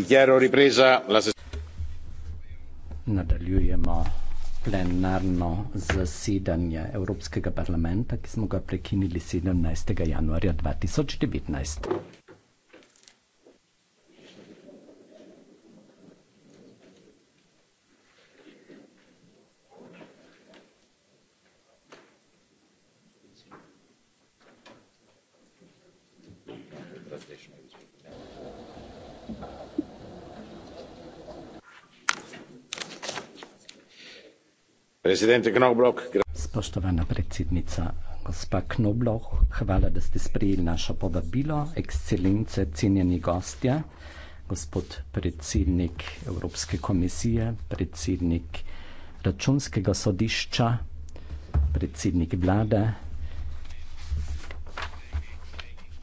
dichiaro ripresa la nadaljujemo plenarno zasedanje Evropskega parlamenta, ki smo ga prekinili 17. januarja 2019. predsednik Knobloh. Spoštovana predsednica, gospa Knobloh, hvala, da ste sprejeli našo povabilo, ekscelence, cenjeni gostje, gospod predsednik Evropske komisije, predsednik računskega sodišča, predsednik vlade,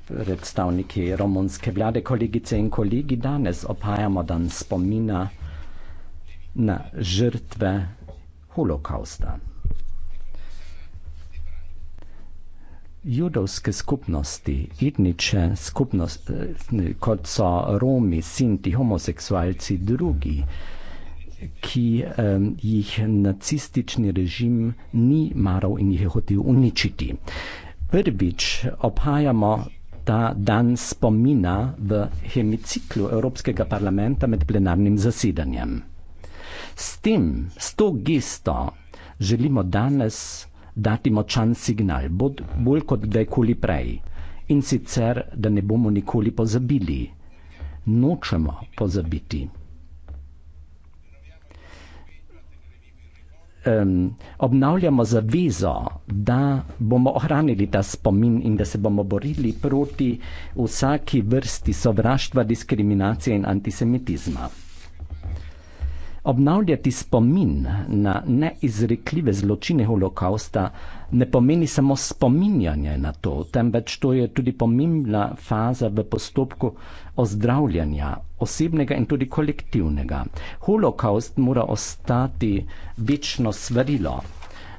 predstavniki romunske vlade, kolegice in kolegi, danes opajamo dan spomina na žrtve holokausta. Judovske skupnosti, etnične skupnosti, kot so Romi, Sinti, homoseksualci, drugi, ki eh, jih nacistični režim ni maral in jih je hotel uničiti. Prvič obhajamo ta dan spomina v hemiciklu Evropskega parlamenta med plenarnim zasedanjem. S tem, s to gesto želimo danes dati močan signal, bolj kot kdajkoli prej. In sicer, da ne bomo nikoli pozabili, nočemo pozabiti. Um, obnavljamo zavezo, da bomo ohranili ta spomin in da se bomo borili proti vsaki vrsti sovraštva, diskriminacije in antisemitizma. Obnavljati spomin na neizrekljive zločine holokausta ne pomeni samo spominjanje na to, temveč to je tudi pomembna faza v postopku ozdravljanja osebnega in tudi kolektivnega. Holokaust mora ostati večno svarilo.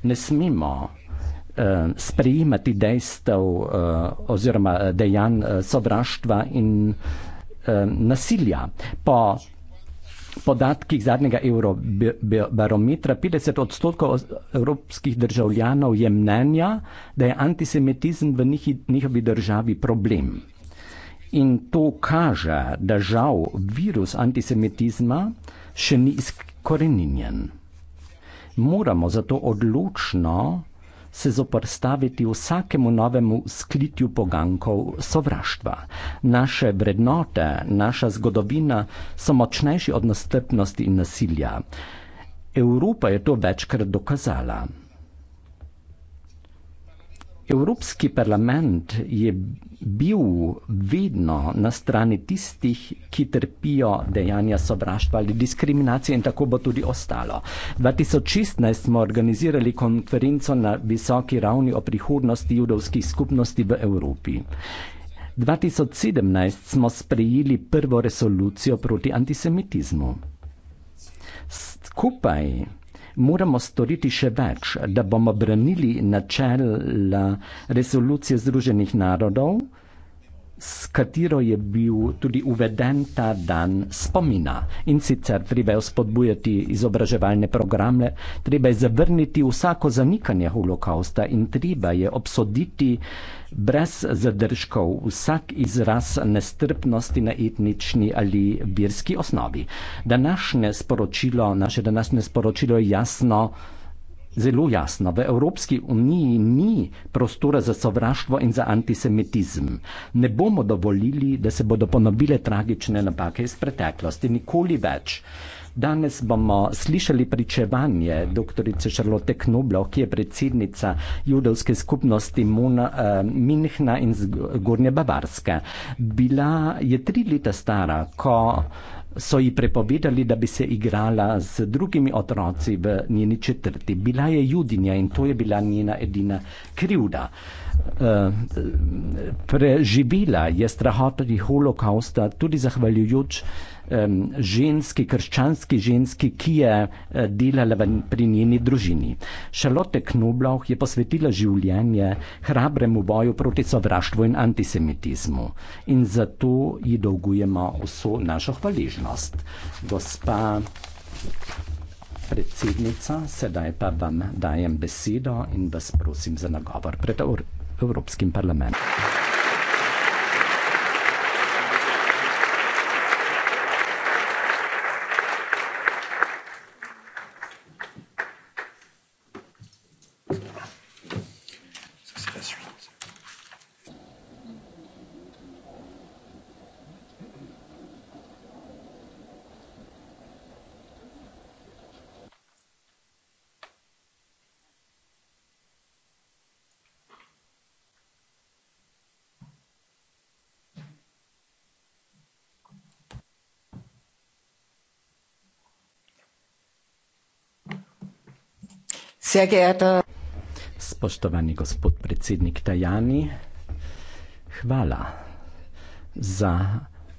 Ne smemo eh, sprejemati dejstev eh, oziroma eh, dejanj eh, sovraštva in eh, nasilja. Po podatkih zadnjega eurobarometra 50 odstotkov evropskih državljanov je mnenja, da je antisemitizem v njihovi državi problem. In to kaže, da žal virus antisemitizma še ni izkoreninjen. Moramo zato odločno se zoprstaviti vsakemu novemu sklitju pogankov sovraštva. Naše vrednote, naša zgodovina so močnejši od nastrpnosti in nasilja. Evropa je to večkrat dokazala. Evropski parlament je bil vedno na strani tistih, ki trpijo dejanja sovraštva ali diskriminacije in tako bo tudi ostalo. 2016 smo organizirali konferenco na visoki ravni o prihodnosti judovskih skupnosti v Evropi. 2017 smo sprejeli prvo resolucijo proti antisemitizmu. Skupaj moramo storiti še več, da bomo branili načela resolucije Združenih narodov, s katero je bil tudi uveden ta dan spomina. In sicer treba je spodbujati izobraževalne programe, treba je zavrniti vsako zanikanje holokausta in treba je obsoditi brez zadržkov vsak izraz nestrpnosti na etnični ali birski osnovi. Današnje sporočilo, naše današnje sporočilo je jasno, zelo jasna. V Evropski uniji ni prostora za sovraštvo in za antisemitizem. Ne bomo dovolili, da se bodo ponovile tragične napake iz preteklosti, nikoli več. Danes bomo slišali pričevanje dr. Šarlote Knoblo, ki je predsednica judovske skupnosti Mona, uh, eh, Minhna in Gornje Bavarske. Bila je tri leta stara, ko so ji prepovedali, da bi se igrala z drugimi otroci v njeni četrti. Bila je judinja in to je bila njena edina krivda. Eh, preživela je strahotni holokausta tudi zahvaljujoč um, ženski, krščanski ženski, ki je uh, delala v, pri njeni družini. Šalote Knobloh je posvetila življenje hrabremu boju proti sovraštvu in antisemitizmu. In zato ji dolgujemo vso našo hvaležnost. Gospa predsednica, sedaj pa vam dajem besedo in vas prosim za nagovor pred Evropskim parlamentom. Sehr geehrter Spoštovani gospod predsednik Tajani, hvala za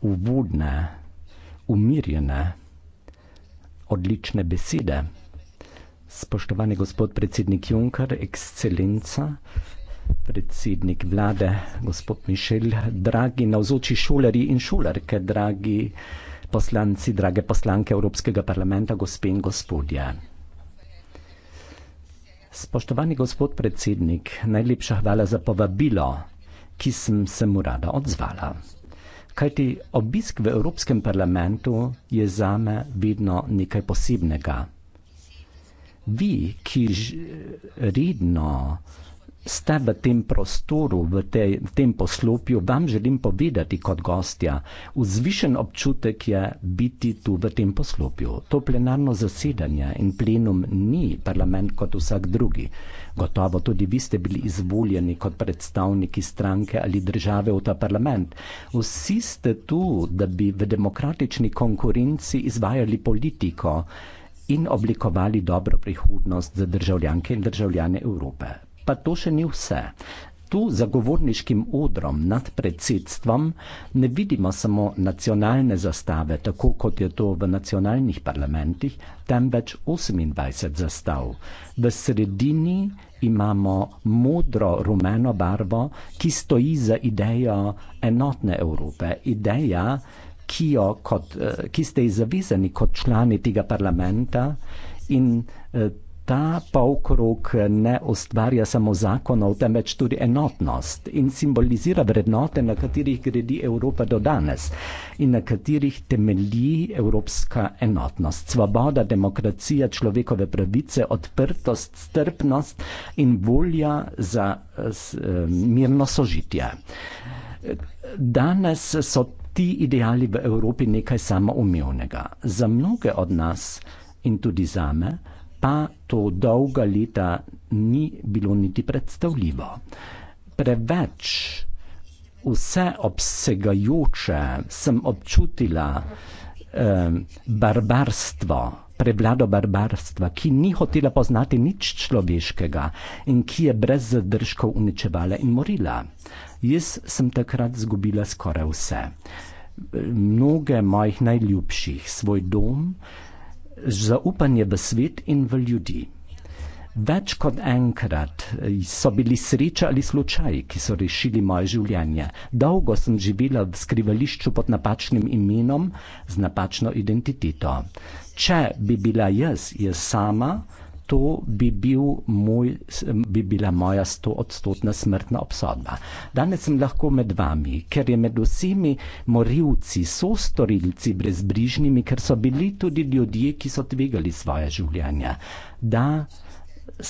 uvodne, umirjene, odlične besede. Spoštovani gospod predsednik Juncker, ekscelenca, predsednik vlade, gospod Mišel, dragi navzoči šolarji in šolarke, dragi poslanci, drage poslanke Evropskega parlamenta, gospe in gospodje. Spoštovani gospod predsednik, najlepša hvala za povabilo, ki sem se mu rada odzvala. Kajti obisk v Evropskem parlamentu je zame vedno nekaj posebnega. Vi, ki redno ste v tem prostoru, v, tej, v tem poslopju, vam želim povedati kot gostja, vzvišen občutek je biti tu v tem poslopju. To plenarno zasedanje in plenum ni parlament kot vsak drugi. Gotovo tudi vi ste bili izvoljeni kot predstavniki stranke ali države v ta parlament. Vsi ste tu, da bi v demokratični konkurenci izvajali politiko. In oblikovali dobro prihodnost za državljanke in državljane Evrope pa to še ni vse. Tu za govorniškim odrom nad predsedstvom ne vidimo samo nacionalne zastave, tako kot je to v nacionalnih parlamentih, temveč 28 zastav. V sredini imamo modro-rumeno barvo, ki stoji za idejo enotne Evrope, ideja, ki, jo, kot, eh, ki ste ji zavezani kot člani tega parlamenta in eh, ta polkrog ne ustvarja samo zakonov, temveč tudi enotnost in simbolizira vrednote, na katerih gredi Evropa do danes in na katerih temelji evropska enotnost. Svoboda, demokracija, človekove pravice, odprtost, strpnost in volja za s, eh, mirno sožitje. Danes so ti ideali v Evropi nekaj samoumevnega. Za mnoge od nas in tudi za me, pa to dolga leta ni bilo niti predstavljivo. Preveč vseobsegajoče sem občutila eh, barbarstvo, prevlado barbarstva, ki ni hotela poznati nič človeškega in ki je brez zadržkov uničevala in morila. Jaz sem takrat zgubila skoraj vse. Mnoge mojih najljubših, svoj dom, eh, zaupanje v svet in v ljudi. Več kot enkrat eh, so bili sreča ali slučaj, ki so rešili moje življenje. Dolgo sem živela v skrivališču pod napačnim imenom, z napačno identiteto. Če bi bila jaz, jaz sama, to bi, bil moj, bi bila moja 100-odstotna smrtna obsodba. Danes sem lahko med vami, ker je med vsemi morilci, so storilci brezbrižnimi, ker so bili tudi ljudje, ki so tvegali svoje življenje, da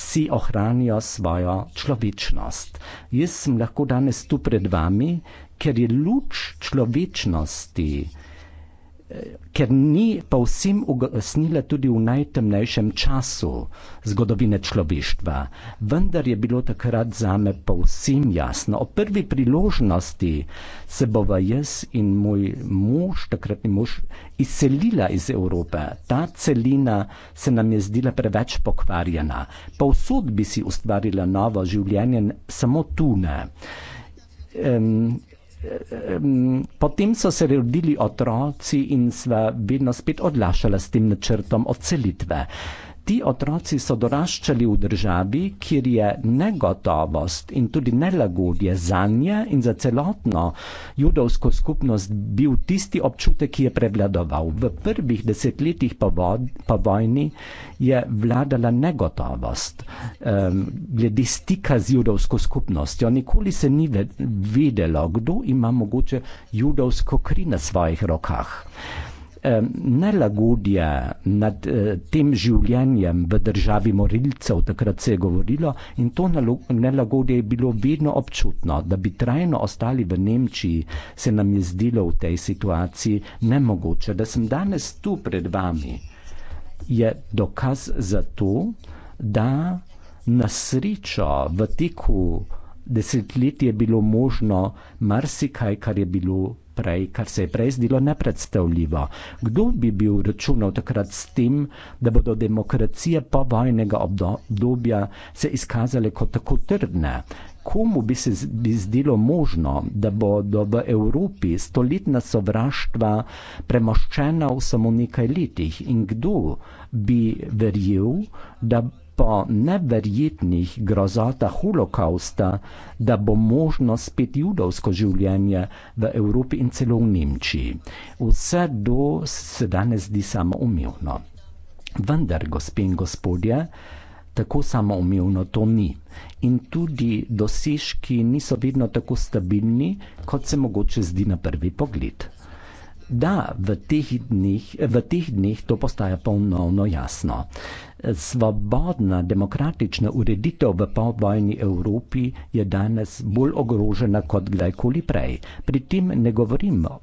si ohranijo svojo človečnost. Jaz sem lahko danes tu pred vami, ker je luč človečnosti ker ni povsem ugasnila tudi v najtemnejšem času zgodovine človeštva. Vendar je bilo takrat zame povsem jasno. O prvi priložnosti se bova jaz in moj mož, takratni mož, izselila iz Evrope. Ta celina se nam je zdela preveč pokvarjena. Povsod bi si ustvarila novo življenje, samo tu ne. Um, Potem so se rodili otroci in sva vedno spet odlašala s tem načrtom odselitve ti otroci so doraščali v državi, kjer je negotovost in tudi nelagodje za nje in za celotno judovsko skupnost bil tisti občutek, ki je prevladoval. V prvih desetletjih po, vo po vojni je vladala negotovost um, glede stika z judovsko skupnostjo. Nikoli se ni vedelo, kdo ima mogoče judovsko kri na svojih rokah nelagodja nad eh, tem življenjem v državi morilcev, takrat se je govorilo, in to nelagodje je bilo vedno občutno, da bi trajno ostali v Nemčiji, se nam je zdelo v tej situaciji nemogoče. Da sem danes tu pred vami, je dokaz za to, da na srečo v teku desetletja je bilo možno marsikaj, kar je bilo naprej, kar se je prej zdelo nepredstavljivo. Kdo bi bil računal takrat s tem, da bodo demokracije povojnega obdobja se izkazale kot tako trdne? Komu bi se bi zdelo možno, da bodo v Evropi stoletna sovraštva premoščena v samo nekaj letih? In kdo bi verjel, da po neverjetnih grozotah holokausta, da bo možno spet judovsko življenje v Evropi in celo v Nemčiji. Vse to se danes zdi samoumevno. Vendar, gospe in gospodje, tako samoumevno to ni. In tudi dosežki niso vedno tako stabilni, kot se mogoče zdi na prvi pogled. Da, v teh dneh, v teh dneh to postaja ponovno jasno. Svobodna demokratična ureditev v povojni Evropi je danes bolj ogrožena kot kdajkoli prej. Pri tem ne govorimo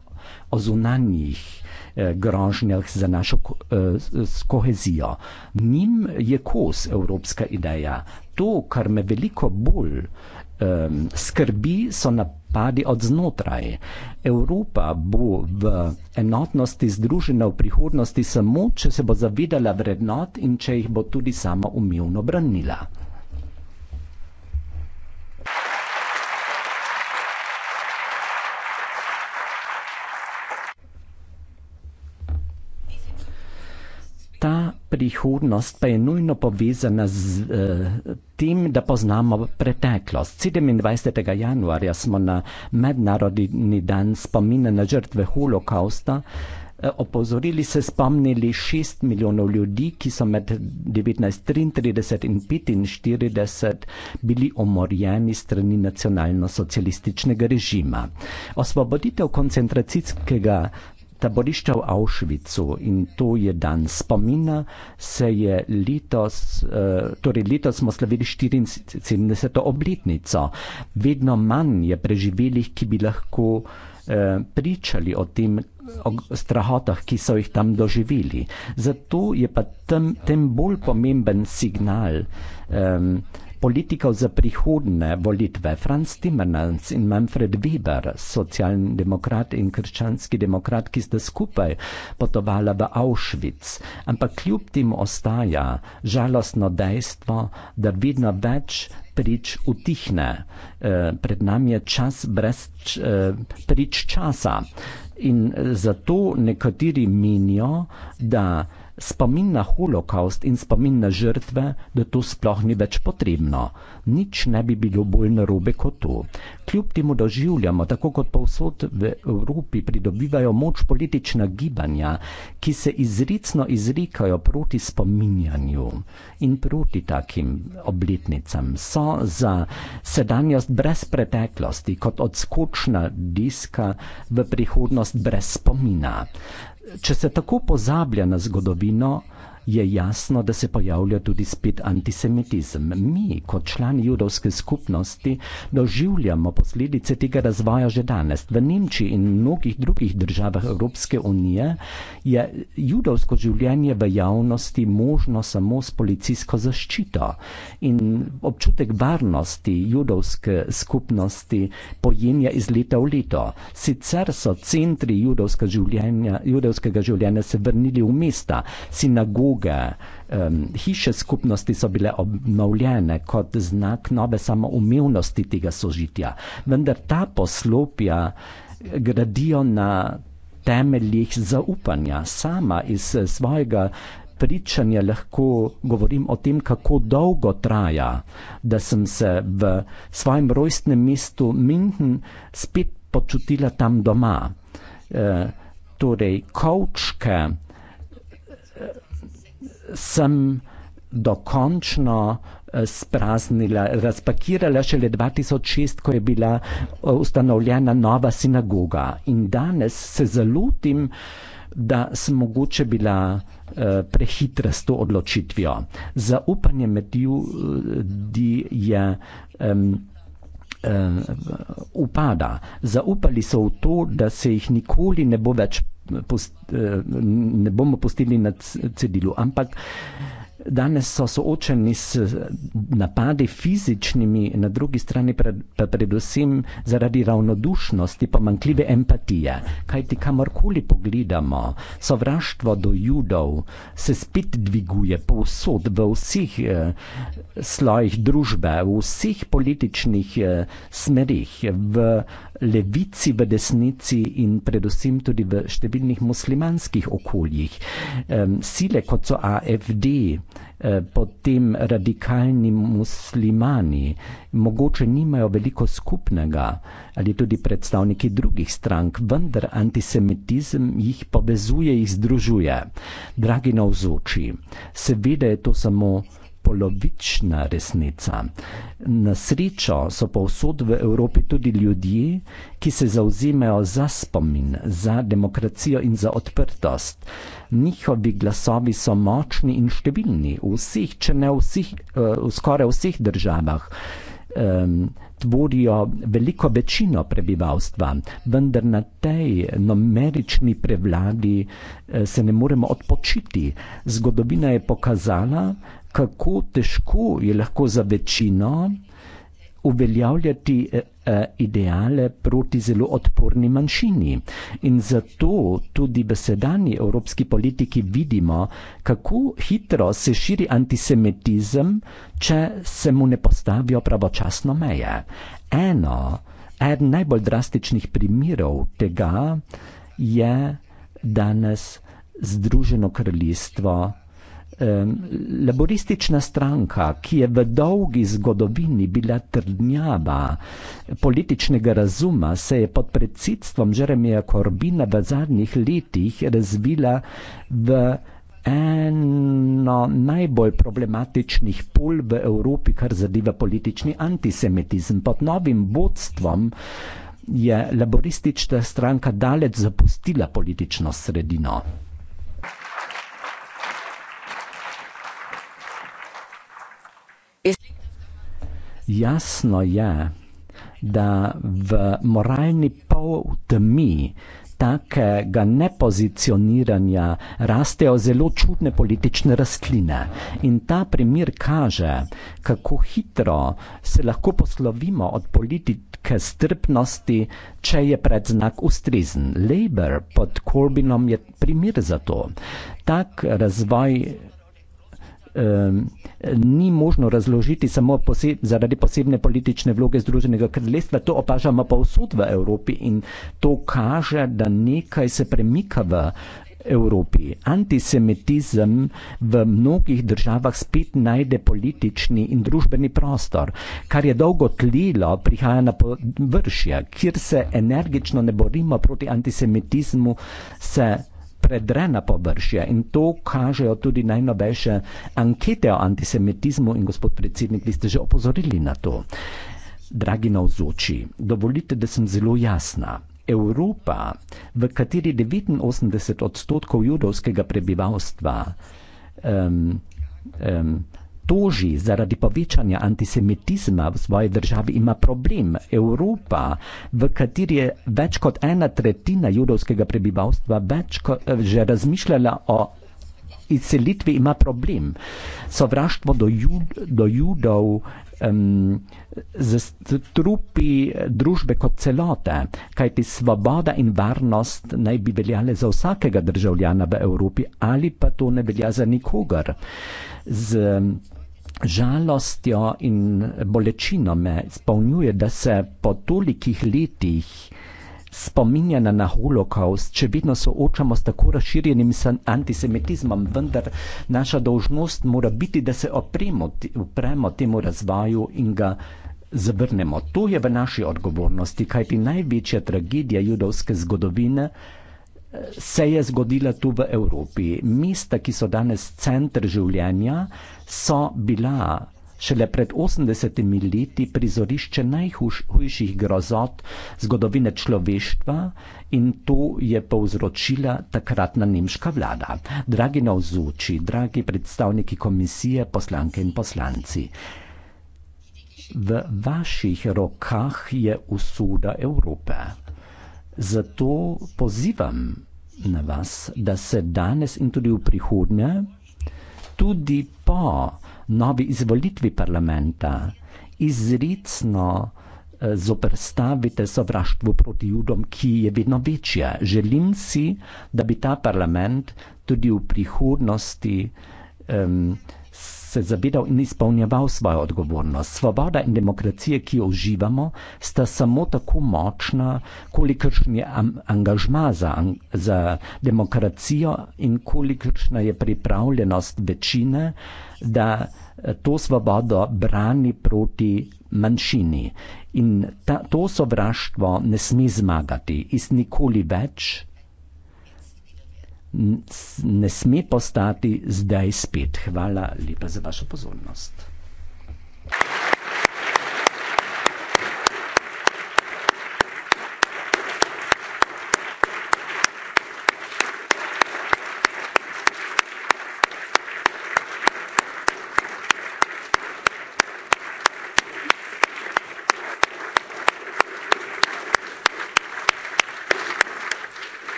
o zunanjih eh, grožnjah za našo eh, kohezijo. Njim je kos evropska ideja. To, kar me veliko bolj eh, skrbi, so napredki napadi od znotraj. Evropa bo v enotnosti združena v prihodnosti samo, če se bo zavedala vrednot in če jih bo tudi sama umilno branila. ta prihodnost pa je nujno povezana z eh, tem, da poznamo preteklost. 27. januarja smo na Mednarodni dan spomina na žrtve holokausta eh, opozorili se spomnili 6 milijonov ljudi, ki so med 1933 in 1945 bili omorjeni strani nacionalno-socialističnega režima. Osvoboditev koncentracijskega taborišča v Avšvicu in to je dan spomina, se je letos, eh, torej letos smo slavili 74. obletnico. Vedno manj je preživelih, ki bi lahko eh, pričali o tem o strahotah, ki so jih tam doživeli. Zato je pa tem, tem bolj pomemben signal. Um, Politikov za prihodne volitve Franz Timmermans in Manfred Weber, socialni demokrat in krščanski demokrat, ki sta skupaj potovala v Auschwitz, ampak kljub tem ostaja žalostno dejstvo, da vedno več prič utihne. Eh, pred nami je čas brez eh, prič časa. In eh, zato nekateri menijo, da spomin na holokaust in spomin na žrtve, da to sploh ni več potrebno. Nič ne bi bilo bolj narobe kot to. Kljub temu doživljamo, tako kot povsod v Evropi pridobivajo moč politična gibanja, ki se izricno izrikajo proti spominjanju in proti takim obletnicam. So za sedanjost brez preteklosti, kot odskočna diska v prihodnost brez spomina če se tako pozablja na zgodovino, je jasno, da se pojavlja tudi spet antisemitizem. Mi, kot člani judovske skupnosti, doživljamo posledice tega razvoja že danes. V Nemčiji in mnogih drugih državah Evropske unije je judovsko življenje v javnosti možno samo s policijsko zaščito. In občutek varnosti judovske skupnosti pojenja iz leta v leto. Sicer so centri judovskega življenja, življenja se vrnili v mesta, sinagoge, druge um, hiše skupnosti so bile obnovljene kot znak nove samoumevnosti tega sožitja. Vendar ta poslopja gradijo na temeljih zaupanja. Sama iz svojega pričanja lahko govorim o tem, kako dolgo traja, da sem se v svojem rojstnem mestu Minden spet počutila tam doma. E, torej, kavčke, sem dokončno eh, spraznila, razpakirala šele 2006, ko je bila eh, ustanovljena nova sinagoga. In danes se zalutim, da sem mogoče bila eh, prehitra s to odločitvijo. Zaupanje med ljudi je um, um, upada. Zaupali so v to, da se jih nikoli ne bo več post, eh, ne bomo postili na cedilu. Ampak Danes so soočeni z eh, napadi fizičnimi, na drugi strani pa predvsem zaradi ravnodušnosti, pomankljive empatije. Kaj ti kamorkoli pogledamo, sovraštvo do judov se spet dviguje povsod, v vseh eh, slojih družbe, v vseh političnih eh, smerih, v levici, v desnici in predvsem tudi v številnih muslimanskih okoljih. Eh, sile kot so AFD, Eh, potem radikalni muslimani mogoče nimajo veliko skupnega ali tudi predstavniki drugih strank, vendar antisemitizem jih povezuje, jih združuje. Dragi navzoči, seveda je to samo polovična resnica. Na srečo so povsod v Evropi tudi ljudje, ki se zauzemajo za spomin, za demokracijo in za odprtost. Njihovi glasovi so močni in številni v vseh, če ne vseh, eh, v skoraj vseh državah. Um, tvorijo veliko večino prebivalstva, vendar na tej numerični prevladi eh, se ne moremo odpočiti. Zgodovina je pokazala, kako težko je lahko za večino uveljavljati eh, eh, ideale proti zelo odporni manjšini. In zato tudi v sedanji evropski politiki vidimo, kako hitro se širi antisemitizem, če se mu ne postavijo pravočasno meje. Eno, eden najbolj drastičnih primerov tega je danes Združeno kraljestvo Um, laboristična stranka, ki je v dolgi zgodovini bila trdnjava političnega razuma, se je pod predsedstvom Žeremija Korbina v zadnjih letih razvila v eno najbolj problematičnih pol v Evropi, kar zadeva politični antisemitizem. Pod novim vodstvom je laboristična stranka daleč zapustila politično sredino. Jasno je, da v moralni poltmi takega nepozicioniranja rastejo zelo čudne politične rastline. In ta primer kaže, kako hitro se lahko poslovimo od politike strpnosti, če je predznak ustrezen. Labour pod Corbynom je primer za to. Tak razvoj ni možno razložiti samo poseb, zaradi posebne politične vloge Združenega kraljestva, to opažamo pa vsud v Evropi in to kaže, da nekaj se premika v Evropi. Antisemitizem v mnogih državah spet najde politični in družbeni prostor. Kar je dolgo tlilo, prihaja na površje, kjer se energično ne borimo proti antisemitizmu, se predre na površje in to kažejo tudi najnovejše ankete o antisemitizmu in gospod predsednik, vi ste že opozorili na to. Dragi navzoči, dovolite, da sem zelo jasna. Evropa, v kateri 89 odstotkov judovskega prebivalstva um, um, toži zaradi povečanja antisemitizma v svoji državi, ima problem. Evropa, v kateri je več kot ena tretjina judovskega prebivalstva kot, že razmišljala o izselitvi, ima problem. Sovraštvo do, jud, do judov. Um, z trupi družbe kot celote, kajti svoboda in varnost naj bi veljale za vsakega državljana v Evropi, ali pa to ne velja za nikogar. Z, um, žalostjo in bolečino me spomnjuje, da se po tolikih letih spominjana na holokaust, če vedno soočamo s tako razširjenim antisemitizmom, vendar naša dolžnost mora biti, da se opremo, upremo temu razvoju in ga zavrnemo. To je v naši odgovornosti, kajti največja tragedija judovske zgodovine se je zgodila tu v Evropi. Mesta, ki so danes center življenja, so bila šele pred 80 leti prizorišče najhujših grozot zgodovine človeštva in to je povzročila takratna nemška vlada. Dragi navzoči, dragi predstavniki komisije, poslanke in poslanci, v vaših rokah je usuda Evrope. Zato pozivam na vas, da se danes in tudi v prihodnje, tudi po novi izvolitvi parlamenta, izricno eh, zoprstavite sovraštvu proti judom, ki je vedno večje. Želim si, da bi ta parlament tudi v prihodnosti um, se zavedal in izpolnjeval svojo odgovornost. Svoboda in demokracija, ki jo uživamo, sta samo tako močna, kolikršen je angažma za, za demokracijo in kolikršna je pripravljenost večine, da to svobodo brani proti manjšini. In ta, to sovraštvo ne sme zmagati, iz nikoli več ne sme postati zdaj spet. Hvala lepa za vašo pozornost.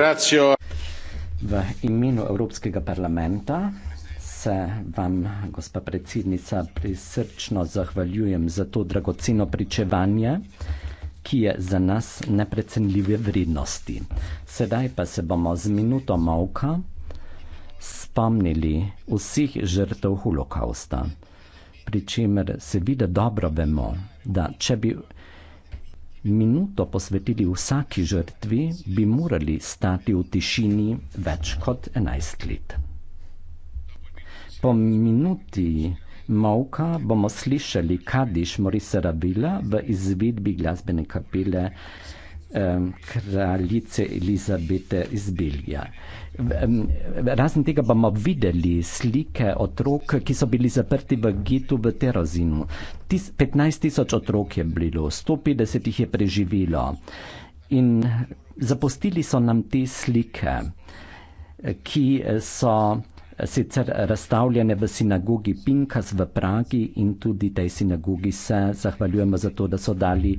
ringrazio. V imenu Evropskega parlamenta se vam, gospa predsednica, prisrčno zahvaljujem za to dragoceno pričevanje, ki je za nas neprecenljive vrednosti. Sedaj pa se bomo z minuto molka spomnili vseh žrtev holokausta, pri čemer seveda dobro vemo, da če bi minuto posvetili vsaki žrtvi, bi morali stati v tišini več kot 11 let. Po minuti Mavka bomo slišali Kadiš Morisa Rabila v izvidbi glasbene kapele kraljice Elizabete iz Belgije. Razen tega bomo videli slike otrok, ki so bili zaprti v getu v Terazinu. 15 tisoč otrok je bilo, 150 jih je preživelo in zapustili so nam te slike, ki so sicer razstavljene v sinagogi Pinkas v Pragi in tudi tej sinagogi se zahvaljujemo za to, da so dali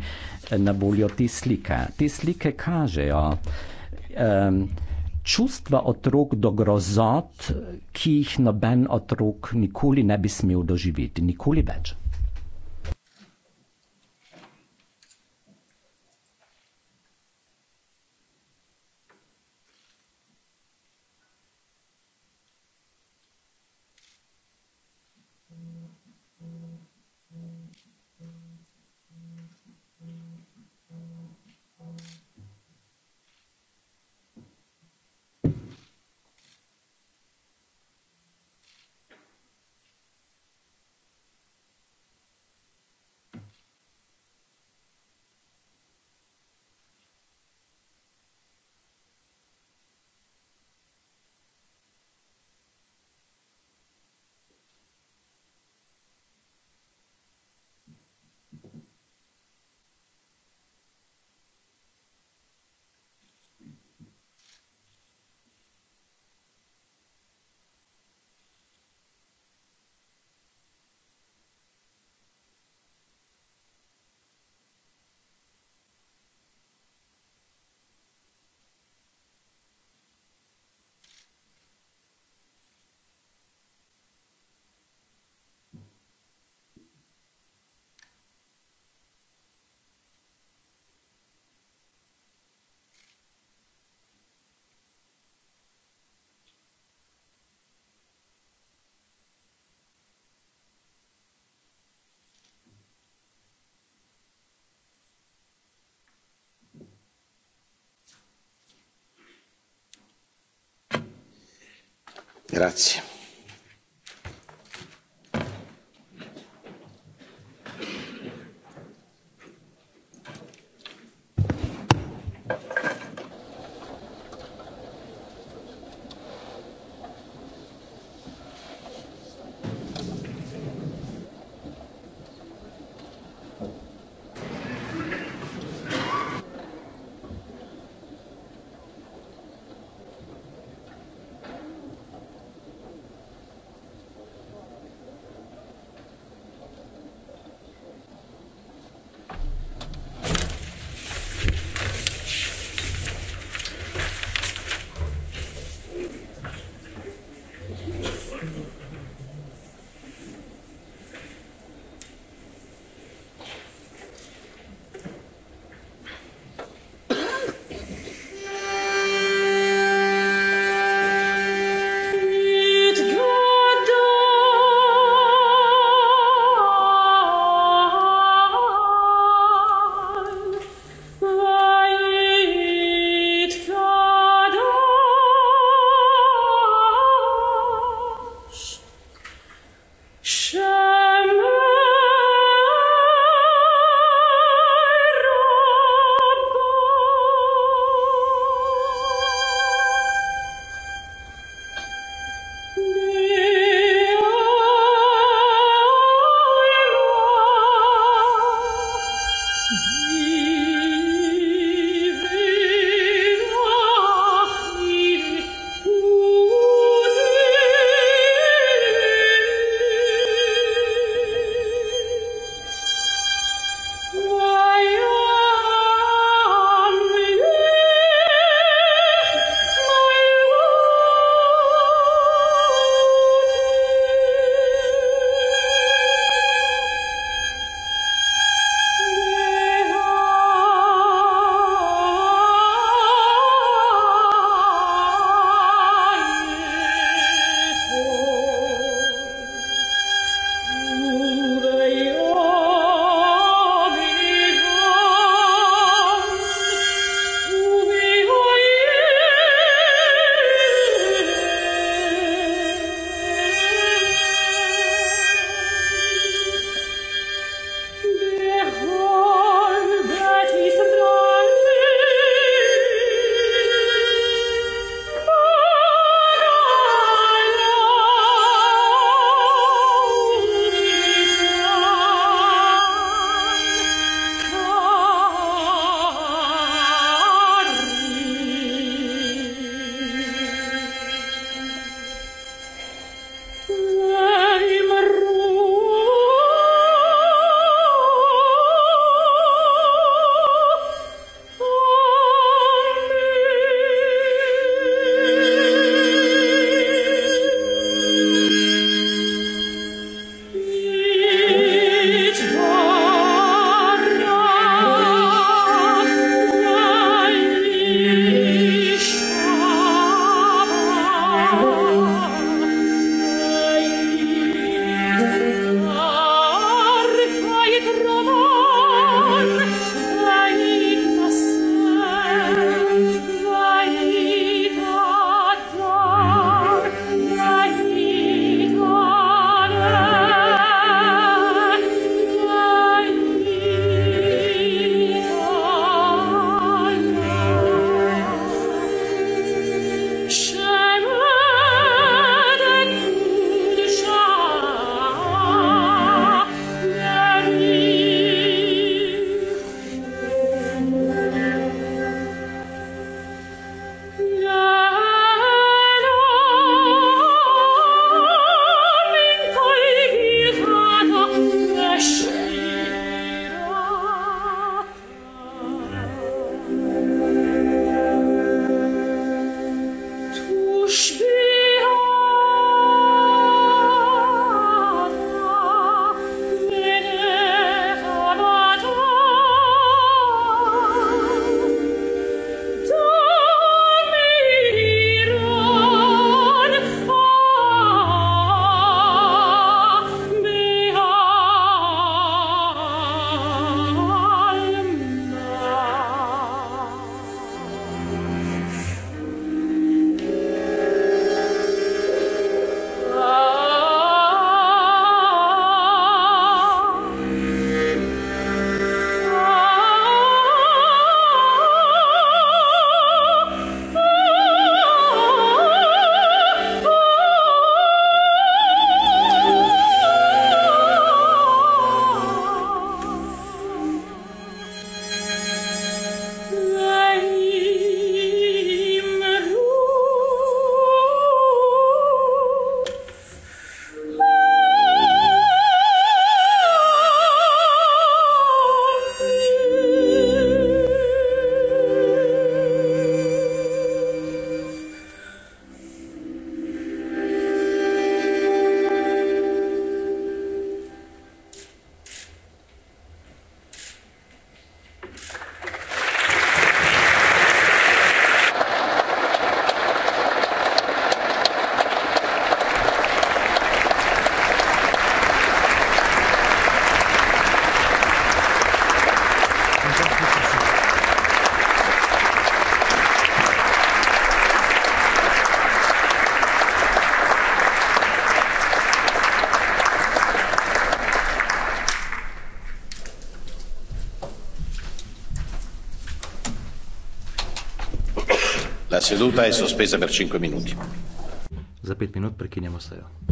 eh, na voljo te slike. Te slike kažejo um, čustva otrok do grozot, ki jih noben otrok nikoli ne bi smel doživeti, nikoli več. grazie. seduta è e sospesa per 5 minuti. Za 5 minut prekinjamo sejo.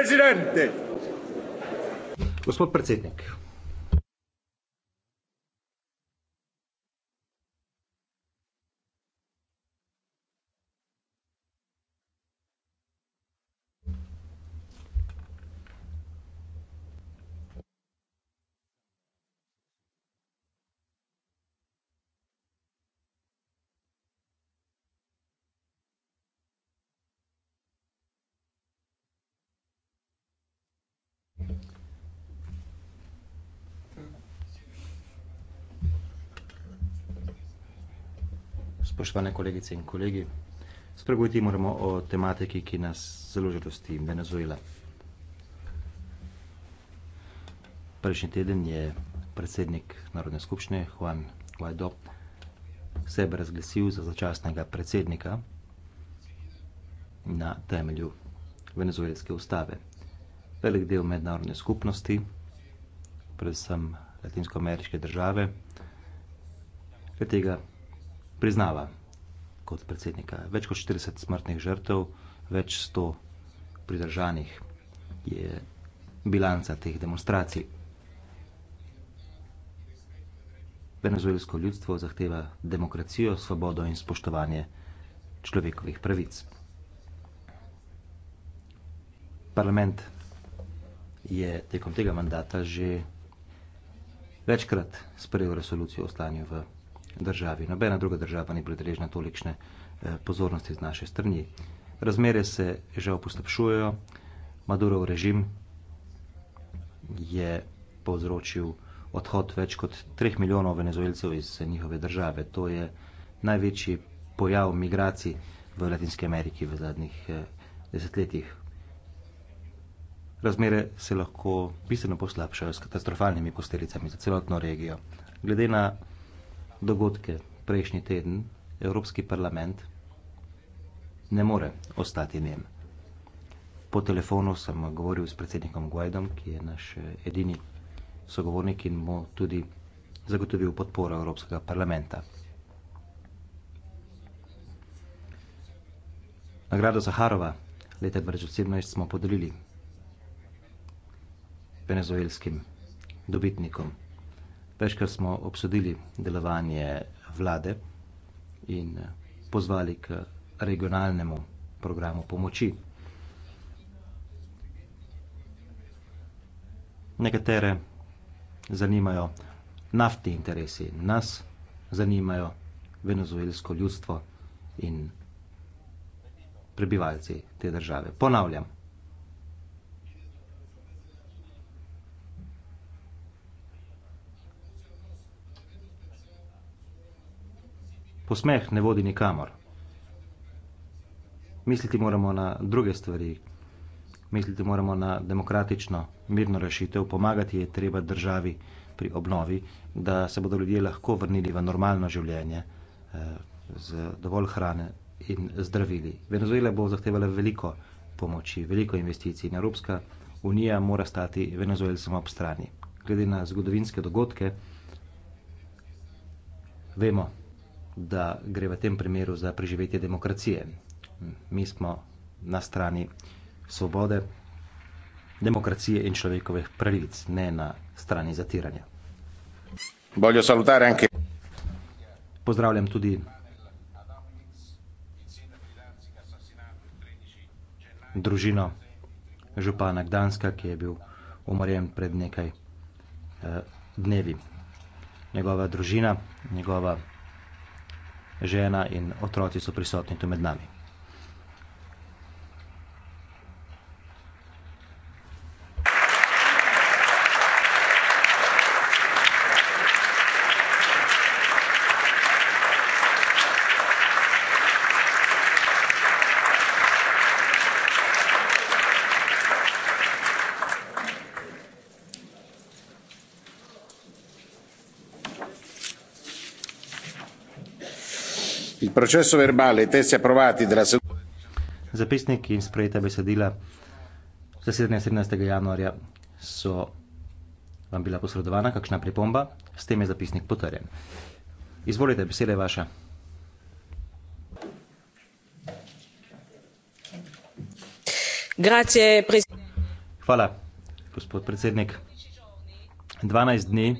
presidente. Gospod predsednik. spoštovane kolegice in kolegi. Spregovoriti moramo o tematiki, ki nas zelo žalosti, Venezuela. Prejšnji teden je predsednik Narodne skupščine Juan Guaido sebe razglasil za začasnega predsednika na temelju venezuelske ustave. Velik del mednarodne skupnosti, predvsem latinskoameriške države, tega priznava kot predsednika. Več kot 40 smrtnih žrtev, več sto pridržanih je bilanca teh demonstracij. Venezuelsko ljudstvo zahteva demokracijo, svobodo in spoštovanje človekovih pravic. Parlament je tekom tega mandata že večkrat sprejel resolucijo o stanju v državi. Nobena druga država ni bila deležna tolikšne eh, pozornosti z naše strani. Razmere se žal poslabšujejo. Madurov režim je povzročil odhod več kot 3 milijonov venezuelcev iz njihove države. To je največji pojav migracij v Latinske Ameriki v zadnjih eh, desetletjih. Razmere se lahko bistveno poslabšajo s katastrofalnimi posledicami za celotno regijo. Glede na dogodke prejšnji teden, Evropski parlament ne more ostati njem. Po telefonu sem govoril s predsednikom Guaidom, ki je naš eh, edini sogovornik in mu tudi zagotovil podporo Evropskega parlamenta. Nagrado Zaharova leta 2017 smo podelili venezuelskim dobitnikom večkrat smo obsodili delovanje vlade in eh, pozvali k regionalnemu programu pomoči. Nekatere zanimajo naftni interesi, nas zanimajo venezuelsko ljudstvo in prebivalci te države. Ponavljam, posmeh ne vodi nikamor misliti moramo na druge stvari misliti moramo na demokratično mirno rešitev pomagati je treba državi pri obnovi da se bodo ljudje lahko vrnili v normalno življenje eh, z dovolj hrane in zdravili venezuela bo zahtevala veliko pomoči veliko investicij in evropska unija mora stati venezuelcem ob strani glede na zgodovinske dogodke vemo da gre v tem primeru za preživetje demokracije. Mi smo na strani svobode, demokracije in človekovih pravic, ne na strani zatiranja. Bolje salutare anche. Pozdravljam tudi družino župana Gdanska, ki je bil umorjen pred nekaj eh, dnevi. Njegova družina, njegova žena in otroci so prisotni tu med nami. Proceso verbale, testi approvati della seduta. Zapisniki in sprejeta besedila zasedanja 17. januarja so vam bila posredovana, kakšna pripomba, s tem je zapisnik potrjen. Izvolite, beseda je vaša. Grazie, Hvala, gospod predsednik. 12 dni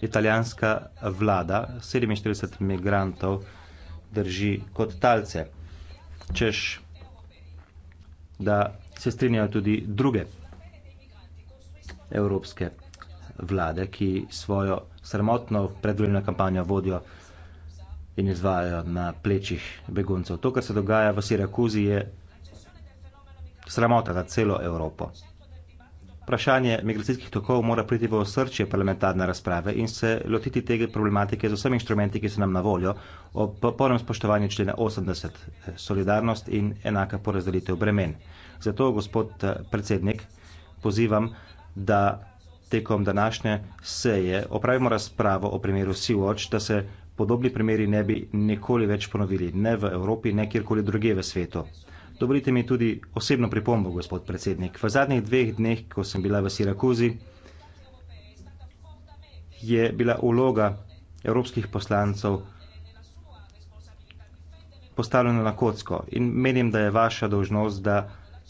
italijanska vlada 47 migrantov drži kot talce češ da se strinjajo tudi druge evropske vlade ki svojo sramotno predvolilno kampanjo vodijo in izvajajo na plečih beguncev to kar se dogaja v syrakuzi je sramota za celo evropo Vprašanje migracijskih tokov mora priti v osrčje parlamentarne razprave in se lotiti tega problematike z vsemi inštrumenti, ki so nam na voljo, ob ponem spoštovanju člena 80, eh, solidarnost in enaka porazdelitev bremen. Zato, gospod eh, predsednik, pozivam, da tekom današnje seje opravimo razpravo o primeru Sea-Watch, da se podobni primeri ne bi nikoli več ponovili, ne v Evropi, ne kjerkoli druge v svetu. Dobrite mi tudi osebno pripombo, gospod predsednik. V zadnjih dveh dneh, ko sem bila v Sirakuzi, je bila uloga evropskih poslancev postavljena na kocko in menim, da je vaša dožnost, da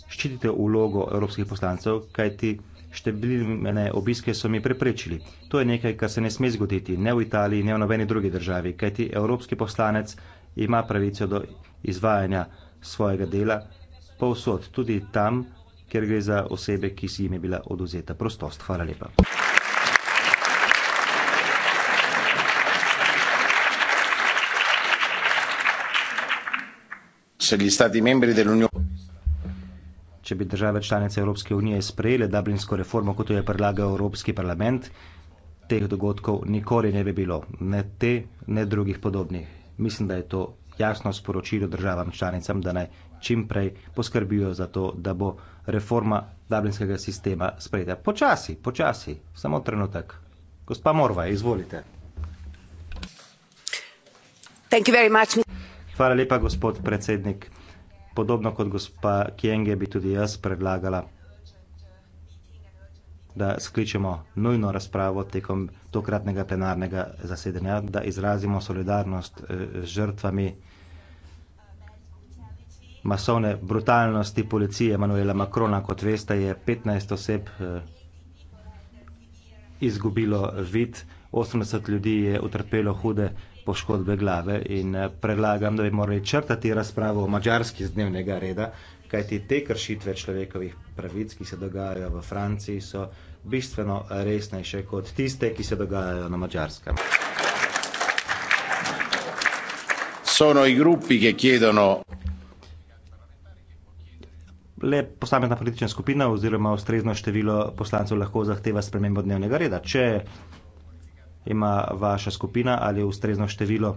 ščitite ulogo evropskih poslancev, kajti številne obiske so mi preprečili. To je nekaj, kar se ne sme zgoditi, ne v Italiji, ne v nobeni drugi državi, kajti evropski poslanec ima pravico do izvajanja svojega dela, pa vsod tudi tam, ker gre za osebe, ki si jim je bila oduzeta prostost. Hvala lepa. Če bi države članice Evropske unije sprejele dublinsko reformo, kot jo je predlagal Evropski parlament, teh dogodkov nikoli ne bi bilo, ne te, ne drugih podobnih. Mislim, da je to jasno sporočilo državam članicam, da naj čim prej poskrbijo za to, da bo reforma dublinskega sistema sprejeta. Počasi, počasi, samo trenutek. Gospa Morva, izvolite. Thank you very much. Hvala lepa, gospod predsednik. Podobno kot gospa Kienge bi tudi jaz predlagala da skličemo nujno razpravo tekom tokratnega plenarnega zasedanja, da izrazimo solidarnost eh, z žrtvami masovne brutalnosti policije Emanuela Macrona. Kot veste, je 15 oseb eh, izgubilo vid, 80 ljudi je utrpelo hude poškodbe glave in eh, predlagam, da bi morali črtati razpravo o Mačarski z dnevnega reda, kajti te kršitve človekovih pravic, ki se dogajajo v Franciji, so bistveno resnejše kot tiste, ki se dogajajo na Mačarskem. Sono i gruppi che chiedono. Le posamezna politična skupina oziroma ustrezno število poslancev lahko zahteva spremembo dnevnega reda. Če ima vaša skupina ali ustrezno število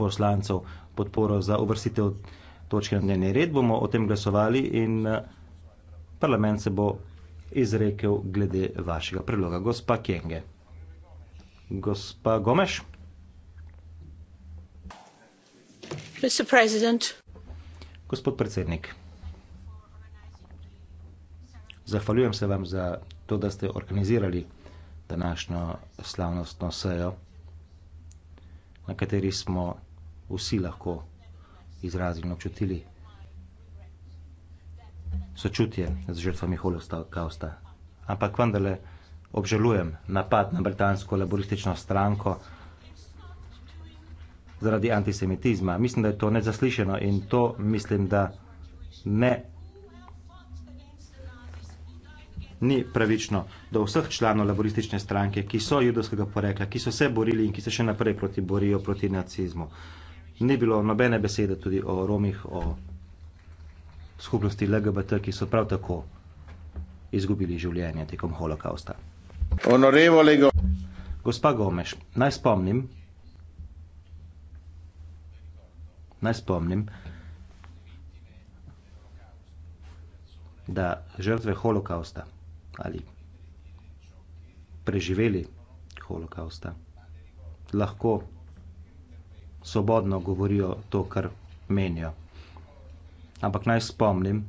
poslancev podporo za uvrstitev točke na dnevni red, bomo o tem glasovali in eh, parlament se bo izrekel glede vašega predloga. Gospa Kenge. Gospa Gomeš. Mr. President. Gospod predsednik. Zahvaljujem se vam za to, da ste organizirali današnjo slavnostno sejo, na kateri smo vsi lahko izrazili in občutili sočutje z žrtvami holokausta. Ampak vendarle obžalujem napad na britansko laboristično stranko zaradi antisemitizma. Mislim, da je to nezaslišeno in to mislim, da ne ni pravično do vseh članov laboristične stranke, ki so judovskega porekla, ki so se borili in ki se še naprej proti borijo proti nacizmu. Uh, ni bilo nobene besede tudi o Romih, o skupnosti LGBT, ki so prav tako izgubili življenje tekom holokausta. Go Gospa Gomeš, naj spomnim, naj spomnim, da žrtve holokausta ali preživeli holokausta lahko svobodno govorijo to, kar menijo. Ampak naj spomnim,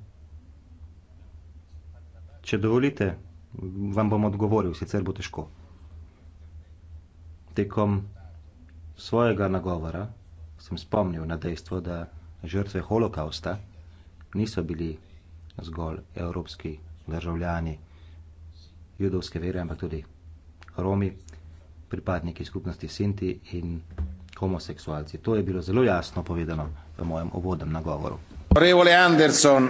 če dovolite, vam bom odgovoril, sicer bo težko. Tekom svojega nagovora sem spomnil na dejstvo, da žrtve holokausta niso bili zgolj evropski državljani judovske vere, ampak tudi romi, pripadniki skupnosti Sinti in homoseksualci. To je bilo zelo jasno povedano v mojem uvodnem nagovoru. Anderson.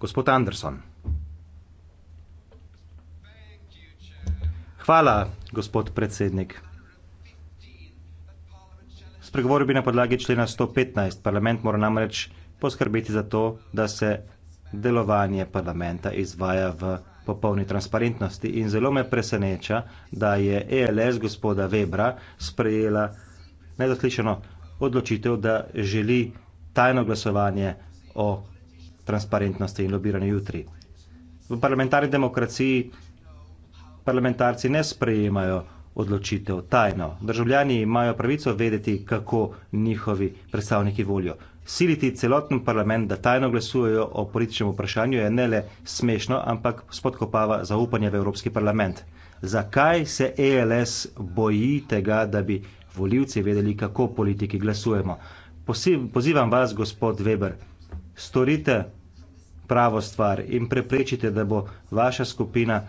Gospod Anderson. Hvala, gospod predsednik. Spregovoril bi na podlagi člena 115. Parlament mora namreč poskrbeti za to, da se delovanje parlamenta izvaja v popolni transparentnosti. In zelo me preseneča, da je ELS gospoda Webra sprejela nezaslišano odločitev, da želi tajno glasovanje o transparentnosti in lobiranju jutri. V parlamentarni demokraciji parlamentarci ne sprejemajo odločitev tajno. Državljani imajo pravico vedeti, kako njihovi predstavniki volijo. Siliti celoten parlament, da tajno glasujejo o političnem vprašanju, je ne le smešno, ampak spodkopava zaupanje v Evropski parlament. Zakaj se ELS boji tega, da bi volivci vedeli, kako politiki glasujemo. Posib, pozivam vas, gospod Weber, storite pravo stvar in preprečite, da bo vaša skupina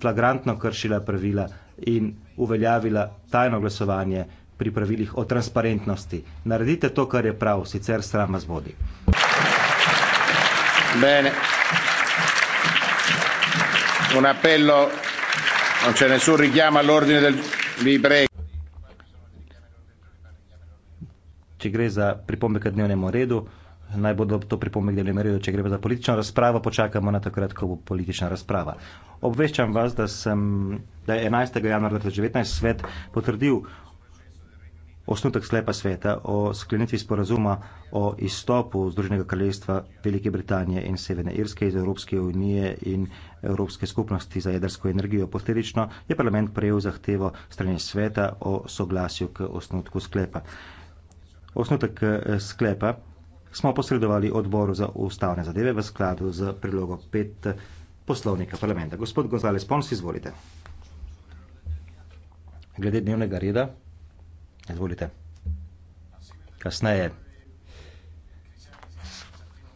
flagrantno kršila pravila in uveljavila tajno glasovanje pri pravilih o transparentnosti. Naredite to, kar je prav, sicer srama zbodi. Bene. Un appello, non c'è nessun richiamo all'ordine del... Vi prego. če gre za pripombe k dnevnemu redu, naj bodo to pripombe k dnevnemu redu, če gre za politično razpravo, počakamo na takrat, ko bo politična razprava. Obveščam vas, da, sem, da je 11. januar 2019 svet potrdil osnutek slepa sveta o sklenitvi sporazuma o izstopu Združenega kraljestva Velike Britanije in Severne Irske iz Evropske unije in Evropske skupnosti za jedrsko energijo. Posledično je parlament prejel zahtevo strani sveta o soglasju k osnutku sklepa. Osnotek eh, sklepa smo posredovali odboru za ustavne zadeve v skladu z prilogo 5 eh, poslovnika parlamenta. Gospod González Pons, izvolite. Glede dnevnega reda, izvolite. Kasneje.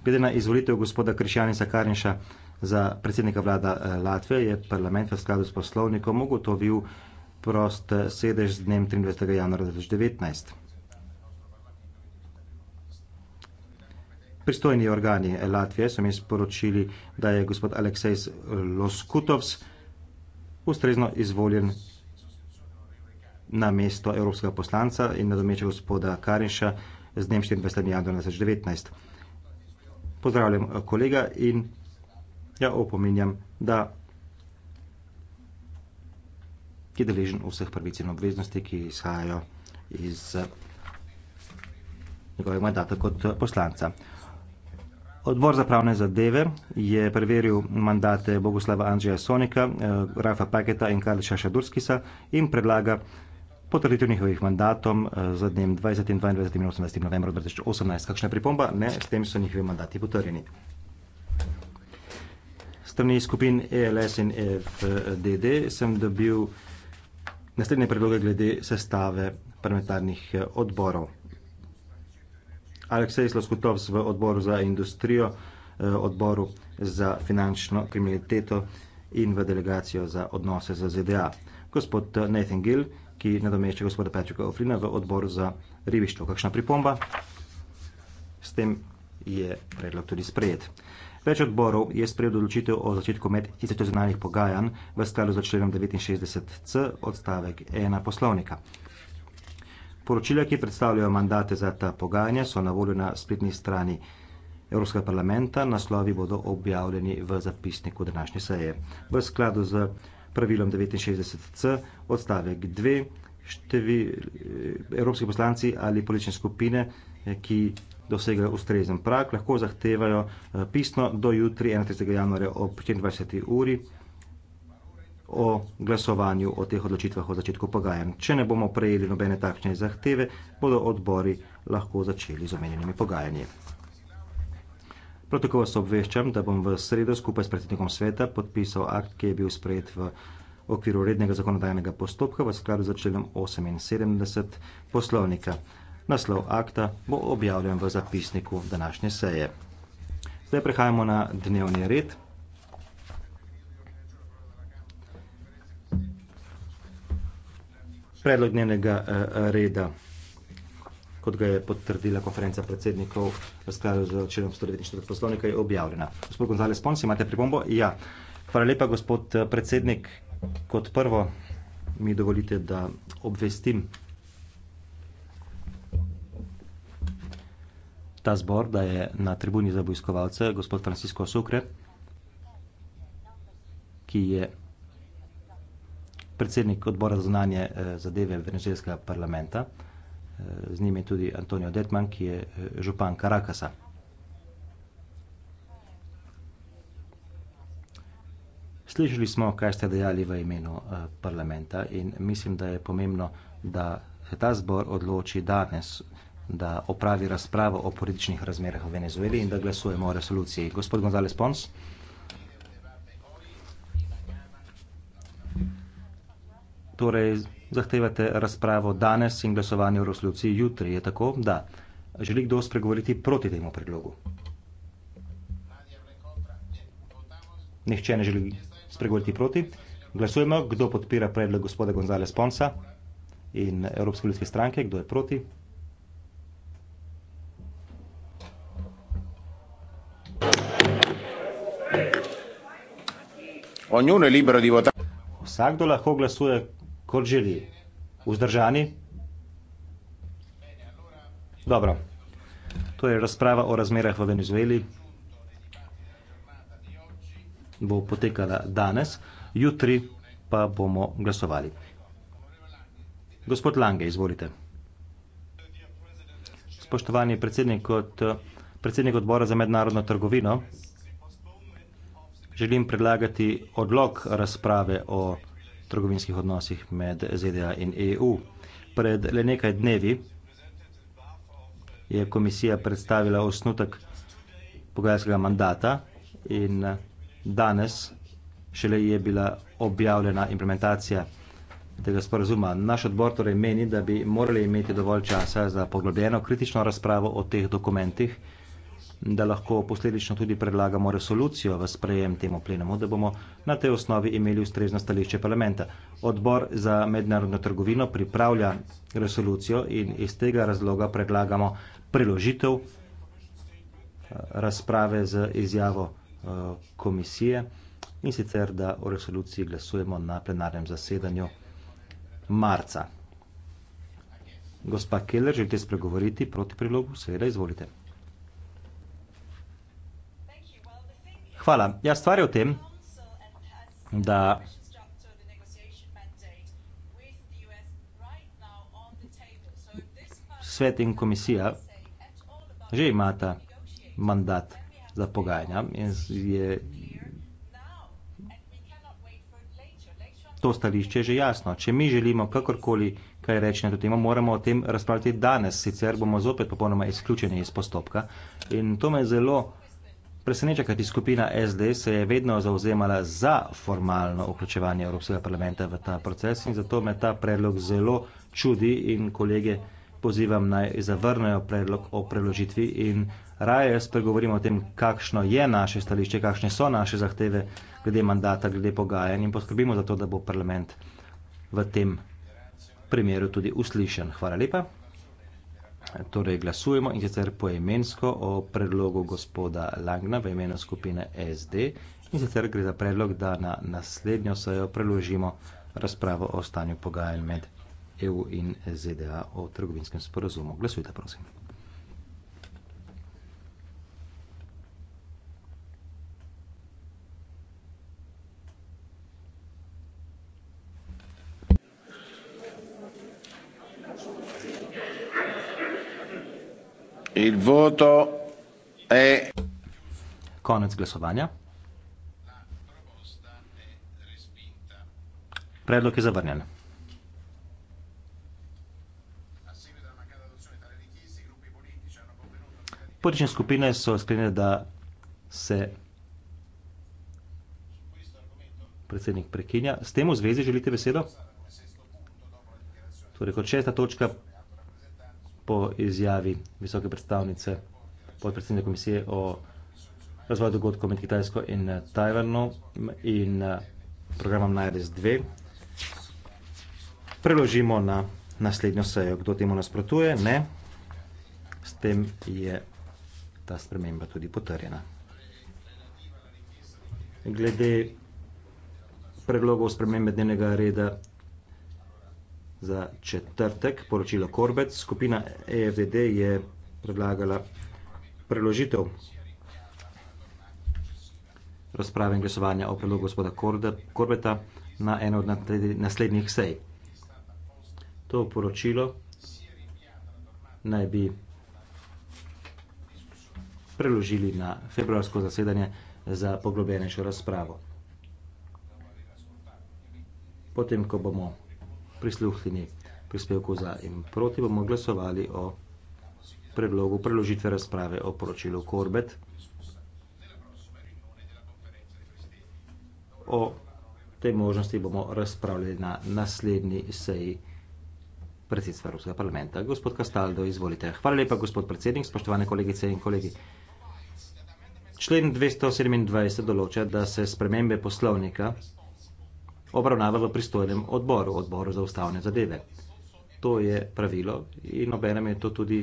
Glede na izvolitev gospoda Krišjanica Karinša za predsednika vlada eh, Latve je parlament v skladu s poslovnikom ugotovil prost sedež z dnem 23. januara 2019. pristojni organi Latvije so mi sporočili, da je gospod Aleksejs Loskutovs ustrezno izvoljen na mesto evropskega poslanca in nadomeča gospoda Karinša z dnem 24. januar 2019. Pozdravljam eh, kolega in ja opominjam, da je deležen vseh pravic in obveznosti, ki izhajajo iz eh, njegovega mandata kot eh, poslanca. Odbor za pravne zadeve je preveril mandate Bogoslava Andžija Sonika, eh, Rafa Paketa in Karliša Šadurskisa in predlaga potrditev njihovih mandatom eh, za dnem 20. in 22. in 18. novembra 2018. Kakšna je pripomba? Ne, s tem so njihovi mandati potrjeni. Strani skupin ELS in FDD sem dobil naslednje predloge glede sestave parlamentarnih eh, odborov. Aleksej Sloskutovs v odboru za industrijo, eh, odboru za finančno kriminaliteto in v delegacijo za odnose z ZDA. Gospod eh, Nathan Gill, ki nadomešča gospoda Patricka Oflina v odboru za ribištvo. Kakšna pripomba? S tem je predlog tudi sprejet. Več odborov je sprejel odločitev o začetku med institucionalnih pogajanj v skladu za členom 69c odstavek 1 poslovnika. Poročila, ki predstavljajo mandate za ta pogajanja, so na voljo na spletni strani Evropskega parlamenta. Naslovi bodo objavljeni v zapisniku današnje seje. V skladu z pravilom 69c odstavek 2 števi, evropski poslanci ali politične skupine, ki dosegajo ustrezen prak, lahko zahtevajo eh, pisno do jutri 31. januarja ob 24. uri o glasovanju o teh odločitvah o začetku pogajanj. Če ne bomo prejeli nobene takšne zahteve, bodo odbori lahko začeli z omenjenimi pogajanji. Protoko vas obveščam, da bom v sredo skupaj s predsednikom sveta podpisal akt, ki je bil sprejet v okviru rednega zakonodajnega postopka v skladu z členom 78 poslovnika. Naslov akta bo objavljen v zapisniku današnje seje. Zdaj prehajamo na dnevni red. predlog njenega eh, reda, kot ga je potrdila konferenca predsednikov v skladu z očinom 149 poslovnika, je objavljena. Gospod González Pons, imate pripombo? Ja. Hvala lepa, gospod eh, predsednik. Kot prvo mi dovolite, da obvestim ta zbor, da je na tribuni za obiskovalce gospod Francisco Sukre, ki je predsednik odbora za znanje eh, zadeve venezuelskega parlamenta. Eh, z njimi je tudi Antonio Detman, ki je eh, župan Karakasa. Slišali smo, kaj ste dejali v imenu parlamenta in mislim, da je pomembno, da se ta zbor odloči danes, da opravi razpravo o političnih razmerah v Venezueli in da glasujemo o resoluciji. Gospod González Pons. torej zahtevate razpravo danes in glasovanje o resoluciji jutri, je tako? Da. Želi kdo spregovoriti proti temu predlogu? Nihče ne želi spregovoriti proti. Glasujemo, kdo podpira predlog gospoda González Ponsa in Evropske ljudske stranke, kdo je proti. Ognuno je libero di votare. Vsakdo lahko glasuje, kot želi. Vzdržani? Dobro. To je razprava o razmerah v Venezueli. Bo potekala danes, jutri pa bomo glasovali. Gospod Lange, izvolite. Spoštovani predsednik, kot predsednik odbora za mednarodno trgovino, želim predlagati odlog razprave o trgovinskih odnosih med zda in eu pred le nekaj dnevi je komisija predstavila osnutek pogajalskega mandata in danes šele je bila objavljena implementacija tega sporazuma. Naš odbor torej meni, da bi morali imeti dovolj časa za poglobljeno kritično razpravo o teh dokumentih da lahko posledično tudi predlagamo resolucijo v sprejem temu plenemu, da bomo na tej osnovi imeli ustrezno stališče parlamenta. Odbor za mednarodno trgovino pripravlja resolucijo in iz tega razloga predlagamo preložitev eh, razprave z izjavo eh, komisije in sicer, da o resoluciji glasujemo na plenarnem zasedanju marca. Gospa Keller, želite spregovoriti proti prilogu? Seveda, izvolite. Hvala. Ja, stvar je v tem, da svet in komisija že imata mandat za pogajanja in je to stališče že jasno. Če mi želimo kakorkoli kaj reči na to temo, moramo o tem razpravljati danes, sicer bomo zopet popolnoma izključeni iz postopka. In to me zelo preseneča, kajti skupina SD se je vedno zauzemala za formalno vključevanje Evropskega parlamenta v ta proces in zato me ta predlog zelo čudi in kolege pozivam naj zavrnejo predlog o preložitvi in raje spregovorimo o tem, kakšno je naše stališče, kakšne so naše zahteve glede mandata, glede pogajanj in poskrbimo za to, da bo parlament v tem primeru tudi uslišen. Hvala lepa. Torej, glasujemo in sicer poemensko o predlogu gospoda Langna v imenu skupine SD in sicer gre za predlog, da na naslednjo sejo preložimo razpravo o stanju pogajanj med EU in ZDA o trgovinskem sporozumu. Glasujte, prosim. Il voto è. Konec glasovanja. Predlog je zavrnjen. Politične skupine so sklenile, da se predsednik prekinja. S tem v zvezi želite besedo? Torej, kot šesta točka po izjavi visoke predstavnice podpredsednika komisije o razvoju dogodkov med Kitajsko in eh, Tajvanom in eh, programom Najres 2 preložimo na naslednjo sejo. Kdo temu nasprotuje? Ne. S tem je ta sprememba tudi potrjena. Glede predlogov spremembe dnevnega reda za četrtek, poročilo Korbec. Skupina EFDD je predlagala preložitev razprave in glasovanja o predlogu gospoda Korbeta na eno od naslednjih sej. To poročilo naj bi preložili na februarsko zasedanje za poglobljenejšo razpravo. Potem, ko bomo prisluhnili prispevku za in proti, bomo glasovali o predlogu preložitve razprave o poročilu Korbet. O tej možnosti bomo razpravljali na naslednji seji predsedstva Ruskega parlamenta. Gospod Kastaldo, izvolite. Hvala lepa, gospod predsednik, spoštovane kolegice in kolegi. Člen 227 določa, da se spremembe poslovnika obravnava v pristojnem odboru, odboru za ustavne zadeve. To je pravilo in obenem je to tudi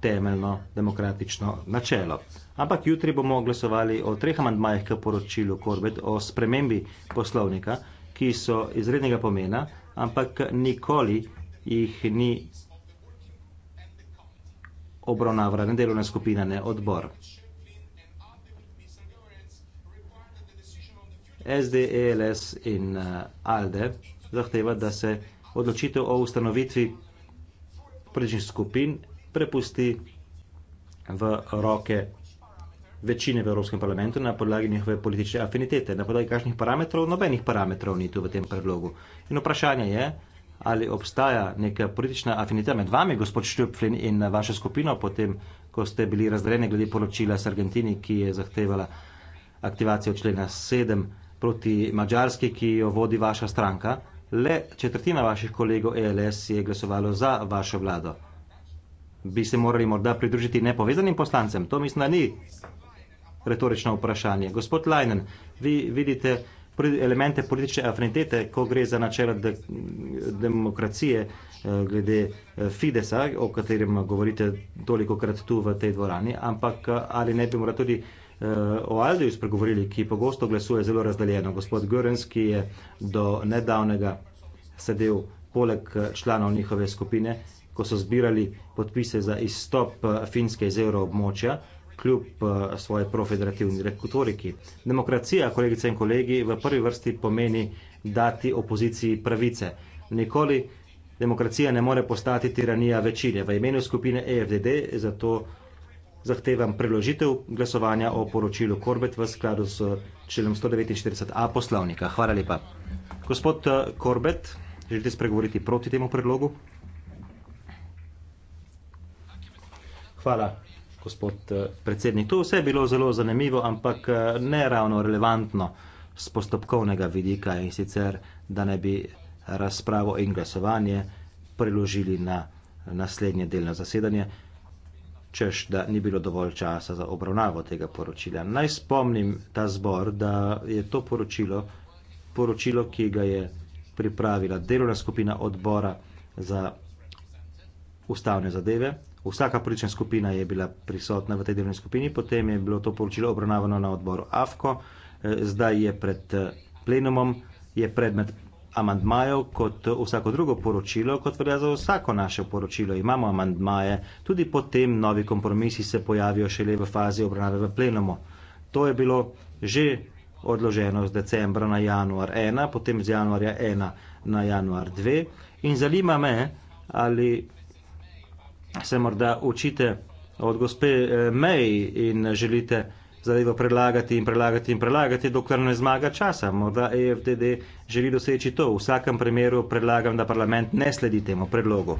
temeljno demokratično načelo. Ampak jutri bomo glasovali o treh amandmajih k poročilu Korbet o spremembi poslovnika, ki so izrednega pomena, ampak nikoli jih ni obravnavala ne delovna skupina, ne odbor. SD, ELS in uh, ALDE zahteva, da se odločitev o ustanovitvi političnih skupin prepusti v roke večine v Evropskem parlamentu na podlagi njihove politične afinitete. Na podlagi kakšnih parametrov? Nobenih parametrov ni tu v tem predlogu. In vprašanje je, ali obstaja neka politična afiniteta med vami, gospod Štjupflin, in uh, vašo skupino, potem, ko ste bili razdrejeni glede poročila s Argentini, ki je zahtevala aktivacijo člena 7 proti Mačarski, ki jo vodi vaša stranka. Le četrtina vaših kolegov ELS je glasovalo za vašo vlado. Bi se morali morda pridružiti nepovezanim poslancem? To mislim, da ni retorično vprašanje. Gospod Lajnen, vi vidite elemente politične afinitete, ko gre za načela de demokracije eh, glede eh, Fidesa, o katerem govorite toliko krat tu v tej dvorani, ampak eh, ali ne bi morali tudi o Aldiju spregovorili, ki pogosto glasuje zelo razdaljeno. Gospod Görens, ki je do nedavnega sedel poleg eh, članov njihove skupine, ko so zbirali podpise za izstop eh, Finske iz evroobmočja, kljub eh, svoji profederativni rekutoriki. Demokracija, kolegice in kolegi, v prvi vrsti pomeni dati opoziciji pravice. Nikoli demokracija ne more postati tiranija večine. V imenu skupine EFDD zato zahtevam preložitev glasovanja o poročilu Korbet v skladu s členom 149a poslovnika. Hvala lepa. Gospod Korbet, eh, želite spregovoriti proti temu predlogu? Hvala, gospod eh, predsednik. To vse je bilo zelo zanimivo, ampak eh, ne ravno relevantno z postopkovnega vidika in sicer, da ne bi razpravo in glasovanje preložili na naslednje delno zasedanje češ da ni bilo dovolj časa za obravnavo tega poročila. Naj spomnim ta zbor, da je to poročilo, poročilo, ki ga je pripravila delovna skupina odbora za ustavne zadeve. Vsaka politična skupina je bila prisotna v tej delovni skupini, potem je bilo to poročilo obravnavano na odboru AFKO, eh, zdaj je pred eh, plenumom, je predmet amantmajev kot vsako drugo poročilo, kot velja za vsako naše poročilo. Imamo amantmaje, tudi potem novi kompromisi se pojavijo šele v fazi obrnave v plenomo. To je bilo že odloženo z decembra na januar 1, potem z januarja 1 na januar 2 in zalima me, ali se morda učite od gospe eh, May in želite zadevo prelagati in prelagati in prelagati, dokler ne zmaga časa. Morda EFDD želi doseči to. V vsakem primeru predlagam, da parlament ne sledi temu predlogu.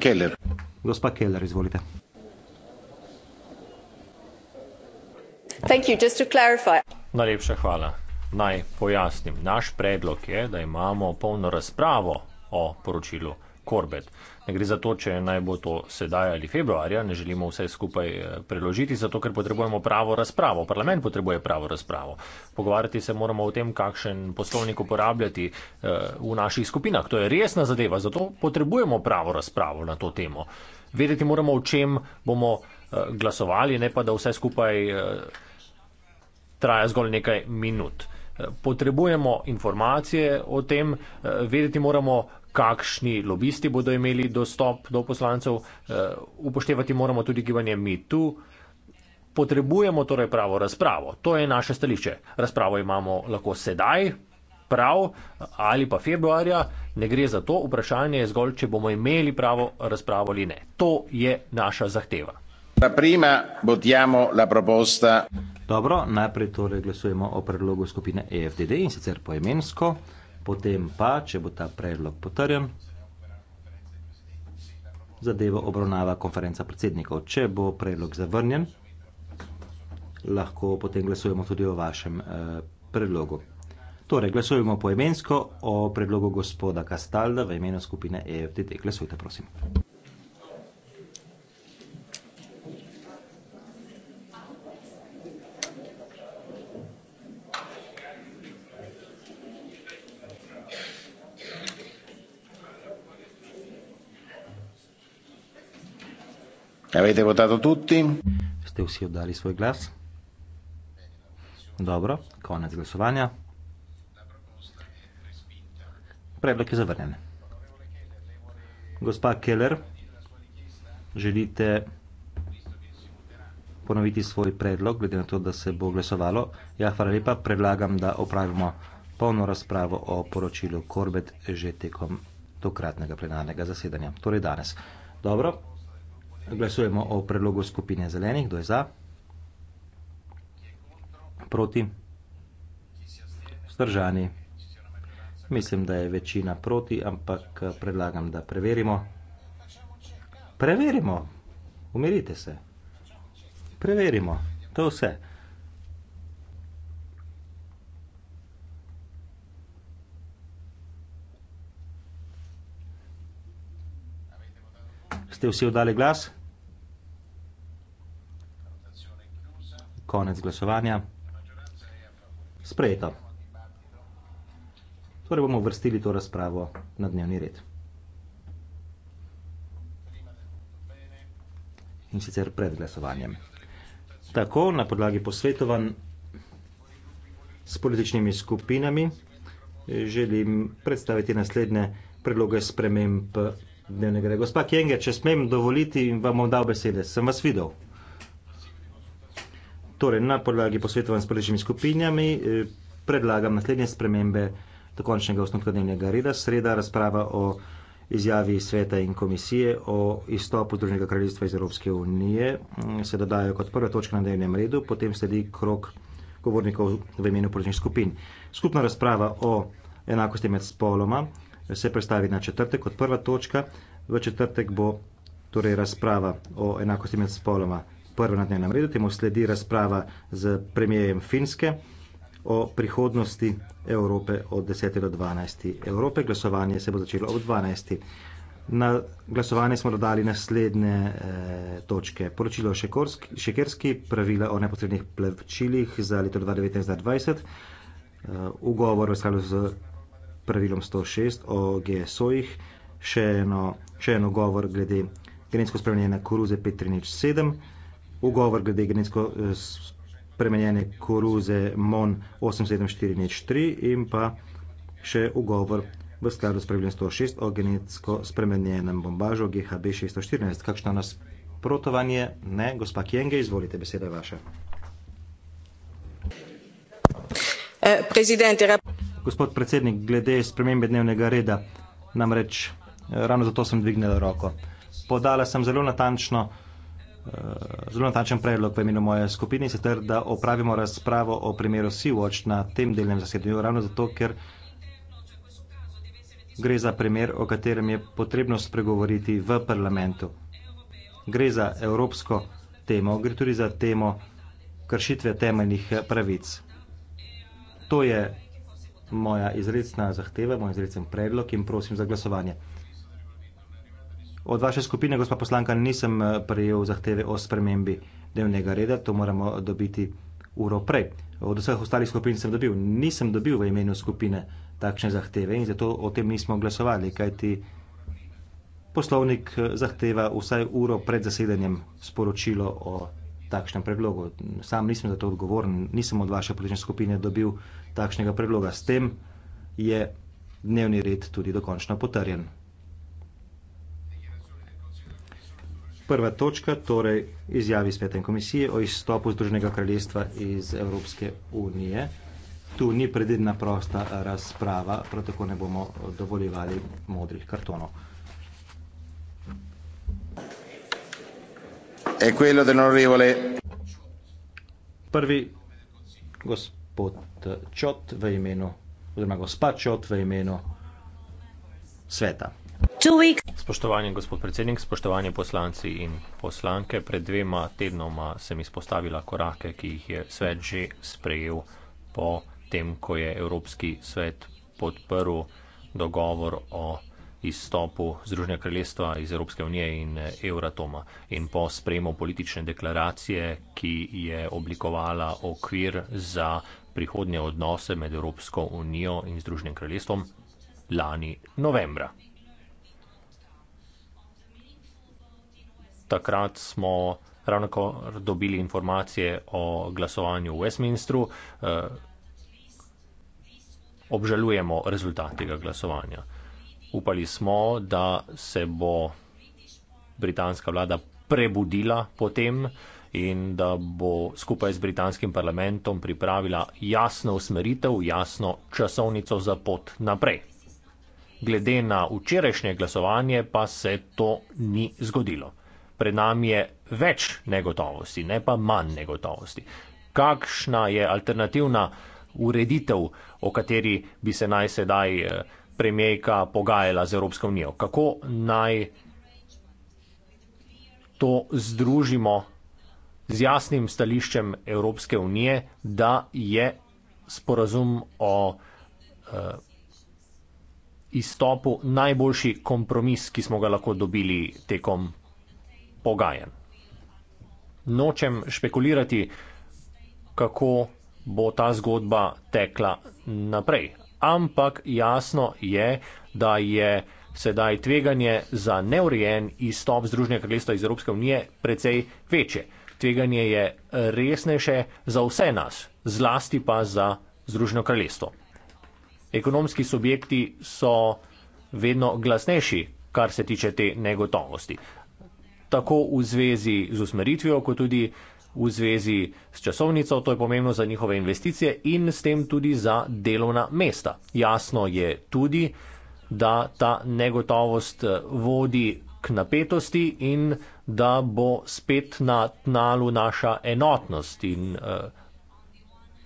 Keller. Gospa Keller, izvolite. Thank you. Just to clarify. Najlepša hvala. Naj pojasnim. Naš predlog je, da imamo polno razpravo o poročilu Korbet. Ne gre za to, če naj bo to sedaj ali februarja, ne želimo vse skupaj eh, preložiti, zato ker potrebujemo pravo razpravo. Parlament potrebuje pravo razpravo. Pogovarjati se moramo o tem, kakšen poslovnik uporabljati eh, v naših skupinah. To je resna zadeva, zato potrebujemo pravo razpravo na to temo. Vedeti moramo, o čem bomo eh, glasovali, ne pa da vse skupaj traja zgolj nekaj minut. Potrebujemo informacije o tem, vedeti moramo, kakšni lobisti bodo imeli dostop do poslancev. Eh, upoštevati moramo tudi gibanje mi tu. Potrebujemo torej pravo razpravo. To je naše stališče. Razpravo imamo lahko sedaj, prav ali pa februarja. Ne gre za to vprašanje zgolj, če bomo imeli pravo razpravo ali ne. To je naša zahteva. Prima votiamo la proposta. Dobro, najprej torej glasujemo o predlogu skupine EFDD in sicer poemensko potem pa, če bo ta predlog potrjen, zadevo obravnava konferenca predsednikov. Če bo predlog zavrnjen, lahko potem glasujemo tudi o vašem eh, predlogu. Torej, glasujemo poemensko o predlogu gospoda Kastalda v imenu skupine EFTT. Glasujte, prosim. Avete votato tutti? Ste vsi oddali svoj glas? Dobro, konec glasovanja. Predlog je zavrnjen. Gospa Keller, želite ponoviti svoj predlog, glede na to, da se bo glasovalo. Ja, hvala lepa, predlagam, da opravimo polno razpravo o poročilu Korbet že tekom tokratnega plenarnega zasedanja, torej danes. Dobro, Glasujemo o predlogu skupine zelenih. Kdo je za? Proti? Vzdržani? Mislim, da je večina proti, ampak predlagam, da preverimo. Preverimo! Umirite se. Preverimo. To je vse. ste vsi oddali glas? Konec glasovanja. Sprejeto. Torej bomo vrstili to razpravo na dnevni red. In sicer pred glasovanjem. Tako, na podlagi posvetovanj s političnimi skupinami, želim predstaviti naslednje predloge sprememb dnevnega reda. Gospa Kenge, če smem dovoliti, vam bom dal besede. Sem vas videl. Torej, na podlagi posvetovan s prvišimi skupinjami eh, predlagam naslednje spremembe do končnega osnovka dnevnega reda. Sreda razprava o izjavi sveta in komisije o izstopu Združenega kraljestva iz Evropske unije mm, se dodajo kot prva točka na dnevnem redu, potem sledi krok govornikov v imenu političnih skupin. Skupna razprava o enakosti med spoloma, se predstavi na četrtek kot prva točka. V četrtek bo torej razprava o enakosti med spoloma prva na dnevnem redu, temu sledi razprava z premijejem Finske o prihodnosti Evrope od 10. do 12. Evrope. Glasovanje se bo začelo ob 12. Na glasovanje smo dodali naslednje e, točke. Poročilo o Šekerski, pravila o neposrednih plevčilih za leto 2019-2020, e, eh, ugovor v skladu z pravilom 106 o GSO-jih, še eno, še eno govor glede genetsko spremenjene koruze 537, ugovor glede genetsko spremenjene koruze eh, MON 87403 in pa še ugovor v skladu s pravilom 106 o genetsko spremenjenem bombažu GHB 614. Kakšno nas protovanje? Ne, gospa Kjenge, izvolite, beseda je vaša. Eh, presidente, gospod predsednik, glede spremembe dnevnega reda, namreč eh, ravno zato sem dvignila roko. Podala sem zelo natančno, eh, zelo natančen predlog v imenu moje skupine, se ter, da opravimo razpravo o primeru Sea-Watch na tem delnem zasedanju, ravno zato, ker gre za primer, o katerem je potrebno spregovoriti v parlamentu. Gre za evropsko temo, gre tudi za temo kršitve temeljnih pravic. To je moja izredna zahteva, moj izreden predlog in prosim za glasovanje. Od vaše skupine, gospa poslanka, nisem eh, prejel zahteve o spremembi dnevnega reda, to moramo dobiti uro prej. Od vseh ostalih skupin sem dobil, nisem dobil v imenu skupine takšne zahteve in zato o tem nismo glasovali, kajti poslovnik eh, zahteva vsaj uro pred zasedanjem sporočilo o spremembi takšnem predlogu. Sam nisem za to odgovoren, nisem od vaše politične skupine dobil takšnega predloga. S tem je dnevni red tudi dokončno potrjen. Prva točka, torej izjavi Svete komisije o izstopu Združenega kraljestva iz Evropske unije. Tu ni predvidna prosta razprava, prav tako ne bomo dovoljevali modrih kartonov. è quello dell'onorevole. Prvi gospod Čot v imenu, oziroma gospod Čot v imenu sveta. Spoštovani gospod predsednik, spoštovani poslanci in poslanke, pred dvema tednoma sem izpostavila korake, ki jih je svet že sprejel po tem, ko je Evropski svet podprl dogovor o izstopu Združenja kraljestva iz Evropske unije in Euratoma in po spremu politične deklaracije, ki je oblikovala okvir za prihodnje odnose med Evropsko unijo in Združenjem kraljestvom lani novembra. Takrat smo ravno ko dobili informacije o glasovanju v Westminstru, eh, obžalujemo rezultat tega glasovanja upali smo, da se bo britanska vlada prebudila potem in da bo skupaj z britanskim parlamentom pripravila jasno usmeritev, jasno časovnico za pot naprej. Glede na včerajšnje glasovanje pa se to ni zgodilo. Pred nami je več negotovosti, ne pa manj negotovosti. Kakšna je alternativna ureditev, o kateri bi se naj sedaj. Eh, premijejka pogajala z Evropsko unijo. Kako naj to združimo z jasnim stališčem Evropske unije, da je sporazum o eh, izstopu najboljši kompromis, ki smo ga lahko dobili tekom pogajen. Nočem špekulirati, kako bo ta zgodba tekla naprej, ampak jasno je, da je sedaj tveganje za neurejen izstop Združenega kraljestva iz Evropske unije precej večje. Tveganje je resnejše za vse nas, zlasti pa za Združeno kraljestvo. Ekonomski subjekti so vedno glasnejši, kar se tiče te negotovosti. Tako v zvezi z usmeritvijo, kot tudi uh, v zvezi s časovnico, to je pomembno za njihove investicije in s tem tudi za delovna mesta. Jasno je tudi, da ta negotovost eh, vodi k napetosti in da bo spet na tnalu naša enotnost in uh,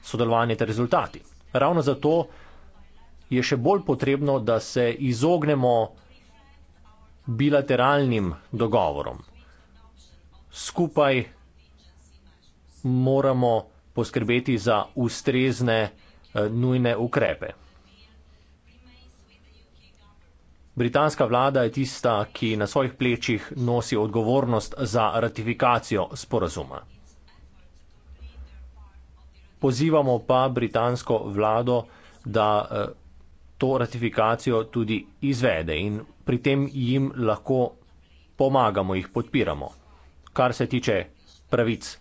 sodelovanje ter rezultati. Ravno zato je še bolj potrebno, da se izognemo bilateralnim dogovorom. Skupaj moramo poskrbeti za ustrezne eh, nujne ukrepe. Britanska vlada je tista, ki na svojih plečih nosi odgovornost za ratifikacijo sporazuma. Pozivamo pa britansko vlado, da eh, to ratifikacijo tudi izvede in pri tem jim lahko pomagamo, jih podpiramo. Kar se tiče pravic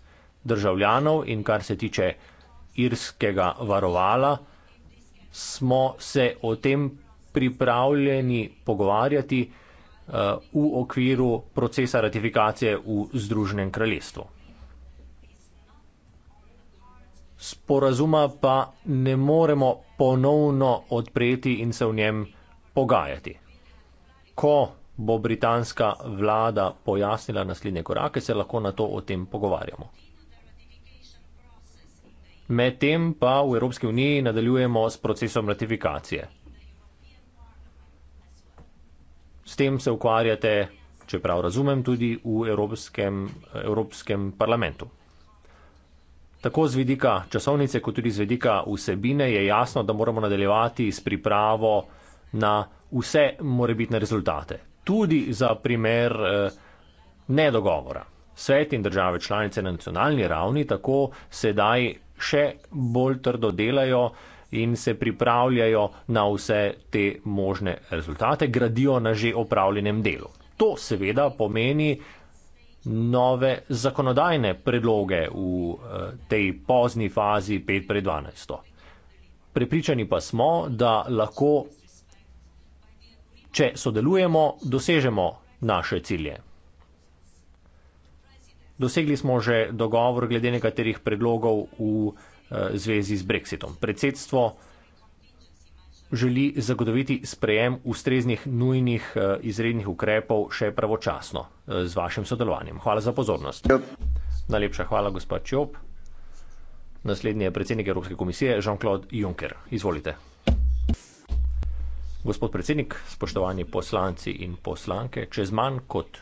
državljanov in kar se tiče irskega varovala, smo se o tem pripravljeni pogovarjati eh, v okviru procesa ratifikacije v Združenem kraljestvu. Sporazuma pa ne moremo ponovno odpreti in se v njem pogajati. Ko bo britanska vlada pojasnila naslednje korake, se lahko na to o tem pogovarjamo. Medtem pa v Evropski uniji nadaljujemo s procesom ratifikacije. S tem se ukvarjate, če prav razumem, tudi v Evropskem, Evropskem parlamentu. Tako z vidika časovnice, kot tudi z vidika vsebine, je jasno, da moramo nadaljevati s pripravo na vse morebitne rezultate. Tudi za primer eh, nedogovora. Svet in države članice na nacionalni ravni tako sedaj še bolj trdo delajo in se pripravljajo na vse te možne rezultate, gradijo na že opravljenem delu. To seveda pomeni nove zakonodajne predloge v eh, tej pozni fazi 5 pred 12. Prepričani pa smo, da lahko, če sodelujemo, dosežemo naše cilje. Dosegli smo že dogovor glede nekaterih predlogov v eh, zvezi z Brexitom. Predsedstvo želi zagotoviti sprejem ustreznih nujnih eh, izrednih ukrepov še pravočasno eh, z vašim sodelovanjem. Hvala za pozornost. Najlepša hvala, gospod Čop. Naslednji je predsednik Evropske komisije Jean-Claude Juncker. Izvolite. Gospod predsednik, spoštovani poslanci in poslanke, čez manj kot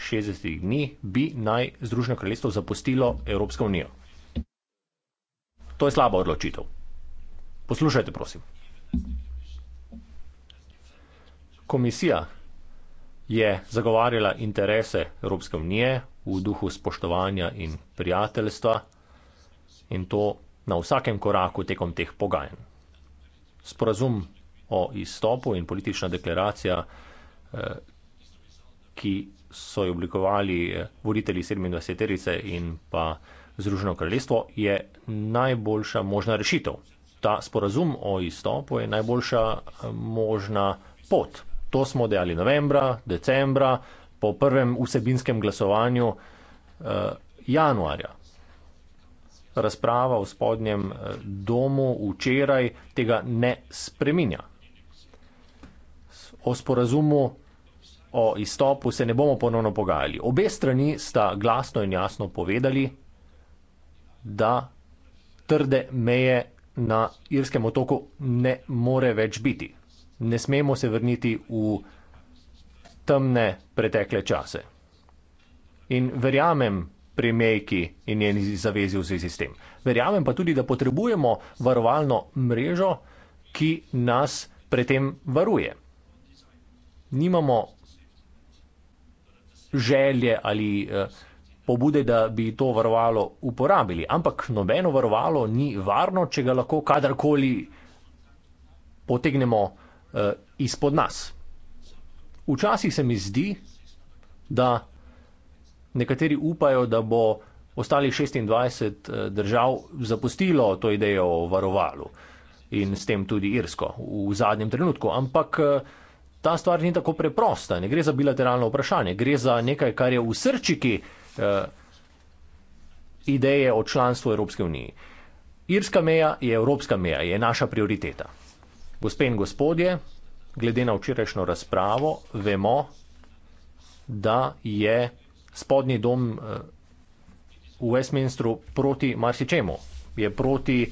60 dni bi naj Združeno kraljestvo zapustilo Evropsko unijo. To je slaba odločitev. Poslušajte, prosim. Komisija je zagovarjala interese Evropske unije v duhu spoštovanja in prijateljstva in to na vsakem koraku tekom teh pogajanj. Sporazum o izstopu in politična deklaracija, eh, ki so jo oblikovali eh, voditelji 27-terice in pa Združeno kraljestvo, je najboljša možna rešitev. Ta sporazum o izstopu je najboljša eh, možna pot. To smo dejali novembra, decembra, po prvem vsebinskem glasovanju eh, januarja. Razprava v spodnjem eh, domu včeraj tega ne spreminja. O sporazumu o izstopu se ne bomo ponovno pogajali. Obe strani sta glasno in jasno povedali, da trde meje na irskem otoku ne more več biti. Ne smemo se vrniti v temne pretekle čase. In verjamem premijejki in njeni zavezi v zvezi s tem. Verjamem pa tudi, da potrebujemo varovalno mrežo, ki nas pred tem varuje. Nimamo želje ali eh, pobude, da bi to varovalo uporabili. Ampak nobeno varovalo ni varno, če ga lahko kadarkoli potegnemo eh, izpod nas. Včasih se mi zdi, da nekateri upajo, da bo ostalih 26 eh, držav zapustilo to idejo o varovalu in s tem tudi Irsko v zadnjem trenutku. Ampak ta stvar ni tako preprosta, ne gre za bilateralno vprašanje, gre za nekaj, kar je v srčiki eh, ideje o članstvu Evropske unije. Irska meja je evropska meja, je naša prioriteta. Gospe in gospodje, glede na včerajšnjo razpravo, vemo, da je spodnji dom eh, v Westminstru proti marsičemu. Je proti eh,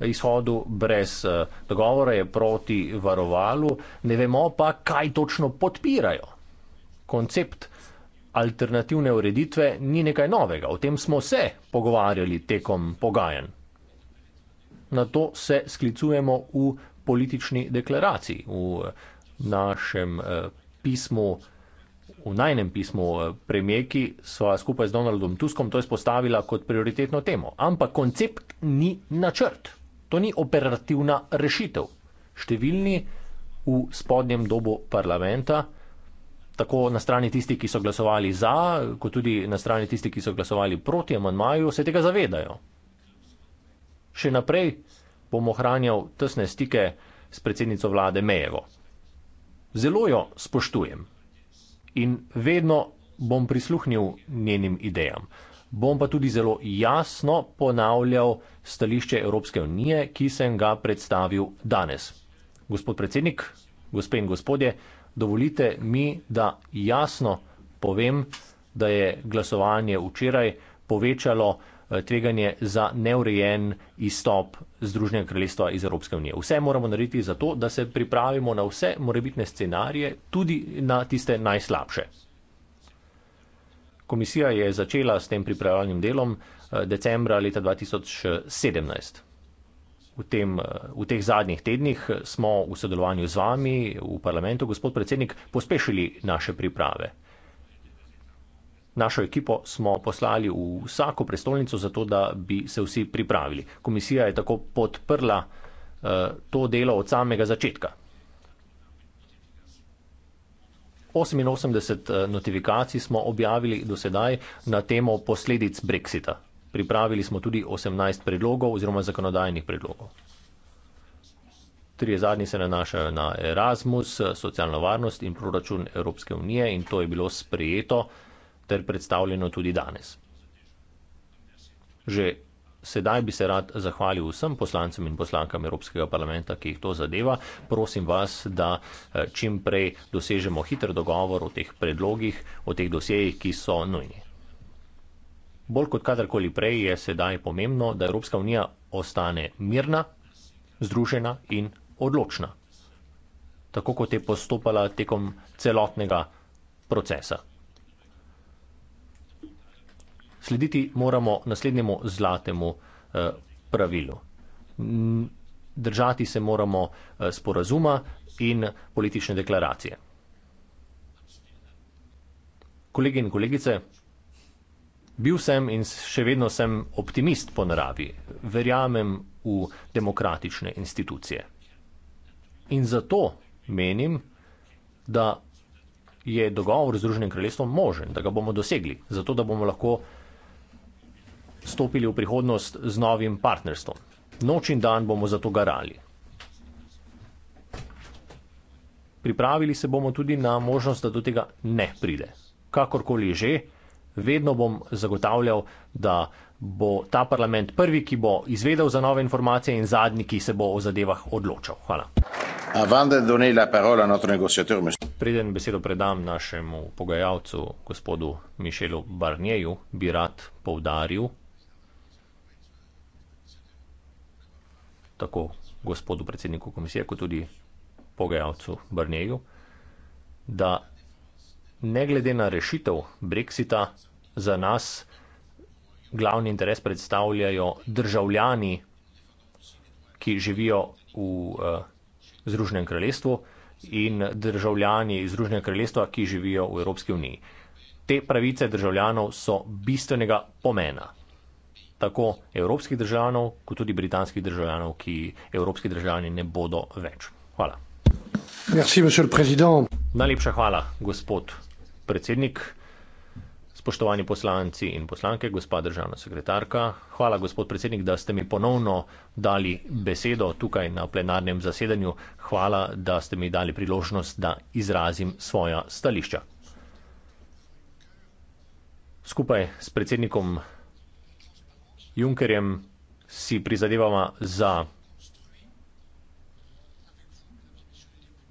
izhodu brez eh, dogovora, je proti varovalu. Ne vemo pa, kaj točno podpirajo. Koncept alternativne ureditve ni nekaj novega. O tem smo se pogovarjali tekom pogajanj. Na to se sklicujemo v politični deklaraciji, v eh, našem eh, pismu. V najnem pismu premijeki so skupaj z Donaldom Tuskom to izpostavila kot prioritetno temo. Ampak koncept ni načrt. To ni operativna rešitev. Številni v spodnjem dobu parlamenta, tako na strani tistih, ki so glasovali za, kot tudi na strani tistih, ki so glasovali proti amandmaju, se tega zavedajo. Še naprej bom ohranjal tesne stike s predsednico vlade Mejevo. Zelo jo spoštujem in vedno bom prisluhnil njenim idejam bom pa tudi zelo jasno ponavljal stališče Evropske unije, ki sem ga predstavil danes. Gospod predsednik, gospe in gospodje, dovolite mi, da jasno povem, da je glasovanje včeraj povečalo eh, tveganje za neurejen izstop Združenega kraljestva iz Evropske unije. Vse moramo narediti za to, da se pripravimo na vse morebitne scenarije, tudi na tiste najslabše. Komisija je začela s tem pripravljalnim delom eh, decembra leta 2017. V, tem, eh, v teh zadnjih tednih eh, smo v sodelovanju z vami v parlamentu, gospod predsednik, pospešili naše priprave. Našo ekipo smo poslali v vsako prestolnico, zato da bi se vsi pripravili. Komisija je tako podprla uh, to delo od samega začetka. 88 eh, notifikacij smo objavili do sedaj na temo posledic Brexita. Pripravili smo tudi 18 predlogov oziroma zakonodajnih predlogov. Trije zadnji se nanašajo na Erasmus, socialno varnost in proračun Evropske unije in to je bilo sprejeto ter predstavljeno tudi danes. Že Sedaj bi se rad zahvalil vsem poslancem in poslankam Evropskega parlamenta, ki jih to zadeva. Prosim vas, da eh, čim prej dosežemo hiter dogovor o teh predlogih, o teh dosejih, ki so nujni. Bolj kot kadarkoli prej je sedaj pomembno, da Evropska unija ostane mirna, združena in odločna, tako kot je postopala tekom celotnega procesa slediti moramo naslednjemu zlatemu eh, pravilu. Mm, držati se moramo eh, sporazuma in politične deklaracije. Kolegi in kolegice, bil sem in še vedno sem optimist po naravi. Verjamem v demokratične institucije. In zato menim, da je dogovor z Združenim kraljestvom možen, da ga bomo dosegli, zato da bomo lahko stopili v prihodnost z novim partnerstvom. Noč in dan bomo zato garali. Pripravili se bomo tudi na možnost, da do tega ne pride. Kakorkoli že, vedno bom zagotavljal, da bo ta parlament prvi, ki bo izvedel za nove informacije in zadnji, ki se bo o zadevah odločal. Hvala. Preden besedo predam našemu pogajalcu, gospodu Mišelu Barnjeju, bi rad povdaril, tako gospodu predsedniku komisije, kot tudi pogajalcu Brnegu, da ne glede na rešitev Brexita, za nas glavni interes predstavljajo državljani, ki živijo v uh, Združenem kraljestvu in državljani iz Združenega kraljestva, ki živijo v Evropski uniji. Te pravice državljanov so bistvenega pomena tako evropskih državljanov, kot tudi britanskih državljanov, ki evropski državljani ne bodo več. Hvala. Merci, Najlepša hvala, gospod predsednik, spoštovani poslanci in poslanke, gospa državna sekretarka. Hvala, gospod predsednik, da ste mi ponovno dali besedo tukaj na plenarnem zasedanju. Hvala, da ste mi dali priložnost, da izrazim svoja stališča. Skupaj s predsednikom Junkerjem si prizadevava za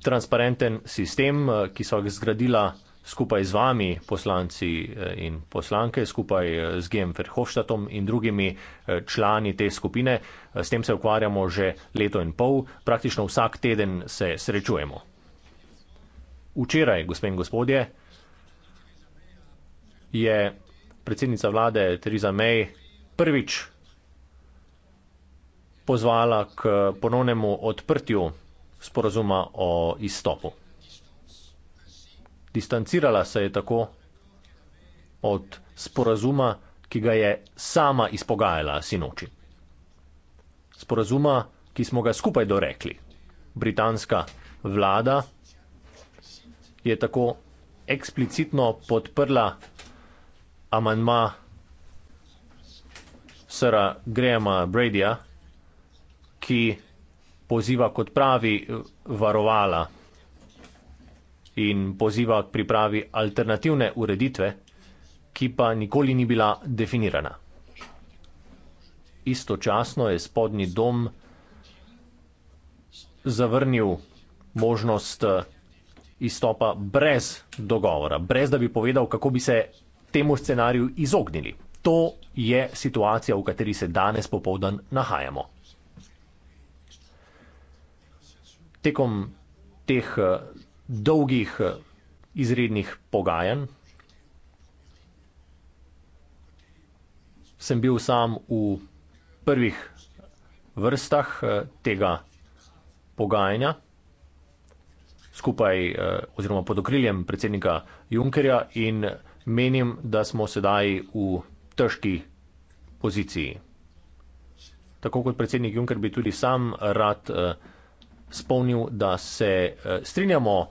transparenten sistem, eh, ki so ga zgradila skupaj z vami, poslanci eh, in poslanke, skupaj eh, z Gem Verhofstadtom in drugimi člani te skupine. S tem se ukvarjamo že leto in pol, praktično vsak teden se srečujemo. Včeraj, gospe in gospodje, je predsednica vlade Theresa May prvič pozvala k ponovnemu odprtju sporozuma o izstopu. Distancirala se je tako od sporozuma, ki ga je sama izpogajala sinoči. Sporozuma, ki smo ga skupaj dorekli. Britanska vlada je tako eksplicitno podprla amandma sra Grahama Bradyja, ki poziva kot pravi eh, varovala in poziva k pripravi alternativne ureditve, ki pa nikoli ni bila definirana. Istočasno je spodnji dom zavrnil možnost eh, izstopa brez dogovora, brez da bi povedal, kako bi se temu scenariju izognili. To je situacija, v kateri se danes popovdan nahajamo. Tekom teh eh, dolgih eh, izrednih pogajanj sem bil sam v prvih vrstah eh, tega pogajanja skupaj oziroma pod okriljem predsednika Junkerja in menim, da smo sedaj v težki poziciji. Tako kot predsednik Juncker bi tudi sam eh, rad eh, spomnil, da se eh, strinjamo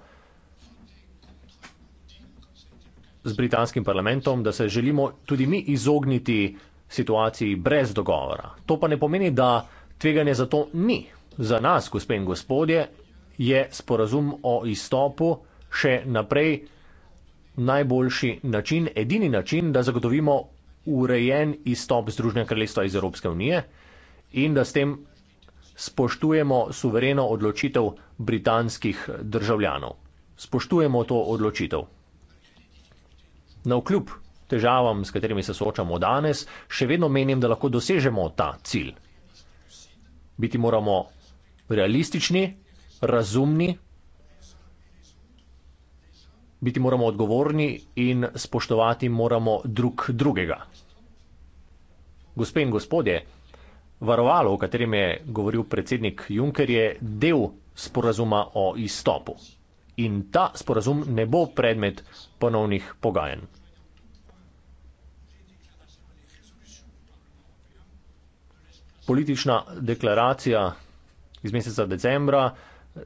z britanskim parlamentom, da se želimo tudi mi izogniti situaciji brez dogovora. To pa ne pomeni, da tveganje za to ni. Za nas, gospe in gospodje, je sporazum o izstopu še naprej najboljši način, edini način, da zagotovimo urejen izstop Združenega kraljestva iz Evropske unije in da s tem spoštujemo suvereno odločitev britanskih državljanov. Spoštujemo to odločitev. Na vkljub težavam, s katerimi se soočamo danes, še vedno menim, da lahko dosežemo ta cilj. Biti moramo realistični, razumni, biti moramo odgovorni in spoštovati moramo drug drugega. Gospe in gospodje, varovalo, o katerem je govoril predsednik Juncker, je del sporazuma o izstopu. In ta sporazum ne bo predmet ponovnih pogajanj. Politična deklaracija iz meseca decembra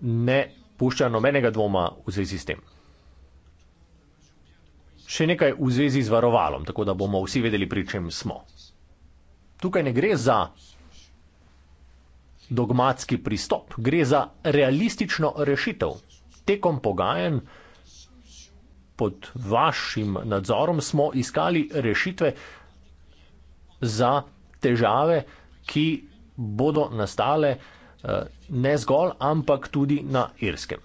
ne pušča nobenega dvoma v zvezi s tem. Še nekaj v zvezi z varovalom, tako da bomo vsi vedeli, pri čem smo. Tukaj ne gre za dogmatski pristop, gre za realistično rešitev. Tekom pogajen pod vašim nadzorom smo iskali rešitve za težave, ki bodo nastale eh, ne zgolj, ampak tudi na irskem.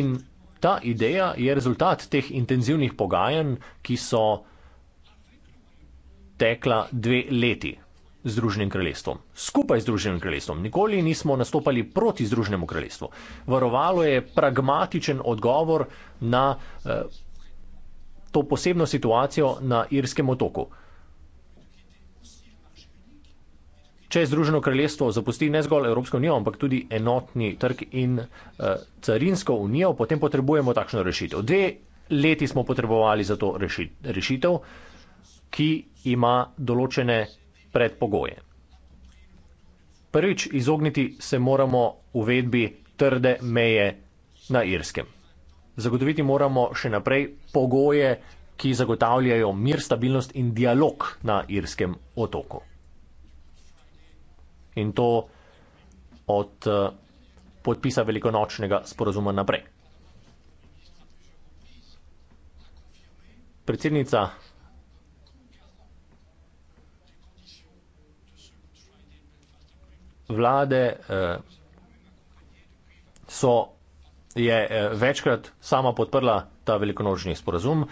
In ta ideja je rezultat teh intenzivnih pogajanj, ki so tekla dve leti z Združenim kraljestvom. Skupaj z Združenim kraljestvom. Nikoli nismo nastopali proti Združenemu kraljestvu. Varovalo je pragmatičen odgovor na eh, to posebno situacijo na irskem otoku. če Združeno kraljestvo zapusti ne zgolj Evropsko unijo, ampak tudi enotni trg in uh, carinsko unijo, potem potrebujemo takšno rešitev. Dve leti smo potrebovali za to rešit rešitev, ki ima določene predpogoje. Prvič, izogniti se moramo uvedbi trde meje na Irskem. Zagotoviti moramo še naprej pogoje, ki zagotavljajo mir, stabilnost in dialog na Irskem otoku in to od eh, podpisa velikonočnega sporozuma naprej. Predsednica vlade eh, so, je eh, večkrat sama podprla ta velikonočni sporozum.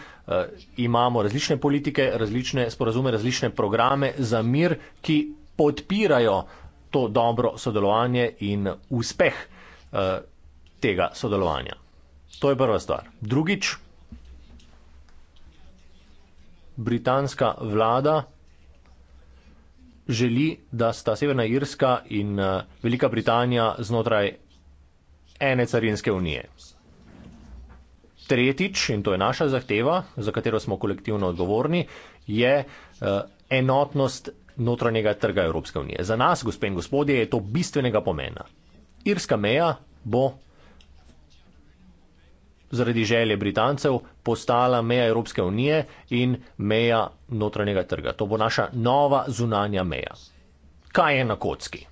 Imamo različne politike, različne sporozume, različne programe za mir, ki podpirajo vse, to dobro sodelovanje in uspeh eh, tega sodelovanja. To je prva stvar. Drugič, britanska vlada želi, da sta Severna Irska in eh, Velika Britanija znotraj ene carinske unije. Tretjič, in to je naša zahteva, za katero smo kolektivno odgovorni, je eh, enotnost notranjega trga Evropske unije. Za nas, gospe in gospodje, je to bistvenega pomena. Irska meja bo zaradi želje Britancev postala meja Evropske unije in meja notranjega trga. To bo naša nova zunanja meja. Kaj je na kocki?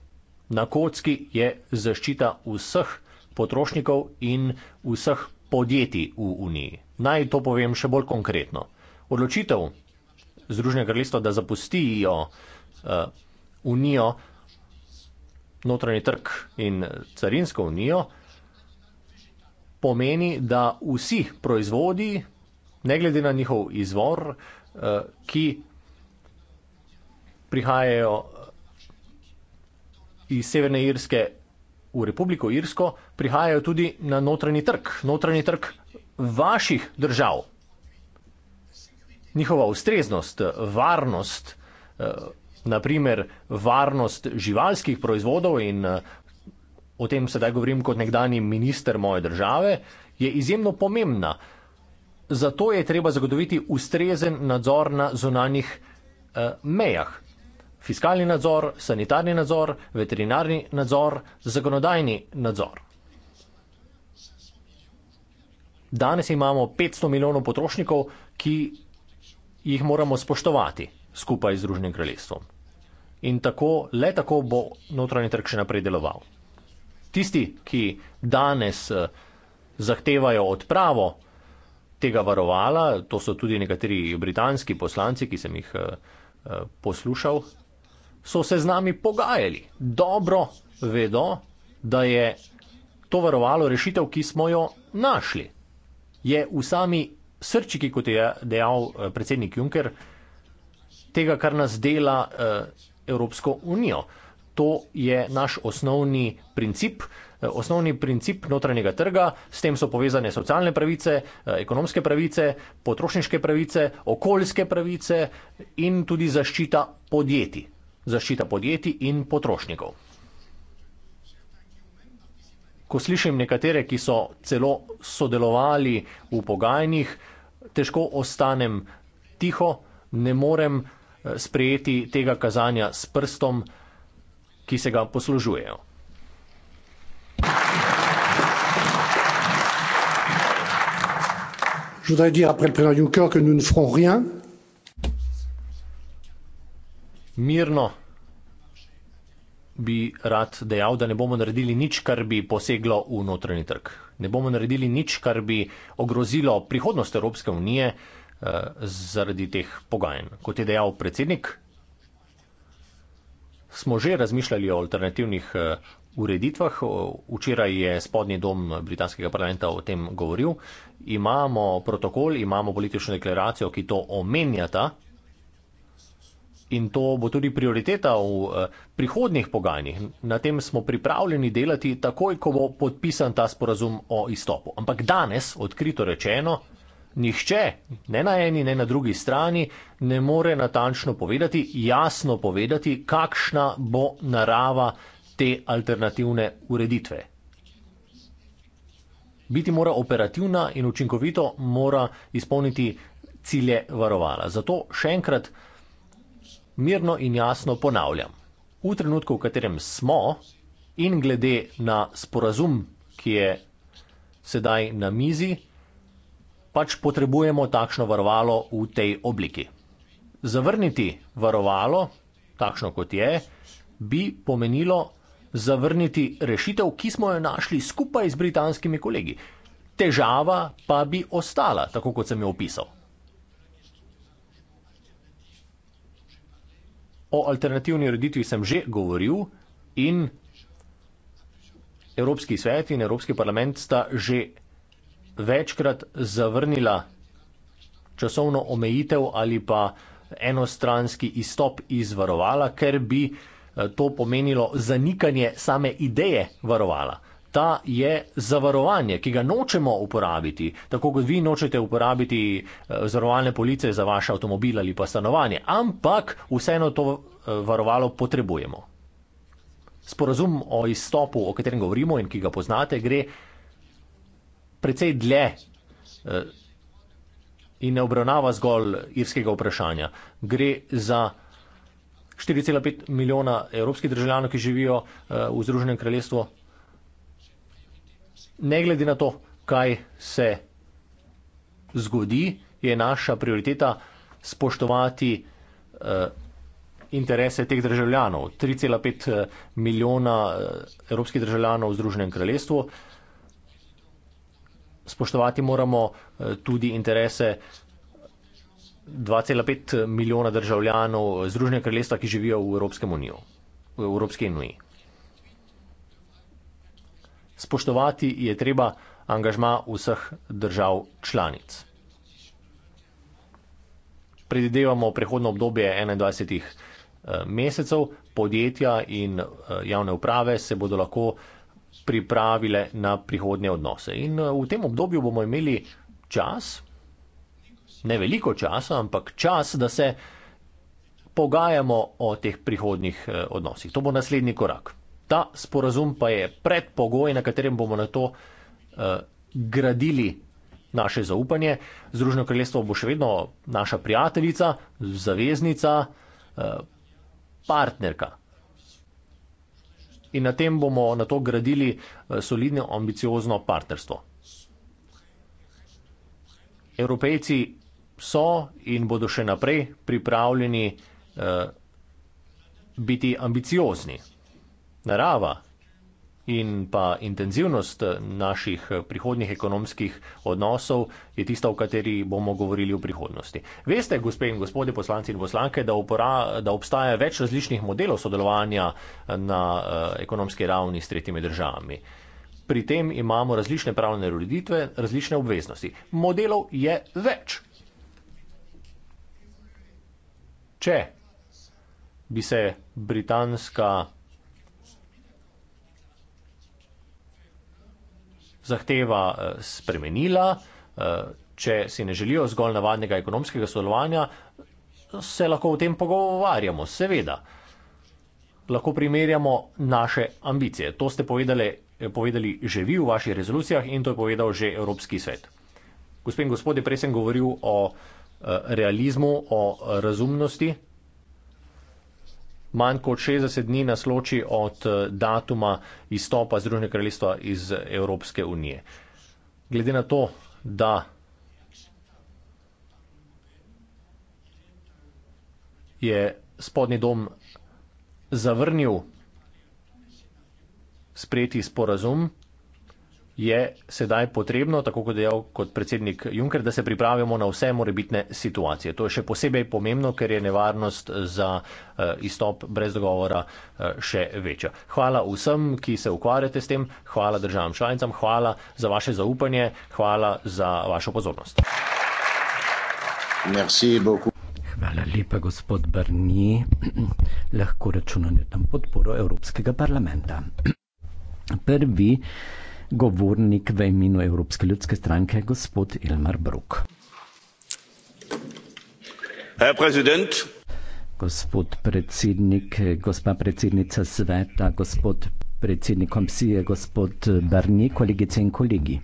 Na kocki je zaščita vseh potrošnikov in vseh podjetij v Uniji. Naj to povem še bolj konkretno. Odločitev Združenega kraljestva, da zapustijo uh, unijo, notranji trg in carinsko unijo, pomeni, da vsi proizvodi, ne glede na njihov izvor, uh, ki prihajajo iz Severne Irske v Republiko Irsko, prihajajo tudi na notranji trg, notranji trg vaših držav njihova ustreznost, varnost, eh, naprimer varnost živalskih proizvodov in eh, o tem sedaj govorim kot nekdani minister moje države, je izjemno pomembna. Zato je treba zagotoviti ustrezen nadzor na zunanjih eh, mejah. Fiskalni nadzor, sanitarni nadzor, veterinarni nadzor, zakonodajni nadzor. Danes imamo 500 milijonov potrošnikov, ki jih moramo spoštovati skupaj z Združenim kraljestvom. In tako, le tako bo notranji trg še naprej deloval. Tisti, ki danes eh, zahtevajo odpravo tega varovala, to so tudi nekateri britanski poslanci, ki sem jih eh, eh, poslušal, so se z nami pogajali. Dobro vedo, da je to varovalo rešitev, ki smo jo našli. Je v sami srčiki, kot je dejal eh, predsednik Juncker, tega, kar nas dela eh, Evropsko unijo. To je naš osnovni princip, eh, osnovni princip notranjega trga, s tem so povezane socialne pravice, ekonomske pravice, potrošniške pravice, okoljske pravice in tudi zaščita podjetij, zaščita podjetij in potrošnikov. Ko slišim nekatere, ki so celo sodelovali v pogajanjih, težko ostanem tiho, ne morem eh, sprejeti tega kazanja s prstom, ki se ga poslužujejo. Mirno bi rad dejal, da ne bomo naredili nič, kar bi poseglo v notranji trg. Ne bomo naredili nič, kar bi ogrozilo prihodnost Evropske unije eh, zaradi teh pogajanj. Kot je dejal predsednik, smo že razmišljali o alternativnih eh, ureditvah. Včeraj je spodnji dom britanskega parlamenta o tem govoril. Imamo protokol, imamo politično deklaracijo, ki to omenjata in to bo tudi prioriteta v eh, prihodnih pogajanjih. Na tem smo pripravljeni delati, takoj ko bo podpisan ta sporazum o izstopu. Ampak danes, odkrito rečeno, nihče, ne na eni, ne na drugi strani, ne more natančno povedati, jasno povedati, kakšna bo narava te alternativne ureditve. Biti mora operativna in učinkovito mora izpolniti cilje varovala. Zato še enkrat mirno in jasno ponavljam. V trenutku, v katerem smo in glede na sporazum, ki je sedaj na mizi, pač potrebujemo takšno varovalo v tej obliki. Zavrniti varovalo, takšno kot je, bi pomenilo zavrniti rešitev, ki smo jo našli skupaj z britanskimi kolegi. Težava pa bi ostala, tako kot sem jo opisal. O alternativni roditvi sem že govoril in Evropski svet in Evropski parlament sta že večkrat zavrnila časovno omejitev ali pa enostranski izstop iz varovala, ker bi eh, to pomenilo zanikanje same ideje varovala ta je zavarovanje, ki ga nočemo uporabiti, tako kot vi nočete uporabiti eh, zavarovalne police za vaš avtomobil ali pa stanovanje, ampak vseeno to eh, varovalo potrebujemo. Sporazum o izstopu, o katerem govorimo in ki ga poznate, gre precej dlje eh, in ne obravnava zgolj irskega vprašanja. Gre za 4,5 milijona evropskih državljanov, ki živijo v Združenem kraljestvu ne glede na to, kaj se zgodi, je naša prioriteta spoštovati eh, interese teh državljanov. 3,5 eh, milijona eh, evropskih državljanov v Združenem kraljestvu. Spoštovati moramo eh, tudi interese 2,5 eh, milijona državljanov Združenega kraljestva, ki živijo v Evropskem uniju. V Evropski uniji spoštovati je treba angažma vseh držav članic. Predvidevamo prehodno obdobje 21 eh, mesecev, podjetja in eh, javne uprave se bodo lahko pripravile na prihodnje odnose. In eh, v tem obdobju bomo imeli čas, ne veliko časa, ampak čas, da se pogajamo o teh prihodnih odnosih. To bo naslednji korak. Ta sporazum pa je predpogoj, na katerem bomo na to uh, eh, gradili naše zaupanje. Združeno kraljestvo bo še vedno naša prijateljica, zaveznica, uh, partnerka. In na tem bomo na to gradili eh, solidno, ambiciozno partnerstvo. Evropejci so in bodo še naprej pripravljeni uh, biti ambiciozni narava in pa intenzivnost naših prihodnjih ekonomskih odnosov je tista, o kateri bomo govorili v prihodnosti. Veste, gospe in gospode poslanci in poslanke, da, upora, da obstaja več različnih modelov sodelovanja na eh, ekonomski ravni s tretjimi državami. Pri tem imamo različne pravne ureditve, različne obveznosti. Modelov je več. Če bi se britanska zahteva eh, spremenila, eh, če si ne želijo zgolj navadnega ekonomskega sodelovanja, se lahko o tem pogovarjamo, seveda. Lahko primerjamo naše ambicije. To ste povedali, eh, povedali že vi v vaših rezolucijah in to je povedal že Evropski svet. Gospod in gospodje, prej sem govoril o realizmu, o razumnosti, manj kot 60 dni nas loči od eh, datuma izstopa Združene kraljestva iz Evropske unije. Glede na to, da je spodnji dom zavrnil sprejeti sporazum, je sedaj potrebno, tako kot dejal kot predsednik Juncker, da se pripravimo na vse morebitne situacije. To je še posebej pomembno, ker je nevarnost za uh, izstop brez dogovora uh, še večja. Hvala vsem, ki se ukvarjate s tem, hvala državam članicam, hvala za vaše zaupanje, hvala za vašo pozornost. Hvala lepa, gospod Brni. Lahko računate na podporo Evropskega parlamenta. Prvi govornik v imenu Evropske ljudske stranke, gospod Ilmar Brok. Herr Präsident. Gospod predsednik, gospa predsednica sveta, gospod predsednik komisije, gospod Barni, kolegice in kolegi.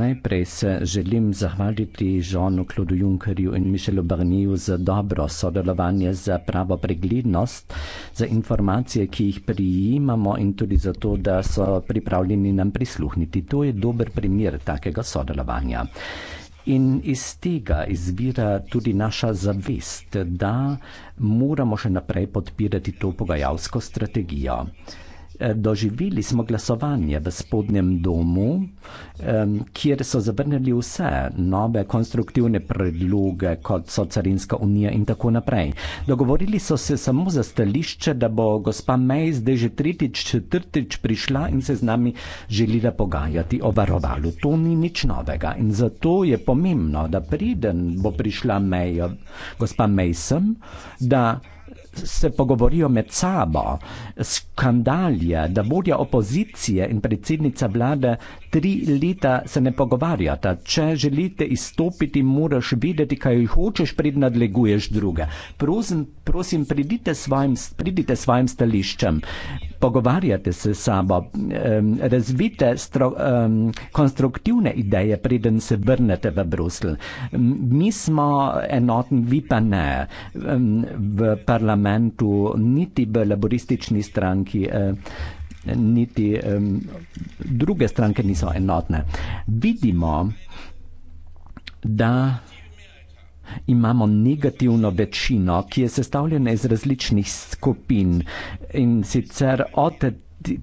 Najprej se želim zahvaliti Žonu Klodu Junkerju in Mišelu Barniju za dobro sodelovanje, za pravo preglednost, za informacije, ki jih prijimamo in tudi za to, da so pripravljeni nam prisluhniti. To je dober primer takega sodelovanja. In iz tega izvira tudi naša zavest, da moramo še naprej podpirati to pogajalsko strategijo. Eh, doživeli smo glasovanje v spodnjem domu, kjer so zavrnili vse nove konstruktivne predloge, kot so carinska unija in tako naprej. Dogovorili so se samo za stališče, da bo gospa Mej zdaj že tretjič, četrtič prišla in se z nami želila pogajati o varovalu. To ni nič novega in zato je pomembno, da priden bo prišla Mej, gospa Mej sem, da se pogovorijo med sabo, skandal je, da vodja opozicije in predsednica vlade tri leta se ne pogovarjata. Če želite izstopiti, moraš videti, kaj hočeš, pred nadleguješ druge. Prosim, prosim pridite, svojim, pridite svojim stališčem, pogovarjate se sabo, um, razvite stro, um, konstruktivne ideje, preden se vrnete v Brusel. Mi smo enotni, vi pa ne. Um, v parlamentu, niti v laboristični stranki. Um, niti um, druge stranke niso enotne. Vidimo, da imamo negativno večino, ki je sestavljena iz različnih skupin in sicer od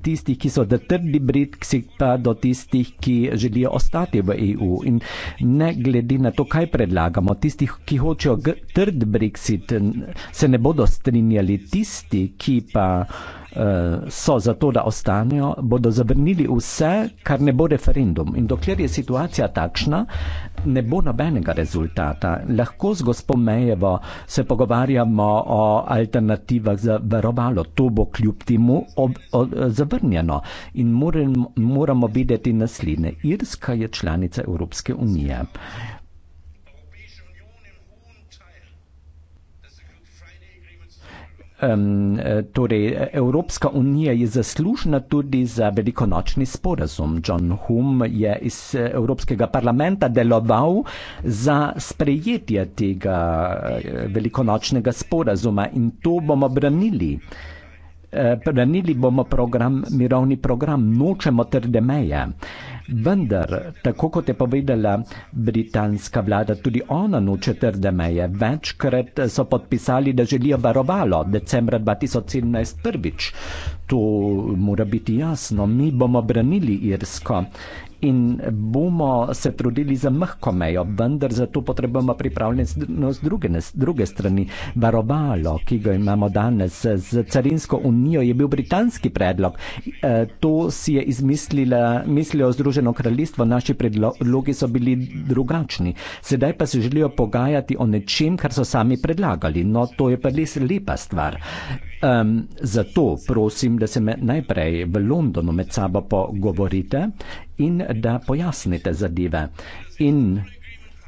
tistih, ki so trdi britksi, pa do tistih, ki želijo ostati v EU. In ne glede na to, kaj predlagamo, tistih, ki hočejo trd brexit, se ne bodo strinjali, tisti, ki pa uh, Eh, so za to, da ostanejo, bodo zabrnili vse, kar ne bo referendum. In dokler je situacija takšna, ne bo nobenega rezultata. Lahko z gospod Mejevo se pogovarjamo o alternativah za verovalo. To bo kljub temu ob, ob, zabrnjeno. In moramo videti naslednje. Irska je članica Evropske unije. um, torej Evropska unija je zaslužena tudi za velikonočni sporazum. John Hume je iz e, Evropskega parlamenta deloval za sprejetje tega e, velikonočnega sporazuma in to bomo branili. Branili bomo program, mirovni program, nočemo trde meje. Uh, Vendar, tako kot je povedala britanska vlada, tudi ona noče trde meje. Večkrat so podpisali, da želijo varovalo, decembra 2017 prvič. To mora biti jasno, mi bomo branili Irsko in bomo se trudili za mehko mejo, vendar za to potrebujemo pripravljenost druge, druge strani. Barobalo, ki ga imamo danes z carinsko unijo, je bil britanski predlog. E, to si je izmislila, mislijo Združeno kraljestvo, naši predlogi so bili drugačni. Sedaj pa se želijo pogajati o nečem, kar so sami predlagali. No, to je pa res lepa stvar. Um, zato prosim, da se me najprej v Londonu med sabo pogovorite in da pojasnite zadeve. In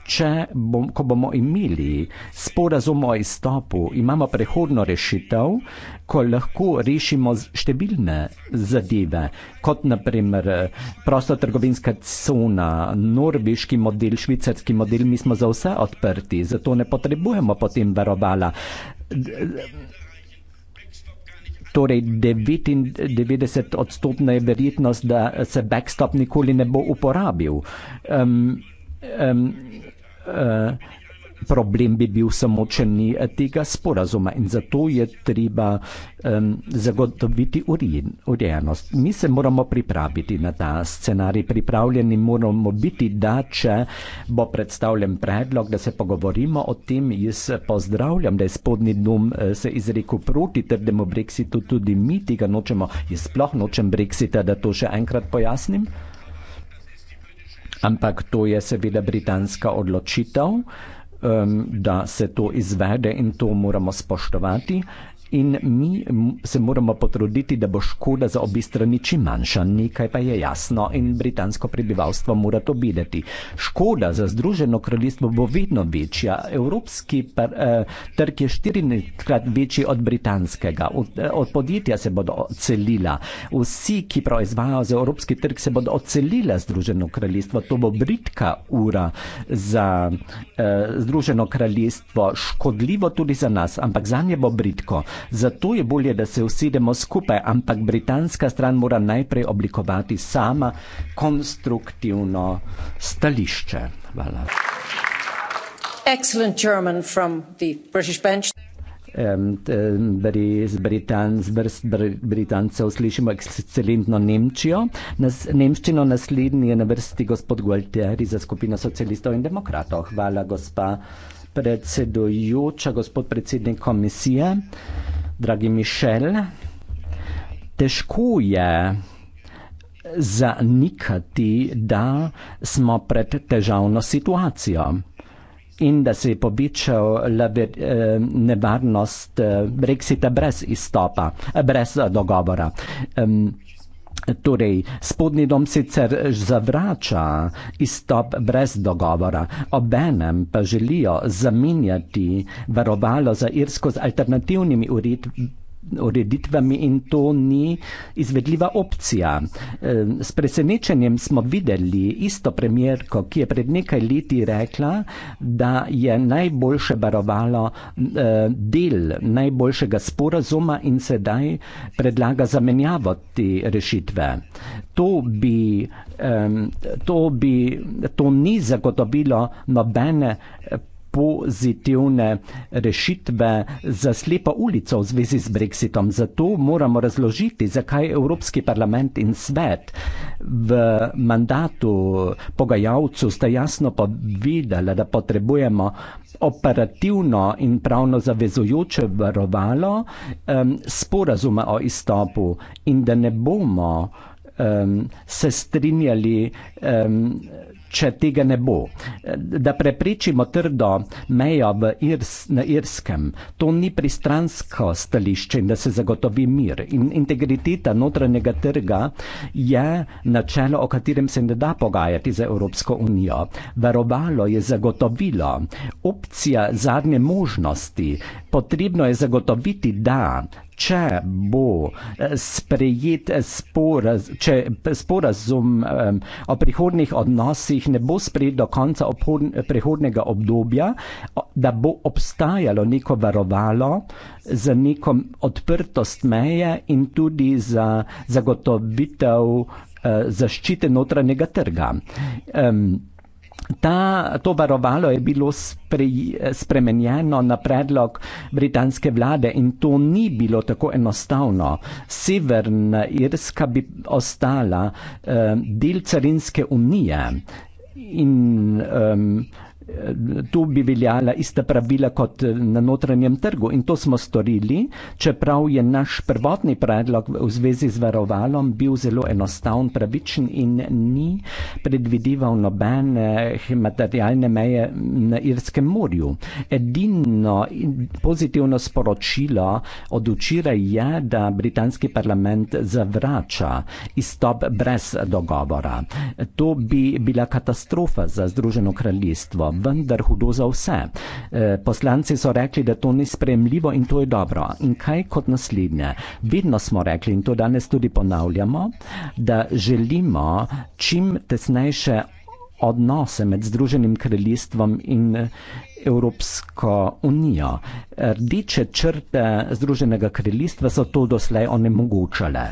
če bom, ko bomo imeli sporazum o izstopu, imamo prehodno rešitev, ko lahko rešimo številne zadeve, kot naprimer eh, prostotrgovinska cona, norveški model, švicarski model, mi smo za vse odprti, zato ne potrebujemo potem varovala. Torej, 99 odstotna je verjetnost, da se backstop nikoli ne bo uporabil. Um, um, uh, problem bi bil samo, če ni eh, tega sporazuma in zato je treba um, zagotoviti urejenost. Mi se moramo pripraviti na ta scenarij, pripravljeni moramo biti, da če bo predstavljen predlog, da se pogovorimo o tem, jaz pozdravljam, da je spodnji dom eh, se izrekel proti trdemu brexitu, tudi mi tega nočemo, jaz sploh nočem brexita, da to še enkrat pojasnim. Ampak to je seveda britanska odločitev. Ehm, da se to izvede in to moramo spoštovati in mi se moramo potruditi, da bo škoda za obi strani čim manjša, nekaj pa je jasno in britansko prebivalstvo mora to videti. Škoda za Združeno kraljestvo bo vedno večja. Evropski par, eh, trg je 14krat večji od britanskega. Od, eh, od podjetja se bodo celila. Vsi, ki proizvajajo za Evropski trg, se bodo celila Združeno kraljestvo. To bo britka ura za eh, Združeno kraljestvo. Škodljivo tudi za nas, ampak za nje bo britko. Zato je bolje, da se usedemo skupaj, ampak britanska stran mora najprej oblikovati sama konstruktivno stališče. Hvala. Excellent German from the British bench. Z Britancev slišimo ekscelentno Nemčijo. Nas, Nemščino naslednji je na vrsti gospod Gualtieri za skupino socialistov in demokratov. Hvala, gospa predsedujoča, gospod predsednik komisije, dragi Mišel. Težko je zanikati, da smo pred težavno situacijo in da se je povečal eh, nevarnost eh, Brexita brez izstopa, brez eh, dogovora. Um, Torej, spodnji dom sicer zavrača izstop brez dogovora, obenem pa želijo zamenjati varovalo za Irsko z alternativnimi uredbami ureditvami in to ni izvedljiva opcija. S presenečenjem smo videli isto premjerko, ki je pred nekaj leti rekla, da je najboljše barovalo e, del najboljšega sporazuma in sedaj predlaga zamenjavo te rešitve. To bi, to bi, to ni zagotovilo nobene pozitivne rešitve za slepo ulico v zvezi z brexitom. Zato moramo razložiti, zakaj Evropski parlament in svet v mandatu pogajalcu sta jasno povedala, da potrebujemo operativno in pravno zavezujoče varovalo um, sporazuma o izstopu in da ne bomo um, se strinjali um, če tega ne bo. Da prepričimo trdo mejo Irs, na Irskem, to ni pristransko stališče in da se zagotovi mir. In integriteta notranjega trga je načelo, o katerem se ne da pogajati za Evropsko unijo. Varovalo je zagotovilo, opcija zadnje možnosti, potrebno je zagotoviti, da če bo eh, sprejet sporaz, če sporazum um, o prihodnih odnosih ne bo sprejet do konca obhod, prihodnega obdobja, da bo obstajalo neko varovalo za neko odprtost meje in tudi za zagotovitev uh, zaščite notranjega trga. Um, Ta, to varovalo je bilo spre, spremenjeno na predlog britanske vlade in to ni bilo tako enostavno. Severna Irska bi ostala eh, del carinske unije in eh, tu bi veljala ista pravila kot eh, na notranjem trgu in to smo storili, čeprav je naš prvotni predlog v zvezi z varovalom bil zelo enostavn, pravičen in ni predvideval nobene materialne meje na Irskem morju. Edino pozitivno sporočilo od včeraj je, da britanski parlament zavrača izstop brez dogovora. To bi bila katastrofa za Združeno kraljestvo vendar hudo za vse. E, poslanci so rekli, da to ni spremljivo in to je dobro. In kaj kot naslednje? Vedno smo rekli in to danes tudi ponavljamo, da želimo čim tesnejše odnose med Združenim kraljestvom in eh, Evropsko unijo. Rdeče črte Združenega kraljestva so to doslej onemogočale.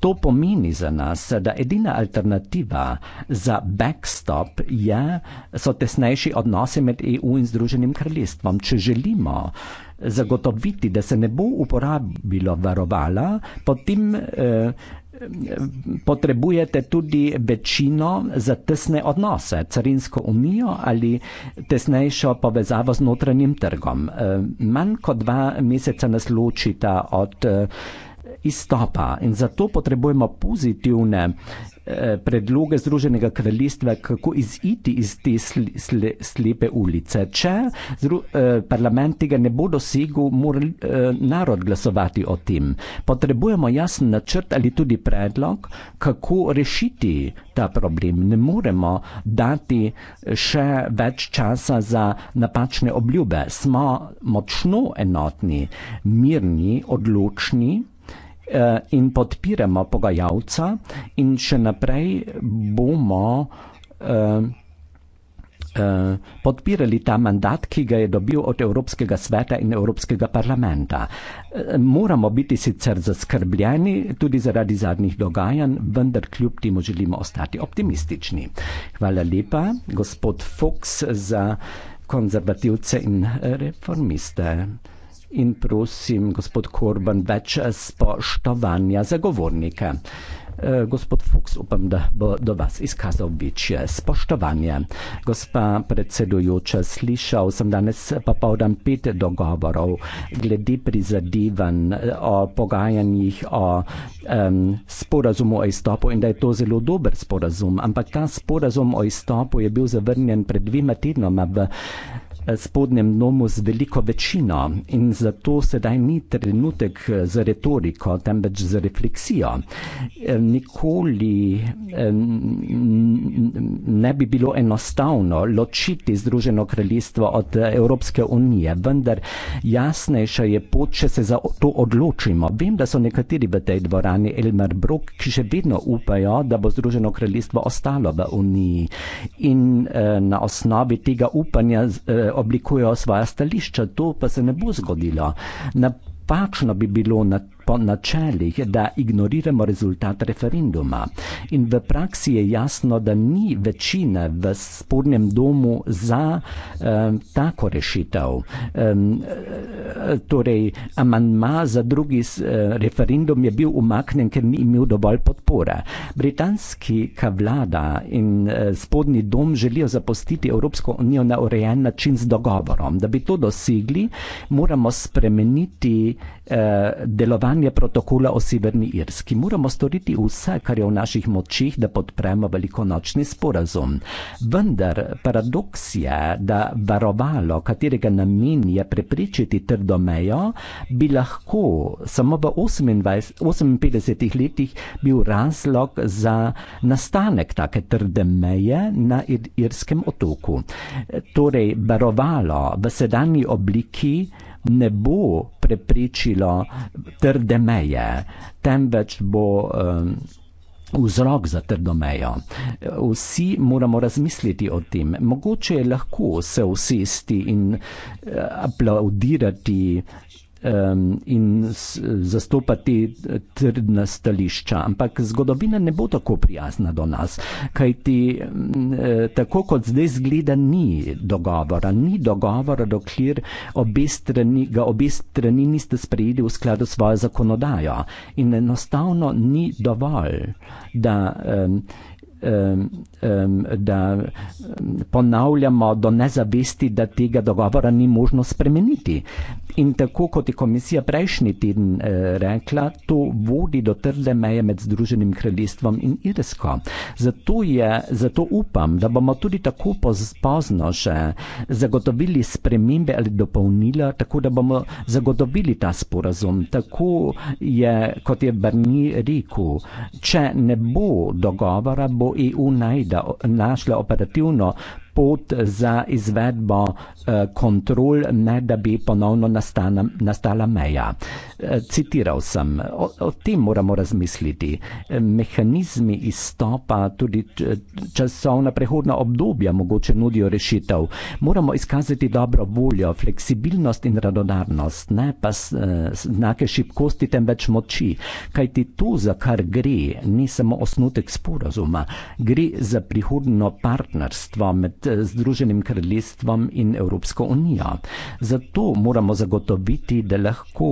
To pomeni za nas, da edina alternativa za backstop je, so tesnejši odnose med EU in Združenim kraljestvom. Če želimo zagotoviti, da se ne bo uporabilo varovala, potem eh, potrebujete tudi večino za tesne odnose, carinsko unijo ali tesnejšo povezavo z notranjim trgom. E, manj kot dva meseca nas ločita od e, izstopa in zato potrebujemo pozitivne Eh, predloge Združenega kraljestva, kako iziti iz te slepe ulice. Če eh, parlament tega ne bo dosegel, mora eh, narod glasovati o tem. Potrebujemo jasen načrt ali tudi predlog, kako rešiti ta problem. Ne moremo dati še več časa za napačne obljube. Smo močno enotni, mirni, odločni. Eh, in podpiramo pogajalca, in še naprej bomo eh, eh, podpirali ta mandat, ki ga je dobil od Evropskega sveta in Evropskega parlamenta. Moramo biti sicer zaskrbljeni tudi zaradi zadnjih dogajanj, vendar kljub temu želimo ostati optimistični. Hvala lepa, gospod Fuchs, za konzervativce in reformiste in prosim, gospod Korban, več spoštovanja zagovornike. E, gospod Fuchs, upam, da bo do vas izkazal večje spoštovanje. Gospa predsedujoča, slišal sem danes popovdan pet dogovorov glede prizadevanj o pogajanjih o um, sporazumu o izstopu in da je to zelo dober sporazum, ampak ta sporazum o izstopu je bil zavrnjen pred dvima tednoma v Eh, spodnjem domu z veliko večino in zato sedaj ni trenutek za retoriko, temveč za refleksijo. Eh, nikoli eh, ne bi bilo enostavno ločiti Združeno kraljestvo od Evropske unije, vendar jasnejša je pot, če se za to odločimo. Vem, da so nekateri v tej dvorani Elmer Brok, ki še vedno upajo, da bo Združeno kraljestvo ostalo v uniji in na osnovi tega upanja oblikujejo svoja stališča, to pa se ne bo zgodilo. Napačno bi bilo na po načelih, da ignoriramo rezultat referenduma. In v praksi je jasno, da ni večine v spornem domu za um, tako rešitev. Um, torej, amanma za drugi uh, referendum je bil umaknen, ker ni imel dovolj podpore. Britanska vlada in uh, spodnji dom želijo zapustiti Evropsko unijo na urejen način z dogovorom. Da bi to dosegli, moramo spremeniti uh, delovanje podpiranje protokola o Severni Irski moramo storiti vse, kar je v naših močih, da podpremo velikonočni sporazum. Vendar paradoks je, da varovalo, katerega namen je prepričati trdo mejo, bi lahko samo v 28, 58 letih bil razlog za nastanek take trde meje na irskem otoku. Torej, varovalo v sedanji obliki ne bo prepričilo trde meje, temveč bo vzrok za trdo mejo. Vsi moramo razmisliti o tem. Mogoče je lahko se usesti in eh, aplaudirati um, in zastopati trdna stališča. Ampak zgodovina ne bo tako prijazna do nas, kajti um, eh, tako kot zdaj zgleda, ni dogovora. Ni dogovora, dokler obe strani, ga obe strani niste sprejeli v skladu s svojo zakonodajo. In enostavno ni dovolj, da. Um, da ponavljamo do nezavesti, da tega dogovora ni možno spremeniti. In tako kot je komisija prejšnji teden eh, rekla, to vodi do trde meje med Združenim kraljestvom in Irsko. Zato, je, zato upam, da bomo tudi tako pozno še zagotovili spremembe ali dopolnila, tako da bomo zagotovili ta sporazum. Tako je, kot je Brni rekel, če ne bo dogovora, bo EU najda, našla operativno pot za izvedbo eh, kontrol, ne da bi ponovno nastala, nastala meja. Eh, citiral sem, o, o tem moramo razmisliti. Eh, mehanizmi izstopa, tudi časovna prehodna obdobja, mogoče nudijo rešitev. Moramo izkazati dobro voljo, fleksibilnost in radodarnost, ne pa znake šibkosti, temveč moči. Kaj ti to, za kar gre, ni samo osnutek sporazuma, gre za prihodno partnerstvo med Združenim kraljestvom in Evropsko unijo. Zato moramo zagotoviti, da lahko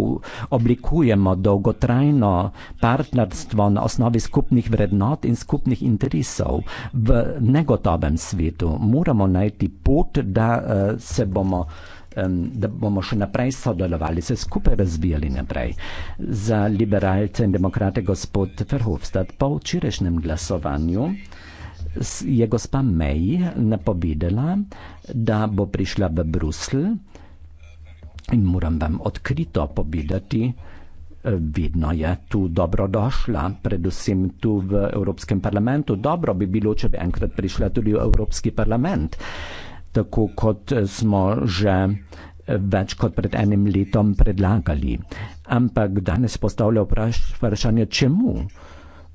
oblikujemo dolgotrajno partnerstvo na osnovi skupnih vrednot in skupnih interesov. V negotovem svetu moramo najti pot, da eh, se bomo da bomo še naprej sodelovali, se skupaj razvijali naprej. Za liberalce in demokrate gospod Verhofstadt pa v včerajšnjem glasovanju uh, je gospa May napovedala, da bo prišla v Bruselj in moram vam odkrito povedati, eh, vedno je tu dobrodošla, predvsem tu v Evropskem parlamentu. Dobro bi bilo, če bi enkrat prišla tudi v Evropski parlament, tako kot eh, smo že eh, več kot pred enim letom predlagali. Ampak danes postavlja vprašanje, čemu,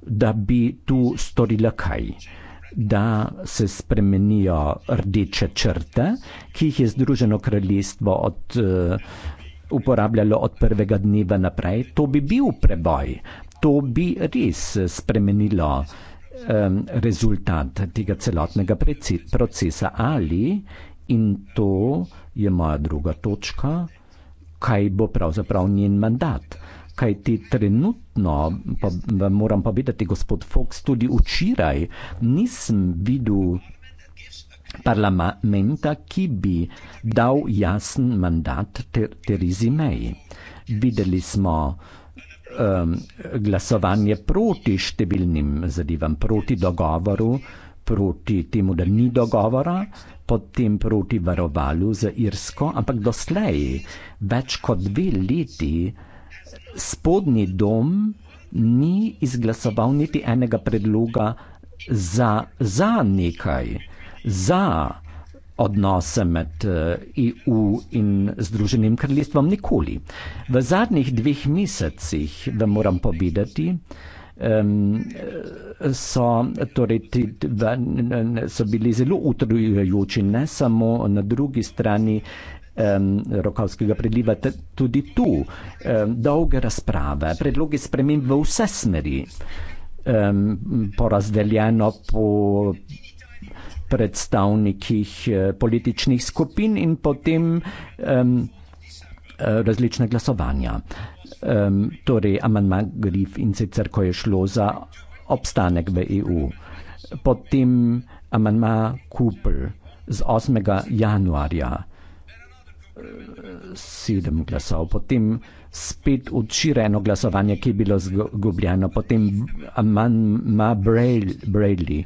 da bi tu storila kaj da se spremenijo rdeče črte, ki jih je Združeno kraljestvo od, eh, uporabljalo od prvega dne v naprej. To bi bil preboj, to bi res spremenilo um, rezultat tega celotnega procesa ali in to je moja druga točka, kaj bo pravzaprav njen mandat kaj ti trenutno, pa vam moram povedati, gospod Fox, tudi včeraj nisem videl parlamenta, ki bi dal jasen mandat ter Terizi May. Videli smo um, glasovanje proti številnim zadevam, proti dogovoru, proti temu, da ni dogovora, potem proti varovalu za Irsko, ampak doslej več kot dve leti spodnji dom ni izglasoval niti enega predloga za, za nekaj, za odnose med EU eh, e in Združenim kraljestvom nikoli. V zadnjih dveh mesecih, da moram povedati, So, torej, so bili zelo utrujujoči, ne samo na drugi strani um, rokovskega predliva, tudi tu um, dolge razprave, predlogi sprememb v vse smeri, um, porazdeljeno po predstavnikih eh, političnih skupin in potem um, eh, različne glasovanja. Um, torej, amandma Grif in sicer, ko je šlo za obstanek v EU. Potem amandma Kupl z 8. januarja sedem glasov, potem spet odširjeno glasovanje, ki je bilo zgubljeno, potem Aman Ma Bradley,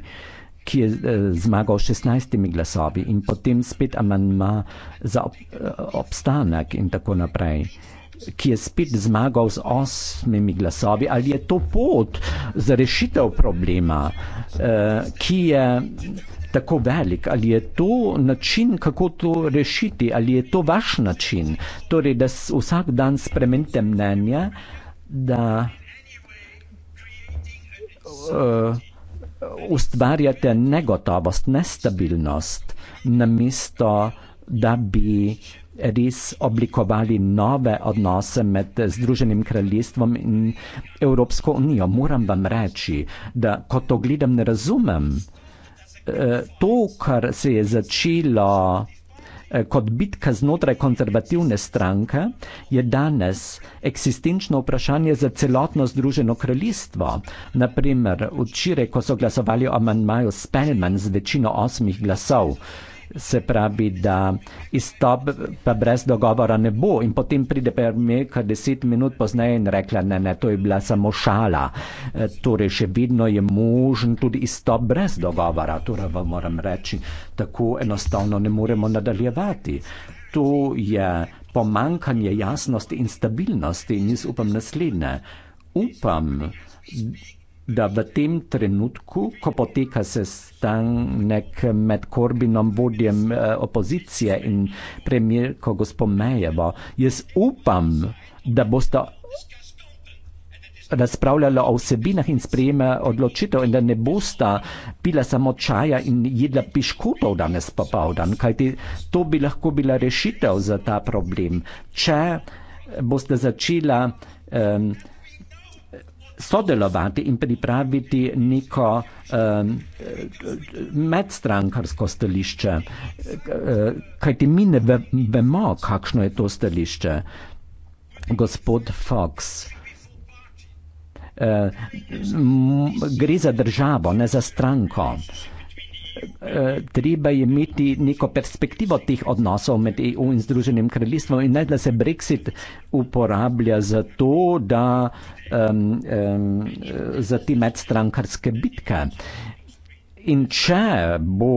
ki je eh, zmagal s 16 glasovi in potem spet Aman Ma za eh, obstanek in tako naprej. Ki je spet zmagal z osmimi glasovi, ali je to pot za rešitev problema, uh, ki je tako velik, ali je to način, kako to rešiti, ali je to vaš način, torej, da vsak dan spremenite mnenje, da uh, ustvarjate negotovost, nestabilnost, namesto da bi res oblikovali nove odnose med Združenim kraljestvom in Evropsko unijo. Moram vam reči, da ko to gledam, ne razumem to, kar se je začelo eh, kot bitka znotraj konzervativne stranke, je danes eksistenčno vprašanje za celotno Združeno kraljestvo. Naprimer, včeraj, ko so glasovali o manjmaju Spelman z večino osmih glasov, se pravi, da izstop pa brez dogovora ne bo in potem pride premijerka deset minut pozneje in rekla, ne, ne, to je bila samo šala. E, torej, še vedno je možen tudi izstop brez dogovora, torej vam moram reči, tako enostavno ne moremo nadaljevati. To je pomankanje jasnosti in stabilnosti in jaz upam naslednje. Upam, da v tem trenutku, ko poteka sestanek med Korbinom, vodjem eh, opozicije in premjerko gospod Mejevo, jaz upam, da boste razpravljali o vsebinah in sprejeme odločitev in da ne boste pila samo čaja in jedla piškutov danes popovdan, kajti to bi lahko bila rešitev za ta problem. Če boste začela um, sodelovati in pripraviti neko um, medstrankarsko stališče, eh, kajti mi ne vemo, kakšno je to stališče. Gospod Fox, uh, gre za državo, ne za stranko. Eh, treba imeti neko perspektivo teh odnosov med EU in Združenim kraljestvom in ne da se Brexit uporablja za to, da um, um, za te medstrankarske bitke. In če bo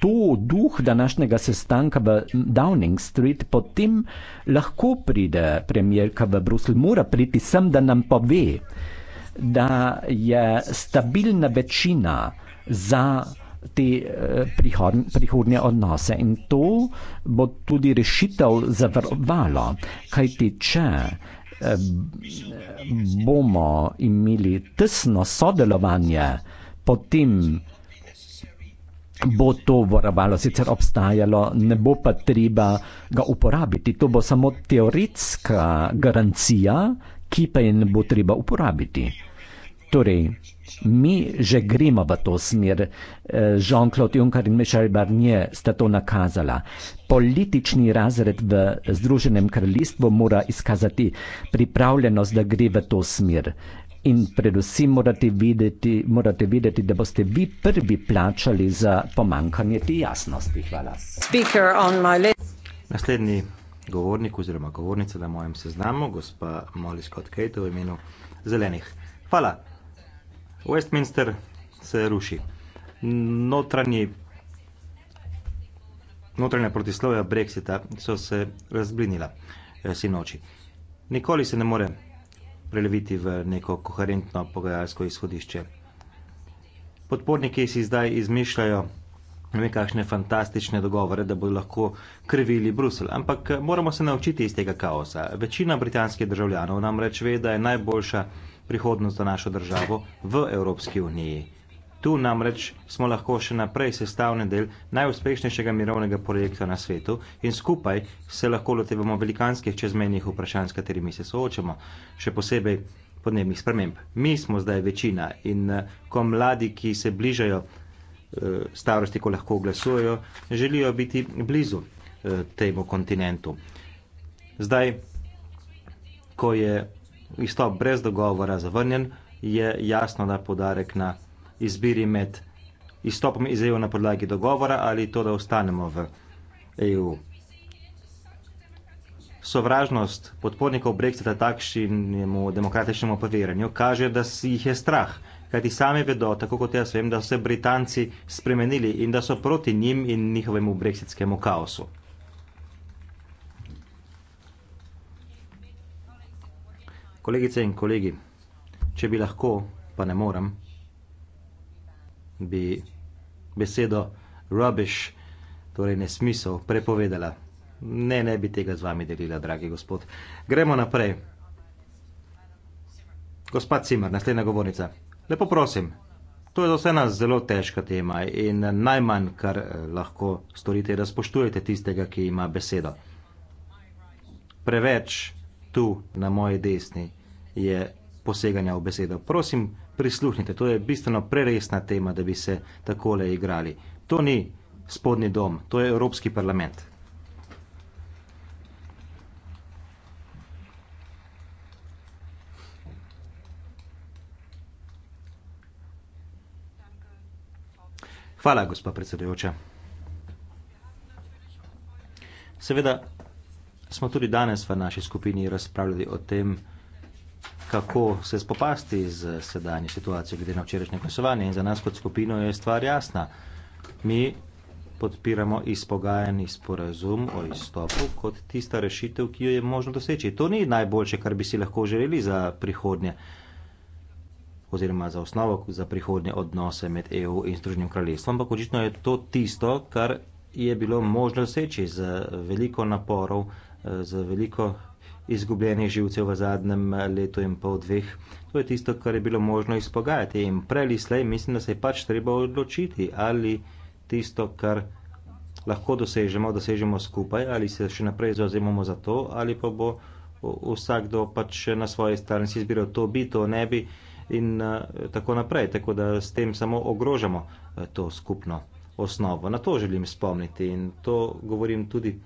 to duh današnjega sestanka v Downing Street, potem lahko pride premjerka v Bruselj, mora priti sem, da nam pove, da je stabilna večina za te eh, prihodnje odnose. In to bo tudi rešitev zavrvalo, kajti če eh, bomo imeli tesno sodelovanje, potem bo to varovalo, sicer obstajalo, ne bo pa treba ga uporabiti. To bo samo teoretska garancija, ki pa je ne bo treba uporabiti. Torej, Mi že gremo v to smer, eh, Jean-Claude Juncker in Michel Barnier sta to nakazala. Politični razred v Združenem kraljestvu mora izkazati pripravljenost, da gre v to smer. In predvsem morate videti, morate videti, da boste vi prvi plačali za pomankanje te jasnosti. Hvala. Naslednji govornik oziroma govornica na mojem seznamu, gospa Molly Scott Kate v imenu Zelenih. Hvala. Westminster se ruši. Notranji, notranja protislovja Brexita so se razblinila eh, sinoči. Nikoli se ne more preleviti v neko koherentno pogajalsko izhodišče. Podporniki si zdaj izmišljajo nekakšne fantastične dogovore, da bodo lahko krivili Brusel. Ampak eh, moramo se naučiti iz tega kaosa. Večina britanskih državljanov namreč ve, da je najboljša prihodnost za našo državo v Evropski uniji. Tu namreč smo lahko še naprej sestavni del najuspešnejšega mirovnega projekta na svetu in skupaj se lahko lotevamo velikanskih čezmenjih vprašanj, s katerimi se soočamo, še posebej podnebnih sprememb. Mi smo zdaj večina in eh, ko mladi, ki se bližajo eh, starosti, ko lahko glasujejo, želijo biti blizu eh, temu kontinentu. Zdaj, ko je izstop brez dogovora zavrnjen, je jasno, da podarek na izbiri med izstopom iz EU na podlagi dogovora ali to, da ostanemo v EU. Sovražnost podpornikov Brexita takšnemu demokratičnemu poveranju kaže, da si jih je strah, kajti sami vedo, tako kot jaz vem, da so se Britanci spremenili in da so proti njim in njihovemu brexitskemu kaosu. Kolegice in kolegi, če bi lahko, pa ne morem, bi besedo rubbish, torej nesmisel, prepovedala. Ne, ne bi tega z vami delila, dragi gospod. Gremo naprej. Gospa Cimer, naslednja govornica. Lepo prosim. To je za vse nas zelo težka tema in najmanj, kar eh, lahko storite, je, da spoštujete tistega, ki ima besedo. Preveč tu na moji desni, je poseganja v besedo. Prosim, prisluhnite, to je bistveno preresna tema, da bi se takole igrali. To ni spodnji dom, to je Evropski parlament. Hvala, gospa predsedujoča. Seveda smo tudi danes v naši skupini razpravljali o tem, kako se spopasti z sedanjo situacijo glede na včerajšnje glasovanje. In za nas kot skupino je stvar jasna. Mi podpiramo izpogajani sporazum o izstopu kot tista rešitev, ki jo je možno doseči. To ni najboljše, kar bi si lahko želeli za prihodnje oziroma za osnovo za prihodnje odnose med EU in Združenim kraljestvom, ampak očitno je to tisto, kar je bilo možno doseči z veliko naporov z veliko izgubljenih živcev v zadnjem letu in pol dveh. To je tisto, kar je bilo možno izpogajati in prej ali slej mislim, da se je pač treba odločiti ali tisto, kar lahko dosežemo, dosežemo skupaj ali se še naprej zauzemamo za to ali pa bo vsakdo pač na svoji strani si izbiral to bi, to ne bi in uh, tako naprej. Tako da s tem samo ogrožamo uh, to skupno osnovo. Na to želim spomniti in to govorim tudi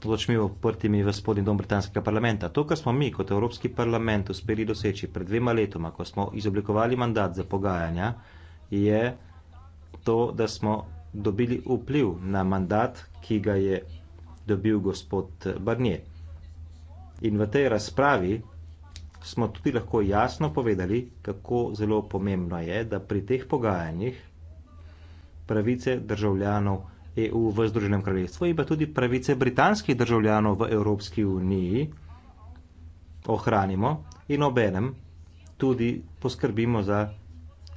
določmi oprtimi v spodnji dom britanskega parlamenta. To, kar smo mi kot Evropski parlament uspeli doseči pred dvema letoma, ko smo izoblikovali mandat za pogajanja, je to, da smo dobili vpliv na mandat, ki ga je dobil gospod Barnier. In v tej razpravi smo tudi lahko jasno povedali, kako zelo pomembno je, da pri teh pogajanjih pravice državljanov EU v Združenem kraljestvu in pa tudi pravice britanskih državljanov v Evropski uniji ohranimo in obenem tudi poskrbimo za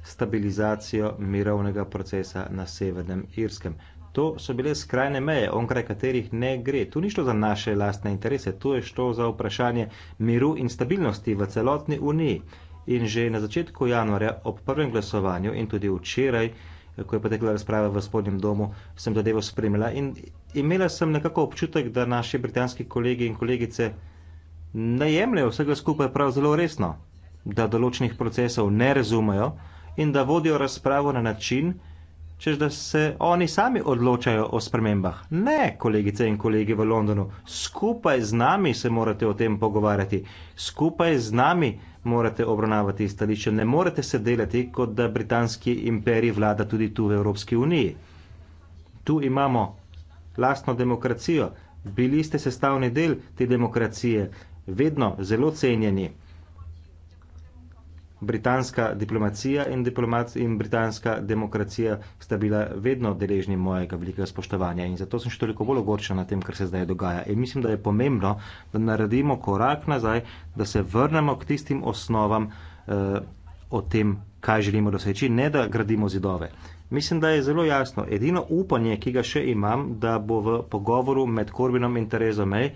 stabilizacijo mirovnega procesa na Severnem Irskem. To so bile skrajne meje, onkraj katerih ne gre. Tu ni šlo za naše lastne interese, tu je šlo za vprašanje miru in stabilnosti v celotni uniji. In že na začetku januarja ob prvem glasovanju in tudi včeraj ko je potekla razprava v spodnjem domu, sem zadevo spremljala in imela sem nekako občutek, da naši britanski kolegi in kolegice ne jemljajo vsega skupaj prav zelo resno, da določenih procesov ne razumejo in da vodijo razpravo na način, češ da se oni sami odločajo o spremembah. Ne, kolegice in kolegi v Londonu, skupaj z nami se morate o tem pogovarjati, skupaj z nami morate obravnavati stališče, ne morete se delati, kot da britanski imperij vlada tudi tu v Evropski uniji. Tu imamo lastno demokracijo, bili ste sestavni del te demokracije, vedno zelo cenjeni britanska diplomacija in, diplomat in britanska demokracija sta bila vedno deležni mojega velikega spoštovanja in zato sem še toliko bolj ogorčen na tem, kar se zdaj dogaja. In mislim, da je pomembno, da naredimo korak nazaj, da se vrnemo k tistim osnovam eh, o tem, kaj želimo doseči, ne da gradimo zidove. Mislim, da je zelo jasno. Edino upanje, ki ga še imam, da bo v pogovoru med Korbinom in Terezo May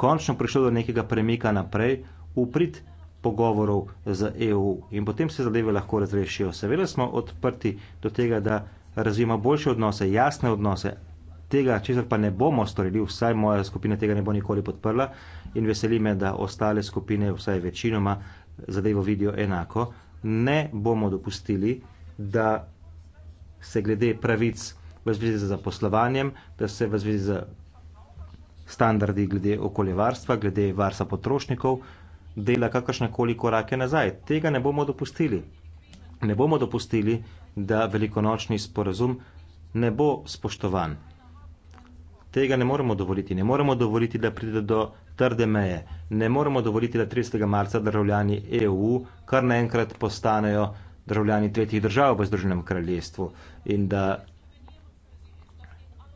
končno prišlo do nekega premika naprej, uprit pogovorov z EU in potem se zadeve lahko razrešijo. Seveda smo odprti do tega, da razvijemo boljše odnose, jasne odnose. Tega, česar pa ne bomo storili, vsaj moja skupina tega ne bo nikoli podprla in veseli me, da ostale skupine, vsaj večinoma, zadevo vidijo enako, ne bomo dopustili, da se glede pravic v zvezi z zaposlovanjem, da se v zvezi z standardi glede okoljevarstva, glede varstva potrošnikov, dela kakršne koli korake nazaj. Tega ne bomo dopustili. Ne bomo dopustili, da velikonočni sporazum ne bo spoštovan. Tega ne moremo dovoliti. Ne moremo dovoliti, da pride do trde meje. Ne moremo dovoliti, da 30. marca državljani EU kar naenkrat postanejo državljani tretjih držav v Združenem kraljestvu in da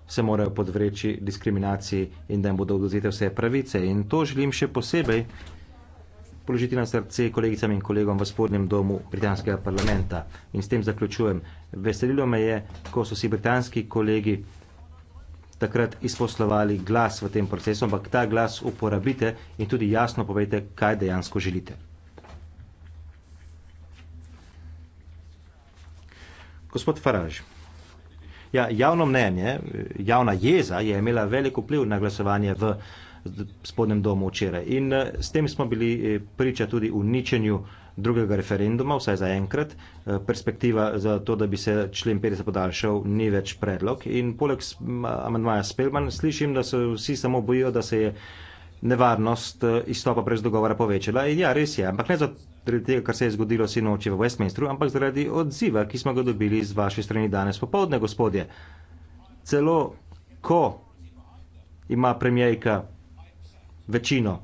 se morajo podvreči diskriminaciji in da jim bodo odvzete vse pravice. In to želim še posebej položiti na srce kolegicam in kolegom v spodnjem domu britanskega parlamenta. In s tem zaključujem. Veselilo me je, ko so si britanski kolegi takrat izposlovali glas v tem procesu, ampak ta glas uporabite in tudi jasno povejte, kaj dejansko želite. Gospod Faraž, ja, javno mnenje, javna jeza je imela velik vpliv na glasovanje v spodnjem domu včeraj. In eh, s tem smo bili eh, priča tudi uničenju drugega referenduma, vsaj za enkrat. Eh, perspektiva za to, da bi se člen 50 podaljšal, ni več predlog. In poleg amandmaja Spelman slišim, da se vsi samo bojijo, da se je nevarnost izstopa brez dogovora povečala. In ja, res je, ampak ne zaradi tega, kar se je zgodilo sinoči v Westminsteru, ampak zaradi odziva, ki smo ga dobili z vaše strani danes popovdne, gospodje. Celo ko ima premijejka večino,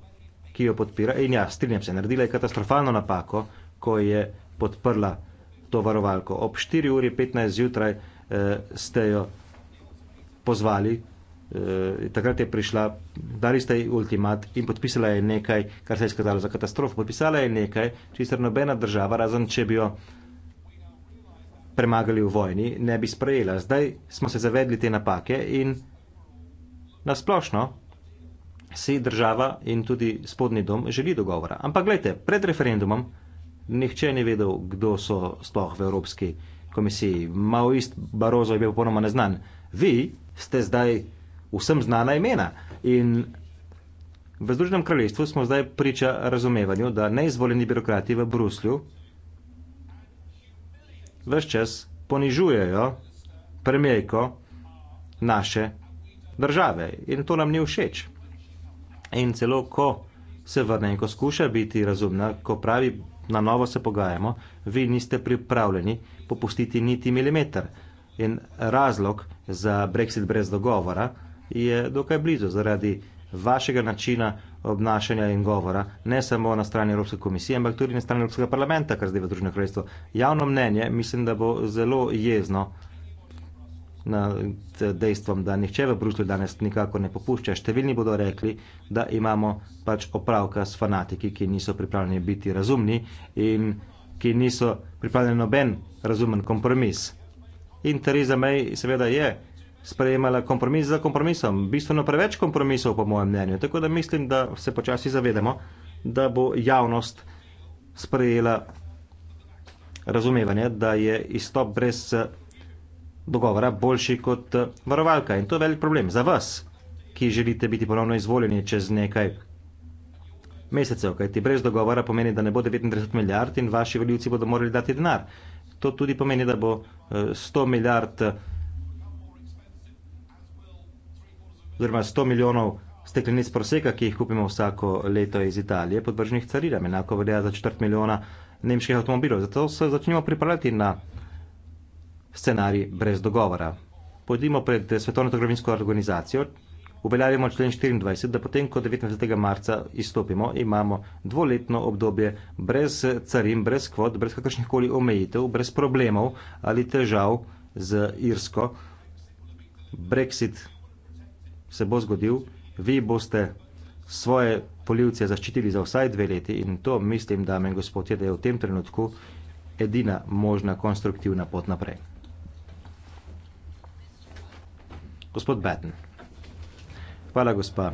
ki jo podpira. In ja, strinjam se, naredila je katastrofalno napako, ko je podprla to varovalko. Ob 4 uri 15 zjutraj eh, ste jo pozvali, eh, takrat je prišla, dali ste ji ultimat in podpisala je nekaj, kar se je skazalo za katastrofo. Podpisala je nekaj, čisto nobena država, razen če bi jo premagali v vojni, ne bi sprejela. Zdaj smo se zavedli te napake in nasplošno si država in tudi spodnji dom želi dogovora. Ampak gledajte, pred referendumom nihče ni vedel, kdo so sploh v Evropski komisiji. Maoist Barozo je bil ponoma neznan. Vi ste zdaj vsem znana imena in v Združenem kraljestvu smo zdaj priča razumevanju, da neizvoljeni birokrati v Bruslju ves čas ponižujejo premijejko naše države in to nam ni všeč. In celo ko se vrne in ko skuša biti razumna, ko pravi, na novo se pogajamo, vi niste pripravljeni popustiti niti milimeter. In razlog za Brexit brez dogovora je dokaj blizu, zaradi vašega načina obnašanja in govora, ne samo na strani Evropske komisije, ampak tudi na strani Evropskega parlamenta, kar zdaj v Združenem kraljestvu. Javno mnenje mislim, da bo zelo jezno nad dejstvom, da nihče v Bruslju danes nikako ne popušča. Številni bodo rekli, da imamo pač opravka s fanatiki, ki niso pripravljeni biti razumni in ki niso pripravljeni noben razumen kompromis. In Theresa May seveda je sprejemala kompromis za kompromisom, bistveno preveč kompromisov po mojem mnenju. Tako da mislim, da se počasi zavedamo, da bo javnost sprejela razumevanje, da je izstop brez dogovora boljši kot eh, varovalka. In to je velik problem za vas, ki želite biti ponovno izvoljeni čez nekaj mesecev, kajti brez dogovora pomeni, da ne bo 39 milijard in vaši voljivci bodo morali dati denar. To tudi pomeni, da bo 100 eh, milijard oziroma 100 milijonov steklenic proseka, ki jih kupimo vsako leto iz Italije, podvrženih carinam. Enako velja za četrt milijona nemških avtomobilov. Zato se začnemo pripravljati na uh, scenarij brez dogovora. Pojdimo pred Svetovno trgovinsko organizacijo, uveljavimo člen 24, da potem, ko 29. marca izstopimo, imamo dvoletno obdobje brez carin, brez kvot, brez kakršnih koli omejitev, brez problemov ali težav z Irsko. Brexit se bo zgodil, vi boste svoje polivce zaščitili za vsaj dve leti in to mislim, dame in gospodje, da je v tem trenutku edina možna konstruktivna pot naprej. Gospod Batten. Hvala, gospa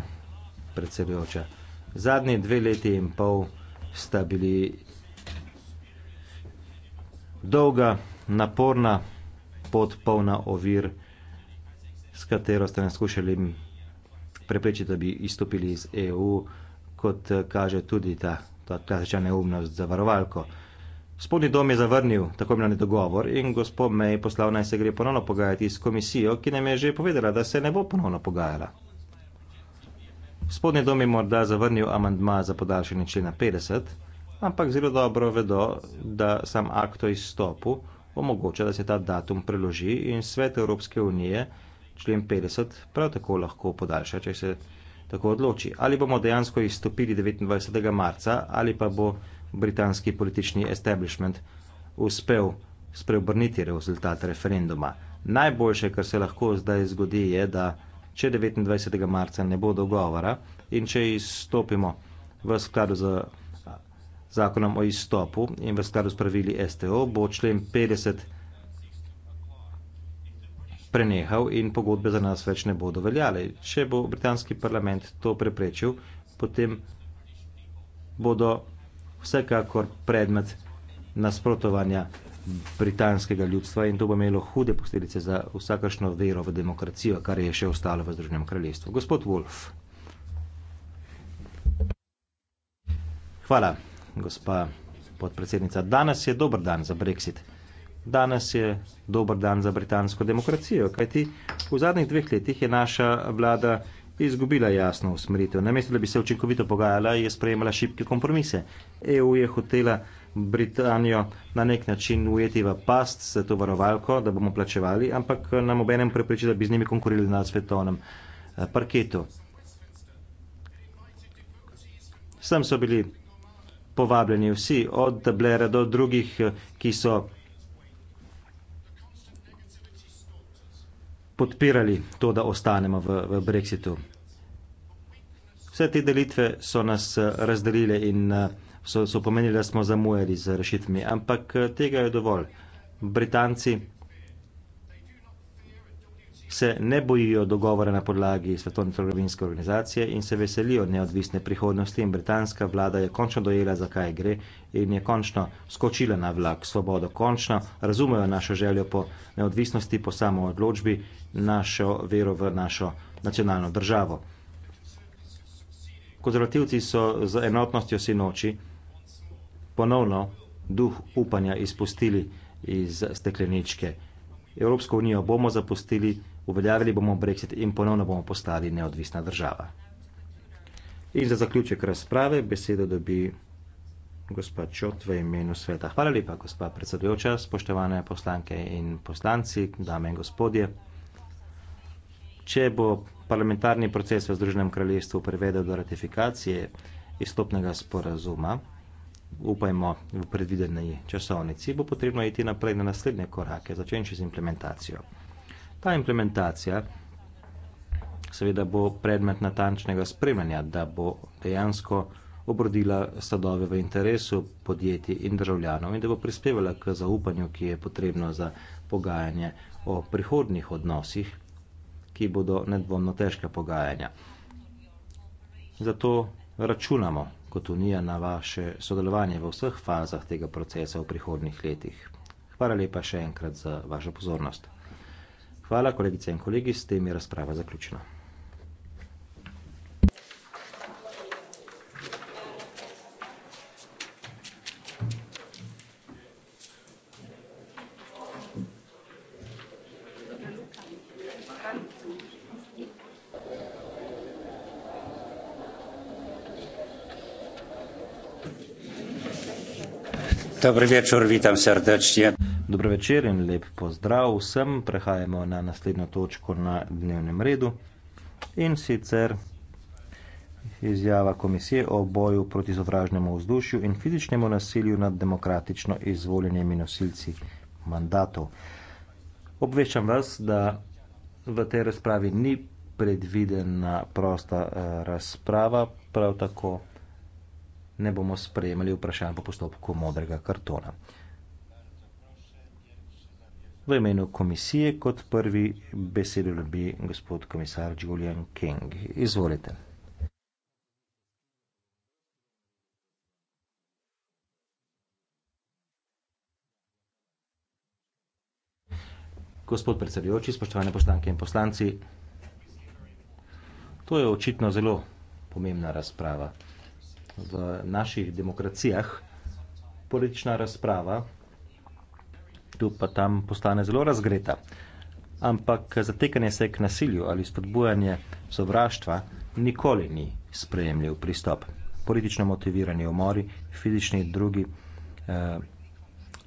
predsedujoča. Zadnji dve leti in pol sta bili dolga, naporna pot, polna ovir, s katero ste nas skušali preprečiti, da bi izstopili iz EU, kot kaže tudi ta, ta, ta neumnost za varovalko. Spodnji dom je zavrnil tako imenovani dogovor in gospod May poslal naj se gre ponovno pogajati s komisijo, ki nam je že povedala, da se ne bo ponovno pogajala. Spodnji dom je morda zavrnil amandma za podaljšanje člena 50, ampak zelo dobro vedo, da sam akt o izstopu omogoča, da se ta datum preloži in svet Evropske unije člen 50 prav tako lahko podaljša, če se tako odloči. Ali bomo dejansko izstopili 29. marca ali pa bo britanski politični establishment uspel spreobrniti rezultat referenduma. Najboljše, kar se lahko zdaj zgodi, je, da če 29. marca ne bo dogovora in če izstopimo v skladu z zakonom o izstopu in v skladu s pravili STO, bo člen 50 prenehal in pogodbe za nas več ne bodo veljale. Če bo britanski parlament to preprečil, potem bodo vsekakor predmet nasprotovanja britanskega ljudstva in to bo imelo hude posledice za vsakašno vero v demokracijo, kar je še ostalo v Združenem kraljestvu. Gospod Wolf. Hvala, gospa podpredsednica. Danes je dober dan za Brexit. Danes je dober dan za britansko demokracijo, kajti v zadnjih dveh letih je naša vlada izgubila jasno usmeritev. Namesto, da bi se učinkovito pogajala, je sprejemala šibke kompromise. EU je hotela Britanijo na nek način ujeti v past za to varovalko, da bomo plačevali, ampak nam obenem prepriči, da bi z njimi konkurili na svetovnem eh, parketu. Sem so bili povabljeni vsi, od Blera do drugih, eh, ki so podpirali to, da ostanemo v, v Brexitu. Vse te delitve so nas eh, razdelile in eh, so, so pomenili, da smo zamujali z rešitvami, ampak eh, tega je dovolj. Britanci se ne bojijo dogovora na podlagi svetovne trgovinske organizacije in se veselijo neodvisne prihodnosti in britanska vlada je končno dojela, zakaj gre in je končno skočila na vlak svobodo. Končno razumejo našo željo po neodvisnosti, po samo odločbi, našo vero v našo nacionalno državo. Konzervativci so z enotnostjo si noči ponovno duh upanja izpustili iz stekleničke. Evropsko unijo bomo zapustili uveljavili bomo brexit in ponovno bomo postali neodvisna država. In za zaključek razprave besedo dobi gospa Čot v imenu sveta. Hvala lepa, gospa predsedujoča, spoštovane poslanke in poslanci, dame in gospodje. Če bo parlamentarni proces v Združenem kraljestvu prevedel do ratifikacije izstopnega sporazuma, upajmo v predvideni časovnici, bo potrebno iti naprej na naslednje korake, začenši z implementacijo. Ta implementacija seveda bo predmet natančnega spremljanja, da bo dejansko obrodila sadove v interesu podjetij in državljanov in da bo prispevala k zaupanju, ki je potrebno za pogajanje o prihodnih odnosih, ki bodo nedvomno težka pogajanja. Zato računamo kot Unija na vaše sodelovanje v vseh fazah tega procesa v prihodnih letih. Hvala lepa še enkrat za vašo pozornost. Hvala, kolegice in kolegi, s tem je razprava zaključena. Dober večer, vitam srdečne dober večer in lep pozdrav vsem. Prehajamo na naslednjo točko na dnevnem redu in sicer izjava komisije o boju proti zavražnemu vzdušju in fizičnemu nasilju nad demokratično izvoljenimi nosilci mandatov. Obveščam vas, da v tej razpravi ni predvidena prosta eh, razprava, prav tako ne bomo sprejemali vprašanj po postopku modrega kartona v imenu komisije kot prvi besedo ljubi gospod komisar Julian King. Izvolite. Gospod predsedujoči, spoštovane poslanke in poslanci, to je očitno zelo pomembna razprava. V naših demokracijah politična razprava tu pa tam postane zelo razgreta. Ampak zatekanje se k nasilju ali spodbujanje sovraštva nikoli ni sprejemljiv pristop. Politično motivirani umori, fizični in drugi eh,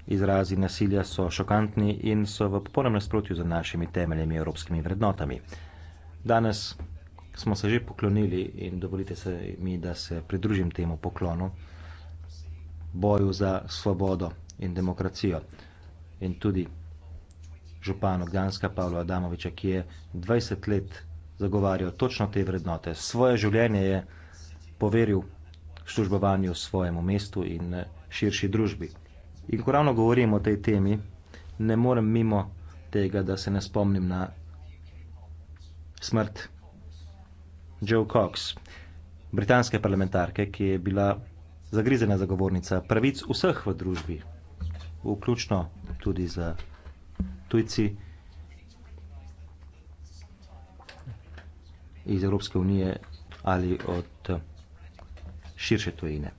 izrazi nasilja so šokantni in so v popolnem nasprotju z našimi temeljnimi evropskimi vrednotami. Danes smo se že poklonili in dovolite se mi, da se pridružim temu poklonu boju za svobodo in demokracijo in tudi župan Ljubljanska Pavla Adamoviča, ki je 20 let zagovarjal točno te vrednote. Svoje življenje je poveril službovanju svojemu mestu in eh, širši družbi. In ko ravno govorim o tej temi, ne morem mimo tega, da se ne spomnim na smrt Joe Cox, britanske parlamentarke, ki je bila zagrizena zagovornica pravic vseh v družbi, vključno tudi za tujci iz Evropske unije ali od širše tujine.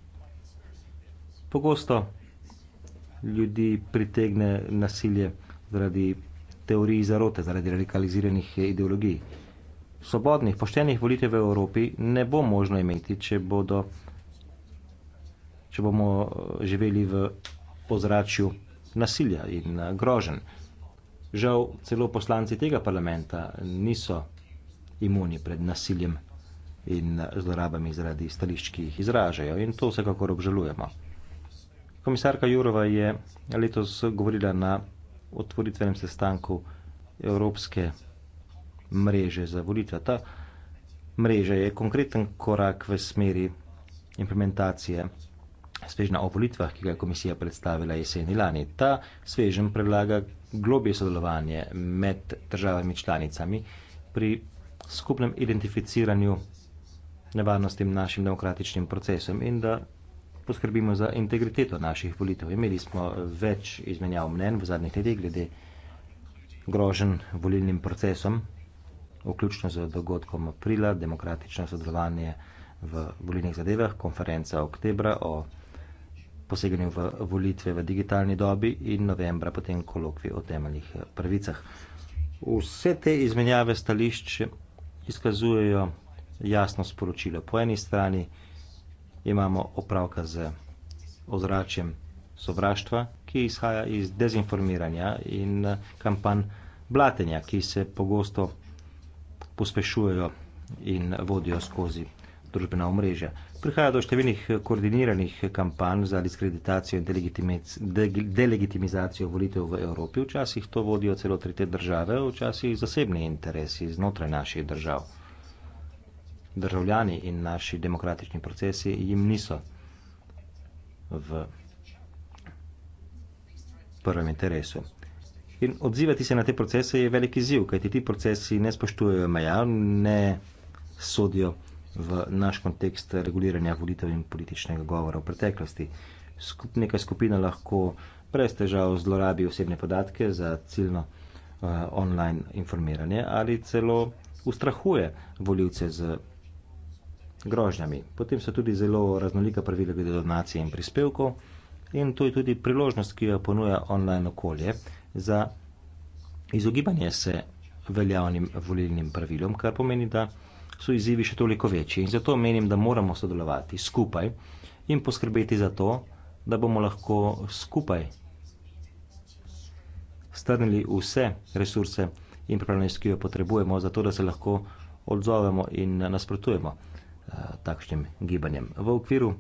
Pogosto ljudi pritegne nasilje zaradi teoriji zarote, zaradi radikaliziranih ideologij. Svobodnih, poštenih volitev v Evropi ne bo možno imeti, če bodo če bomo eh, živeli v ozračju nasilja in eh, grožen. Žal celo poslanci tega parlamenta niso imuni pred nasiljem in eh, zlorabami zaradi stališč, ki jih izražajo in to vsekakor obžalujemo. Komisarka Jurova je letos govorila na otvoritvenem sestanku Evropske mreže za volitve. Ta mreža je konkreten korak v smeri implementacije svežna o volitvah, ki ga je komisija predstavila jeseni lani. Ta svežen predlaga globje sodelovanje med državami članicami pri skupnem identificiranju nevarnosti našim demokratičnim procesom in da poskrbimo za integriteto naših volitev. Imeli smo več izmenjav mnen v zadnjih letih glede grožen volilnim procesom, vključno z dogodkom aprila, demokratično sodelovanje v volilnih zadevah, konferenca oktobra o poseganju v volitve v digitalni dobi in novembra potem kolokvi o temeljih pravicah. Vse te izmenjave stališč izkazujejo jasno sporočilo. Po eni strani imamo opravka z ozračjem sovraštva, ki izhaja iz dezinformiranja in eh, kampanj blatenja, ki se pogosto pospešujejo in vodijo skozi družbena omrežja prihaja do številnih eh, koordiniranih eh, kampanj za diskreditacijo in delegitimizacijo volitev v Evropi. Včasih to vodijo celo tretje države, včasih zasebni interesi znotraj naših držav. Državljani in naši demokratični procesi jim niso v prvem interesu. In odzivati se na te procese je veliki ziv, kajti ti procesi ne spoštujejo meja, ne sodijo v naš kontekst reguliranja volitev in političnega govora v preteklosti. Skup, neka skupina lahko brez težav zlorabi osebne podatke za ciljno uh, online informiranje ali celo ustrahuje voljivce z grožnjami. Potem so tudi zelo raznolika pravila glede donacije in prispevkov in to je tudi priložnost, ki jo ponuja online okolje za izogibanje se veljavnim volilnim pravilom, kar pomeni, da so izzivi še toliko večji. In zato menim, da moramo sodelovati skupaj in poskrbeti za to, da bomo lahko skupaj strnili vse resurse in pripravljenost, ki jo potrebujemo, zato da se lahko odzovemo in nasprotujemo eh, takšnim gibanjem. V okviru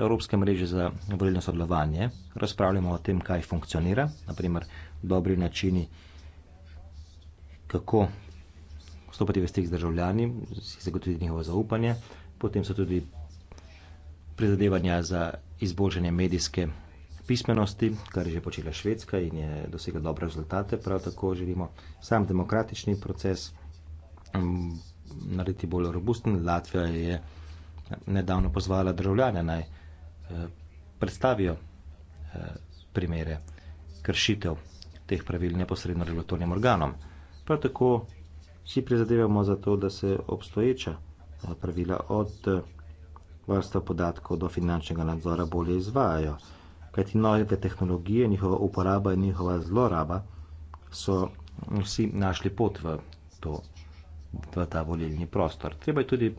Evropske mreže za volilno sodelovanje razpravljamo o tem, kaj funkcionira, naprimer dobri načini, kako vstopati v stik z državljani, si zagotoviti njihovo zaupanje, potem so tudi prizadevanja za izboljšanje medijske pismenosti, kar je že počela Švedska in je dosegla dobre rezultate. Prav tako želimo sam demokratični proces narediti bolj robusten. Latvija je nedavno pozvala državljane naj eh, predstavijo eh, primere kršitev teh pravil neposredno regulatornim organom. Prav tako si prizadevamo za to, da se obstoječa eh, pravila od eh, varstva podatkov do finančnega nadzora bolje izvajajo. Kajti nove tehnologije, njihova uporaba in njihova zloraba so vsi našli pot v, to, v ta volilni prostor. Treba je tudi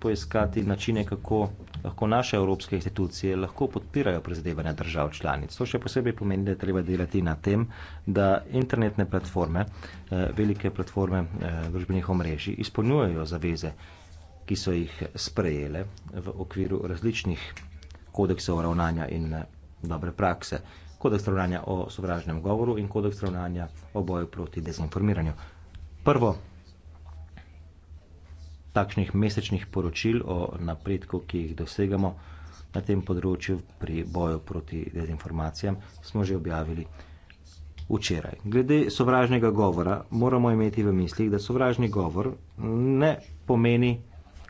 poiskati načine, kako lahko naše evropske institucije lahko podpirajo prizadevanja držav članic. To še posebej pomeni, da je treba delati na tem, da internetne platforme, eh, velike platforme eh, družbenih omrežij izpolnjujejo zaveze, ki so jih sprejele v okviru različnih kodeksov ravnanja in eh, dobre prakse. Kodeks ravnanja o sovražnem govoru in kodeks ravnanja o boju proti dezinformiranju. Prvo takšnih mesečnih poročil o napredku, ki jih dosegamo na tem področju pri boju proti dezinformacijam, smo že objavili včeraj. Glede sovražnega govora moramo imeti v mislih, da sovražni govor ne pomeni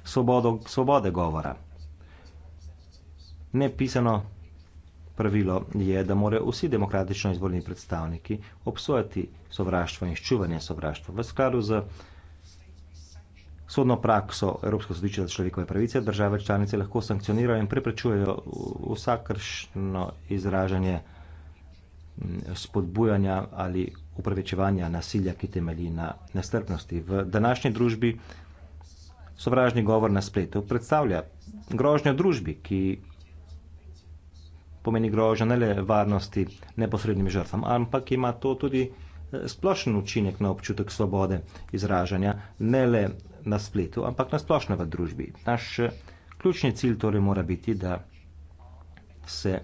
svobodo, svobode govora. Nepisano pravilo je, da morajo vsi demokratično izvoljeni predstavniki obsojati sovraštvo in ščuvanje sovraštva v skladu z sodno prakso Evropske sodišče za človekove pravice države članice lahko sankcionirajo in preprečujejo vsakršno izražanje spodbujanja ali upravičevanja nasilja, ki temelji na nestrpnosti. V današnji družbi sovražni govor na spletu predstavlja grožnjo družbi, ki pomeni grožnjo ne le varnosti neposrednim žrtvam, ampak ima to tudi splošen učinek na občutek svobode izražanja, ne le na spletu, ampak na splošno v družbi. Naš eh, ključni cilj torej mora biti, da se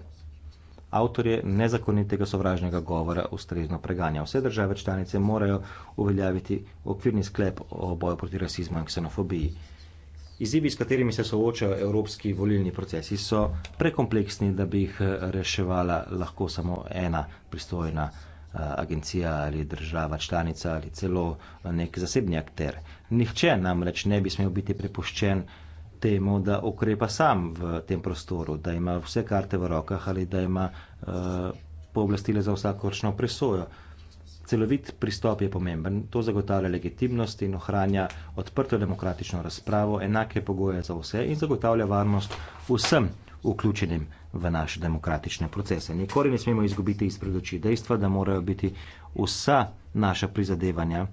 avtorje nezakonitega sovražnega govora ustrezno preganja. Vse države članice morajo uveljaviti okvirni sklep o boju proti rasizmu in ksenofobiji. Izzivi, s katerimi se soočajo evropski volilni procesi, so prekompleksni, da bi jih eh, reševala lahko samo ena pristojna Eh, agencija ali država članica ali celo eh, nek zasebni akter. Nihče namreč ne bi smel biti prepuščen temu, da ukrepa sam v tem prostoru, da ima vse karte v rokah ali da ima uh, eh, pooblastile za vsakočno presojo. Celovit pristop je pomemben, to zagotavlja legitimnost in ohranja odprto demokratično razpravo, enake pogoje za vse in zagotavlja varnost vsem vključenim v naše demokratične procese. Nikoli ne smemo izgubiti izpred oči dejstva, da morajo biti vsa naša prizadevanja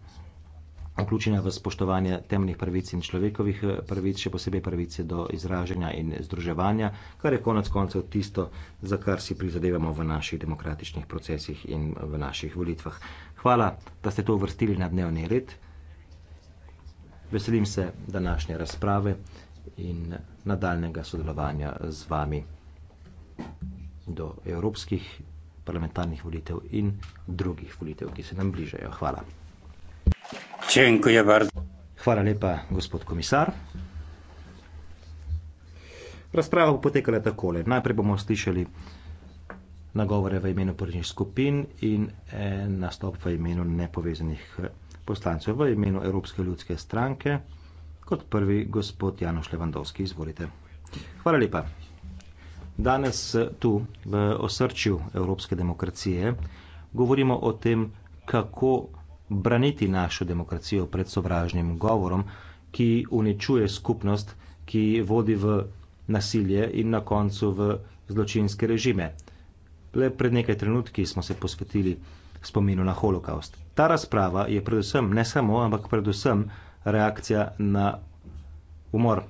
vključena v spoštovanje temnih pravic in človekovih eh, pravic, še posebej pravice do izražanja in združevanja, kar je konec koncev tisto, za kar si prizadevamo v naših demokratičnih procesih in v naših volitvah. Hvala, da ste to uvrstili na dnevni red. Veselim se današnje razprave in nadaljnega sodelovanja z vami do evropskih parlamentarnih volitev in drugih volitev, ki se nam bližajo. Hvala. Hvala lepa, gospod komisar. Razprava bo potekala takole. Najprej bomo slišali nagovore v imenu političnih skupin in e, nastop v imenu nepovezanih poslancev v imenu Evropske ljudske stranke. Kot prvi, gospod Janoš Levandovski, izvolite. Hvala lepa. Danes eh, tu v osrčju evropske demokracije govorimo o tem, kako braniti našo demokracijo pred sovražnim govorom, ki uničuje skupnost, ki vodi v nasilje in na koncu v zločinske režime. Le pred nekaj trenutki smo se posvetili spominu na holokaust. Ta razprava je predvsem, ne samo, ampak predvsem reakcija na umor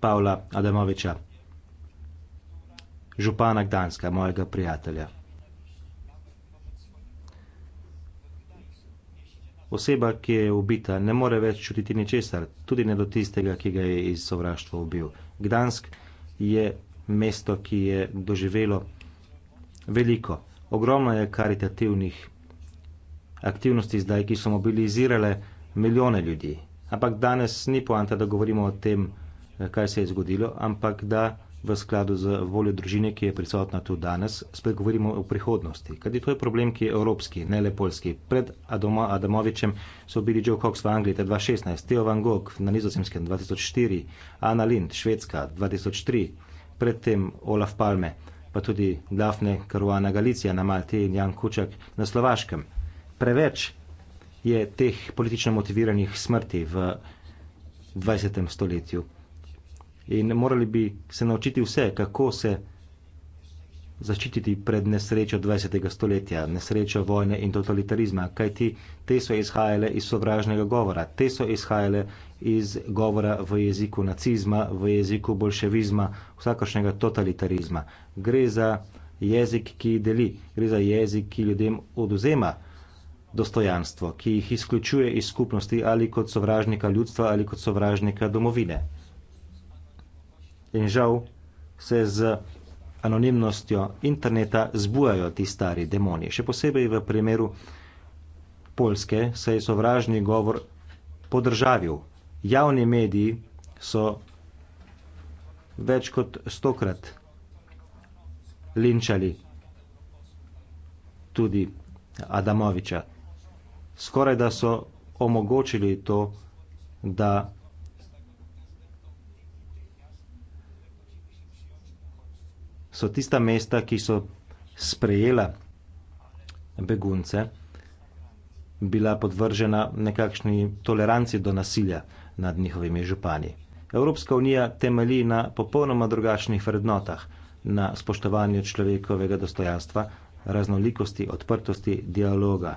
Pavla Adamoviča župana Gdanska, mojega prijatelja. Oseba, ki je ubita, ne more več čutiti ničesar, tudi ne do tistega, ki ga je iz sovraštva ubil. Gdansk je mesto, ki je doživelo veliko, ogromno je karitativnih aktivnosti zdaj, ki so mobilizirale milijone ljudi. Ampak danes ni poanta, da govorimo o tem, kaj se je zgodilo, ampak da v skladu z voljo družine, ki je prisotna tu danes, spet govorimo o prihodnosti. Kajti to je problem, ki je evropski, ne le polski. Pred Adamo, Adamovičem so bili Joe Cox v Angliji 2016, Theo van Gogh na nizozemskem 2004, Anna Lind, Švedska 2003, predtem Olaf Palme, pa tudi Dafne Karuana Galicija na Malti in Jan Kučak na Slovaškem. Preveč je teh politično motiviranih smrti v 20. stoletju in morali bi se naučiti vse, kako se zaščititi pred nesrečo 20. stoletja, nesrečo vojne in totalitarizma, kajti te so izhajale iz sovražnega govora, te so izhajale iz govora v jeziku nacizma, v jeziku bolševizma, vsakošnjega totalitarizma. Gre za jezik, ki deli, gre za jezik, ki ljudem oduzema dostojanstvo, ki jih izključuje iz skupnosti ali kot sovražnika ljudstva ali kot sovražnika domovine in žal se z anonimnostjo interneta zbujajo ti stari demoni. Še posebej v primeru Poljske se je sovražni govor podržavil. Javni mediji so več kot stokrat linčali tudi Adamoviča. Skoraj da so omogočili to, da so tista mesta, ki so sprejela begunce, bila podvržena nekakšni toleranci do nasilja nad njihovimi župani. Evropska unija temelji na popolnoma drugačnih vrednotah, na spoštovanju človekovega dostojanstva, raznolikosti, odprtosti, dialoga.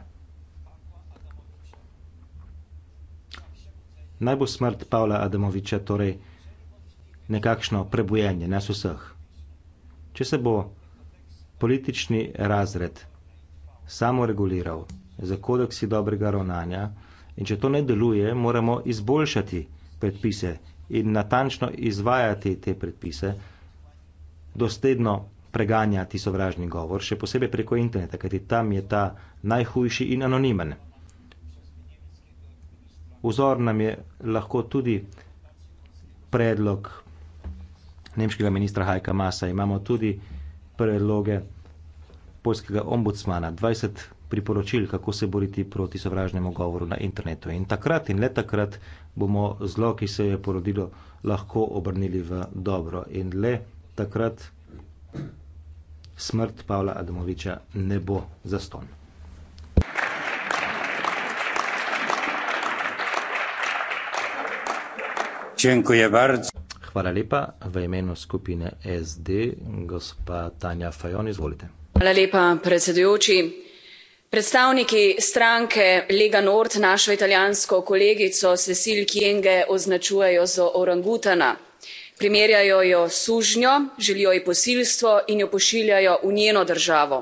Naj bo smrt Pavla Adamoviča torej nekakšno prebujenje nas vseh če se bo politični razred samoreguliral za kodeksi dobrega ravnanja in če to ne deluje, moramo izboljšati predpise in natančno izvajati te predpise, dosledno preganjati sovražni govor, še posebej preko interneta, kajti tam je ta najhujši in anonimen. Vzor nam je lahko tudi predlog nemškega ministra Hajka Masa. Imamo tudi predloge polskega ombudsmana, 20 priporočil, kako se boriti proti sovražnemu govoru na internetu. In takrat in le takrat bomo zlo, ki se je porodilo, lahko obrnili v dobro. In le takrat smrt Pavla Adamoviča ne bo zaston. Dziękuję bardzo. Hvala lepa. V imenu skupine SD, gospa Tanja Fajon, izvolite. Hvala lepa, predsedujoči. Predstavniki stranke Lega Nord našo italijansko kolegico Cecil Kienge označujejo za orangutana. Primerjajo jo sužnjo, želijo ji posilstvo in jo pošiljajo v njeno državo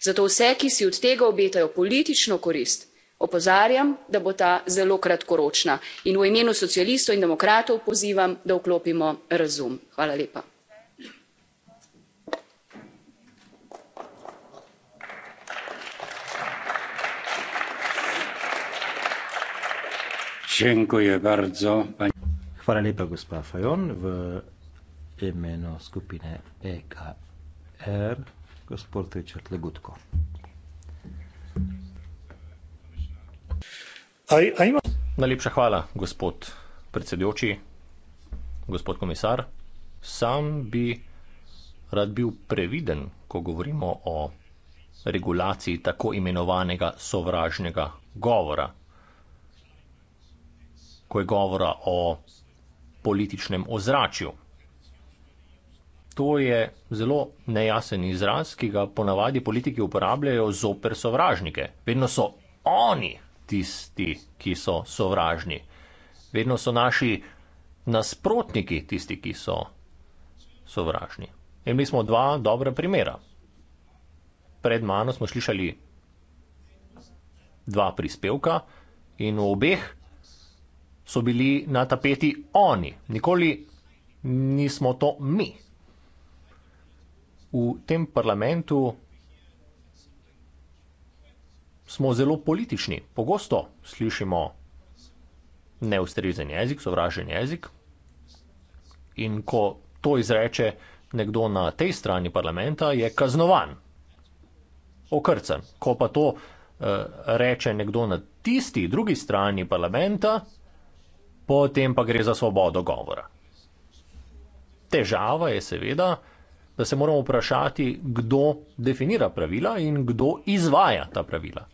zato vse ki si od tega obetajo politično korist opozarjam da bo ta zelo kratkoročna in v imenu socialistov in demokratov pozivam da vklopimo razum gospod Richard Legutko. Najlepša hvala, gospod predsedujoči, gospod komisar. Sam bi rad bil previden, ko govorimo o regulaciji tako imenovanega sovražnega govora, ko je govora o političnem ozračju. To je zelo nejasen izraz, ki ga ponavadi politiki uporabljajo zoper sovražnike. Vedno so oni tisti, ki so sovražni. Vedno so naši nasprotniki tisti, ki so sovražni. In mi smo dva dobra primera. Pred mano smo slišali dva prispevka in v obeh so bili na tapeti oni. Nikoli nismo to mi. V tem parlamentu smo zelo politični. Pogosto slišimo neustrezen jezik, sovražen jezik. In ko to izreče nekdo na tej strani parlamenta, je kaznovan, okrcan. Ko pa to eh, reče nekdo na tisti drugi strani parlamenta, potem pa gre za svobodo govora. Težava je seveda, da se moramo vprašati, kdo definira pravila in kdo izvaja ta pravila.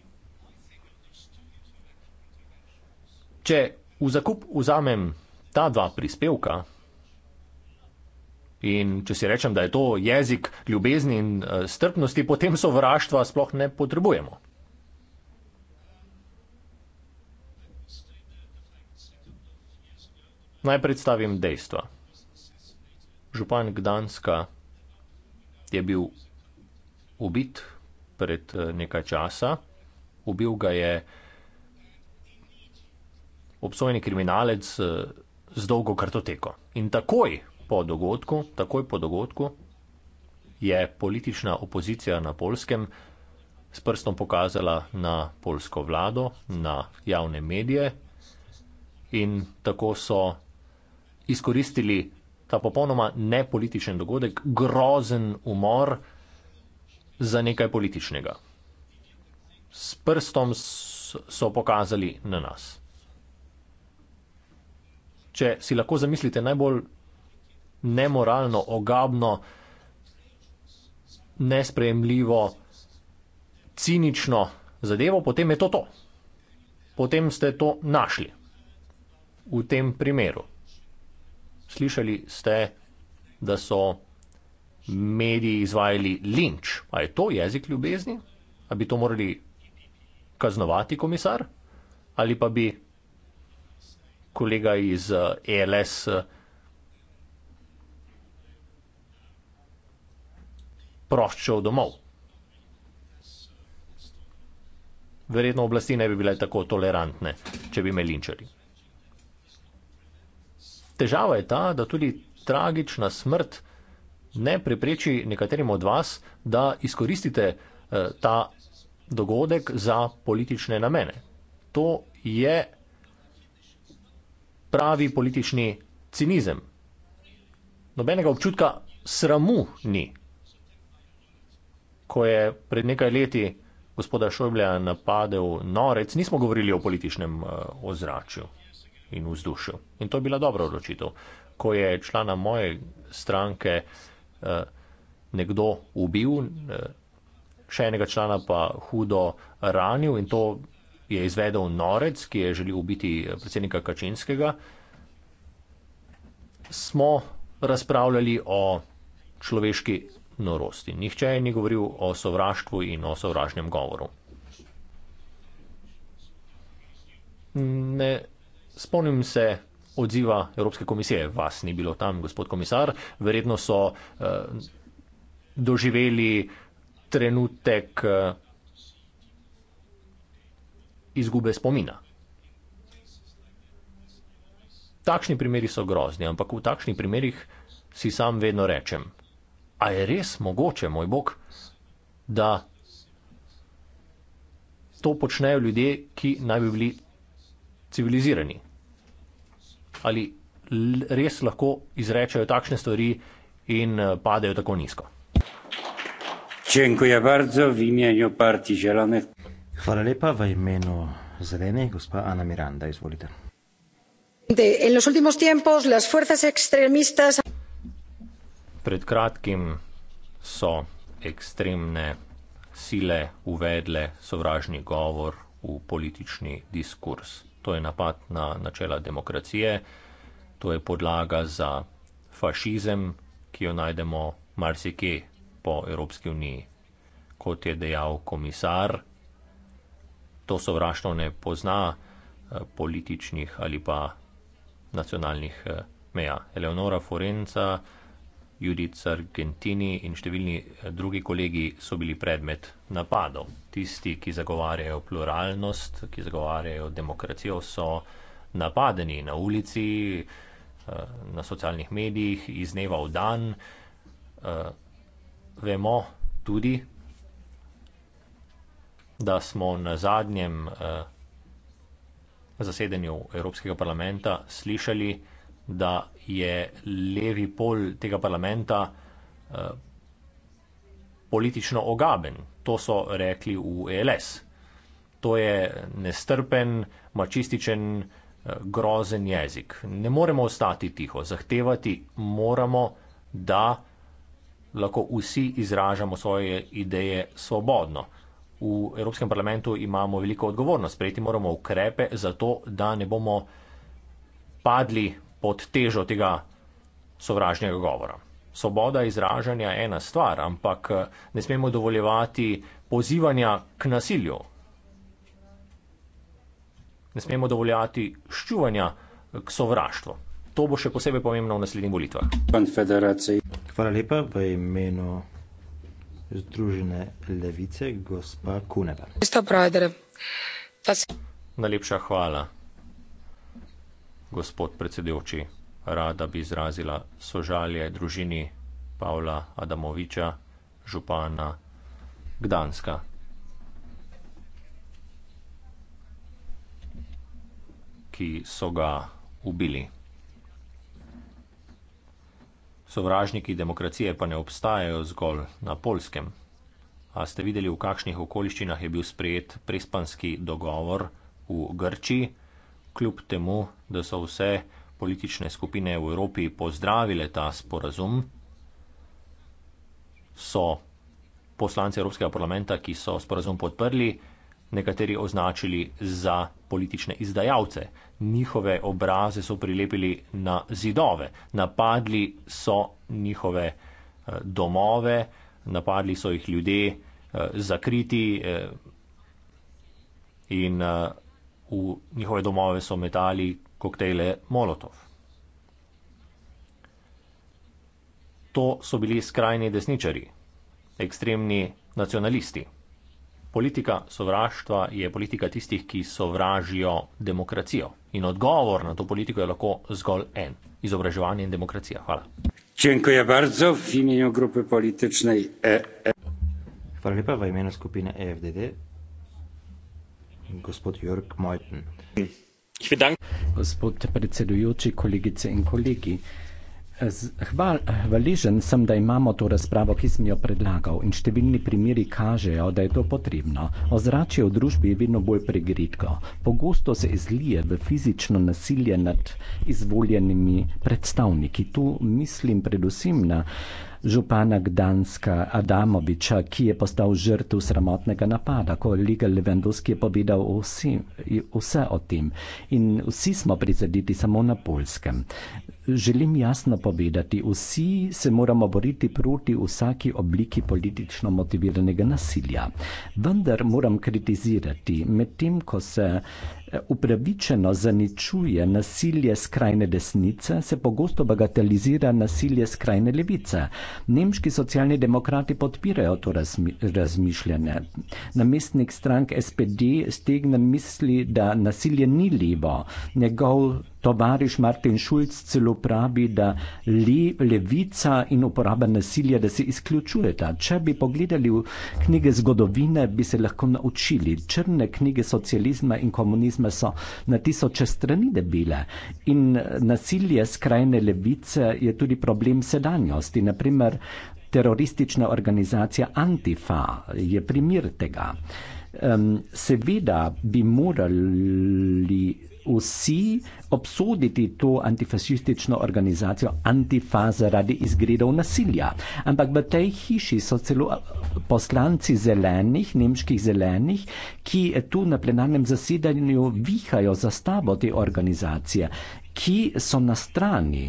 Če v zakup vzamem ta dva prispevka in če si rečem, da je to jezik ljubezni in eh, strpnosti, potem sovraštva sploh ne potrebujemo. Naj predstavim dejstva. Župan Gdanska je bil ubit pred eh, nekaj časa. Ubil ga je obsojeni kriminalec eh, z dolgo kartoteko. In takoj po dogodku, takoj po dogodku je politična opozicija na polskem s prstom pokazala na polsko vlado, na javne medije in tako so izkoristili ta popolnoma nepolitičen dogodek, grozen umor za nekaj političnega. S prstom so pokazali na nas. Če si lahko zamislite najbolj nemoralno, ogabno, nesprejemljivo, cinično zadevo, potem je to to. Potem ste to našli. V tem primeru. Slišali ste, da so mediji izvajali linč. A je to jezik ljubezni? A bi to morali kaznovati komisar? Ali pa bi kolega iz ELS eh, e eh, proščal domov? Verjetno oblasti ne bi bile tako tolerantne, če bi me linčali. Težava je ta, da tudi tragična smrt ne prepreči nekaterim od vas, da izkoristite eh, ta dogodek za politične namene. To je pravi politični cinizem. Nobenega občutka sramu ni, ko je pred nekaj leti gospoda Šojbleja napadel norec, nismo govorili o političnem eh, ozračju in vzdušju. In to je bila dobra odločitev. Ko je člana moje stranke eh, nekdo ubil, eh, še enega člana pa hudo ranil in to je izvedel norec, ki je želel ubiti eh, predsednika Kačinskega, smo razpravljali o človeški norosti. Nihče ni govoril o sovraštvu in o sovražnem govoru. Ne spomnim se odziva Evropske komisije. Vas ni bilo tam, gospod komisar. Verjetno so eh, doživeli trenutek eh, izgube spomina. Takšni primeri so grozni, ampak v takšnih primerih si sam vedno rečem, a je res mogoče, moj bog, da to počnejo ljudje, ki naj bi bili civilizirani ali res lahko izrečajo takšne stvari in eh, padejo tako nizko. Hvala lepa v imenu Zelene, gospa Ana Miranda, izvolite. Pred kratkim so ekstremne sile uvedle sovražni govor v politični diskurs to je napad na načela demokracije, to je podlaga za fašizem, ki jo najdemo marsikje po Evropski uniji. Kot je dejal komisar, to sovraštvo ne pozna eh, političnih ali pa nacionalnih eh, meja. Eleonora Forenca. Judith Sargentini in številni eh, drugi kolegi so bili predmet napadov. Tisti, ki zagovarjajo pluralnost, ki zagovarjajo demokracijo, so napadeni na ulici, eh, na socialnih medijih, iz dneva v dan. Eh, vemo tudi, da smo na zadnjem zasedanju Evropskega parlamenta slišali, da je levi pol tega parlamenta eh, politično ogaben. To so rekli v ELS. To je nestrpen, mačističen, eh, grozen jezik. Ne moremo ostati tiho, zahtevati moramo, da lahko vsi izražamo svoje ideje svobodno. V Evropskem parlamentu imamo veliko odgovornost, sprejeti moramo ukrepe za to, da ne bomo padli pod težo tega sovražnega govora. Svoboda izražanja je ena stvar, ampak eh, ne smemo dovoljevati pozivanja k nasilju. Ne smemo dovoljevati ščuvanja eh, k sovraštvu. To bo še posebej pomembno v naslednjih volitvah. Hvala lepa v imenu Združene levice, gospa Kuneva. Najlepša hvala gospod predsedujoči, rada bi izrazila sožalje družini Pavla Adamoviča, župana Gdanska. Ki so ga ubili. Sovražniki demokracije pa ne obstajajo zgolj na polskem. A ste videli, v kakšnih okoliščinah je bil sprejet prespanski dogovor v Grčiji? kljub temu, da so vse politične skupine v Evropi pozdravile ta sporazum, so poslanci Evropskega parlamenta, ki so sporazum podprli, nekateri označili za politične izdajalce. Njihove obraze so prilepili na zidove, napadli so njihove eh, domove, napadli so jih ljudje, eh, zakriti eh, in v njihove domove so metali koktejle Molotov. To so bili skrajni desničari, ekstremni nacionalisti. Politika sovraštva je politika tistih, ki sovražijo demokracijo. In odgovor na to politiko je lahko zgolj en: izobraževanje in demokracija. Hvala. E e- Hvala lepa v imenu skupine EFDD in gospod Jörg Meuthen. Gospod predsedujoči, kolegice in kolegi. Hvaležen sem, da imamo to razpravo, ki sem jo predlagal in številni primeri kažejo, da je to potrebno. Ozračje v družbi je vedno bolj pregredko. Pogosto se izlije v fizično nasilje nad izvoljenimi predstavniki. Tu mislim predvsem na uh, župana Gdanska Adamoviča, ki je postal žrtev sramotnega napada, ko je Liga Levendovski je povedal vsi, vse o tem. In vsi smo prizaditi samo na polskem. Želim jasno povedati, vsi se moramo boriti proti vsaki obliki politično motiviranega nasilja. Vendar moram kritizirati, medtem ko se eh, upravičeno zaničuje nasilje skrajne desnice, se pogosto bagatelizira nasilje skrajne levice. Nemški socialni demokrati podpirajo to razmišljanje. Namestnik strank SPD stegne misli, da nasilje ni levo. Njegov Tovariš Martin Šulc celo pravi, da le, levica in uporaba nasilja, da se izključujeta. Če bi pogledali v knjige zgodovine, bi se lahko naučili. Črne knjige socializma in komunizma so na tisoče strani debile. In nasilje skrajne levice je tudi problem sedanjosti. Naprimer, teroristična organizacija Antifa je primir tega. Um, seveda bi morali vsi obsoditi to antifašistično organizacijo Antifa zaradi izgredov nasilja. Ampak v tej hiši so celo poslanci zelenih, nemških zelenih, ki eh, tu na plenarnem zasedanju vihajo za stavo te organizacije, ki so na strani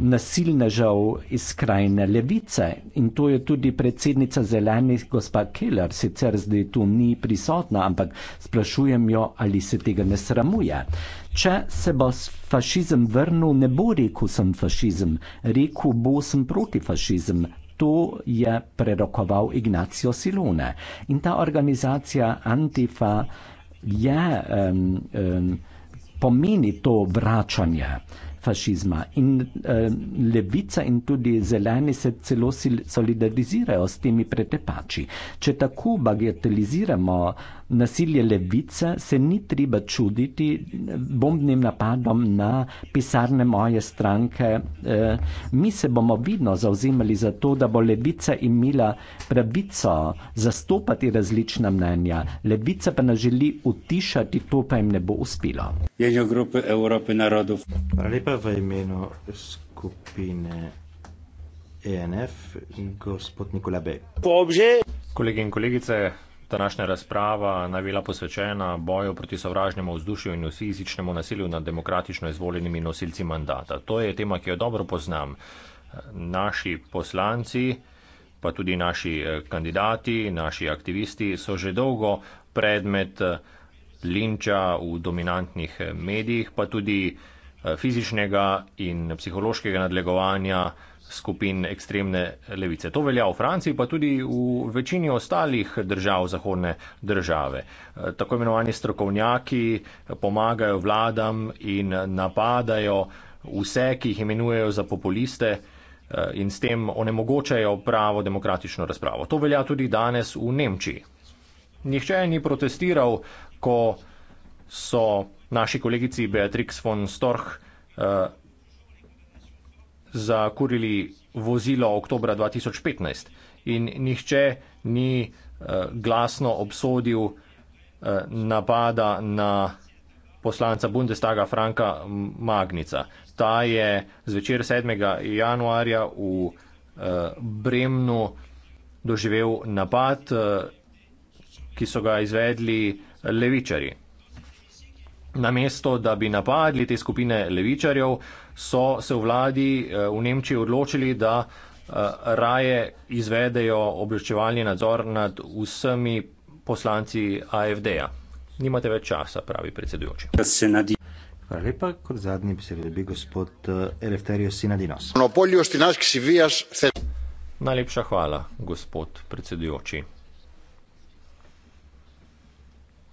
nasilnežev iz skrajne levice. In to je tudi predsednica zelenih, gospa Keller, sicer zdaj tu ni prisotna, ampak sprašujem jo, ali se tega ne sramuje. Če se bo fašizem vrnil, ne bo rekel sem fašizem, rekel bo sem proti fašizem. To je prerokoval Ignacio Silone. In ta organizacija Antifa je um, um, pomeni to vračanje fašizma. In eh, levica in tudi zeleni se celo solidarizirajo s temi pretepači. Če tako bagateliziramo eh, nasilje levice, se ni treba čuditi bombnim napadom na pisarne moje stranke. Eh, mi se bomo vidno zauzemali za to, da bo levica imela pravico zastopati različna mnenja. Levica pa nas želi utišati, to pa jim ne bo uspelo. Hvala lepa v imenu skupine. ENF, gospod Nikola B. Kolegi in kolegice, današnja razprava naj bila posvečena boju proti sovražnemu vzdušju in fizičnemu nasilju nad demokratično izvoljenimi nosilci mandata. To je tema, ki jo dobro poznam. Naši poslanci, pa tudi naši eh, kandidati, naši aktivisti so že dolgo predmet eh, linča v dominantnih eh, medijih, pa tudi fizičnega in psihološkega nadlegovanja skupin ekstremne levice. To velja v Franciji, pa tudi v večini ostalih držav zahodne države. Eh, tako imenovani strokovnjaki pomagajo vladam in napadajo vse, ki jih imenujejo za populiste eh, in s tem onemogočajo pravo demokratično razpravo. To velja tudi danes v Nemčiji. Nihče ni protestiral, ko so naši kolegici Beatrix von Storch eh, zakurili vozilo oktobra 2015 in nihče ni uh, glasno obsodil uh, napada na poslanca Bundestaga Franka Magnica. Ta je zvečer 7. januarja v uh, Bremnu doživel napad, uh, ki so ga izvedli levičari. Namesto, da bi napadli te skupine levičarjev, so se v vladi eh, v Nemčiji odločili, da eh, raje izvedejo obveščevalni nadzor nad vsemi poslanci AFD-ja. Nimate več časa, pravi predsedujoči. Hvala lepa. Kot zadnji bi se dobil gospod eh, Elefterijo Sinadinos. Najlepša hvala, gospod predsedujoči.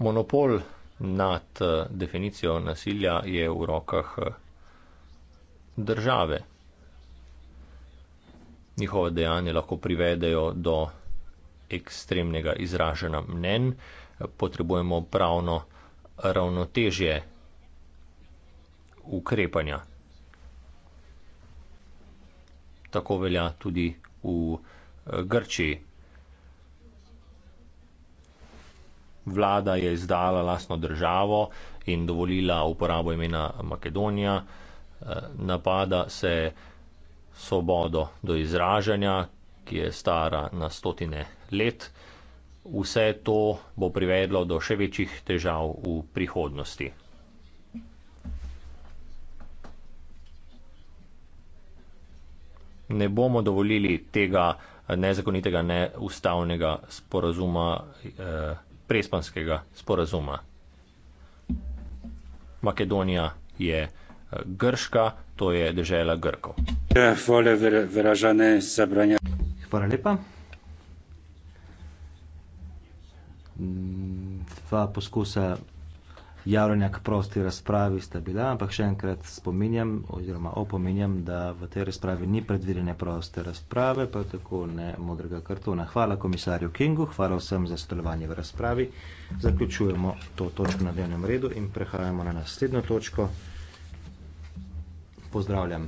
Monopol nad eh, definicijo nasilja je v rokah eh, države. Njihove dejanje lahko privedejo do ekstremnega izražena mnen, potrebujemo pravno ravnotežje ukrepanja. Tako velja tudi v eh, Grčiji. vlada je izdala lastno državo in dovolila uporabo imena Makedonija, eh, napada se svobodo do izražanja, ki je stara na stotine let. Vse to bo privedlo do še večjih težav v prihodnosti. Ne bomo dovolili tega nezakonitega, neustavnega sporazuma eh, prespanskega sporazuma. Makedonija je eh, Grška, to je država Grkov. Hvala lepa. Dva poskusa javljanja k prosti razpravi sta bila, ampak še enkrat spominjam oziroma opominjam, da v tej razpravi ni predvidene proste razprave, pa tako ne modrega kartona. Hvala komisarju Kingu, hvala vsem za sodelovanje v razpravi. Zaključujemo to točko na dnevnem redu in prehajamo na naslednjo točko. Pozdravljam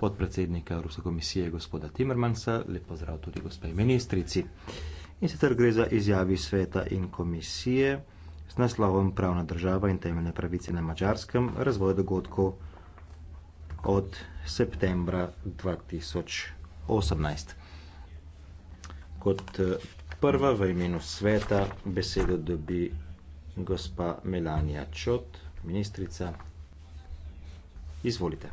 podpredsednika Evropske komisije gospoda Timmermansa, lep pozdrav tudi gospej ministrici. In sicer gre za izjavi sveta in komisije z naslovom Pravna država in temeljne pravice na mačarskem razvoj dogodkov od septembra 2018. Kot eh, prva v imenu sveta besedo dobi gospa Melania Čot, ministrica. Izvolite.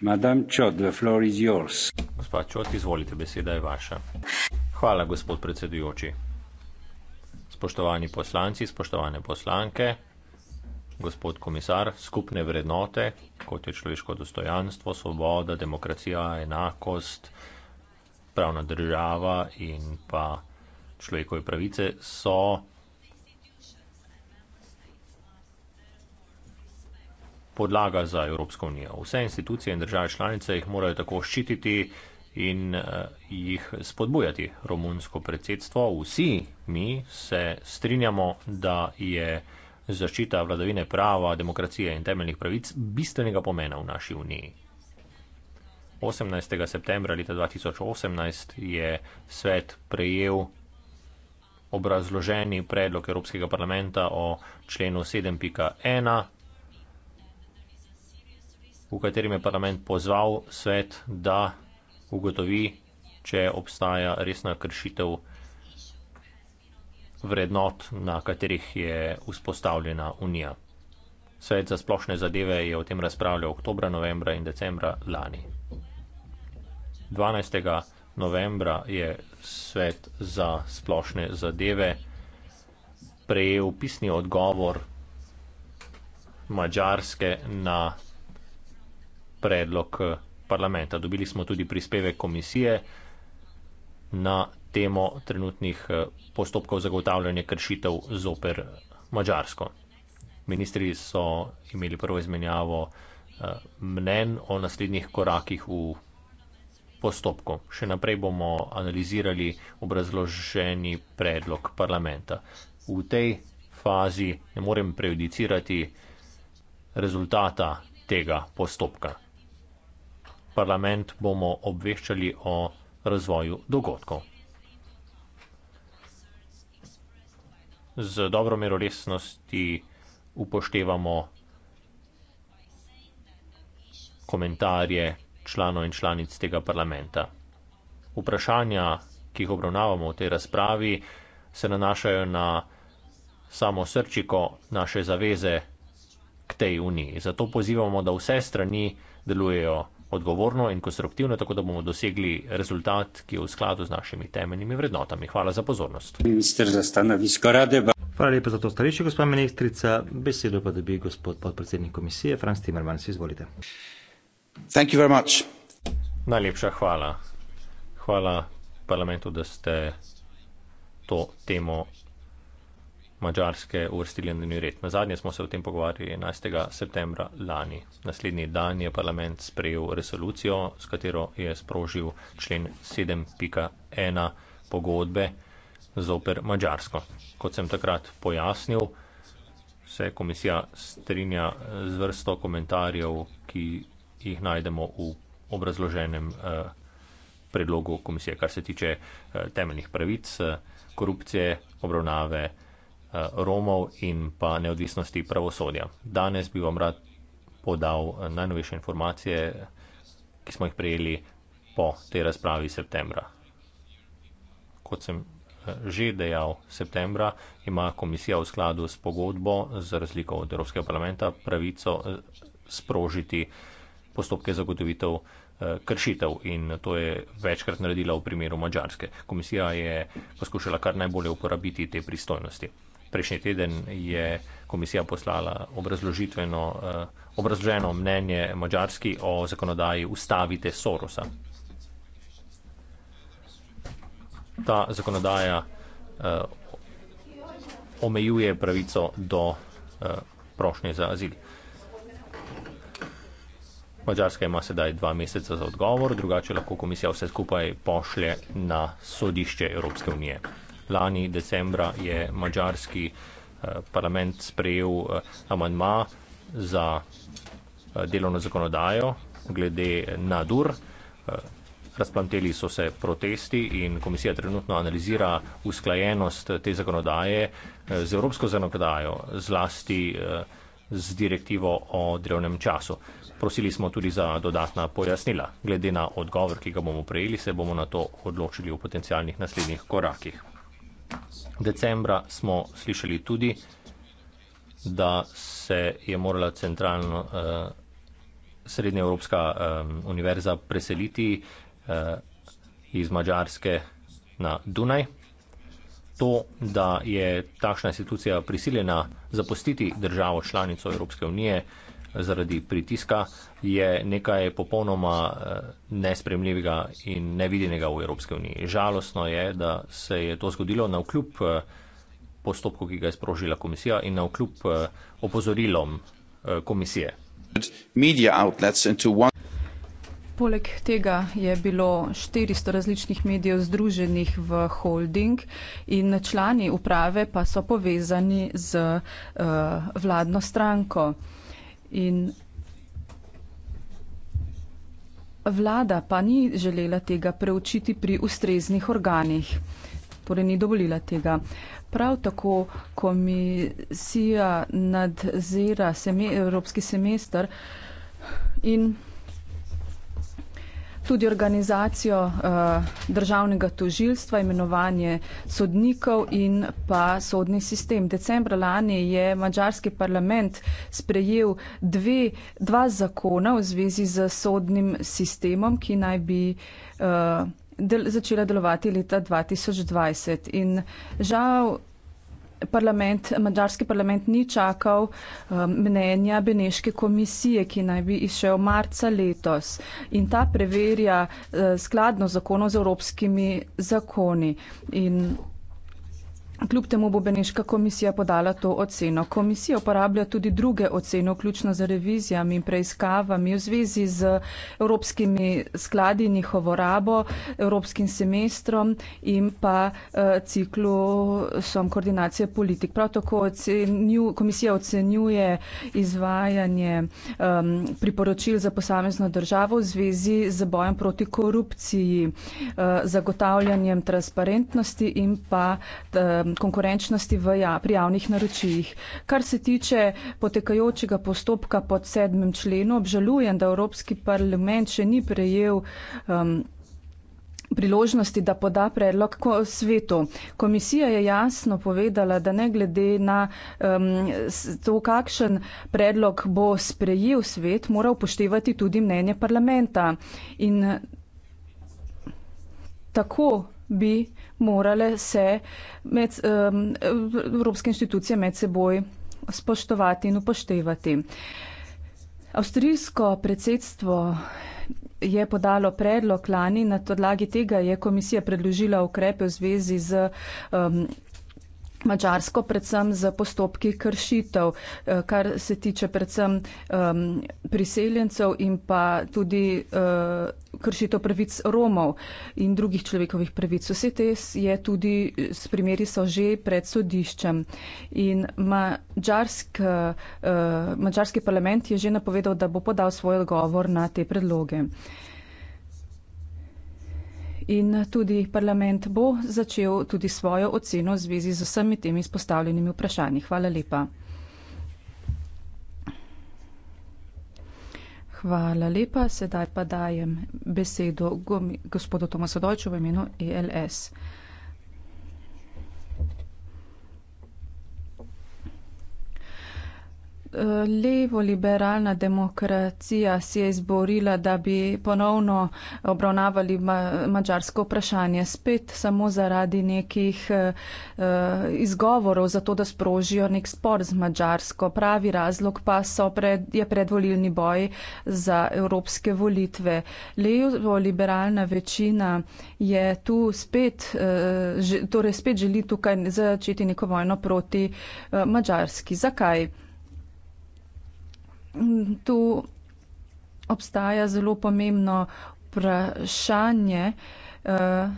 Madame Čot, the floor is yours. Gospa Čot, izvolite, beseda je vaša. Hvala, gospod predsedujoči. Spoštovani poslanci, spoštovane poslanke, gospod komisar, skupne vrednote, kot je človeško dostojanstvo, svoboda, demokracija, enakost, pravna država in pa človekove pravice, so podlaga za Evropsko unijo. Vse institucije in države članice jih morajo tako ščititi, in eh, jih spodbujati. Romunsko predsedstvo, vsi mi se strinjamo, da je zaščita vladavine prava, demokracije in temeljnih pravic bistvenega pomena v naši uniji. 18. septembra leta 2018 je svet prejel obrazloženi predlog Evropskega parlamenta o členu 7.1, v katerem je parlament pozval svet, da ugotovi, če obstaja resna kršitev vrednot, na katerih je vzpostavljena unija. Svet za splošne zadeve je o tem razpravljal oktobra, novembra in decembra lani. 12. novembra je svet za splošne zadeve prejel pisni odgovor Mačarske na predlog parlamenta. Dobili smo tudi prispevek komisije na temo trenutnih eh, postopkov zagotavljanja kršitev zoper Mačarsko. Ministri so imeli prvo izmenjavo eh, mnen o naslednjih korakih v postopku. Še naprej bomo analizirali obrazloženi predlog parlamenta. V tej fazi ne morem prejudicirati rezultata tega postopka parlament bomo obveščali o razvoju dogodkov. Z dobro mero resnosti upoštevamo komentarje članov in članic tega parlamenta. Vprašanja, ki jih obravnavamo v tej razpravi, se nanašajo na samo srčiko naše zaveze k tej uniji. Zato pozivamo, da vse strani delujejo odgovorno in konstruktivno, tako da bomo dosegli rezultat, ki je v skladu z našimi temeljnimi vrednotami. Hvala za pozornost. Hvala lepa za to stališče, gospod ministrica. Besedo pa dobi gospod podpredsednik komisije, Franz Timmermans, izvolite. Najlepša hvala. Hvala parlamentu, da ste to temo mačarske uvrstili na dnevni red. Na zadnje smo se o tem pogovarjali 11. septembra lani. Naslednji dan je parlament sprejel resolucijo, s katero je sprožil člen 7.1 pogodbe zoper Mačarsko. Kot sem takrat pojasnil, se komisija strinja z vrsto komentarjev, ki jih najdemo v obrazloženem eh, predlogu komisije, kar se tiče eh, temeljnih pravic, eh, korupcije, obravnave, Eh, Romov in pa neodvisnosti pravosodja. Danes bi vam rad podal eh, najnovejše informacije, ki smo jih prejeli po tej razpravi septembra. Kot sem eh, že dejal, septembra ima komisija v skladu s pogodbo, za razliko od Evropskega parlamenta, pravico sprožiti postopke zagotovitev kršitev in to je večkrat naredila v primeru Mačarske. Komisija je poskušala kar najbolje uporabiti te pristojnosti prejšnji teden je komisija poslala obrazložitveno, eh, obrazloženo mnenje Mačarski o zakonodaji Ustavite Sorosa. Ta zakonodaja uh, omejuje pravico do uh, prošnje za azil. Mačarska ima sedaj dva meseca za odgovor, drugače lahko komisija vse skupaj pošlje na sodišče Evropske unije. Lani decembra je mađarski eh, parlament sprejel eh, amanma za eh, delovno zakonodajo glede nadur. Razplanteli so se protesti in komisija trenutno analizira usklajenost te zakonodaje z evropsko zakonodajo, zlasti z direktivo o drevnem času. Prosili smo tudi za dodatna pojasnila. Glede na odgovor, ki ga bomo prejeli, se bomo na to odločili v potencialnih naslednjih korakih. Decembra smo slišali tudi, da se je morala centralno eh, srednjeevropska eh, univerza preseliti eh, iz Mačarske na Dunaj. To, da je takšna institucija prisiljena zapustiti državo članico Evropske unije, eh, zaradi pritiska je nekaj popolnoma eh, nespremljivega in nevidenega v Evropske unije. Žalostno je, da se je to zgodilo na vkljub eh, postopku, ki ga je sprožila komisija in na vkljub eh, opozorilom komisije. Poleg tega je bilo 400 različnih medijev združenih v holding in člani uprave pa so povezani z uh, vladno stranko. In vlada pa ni želela tega preučiti pri ustreznih organih, torej ni dovolila tega. Prav tako komisija nadzira sem, evropski semester in tudi organizacijo eh, državnega tožilstva, imenovanje sodnikov in pa sodni sistem. Decembra lani je mađarski parlament sprejel dve, dva zakona v zvezi z sodnim sistemom, ki naj bi eh, del, začela delovati leta 2020. In žal parlament, mađarski parlament ni čakal um, mnenja Beneške komisije, ki naj bi išel marca letos. In ta preverja uh, skladno zakonov z evropskimi zakoni. In Kljub temu bo Beneška komisija podala to oceno. Komisija uporablja tudi druge ocene, vključno z revizijami in preiskavami v zvezi z evropskimi skladi, njihovo rabo, evropskim semestrom in pa eh, ciklusom koordinacije politik. Prav tako ocenju, komisija ocenjuje izvajanje um, priporočil za posamezno državo v zvezi z bojem proti korupciji, uh, zagotavljanjem transparentnosti in pa um, Um, konkurenčnosti v, ja, pri javnih naročilih. Kar se tiče potekajočega postopka pod sedmem členu, obžalujem, da Evropski parlament še ni prejel. Um, priložnosti, da poda predlog ko svetu. Komisija je jasno povedala, da ne glede na um, to, kakšen predlog bo sprejel svet, mora upoštevati tudi mnenje parlamenta. In tako bi morale se med, um, evropske inštitucije med seboj spoštovati in upoštevati. Avstrijsko predsedstvo je podalo predlog lani, na podlagi tega je komisija predložila ukrepe v zvezi z um, Mačarsko predvsem z postopki kršitev, eh, kar se tiče predvsem um, priseljencev in pa tudi uh, kršitev pravic Romov in drugih človekovih pravic. Vse te je tudi, s primeri so že pred sodiščem. In mačarsk, uh, eh, mačarski parlament je že napovedal, da bo podal svoj odgovor na te predloge. Uh, in tudi parlament bo začel tudi svojo oceno v zvezi z vsemi temi izpostavljenimi vprašanji. Hvala lepa. Hvala lepa. Sedaj pa dajem besedo gospodu Tomasu Dojču v imenu ELS. Levo-liberalna demokracija si je izborila, da bi ponovno obravnavali ma mačarsko vprašanje spet samo zaradi nekih uh, izgovorov, zato da sprožijo nek spor z mačarsko. Pravi razlog pa pred, je predvolilni boj za evropske volitve. Levo-liberalna večina je tu spet, uh, torej spet želi tukaj začeti neko vojno proti uh, mačarski. Zakaj? tu obstaja zelo pomembno vprašanje eh,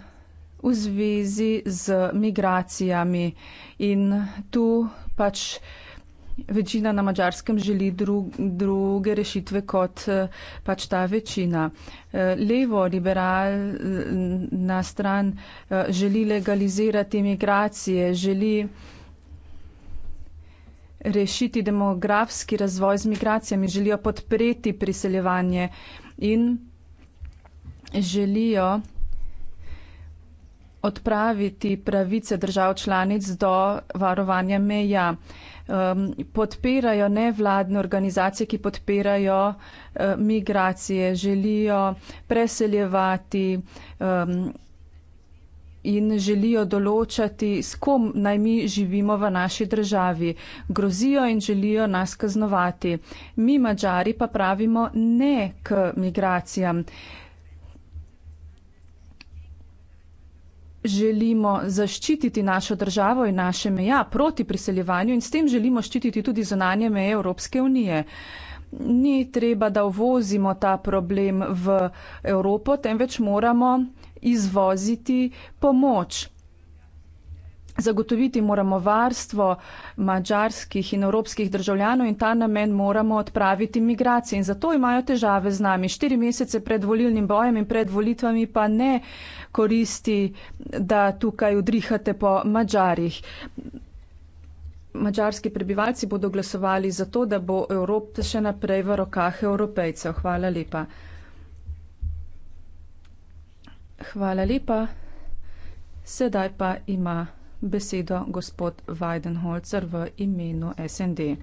v zvezi z migracijami in tu pač večina na mačarskem želi dru, druge rešitve kot eh, pač ta večina. Eh, levo liberalna stran želi legalizirati migracije, želi rešiti demografski razvoj z migracijami, želijo podpreti priseljevanje in želijo odpraviti pravice držav članic do varovanja meja. Um, podpirajo nevladne organizacije, ki podpirajo uh, migracije, želijo preseljevati um, in želijo določati, s kom naj mi živimo v naši državi. Grozijo in želijo nas kaznovati. Mi, mačari, pa pravimo ne k migracijam. Želimo zaščititi našo državo in naše meja proti priseljevanju in s tem želimo ščititi tudi zunanje meje Evropske unije. Ni treba, da uvozimo ta problem v Evropo, temveč moramo izvoziti pomoč. Zagotoviti moramo varstvo mađarskih in evropskih državljanov in ta namen moramo odpraviti migracije. In zato imajo težave z nami. Štiri mesece pred volilnim bojem in pred volitvami pa ne koristi, da tukaj udrihate po mađarih. Mačarski prebivalci bodo glasovali za to, da bo Evropa še naprej v rokah evropejcev. Hvala lepa. Hvala lepa. Sedaj pa ima besedo gospod Weidenholzer v imenu SND.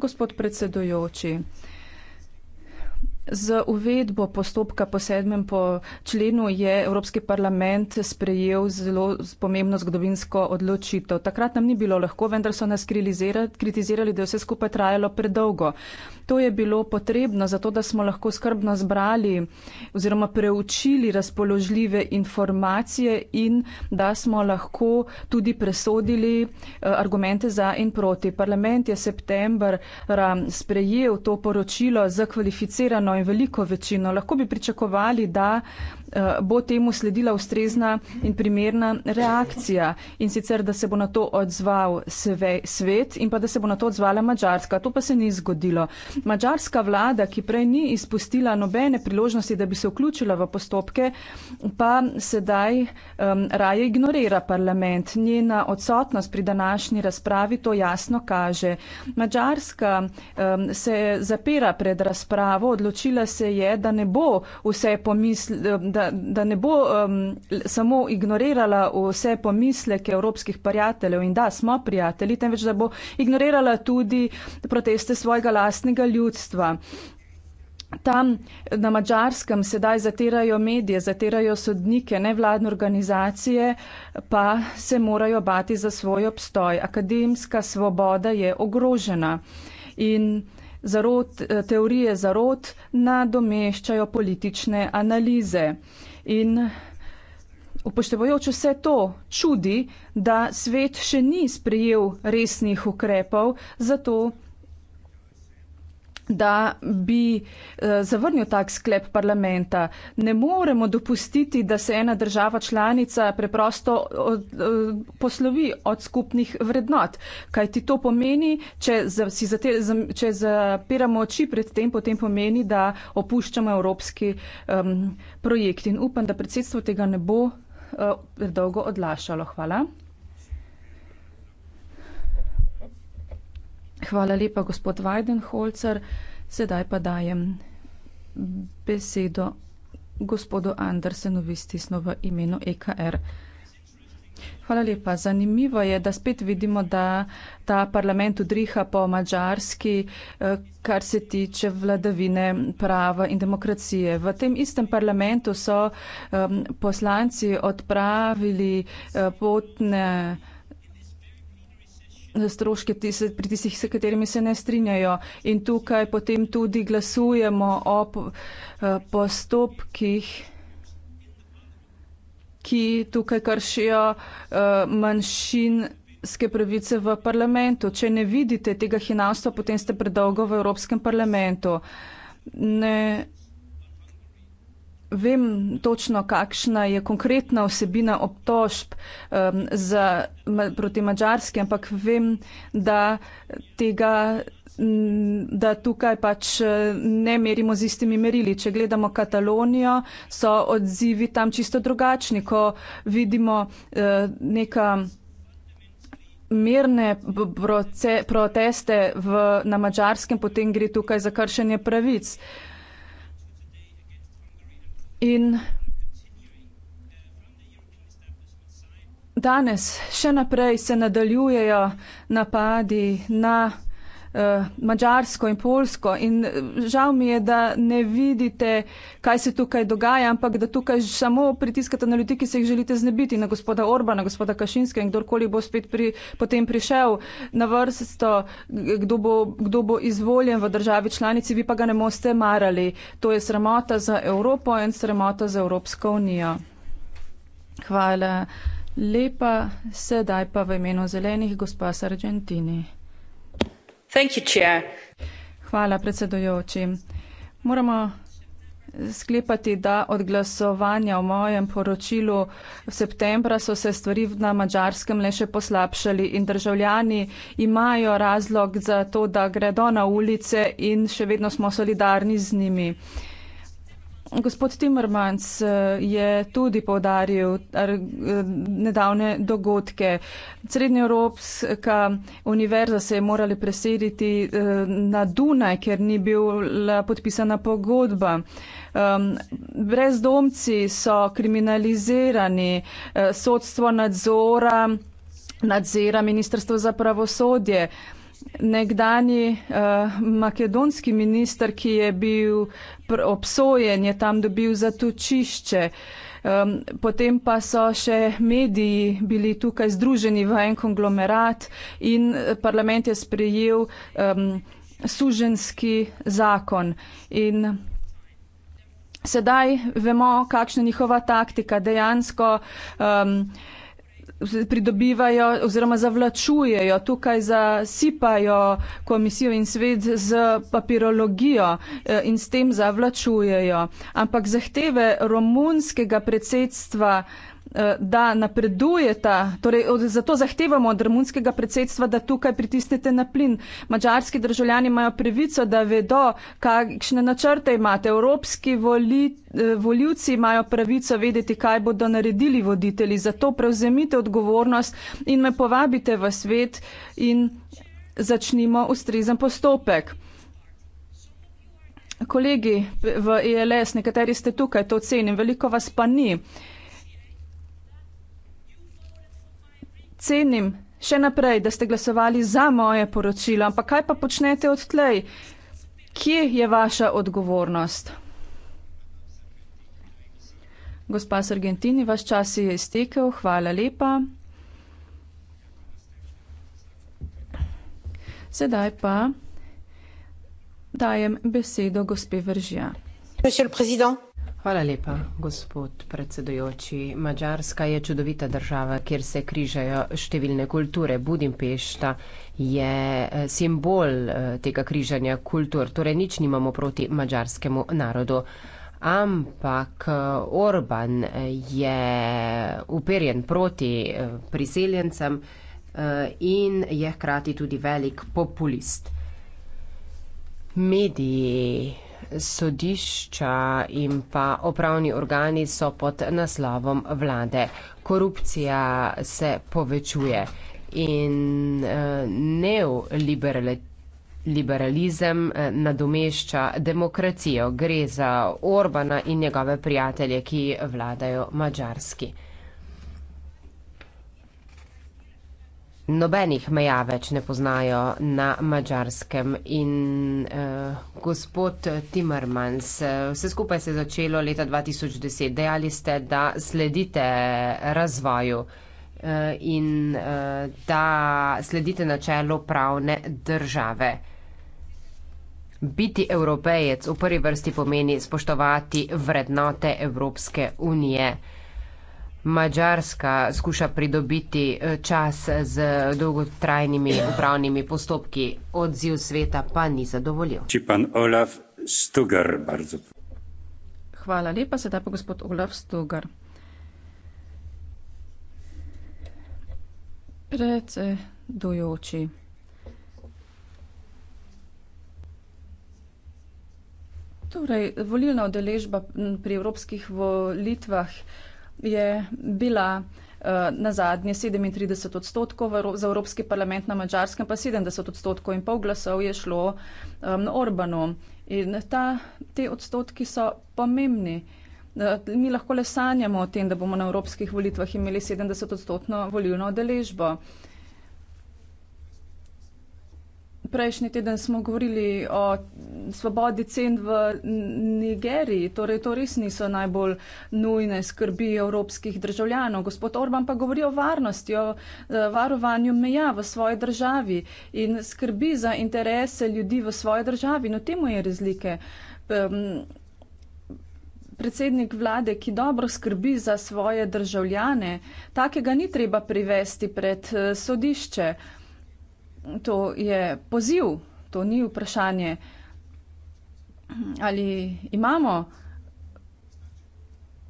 Gospod predsedujoči, z uvedbo postopka po sedmem po členu je Evropski parlament sprejel zelo pomembno zgodovinsko odločitev. Takrat nam ni bilo lahko, vendar so nas kritizirali, da je vse skupaj trajalo predolgo. To je bilo potrebno, zato da smo lahko skrbno zbrali oziroma preučili razpoložljive informacije in da smo lahko tudi presodili eh, argumente za in proti. Parlament je septembra sprejel to poročilo za kvalificirano in veliko večino. Lahko bi pričakovali, da Eh, bo temu sledila ustrezna in primerna reakcija in sicer, da se bo na to odzval sve, svet in pa da se bo na to odzvala Mačarska. To pa se ni zgodilo. Mačarska vlada, ki prej ni izpustila nobene priložnosti, da bi se vključila v postopke, pa sedaj um, raje ignorira parlament. Njena odsotnost pri današnji razpravi to jasno kaže. Mačarska um, se zapira pred razpravo, odločila se je, da ne bo vse pomislila, da, da ne bo um, samo ignorirala vse pomisleke evropskih prijateljev in da smo prijatelji, temveč da bo ignorirala tudi proteste svojega lastnega ljudstva. Tam na Mačarskem sedaj zatirajo medije, zatirajo sodnike, nevladne organizacije, pa se morajo bati za svoj obstoj. Akademska svoboda je ogrožena. In zarot, eh, teorije zarot nadomeščajo politične analize. In upoštevajoč vse to, čudi, da svet še ni sprejel resnih ukrepov za to, da bi eh, zavrnil tak sklep parlamenta. Ne moremo dopustiti, da se ena država članica preprosto od, eh, poslovi od skupnih vrednot. Kaj ti to pomeni, če, si zate, če zapiramo oči pred tem, potem pomeni, da opuščamo evropski um, projekt. In upam, da predsedstvo tega ne bo uh, eh, dolgo odlašalo. Hvala. Hvala lepa, gospod Weidenholzer. Sedaj pa dajem besedo gospodu Andersenu, vi stisno v imenu EKR. Hvala lepa. Zanimivo je, da spet vidimo, da ta parlament udriha po mačarski, eh, kar se tiče vladavine prava in demokracije. V tem istem parlamentu so um, poslanci odpravili uh, potne stroške tise, pri tistih, s katerimi se ne strinjajo. In tukaj potem tudi glasujemo o eh, postopkih, ki tukaj kršijo eh, manjšin ske pravice v parlamentu. Če ne vidite tega hinavstva, potem ste predolgo v Evropskem parlamentu. Ne, vem točno, kakšna je konkretna osebina obtožb um, za, proti mačarski, ampak vem, da tega mm, da tukaj pač eh, ne merimo z istimi merili. Če gledamo Katalonijo, so odzivi tam čisto drugačni. Ko vidimo eh, neka mirne proce, proteste v, na mačarskem, potem gre tukaj za kršenje pravic. Eh, In danes še naprej se nadaljujejo napadi na. Eh, Mačarsko in Polsko. In eh, žal mi je, da ne vidite, kaj se tukaj dogaja, ampak da tukaj samo pritiskate na ljudi, ki se jih želite znebiti, na gospoda Orbana, na gospoda Kašinske in kdorkoli bo spet pri, potem prišel na vrsto, kdo bo, kdo bo izvoljen v državi članici, vi pa ga ne boste marali. To je sramota za Evropo in sramota za Evropsko unijo. Hvala. Lepa, sedaj pa v imenu zelenih gospa Sargentini. Hvala, predsedujoči. Moramo sklepati, da od glasovanja o mojem poročilu v septembra so se stvari na mačarskem le še poslabšali in državljani imajo razlog za to, da gredo na ulice in še vedno smo solidarni z njimi. Uh, Gospod Timmermans eh, je tudi povdaril eh, nedavne dogodke. Srednjeevropska univerza se je morala preseliti eh, na Dunaj, ker ni bila podpisana pogodba. Ehm, brezdomci so kriminalizirani, sodstvo nadzora nadzira Ministrstvo za pravosodje. Nekdani uh, makedonski minister, ki je bil obsojen, je tam dobil zatočišče. Um, potem pa so še mediji bili tukaj združeni v en konglomerat in parlament je sprejel um, suženski zakon. In sedaj vemo, kakšna je njihova taktika. Dejansko um, pridobivajo oziroma zavlačujejo, tukaj zasipajo komisijo in svet z papirologijo eh, in s tem zavlačujejo. Ampak zahteve romunskega predsedstva Eh, da napredujeta, torej zato zahtevamo od romunskega predsedstva, da tukaj pritisnete na plin. Mačarski državljani imajo pravico, da vedo, kakšne načrte imate. Evropski voli, eh, voljivci imajo pravico vedeti, kaj bodo naredili voditelji. Zato prevzemite odgovornost in me povabite v svet in začnimo ustrezen postopek. Kolegi v ELS, nekateri ste tukaj, to ocenim, veliko vas pa ni. Uh, cenim še naprej, da ste glasovali za moje poročilo, ampak kaj pa počnete odtlej? Kje je vaša odgovornost? Gospa s Argentini, vaš čas je iztekel, hvala lepa. Sedaj pa dajem besedo gospe Vržja. Gospod predsednik, Hvala lepa, gospod predsedujoči. Mačarska je čudovita država, kjer se križajo številne kulture. Budimpešta je eh, simbol eh, tega križanja kultur, torej nič nimamo proti mačarskemu narodu. Ampak eh, Orban je uperjen proti priseljencem in je hkrati tudi velik populist. Mediji sodišča in pa opravni organi so pod naslovom vlade. Korupcija se povečuje in eh, neoliberalizem eh, nadomešča demokracijo. Gre za Orbana in njegove prijatelje, ki vladajo Mačarski. nobenih meja več ne poznajo na mačarskem. In eh, gospod Timmermans, vse skupaj se je začelo leta 2010. Dejali ste, da sledite razvoju eh, in eh, da sledite načelu pravne države. Biti evropejec v prvi vrsti pomeni spoštovati vrednote Evropske unije. Eh, Mačarska skuša pridobiti eh, čas z dolgotrajnimi upravnimi postopki, odziv sveta pa ni zadovoljil. Hvala lepa, sedaj pa gospod Olaf Stugar. Predsedujoči. Torej, volilna odeležba pri evropskih volitvah je bila eh, na zadnje 37 odstotkov, za Evropski parlament na Mačarskem pa 70 odstotkov in pol glasov je šlo um, Orbanu. In ta, te odstotki so pomembni. Eh, mi lahko le sanjamo o tem, da bomo na evropskih volitvah imeli 70 odstotno volilno odeležbo. Uh, prejšnji teden smo govorili o svobodi cen v Nigeriji, torej to res niso najbolj nujne skrbi evropskih državljanov. Gospod Orban pa govori o varnosti, o eh, varovanju meja v svoji državi in skrbi za interese ljudi v svoji državi. No, temu je razlike. Predsednik vlade, ki dobro skrbi za svoje državljane, takega ni treba privesti pred eh, sodišče to je poziv, to ni vprašanje, ali imamo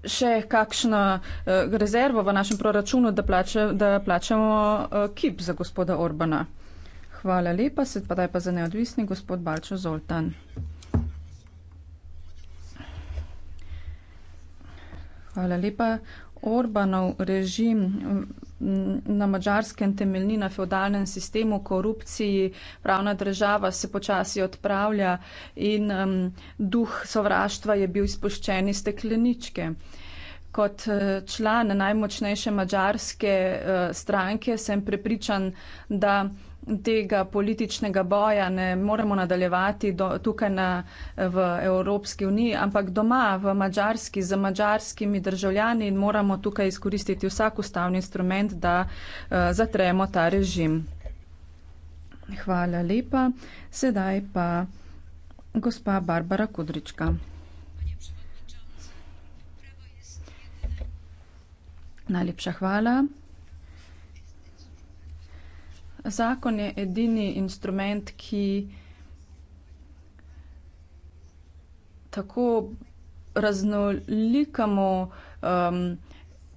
še kakšno eh, rezervo v našem proračunu, da, plače, da plačamo eh, kip za gospoda Orbana. Hvala lepa, se pa daj pa za neodvisni gospod Balčo Zoltan. Hvala lepa. Orbanov režim mm, na mačarskem temeljni na feudalnem sistemu, korupciji, pravna država se počasi odpravlja in um, duh sovraštva je bil izpuščen iz stekleničke. Kot eh, član najmočnejše mačarske uh, eh, stranke sem prepričan, da tega političnega boja ne moremo nadaljevati do, tukaj na, v Evropski uniji, ampak doma v Mačarski z mačarskimi državljani moramo tukaj izkoristiti vsak ustavni instrument, da uh, zatremo ta režim. Hvala lepa. Sedaj pa gospa Barbara Kudrička. Najlepša hvala. Zakon je edini instrument, ki tako raznolikamo um,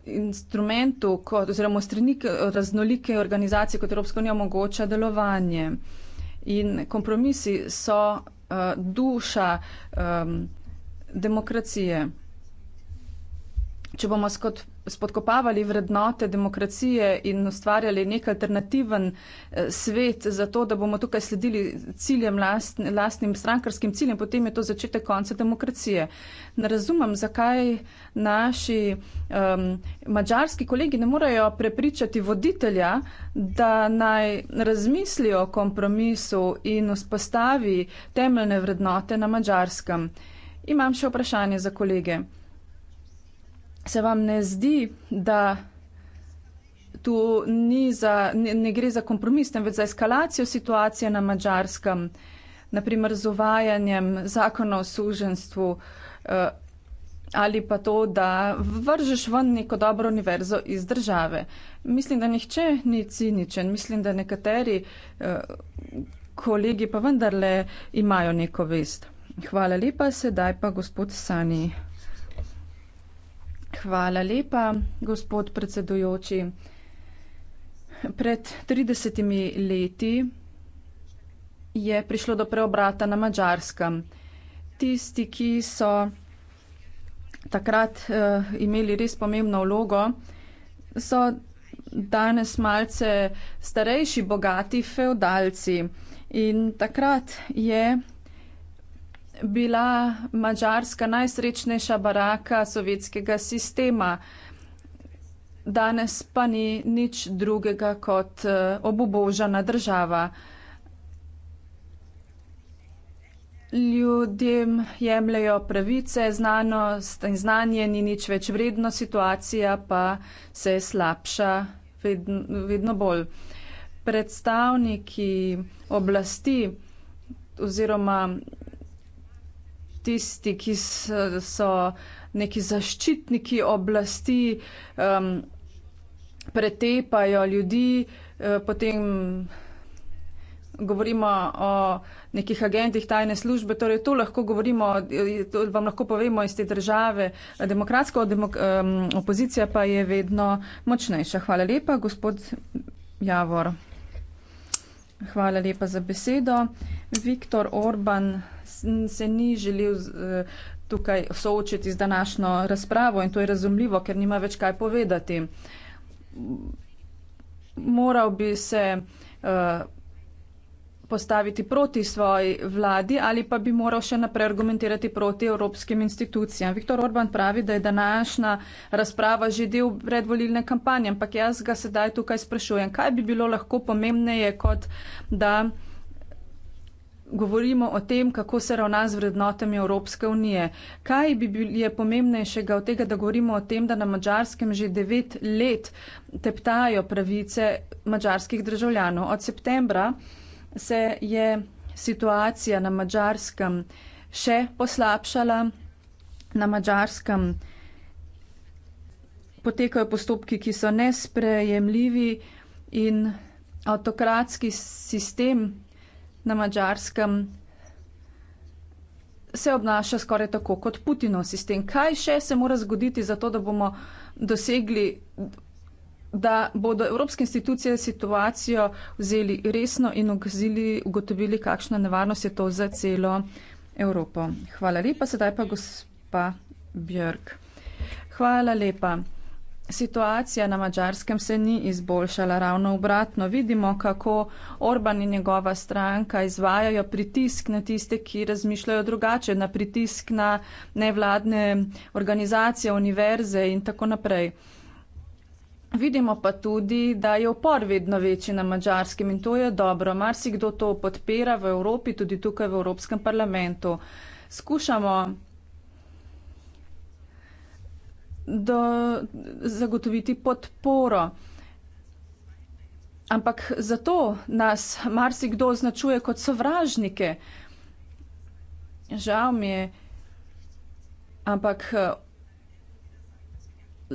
instrumentu, kot, oziroma raznolike organizacije kot Evropska unija omogoča delovanje. In kompromisi so uh, duša um, demokracije. Če bomo skozi spodkopavali vrednote demokracije in ustvarjali nek alternativen eh, svet za to, da bomo tukaj sledili ciljem, last, lastnim strankarskim ciljem, potem je to začetek konca demokracije. Ne razumem, zakaj naši um, mađarski kolegi ne morejo prepričati voditelja, da naj razmisli o kompromisu in vzpostavi temeljne vrednote na mađarskem. Imam še vprašanje za kolege se vam ne zdi, da tu ni za, ne, ne gre za kompromis, temveč za eskalacijo situacije na mačarskem, naprimer z uvajanjem zakona o suženstvu eh, ali pa to, da vržeš ven neko dobro univerzo iz države. Mislim, da nihče ni ciničen, mislim, da nekateri eh, kolegi pa vendarle imajo neko vest. Hvala lepa, sedaj pa gospod Sani. Hvala lepa, gospod predsedujoči. Pred 30 leti je prišlo do preobrata na Mačarskem. Tisti, ki so takrat uh, imeli res pomembno vlogo, so danes malce starejši, bogati feudalci. In takrat je bila Mačarska najsrečnejša baraka sovjetskega sistema. Danes pa ni nič drugega kot eh, obubožana država. Ljudem jemljajo pravice, znanost in znanje ni nič več vredno, situacija pa se slabša vedno, vedno bolj. Predstavniki oblasti oziroma tisti, ki so neki zaščitniki oblasti, um, pretepajo ljudi, uh, potem govorimo o nekih agentih tajne službe, torej to lahko govorimo, to vam lahko povemo iz te države. Demokratska demok um, opozicija pa je vedno močnejša. Hvala lepa, gospod Javor. Hvala lepa za besedo. Viktor Orban se ni želel eh, tukaj soočiti z današnjo razpravo in to je razumljivo, ker nima več kaj povedati. Moral bi se uh, postaviti proti svoji vladi ali pa bi moral še naprej argumentirati proti evropskim institucijam. Viktor Orban pravi, da je današnja razprava že del predvolilne kampanje, ampak jaz ga sedaj tukaj sprašujem, kaj bi bilo lahko pomembneje, kot da govorimo o tem, kako se ravna z vrednotami Evropske unije. Kaj bi bilo pomembnejšega od tega, da govorimo o tem, da na mačarskem že devet let teptajo pravice mačarskih državljanov? Od septembra se je situacija na Mačarskem še poslabšala. Na Mačarskem potekajo postopki, ki so nesprejemljivi in avtokratski sistem na Mačarskem se obnaša skoraj tako kot Putinov sistem. Kaj še se mora zgoditi za to, da bomo dosegli da bodo evropske institucije situacijo vzeli resno in ugazili, ugotovili, kakšna nevarnost je to za celo Evropo. Hvala lepa, sedaj pa gospa Björk. Hvala lepa. Situacija na mačarskem se ni izboljšala, ravno obratno. Vidimo, kako Orban in njegova stranka izvajajo pritisk na tiste, ki razmišljajo drugače, na pritisk na nevladne organizacije, univerze in tako naprej. Vidimo pa tudi, da je upor vedno večji na mačarskem in to je dobro. Marsikdo to podpira v Evropi, tudi tukaj v Evropskem parlamentu. Skušamo do, zagotoviti podporo. Ampak zato nas marsikdo označuje kot sovražnike. Žal mi je, ampak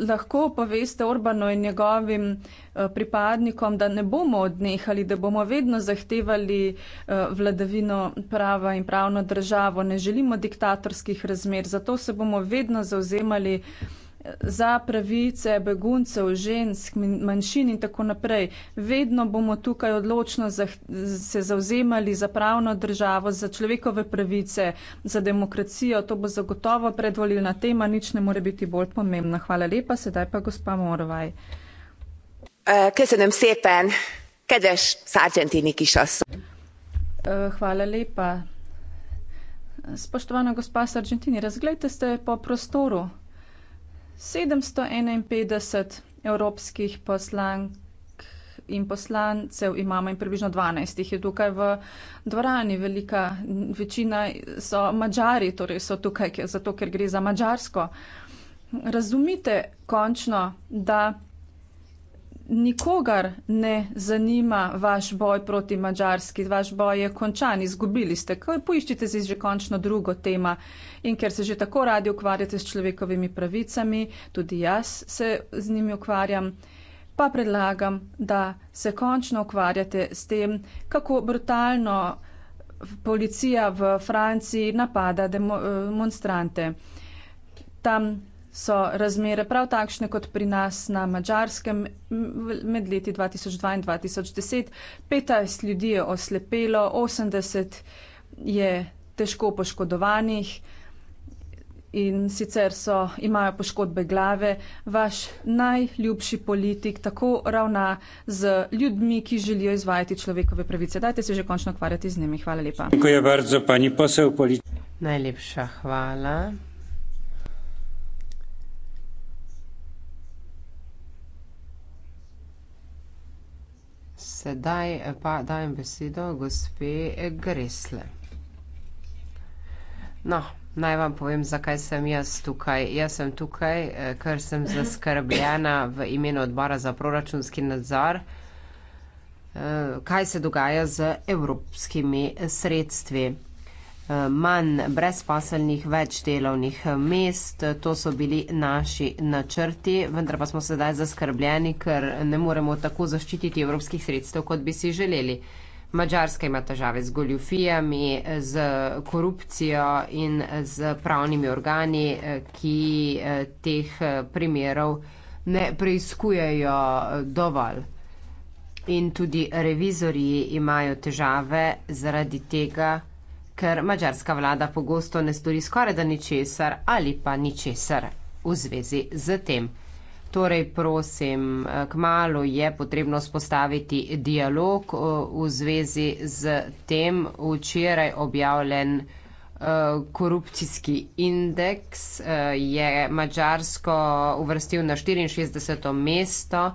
lahko poveste Orbano in njegovim eh, pripadnikom, da ne bomo odnehali, da bomo vedno zahtevali eh, vladavino prava in pravno državo, ne želimo diktatorskih razmer, zato se bomo vedno zauzemali za pravice beguncev, žensk, manjšin in tako naprej. Vedno bomo tukaj odločno za, se zauzemali za pravno državo, za človekove pravice, za demokracijo. To bo zagotovo predvolilna tema, nič ne more biti bolj pomembna. Hvala lepa, sedaj pa gospa Morovaj. Eh, köszönöm szépen, kedves szárgyentini kisasszony! Eh, hvala lepa. Spoštovana gospa Sargentini, razglejte se po prostoru. 751 evropskih poslank in poslancev imamo in približno 12 jih je tukaj v dvorani, velika večina so Madžari, torej so tukaj zato, ker gre za Madžarsko. Razumite končno, da nikogar ne zanima vaš boj proti Mačarski, vaš boj je končan, izgubili ste. Poiščite si že končno drugo tema in ker se že tako radi ukvarjate s človekovimi pravicami, tudi jaz se z njimi ukvarjam, pa predlagam, da se končno ukvarjate s tem, kako brutalno policija v Franciji napada eh, demonstrante. Tam so razmere prav takšne kot pri nas na Mačarskem med leti 2002 in 2010. 15 ljudi je oslepelo, 80 je težko poškodovanih in sicer so, imajo poškodbe glave. Vaš najljubši politik tako ravna z ljudmi, ki želijo izvajati človekove pravice. Dajte se že končno ukvarjati z njimi. Hvala lepa. Najlepša hvala. Sedaj pa dajem besedo gospe Gresle. No, naj vam povem, zakaj sem jaz tukaj. Jaz sem tukaj, eh, ker sem zaskrbljena v imenu odbora za proračunski nadzor, eh, kaj se dogaja z evropskimi sredstvi manj brezposelnih, več delovnih mest. To so bili naši načrti, vendar pa smo sedaj zaskrbljeni, ker ne moremo tako zaščititi evropskih sredstev, kot bi si želeli. Mačarska ima težave z goljufijami, z korupcijo in z pravnimi organi, ki eh, teh eh, primerov ne preiskujejo eh, dovolj. In tudi revizori imajo težave zaradi tega, ker mađarska vlada pogosto ne stori skoraj da ničesar ali pa ničesar v zvezi z tem. Torej, prosim, kmalo je potrebno spostaviti dialog eh, v zvezi z tem včeraj objavljen eh, korupcijski indeks. Eh, je Mačarsko uvrstil na 64. mesto,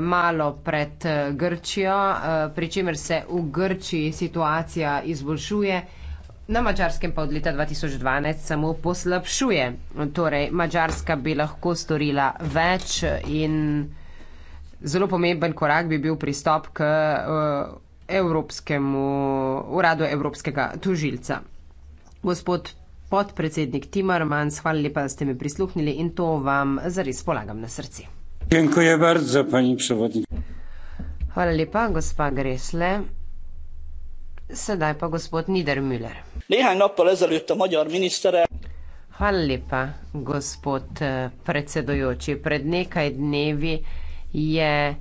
malo pred Grčijo, pri čemer se v Grčiji situacija izboljšuje na mačarskem pa od leta 2012 samo poslabšuje. Torej, mačarska bi lahko storila več in zelo pomemben korak bi bil pristop k eh, Evropskemu uradu Evropskega tužilca. Gospod podpredsednik Timerman, hvala lepa, da ste mi prisluhnili in to vam zares polagam na srce. Hvala lepa, gospa Gresle. Sedaj pa gospod Niedermüller. Nehaj nappal ezelőtt a magyar minisztere. Hvala lepa, gospod eh, predsedujoči. Pred nekaj dnevi je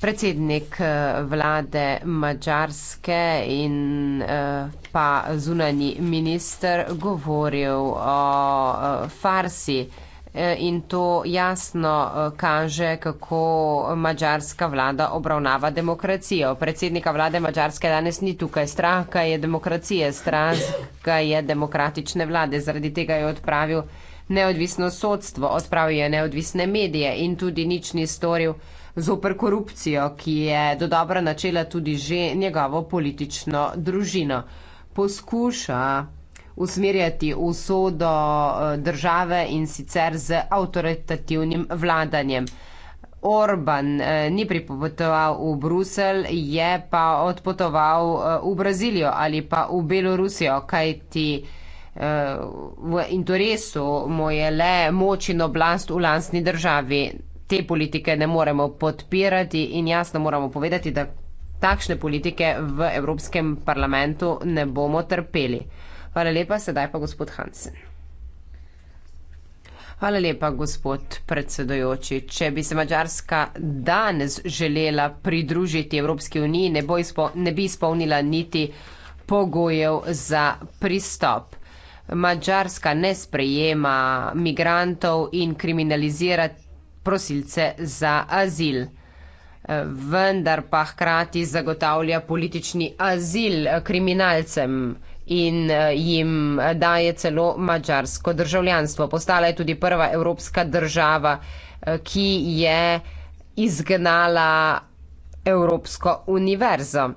predsednik eh, vlade Mačarske in eh, pa zunani minister govoril o farsi. E, in to jasno e, kaže, kako mađarska vlada obravnava demokracijo. Predsednika vlade Mađarske danes ni tukaj. Strah ga je demokracije, strah ga je demokratične vlade. Zaradi tega je odpravil neodvisno sodstvo, odpravil je neodvisne medije in tudi nič ni storil zoper korupcijo, ki je do dobra načela tudi že njegovo politično družino. Poskuša usmerjati usodo eh, države in sicer z avtoritativnim vladanjem. Orban eh, ni pripotoval v Brusel, je pa odpotoval eh, v Brazilijo ali pa v Belorusijo, kajti v interesu mu je le moč in oblast v lastni državi. Te politike ne moremo podpirati in jasno moramo povedati, da takšne politike v Evropskem parlamentu ne bomo trpeli. Hvala lepa, sedaj pa gospod Hansen. Hvala lepa, gospod predsedojoči. Če bi se Mačarska danes želela pridružiti Evropski uniji, ne, bo izpo, ne bi izpolnila niti pogojev za pristop. Mačarska ne sprejema migrantov in kriminalizira prosilce za azil, vendar pa hkrati zagotavlja politični azil kriminalcem in eh, jim eh, daje celo mačarsko državljanstvo. Postala je tudi prva evropska država, eh, ki je izgnala Evropsko univerzo.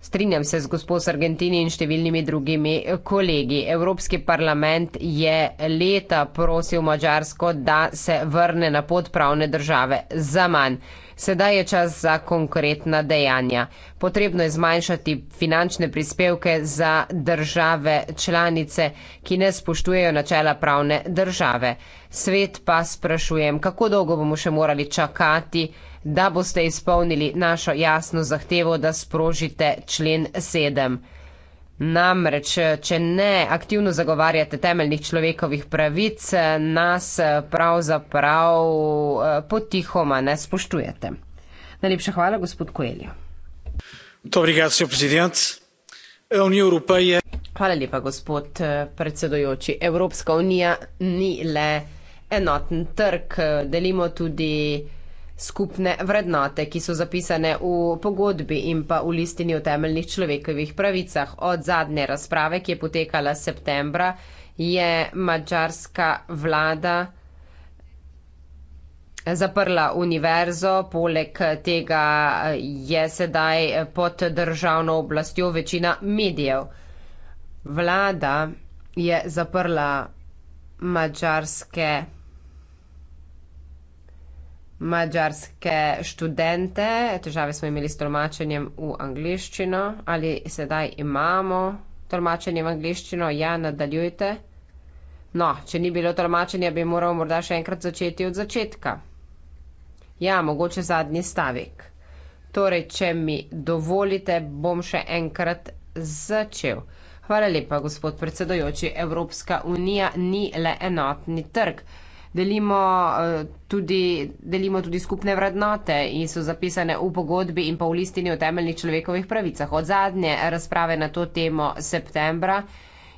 Strinjam se z gospod Argentini in številnimi drugimi kolegi. Evropski parlament je leta prosil Mačarsko, da se vrne na pot pravne države za manj. Sedaj je čas za konkretna dejanja. Potrebno je zmanjšati finančne prispevke za države članice, ki ne spoštujejo načela pravne države. Svet pa sprašujem, kako dolgo bomo še morali čakati, da boste izpolnili našo jasno zahtevo, da sprožite člen 7. Namreč, če ne aktivno zagovarjate temeljnih človekovih pravic, nas pravzaprav eh, potihoma ne spoštujete. Najlepša hvala, gospod Koeljo. Hvala lepa, gospod eh, predsedojoči. Evropska unija ni le enoten trg, delimo tudi skupne vrednote, ki so zapisane v pogodbi in pa v listini o temeljnih človekovih pravicah. Od zadnje razprave, ki je potekala septembra, je mačarska vlada zaprla univerzo, poleg tega je sedaj pod državno oblastjo večina medijev. Vlada je zaprla mačarske mađarske študente, težave smo imeli s tolmačenjem v angliščino, ali sedaj imamo tolmačenje v angliščino, ja, nadaljujte. No, če ni bilo tolmačenja, bi moral morda še enkrat začeti od začetka. Ja, mogoče zadnji stavek. Torej, če mi dovolite, bom še enkrat začel. Hvala lepa, gospod predsedojoči. Evropska unija ni le enotni trg delimo, eh, tudi, delimo tudi skupne vrednote in so zapisane v pogodbi in pa v listini o temeljnih človekovih pravicah. Od zadnje razprave na to temo septembra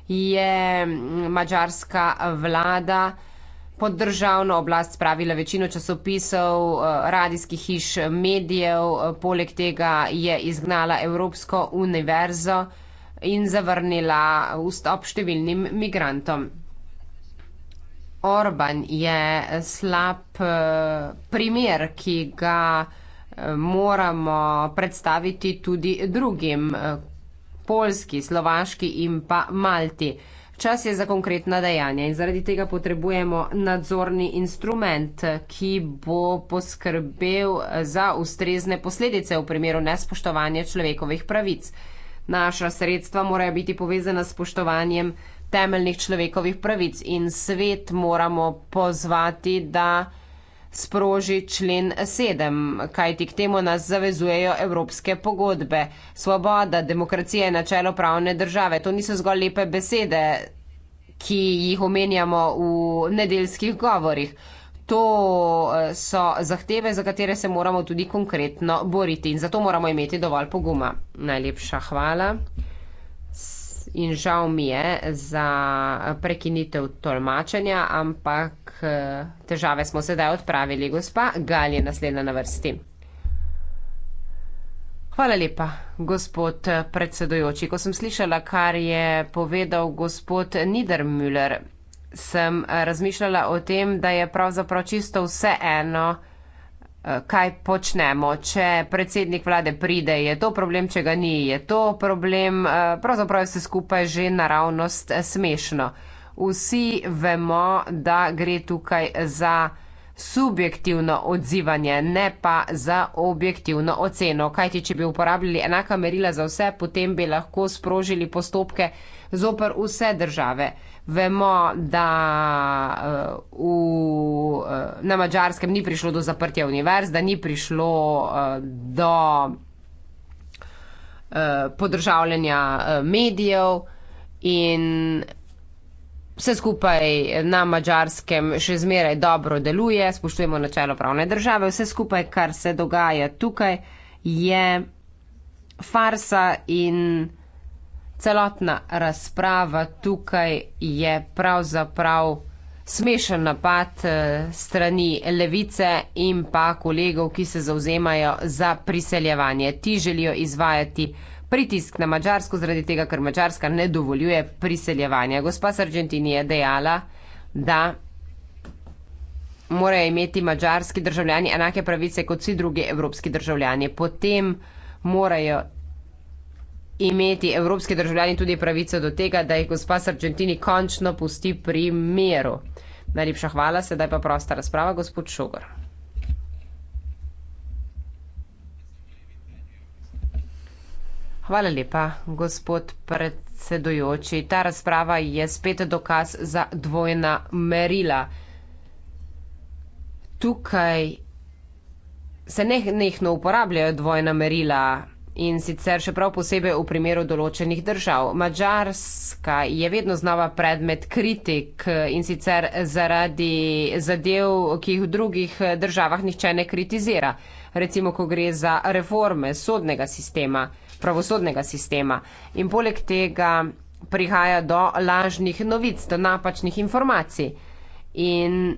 je mm, mačarska vlada pod državno oblast spravila večino časopisov, eh, radijskih hiš, medijev, eh, poleg tega je izgnala Evropsko univerzo in zavrnila vstop številnim migrantom. Orban je slab eh, primer, ki ga eh, moramo predstaviti tudi drugim, eh, polski, slovaški in pa malti. Čas je za konkretna dejanja in zaradi tega potrebujemo nadzorni instrument, ki bo poskrbel za ustrezne posledice v primeru nespoštovanja človekovih pravic. Naša sredstva morajo biti povezana s spoštovanjem temeljnih človekovih pravic in svet moramo pozvati, da sproži člen 7, kajti k temu nas zavezujejo evropske pogodbe. Svoboda, demokracija je načelo pravne države. To niso zgolj lepe besede, ki jih omenjamo v nedeljskih govorih. To eh, so zahteve, za katere se moramo tudi konkretno boriti in zato moramo imeti dovolj poguma. Najlepša hvala in žal mi je za prekinitev tolmačenja, ampak eh, težave smo sedaj odpravili, gospa Gal je naslednja na vrsti. Hvala lepa, gospod eh, predsedojoči. Ko sem slišala, kar je povedal gospod Niedermüller, sem eh, razmišljala o tem, da je pravzaprav čisto vseeno, Eh, kaj počnemo, če predsednik vlade pride, je to problem, če ga ni, je to problem, eh, pravzaprav je vse skupaj že naravnost eh, smešno. Vsi vemo, da gre tukaj za subjektivno odzivanje, ne pa za objektivno oceno. Kajti, če bi uporabljali enaka merila za vse, potem bi lahko sprožili postopke, zoper vse države. Vemo, da uh, v, eh, na Mačarskem ni prišlo do zaprtja univerz, da ni prišlo uh, do uh, podržavljanja uh, medijev in vse skupaj na Mačarskem še zmeraj dobro deluje, spoštujemo načelo pravne države, vse skupaj, kar se dogaja tukaj, je farsa in celotna razprava tukaj je pravzaprav smešen napad eh, strani levice in pa kolegov, ki se zauzemajo za priseljevanje. Ti želijo izvajati pritisk na Mačarsko, zaradi tega, ker Mačarska ne dovoljuje priseljevanja. Gospa Sargentini je dejala, da morajo imeti mačarski državljani enake pravice kot vsi drugi evropski državljani. Potem morajo imeti evropski državljani tudi pravico do tega, da jih gospa Sargentini končno pusti pri miru. Najlepša hvala, sedaj pa prosta razprava, gospod Šogor. Hvala lepa, gospod predsedujoči. Ta razprava je spet dokaz za dvojna merila. Tukaj se ne, nehno uporabljajo dvojna merila in sicer še prav posebej v primeru določenih držav. Mačarska je vedno znova predmet kritik in sicer zaradi zadev, ki jih v drugih državah nihče ne kritizira. Recimo, ko gre za reforme sodnega sistema, pravosodnega sistema in poleg tega prihaja do lažnih novic, do napačnih informacij. In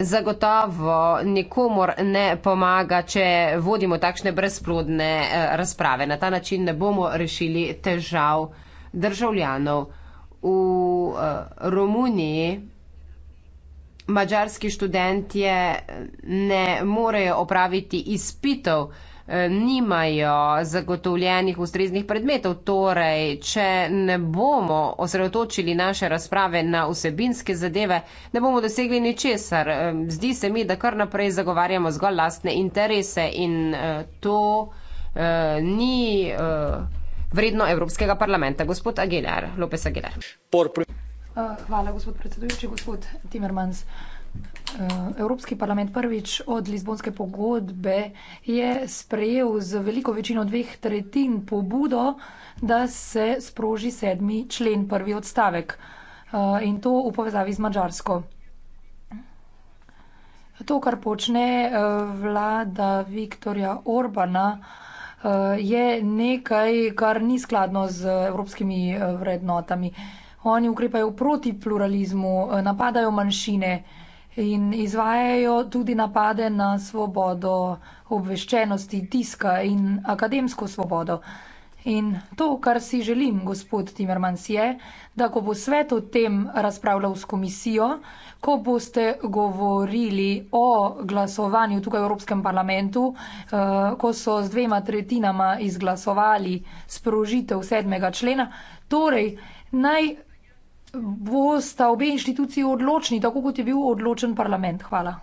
Zagotovo nikomor ne pomaga, če vodimo takšne brezplodne eh, razprave. Na ta način ne bomo rešili težav državljanov. V eh, Romuniji mađarski študentje ne morejo opraviti izpitev, Eh, nimajo zagotovljenih ustreznih predmetov. Torej, če ne bomo osredotočili naše razprave na vsebinske zadeve, ne bomo dosegli ničesar. Eh, zdi se mi, da kar naprej zagovarjamo zgolj lastne interese in eh, to ni vredno Evropskega parlamenta. Gospod Aguilar, Lopes Aguilar. Hvala, gospod predsedujoči, gospod Timmermans. Evropski parlament prvič od Lizbonske pogodbe je sprejel z veliko večino dveh tretjin pobudo, da se sproži sedmi člen, prvi odstavek eh, in to v povezavi z Mačarsko. To, kar počne eh, vlada Viktorja Orbana, eh, je nekaj, kar ni skladno z evropskimi vrednotami. Oni ukrepajo proti pluralizmu, napadajo manjšine, in izvajajo tudi napade na svobodo obveščenosti, tiska in akademsko svobodo. In to, kar si želim, gospod Timmermans, je, da ko bo svet o tem razpravljal s komisijo, ko boste govorili o glasovanju tukaj v Evropskem parlamentu, eh, ko so z dvema tretjinama izglasovali sprožitev sedmega člena, torej naj bo sta obe inštituciji odločni, tako kot je bil odločen parlament. Hvala.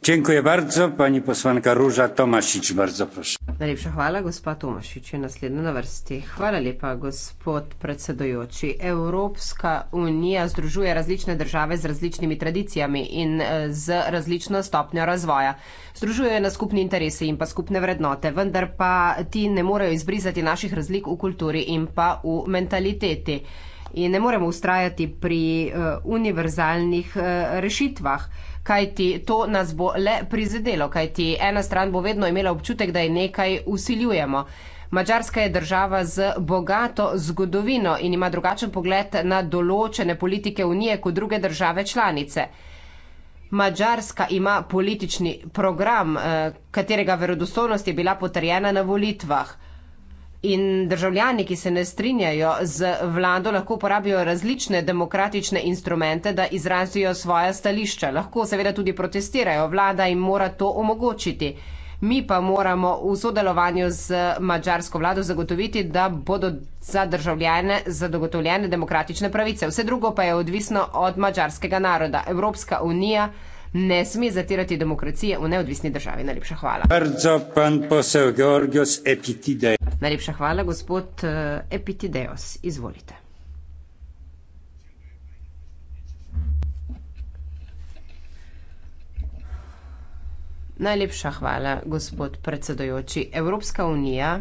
Čenkuje bardzo, pani poslanka Ruža Tomašič, bardzo prosim. Najlepša hvala, gospa Tomašič, je naslednja na vrsti. Hvala lepa, gospod predsedojoči. Evropska unija združuje različne države z različnimi tradicijami in eh, z različno stopnjo razvoja. Združujejo nas skupni interesi in pa skupne vrednote, vendar pa ti ne morejo izbrizati naših razlik v kulturi in pa v mentaliteti in ne moremo ustrajati pri uh, univerzalnih uh, rešitvah, kajti to nas bo le prizadelo, kajti ena stran bo vedno imela občutek, da je nekaj usiljujemo. Mačarska je država z bogato zgodovino in ima drugačen pogled na določene politike unije kot druge države članice. Mačarska ima politični program, eh, katerega verodostojnost je bila potrjena na volitvah. In državljani, ki se ne strinjajo z vlado, lahko uporabijo različne demokratične instrumente, da izrazijo svoja stališča. Lahko seveda tudi protestirajo, vlada jim mora to omogočiti. Mi pa moramo v sodelovanju z mačarsko vlado zagotoviti, da bodo za državljane zagotovljene demokratične pravice. Vse drugo pa je odvisno od mačarskega naroda. Evropska unija ne sme zatirati demokracije v neodvisni državi. Najlepša hvala. Najlepša hvala, gospod eh, Epitideos. Izvolite. Najlepša hvala, gospod predsedojoči. Evropska unija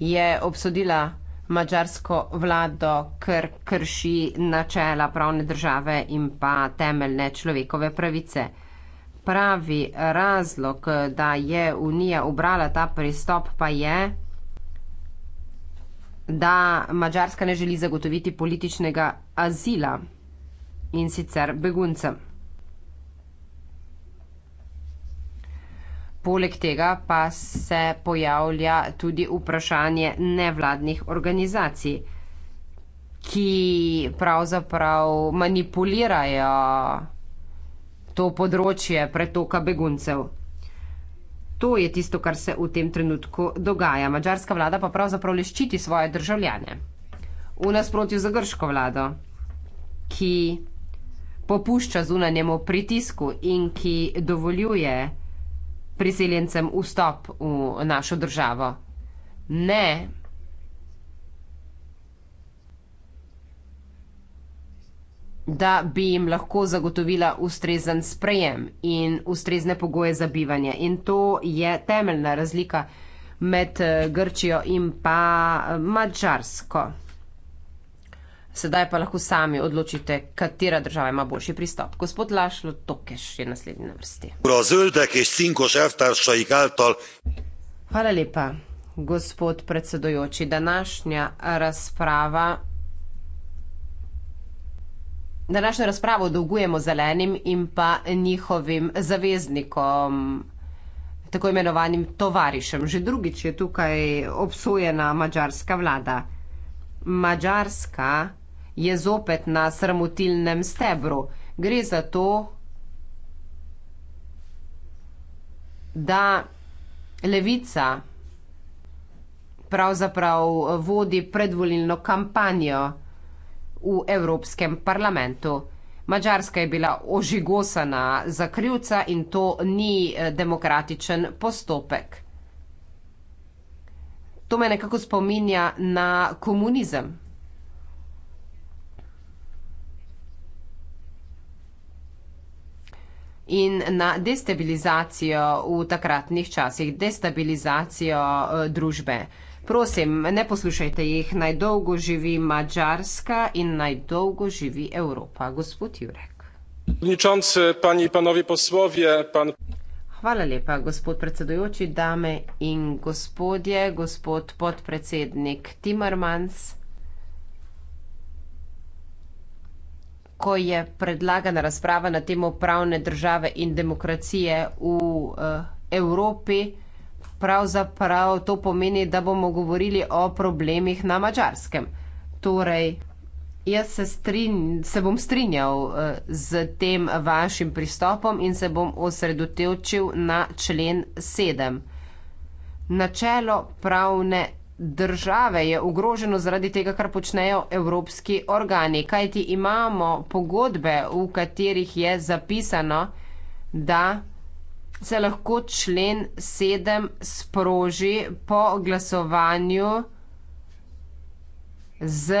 je obsodila mađarsko vlado, ker krši načela pravne države in pa temeljne človekove pravice. Pravi razlog, da je Unija obrala ta pristop, pa je, da Mačarska ne želi zagotoviti političnega azila in sicer beguncem. Poleg tega pa se pojavlja tudi vprašanje nevladnih organizacij, ki pravzaprav manipulirajo to področje pretoka beguncev. To je tisto, kar se v tem trenutku dogaja. Mačarska vlada pa pravzaprav le ščiti svoje državljane. V nasprotju z grško vlado, ki popušča zunanjemu pritisku in ki dovoljuje, priseljencem vstop v našo državo. Ne. da bi jim lahko zagotovila ustrezen sprejem in ustrezne pogoje za bivanje. In to je temeljna razlika med eh, Grčijo in pa eh, Mačarsko. Sedaj pa lahko sami odločite, katera država ima boljši pristop. Gospod Lašlo Tokeš je naslednji na vrsti. Hvala lepa, gospod predsedojoči. Današnja razprava. Današnjo razpravo dolgujemo zelenim in pa njihovim zaveznikom, tako imenovanim tovarišem. Že drugič je tukaj obsojena mađarska vlada. Mađarska je zopet na sramotilnem stebru. Gre za to, da levica pravzaprav vodi predvolilno kampanjo v Evropskem parlamentu. Mačarska je bila ožigosana za krivca in to ni eh, demokratičen postopek. To me nekako spominja na komunizem. in na destabilizacijo v takratnih časih, destabilizacijo eh, družbe. Prosim, ne poslušajte jih, naj dolgo živi Mačarska in naj dolgo živi Evropa. Gospod Jurek. Pričujoči, pani in panovi poslovje. Pan... Hvala lepa, gospod predsedujoči, dame in gospodje, gospod podpredsednik Timmermans. ko je predlagana razprava na temo pravne države in demokracije v eh, Evropi, pravzaprav to pomeni, da bomo govorili o problemih na mačarskem. Torej, Jaz se, strin, se bom strinjal z eh, tem vašim pristopom in se bom osredotočil na člen 7. Načelo pravne države je ogroženo zaradi tega, kar počnejo evropski organi. Kajti imamo pogodbe, v katerih je zapisano, da se lahko člen 7 sproži po glasovanju z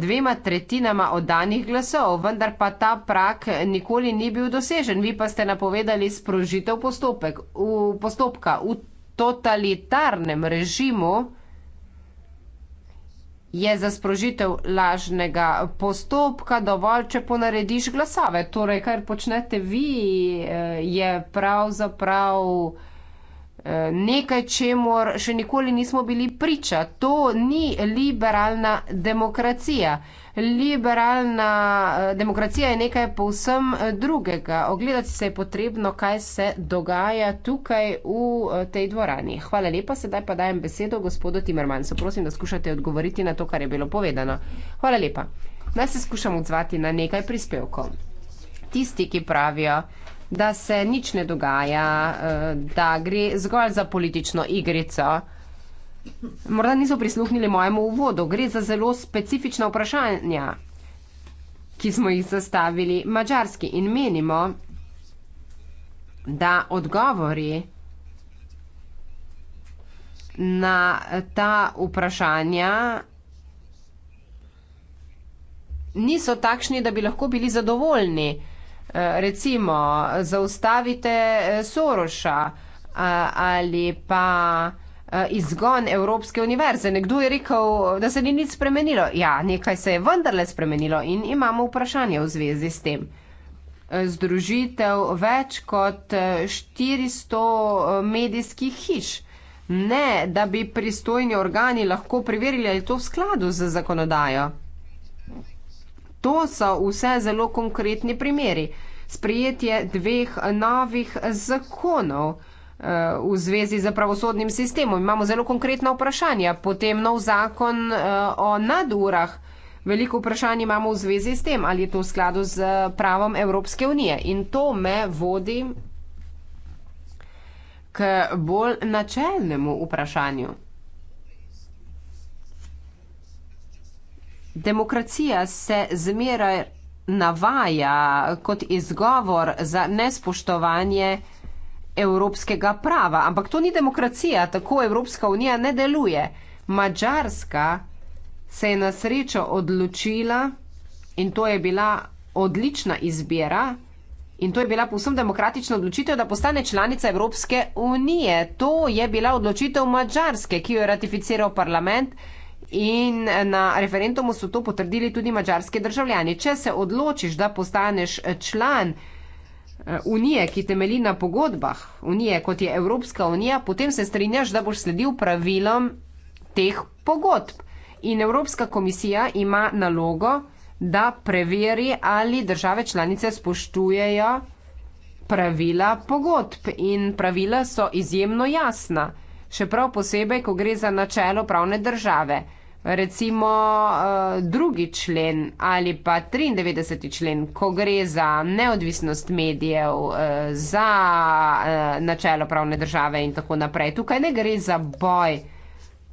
dvema tretjinama oddanih glasov, vendar pa ta prak nikoli ni bil dosežen. Vi pa ste napovedali sprožitev postopek, v, postopka v totalitarnem režimu. Je za sprožitev lažnega postopka dovolj, če ponarediš glasove? Torej, kar počnete vi, eh, je pravzaprav eh, nekaj, čemu še nikoli nismo bili priča. To ni liberalna demokracija liberalna eh, demokracija je nekaj povsem eh, drugega. Ogledati se je potrebno, kaj se dogaja tukaj v eh, tej dvorani. Hvala lepa, sedaj pa dajem besedo gospodu Timermansu. Prosim, da skušate odgovoriti na to, kar je bilo povedano. Hvala lepa. Naj se skušam odzvati na nekaj prispevkov. Tisti, ki pravijo, da se nič ne dogaja, da gre zgolj za politično igrico, Morda niso prisluhnili mojemu uvodu. Gre za zelo specifična vprašanja, ki smo jih zastavili mačarski in menimo, da odgovori na ta vprašanja niso takšni, da bi lahko bili zadovoljni. Eh, recimo, zaustavite eh, Soroša eh, ali pa Eh, izgon Evropske univerze. Nekdo je rekel, da se ni nič spremenilo. Ja, nekaj se je vendarle spremenilo in imamo vprašanje v zvezi s tem. Eh, združitev več kot 400 eh, medijskih hiš. Ne, da bi pristojni organi lahko preverili, ali je to v skladu z zakonodajo. To so vse zelo konkretni primeri. Sprijetje dveh novih zakonov v zvezi z pravosodnim sistemom. Imamo zelo konkretna vprašanja, potem nov zakon eh, o nadurah. Veliko vprašanj imamo v zvezi s tem, ali je to v skladu z pravom Evropske unije. In to me vodi k bolj načelnemu vprašanju. Demokracija se zmeraj navaja kot izgovor za nespoštovanje evropskega prava, ampak to ni demokracija, tako Evropska unija ne deluje. Mačarska se je na srečo odločila in to je bila odlična izbira in to je bila povsem demokratična odločitev, da postane članica Evropske unije. To je bila odločitev Mačarske, ki jo je ratificiral parlament. In na referendumu so to potrdili tudi mačarske državljani. Če se odločiš, da postaneš član Eh, unije, ki temelji na pogodbah unije, kot je Evropska unija, potem se strinjaš, da boš sledil pravilom teh pogodb. In Evropska komisija ima nalogo, da preveri, ali države članice spoštujejo pravila pogodb. In pravila so izjemno jasna, še prav posebej, ko gre za načelo pravne države recimo eh, drugi člen ali pa 93. člen, ko gre za neodvisnost medijev, eh, za eh, načelo pravne države in tako naprej. Tukaj ne gre za boj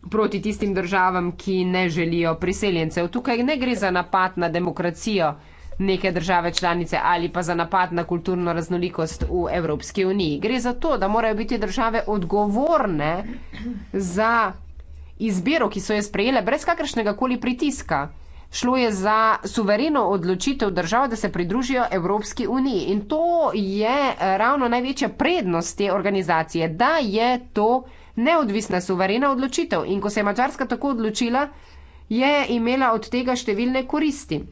proti tistim državam, ki ne želijo priseljencev. Tukaj ne gre za napad na demokracijo neke države članice ali pa za napad na kulturno raznolikost v Evropski uniji. Gre za to, da morajo biti države odgovorne za izbiro, ki so jo sprejele brez kakršnega koli pritiska. Šlo je za suvereno odločitev držav, da se pridružijo Evropski uniji. In to je eh, ravno največja prednost te organizacije, da je to neodvisna, suverena odločitev. In ko se je Mačarska tako odločila, je imela od tega številne koristi.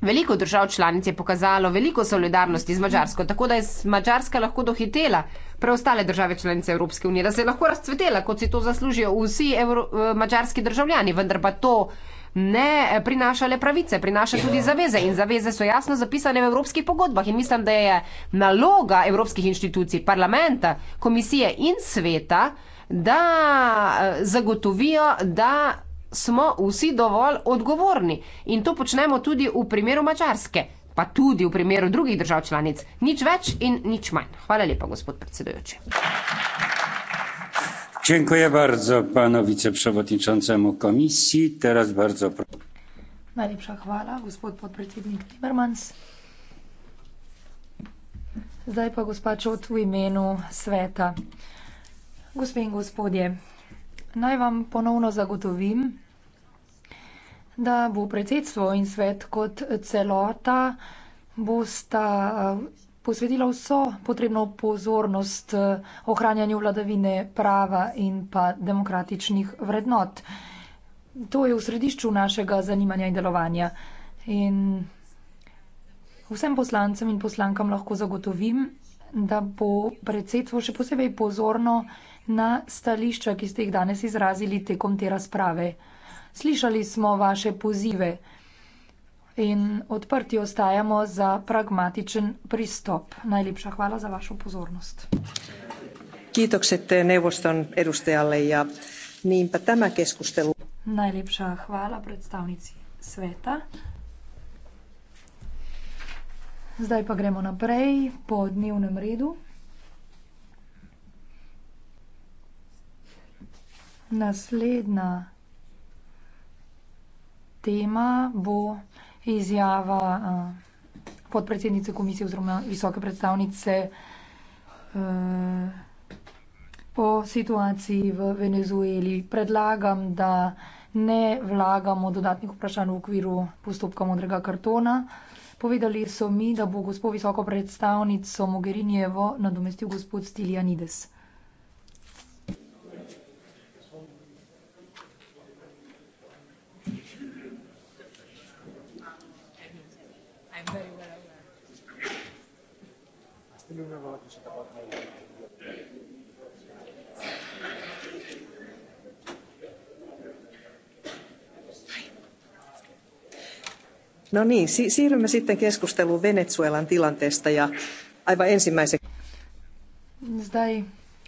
Veliko držav članic je pokazalo veliko solidarnosti z Mačarsko, tako da je Mačarska lahko dohitela preostale države članice Evropske unije, da se je lahko razcvetela, kot si to zaslužijo vsi Evro eh, mačarski državljani, vendar pa to ne eh, prinaša le pravice, prinaša tudi zaveze in zaveze so jasno zapisane v evropskih pogodbah in mislim, da je naloga evropskih inštitucij, parlamenta, komisije in sveta, da eh, zagotovijo, da smo vsi dovolj odgovorni. In to počnemo tudi v primeru Mačarske pa tudi v primeru drugih držav članic, nič več in nič manj. Hvala lepa, gospod predsedujoči. Dziękuję bardzo panu wiceprzewodniczącemu komisji. Teraz bardzo proszę. Najlepsza chwała, gospod podprzewodnik Timmermans. Zdaj pa gospa Čot w imieniu sveta. Gospodzie, naj vam ponovno zagotovim, da bo predsedstvo in svet kot celota bosta eh, posvetila vso potrebno pozornost eh, ohranjanju vladavine prava in pa demokratičnih vrednot. To je v središču našega zanimanja in delovanja. In vsem poslancem in poslankam lahko zagotovim, da bo predsedstvo še posebej pozorno na stališča, ki ste jih danes izrazili tekom te razprave slišali smo vaše pozive in odprti ostajamo za pragmatičen pristop. Najlepša hvala za vašo pozornost. Ja Najlepša hvala predstavnici sveta. Zdaj pa gremo naprej po dnevnem redu. Naslednja tema bo izjava uh, podpredsednice komisije oziroma visoke predstavnice uh, o situaciji v Venezueli. Predlagam, da ne vlagamo dodatnih vprašanj v okviru postopka modrega kartona. Povedali so mi, da bo gospod visoko predstavnico Mogherinjevo nadomestil gospod Stilianides. No niin, si- siirrymme sitten keskusteluun Venezuelan tilanteesta ja aivan ensimmäiseksi. Zdaj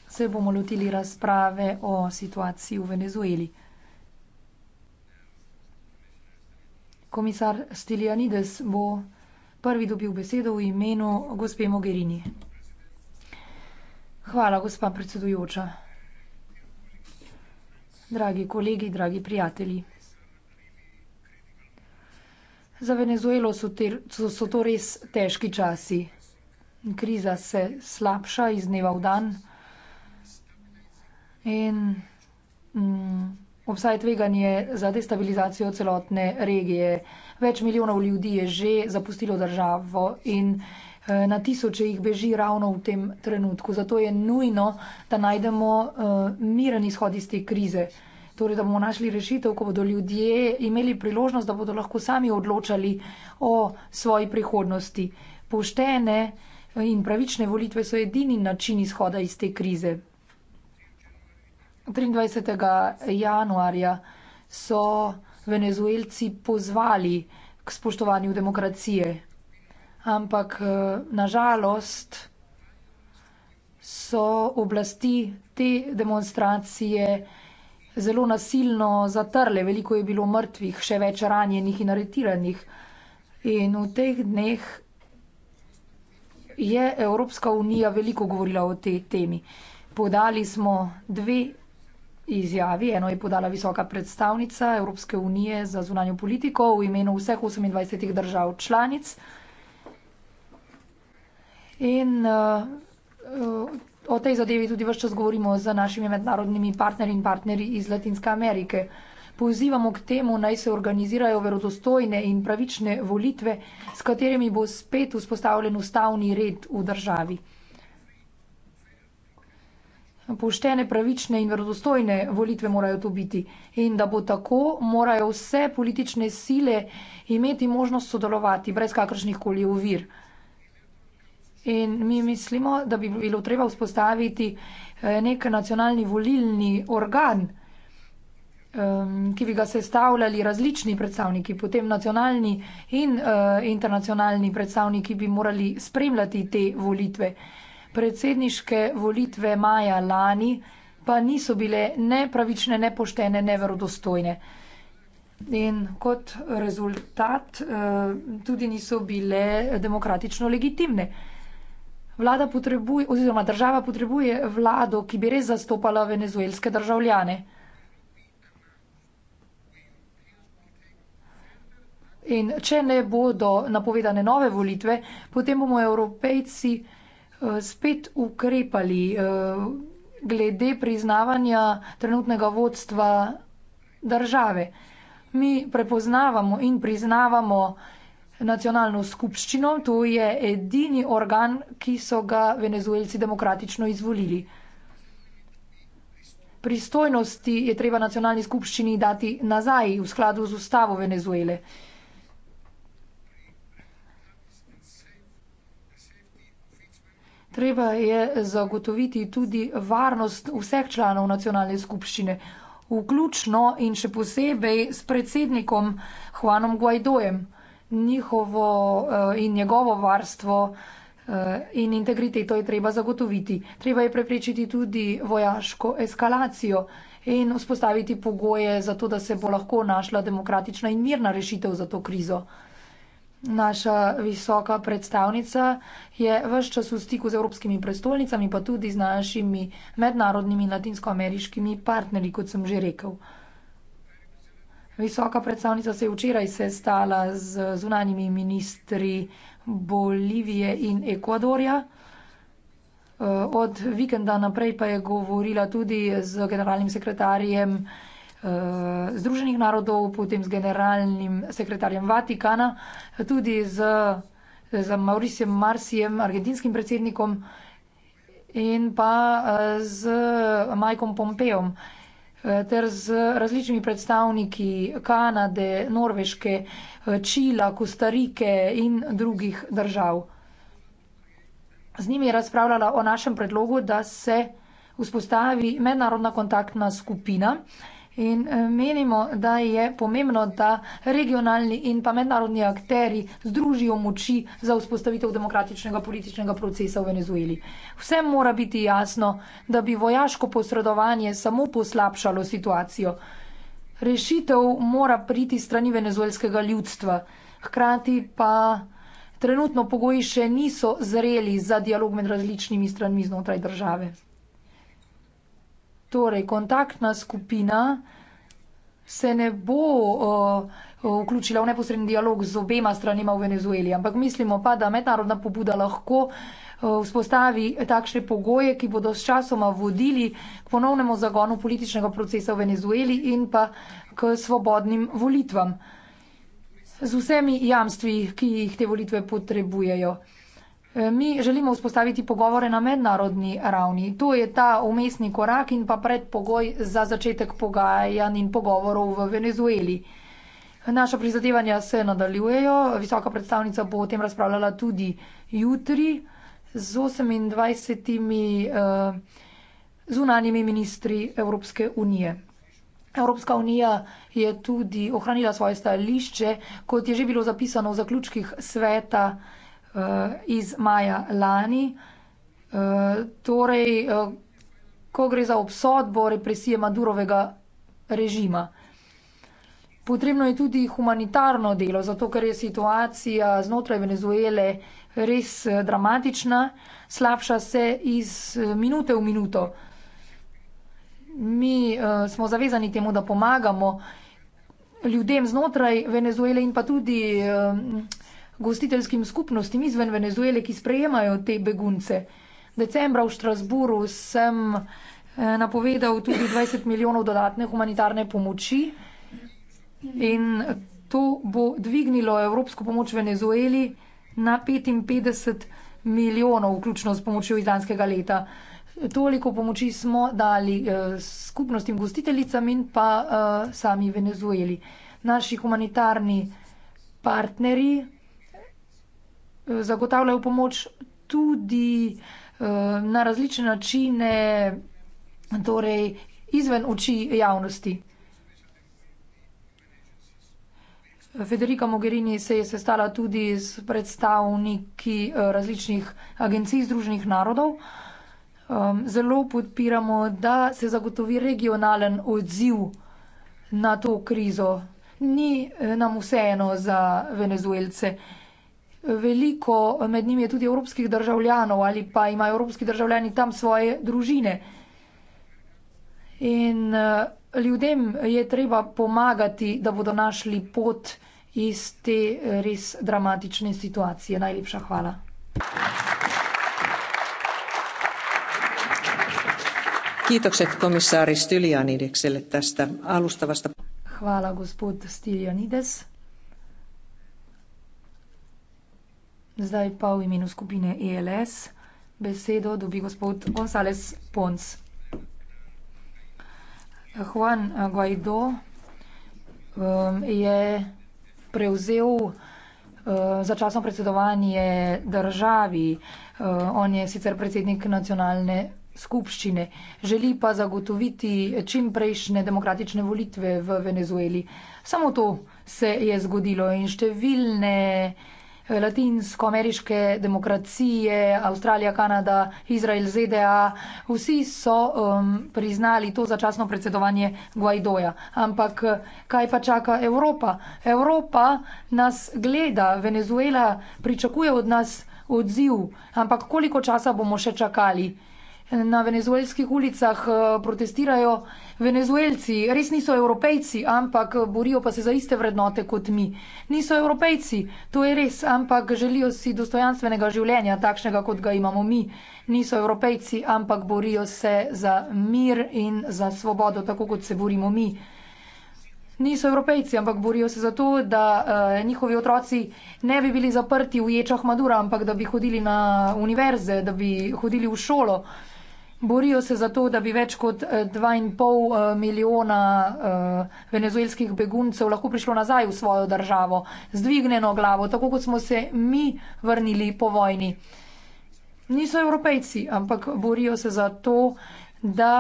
se bomo lotili razprave o situaciji v Venezueli. Komisar Stilianides bo prvi dobil besedo v imenu gospe Mogherini. Hvala, gospa predsedujoča. Dragi kolegi, dragi prijatelji. Za Venezuelo so, ter, so, so to res težki časi. Kriza se slabša iz dneva v dan in mm, obstaja tveganje za destabilizacijo celotne regije. Več milijonov ljudi je že zapustilo državo in eh, na tisoče jih beži ravno v tem trenutku. Zato je nujno, da najdemo eh, miren izhod iz te krize. Torej, da bomo našli rešitev, ko bodo ljudje imeli priložnost, da bodo lahko sami odločali o svoji prihodnosti. Poštene eh, in pravične volitve so edini način izhoda iz te krize. 23. januarja so venezuelci pozvali k spoštovanju demokracije. Ampak eh, nažalost so oblasti te demonstracije zelo nasilno zatrle. Veliko je bilo mrtvih, še več ranjenih in aretiranih. In v teh dneh je Evropska unija veliko govorila o tej temi. Podali smo dve izjavi. Eno je podala visoka predstavnica Evropske unije za zunanjo politiko v imenu vseh 28 držav članic. In uh, uh, o tej zadevi tudi vse čas govorimo z našimi mednarodnimi partnerji in partnerji iz Latinske Amerike. Pozivamo k temu, naj se organizirajo verodostojne in pravične volitve, s katerimi bo spet vzpostavljen ustavni red v državi. Poštene, pravične in verodostojne volitve morajo to biti. In da bo tako, morajo vse politične sile imeti možnost sodelovati brez kakršnih koli ovir. In mi mislimo, da bi bilo treba vzpostaviti eh, nek nacionalni volilni organ, ki bi ga sestavljali različni predstavniki, potem nacionalni in eh, internacionalni predstavniki bi morali spremljati te volitve predsedniške volitve maja lani pa niso bile ne pravične, ne poštene, ne verodostojne. In kot rezultat eh, tudi niso bile demokratično legitimne. Vlada potrebuje, oziroma država potrebuje vlado, ki bi res zastopala venezuelske državljane. In če ne bodo napovedane nove volitve, potem bomo evropejci spet ukrepali eh, glede priznavanja trenutnega vodstva države. Mi prepoznavamo in priznavamo nacionalno skupščino, to je edini organ, ki so ga venezuelci demokratično izvolili. Pristojnosti je treba nacionalni skupščini dati nazaj v skladu z ustavo Venezuele. Treba je zagotoviti tudi varnost vseh članov nacionalne skupščine, vključno in še posebej s predsednikom Juanom Guaidojem. Njihovo eh, in njegovo varstvo eh, in integriteto je treba zagotoviti. Treba je preprečiti tudi vojaško eskalacijo in vzpostaviti pogoje za to, da se bo lahko našla demokratična in mirna rešitev za to krizo. Naša visoka predstavnica je vse čas v stiku z evropskimi prestolnicami, pa tudi z našimi mednarodnimi latinskoameriškimi partnerji, kot sem že rekel. Visoka predstavnica se je včeraj sestala z zunanjimi ministri Bolivije in Ekvadorja. Od vikenda naprej pa je govorila tudi z generalnim sekretarjem Eh, Združenih narodov, potem z generalnim sekretarjem Vatikana, tudi z, z Mauricijem Marsijem, argentinskim predsednikom in pa eh, z Majkom Pompejem eh, ter z različnimi predstavniki Kanade, Norveške, Čila, Kostarike in drugih držav. Z njimi je razpravljala o našem predlogu, da se vzpostavi mednarodna kontaktna skupina, In eh, menimo, da je pomembno, da regionalni in pa mednarodni akteri združijo moči za vzpostavitev demokratičnega političnega procesa v Venezueli. Vse mora biti jasno, da bi vojaško posredovanje samo poslabšalo situacijo. Rešitev mora priti strani venezuelskega ljudstva. Hkrati pa trenutno pogoji še niso zreli za dialog med različnimi stranmi znotraj države. Torej, kontaktna skupina se ne bo uh, vključila v neposreden dialog z obema stranima v Venezueli, ampak mislimo pa, da mednarodna pobuda lahko eh, vzpostavi takšne pogoje, ki bodo s časoma vodili k ponovnemu zagonu političnega procesa v Venezueli in pa k svobodnim volitvam z vsemi jamstvi, ki jih te volitve potrebujejo. Eh, mi želimo vzpostaviti pogovore na mednarodni ravni. To je ta umestni korak in pa predpogoj za začetek pogajanj in pogovorov v Venezueli. Naša prizadevanja se nadaljujejo. Visoka predstavnica bo o tem razpravljala tudi jutri z 28 eh, zunanjimi ministri Evropske unije. Evropska unija je tudi ohranila svoje stališče, kot je že bilo zapisano v zaključkih sveta Eh, iz maja lani. Eh, torej, eh, ko gre za obsodbo represije torej Madurovega režima. Potrebno je tudi humanitarno delo, zato ker je situacija znotraj Venezuele res dramatična, slabša se iz minute v minuto. Mi uh, smo zavezani temu, da pomagamo ljudem znotraj Venezuele in pa tudi uh, gostiteljskim skupnostim izven Venezuele, ki sprejemajo te begunce. Decembra v Štrasburu sem eh, napovedal tudi 20 milijonov dodatne humanitarne pomoči in to bo dvignilo evropsko pomoč Venezueli na 55 milijonov, vključno s pomočjo izlanskega leta. Toliko pomoči smo dali eh, skupnostim gostiteljicam in pa eh, sami Venezueli. Naši humanitarni partnerji zagotavljajo pomoč tudi eh, na različne načine, torej izven oči javnosti. Federica Mogherini se je sestala tudi s predstavniki eh, različnih agencij Združenih narodov. Zelo podpiramo, da se zagotovi regionalen odziv na to krizo. Ni eh, nam vseeno za venezuelce veliko med njimi je tudi evropskih državljanov ali pa imajo evropski državljani tam svoje družine. In eh, ljudem je treba pomagati, da bodo našli pot iz te eh, res dramatične situacije. Najlepša hvala. Kiitokset komissaari Stylianidekselle tästä alustavasta. Hvala gospod Stylianides. Zdaj pa v imenu skupine ELS besedo dobi gospod Gonzales Pons. Juan Guaidó um, je prevzel uh, začasno predsedovanje državi. Uh, on je sicer predsednik nacionalne skupščine. Želi pa zagotoviti čimprejšnje demokratične volitve v Venezueli. Samo to se je zgodilo in številne Eh, latinsko-ameriške demokracije, Avstralija, Kanada, Izrael, ZDA, vsi so um, priznali to začasno predsedovanje Guaidoja. Ampak eh, kaj pa čaka Evropa? Evropa nas gleda, Venezuela pričakuje od nas odziv, ampak koliko časa bomo še čakali? Na venezuelskih ulicah eh, protestirajo venezuelci, res niso evropejci, ampak borijo pa se za iste vrednote kot mi. Niso evropejci, to je res, ampak želijo si dostojanstvenega življenja, takšnega kot ga imamo mi. Niso evropejci, ampak borijo se za mir in za svobodo, tako kot se borimo mi. Niso evropejci, ampak borijo se za to, da uh, njihovi otroci ne bi bili zaprti v ječah Madura, ampak da bi hodili na univerze, da bi hodili v šolo. Borijo se za to, da bi več kot 2,5 eh, eh, milijona eh, venezuelskih beguncev lahko prišlo nazaj v svojo državo, zdvigneno glavo, tako kot smo se mi vrnili po vojni. Niso evropejci, ampak borijo se za to, da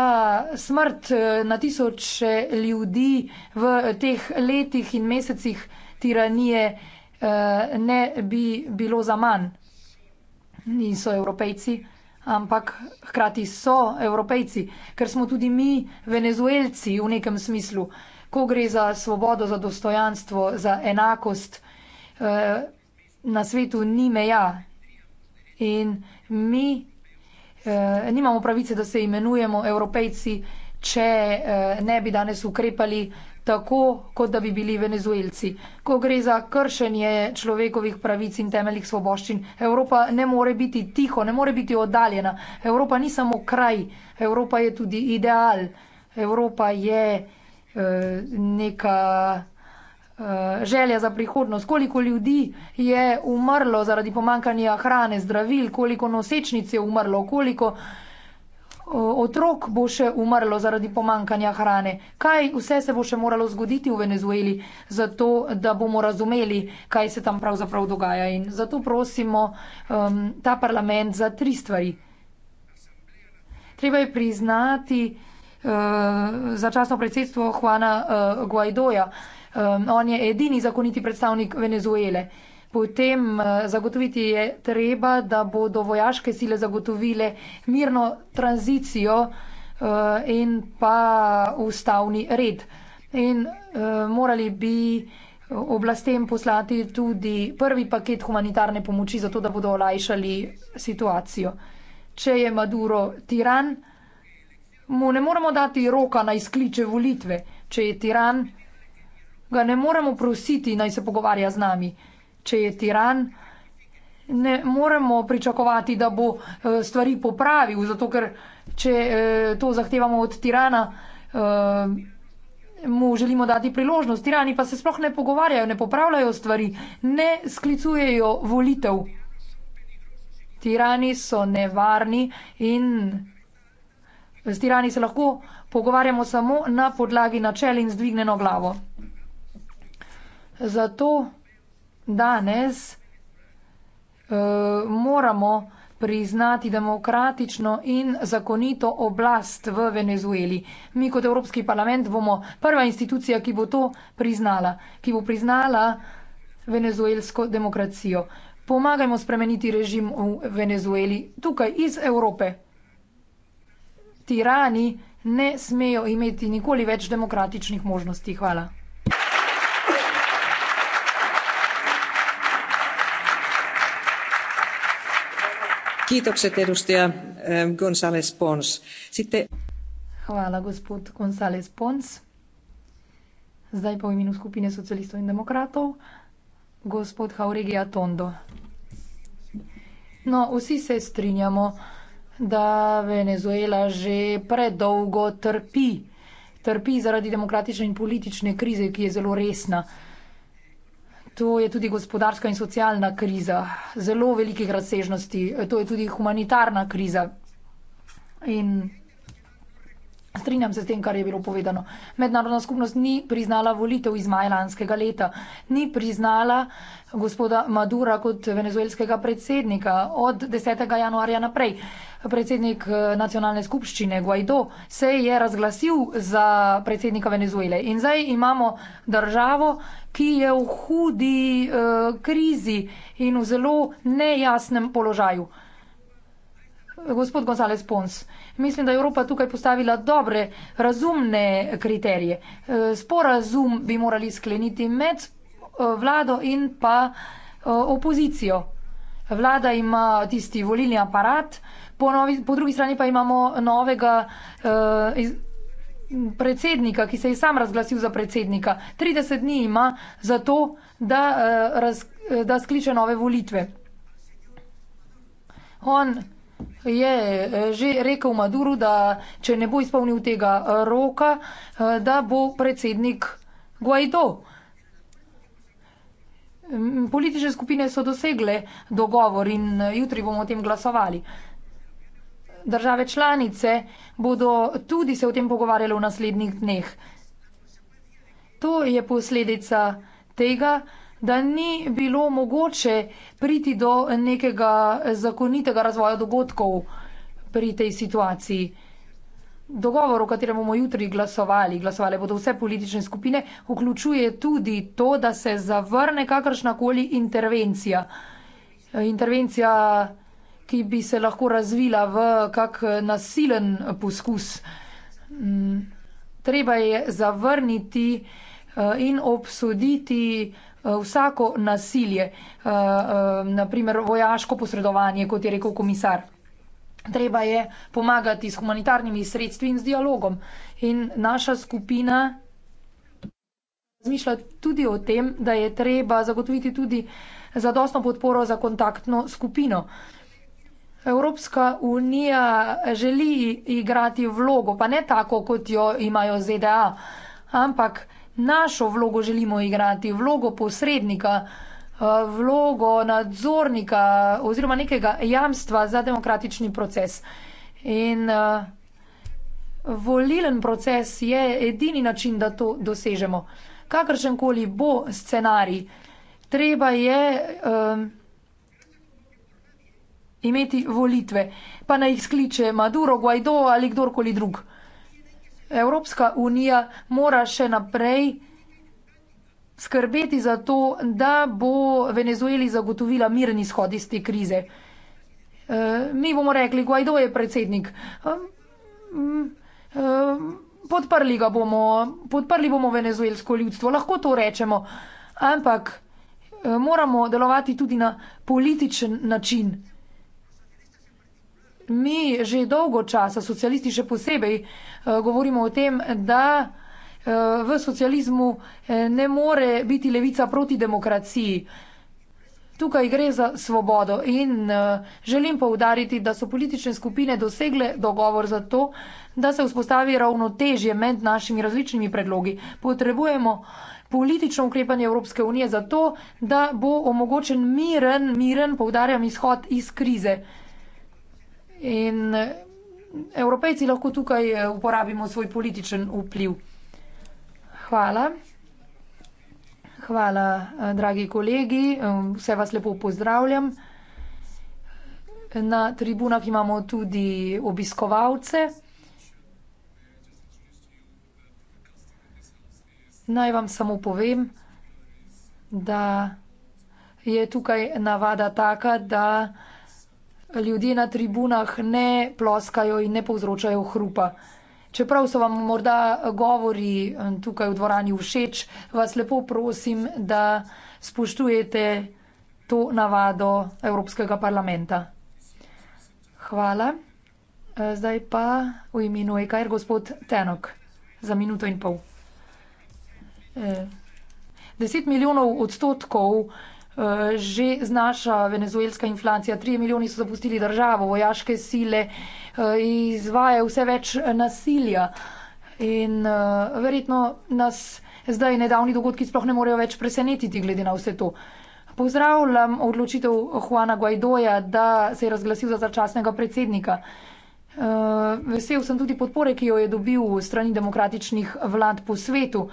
smrt na tisoče ljudi v teh letih in mesecih tiranije ne bi bilo za manj. Niso evropejci ampak hkrati so evropejci, ker smo tudi mi venezuelci v nekem smislu, ko gre za svobodo, za dostojanstvo, za enakost. Eh, na svetu ni meja in mi eh, nimamo pravice, da se imenujemo evropejci, če eh, ne bi danes ukrepali tako, kot da bi bili venezuelci. Ko gre za kršenje človekovih pravic in temeljih svoboščin, Evropa ne more biti tiho, ne more biti oddaljena. Evropa ni samo kraj, Evropa je tudi ideal. Evropa je uh, neka eh, želja za prihodnost, koliko ljudi je umrlo zaradi pomankanja hrane, zdravil, koliko nosečnic je umrlo, koliko uh, otrok bo še umrlo zaradi pomankanja hrane. Kaj vse se bo še moralo zgoditi v Venezueli, zato da bomo razumeli, kaj se tam pravzaprav dogaja. In zato prosimo um, ta parlament za tri stvari. Treba je priznati uh, začasno predsedstvo Juana uh, Guaidoja. Um, on je edini zakoniti predstavnik Venezuele. Uh, Potem eh, zagotoviti je treba, da bodo vojaške sile zagotovile mirno tranzicijo eh, in pa ustavni red. In eh, morali bi oblastem poslati tudi prvi paket humanitarne pomoči, zato da bodo olajšali situacijo. Če je Maduro tiran, mu ne moremo dati roka na izkliče volitve. Če je tiran, ga ne moremo prositi, naj se pogovarja z nami če je tiran, ne moremo pričakovati, da bo eh, stvari popravil, zato ker če eh, to zahtevamo od tirana, eh, mu želimo dati priložnost. Tirani pa se sploh ne pogovarjajo, ne popravljajo stvari, ne sklicujejo volitev. Tirani so nevarni in s tirani se lahko pogovarjamo samo na podlagi načel in zdvignjeno glavo. Zato danes uh, moramo priznati demokratično in zakonito oblast v Venezueli. Mi kot Evropski parlament bomo prva institucija, ki bo to priznala, ki bo priznala venezuelsko demokracijo. Pomagajmo spremeniti režim v Venezueli tukaj iz Evrope. Tirani ne smejo imeti nikoli več demokratičnih možnosti. Hvala. Ähm, Hvala, gospod Gonzales Pons. Zdaj pa v imenu skupine socialistov in demokratov, gospod Jauregui Atondo. No, vsi se strinjamo, da Venezuela že predolgo trpi. Trpi zaradi demokratične in politične krize, ki je zelo resna. To je tudi gospodarska in socialna kriza, zelo velikih razsežnosti. To je tudi humanitarna kriza. In Strinjam se s tem, kar je bilo povedano. Mednarodna skupnost ni priznala volitev iz maja lanskega leta, ni priznala gospoda Madura kot venezuelskega predsednika od 10. januarja naprej. Predsednik eh, nacionalne skupščine Guaido se je razglasil za predsednika Venezuele in zdaj imamo državo, ki je v hudi uh, krizi in v zelo nejasnem položaju. Gospod Gonzales Pons. Uh, mislim, da je Evropa tukaj postavila dobre, razumne kriterije. E, sporazum bi morali skleniti med e, vlado in pa e, opozicijo. Vlada ima tisti volilni aparat, po, novi, po drugi strani pa imamo novega eh, iz, predsednika, ki se je sam razglasil za predsednika. 30 dni ima za to, da, eh, raz, da skliče nove volitve. On Je eh, že rekel Maduru, da če ne bo izpolnil tega eh, roka, eh, da bo predsednik Guaido. Politične skupine so dosegle dogovor in jutri bomo o tem glasovali. Države članice bodo tudi se o tem pogovarjale v naslednjih dneh. To je posledica tega, da ni bilo mogoče priti do nekega zakonitega razvoja dogodkov pri tej situaciji. Dogovor, o katerem bomo jutri glasovali, glasovali bodo vse politične skupine, vključuje tudi to, da se zavrne kakršnakoli intervencija. Intervencija, ki bi se lahko razvila v kak nasilen poskus. Mm, treba je zavrniti eh, in obsoditi Eh, vsako nasilje, eh, eh, naprimer vojaško posredovanje, kot je rekel komisar. Treba je pomagati s humanitarnimi sredstvi in s dialogom. In naša skupina razmišlja tudi o tem, da je treba zagotoviti tudi zadostno podporo za kontaktno skupino. Evropska unija želi igrati vlogo, pa ne tako, kot jo imajo ZDA, ampak našo vlogo želimo igrati, vlogo posrednika, eh, vlogo nadzornika oziroma nekega jamstva za demokratični proces. In eh, volilen proces je edini način, da to dosežemo. Kakršenkoli bo scenarij, treba je eh, imeti volitve, pa naj jih skliče Maduro, Guaido ali kdorkoli drug. Evropska unija mora še naprej skrbeti za to, da bo Venezueli zagotovila miren izhod iz te krize. Eh, mi bomo rekli, Guaido je predsednik. Eh, mm, eh, podprli ga bomo, podprli bomo venezuelsko ljudstvo, lahko to rečemo, ampak moramo delovati tudi na političen način mi že dolgo časa, socialisti še posebej, eh, govorimo o tem, da eh, v socializmu eh, ne more biti levica proti demokraciji. Tukaj gre za svobodo in želim povdariti, da so politične skupine dosegle dogovor za to, da se vzpostavi ravnotežje med našimi različnimi predlogi. Potrebujemo politično ukrepanje Evropske unije za to, da bo omogočen miren, miren, povdarjam, izhod iz krize. In eh, evropejci lahko tukaj eh, uporabimo svoj političen vpliv. Hvala. Hvala, eh, dragi kolegi. Vse vas lepo pozdravljam. Na tribunah imamo tudi obiskovalce. Naj vam samo povem, da je tukaj navada taka, da ljudje na tribunah ne ploskajo in ne povzročajo hrupa. Čeprav so vam morda govori eh, tukaj v dvorani všeč, vas lepo prosim, da spoštujete to navado Evropskega parlamenta. Hvala. Eh, zdaj pa v imenu EKR gospod Tenok za minuto in pol. Eh, deset milijonov odstotkov Eh, že znaša venezuelska inflacija. Trije milijoni so zapustili državo, vojaške sile eh, izvaja vse več nasilja in eh, verjetno nas zdaj nedavni dogodki sploh ne morejo več presenetiti glede na vse to. Pozdravljam odločitev Juana Guaidoja, da se je razglasil za začasnega predsednika. Vesel sem tudi podpore, ki jo je dobil strani demokratičnih vlad po svetu.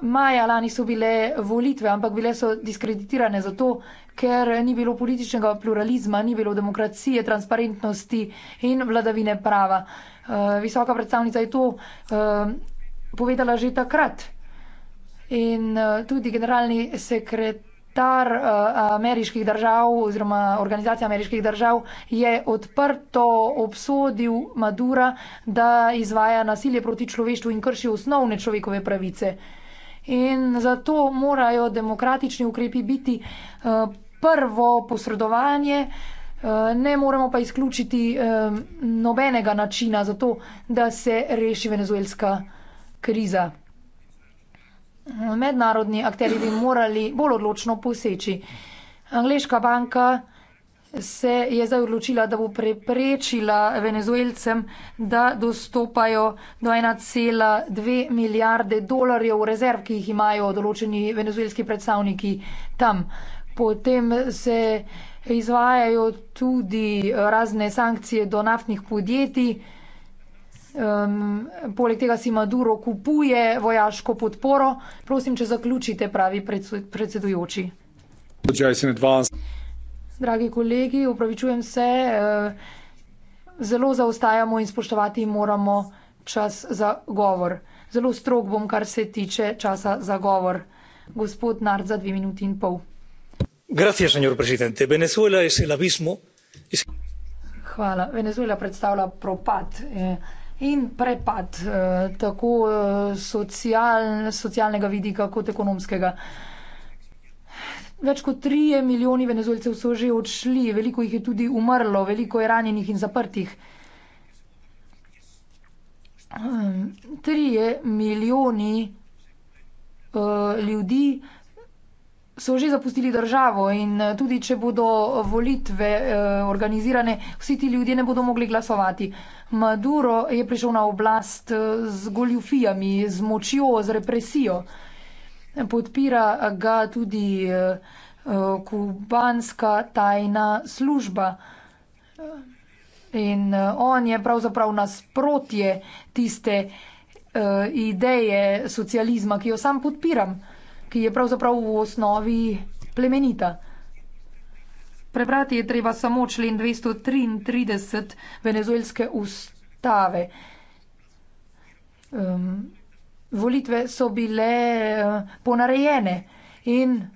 Maja lani so bile volitve, ampak bile so diskreditirane zato, ker ni bilo političnega pluralizma, ni bilo demokracije, transparentnosti in vladavine prava. Eh, visoka predstavnica je to eh, povedala že takrat. In eh, tudi generalni sekretar ameriških držav oziroma organizacija ameriških držav je odprto obsodil Madura, da izvaja nasilje proti človeštvu in krši osnovne človekove pravice. In zato morajo demokratični ukrepi biti eh, prvo posredovanje, eh, ne moremo pa izključiti eh, nobenega načina za to, da se reši venezuelska kriza. Mednarodni akteri bi morali bolj odločno poseči. Angliška banka se je zdaj odločila, da bo preprečila venezuelcem, da dostopajo do 1,2 milijarde dolarjev rezerv, ki jih imajo določeni venezuelski predstavniki tam. Potem se izvajajo tudi eh, razne sankcije do naftnih podjetij. Um, poleg tega si Maduro kupuje vojaško podporo. Prosim, če zaključite, pravi predsedujoči. Odjaj se ne dva dragi kolegi, upravičujem se, eh, zelo zaostajamo in spoštovati moramo čas za govor. Zelo strog bom, kar se tiče časa za govor. Gospod Nard, za dve minuti in pol. Gracias, señor presidente. Venezuela es el abismo. Es... Hvala. Venezuela predstavlja propad eh, in prepad, eh, tako social, socialnega vidika kot ekonomskega. Več kot 3 milijoni venezuelcev so že odšli, veliko jih je tudi umrlo, veliko je ranjenih in zaprtih. 3 ehm, milijoni uh, ljudi so že zapustili državo in eh, tudi, če bodo volitve uh, organizirane, vsi ti ljudje ne bodo mogli glasovati. Maduro je prišel na oblast z goljufijami, z močjo, z represijo. Uh, Podpira ga tudi eh, kubanska tajna služba. In eh, on je pravzaprav nasprotje tiste eh, ideje socializma, ki jo sam podpiram, ki je pravzaprav v osnovi plemenita. Prebrati je treba samo člen 233 venezuelske ustave volitve so bile eh, ponarejene in eh,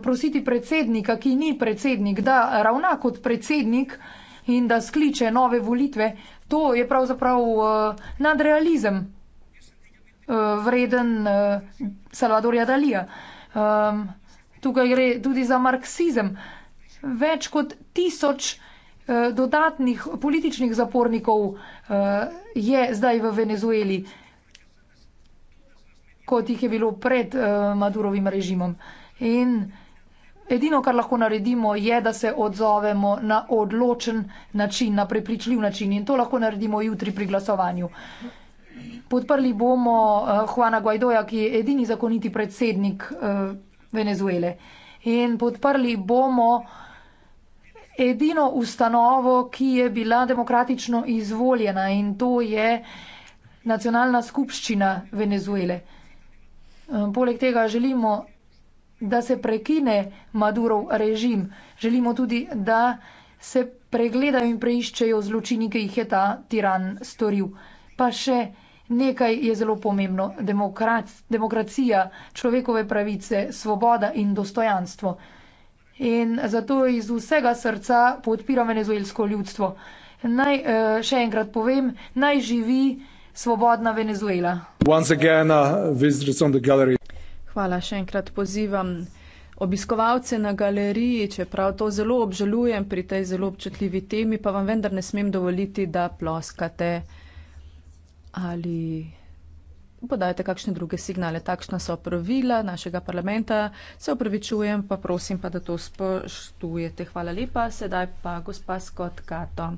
prositi predsednika, ki ni predsednik, da ravna kot predsednik in da skliče nove volitve, to je pravzaprav eh, nadrealizem vreden Salvadorja Dalija. Tukaj gre tudi za marksizem. Več kot tisoč ljudi Eh, dodatnih političnih zapornikov eh, je zdaj v Venezueli, kot jih je bilo pred eh, Madurovim režimom. In edino, kar lahko naredimo, je, da se odzovemo na odločen način, na prepričljiv način. In to lahko naredimo jutri pri glasovanju. Podprli bomo Juana Guaidoja, ki je edini zakoniti predsednik Venezuele. In podprli bomo edino ustanovo, ki je bila demokratično izvoljena in to je Nacionalna skupščina Venezuele. Um, poleg tega želimo, da se prekine Madurov režim. Želimo tudi, da se pregledajo in preiščejo zločini, ki jih je ta tiran storil. Pa še nekaj je zelo pomembno. Demokrat, demokracija, človekove pravice, svoboda in dostojanstvo. In zato iz vsega srca podpiram venezuelsko ljudstvo. Naj eh, še enkrat povem, naj živi svobodna Venezuela. Uh, Hvala še enkrat pozivam. Obiskovalce na galeriji, čeprav to zelo obžalujem pri tej zelo občutljivi temi, pa vam vendar ne smem dovoliti, da ploskate ali podajate kakšne druge signale. Takšna so pravila našega parlamenta. Se upravičujem, pa prosim, pa, da to spoštujete. Hvala lepa. Sedaj pa gospa Scott Kato.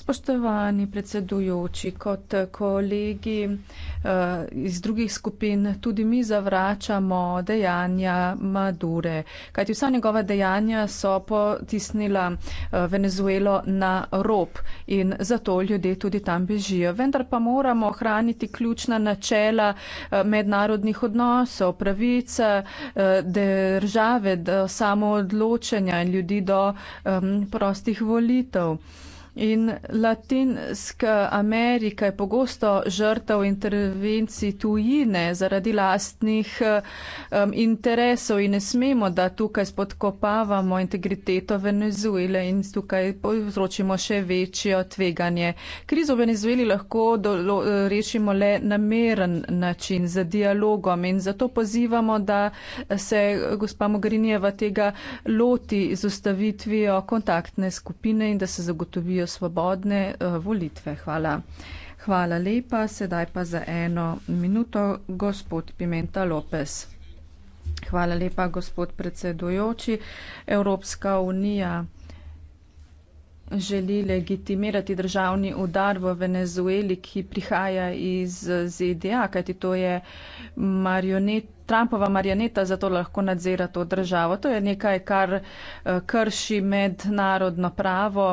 Spoštovani predsedujoči, kot kolegi eh, iz drugih skupin, tudi mi zavračamo dejanja Madure, kajti vsa njegova dejanja so potisnila eh, Venezuelo na rob in zato ljudje tudi tam bežijo. Vendar pa moramo ohraniti ključna načela eh, mednarodnih odnosov, pravice države do samoodločanja ljudi do prostih volitev. In Latinska Amerika je pogosto žrtev intervencij tujine zaradi lastnih um, interesov in ne smemo, da tukaj spodkopavamo integriteto Venezuele in tukaj povzročimo še večjo tveganje. Krizo v Venezueli lahko dolo, rešimo le na meren način z dialogom in zato pozivamo, da se gospa Mogrinjeva tega loti z ustavitvijo kontaktne skupine in da se zagotovijo pripravijo svobodne eh, volitve. Hvala. Hvala lepa. Sedaj pa za eno minuto gospod Pimenta Lopes. Hvala lepa, gospod predsedujoči. Evropska unija želi legitimirati državni udar v Venezueli, ki prihaja iz ZDA, kajti to je marionet, Trumpova marioneta, zato lahko nadzira to državo. To je nekaj, kar eh, krši mednarodno pravo.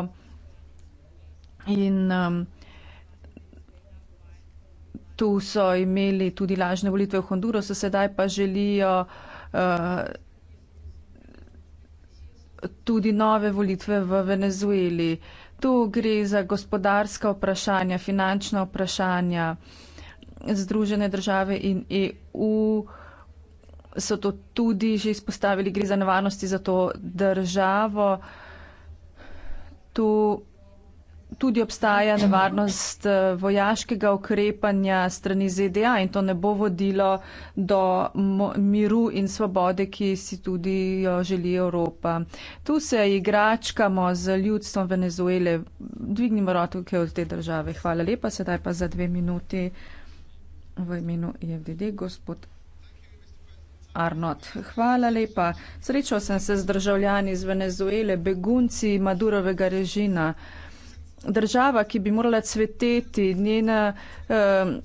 In um, tu so imeli tudi lažne volitve v Hondurosu, sedaj pa želijo uh, tudi nove volitve v Venezueli. Tu gre za gospodarska vprašanja, finančna vprašanja. Združene države in EU so to tudi že izpostavili, gre za nevarnosti za to državo. Tu tudi obstaja nevarnost eh, vojaškega ukrepanja strani ZDA in to ne bo vodilo do miru in svobode, ki si tudi jo želi Evropa. Tu se igračkamo z ljudstvom Venezuele. Dvignimo roke od te države. Hvala lepa, sedaj pa za dve minuti v imenu JVD, e gospod. Arnot. Hvala lepa. Srečal sem se z državljani iz Venezuele, begunci Madurovega režima država, ki bi morala cveteti, njena. Uh,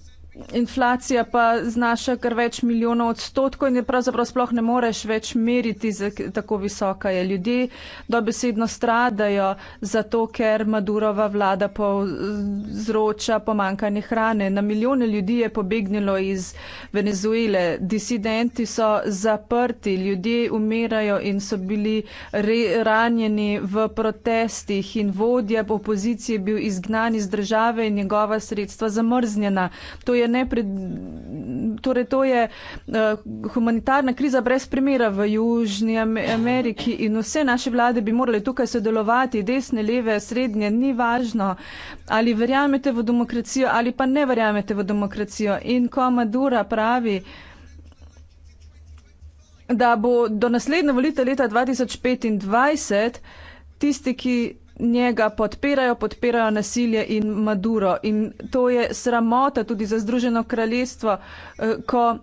inflacija pa znaša kar več milijonov odstotkov in je pravzaprav sploh ne moreš več meriti, tako visoka je. Ljudje dobesedno stradajo zato, ker Madurova vlada povzroča pomankanje hrane. Na milijone ljudi je pobegnilo iz Venezuele, disidenti so zaprti, ljudje umirajo in so bili ranjeni v protestih in vodja opozicije je bil izgnan iz države in njegova sredstva zamrznjena. To je nepred, torej to je eh, humanitarna kriza brez primera v Južni Ameriki in vse naše vlade bi morale tukaj sodelovati, desne, leve, srednje, ni važno, ali verjamete v demokracijo ali pa ne verjamete v demokracijo. In ko Madura pravi, da bo do naslednje volite leta 2025 tisti, ki njega podpirajo, podpirajo nasilje in Maduro. In to je sramota tudi za Združeno kraljestvo, eh, ko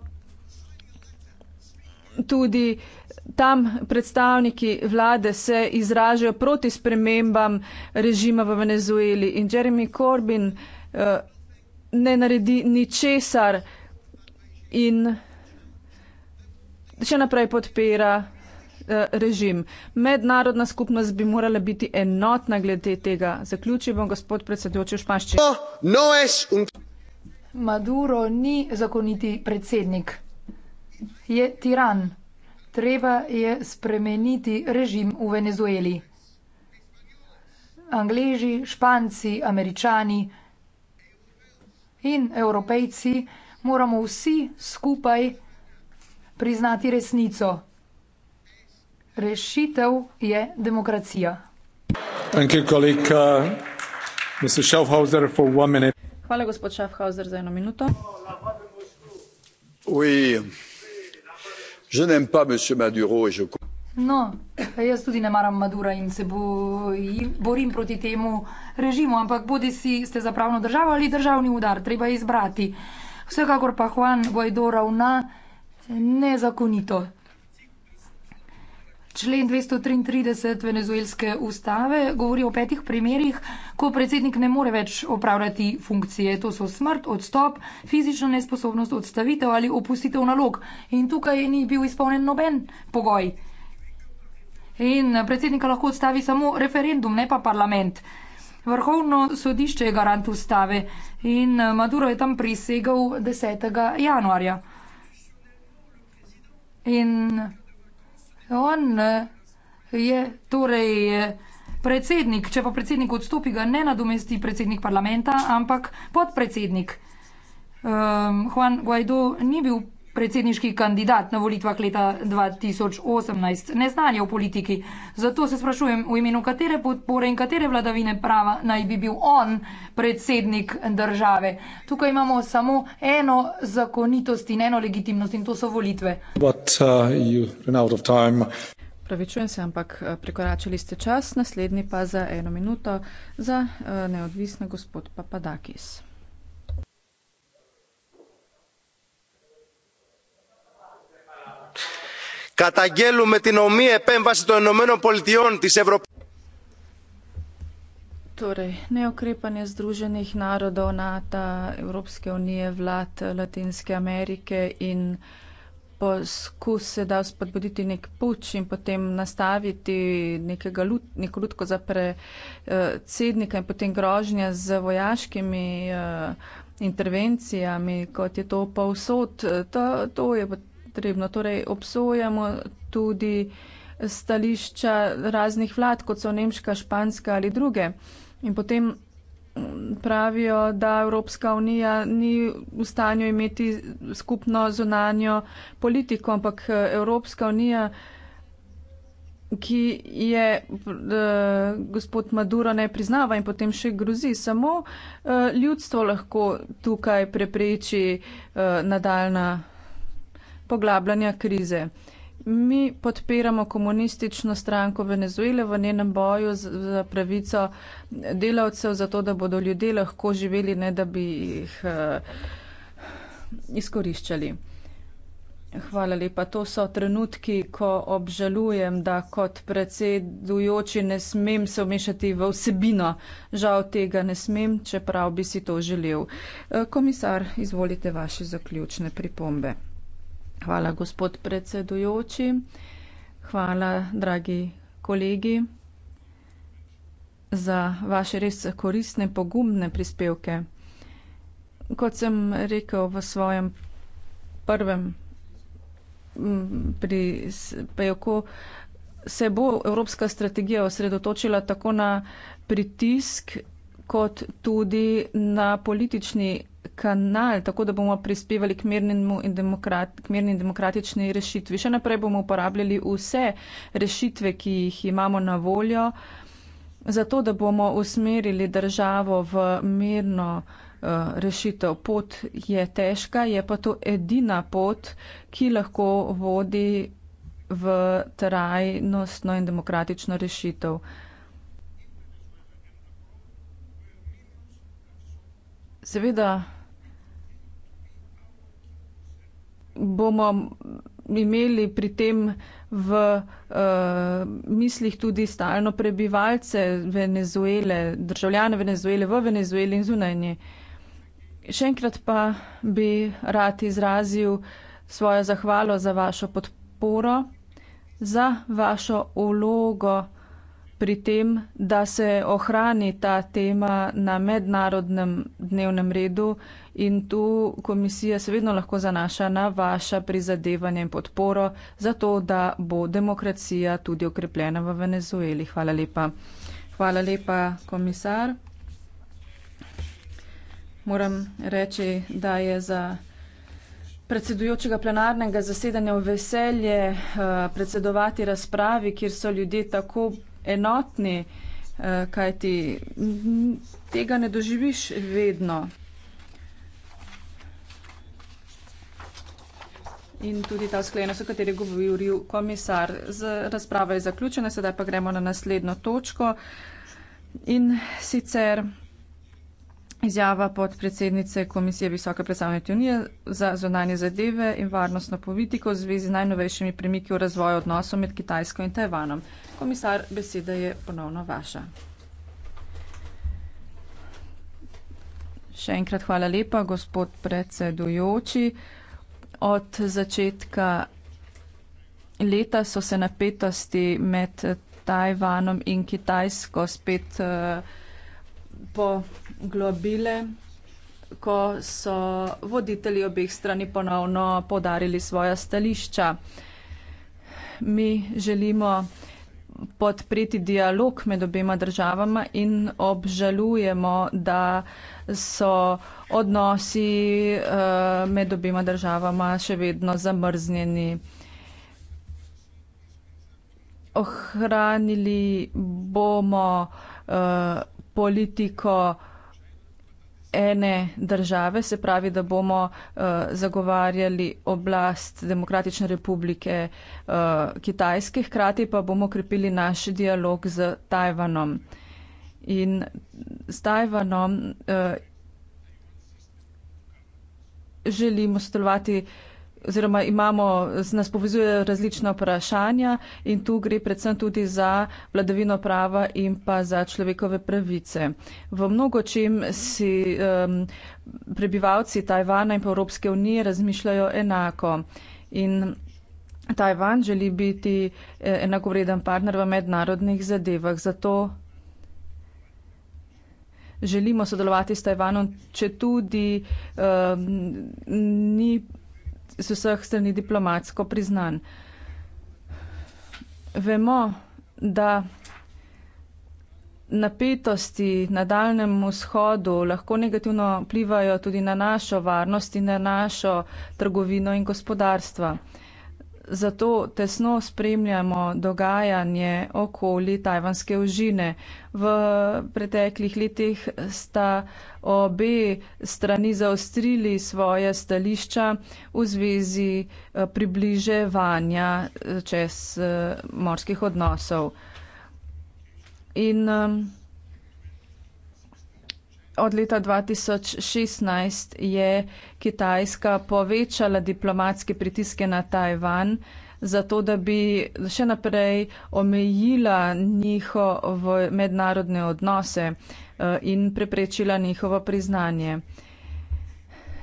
tudi tam predstavniki vlade se izražajo proti spremembam režima v Venezueli. In Jeremy Corbyn eh, ne naredi ničesar in še naprej podpira. Eh, režim. Mednarodna skupnost bi morala biti enotna glede tega. Zaključimo, gospod predsedujoči v španščini. No, no un... Maduro ni zakoniti predsednik, je tiran. Treba je spremeniti režim v Venezueli. Angleži, Španci, Američani in Evropejci moramo vsi skupaj priznati resnico. Rešitev je demokracija. Uh, Hvala, gospod Schaffhauser, za eno minuto. No, jaz tudi ne maram Madura in se bo, borim proti temu režimu, ampak bodi si ste za pravno državo ali državni udar, treba izbrati. Vsekakor pa Juan Guaido ravna nezakonito člen 233 venezuelske ustave govori o petih primerjih, ko predsednik ne more več opravljati funkcije. To so smrt, odstop, fizična nesposobnost, odstavitev ali opustitev nalog. In tukaj ni bil izpolnjen noben pogoj. In predsednika lahko odstavi samo referendum, ne pa parlament. Vrhovno sodišče je garant ustave in Maduro je tam prisegal 10. januarja. In On eh, je torej eh, predsednik, če pa predsednik odstopi, ga ne nadomesti predsednik parlamenta, ampak podpredsednik. Ehm, Juan Guaido ni bil predsedniški kandidat na volitvah leta 2018. Ne znanje v politiki. Zato se sprašujem, v imenu katere podpore in katere vladavine prava naj bi bil on predsednik države. Tukaj imamo samo eno zakonitost in eno legitimnost in to so volitve. But, uh, Pravičujem se, ampak uh, prekoračili ste čas, naslednji pa za eno minuto za uh, neodvisno gospod Papadakis. καταγγέλουμε την ομοίη επέμβαση των Ηνωμένων Πολιτειών της Ευρωπαϊκής Torej, neokrepanje Združenih narodov, NATO, Evropske unije, vlad Latinske Amerike in poskus se da spodbuditi nek puč in potem nastaviti lut, neko lutko za predsednika in potem grožnja z vojaškimi eh, intervencijami, kot je to povsod. Eh, to, to je potrebno. Torej obsojamo tudi stališča raznih vlad, kot so Nemška, Španska ali druge. In potem mm, pravijo, da Evropska unija ni v stanju imeti skupno zunanjo politiko, ampak eh, Evropska unija, ki je eh, gospod Maduro ne priznava in potem še grozi, samo eh, ljudstvo lahko tukaj prepreči nadaljna poglabljanja krize. Mi podpiramo komunistično stranko Venezuele v njenem boju za pravico delavcev, zato da bodo ljudje lahko živeli, ne da bi jih eh, izkoriščali. Hvala lepa. To so trenutki, ko obžalujem, da kot predsedujoči ne smem se vmešati v vsebino. Žal tega ne smem, čeprav bi si to želel. Eh, komisar, izvolite vaše zaključne pripombe. Hvala, gospod predsedujoči. Hvala, dragi kolegi, za vaše res koristne, pogumne prispevke. Kot sem rekel v svojem prvem prispevku, se bo evropska strategija osredotočila tako na pritisk kot tudi na politični kanal, tako da bomo prispevali k, in demokrat, k mirni in demokratični rešitvi. Še naprej bomo uporabljali vse rešitve, ki jih imamo na voljo, zato da bomo usmerili državo v mirno uh, rešitev. Pot je težka, je pa to edina pot, ki lahko vodi v trajnostno in demokratično rešitev. seveda bomo imeli pri tem v uh, mislih tudi stalno prebivalce Venezuele, državljane Venezuele v Venezueli in zunanje. Še enkrat pa bi rad izrazil svojo zahvalo za vašo podporo, za vašo ulogo pri tem, da se ohrani ta tema na mednarodnem dnevnem redu in tu komisija se vedno lahko zanaša na vaša prizadevanja in podporo za to, da bo demokracija tudi okrepljena v Venezueli. Hvala lepa. Hvala lepa, komisar. Moram reči, da je za predsedujočega plenarnega zasedanja v veselje uh, predsedovati razpravi, kjer so ljudje tako enotni, eh, kaj ti tega ne doživiš vedno. In tudi ta sklenost, o kateri govoril komisar. Razprava je zaključena, sedaj pa gremo na naslednjo točko. In sicer izjava podpredsednice Komisije Visoke predstavnike Unije za zonanje zadeve in varnostno politiko v zvezi z najnovejšimi premiki v razvoju odnosov med Kitajsko in Tajvanom. Komisar, beseda je ponovno vaša. Še enkrat hvala lepa, gospod predsedujoči. Od začetka leta so se napetosti med Tajvanom in Kitajsko spet eh, poglobile, ko so voditelji obeh strani ponovno podarili svoja stališča. Mi želimo, da podpreti dialog med obema državama in obžalujemo, da so odnosi eh, med obema državama še vedno zamrznjeni. Ohranili bomo eh, politiko, ene države, se pravi, da bomo uh, zagovarjali oblast Demokratične republike uh, Kitajske, hkrati pa bomo krepili naš dialog z Tajvanom. In s Tajvanom uh, želimo sodelovati uh, oziroma imamo, nas povezujejo različna vprašanja in tu gre predvsem tudi za vladavino prava in pa za človekove pravice. V mnogo čem si um, prebivalci Tajvana in pa Evropske unije razmišljajo enako. In Tajvan želi biti e, enakovreden partner v mednarodnih zadevah. Zato želimo sodelovati s Tajvanom, če tudi um, ni z vseh strani diplomatsko priznan. Vemo, da napetosti na daljnem vzhodu lahko negativno vplivajo tudi na našo varnost in na našo trgovino in gospodarstva. Zato tesno spremljamo dogajanje okoli tajvanske užine. V preteklih letih sta uh, obe strani zaostrili svoje stališča v zvezi eh, približevanja eh, čez eh, morskih odnosov. In ehm, od leta 2016 je Kitajska povečala diplomatske pritiske na Tajvan, zato da bi še naprej omejila njihove mednarodne odnose. Eh, in preprečila njihovo priznanje.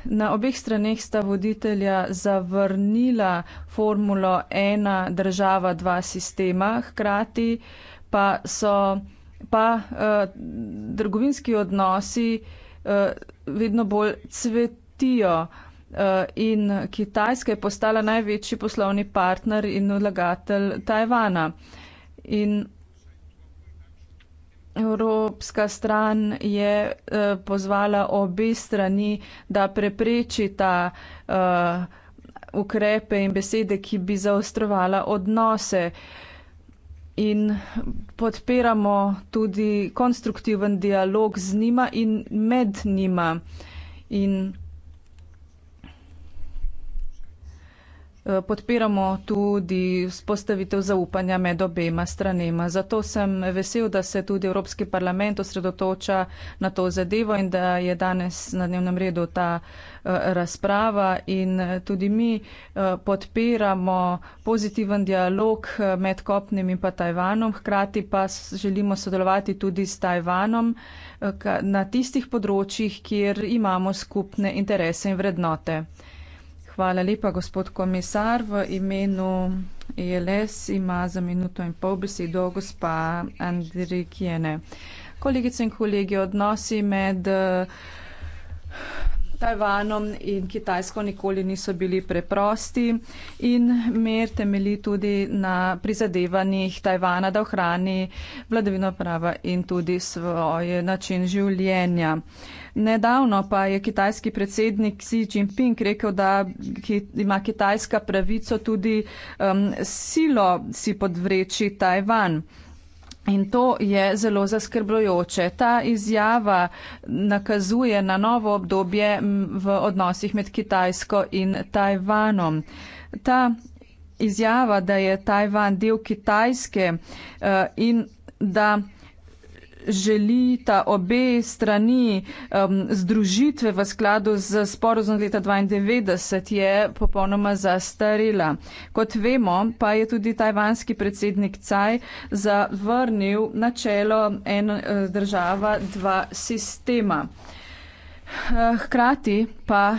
Na obeh straneh sta voditelja zavrnila formulo ena država, dva sistema, hkrati pa so pa uh, eh, drgovinski odnosi uh, vedno bolj cvetijo uh, in Kitajska je postala največji poslovni partner in odlagatelj Tajvana. In Evropska stran je eh, pozvala obe strani, da preprečita eh, ukrepe in besede, ki bi zaostrovala odnose. In podpiramo tudi konstruktiven dialog z njima in med njima. In Eh, podpiramo tudi spostavitev zaupanja med obema stranema. Zato sem vesel, da se tudi Evropski parlament osredotoča na to zadevo in da je danes na dnevnem redu ta eh, razprava in eh, tudi mi podpiramo pozitiven dialog med Kopnem in pa Tajvanom. Hkrati pa želimo sodelovati tudi s Tajvanom na tistih področjih, kjer imamo skupne interese in vrednote. Hvala lepa, gospod komisar. V imenu ILS e ima za minuto in pol besedo gospa Andrikjene. Kolegice in kolegi, odnosi med Tajvanom in Kitajsko nikoli niso bili preprosti in mer temeli tudi na prizadevanjih Tajvana, da ohrani vladavino prava in tudi svoj način življenja. Nedavno pa je kitajski predsednik Xi Jinping rekel, da ima kitajska pravico tudi um, silo si podvreči Tajvan. In to je zelo zaskrbljujoče. Ta izjava nakazuje na novo obdobje v odnosih med Kitajsko in Tajvanom. Ta izjava, da je Tajvan del Kitajske eh, in da želita obe strani um, združitve v skladu z sporozum leta 92 je popolnoma zastarila. Kot vemo, pa je tudi tajvanski predsednik Caj zavrnil načelo ena eh, država, dva sistema. Eh, hkrati pa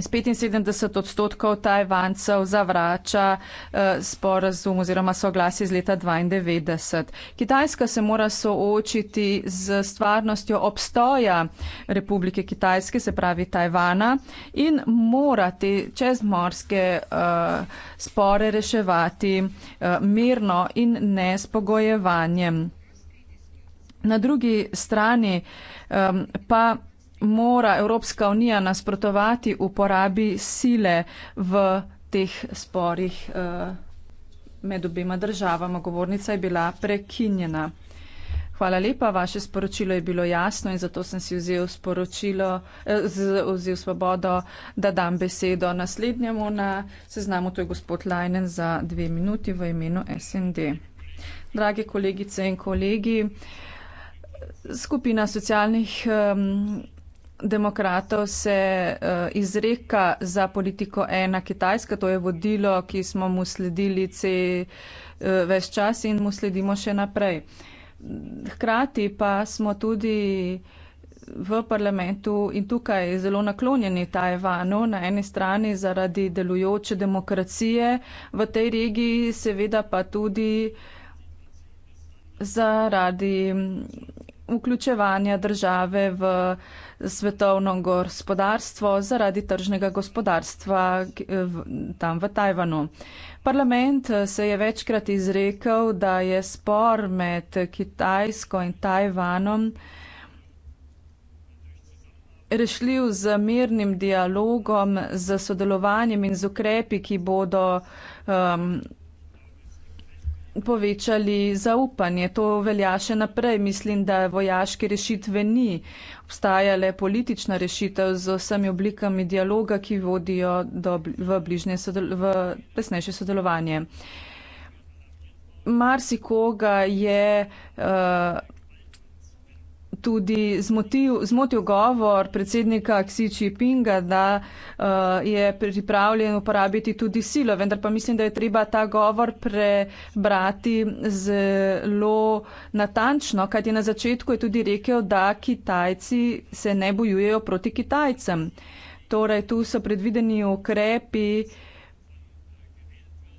75 odstotkov Tajvancev zavrača eh, sporazum oziroma soglasje iz leta 92. Kitajska se mora soočiti z stvarnostjo obstoja Republike Kitajske, se pravi Tajvana, in mora te čezmorske eh, spore reševati eh, mirno in ne s pogojevanjem. Na drugi strani pa mora Evropska unija nasprotovati uporabi sile v teh sporih eh, med obima državama. Govornica je bila prekinjena. Hvala lepa, vaše sporočilo je bilo jasno in zato sem si vzel, eh, vzel svobodo, da dam besedo naslednjemu na seznamu, to je gospod Lajnen za dve minuti v imenu SND. Drage kolegice in kolegi, skupina socialnih um, demokratov se uh, izreka za politiko ena Kitajska, to je vodilo, ki smo mu sledili ce, uh, ves čas in mu sledimo še naprej. Hkrati pa smo tudi v parlamentu in tukaj zelo naklonjeni Tajvanu, na eni strani zaradi delujoče demokracije v tej regiji, seveda pa tudi zaradi vključevanja države v svetovno gospodarstvo zaradi tržnega gospodarstva eh, tam v Tajvanu. Parlament eh, se je večkrat izrekel, da je spor med Kitajsko in Tajvanom rešljiv z mirnim dialogom, z sodelovanjem in z ukrepi, ki bodo um, povečali zaupanje. To velja še naprej. Mislim, da vojaške rešitve ni. Obstaja le politična rešitev z vsemi oblikami dialoga, ki vodijo do, v bližnje sodel, v sodelovanje. Marsikoga je uh, tudi zmotil, zmotil govor predsednika Xi Jinpinga, da uh, je pripravljen uporabiti tudi silo, vendar pa mislim, da je treba ta govor prebrati zelo natančno, kajti na začetku je tudi rekel, da Kitajci se ne bojujejo proti Kitajcem. Torej, tu so predvideni ukrepi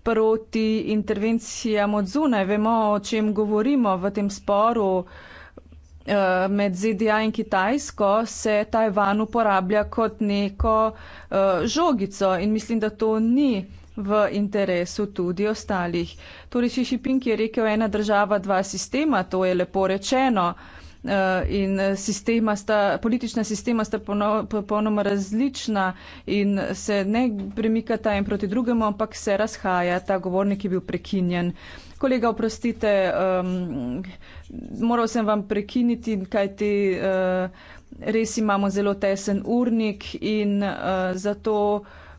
proti intervencijam od zunaj. Vemo, o čem govorimo v tem sporu. Eh, med ZDA in Kitajsko se Tajvan uporablja kot neko eh, žogico in mislim, da to ni v interesu tudi ostalih. Torej, Xi Jinping je rekel ena država, dva sistema, to je lepo rečeno. Eh, in sistema sta, politična sistema sta popolnoma različna in se ne premikata en proti drugemu, ampak se razhajata. Govornik je bil prekinjen. Uh, Kolega, oprostite, um, moral sem vam prekiniti, kajti uh, res imamo zelo tesen urnik in uh, zato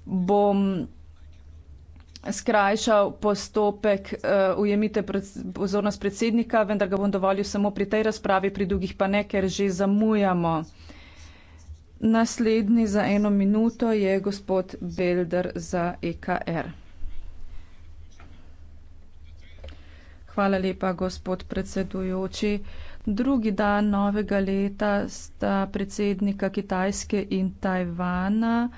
bom skrajšal postopek uh, ujemite pred, pozornost predsednika, vendar ga bom dovolil samo pri tej razpravi, pri drugih pa ne, ker že zamujamo. Naslednji za eno minuto je gospod Belder za EKR. Hvala lepa, gospod predsedujoči. Drugi dan novega leta sta predsednika Kitajske in Tajvana.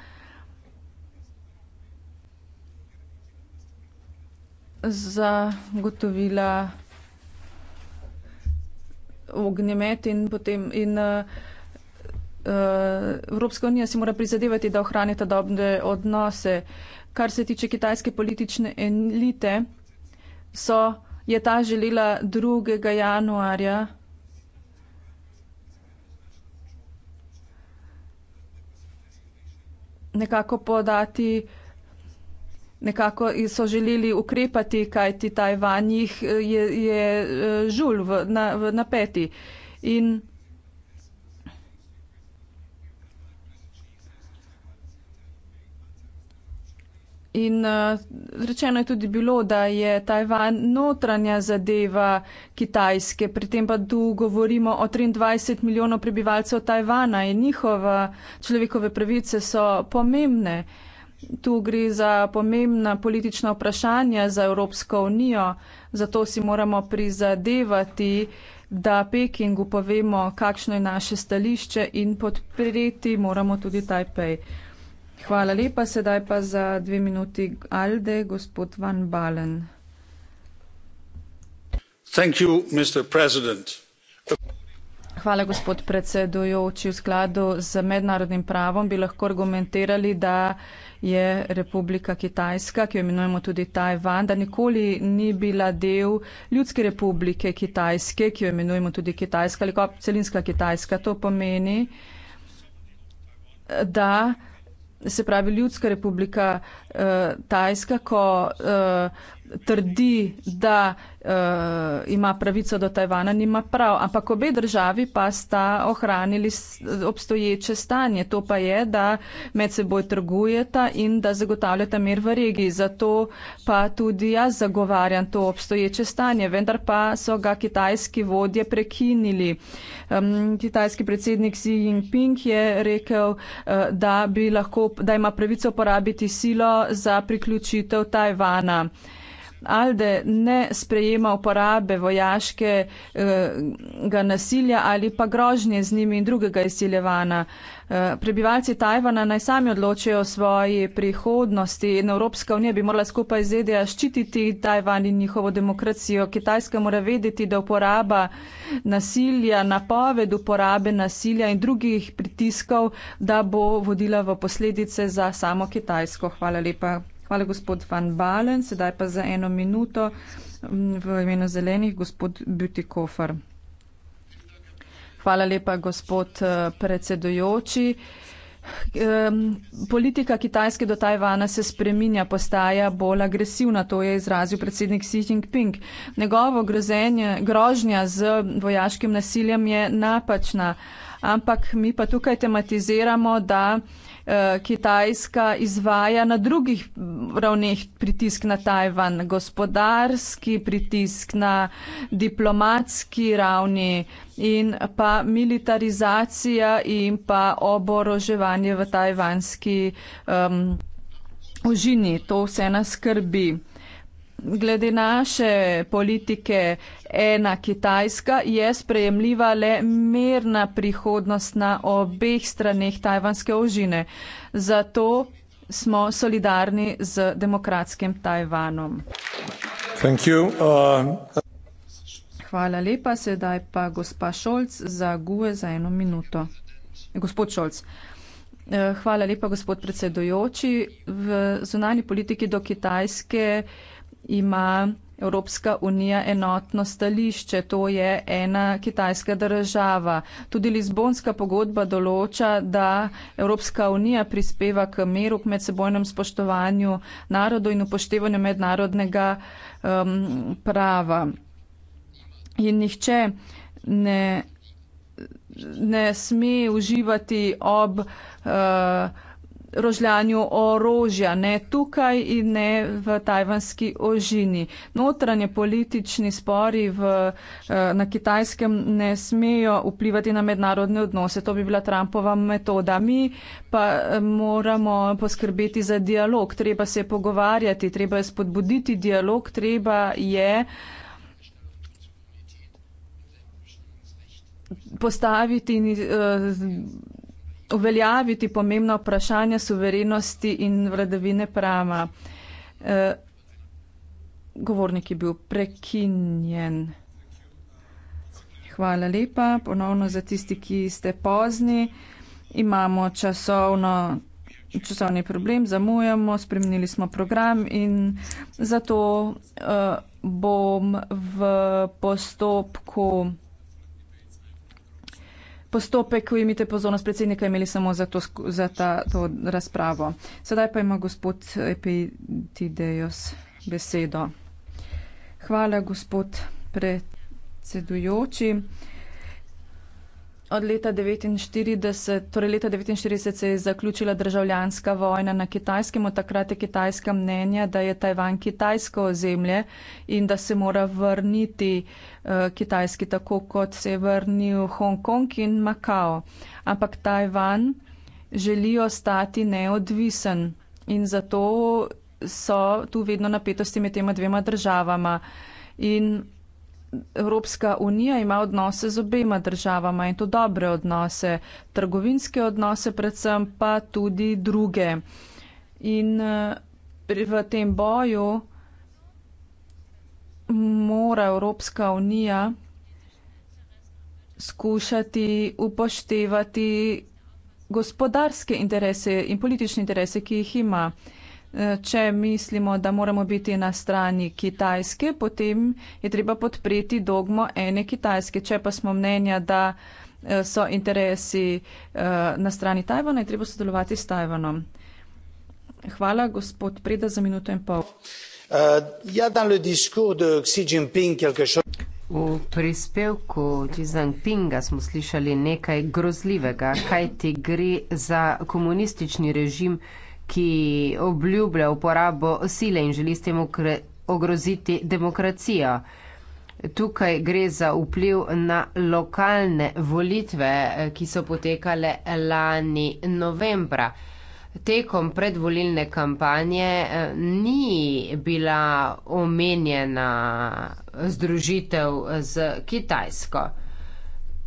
Zagotovila ognjemet in potem in eh, Evropska unija si mora prizadevati, da ohrani ta dobne odnose. Kar se tiče kitajske politične elite, so je ta želela 2. januarja. Nekako podati, nekako so želeli ukrepati, kaj ti Tajvan jih je, je eh, žul v, na, v napeti. In In uh, rečeno je tudi bilo, da je Tajvan notranja zadeva Kitajske, pri tem pa tu govorimo o 23 milijonov prebivalcev Tajvana in njihova človekove pravice so pomembne. Tu gre za pomembna politična vprašanja za Evropsko unijo, zato si moramo prizadevati, da Pekingu povemo, kakšno je naše stališče in podpreti moramo tudi Tajpej. Hvala lepa, sedaj pa za dve minuti Alde, gospod Van Balen. Thank you, Mr. Hvala, gospod predsedujoči. V skladu z mednarodnim pravom bi lahko argumentirali, da je Republika Kitajska, ki jo imenujemo tudi Tajvan, da nikoli ni bila del Ljudske republike Kitajske, ki jo imenujemo tudi Kitajska ali celinska Kitajska. To pomeni, da se pravi, Ljudska republika uh, Tajska, ko uh, trdi, da uh, ima pravico do Tajvana, nima prav. Ampak obe državi pa sta ohranili obstoječe stanje. To pa je, da med seboj trgujeta in da zagotavljata mir v regiji. Zato pa tudi jaz zagovarjam to obstoječe stanje. Vendar pa so ga kitajski vodje prekinili. Um, kitajski predsednik Xi Jinping je rekel, uh, da, lahko, da ima pravico uporabiti silo za priključitev Tajvana. Alde ne sprejema uporabe vojaškega nasilja ali pa grožnje z njimi in drugega izsiljevanja. Eh, prebivalci Tajvana naj sami odločajo o svoji prihodnosti in Evropska unija bi morala skupaj z ZDA ščititi Tajvan in njihovo demokracijo. Kitajska mora vedeti, da uporaba nasilja, napoved uporabe nasilja in drugih pritiskov, da bo vodila v posledice za samo Kitajsko. Hvala lepa. Hvala, gospod Van Balen. Sedaj pa za eno minuto v imenu zelenih, gospod Butikofer. Hvala lepa, gospod eh, predsedujoči. Politika Kitajske do Tajvana se spreminja, postaja bolj agresivna, to je izrazil predsednik Xi Jinping. Njegovo grozenje, grožnja z vojaškim nasiljem je napačna, ampak mi pa tukaj tematiziramo, da uh, Eh, Kitajska izvaja na drugih ravneh pritisk na Tajvan, gospodarski pritisk na diplomatski ravni in pa militarizacija in pa oboroževanje v tajvanski um, ožini. To vse nas skrbi glede naše politike ena Kitajska je sprejemljiva le mirna prihodnost na obeh straneh tajvanske ožine. Zato smo solidarni z demokratskim Tajvanom. Thank you. Uh... Hvala lepa. Sedaj pa gospa Šolc za guje za eno minuto. Gospod Šolc. Eh, hvala lepa, gospod predsedujoči. V zunanji politiki do Kitajske ima Evropska unija enotno stališče, to je ena kitajska država. Tudi Lizbonska pogodba določa, da Evropska unija prispeva k meru, k medsebojnem spoštovanju narodov in upoštevanju mednarodnega um, prava. In nihče ne, ne sme uživati ob uh, rožljanju orožja, ne tukaj in ne v tajvanski ožini. Notranje politični spori v, eh, na kitajskem ne smejo vplivati na mednarodne odnose. To bi bila Trumpova metoda. Mi pa eh, moramo poskrbeti za dialog. Treba se pogovarjati, treba je spodbuditi dialog, treba je eh, postaviti in uh, uveljaviti pomembna vprašanja suverenosti in vladavine prava. E, govornik je bil prekinjen. Hvala lepa. Ponovno za tisti, ki ste pozni. Imamo časovno, časovni problem, zamujamo, spremenili smo program in zato uh, bom v postopku postopek, ko imite pozornost predsednika, imeli samo za, to, za ta, to razpravo. Sedaj pa ima gospod Epitidejos besedo. Hvala, gospod predsedujoči. Od leta 1949, torej leta 1949 se je zaključila državljanska vojna na kitajskem, od takrat je kitajska mnenja, da je Tajvan kitajsko ozemlje in da se mora vrniti uh, Eh, kitajski, tako kot se je vrnil Hongkong in Makao. Ampak Tajvan želi ostati neodvisen in zato so tu vedno napetosti med tema dvema državama. In Evropska unija ima odnose z obema državama in to dobre odnose, trgovinske odnose predvsem pa tudi druge. In eh, v tem boju mora Evropska unija skušati upoštevati gospodarske interese in politične interese, ki jih ima. Eh, če mislimo, da moramo biti na strani Kitajske, potem je treba podpreti dogmo ene Kitajske. Če pa smo mnenja, da eh, so interesi eh, na strani Tajvana, je treba sodelovati s Tajvanom. Hvala, gospod Preda, za minuto in pol il euh, y a dans le discours de Xi Jinping quelque chose. V prispevku Džizangpinga smo slišali nekaj grozljivega, kajti gre za komunistični režim, ki obljublja uporabo sile in želi s tem ogroziti demokracijo. Tukaj gre za vpliv na lokalne volitve, ki so potekale lani novembra tekom predvolilne kampanje eh, ni bila omenjena združitev z Kitajsko.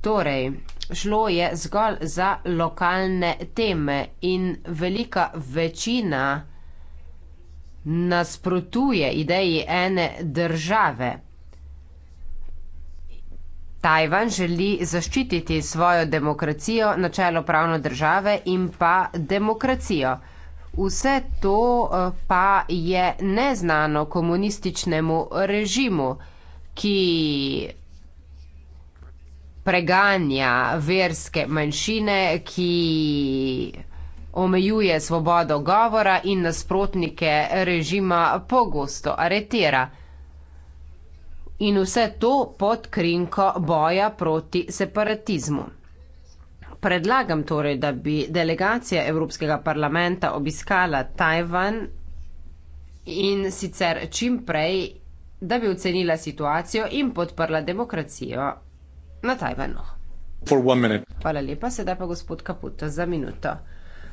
Torej, šlo je zgolj za lokalne teme in velika večina nasprotuje ideji ene države, Tajvan želi zaščititi svojo demokracijo, načelo pravno države in pa demokracijo. Vse to eh, pa je neznano komunističnemu režimu, ki preganja verske manjšine, ki omejuje svobodo govora in nasprotnike režima pogosto aretira in vse to pod krinko boja proti separatizmu. Predlagam torej, da bi delegacija Evropskega parlamenta obiskala Tajvan in sicer čim prej, da bi ocenila situacijo in podprla demokracijo na Tajvanu. Hvala lepa, sedaj pa gospod Kaputa za minuto.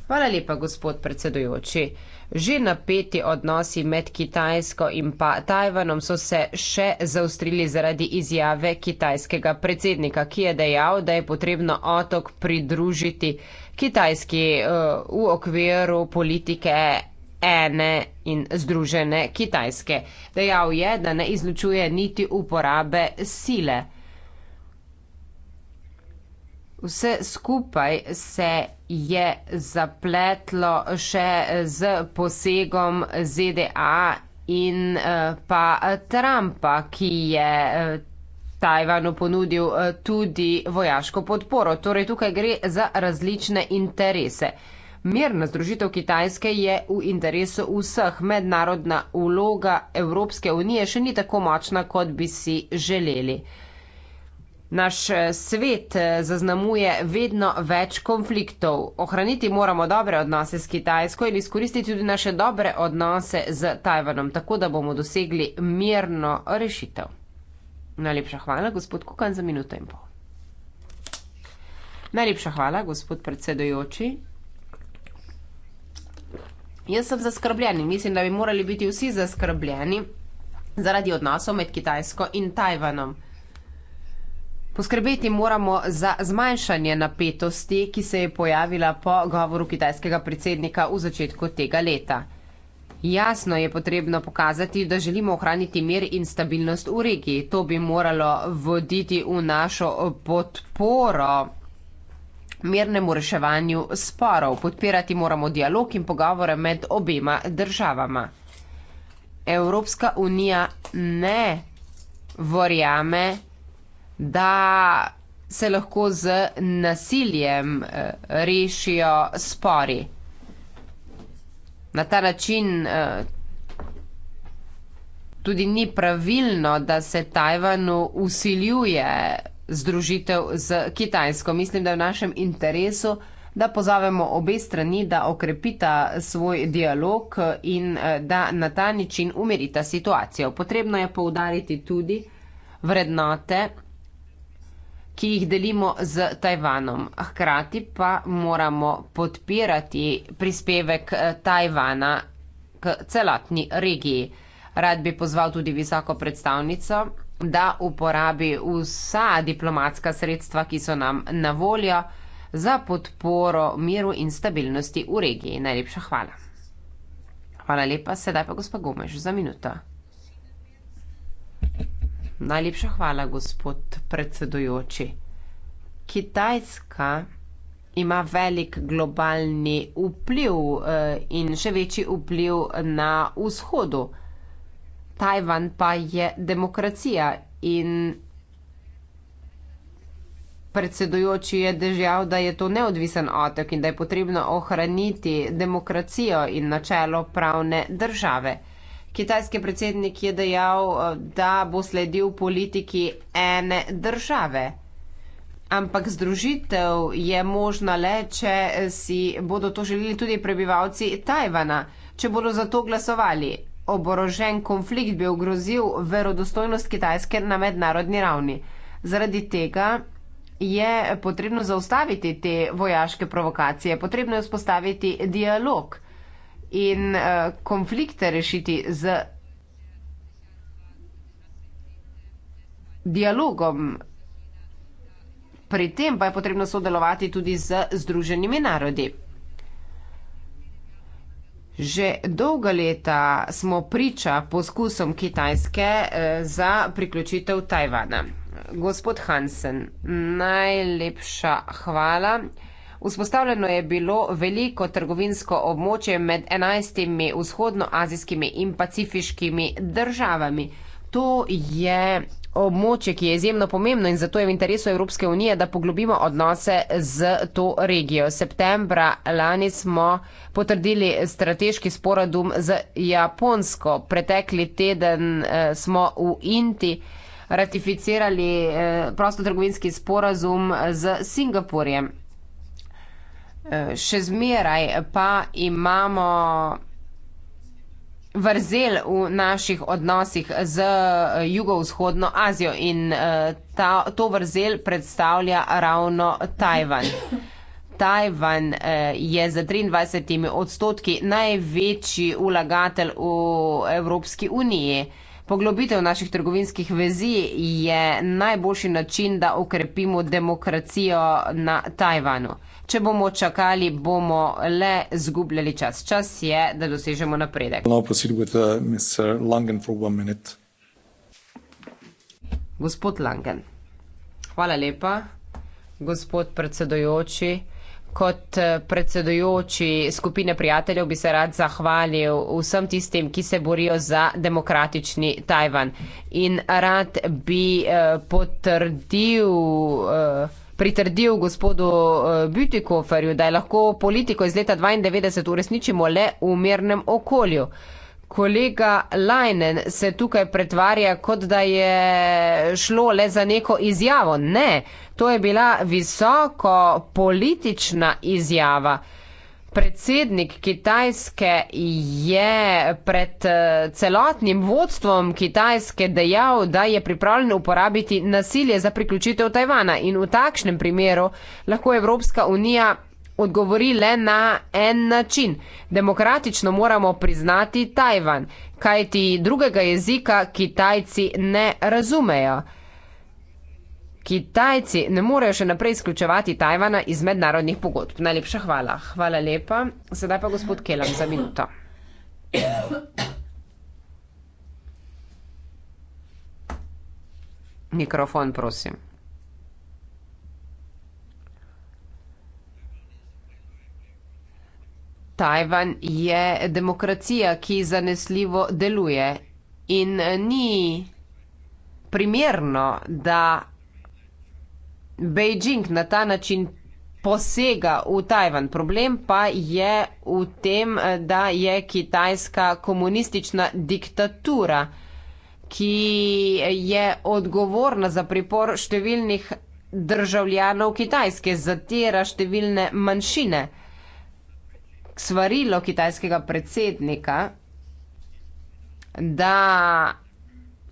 Hvala lepa, gospod predsedujoči. Že napeti odnosi med Kitajsko in pa Tajvanom so se še zaustrili zaradi izjave kitajskega predsednika, ki je dejal, da je potrebno otok pridružiti kitajski eh, v okviru politike ene in združene kitajske. Dejal je, da ne izlučuje niti uporabe sile. Vse skupaj se je zapletlo še z posegom ZDA in eh, pa Trumpa, ki je eh, Tajvanu ponudil eh, tudi vojaško podporo. Torej tukaj gre za različne interese. Mirna združitev Kitajske je v interesu vseh. Mednarodna uloga Evropske unije še ni tako močna, kot bi si želeli. Naš eh, svet eh, zaznamuje vedno več konfliktov. Ohraniti moramo dobre odnose s Kitajsko in izkoristiti tudi naše dobre odnose z Tajvanom, tako da bomo dosegli mirno rešitev. Najlepša hvala, gospod Kukan, za minuto in pol. Najlepša hvala, gospod predsedojoči. Jaz sem zaskrbljen in mislim, da bi morali biti vsi zaskrbljeni zaradi odnosov med Kitajsko in Tajvanom. Poskrbeti moramo za zmanjšanje napetosti, ki se je pojavila po govoru kitajskega predsednika v začetku tega leta. Jasno je potrebno pokazati, da želimo ohraniti mir in stabilnost v regiji. To bi moralo voditi v našo podporo mirnemu reševanju sporov. Podpirati moramo dialog in pogovore med obema državama. Evropska unija ne verjame, da da se lahko z nasiljem eh, rešijo spori. Na ta način eh, tudi ni pravilno, da se Tajvanu usiljuje združitev z Kitajsko. Mislim, da je v našem interesu, da pozovemo obe strani, da okrepita svoj dialog in eh, da na ta način umirita situacijo. Potrebno je poudariti tudi vrednote ki jih delimo z Tajvanom. Hkrati pa moramo podpirati prispevek eh, Tajvana k celotni regiji. Rad bi pozval tudi visoko predstavnico, da uporabi vsa diplomatska sredstva, ki so nam na voljo za podporo miru in stabilnosti v regiji. Najlepša hvala. Hvala lepa, sedaj pa gospod Gomeš za minuto. Thank you. Najlepša hvala, gospod predsedujoči. Kitajska ima velik globalni vpliv eh, in še večji vpliv na vzhodu. Tajvan pa je demokracija in predsedujoči je dejal, da je to neodvisen otok in da je potrebno ohraniti demokracijo in načelo pravne države. Kitajski predsednik je dejal, eh, da bo sledil politiki ene države. Ampak združitev je možna le, če si bodo to želeli tudi prebivalci Tajvana, če bodo za to glasovali. Oborožen konflikt bi ogrozil verodostojnost Kitajske na mednarodni ravni. Zaradi tega je potrebno zaustaviti te vojaške provokacije, potrebno je vzpostaviti dialog in uh, konflikte rešiti z dialogom. Pri tem pa je potrebno sodelovati tudi z Združenimi narodi. Že dolga leta smo priča poskusom Kitajske eh, za priključitev Tajvana. Gospod Hansen, najlepša hvala. Vzpostavljeno je bilo veliko trgovinsko območje med 11 vzhodnoazijskimi in pacifiškimi državami. To je območje, ki je izjemno pomembno in zato je v interesu Evropske unije, da poglobimo odnose z to regijo. Septembra lani smo potrdili strateški sporadum z Japonsko. Pretekli teden eh, smo v Inti ratificirali eh, prostotrgovinski sporazum z Singapurjem. Eh, še zmeraj pa imamo vrzel v naših odnosih z eh, jugovzhodno Azijo in eh, ta, to vrzel predstavlja ravno Tajvan. Tajvan je za 23 odstotki največji vlagatelj v Evropski uniji. Poglobitev naših trgovinskih vezi je najboljši način, da okrepimo demokracijo na Tajvanu. Če bomo čakali, bomo le zgubljali čas. Čas je, da dosežemo napredek. Uh, Gospod Langen, hvala lepa. Gospod predsedojoči. Kot eh, predsedujoči skupine prijateljev bi se rad zahvalil vsem tistim, ki se borijo za demokratični Tajvan. In rad bi eh, potrdil, eh, pritrdil gospodu Bütikoferju, da je lahko politiko iz leta 1992 uresničimo le v mirnem okolju. Kolega Leinen se tukaj pretvarja, kot da je šlo le za neko izjavo. Ne, to je bila visoko politična izjava. Predsednik Kitajske je pred eh, celotnim vodstvom Kitajske dejal, da je pripravljen uporabiti nasilje za priključitev Tajvana in v takšnem primeru lahko Evropska unija odgovori le na en način. Demokratično moramo priznati Tajvan, kajti drugega jezika Kitajci ne razumejo. Kitajci ne morejo še naprej izključevati Tajvana iz mednarodnih pogodb. Najlepša hvala. Hvala lepa. Sedaj pa gospod Kelam za minuto. Mikrofon, prosim. Tajvan je demokracija, ki zanesljivo deluje in ni primerno, da Beijing na ta način posega v Tajvan. Problem pa je v tem, da je kitajska komunistična diktatura, ki je odgovorna za pripor številnih državljanov Kitajske, zatira številne manjšine svarilo kitajskega predsednika, da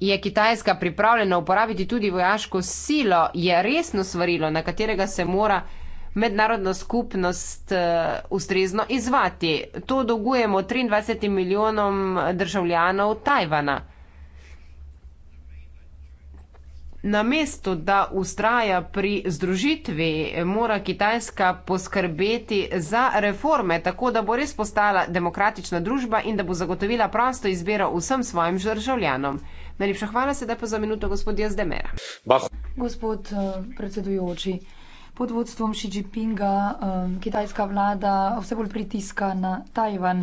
je Kitajska pripravljena uporabiti tudi vojaško silo, je resno svarilo, na katerega se mora mednarodna skupnost eh, ustrezno izvati. To dolgujemo 23 milijonom državljanov Tajvana. namesto, da ustraja pri združitvi, mora Kitajska poskrbeti za reforme, tako da bo res postala demokratična družba in da bo zagotovila prosto izbiro vsem svojim državljanom. Najlepša hvala sedaj pa za minuto, gospod Jazdemera. Gospod eh, predsedujoči, pod vodstvom Xi Jinpinga um, kitajska vlada vse bolj pritiska na Tajvan.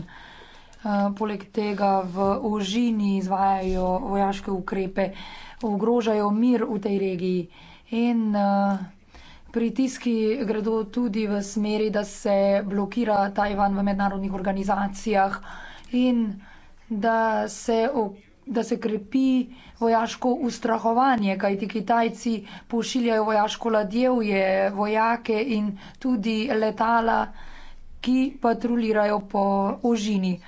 Uh, poleg tega v Ožini izvajajo vojaške ukrepe. Uh, ogrožajo mir v tej regiji. In uh, pritiski gredo tudi v smeri, da se blokira Tajvan v mednarodnih organizacijah in da se, da se krepi vojaško ustrahovanje, kajti Kitajci pošiljajo vojaško ladjevje, vojake in tudi letala, ki patrulirajo po ožini.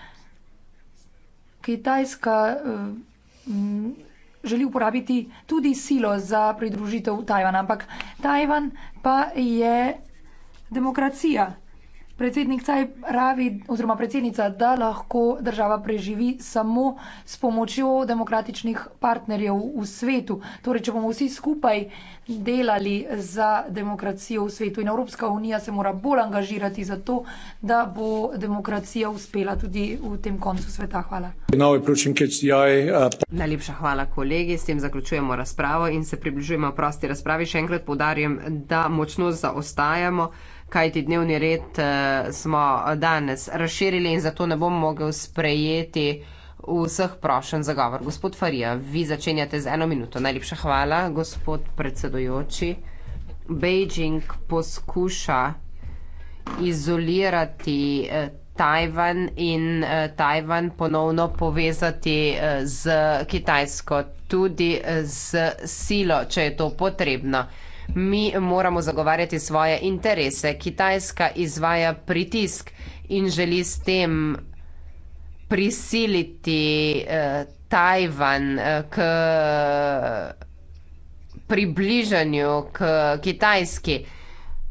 Kitajska. Uh, želi uporabiti tudi silo za pridružitev Tajvana, ampak Tajvan pa je demokracija. Predsednik Caj pravi, oziroma predsednica, da lahko država preživi samo s pomočjo demokratičnih partnerjev v svetu. Torej, če bomo vsi skupaj delali za demokracijo v svetu in Evropska unija se mora bolj angažirati za to, da bo demokracija uspela tudi v tem koncu sveta. Hvala. Najlepša hvala, kolegi. S tem zaključujemo razpravo in se približujemo prosti razpravi. Še enkrat podarjam, da močno zaostajamo kajti dnevni red eh, smo danes razširili in zato ne bom mogel sprejeti vseh prošen za govor. Gospod Farija, vi začenjate z eno minuto. Najlepša hvala, gospod predsedujoči. Beijing poskuša izolirati eh, Tajvan in eh, Tajvan ponovno povezati z Kitajsko, tudi z silo, če je to potrebno mi moramo zagovarjati svoje interese. Kitajska izvaja pritisk in želi s tem prisiliti eh, Tajvan eh, k približanju k Kitajski.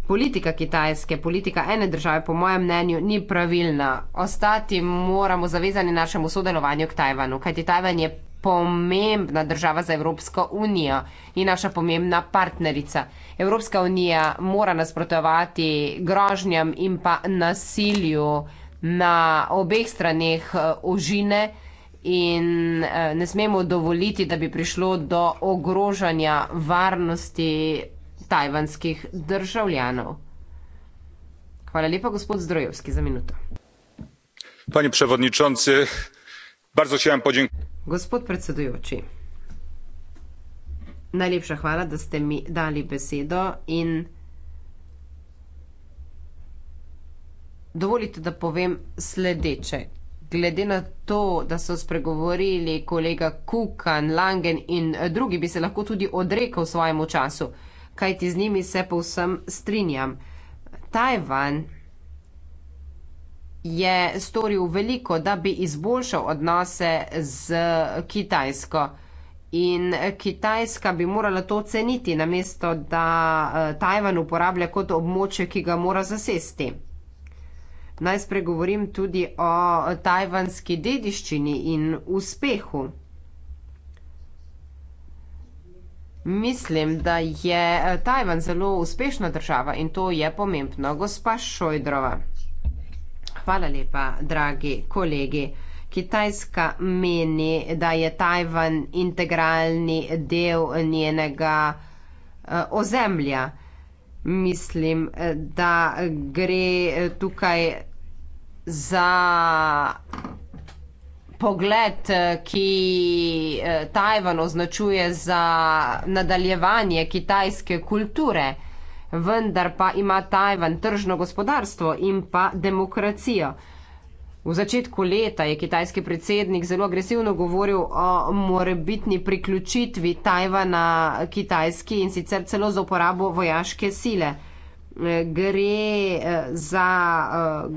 Politika Kitajske, politika ene države, po mojem mnenju, ni pravilna. Ostati moramo zavezani našemu sodelovanju k Tajvanu, kajti Tajvan je pomembna država za Evropsko unijo in naša pomembna partnerica. Evropska unija mora nasprotovati grožnjam in pa nasilju na obeh straneh eh, ožine in eh, ne smemo dovoliti, da bi prišlo do ogrožanja varnosti tajvanskih državljanov. Hvala lepa, gospod Zdrojevski, za minuto. Pani predsednica, zelo se vam podjem. Gospod predsedujoči, najlepša hvala, da ste mi dali besedo in dovolite, da povem sledeče. Glede na to, da so spregovorili kolega Kukan, Langen in eh, drugi, bi se lahko tudi odrekel svojemu času, kajti z njimi se povsem strinjam. Tajvan je storil veliko, da bi izboljšal odnose z Kitajsko. In Kitajska bi morala to ceniti, namesto da eh, Tajvan uporablja kot območje, ki ga mora zasesti. Naj spregovorim tudi o tajvanski dediščini in uspehu. Mislim, da je eh, Tajvan zelo uspešna država in to je pomembno. Gospa Šojdrova. Hvala lepa, dragi kolegi. Kitajska meni, da je Tajvan integralni del njenega eh, ozemlja. Mislim, eh, da gre eh, tukaj za pogled, ki Tajvan označuje za nadaljevanje kitajske kulture vendar pa ima Tajvan tržno gospodarstvo in pa demokracijo. V začetku leta je kitajski predsednik zelo agresivno govoril o morebitni priključitvi Tajvana kitajski in sicer celo za uporabo vojaške sile. Gre eh, za eh,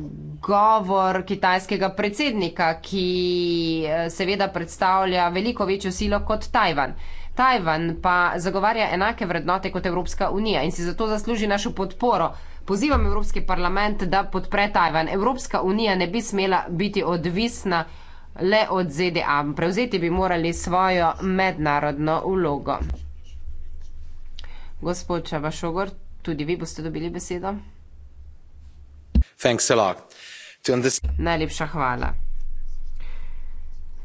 govor kitajskega predsednika, ki eh, seveda predstavlja veliko večjo silo kot Tajvan. Tajvan pa zagovarja enake vrednote kot Evropska unija in si zato zasluži našo podporo. Pozivam Evropski parlament, da podpre Tajvan. Evropska unija ne bi smela biti odvisna le od ZDA. Prevzeti bi morali svojo mednarodno vlogo. Gospod Čavašogor, tudi vi boste dobili besedo. Najlepša hvala.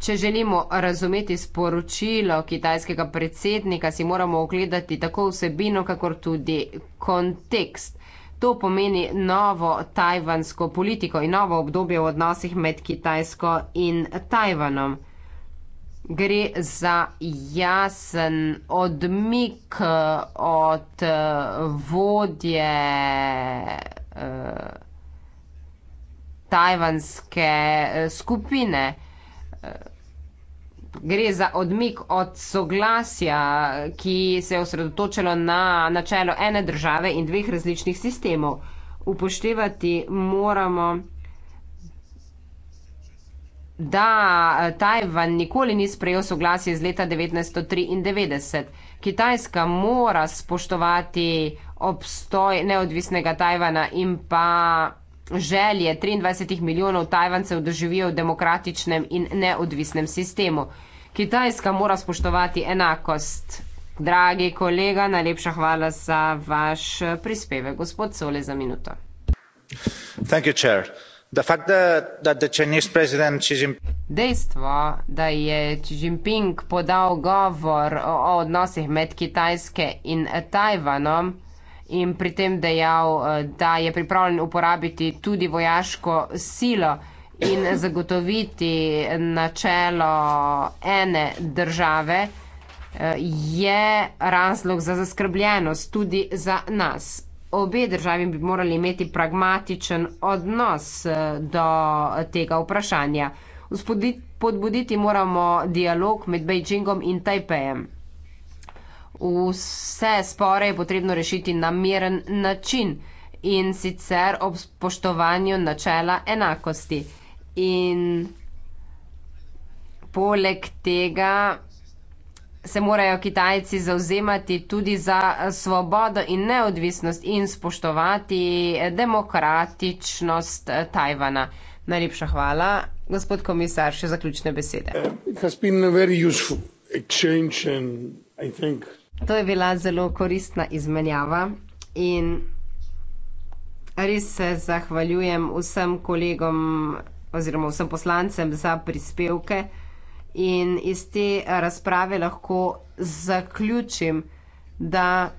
Če želimo razumeti sporočilo kitajskega predsednika, si moramo ogledati tako vsebino, kakor tudi kontekst. To pomeni novo tajvansko politiko in novo obdobje v odnosih med Kitajsko in Tajvanom. Gre za jasen odmik eh, od eh, vodje eh, tajvanske eh, skupine gre za odmik od soglasja, ki se je osredotočilo na načelo ene države in dveh različnih sistemov. Upoštevati moramo, da Tajvan nikoli ni sprejel soglasje iz leta 1993. Kitajska mora spoštovati obstoj neodvisnega Tajvana in pa želje 23 milijonov Tajvancev doživijo v demokratičnem in neodvisnem sistemu. Kitajska mora spoštovati enakost. Dragi kolega, najlepša hvala za vaš prispevek. Gospod Sole za minuto. Thank you, chair. The fact that, that the Chinese president Xi Jinping... Dejstvo, da je Xi Jinping podal govor o, o odnosih med Kitajske in Tajvanom, in pri tem dejal, eh, da je pripravljen uporabiti tudi vojaško silo in zagotoviti načelo ene države, eh, je razlog za zaskrbljenost tudi za nas. Obe državi bi morali imeti pragmatičen odnos eh, do tega vprašanja. Spodbuditi moramo dialog med Beijingom in Tajpejem. Vse spore je potrebno rešiti na miren način in sicer ob spoštovanju načela enakosti. In poleg tega se morajo Kitajci zauzemati tudi za svobodo in neodvisnost in spoštovati demokratičnost Tajvana. Najlepša hvala, gospod komisar, še zaključne besede. Uh, To je bila zelo koristna izmenjava in res se zahvaljujem vsem kolegom oziroma vsem poslancem za prispevke in iz te razprave lahko zaključim, da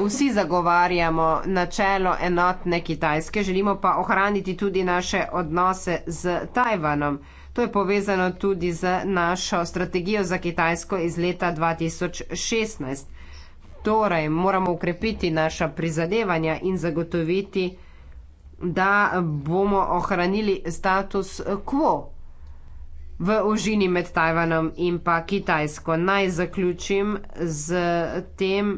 vsi zagovarjamo načelo enotne Kitajske, želimo pa ohraniti tudi naše odnose z Tajvanom. To je povezano tudi z našo strategijo za Kitajsko iz leta 2016. Torej moramo ukrepiti naša prizadevanja in zagotoviti, da bomo ohranili status quo v ožini med Tajvanom in pa Kitajsko. Naj zaključim z tem,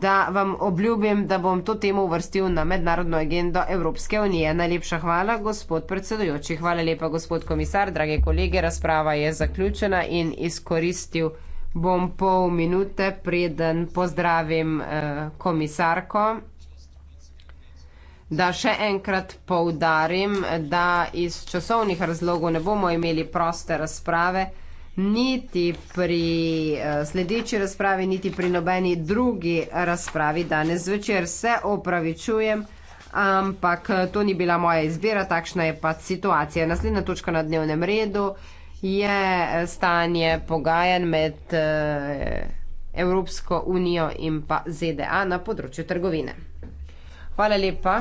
da vam obljubim, da bom to temo uvrstil na mednarodno agendo Evropske unije. Najlepša hvala, gospod predsedujoči. Hvala lepa, gospod komisar. Drage kolege, razprava je zaključena in izkoristil bom pol minute, preden pozdravim eh, komisarko. Da še enkrat poudarim, da iz časovnih razlogov ne bomo imeli proste razprave niti pri eh, sledeči razpravi, niti pri nobeni drugi razpravi danes večer. Se opravičujem, ampak eh, to ni bila moja izbira, takšna je pa situacija. Naslednja točka na dnevnem redu je eh, stanje pogajanj med Evropsko unijo in pa ZDA na področju trgovine. Hvala lepa.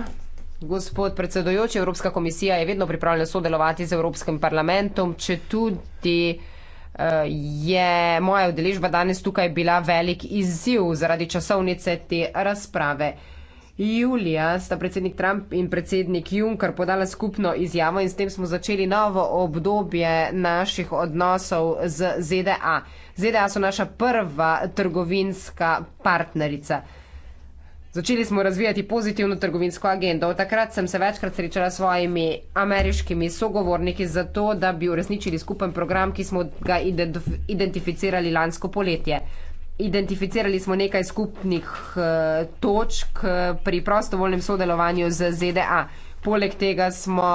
Gospod predsedojoči, Evropska komisija je vedno pripravljena sodelovati z Evropskim parlamentom, če tudi je moja udeležba danes tukaj bila velik izziv zaradi časovnice te razprave. Julija sta predsednik Trump in predsednik Juncker podala skupno izjavo in s tem smo začeli novo obdobje naših odnosov z ZDA. ZDA so naša prva trgovinska partnerica. Začeli smo razvijati pozitivno trgovinsko agendo. Takrat sem se večkrat srečala s svojimi ameriškimi sogovorniki za to, da bi uresničili skupen program, ki smo ga identificirali lansko poletje. Identificirali smo nekaj skupnih uh, točk eh, pri prostovoljnem sodelovanju z ZDA. Poleg tega smo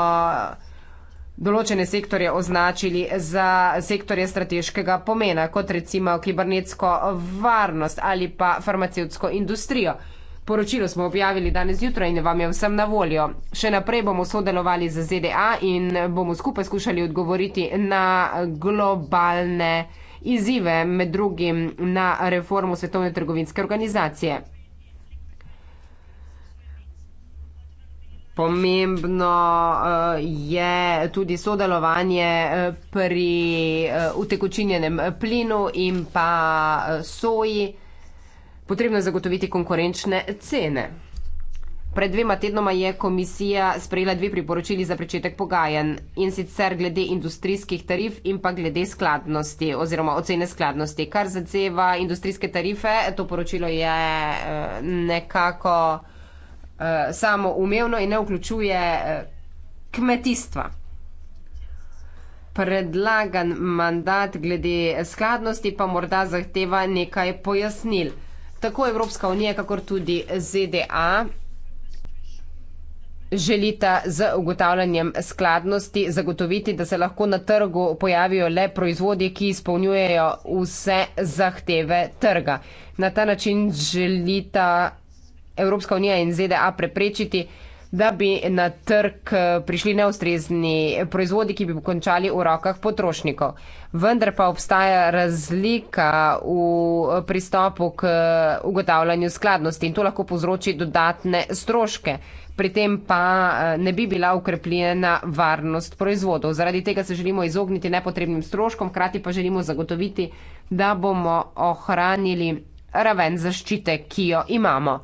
določene sektorje označili za sektorje strateškega pomena, kot recimo kibernetsko varnost ali pa farmacevtsko industrijo. Poročilo smo objavili danes jutro in vam je vsem na voljo. Še naprej bomo sodelovali z ZDA in bomo skupaj skušali odgovoriti na globalne izzive, med drugim na reformo Svetovne trgovinske organizacije. Pomembno eh, je tudi sodelovanje eh, pri eh, utekočinjenem plinu in pa soji. Potrebno je zagotoviti konkurenčne cene. Pred dvema tednoma je komisija sprejela dve priporočili za začetek pogajanj in sicer glede industrijskih tarif in pa glede skladnosti oziroma ocene skladnosti. Kar zadeva industrijske tarife, to poročilo je eh, nekako eh, samo umevno in ne vključuje eh, kmetijstva. Predlagan mandat glede skladnosti pa morda zahteva nekaj pojasnil tako Evropska unija, kakor tudi ZDA želita z ugotavljanjem skladnosti zagotoviti, da se lahko na trgu pojavijo le proizvodi, ki izpolnjujejo vse zahteve trga. Na ta način želita Evropska unija in ZDA preprečiti, da bi na trg eh, prišli neustrezni proizvodi, ki bi končali v rokah potrošnikov. Vendar pa obstaja razlika v eh, pristopu k eh, ugotavljanju skladnosti in to lahko povzroči dodatne stroške. Pri tem pa ne bi bila ukrepljena varnost proizvodov. Zaradi tega se želimo izogniti nepotrebnim stroškom, krati pa želimo zagotoviti, da bomo ohranili raven zaščite, ki jo imamo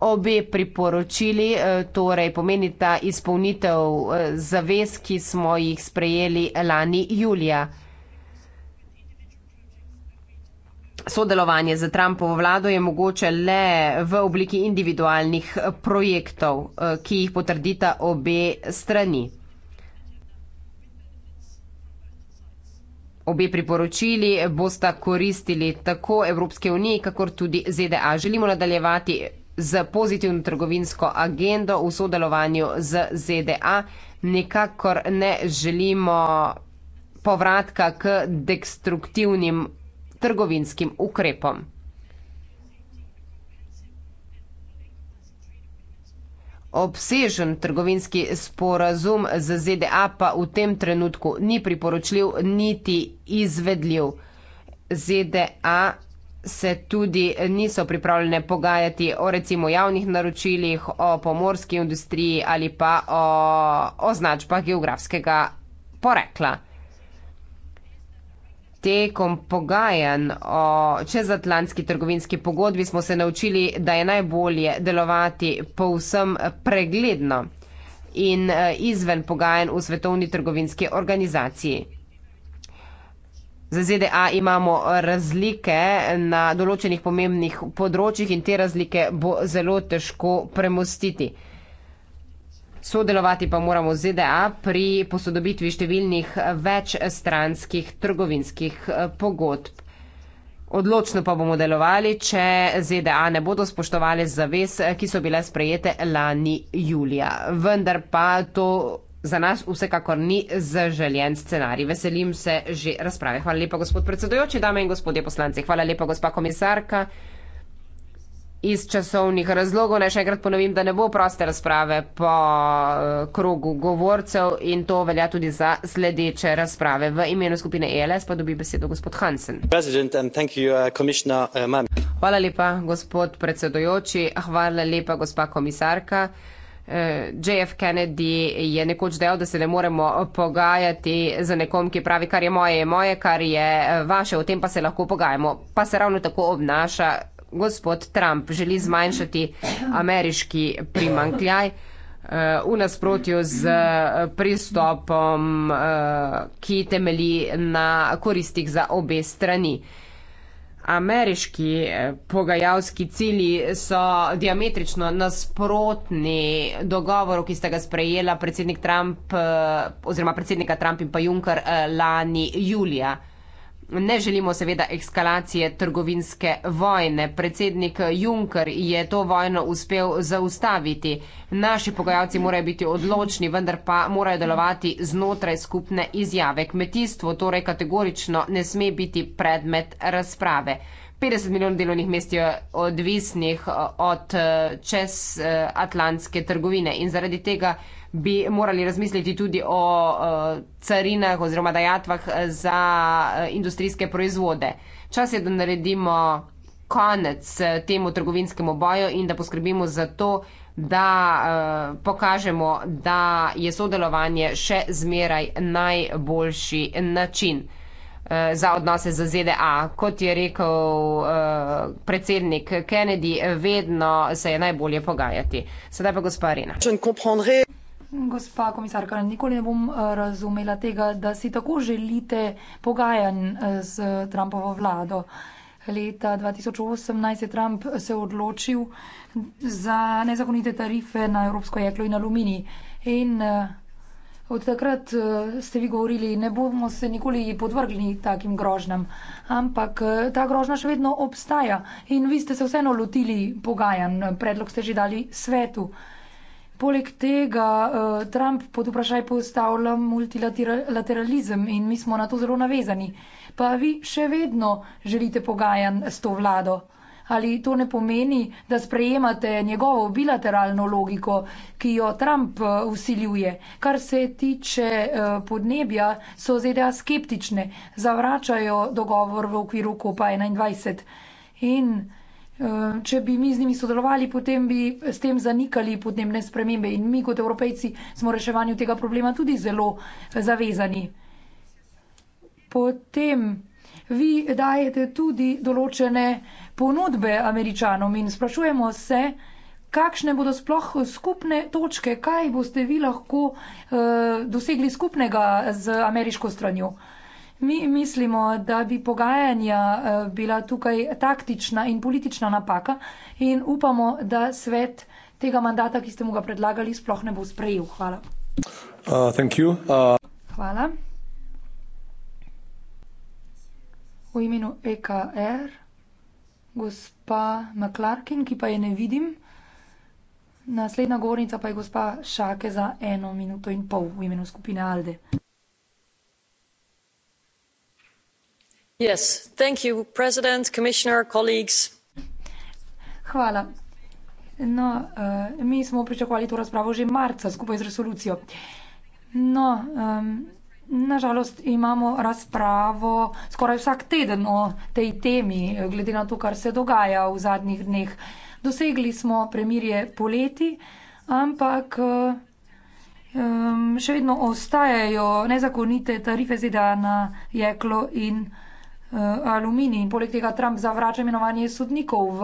obe priporočili, eh, torej pomenita izpolnitev eh, zavez, ki smo jih sprejeli lani julija. Sodelovanje z Trumpovo vlado je mogoče le v obliki individualnih projektov, eh, ki jih potrdita obe strani. Obe priporočili bosta koristili tako Evropske unije, kakor tudi ZDA. Želimo nadaljevati z pozitivno trgovinsko agendo v sodelovanju z ZDA. Nikakor ne želimo povratka k destruktivnim trgovinskim ukrepom. Obsežen trgovinski sporazum z ZDA pa v tem trenutku ni priporočljiv niti izvedljiv. ZDA se tudi niso pripravljene pogajati o recimo javnih naročilih, o pomorski industriji ali pa o označbah geografskega porekla. Tekom pogajanj o čezatlantski trgovinski pogodbi smo se naučili, da je najbolje delovati povsem pregledno in eh, izven pogajanj v svetovni trgovinski organizaciji. Za ZDA imamo razlike na določenih pomembnih področjih in te razlike bo zelo težko premostiti. Sodelovati pa moramo z ZDA pri posodobitvi številnih večstranskih trgovinskih eh, pogodb. Odločno pa bomo delovali, če ZDA ne bodo spoštovali zavez, eh, ki so bile sprejete lani julija. Vendar pa to za nas vsekakor ni zaželjen scenarij. Veselim se že razprave. Hvala lepa, gospod predsedojoči, dame in gospodje poslanci. Hvala lepa, gospa komisarka. Iz časovnih razlogov naj še enkrat ponovim, da ne bo proste razprave po eh, krogu govorcev in to velja tudi za sledeče razprave. V imenu skupine ELS pa dobi besedo gospod Hansen. Uh, uh, Hvala lepa, gospod predsedojoči. Hvala lepa, gospa komisarka. Eh, JF Kennedy je nekoč dejal, da se ne moremo pogajati za nekom, ki pravi, kar je moje, je moje, kar je eh, vaše, o tem pa se lahko pogajamo. Pa se ravno tako obnaša gospod Trump, želi zmanjšati ameriški primankljaj eh, v nasprotju z pristopom, ki temeli na koristih za obe strani. Ameriški eh, pogajalski cilji so diametrično nasprotni dogovoru, ki sta ga sprejela predsednik Trump eh, oziroma predsednika Trump in pa Juncker eh, lani julija ne želimo seveda eskalacije trgovinske vojne. Predsednik Juncker je to vojno uspel zaustaviti. Naši pogajalci morajo biti odločni, vendar pa morajo delovati znotraj skupne izjave. Kmetijstvo torej kategorično ne sme biti predmet razprave. 50 milijonov delovnih mest je odvisnih eh, od eh, čez eh, Atlantske trgovine in zaradi tega bi morali razmisliti tudi o uh, carinah oziroma dajatvah za uh, industrijske proizvode. Čas je, da naredimo konec e, temu trgovinskemu boju in da poskrbimo za to, da uh, pokažemo, da je sodelovanje še zmeraj najboljši način za odnose z ZDA. Kot je rekel uh, predsednik Kennedy, vedno se je najbolje pogajati. Sedaj pa gospa Arena. Gospa komisarka, nikoli ne bom eh, razumela tega, da si tako želite pogajanj eh, z Trumpovo vlado. Leta 2018 je Trump se odločil za nezakonite tarife na evropsko jeklo in aluminij. In eh, od takrat ste vi govorili, ne bomo se nikoli podvrgli takim grožnjam. Ampak ta grožna še vedno obstaja in vi ste se vseeno lotili pogajanj. Predlog ste že dali svetu. Poleg tega uh, Trump pod vprašaj postavlja multilateralizem in mi smo na to zelo navezani. Pa vi še vedno želite pogajanj s to vlado. Ali to ne pomeni, da sprejemate njegovo bilateralno logiko, ki jo Trump usiljuje? Eh, Kar se tiče eh, podnebja, so ZDA skeptične, zavračajo dogovor v okviru COP21. In Eh, če bi mi z njimi sodelovali, potem bi s tem zanikali podnebne spremembe in mi kot evropejci smo reševanju tega problema tudi zelo eh, zavezani. Potem vi dajete tudi določene ponudbe američanom in sprašujemo se, kakšne bodo sploh skupne točke, kaj boste vi lahko uh, dosegli skupnega z ameriško stranjo. Uh, Mi mislimo, da bi pogajanja eh, bila tukaj taktična in politična napaka in upamo, da svet tega mandata, ki ste mu ga predlagali, sploh ne bo sprejel. Hvala. Uh, uh... Hvala. V imenu EKR, gospa McClarkin, ki pa je ne vidim. Naslednja govornica pa je gospa Šake za eno minuto in pol v imenu skupine Alde. Hvala. No, eh, mi smo pričakovali to razpravo že marca skupaj z resolucijo. No, na žalost imamo razpravo skoraj vsak teden o tej temi, glede na to, kar se dogaja v zadnjih dneh. Dosegli smo premirje poleti, ampak eh, še vedno ostajajo nezakonite tarife ZDA na jeklo in Eh, aluminij in poleg tega Trump zavrača imenovanje sodnikov v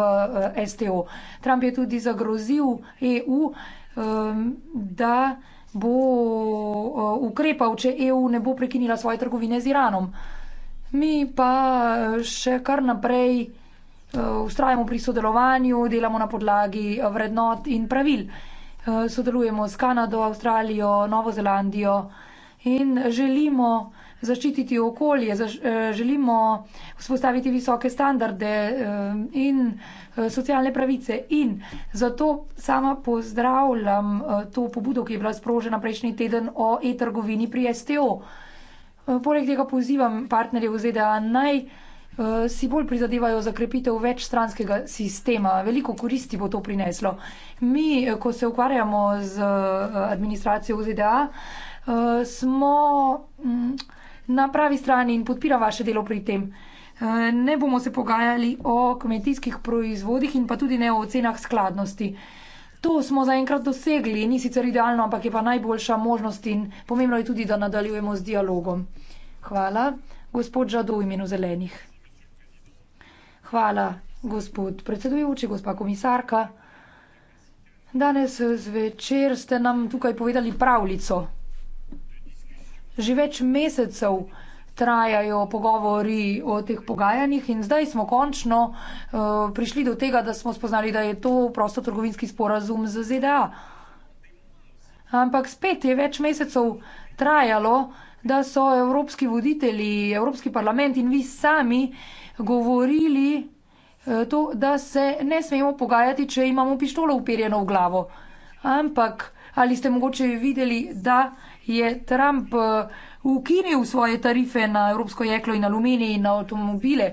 eh, STO. Trump je tudi zagrozil EU, ehm, da bo eh, ukrepal, če EU ne bo prekinila svoje trgovine z Iranom. Mi pa še kar naprej ustrajamo pri sodelovanju, delamo na podlagi vrednot in pravil. Sodelujemo s Kanado, Avstralijo, Novo Zelandijo in želimo, zaščititi okolje, zaš, eh, želimo vzpostaviti visoke standarde eh, in eh, socialne pravice. In zato sama pozdravljam to pobudo, ki je bila sprožena prejšnji teden o e-trgovini pri STO. Poleg tega pozivam partnerje v ZDA naj si bolj prizadevajo za krepitev večstranskega sistema. Veliko koristi bo to prineslo. Mi, ko se ukvarjamo z administracijo v ZDA, smo. Mm, na pravi strani in podpira vaše delo pri tem. Eh, ne bomo se pogajali o kmetijskih proizvodih in pa tudi ne o cenah skladnosti. To smo zaenkrat dosegli, ni sicer idealno, ampak je pa najboljša možnost in pomembno je tudi, da nadaljujemo z dialogom. Hvala, gospod Žado v imenu zelenih. Hvala, gospod predsedujoči, gospa komisarka. Danes zvečer ste nam tukaj povedali pravljico. Že več mesecev trajajo pogovori o teh pogajanjih in zdaj smo končno uh, prišli do tega, da smo spoznali, da je to prostotrgovinski sporazum z ZDA. Ampak spet je več mesecev trajalo, da so evropski voditelji, evropski parlament in vi sami govorili, uh, to, da se ne smemo pogajati, če imamo pištolo uperjeno v glavo. Ampak ali ste mogoče videli, da je Trump eh, ukinil svoje tarife na evropsko jeklo in aluminij in na avtomobile?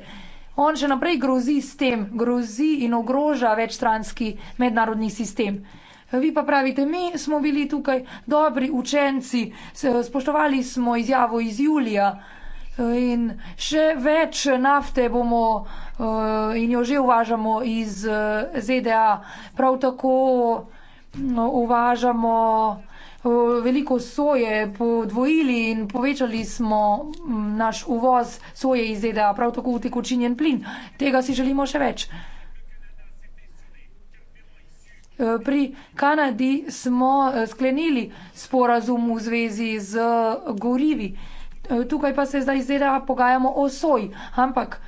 On še naprej grozi s tem, grozi in ogroža večstranski mednarodni sistem. Vi pa pravite, mi smo bili tukaj dobri učenci, spoštovali smo izjavo iz Julija eh, in še več nafte bomo eh, in jo že uvažamo iz ZDA. Prav tako uvažamo eh, veliko soje, podvojili in povečali smo mm, naš uvoz soje iz ZDA, prav tako utekočinjen plin. Tega si želimo še več. Eh, pri Kanadi smo eh, sklenili sporazum v zvezi z gorivi. Tukaj pa se zdaj zdaj pogajamo o soji, ampak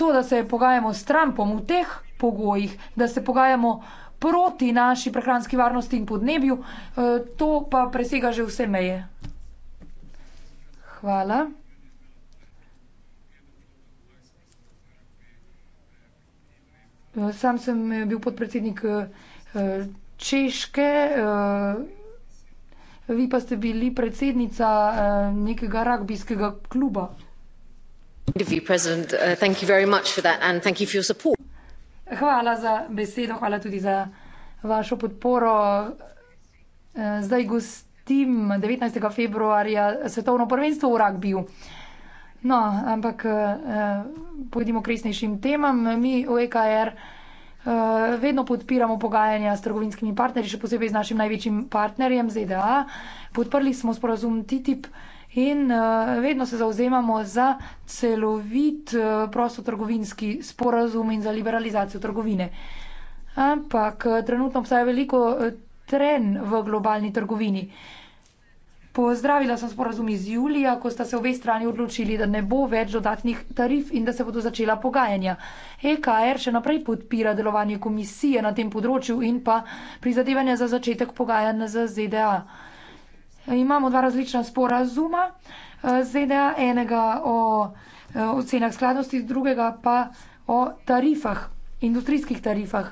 to, da se pogajamo s Trumpom v teh pogojih, da se pogajamo proti naši prehranski varnosti in podnebju, e, to pa presega že vse meje. Hvala. E, sam sem bil podpredsednik e, Češke, vi pa ste bili predsednica nekega ragbijskega kluba. Uh, thank you very much for that and thank you for your support. Hvala za besedo, hvala tudi za vašo podporo. Eh, zdaj gostim devetnajstega februarja svetovno prvenstvo v ragbiju. No, ampak, eh, pojdimo k resnejšim temam. Mi v EKR, eh, vedno podpiramo pogajanja s trgovinskimi partnerji, še posebej z našim največjim partnerjem ZDA. Podprli smo sporazum TTIP, in uh, vedno se zauzemamo za celovit uh, prostotrgovinski sporazum in za liberalizacijo trgovine. Ampak uh, trenutno obstaja veliko uh, tren v globalni trgovini. Pozdravila sem sporazum iz julija, ko sta se obe strani odločili, da ne bo več dodatnih tarif in da se bodo začela pogajanja. EKR er še naprej podpira delovanje komisije na tem področju in pa prizadevanja za začetek pogajanja z ZDA. Imamo dva različna sporazuma eh, ZDA, enega o eh, ocenah skladnosti, drugega pa o tarifah, industrijskih tarifah.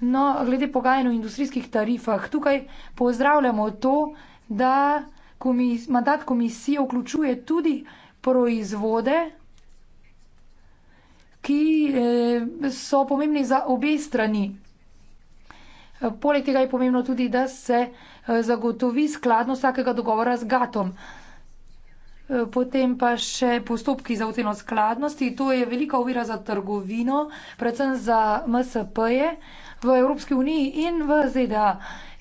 No, glede pogajanj o industrijskih tarifah, tukaj pozdravljamo to, da komis, mandat komisije vključuje tudi proizvode, ki eh, so pomembni za obe strani. Eh, poleg tega je pomembno tudi, da se eh, Eh, zagotovi skladno vsakega dogovora z GATOM. Eh, potem pa še postopki za oceno skladnosti. To je velika ovira za trgovino, predvsem za MSP-je v Evropski uniji in v ZDA.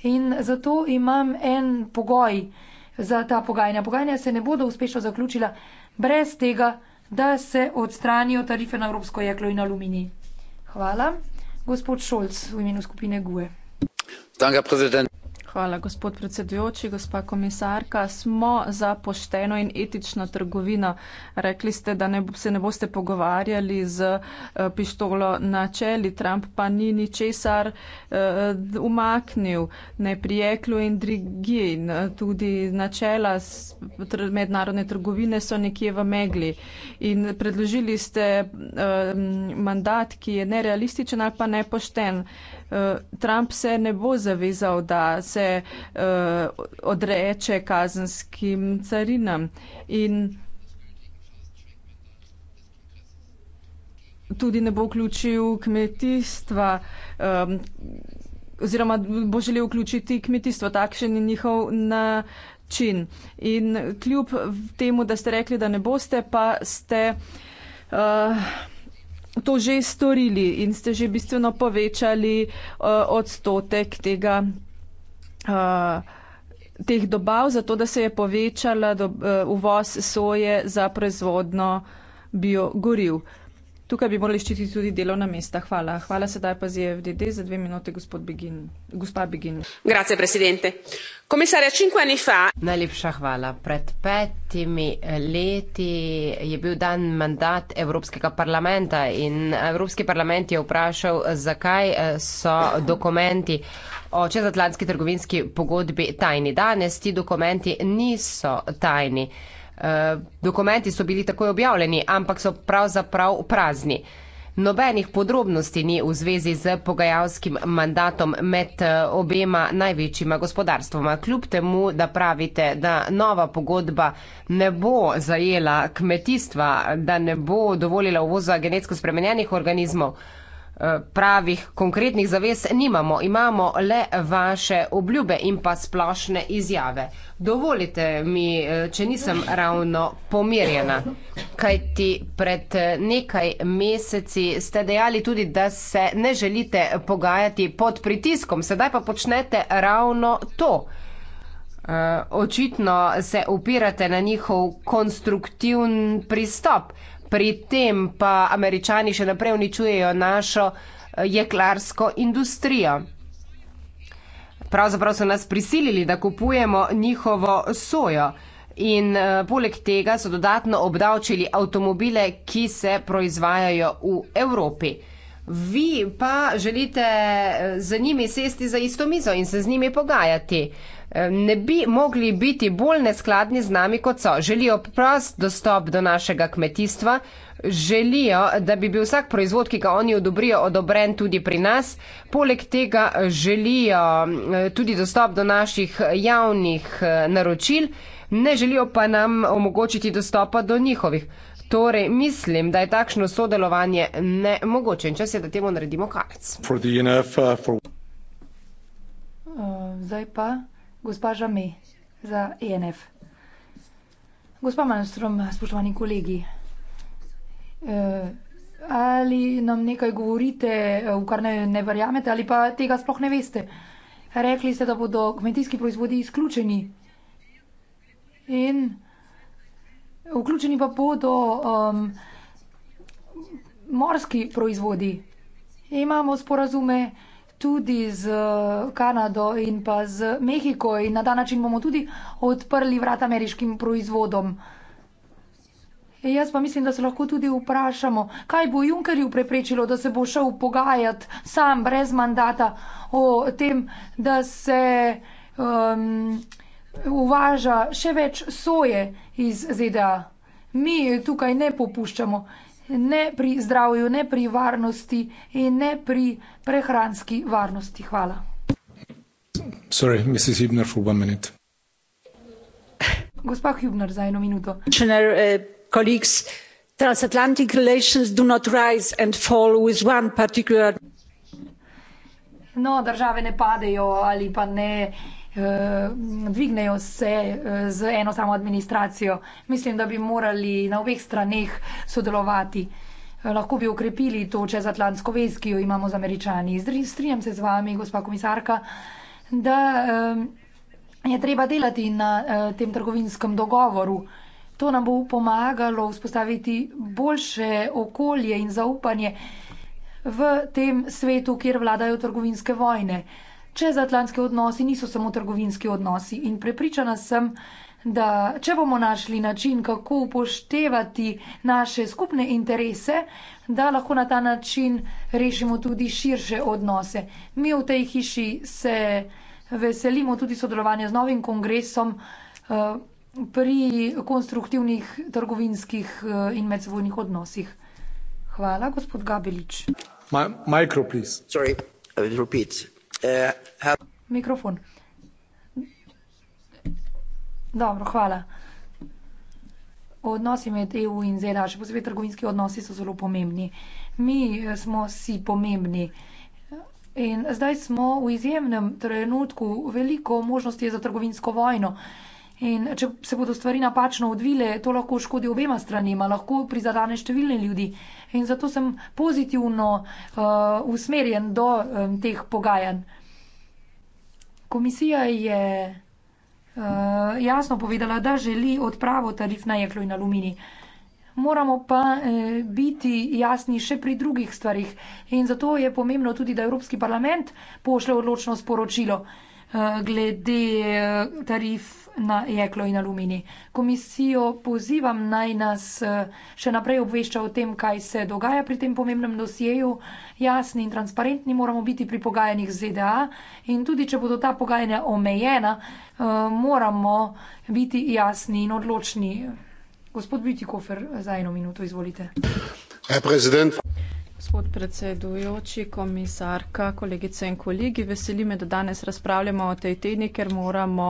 In zato imam en pogoj za ta pogajanja. Pogajanja se ne bodo uspešno zaključila brez tega, da se odstranijo tarife na evropsko jeklo in aluminij. Hvala. Gospod Šolc v imenu skupine GUE. Danke, Hvala, gospod predsedujoči, gospa komisarka. Smo za pošteno in etično trgovino. Rekli ste, da ne, se ne boste pogovarjali z eh, pištolo na čeli. Trump pa ni ničesar eh, umaknil, ne prijeklu in drigi. Tudi načela mednarodne trgovine so nekje v megli. In predložili ste eh, mandat, ki je nerealističen ali pa nepošten. Eh, Eh, Trump se ne bo zavezal, da se eh, odreče kazenskim carinam. In tudi ne bo vključil kmetijstva, um, oziroma bo želel vključiti kmetijstvo, takšen je njihov način. In kljub temu, da ste rekli, da ne boste, pa ste uh, to že storili in ste že bistveno povečali uh, odstotek tega, uh, teh dobav, zato da se je povečala do, uh, uvoz soje za proizvodno biogoriv. Uh, Tukaj bi morali ščititi tudi delovna mesta. Hvala. Hvala sedaj pa za FDD za dve minute, gospod Begin. Grazie, predsedente. Komisarja, cinque anni fa. Najlepša hvala. Pred petimi leti je bil dan mandat Evropskega parlamenta in Evropski parlament je vprašal, zakaj eh, so dokumenti o čezatlantski trgovinski pogodbi tajni. Danes ti dokumenti niso tajni. Eh, dokumenti so bili takoj objavljeni, ampak so pravzaprav prazni. Nobenih podrobnosti ni v zvezi z pogajalskim mandatom med eh, obema največjima gospodarstvoma. Kljub temu, da pravite, da nova pogodba ne bo zajela kmetijstva, da ne bo dovolila uvoza genetsko spremenjenih organizmov, pravih, konkretnih zavez nimamo, imamo le vaše obljube in pa splošne izjave. Dovolite mi, eh, če nisem ravno pomirjena, kaj ti pred eh, nekaj meseci ste dejali tudi, da se ne želite pogajati pod pritiskom, sedaj pa počnete ravno to. Eh, očitno se upirate na njihov konstruktivn pristop pri tem pa američani še naprej uničujejo našo eh, jeklarsko industrijo. Pravzaprav so nas prisilili, da kupujemo njihovo sojo in eh, poleg tega so dodatno obdavčili avtomobile, ki se proizvajajo v Evropi. Vi pa želite eh, z njimi sesti za isto mizo in se z njimi pogajati. Uh, ne bi mogli biti bolj neskladni z nami, kot so. Želijo prost dostop do našega kmetijstva, želijo, da bi bil vsak proizvod, ki ga oni odobrijo, odobren tudi pri nas. Poleg tega želijo tudi dostop do naših javnih naročil, ne želijo pa nam omogočiti dostopa do njihovih. Torej, mislim, da je takšno sodelovanje ne mogoče in čas je, da temu naredimo konec. Uh, zdaj pa gospa Žame za ENF. Gospa Malmstrom, spoštovani kolegi, eh, ali nam nekaj govorite, eh, v kar ne, ne verjamete ali pa tega sploh ne veste? Rekli ste, da bodo kmetijski proizvodi izključeni in vključeni pa bodo um, morski proizvodi. Imamo sporazume, tudi z Kanado in pa z Mehiko in na ta način bomo tudi odprli vrat ameriškim proizvodom. Jaz pa mislim, da se lahko tudi vprašamo, kaj bo Junkerju preprečilo, da se bo šel pogajati sam brez mandata o tem, da se um, uvaža še več soje iz ZDA. Mi tukaj ne popuščamo ne pri zdravju, ne pri varnosti in ne pri prehranski varnosti. Hvala. Sorry, Mrs. Hibner, for one minute. Gospa Hibner, za eno minuto. Eh, transatlantic relations do not rise and fall with one particular. No, države ne padejo ali pa ne. Eh, dvignejo se eh, z eno samo administracijo. Mislim, da bi morali na obeh straneh sodelovati. Eh, lahko bi okrepili to čezatlantsko vez, ki jo imamo z američani. Strinjam se z vami, gospa komisarka, da je treba delati na tem trgovinskem dogovoru. To nam bo pomagalo vzpostaviti boljše okolje in zaupanje v tem svetu, kjer vladajo trgovinske vojne čezatlantske odnosi niso samo trgovinski odnosi in prepričana sem, da če bomo našli način, kako upoštevati naše skupne interese, da lahko na ta način rešimo tudi širše odnose. Mi v tej hiši se veselimo tudi sodelovanja z novim kongresom eh, pri konstruktivnih trgovinskih eh, in medsebojnih odnosih. Hvala, gospod Gabelič. Mikro, prosim. Eh, ha... Mikrofon. Dobro, hvala. Odnosi med EU in ZDA, še posebej trgovinski odnosi, so zelo pomembni. Mi eh, smo si pomembni. In zdaj smo v izjemnem trenutku, veliko možnosti je za trgovinsko vojno. In če se bodo stvari napačno odvile, to lahko škodi obema stranima, lahko prizadane številne ljudi in zato sem pozitivno uh, usmerjen do um, teh pogajanj. Komisija je uh, jasno povedala, da želi odpravo tarif na jeklo in alumini. Moramo pa eh, biti jasni še pri drugih stvarih in zato je pomembno tudi, da Evropski parlament pošle odločno sporočilo eh, glede eh, tarif na jeklo in alumini. Komisijo pozivam naj nas eh, še naprej obvešča o tem, kaj se dogaja pri tem pomembnem dosjeju. Jasni in transparentni moramo biti pri pogajanjih ZDA in tudi, če bodo ta pogajanja omejena, eh, moramo biti jasni in odločni. Gospod Bütikofer, za eno minuto izvolite. Gospod predsedujoči, komisarka, kolegice in kolegi, veseli me, da danes razpravljamo o tej temi, ker moramo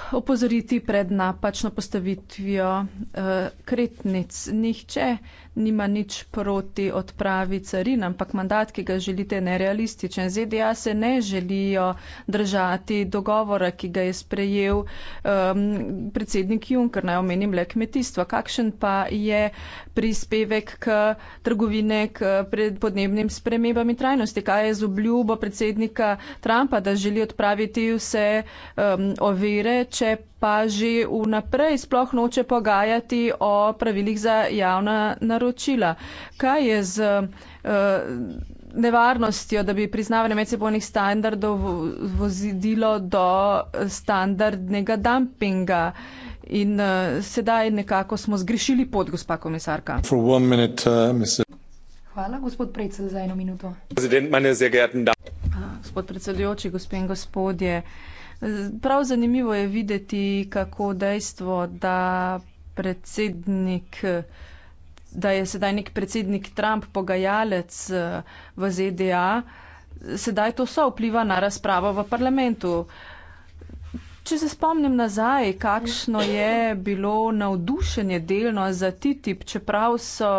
opozoriti pred napačno postavitvijo uh, kretnic. Nihče nima nič proti odpravi carin, ampak mandat, ki ga želite, je nerealističen. ZDA se ne želijo držati dogovora, ki ga je sprejel um, predsednik Juncker, naj omenim le kmetijstvo. Kakšen pa je prispevek k trgovine, k podnebnim spremembam in trajnosti? Kaj je z obljubo predsednika Trumpa, da želi odpraviti vse um, ovire? če pa že vnaprej sploh noče pogajati o pravilih za javna naročila. Kaj je z eh, nevarnostjo, da bi priznavanje medsebojnih standardov vozilo do standardnega dumpinga? In uh, sedaj nekako smo zgrešili pot, gospa komisarka. Minute, uh, Hvala, gospod predsed, za eno minuto. Gospod predsedujoči, gospe in gospodje. Uh, Prav zanimivo je videti, kako dejstvo, da predsednik. Da je sedaj nek predsednik Trump pogajalec v ZDA, sedaj to vse vpliva na razpravo v parlamentu. Če se spomnim nazaj, kakšno je bilo navdušenje delno za TTIP, čeprav so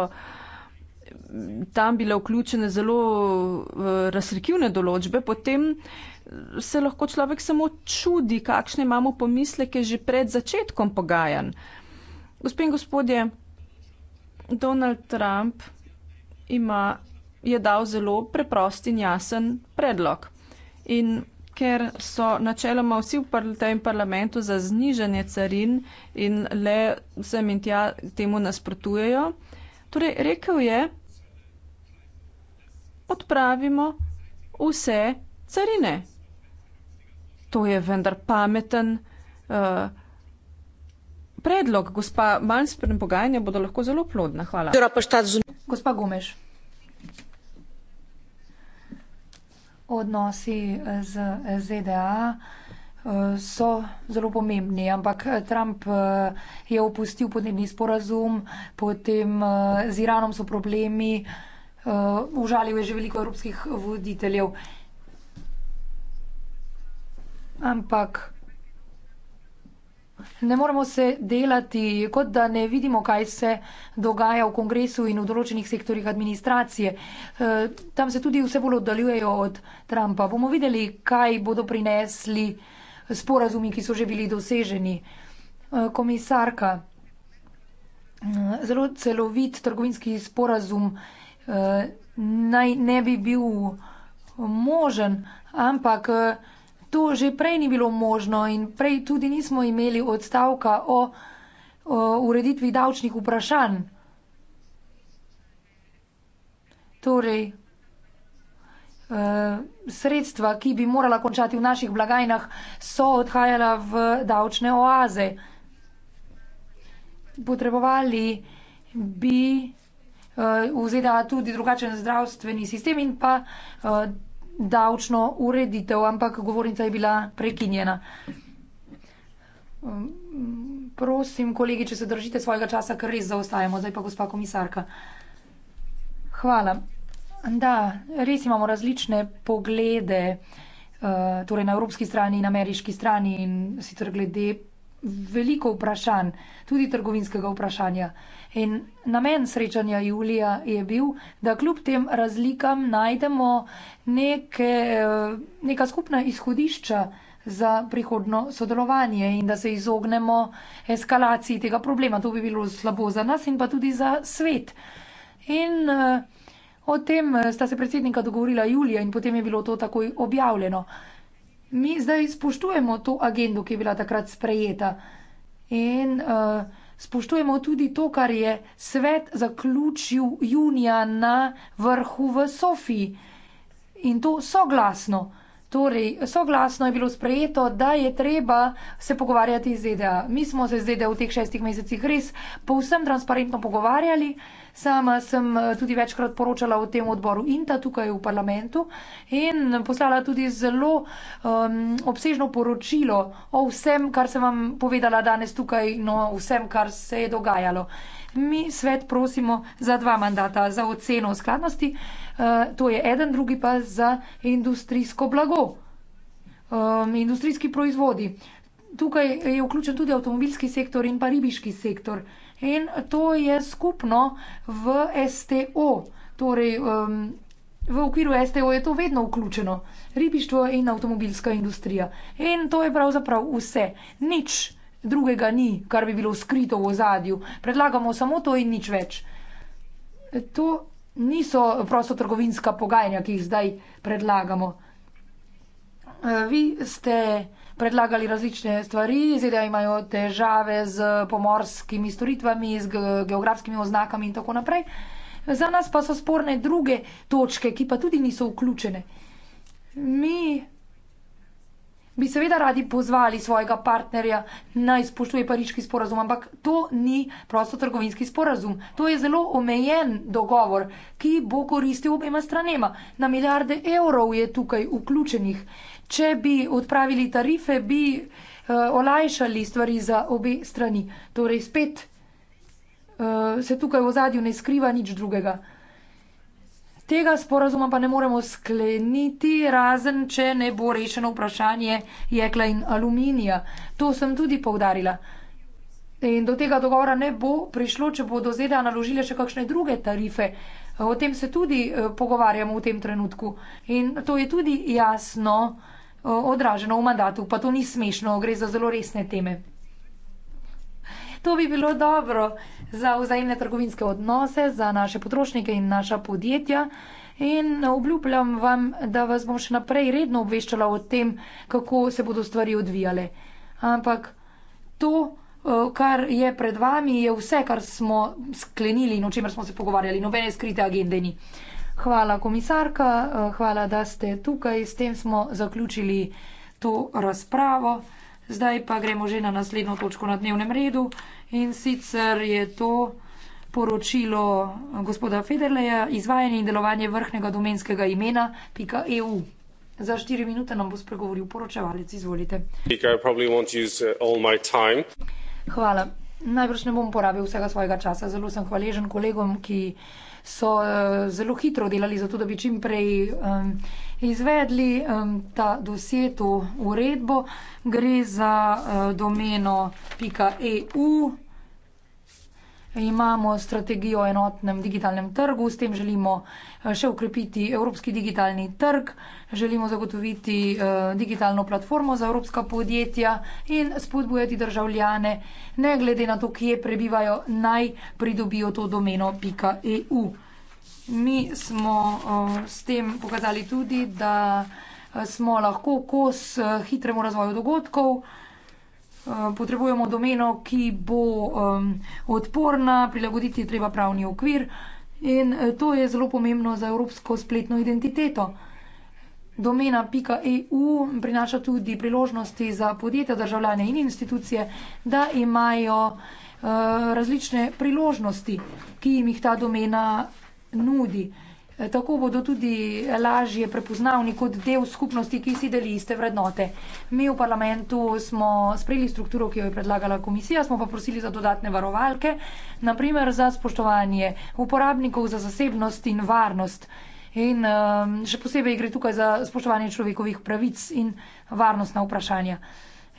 tam bile vključene zelo razrekivne eh, določbe, potem uh, se lahko človek samo čudi, kakšne imamo pomisleke že pred začetkom pogajanj. Gospod in gospodje, Donald Trump ima, je dal zelo preprost in jasen predlog. In ker so načeloma vsi v tem parlamentu za znižanje carin in le sem in tja temu nasprotujejo, torej rekel je, odpravimo vse carine to je vendar pameten uh, predlog. Gospa Malmström, pogajanja bodo lahko zelo plodna. Hvala. Gospa Gomeš. Odnosi z ZDA eh, so zelo pomembni, ampak Trump eh, je opustil podnebni sporazum, potem z Iranom so problemi, užalil je že veliko evropskih voditeljev ampak ne moramo se delati, kot da ne vidimo, kaj se dogaja v kongresu in v določenih sektorjih administracije. E, tam se tudi vse bolj oddaljujejo od Trumpa. Bomo videli, kaj bodo prinesli sporazumi, ki so že bili doseženi. E, komisarka, zelo celovit trgovinski sporazum e, naj ne bi bil možen, ampak to že prej ni bilo možno in prej tudi nismo imeli odstavka o, o ureditvi davčnih vprašanj. Torej, eh, sredstva, ki bi morala končati v naših blagajnah, so odhajala v davčne oaze. Potrebovali bi uh, eh, vzeti tudi drugačen zdravstveni sistem in pa uh, davčno ureditev, ampak govornica je bila prekinjena. Um, prosim, kolegi, če se držite svojega časa, ker res zaostajamo. Zdaj pa gospa komisarka. Hvala. Da, res imamo različne poglede, uh, torej na evropski strani in ameriški strani in sicer glede veliko vprašanj, tudi trgovinskega vprašanja. In namen srečanja Julija je bil, da kljub tem razlikam najdemo neke, eh, neka skupna izhodišča za prihodno sodelovanje in da se izognemo eskalaciji tega problema. To bi bilo slabo za nas in pa tudi za svet. In eh, o tem eh, sta se predsednika dogovorila Julija in potem je bilo to takoj objavljeno. Mi zdaj spoštujemo to agendo, ki je bila takrat sprejeta. In uh, spoštujemo tudi to, kar je svet zaključil junija na vrhu v Sofiji. In to soglasno. Torej, soglasno je bilo sprejeto, da je treba se pogovarjati z ZDA. Mi smo se z ZDA v teh šestih mesecih res povsem transparentno pogovarjali. Sama sem eh, tudi večkrat poročala o tem odboru INTA tukaj v parlamentu in poslala tudi zelo um, obsežno poročilo o vsem, kar sem vam povedala danes tukaj, no vsem, kar se je dogajalo. Mi svet prosimo za dva mandata, za oceno skladnosti, e, to je eden, drugi pa za industrijsko blago, e, industrijski proizvodi. Tukaj je vključen tudi avtomobilski sektor in pa ribiški sektor. In to je skupno v STO, torej um, v okviru STO je to vedno vključeno, ribištvo in avtomobilska industrija. In to je pravzaprav vse. Nič drugega ni, kar bi bilo skrito v ozadju. Predlagamo samo to in nič več. To niso prosto trgovinska pogajanja, ki jih zdaj predlagamo. Uh, vi ste predlagali različne stvari, zdaj imajo težave z pomorskimi storitvami, z geografskimi oznakami in tako naprej. Za nas pa so sporne druge točke, ki pa tudi niso vključene. Mi bi seveda radi pozvali svojega partnerja naj spoštuje pariški sporazum, ampak to ni prosto trgovinski sporazum. To je zelo omejen dogovor, ki bo koristil obema stranema. Na milijarde evrov je tukaj vključenih če bi odpravili tarife, bi uh, olajšali stvari za obe strani. Torej, spet uh, se tukaj v zadju ne skriva nič drugega. Tega sporazuma pa ne moremo skleniti, razen če ne bo rešeno vprašanje jekla in aluminija. To sem tudi povdarila. In do tega dogovora ne bo prišlo, če bodo ZDA naložile še kakšne druge tarife. O tem se tudi eh, pogovarjamo v tem trenutku. In to je tudi jasno odraženo v mandatu, pa to ni smešno, gre za zelo resne teme. To bi bilo dobro za vzajemne trgovinske odnose, za naše potrošnike in naša podjetja. In obljubljam vam, da vas bom še naprej redno obveščala o tem, kako se bodo stvari odvijale. Ampak to, kar je pred vami, je vse, kar smo sklenili in o čemer smo se pogovarjali. Nobene skrite agende ni. Hvala, komisarka, eh, hvala, da ste tukaj. S tem smo zaključili to razpravo. Zdaj pa gremo že na naslednjo točko na dnevnem redu in sicer je to poročilo gospoda Federleja izvajanje in delovanje vrhnega domenskega imena .eu. Za štiri minute nam bo spregovoril poročevalec, izvolite. Uh, hvala. Najbrž ne bom porabil vsega svojega časa, zelo sem hvaležen kolegom, ki so uh, zelo hitro delali, zato da bi čim prej um, izvedli um, ta dosje, to uredbo. Gre za uh, eh, domeno.eu. Imamo strategijo o enotnem digitalnem trgu, s tem želimo eh, še ukrepiti evropski digitalni trg, želimo zagotoviti eh, digitalno platformo za evropska podjetja in spodbujati državljane, ne glede na to, kje prebivajo, naj pridobijo to domeno.eu. Mi smo eh, s tem pokazali tudi, da smo lahko kos hitremu razvoju dogodkov. Eh, potrebujemo domeno, ki bo um, odporna, prilagoditi je treba pravni okvir in eh, to je zelo pomembno za evropsko spletno identiteto. Domena.eu prinaša tudi priložnosti za podjetja, državljane in institucije, da imajo uh, različne priložnosti, ki jim jih ta domena nudi. Eh, tako bodo tudi lažje prepoznavni kot del skupnosti, ki si deli iste vrednote. Mi v parlamentu smo sprejeli strukturo, ki jo je predlagala komisija, smo pa prosili za dodatne varovalke, naprimer za spoštovanje uporabnikov za zasebnost in varnost. In um, še posebej gre tukaj za spoštovanje človekovih pravic in varnostna vprašanja.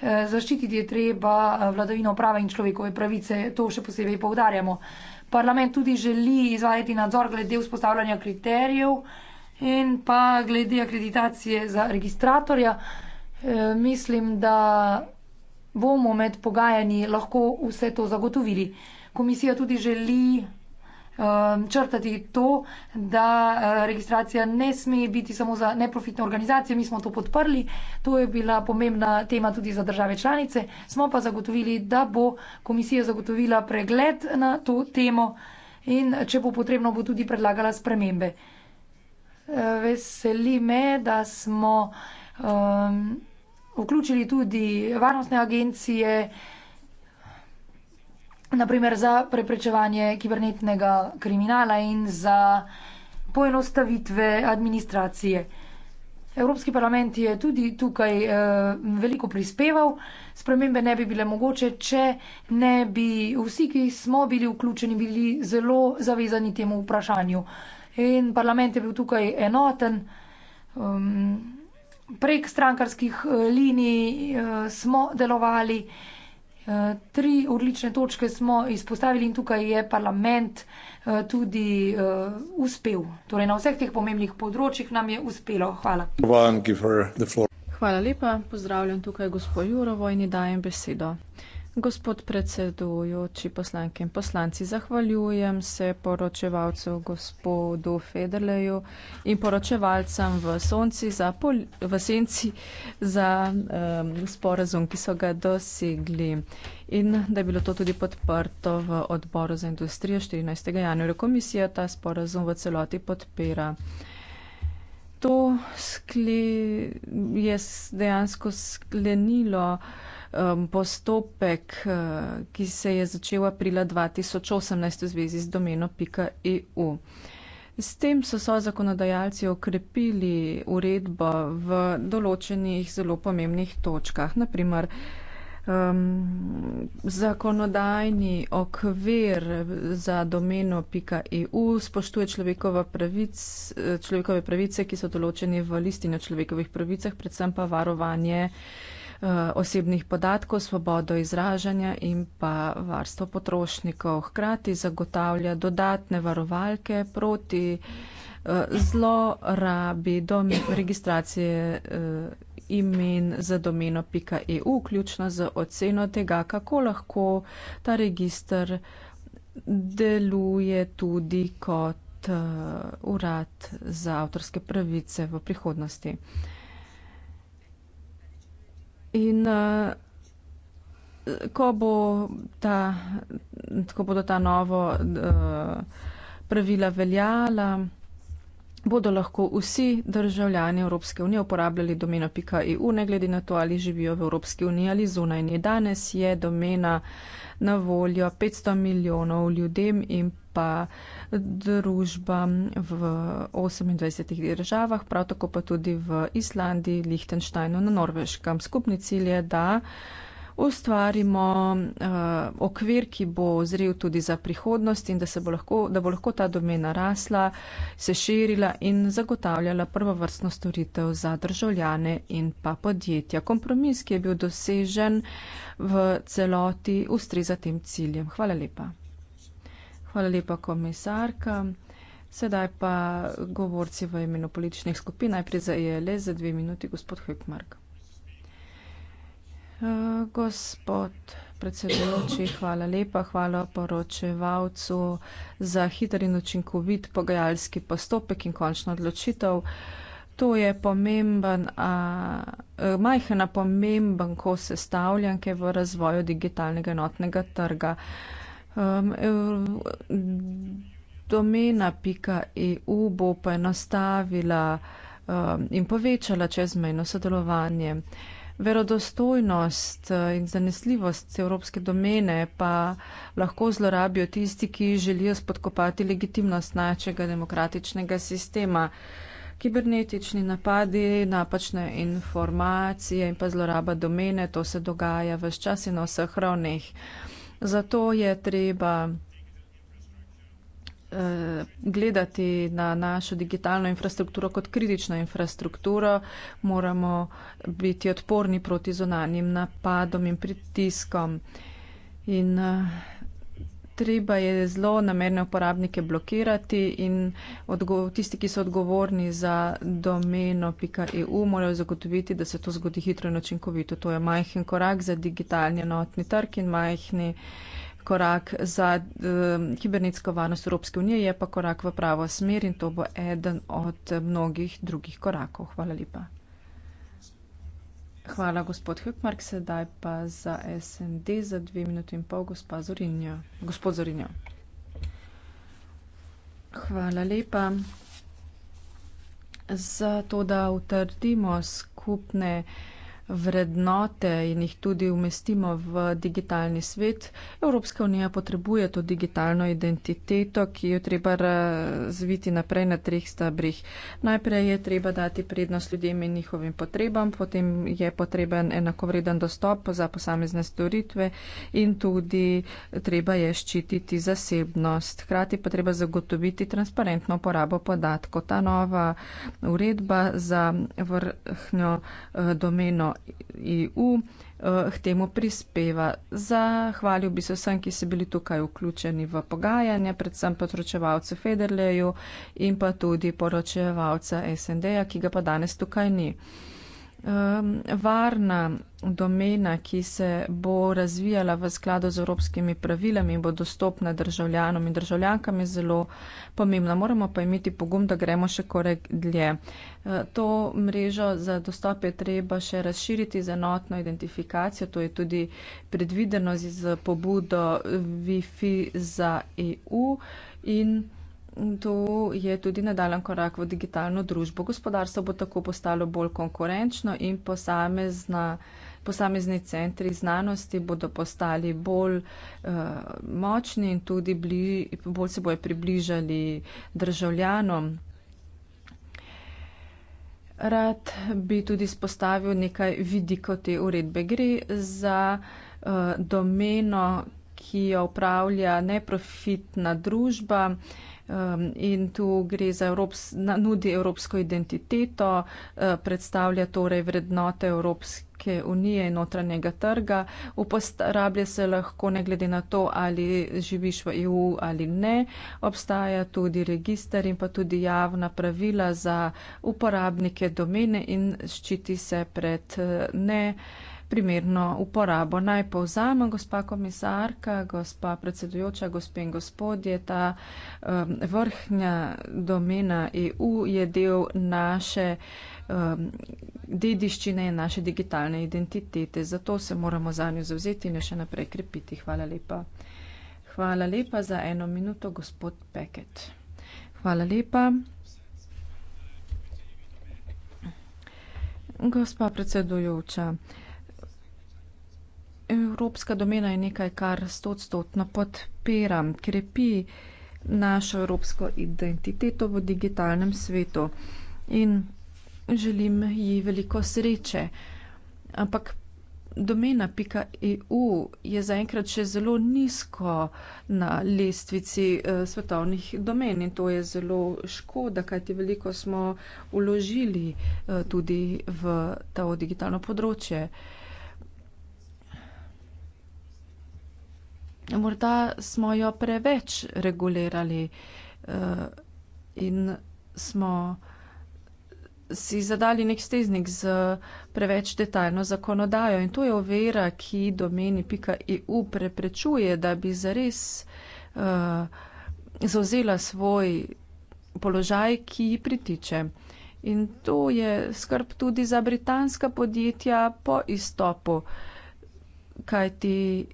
E, zaščititi je treba eh, vladavino prava in človekove pravice, to še posebej poudarjamo parlament tudi želi izvajati nadzor glede vzpostavljanja kriterijev in pa glede akreditacije za registratorja. E, mislim, da bomo med pogajanji lahko vse to zagotovili. Komisija tudi želi Um, črtati to, da uh, registracija ne sme biti samo za neprofitne organizacije. Mi smo to podprli, to je bila pomembna tema tudi za države članice. Smo pa zagotovili, da bo komisija zagotovila pregled na to temo in če bo potrebno, bo tudi predlagala spremembe. Uh, veseli me, da smo um, vključili tudi varnostne agencije, uh, naprimer za preprečevanje kibernetnega kriminala in za poenostavitve administracije. Evropski parlament je tudi tukaj eh, veliko prispeval. Spremembe ne bi bile mogoče, če ne bi vsi, ki smo bili vključeni, bili zelo zavezani temu vprašanju. In parlament je bil tukaj enoten. Um, prek strankarskih eh, linij eh, smo delovali. Eh, Eh, tri odlične točke smo izpostavili in tukaj je parlament eh, tudi eh, uspel. Torej na vseh teh pomembnih področjih nam je uspelo. Hvala. Hvala lepa. Pozdravljam tukaj gospod Jurovo in ji dajem besedo. Gospod predsedujoči, poslanke in poslanci, zahvaljujem se poročevalcu gospodu Federleju in poročevalcem v, za pol, v senci za um, sporazum, ki so ga dosegli in da je bilo to tudi podprto v odboru za industrijo 14. januarja. Komisija ta sporazum v celoti podpira. To skli, je dejansko sklenilo um, postopek, uh, ki se je začel aprila 2018 v zvezi z domeno.eu. S tem so, so zakonodajalci okrepili uredbo v določenih zelo pomembnih točkah. Naprimer, um, zakonodajni okvir za domeno.eu spoštuje pravic, človekove pravice, ki so določeni v listini o človekovih pravicah, predvsem pa varovanje Eh, osebnih podatkov, svobodo izražanja in pa varstvo potrošnikov. Hkrati zagotavlja dodatne varovalke proti eh, zlorabi do registracije eh, imen za domeno.eu, vključno z oceno tega, kako lahko ta registr deluje tudi kot urad za avtorske pravice v prihodnosti. In uh, ko, bo ta, ko bodo ta novo uh, pravila veljala, bodo lahko vsi državljani Evropske unije uporabljali domeno.eu, ne glede na to, ali živijo v Evropski uniji ali zunaj nje. Danes je domena na voljo 500 milijonov ljudem in pa družba v 28 državah, prav tako pa tudi v Islandiji, Lihtenštajnu na Norveškem. Skupni cilj je, da ustvarimo uh, okvir, ki bo zrel tudi za prihodnost in da, bo lahko, da bo lahko ta domena rasla, se širila in zagotavljala prvovrstno storitev za državljane in pa podjetja. Kompromis, ki je bil dosežen v celoti, ustreza tem ciljem. Hvala lepa. Hvala lepa, komisarka. Sedaj pa govorci v imenu političnih skupin, najprej za ELS, za dve minuti, gospod Hojkmark. Eh, gospod predsedujoči, hvala lepa, hvala poročevalcu za hiter in učinkovit pogajalski postopek in končno odločitev. To je pomemben, a, eh, majhena pomemben kos sestavljanke v razvoju digitalnega enotnega trga. Um, domena.eu bo poenostavila um, in povečala čezmejno sodelovanje. Verodostojnost uh, in zanesljivost evropske domene pa lahko zlorabijo tisti, ki želijo spodkopati legitimnost našega demokratičnega sistema. Kibernetični napadi, napačne informacije in pa zloraba domene, to se dogaja v čas in na vseh ravneh. Um, Zato je treba eh, gledati na našo digitalno infrastrukturo kot kritično infrastrukturo, moramo biti odporni proti zonanjim napadom in pritiskom. In eh, treba je zelo namerne uporabnike blokirati in tisti, ki so odgovorni za domeno.eu, morajo zagotoviti, da se to zgodi hitro in očinkovito. To je majhen korak za digitalni enotni trg in majhni korak za uh, kibernetsko varnost Evropske unije, je pa korak v pravo smer in to bo eden od mnogih drugih korakov. Hvala lepa. Hvala, gospod Hükmark. Sedaj pa za SND za dve minuti in pol, gospa Zorinja. Gospod Zorinja. Hvala lepa. Zato, da utrdimo skupne vrednote in jih tudi umestimo v digitalni svet. Evropska unija potrebuje to digitalno identiteto, ki jo treba razviti naprej na treh stabrih. Najprej je treba dati prednost ljudem in njihovim potrebam, potem je potreben enakovreden dostop za posamezne storitve in tudi treba je ščititi zasebnost. Hkrati pa treba zagotoviti transparentno porabo podatkov. Ta nova uredba za vrhnjo eh, domeno EU eh, k temu prispeva. Zahvalil bi se vsem, ki so bili tukaj vključeni v pogajanje, predvsem potročevalcu Federleju in pa tudi poročevalca SND-ja, ki ga pa danes tukaj ni. Um, varna domena, ki se bo razvijala v skladu z evropskimi pravilami in bo dostopna državljanom in državljankam je zelo pomembna. Moramo pa imeti pogum, da gremo še korek dlje. Uh, to mrežo za dostop je treba še razširiti z enotno identifikacijo. To je tudi predvideno z pobudo Wi-Fi za EU. In, uh, To je tudi nadaljen korak v digitalno družbo. Gospodarstvo bo tako postalo bolj konkurenčno in posamezna. Posamezni centri znanosti bodo postali bolj uh, močni in tudi bliž, bolj se bojo približali državljanom. Rad bi tudi spostavil nekaj vidikov te uredbe. Gre za uh, domeno, ki jo upravlja neprofitna družba. Uh, Um, in tu gre za Evrops, nudi evropsko identiteto, uh, predstavlja torej vrednote Evropske unije in notranjega trga. Uporablja se lahko ne glede na to, ali živiš v EU ali ne. Obstaja tudi registr in pa tudi javna pravila za uporabnike domene in ščiti se pred uh, ne primerno uporabo. Naj povzamem, gospa komisarka, gospa predsedujoča, gospe in gospodje, ta um, vrhnja domena EU je del naše um, dediščine in naše digitalne identitete. Zato se moramo za njo zavzeti in jo še naprej krepiti. Hvala lepa. Hvala lepa za eno minuto, gospod Peket. Hvala lepa. Gospa predsedujoča, evropska domena je nekaj, kar stotstotno podpiram, krepi našo evropsko identiteto v digitalnem svetu in želim ji veliko sreče. Ampak domena.eu je zaenkrat še zelo nizko na lestvici eh, svetovnih domen in to je zelo škoda, kajti veliko smo uložili eh, tudi v to digitalno področje. Eh, morda smo jo preveč regulirali uh, in smo si zadali nek steznik z preveč detaljno zakonodajo in to je ovira, ki domeni.eu preprečuje, da bi zares uh, eh, zauzela svoj položaj, ki ji pritiče. In to je skrb tudi za britanska podjetja po izstopu, kajti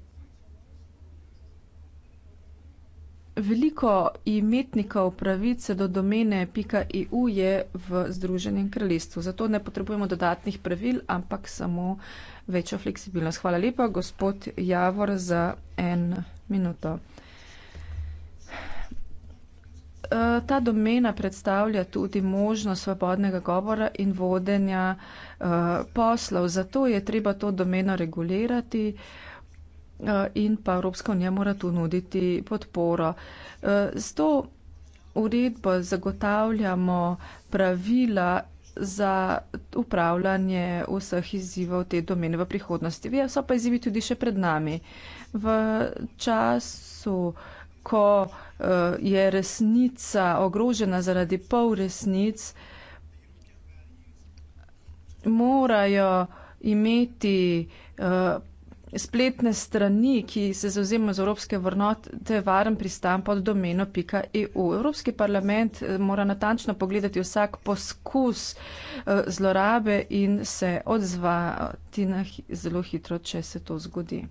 Veliko imetnikov pravice do domene.eu je v Združenem kraljestvu, zato ne potrebujemo dodatnih pravil, ampak samo večjo fleksibilnost. Hvala lepa, gospod Javor, za en minuto. E, ta domena predstavlja tudi možnost svobodnega govora in vodenja e, poslov, zato je treba to domeno regulirati. Eh, in pa Evropska unija mora tu nuditi podporo. Eh, s to uredbo zagotavljamo pravila za upravljanje vseh izzivov te domene v prihodnosti. So pa izzivi tudi še pred nami. V času, ko eh, je resnica ogrožena zaradi pol resnic, morajo imeti spletne strani, ki se zauzema za evropske vrnote, varen pristan pod domeno.eu. Evropski parlament eh, mora natančno pogledati vsak poskus eh, zlorabe in se odzvati na zelo hitro, če se to zgodi.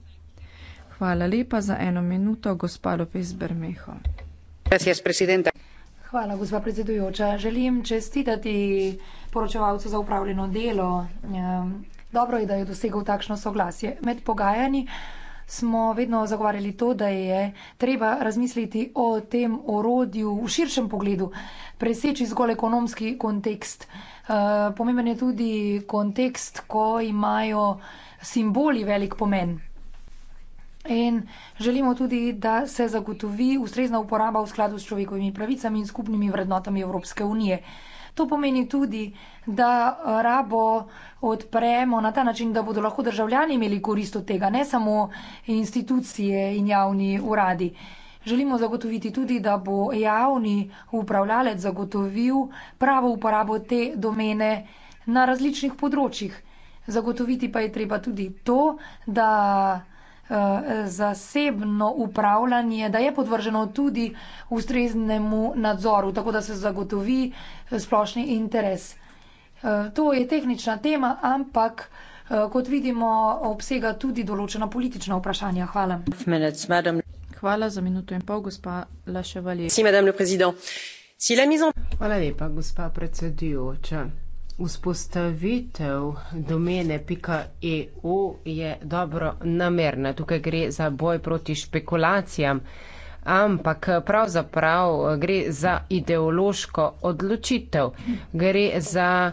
Hvala lepa za eno minuto, gospa Lopez Bermeho. Hvala, gospa predsedujoča. Želim čestitati poročevalcu za upravljeno delo. Eh, Dobro je, da je dosegel takšno soglasje. Med pogajanji smo vedno zagovarjali to, da je treba razmisliti o tem orodju v širšem pogledu, preseči zgolj ekonomski kontekst. Eh, pomemben je tudi kontekst, ko imajo simboli velik pomen. In želimo tudi, da se zagotovi ustrezna uporaba v skladu s človekovimi pravicami in skupnimi vrednotami Evropske unije. To pomeni tudi, da eh, rabo odpremo na ta način, da bodo lahko državljani imeli korist od tega, ne samo institucije in javni uradi. Želimo zagotoviti tudi, da bo javni upravljalec zagotovil pravo uporabo te domene na različnih področjih. Zagotoviti pa je treba tudi to, da Eh, zasebno upravljanje, da je podvrženo tudi ustreznemu nadzoru, tako da se zagotovi eh, splošni interes. Eh, to je tehnična tema, ampak kot vidimo, obsega tudi določena politična vprašanja. Hvala. Hvala za minuto in pol, gospa Laševalje. Hvala lepa, gospa predsedujoča. Vzpostavitev domene.eu je dobro namerna. Tukaj gre za boj proti špekulacijam, ampak pravzaprav gre za ideološko odločitev. Gre za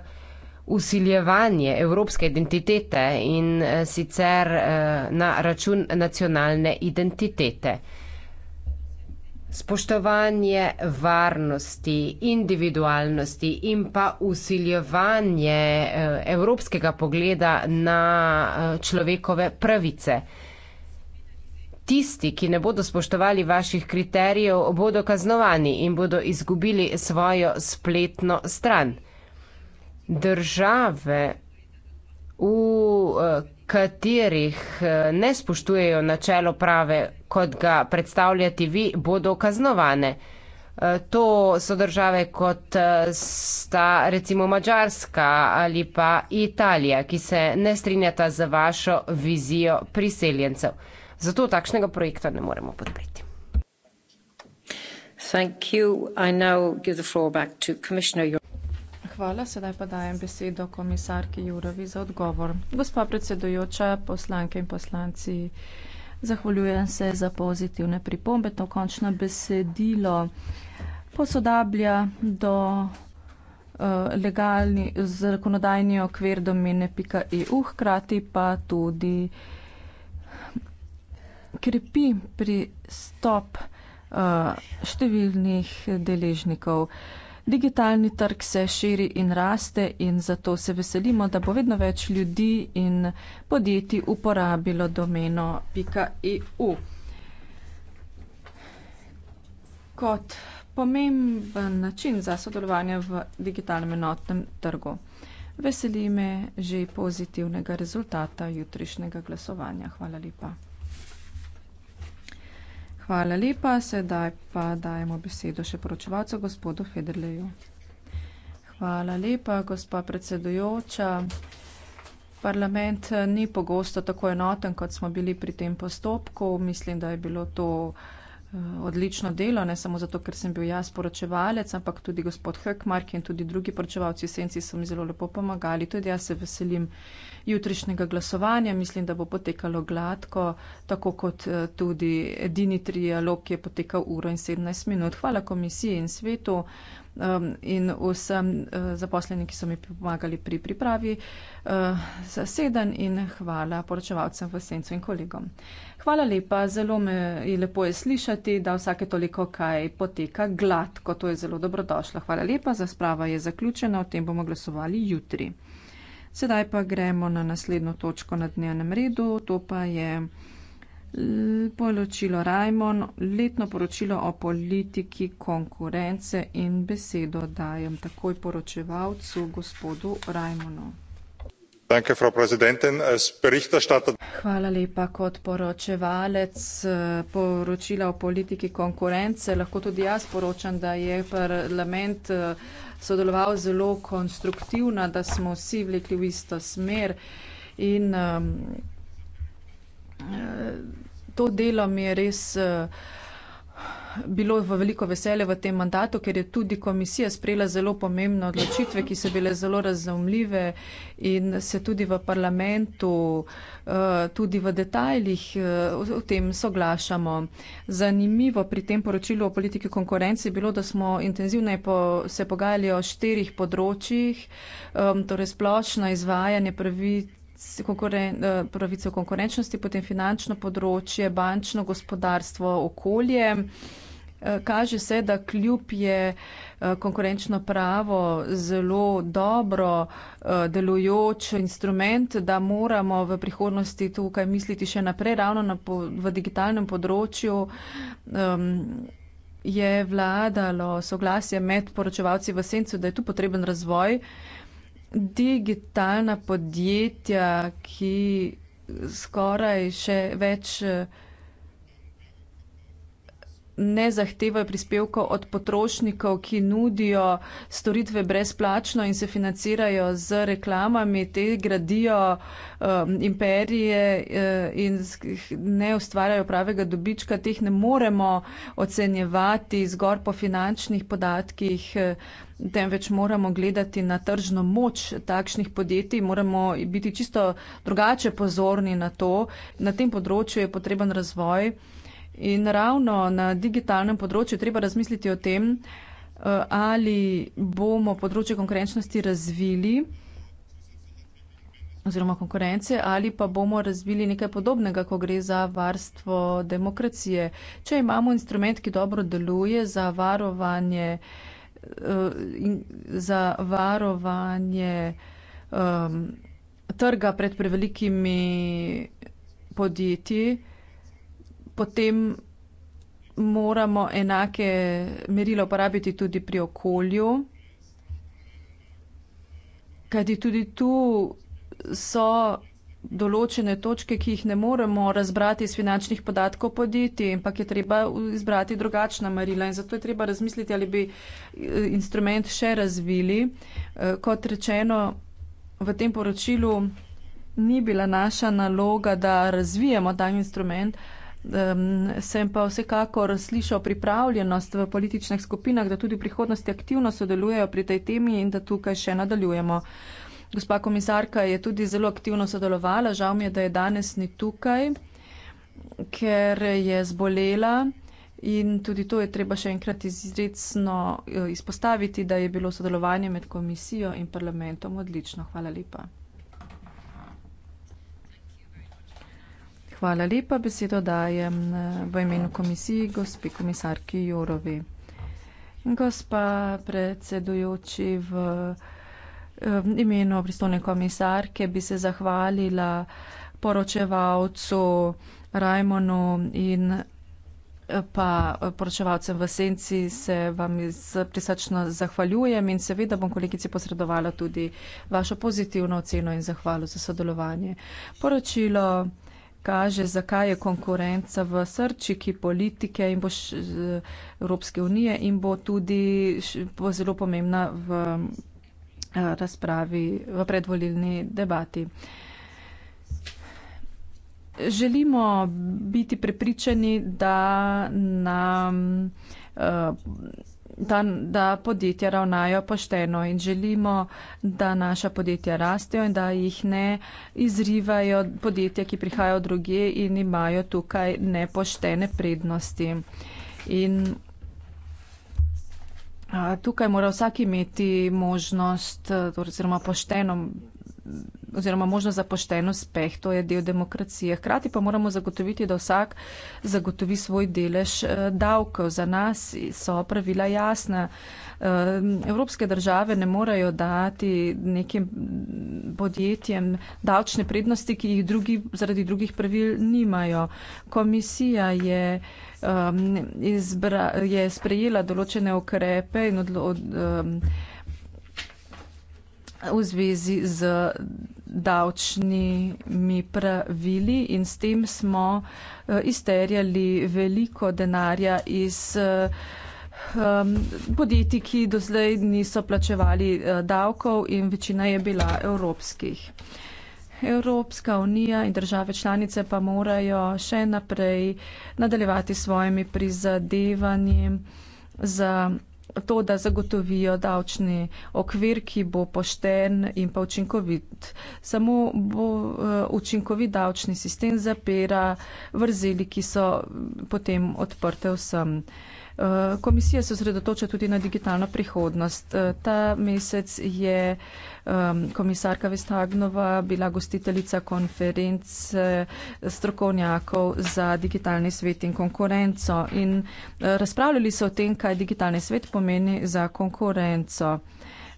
usiljevanje evropske identitete in sicer eh, na račun nacionalne identitete spoštovanje varnosti, individualnosti in pa usiljevanje eh, evropskega pogleda na eh, človekove pravice. Tisti, ki ne bodo spoštovali vaših kriterijev, bodo kaznovani in bodo izgubili svojo spletno stran. Države v eh, katerih eh, ne spoštujejo načelo prave, kot ga predstavljate vi, bodo kaznovane. Eh, to so države kot sta recimo Mačarska ali pa Italija, ki se ne strinjata z vašo vizijo priseljencev. Zato takšnega projekta ne moremo podpreti. Thank you. I now give the floor back to Commissioner hvala. Sedaj pa dajem besedo komisarki Jurovi za odgovor. Gospa predsedujoča, poslanke in poslanci, zahvaljujem se za pozitivne pripombe. To končno besedilo posodablja do eh, legalni zakonodajni okvir domene.eu, hkrati pa tudi krepi pristop uh, številnih deležnikov. Uh, digitalni trg se širi in raste in zato se veselimo, da bo vedno več ljudi in podjetij uporabilo domeno.eu. Kot pomemben način za sodelovanje v digitalnem enotnem trgu. Veseli me že pozitivnega rezultata jutrišnjega glasovanja. Hvala lepa. Hvala lepa. Sedaj pa dajemo besedo še poročevalcu gospodu Federleju. Hvala lepa, gospa predsedujoča. Parlament ni pogosto tako enoten, kot smo bili pri tem postopku. Mislim, da je bilo to. Eh, odlično delo, ne samo zato, ker sem bil jaz poročevalec, ampak tudi gospod Hökmark in tudi drugi poročevalci v senci so mi zelo lepo pomagali. Tudi jaz se veselim jutrišnjega glasovanja. Mislim, da bo potekalo gladko, tako kot eh, tudi edini trialog, ki je potekal uro in 17 minut. Hvala komisiji in svetu um, in vsem uh, zaposlenim, ki so mi pomagali pri pripravi uh, zaseden in hvala poročevalcem v Sencu in kolegom. Hvala lepa, zelo me je lepo je slišati, da vsake toliko kaj poteka gladko, to je zelo dobrodošlo. Hvala lepa, za sprava je zaključena, o tem bomo glasovali jutri. Sedaj pa gremo na naslednjo točko na dnevnem redu, to pa je. Poročilo Rajmon, letno poročilo o politiki konkurence in besedo dajem takoj poročevalcu, gospodu Rajmonu. Hvala lepa. Kot poročevalec poročila o politiki konkurence lahko tudi jaz poročam, da je parlament sodeloval zelo konstruktivno, da smo vsi vlekli v isto smer in um, to delo mi je res eh, bilo v veliko veselje v tem mandatu, ker je tudi komisija sprejela zelo pomembne odločitve, ki so bile zelo razumljive in se tudi v parlamentu, eh, tudi v detaljih v eh, tem soglašamo. Zanimivo pri tem poročilu o politiki konkurenci je bilo, da smo intenzivno po, se pogajali o štirih področjih, torej splošno izvajanje prvih Eh, pravico konkurenčnosti, potem finančno področje, bančno gospodarstvo, okolje. Eh, kaže se, da kljub je eh, konkurenčno pravo zelo dobro delujoč instrument, da moramo v prihodnosti tukaj misliti še naprej, ravno na, v digitalnem področju. Ehm, je vladalo soglasje med poročevalci v Sencu, da je tu potreben razvoj digitalna podjetja, ki skoraj še več eh, ne zahtevajo prispevkov od potrošnikov, ki nudijo storitve brezplačno in se financirajo z reklamami, te gradijo um, imperije uh, in ne ustvarjajo pravega dobička, teh ne moremo ocenjevati zgor po finančnih podatkih. Uh, temveč moramo gledati na tržno moč takšnih podjetij, moramo biti čisto drugače pozorni na to. Na tem področju je potreben razvoj in ravno na digitalnem področju treba razmisliti o tem, eh, ali bomo področje konkurenčnosti razvili oziroma konkurence, ali pa bomo razvili nekaj podobnega, ko gre za varstvo demokracije. Če imamo instrument, ki dobro deluje za varovanje Eh, za varovanje um, trga pred prevelikimi podjetji, potem moramo enake merilo uporabiti tudi pri okolju, kajti tudi tu so določene točke, ki jih ne moremo razbrati iz finančnih podatkov podjetij, ampak je treba izbrati drugačna merila in zato je treba razmisliti, ali bi eh, instrument še razvili. Eh, kot rečeno, v tem poročilu ni bila naša naloga, da razvijemo ta instrument. Ehm, sem pa vsekakor slišal pripravljenost v političnih skupinah, da tudi v prihodnosti aktivno sodelujejo pri tej temi in da tukaj še nadaljujemo. Gospa komisarka je tudi zelo aktivno sodelovala, žal mi je, da je danes ni tukaj, ker je zbolela in tudi to je treba še enkrat izrecno eh, izpostaviti, da je bilo sodelovanje med komisijo in parlamentom odlično. Hvala lepa. Hvala lepa, besedo dajem eh, v imenu komisiji gospi komisarki Jorovi. Gospa predsedujoči v v imenu pristojne komisarke bi se zahvalila poročevalcu Rajmonu in eh, pa eh, poročevalcem v senci se vam prisrčno zahvaljujem in seveda bom kolegici posredovala tudi vašo pozitivno oceno in zahvalo za sodelovanje. Poročilo kaže, zakaj je konkurenca v srčiki politike in bo Evropske unije in bo tudi bo zelo pomembna v Eh, razpravi, v predvolilni debati. Želimo biti prepričani, da nam. Eh, da, da podjetja ravnajo pošteno in želimo, da naša podjetja rastejo in da jih ne izrivajo podjetja, ki prihajajo druge in imajo tukaj nepoštene prednosti. In Tukaj mora vsak imeti možnost e, torej, oziroma pošteno oziroma možnost za pošten uspeh, to je del demokracije. Hkrati pa moramo zagotoviti, da vsak zagotovi svoj delež e, davkov. Za nas so pravila jasna. E, evropske države ne morejo dati nekim podjetjem davčne prednosti, ki jih drugi, zaradi drugih pravil nimajo. Komisija je um, izbra, je sprejela določene ukrepe in odlo, od, um, v zvezi z davčnimi pravili in s tem smo uh, izterjali veliko denarja iz uh, um, podjetij, ki dozlej niso plačevali uh, davkov in večina je bila evropskih. Uh, Evropska unija in države članice pa morajo še naprej nadaljevati svojimi prizadevanji za to, da zagotovijo davčni okvir, ki bo pošten in pa učinkovit. Samo bo eh, učinkovit davčni sistem zapira vrzeli, ki so potem odprte vsem. Eh, komisija se osredotoča tudi na digitalno prihodnost. Eh, ta mesec je um, komisarka Vestagnova bila gostiteljica konference strokovnjakov za digitalni svet in konkurenco. In uh, razpravljali so o tem, kaj digitalni svet pomeni za konkurenco.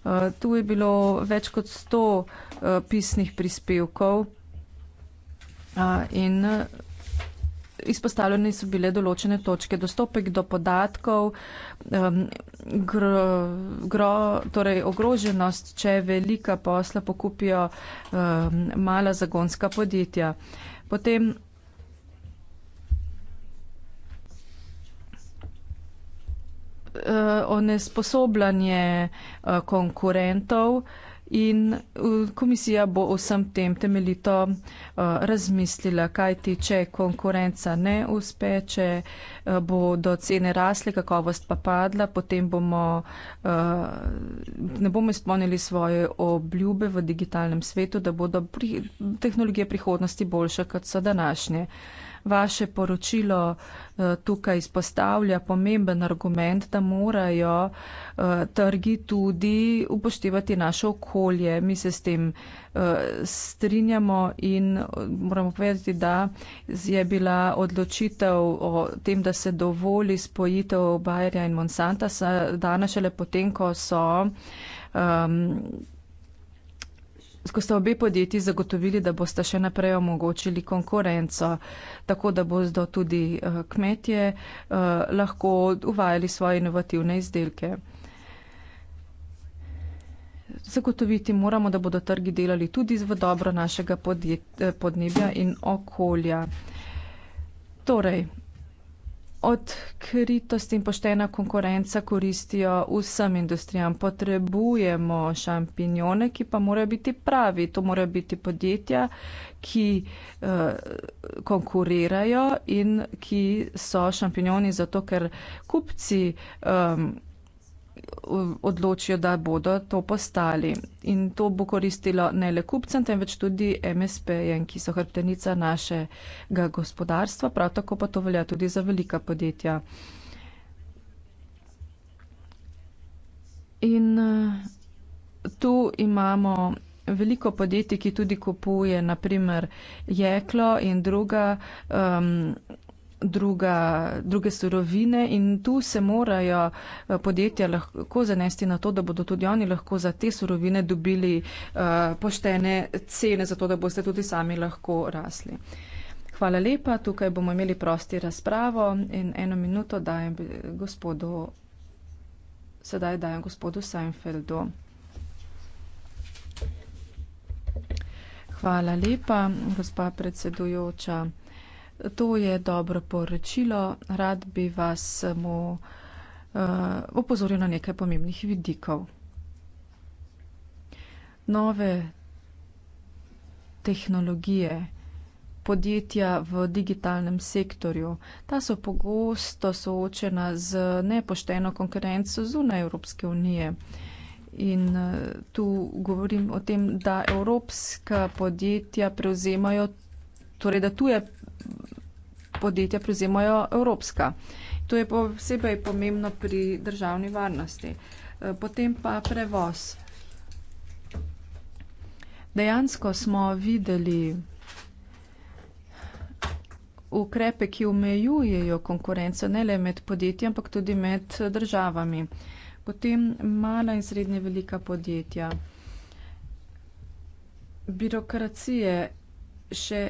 Uh, tu je bilo več kot 100 uh, eh, pisnih prispevkov uh, in uh, izpostavljene so bile določene točke. Dostopek do podatkov, um, gro, gro, torej ogroženost, če velika posla pokupijo um, mala zagonska podjetja. Potem, e, onesposobljanje e, konkurentov, In uh, komisija bo vsem tem temeljito uh, razmislila, kaj ti, če konkurenca ne uspe, če uh, bo do cene rasle, kakovost pa padla, potem bomo, uh, ne bomo izpolnili svoje obljube v digitalnem svetu, da bodo pri, tehnologije prihodnosti boljše, kot so današnje. Uh, vaše poročilo eh, tukaj izpostavlja pomemben argument, da morajo eh, trgi tudi upoštevati naše okolje. Mi se s tem eh, strinjamo in moramo povedati, da je bila odločitev o tem, da se dovoli spojitev Bayerja in Monsanta, danes šele potem, ko so. Ehm, ko sta obe podjetji zagotovili, da boste še naprej omogočili konkurenco, tako da bodo tudi eh, kmetje eh, lahko uvajali svoje inovativne izdelke. Zagotoviti moramo, da bodo trgi delali tudi v dobro našega podjet, eh, podnebja in okolja. Torej, odkritost in poštena konkurenca koristijo vsem industrijam. Potrebujemo šampinjone, ki pa morajo biti pravi. To morajo biti podjetja, ki uh, konkurirajo in ki so šampinjoni zato, ker kupci. Um, odločijo, da bodo to postali. In to bo koristilo ne le kupcem, temveč tudi MSP-jem, ki so hrbtenica našega gospodarstva, prav tako pa to velja tudi za velika podjetja. In eh, tu imamo veliko podjetij, ki tudi kupuje, naprimer, jeklo in druga. Um, druga, druge surovine in tu se morajo eh, podjetja lahko zanesti na to, da bodo tudi oni lahko za te surovine dobili uh, poštene cene, zato da boste tudi sami lahko rasli. Hvala lepa, tukaj bomo imeli prosti razpravo in eno minuto dajem gospodu, sedaj dajem gospodu Seinfeldu. Hvala lepa, gospa predsedujoča. To je dobro poročilo. Rad bi vas mu eh, opozoril na nekaj pomembnih vidikov. Nove tehnologije, podjetja v digitalnem sektorju, ta so pogosto soočena z nepošteno konkurenco zunaj Evropske unije. In eh, tu govorim o tem, da evropska podjetja prevzemajo, torej da tuje podjetje, podjetja prevzemajo evropska. To je posebej pomembno pri državni varnosti. Eh, potem pa prevoz. Dejansko smo videli ukrepe, ki omejujejo konkurenco ne le med podjetji, ampak tudi med državami. Potem mala in srednje velika podjetja. Birokracije še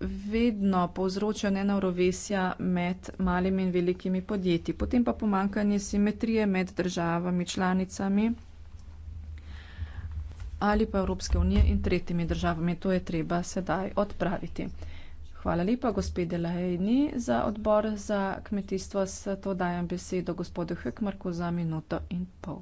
vedno povzroča nenarovesja med malimi in velikimi podjetji. Potem pa pomankanje simetrije med državami, članicami ali pa Evropske unije in tretjimi državami. To je treba sedaj odpraviti. Hvala lepa, gospod Delajni, za odbor za kmetijstvo. S to dajem besedo gospodu Hekmarku za minuto in pol.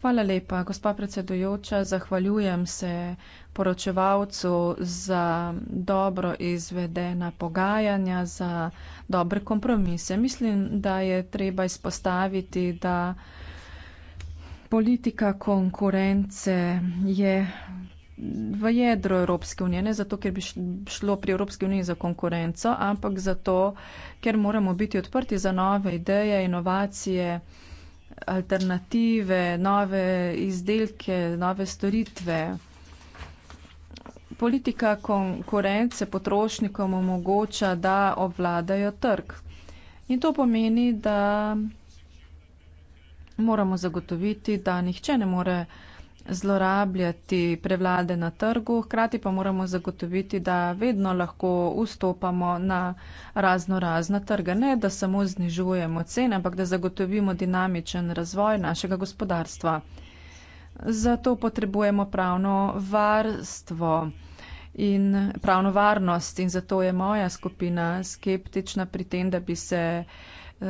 Hvala lepa, gospa predsedujoča. Zahvaljujem se poročevalcu za dobro izvedena pogajanja, za dobre kompromise. Mislim, da je treba izpostaviti, da politika konkurence je v jedro Evropske unije, ne zato, ker bi šlo pri Evropski uniji za konkurenco, ampak zato, ker moramo biti odprti za nove ideje, inovacije alternative, nove izdelke, nove storitve. Politika konkurence potrošnikom omogoča, da obvladajo trg. In to pomeni, da moramo zagotoviti, da nihče ne more zlorabljati prevlade na trgu, hkrati pa moramo zagotoviti, da vedno lahko vstopamo na razno razna trga. Ne, da samo znižujemo cene, ampak da zagotovimo dinamičen razvoj našega gospodarstva. Zato potrebujemo pravno varstvo in pravno varnost in zato je moja skupina skeptična pri tem, da bi se. Uh,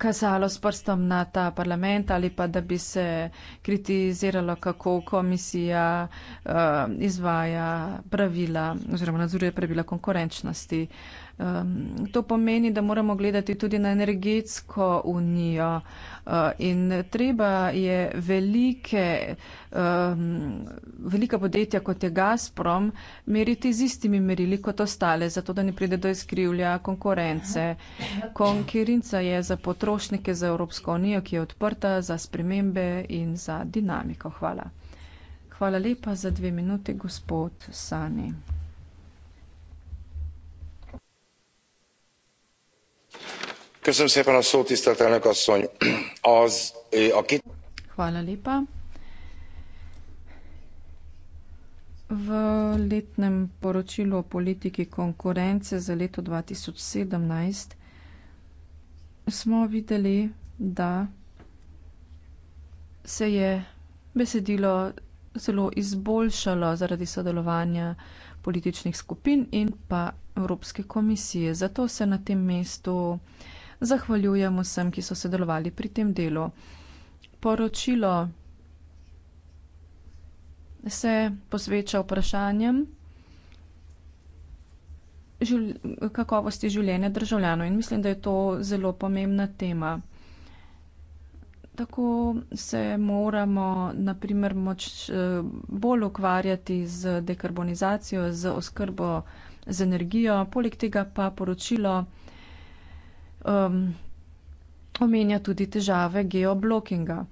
kazalo s prstom na ta parlament ali pa da bi se kritiziralo, kako komisija uh, izvaja pravila oziroma nadzoruje pravila konkurenčnosti. Uh, Um, to pomeni, da moramo gledati tudi na energetsko unijo uh, in treba je velike, um, velika podjetja, kot je Gazprom, meriti z istimi merili kot ostale, zato da ne pride do izkrivlja konkurence. Konkurenca je za potrošnike, za Evropsko unijo, ki je odprta za spremembe in za dinamiko. Hvala. Hvala lepa za dve minuti, gospod Sani. Köszönöm szépen a szót, tisztelt elnök asszony. Az, aki... Hvala lepa. V letnem poročilu o politiki konkurence za leto 2017 smo videli, da se je besedilo zelo izboljšalo zaradi sodelovanja političnih skupin in pa Evropske komisije. Zato se na tem mestu zahvaljujem vsem, ki so sodelovali pri tem delu. Poročilo se posveča vprašanjem žil, kakovosti življenja državljanov in mislim, da je to zelo pomembna tema. Tako se moramo naprimer moč, bolj ukvarjati z dekarbonizacijo, z oskrbo z energijo, poleg tega pa poročilo um, omenja tudi težave geoblokinga.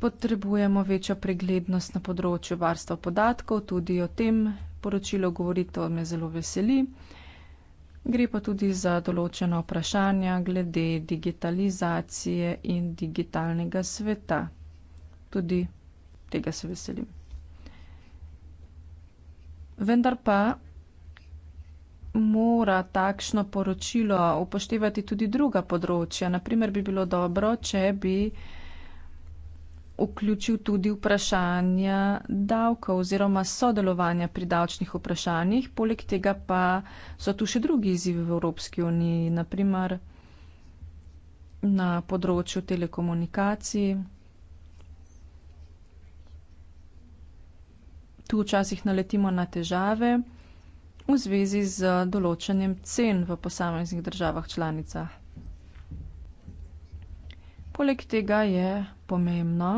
Potrebujemo večjo preglednost na področju varstva podatkov, tudi o tem poročilo govori, to me zelo veseli. Gre pa tudi za določena vprašanja glede digitalizacije in digitalnega sveta. Tudi tega se veselim. Vendar pa mora takšno poročilo upoštevati tudi druga področja. Naprimer, bi bilo dobro, če bi vključil tudi vprašanja davkov oziroma sodelovanja pri davčnih vprašanjih. Poleg tega pa so tu še drugi izzivi v Evropski uniji, naprimer na področju telekomunikacij. Tu včasih naletimo na težave v zvezi z določanjem cen v posameznih državah članicah. Poleg tega je pomembno,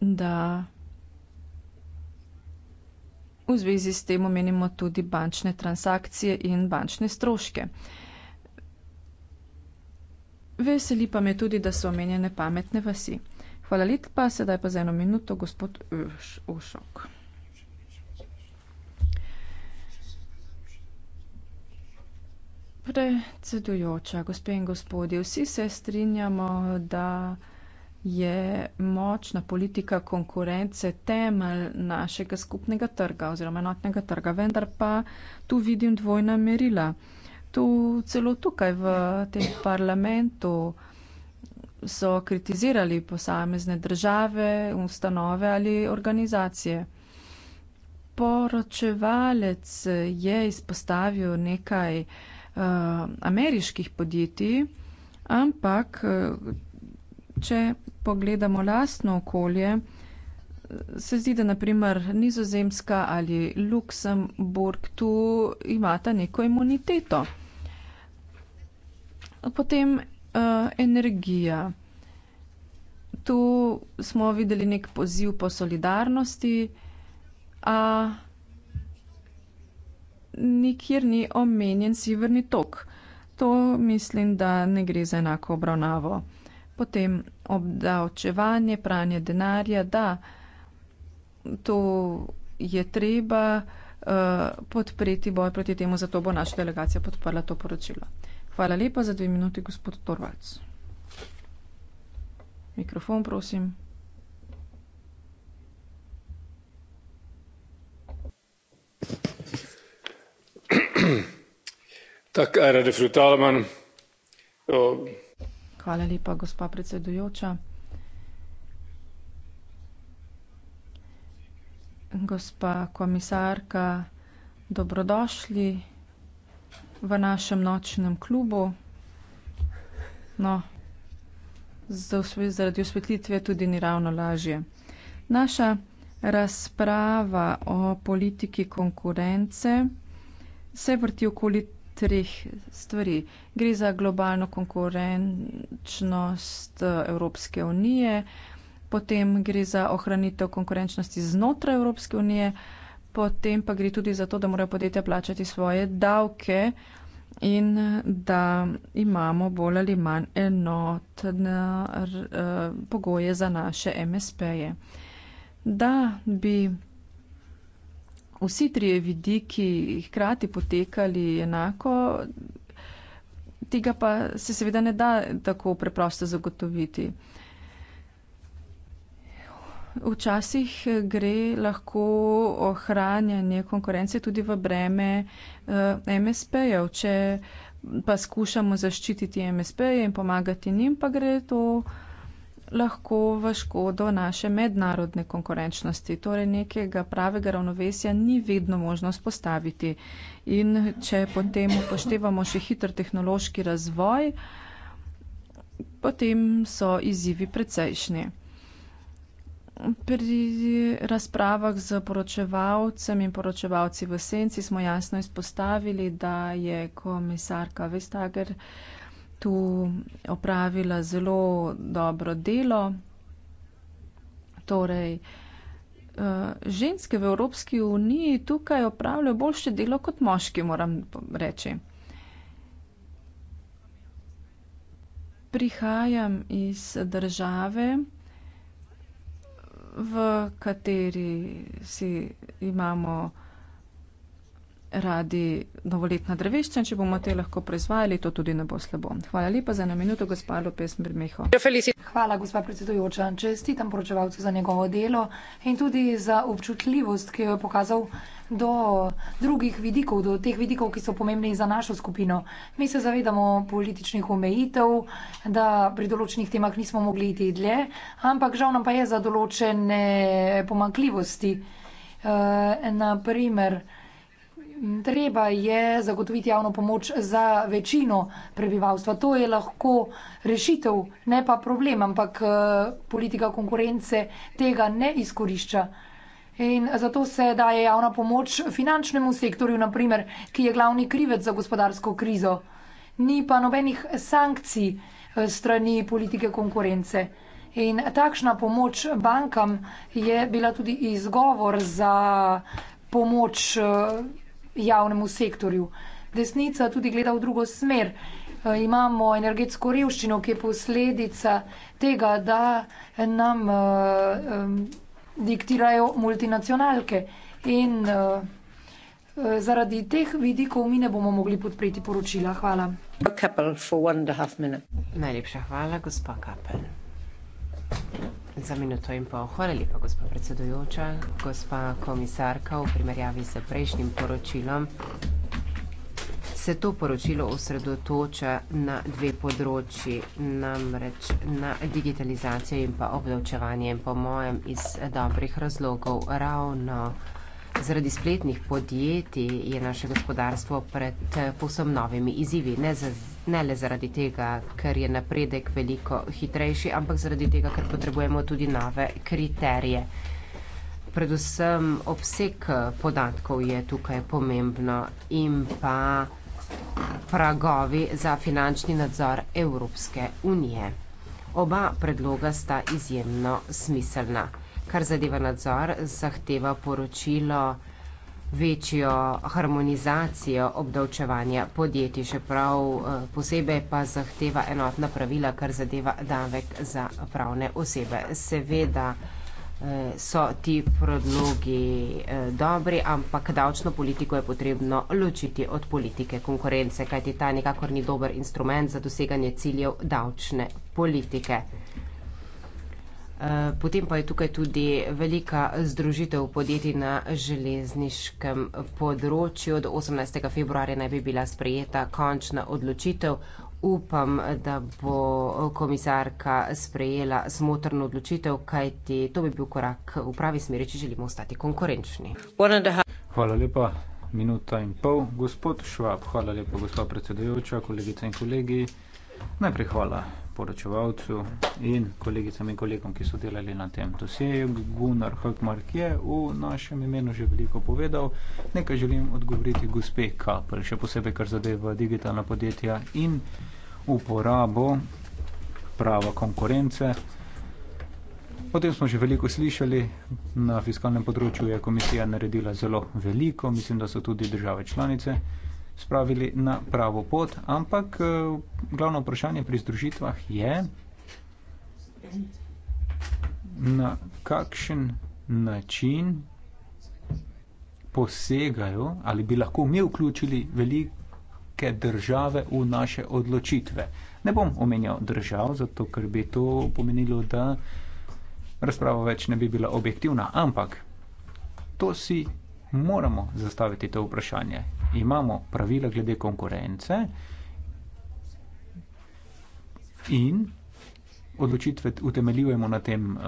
da v zvezi s tem omenimo tudi bančne transakcije in bančne stroške. Veseli pa me tudi, da so omenjene pametne vasi. Hvala lepa, sedaj pa za eno minuto gospod Ušok. Uš, Predsedujoča, gospe in gospodje, vsi se strinjamo, da je močna politika konkurence temelj našega skupnega trga oziroma enotnega trga, vendar pa tu vidim dvojna merila. Tu, celo tukaj v tem parlamentu so kritizirali posamezne države, ustanove ali organizacije. Poročevalec je izpostavil nekaj uh, Eh, ameriških podjetij, ampak eh, če pogledamo lastno okolje, se zdi, da naprimer Nizozemska ali Luksemburg tu imata neko imuniteto. Potem uh, energija. Tu smo videli nek poziv po solidarnosti, a uh, nikjer ni omenjen severni tok. To mislim, da ne gre za enako obravnavo. Potem obdavčevanje, pranje denarja, da to je treba uh, podpreti boj proti temu, zato bo naša delegacija podprla to poročilo. Hvala lepa za dve minuti, gospod Torvac. Mikrofon, prosim. Hvala lepa, gospa predsedujoča. Gospa komisarka, dobrodošli v našem nočnem klubu. No, z zaradi osvetlitve tudi ni ravno lažje. Naša razprava o politiki konkurence se vrti okoli treh stvari. Gre za globalno konkurenčnost eh, Evropske unije, potem gre za ohranitev konkurenčnosti znotraj Evropske unije, potem pa gre tudi za to, da morajo podjetja plačati svoje davke in da imamo bolj ali manj enotne eh, pogoje za naše MSP-je. Da bi vsi trije vidiki hkrati potekali enako, tega pa se seveda ne da tako preprosto zagotoviti. Včasih gre lahko ohranjanje konkurence tudi v breme eh, MSP-jev, če pa skušamo zaščititi MSP-je in pomagati njim, pa gre to lahko v škodo naše mednarodne konkurenčnosti. Torej nekega pravega ravnovesja ni vedno možno spostaviti. In če potem upoštevamo še hitr tehnološki razvoj, potem so izzivi precejšnji. Pri razpravah z poročevalcem in poročevalci v senci smo jasno izpostavili, da je komisarka Vestager tu opravila zelo dobro delo. Torej, eh, ženske v Evropski uniji tukaj opravljajo boljše delo kot moški, moram reči. Prihajam iz države, v kateri si imamo radi novoletna drevešča in če bomo te lahko proizvajali, to tudi ne bo slabo. Hvala lepa za eno minuto, gospa Lopes Mermeho. Hvala, gospa predsedujoča. Čestitam poročevalcu za njegovo delo in tudi za občutljivost, ki jo je pokazal do drugih vidikov, do teh vidikov, ki so pomembni za našo skupino. Mi se zavedamo političnih omejitev, da pri določenih temah nismo mogli iti dlje, ampak žal nam pa je za določene pomankljivosti. E, eh, naprimer, treba je zagotoviti javno pomoč za večino prebivalstva. To je lahko rešitev, ne pa problem, ampak eh, politika konkurence tega ne izkorišča. In zato se daje javna pomoč finančnemu sektorju, naprimer, ki je glavni krivec za gospodarsko krizo. Ni pa nobenih sankcij eh, strani politike konkurence. In takšna pomoč bankam je bila tudi izgovor za pomoč. Eh, javnemu sektorju. Desnica tudi gleda v drugo smer. E, imamo energetsko revščino, ki je posledica tega, da nam uh, um, diktirajo multinacionalke. In uh, uh, zaradi teh vidikov mi ne bomo mogli podpreti poročila. Hvala. Najlepša hvala, gospa Kapel za minuto in pol. Hvala lepa, gospa predsedujoča. Gospa komisarka, v primerjavi s prejšnjim poročilom se to poročilo osredotoča na dve področji, namreč na digitalizacijo in pa obdavčevanje. In po mojem iz dobrih razlogov ravno zaradi spletnih podjetij je naše gospodarstvo pred povsem novimi izzivi, ne za ne le zaradi tega, ker je napredek veliko hitrejši, ampak zaradi tega, ker potrebujemo tudi nove kriterije. Predvsem obseg podatkov je tukaj pomembno in pa pragovi za finančni nadzor Evropske unije. Oba predloga sta izjemno smiselna. Kar zadeva nadzor, zahteva poročilo večjo harmonizacijo obdavčevanja podjetij, še prav eh, posebej pa zahteva enotna pravila, kar zadeva davek za pravne osebe. Seveda eh, so ti predlogi eh, dobri, ampak davčno politiko je potrebno ločiti od politike konkurence, kajti ta nikakor ni dober instrument za doseganje ciljev davčne politike. Eh, potem pa je tukaj tudi velika združitev podjetij na železniškem področju. Do 18. februarja naj bi bila sprejeta končna odločitev. Upam, da bo komisarka sprejela smotrno odločitev, kajti to bi bil korak v pravi smeri, če želimo ostati konkurenčni. Hvala lepa. Minuta in pol. Gospod Švab, hvala lepa, gospod predsedujoča, kolegice in kolegi. Najprej hvala poročevalcu in kolegicam in kolegom, ki so delali na tem dosjeju. Gunnar Hrkmark je v našem imenu že veliko povedal. Nekaj želim odgovoriti gospe Kapl, še posebej, kar zadeva digitalna podjetja in uporabo prava konkurence. O tem smo že veliko slišali. Na fiskalnem področju je komisija naredila zelo veliko, mislim, da so tudi države članice spravili na pravo pot. Ampak eh, glavno vprašanje pri združitvah je, na kakšen način posegajo ali bi lahko mi vključili velike države v naše odločitve. Ne bom omenjal držav, zato ker bi to pomenilo, da razprava več ne bi bila objektivna, ampak to si moramo zastaviti to vprašanje. Imamo pravila glede konkurence in odločitve utemeljujemo na tem uh,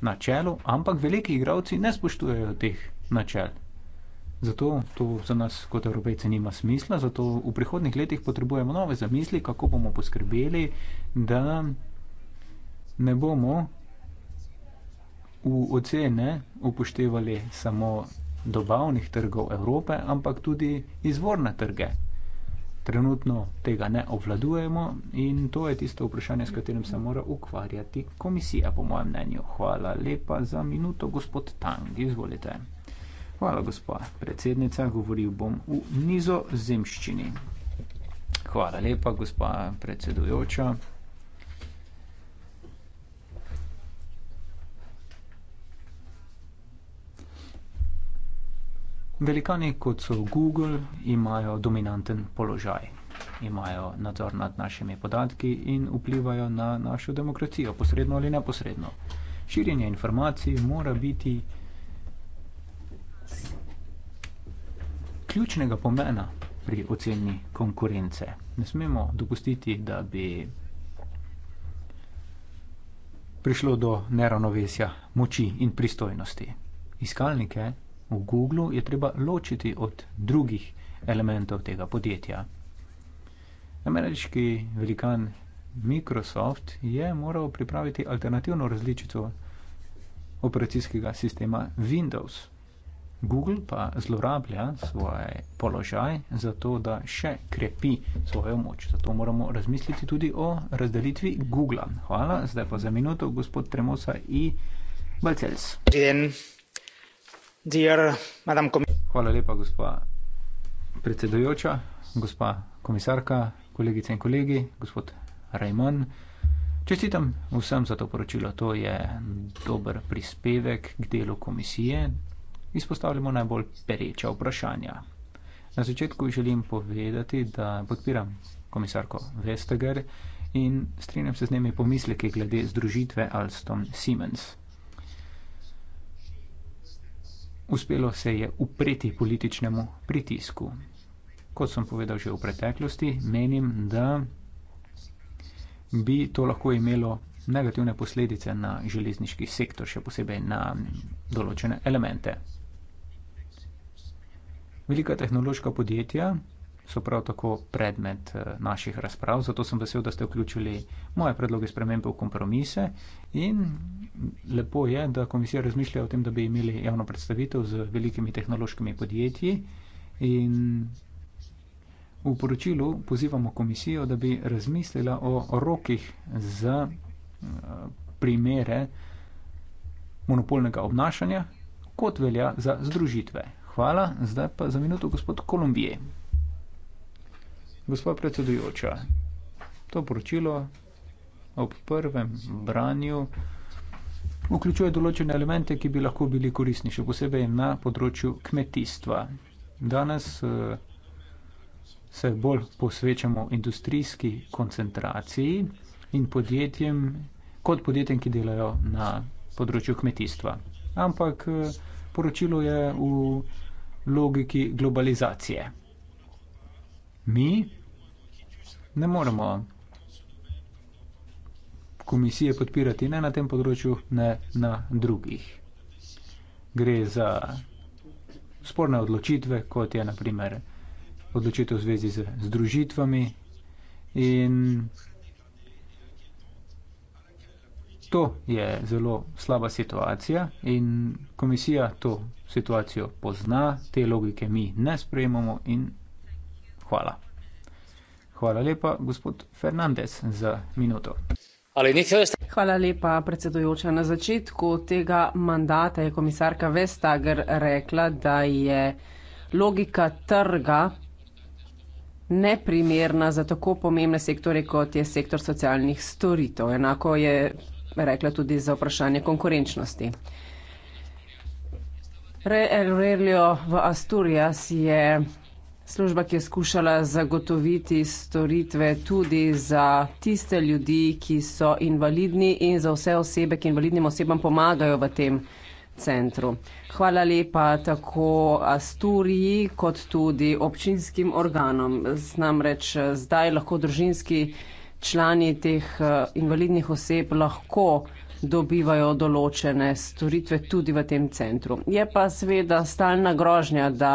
načelu, ampak veliki igravci ne spoštujejo teh načel. Zato to za nas kot evropejce nima smisla, zato v prihodnih letih potrebujemo nove zamisli, kako bomo poskrbeli, da ne bomo v ocene upoštevali samo dobavnih trgov Evrope, ampak tudi izvorne trge. Trenutno tega ne obvladujemo in to je tisto vprašanje, s katerim se mora ukvarjati komisija, po mojem mnenju. Hvala lepa za minuto, gospod Tang, izvolite. Hvala, gospod predsednica, govoril bom v nizozemščini. Hvala lepa, gospod predsedujoča. Velikani, kot so Google, imajo dominanten položaj. Imajo nadzor nad našimi podatki in vplivajo na našo demokracijo, posredno ali neposredno. Širjenje informacij mora biti ključnega pomena pri oceni konkurence. Ne smemo dopustiti, da bi prišlo do neravnovesja moči in pristojnosti. Iskalnike v Googleu je treba ločiti od drugih elementov tega podjetja. Ameriški velikan Microsoft je moral pripraviti alternativno različico operacijskega sistema Windows. Google pa zlorablja svoj položaj zato, da še krepi svojo moč. Zato moramo razmisliti tudi o razdelitvi Google. Hvala, zdaj pa za minuto gospod Tremosa i Balcels. Yeah. Hvala lepa, gospa predsedujoča, gospa komisarka, kolegice in kolegi, gospod Rajman. Čestitam vsem za to poročilo. To je dober prispevek k delu komisije. Izpostavljamo najbolj pereča vprašanja. Na začetku želim povedati, da podpiram komisarko Vesteger in strinjam se z njimi pomisleki glede združitve Alstom Siemens. Uspelo se je upreti političnemu pritisku. Kot sem povedal že v preteklosti, menim, da bi to lahko imelo negativne posledice na železniški sektor, še posebej na določene elemente. Velika tehnološka podjetja so prav tako predmet eh, naših razprav, zato sem vesel, da ste vključili moje predloge spremembe v kompromise in lepo je, da komisija razmišlja o tem, da bi imeli javno predstavitev z velikimi tehnološkimi podjetji in v poročilu pozivamo komisijo, da bi razmislila o rokih za eh, primere monopolnega obnašanja, kot velja za združitve. Hvala, zdaj pa za minuto gospod Kolumbije gospa predsedujoča to poročilo ob prvem branju vključuje določene elemente ki bi lahko bili koristni še posebej na področju kmetijstva danes eh, se bolj posvečamo industrijski koncentraciji in podjetjem kot podjetjem ki delajo na področju kmetijstva ampak eh, poročilo je v logiki globalizacije mi ne moremo komisije podpirati ne na tem področju, ne na drugih. Gre za sporne odločitve, kot je naprimer odločitev v zvezi z združitvami in to je zelo slaba situacija in komisija to situacijo pozna, te logike mi ne sprejemamo in Hvala. Hvala lepa, gospod Fernandez, za minuto. Hvala lepa, predsedujoča. Na začetku tega mandata je komisarka Vestager rekla, da je logika trga neprimerna za tako pomembne sektore, kot je sektor socialnih storitev. Enako je rekla tudi za vprašanje konkurenčnosti. Re, Relio v Asturias je Služba, ki je skušala zagotoviti storitve tudi za tiste ljudi, ki so invalidni in za vse osebe, ki invalidnim osebam pomagajo v tem centru. Hvala lepa tako Asturiji kot tudi občinskim organom. Namreč zdaj lahko družinski člani teh eh, invalidnih oseb lahko dobivajo določene storitve tudi v tem centru. Je pa seveda stalna grožnja, da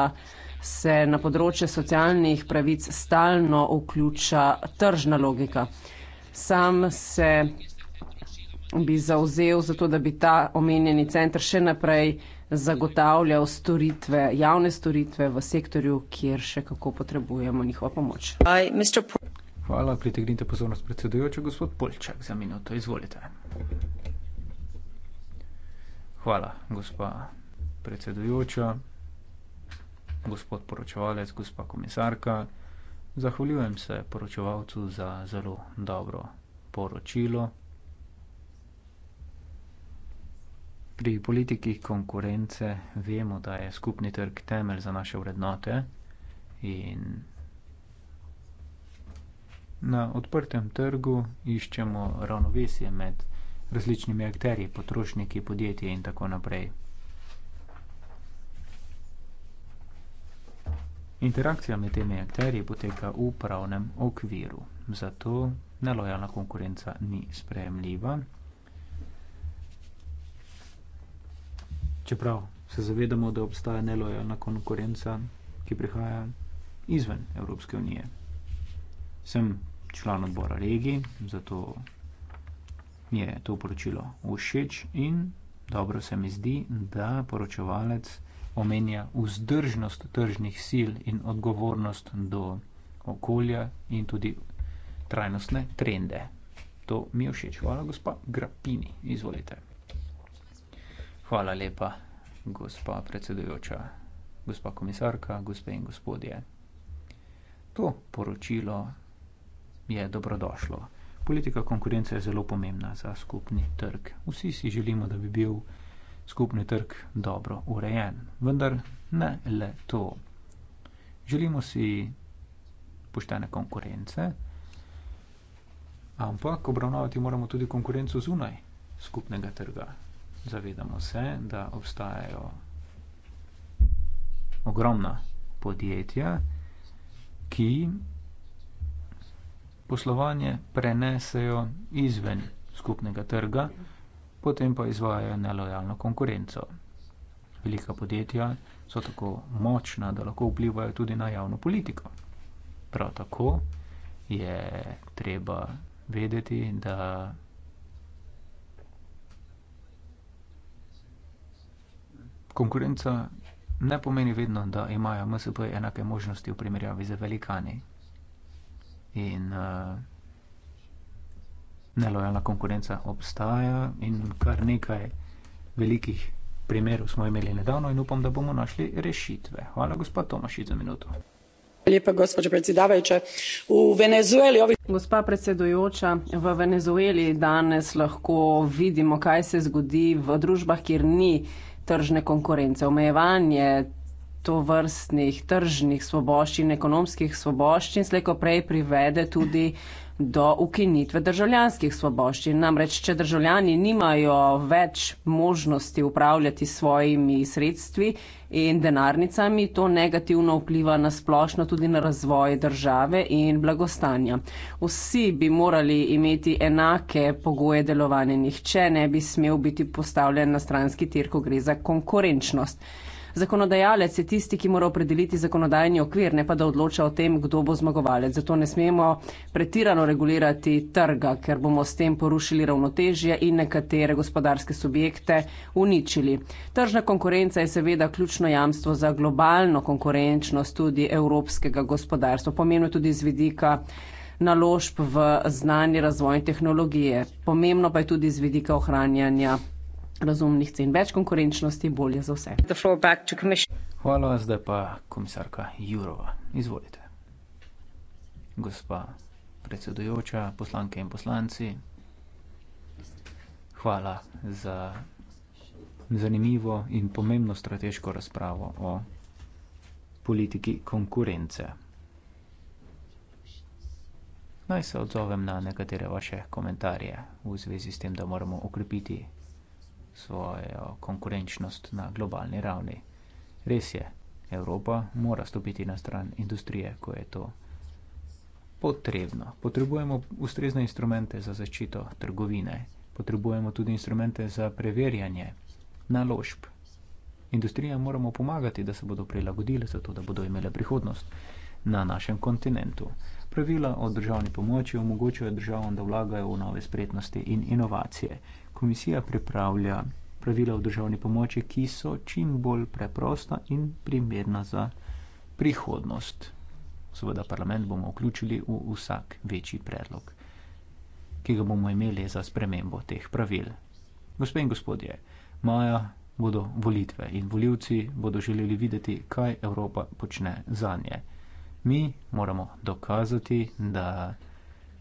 se na področje socialnih pravic stalno vključa tržna logika. Sam se bi zauzel za to, da bi ta omenjeni center še naprej zagotavljal storitve, javne storitve v sektorju, kjer še kako potrebujemo njihova pomoč. Hvala, pritegnite pozornost predsedujoča, gospod Polčak, za minuto, izvolite. Hvala, gospa predsedujoča gospod poročevalec, gospa komisarka, zahvaljujem se poročevalcu za zelo dobro poročilo. Pri politiki konkurence vemo, da je skupni trg temelj za naše vrednote in na odprtem trgu iščemo ravnovesje med različnimi akterji, potrošniki, podjetji in tako naprej. interakcija med temi akterji poteka v pravnem okviru zato nelojalna konkurenca ni sprejemljiva čeprav se zavedamo da obstaja nelojalna konkurenca ki prihaja izven evropske unije sem član odbora regij zato mi je to poročilo všeč in dobro se mi zdi da poročevalec omenja vzdržnost tržnih sil in odgovornost do okolja in tudi trajnostne trende. To mi je všeč. Hvala, gospa Grapini. Izvolite. Hvala lepa, gospa predsedujoča, gospa komisarka, gospe in gospodje. To poročilo je dobrodošlo. Politika konkurence je zelo pomembna za skupni trg. Vsi si želimo, da bi bil skupni trg dobro urejen. Vendar ne le to. Želimo si poštene konkurence, ampak obravnavati moramo tudi konkurenco zunaj skupnega trga. Zavedamo se, da obstajajo ogromna podjetja, ki poslovanje prenesejo izven skupnega trga potem pa izvajajo nelojalno konkurenco. Velika podjetja so tako močna, da lahko vplivajo tudi na javno politiko. Prav tako je treba vedeti, da konkurenca ne pomeni vedno, da imajo MSP enake možnosti v primerjavi z velikani. In uh, nelojalna konkurenca obstaja in kar nekaj velikih primerov smo imeli nedavno in upam, da bomo našli rešitve. Hvala, gospod Tomašič, za minuto. Lepa, gospođa predsedavajoča. V Venezueli ovi... Gospa predsedujoča, v Venezueli danes lahko vidimo, kaj se zgodi v družbah, kjer ni tržne konkurence. Omejevanje to vrstnih tržnih svoboščin, ekonomskih svoboščin, slejko prej privede tudi do ukinitve državljanskih svoboščin. Namreč, če državljani nimajo več možnosti upravljati svojimi sredstvi in denarnicami, to negativno vpliva na splošno tudi na razvoj države in blagostanja. Vsi bi morali imeti enake pogoje delovanja, nihče ne bi smel biti postavljen na stranski tir, ko gre za konkurenčnost. Zakonodajalec je tisti, ki mora opredeliti zakonodajni okvir, ne pa da odloča o tem, kdo bo zmagovalec. Zato ne smemo pretirano regulirati trga, ker bomo s tem porušili ravnotežje in nekatere gospodarske subjekte uničili. Tržna konkurenca je seveda ključno jamstvo za globalno konkurenčnost tudi evropskega gospodarstva. Pomembno je tudi z vidika naložb v znanje, razvoj in tehnologije. Pomembno pa je tudi z vidika ohranjanja razumnih cen, več konkurenčnosti, bolje za vse. Hvala, zdaj pa komisarka Jurova. Izvolite. Gospa predsedujoča, poslanke in poslanci, hvala za zanimivo in pomembno strateško razpravo o politiki konkurence. Naj se odzovem na nekatere vaše komentarje v zvezi s tem, da moramo okrepiti svojo konkurenčnost na globalni ravni. Res je, Evropa mora stopiti na stran industrije, ko je to potrebno. Potrebujemo ustrezne instrumente za zaščito trgovine, potrebujemo tudi instrumente za preverjanje naložb. Industrija moramo pomagati, da se bodo prilagodile, zato da bodo imele prihodnost na našem kontinentu. Pravila o državni pomoči omogočajo državam, da vlagajo v nove spretnosti in inovacije komisija pripravlja pravila o državni pomoči, ki so čim bolj preprosta in primerna za prihodnost. Seveda parlament bomo vključili v vsak večji predlog, ki ga bomo imeli za spremembo teh pravil. Gospe in gospodje, maja bodo volitve in voljivci bodo želeli videti, kaj Evropa počne za nje. Mi moramo dokazati, da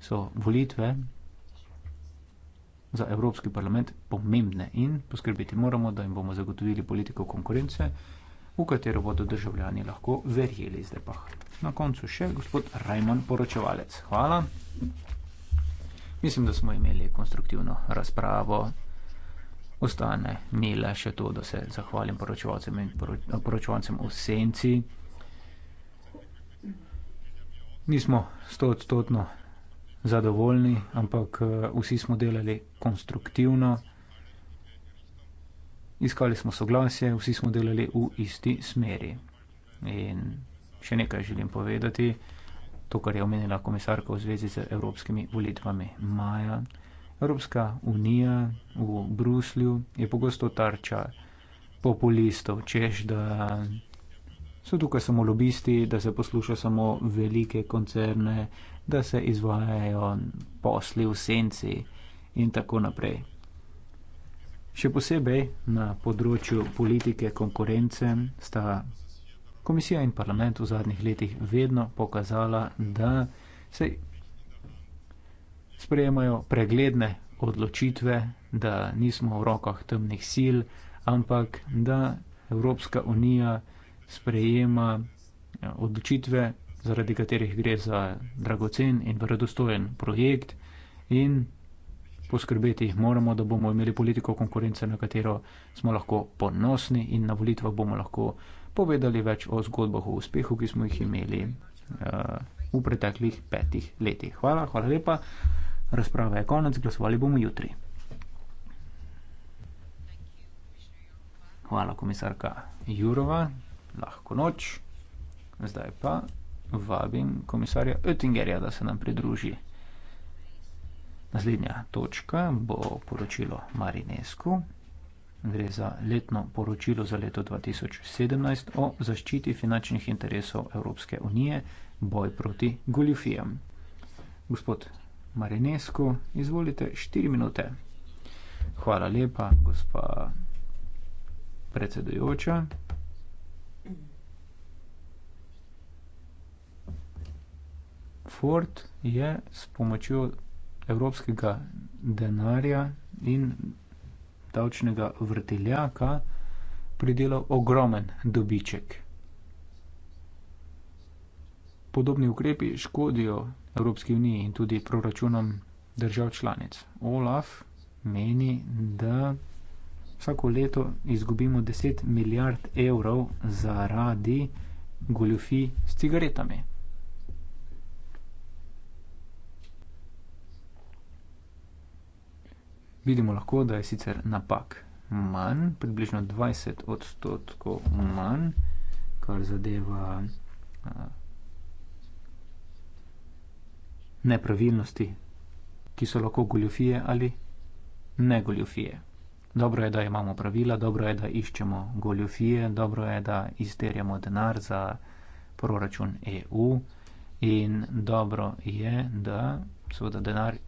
so volitve za Evropski parlament pomembne in poskrbeti moramo, da jim bomo zagotovili politiko konkurence, v katero bodo državljani lahko verjeli iz depah. Na koncu še gospod Rajman poročevalec. Hvala. Mislim, da smo imeli konstruktivno razpravo. Ostane mi le še to, da se zahvalim poročevalcem in poro, poročevalcem v senci. Nismo stotno zadovoljni, ampak eh, vsi smo delali konstruktivno, iskali smo soglasje, vsi smo delali v isti smeri. In še nekaj želim povedati, to, kar je omenila komisarka v zvezi z evropskimi volitvami maja. Evropska unija v Bruslju je pogosto tarča populistov, češ, da so tukaj samo lobisti, da se posluša samo velike koncerne, da se izvajajo posli v senci in tako naprej. Še posebej na področju politike konkurence sta komisija in parlament v zadnjih letih vedno pokazala, da se sprejemajo pregledne odločitve, da nismo v rokah temnih sil, ampak da Evropska unija sprejema odločitve, zaradi katerih gre za dragocen in verodostojen projekt in poskrbeti moramo, da bomo imeli politiko konkurence, na katero smo lahko ponosni in na volitvah bomo lahko povedali več o zgodbah o uspehu, ki smo jih imeli uh, v preteklih petih letih. Hvala, hvala lepa. Razprava je konec, glasovali bomo jutri. Hvala, komisarka Jurova. Lahko noč. Zdaj pa vabim komisarja Oettingerja, da se nam pridruži. Naslednja točka bo poročilo Marinesku. Gre za letno poročilo za leto 2017 o zaščiti finančnih interesov Evropske unije, boj proti goljufijam. Gospod Marinesku, izvolite 4 minute. Hvala lepa, gospa predsedujoča. fort je s pomočjo evropskega denarja in davčnega vrtiljaka pridelal ogromen dobiček. Podobni ukrepi škodijo Evropski uniji in tudi proračunom držav članic. Olaf meni, da vsako leto izgubimo deset milijard evrov zaradi goljufij s cigaretami. Vidimo lahko, da je sicer napak manj, približno 20 odstotkov manj, kar zadeva a, nepravilnosti, ki so lahko goljofije ali negoljofije. Dobro je, da imamo pravila, dobro je, da iščemo goljofije, dobro je, da izterjamo denar za proračun EU in dobro je, da seveda denar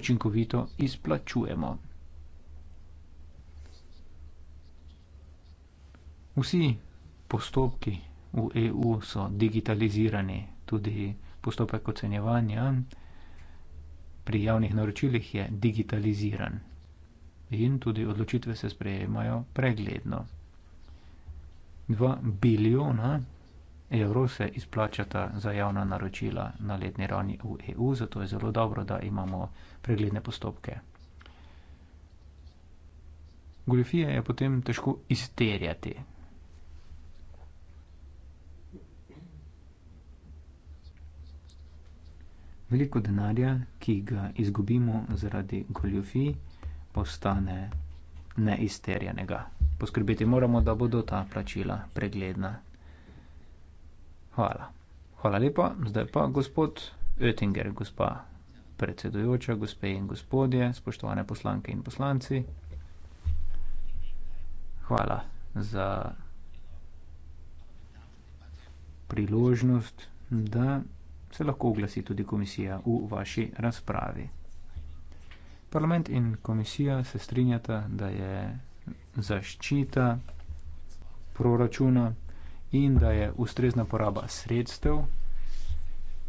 učinkovito izplačujemo. Vsi postopki v EU so digitalizirani, tudi postopek ocenjevanja pri javnih naročilih je digitaliziran in tudi odločitve se sprejemajo pregledno. 2 bilijona evrov se izplačata za javna naročila na letni ravni v EU, zato je zelo dobro, da imamo pregledne postopke. Goljofije je potem težko izterjati. veliko denarja ki ga izgubimo zaradi goljufij postane neizterjanega poskrbeti moramo da bodo ta plačila pregledna hvala hvala lepa zdaj pa gospod Oettinger gospa predsedujoča gospe in gospodje spoštovane poslanke in poslanci hvala za priložnost da se lahko oglasi tudi komisija v vaši razpravi. Parlament in komisija se strinjata, da je zaščita proračuna in da je ustrezna poraba sredstev,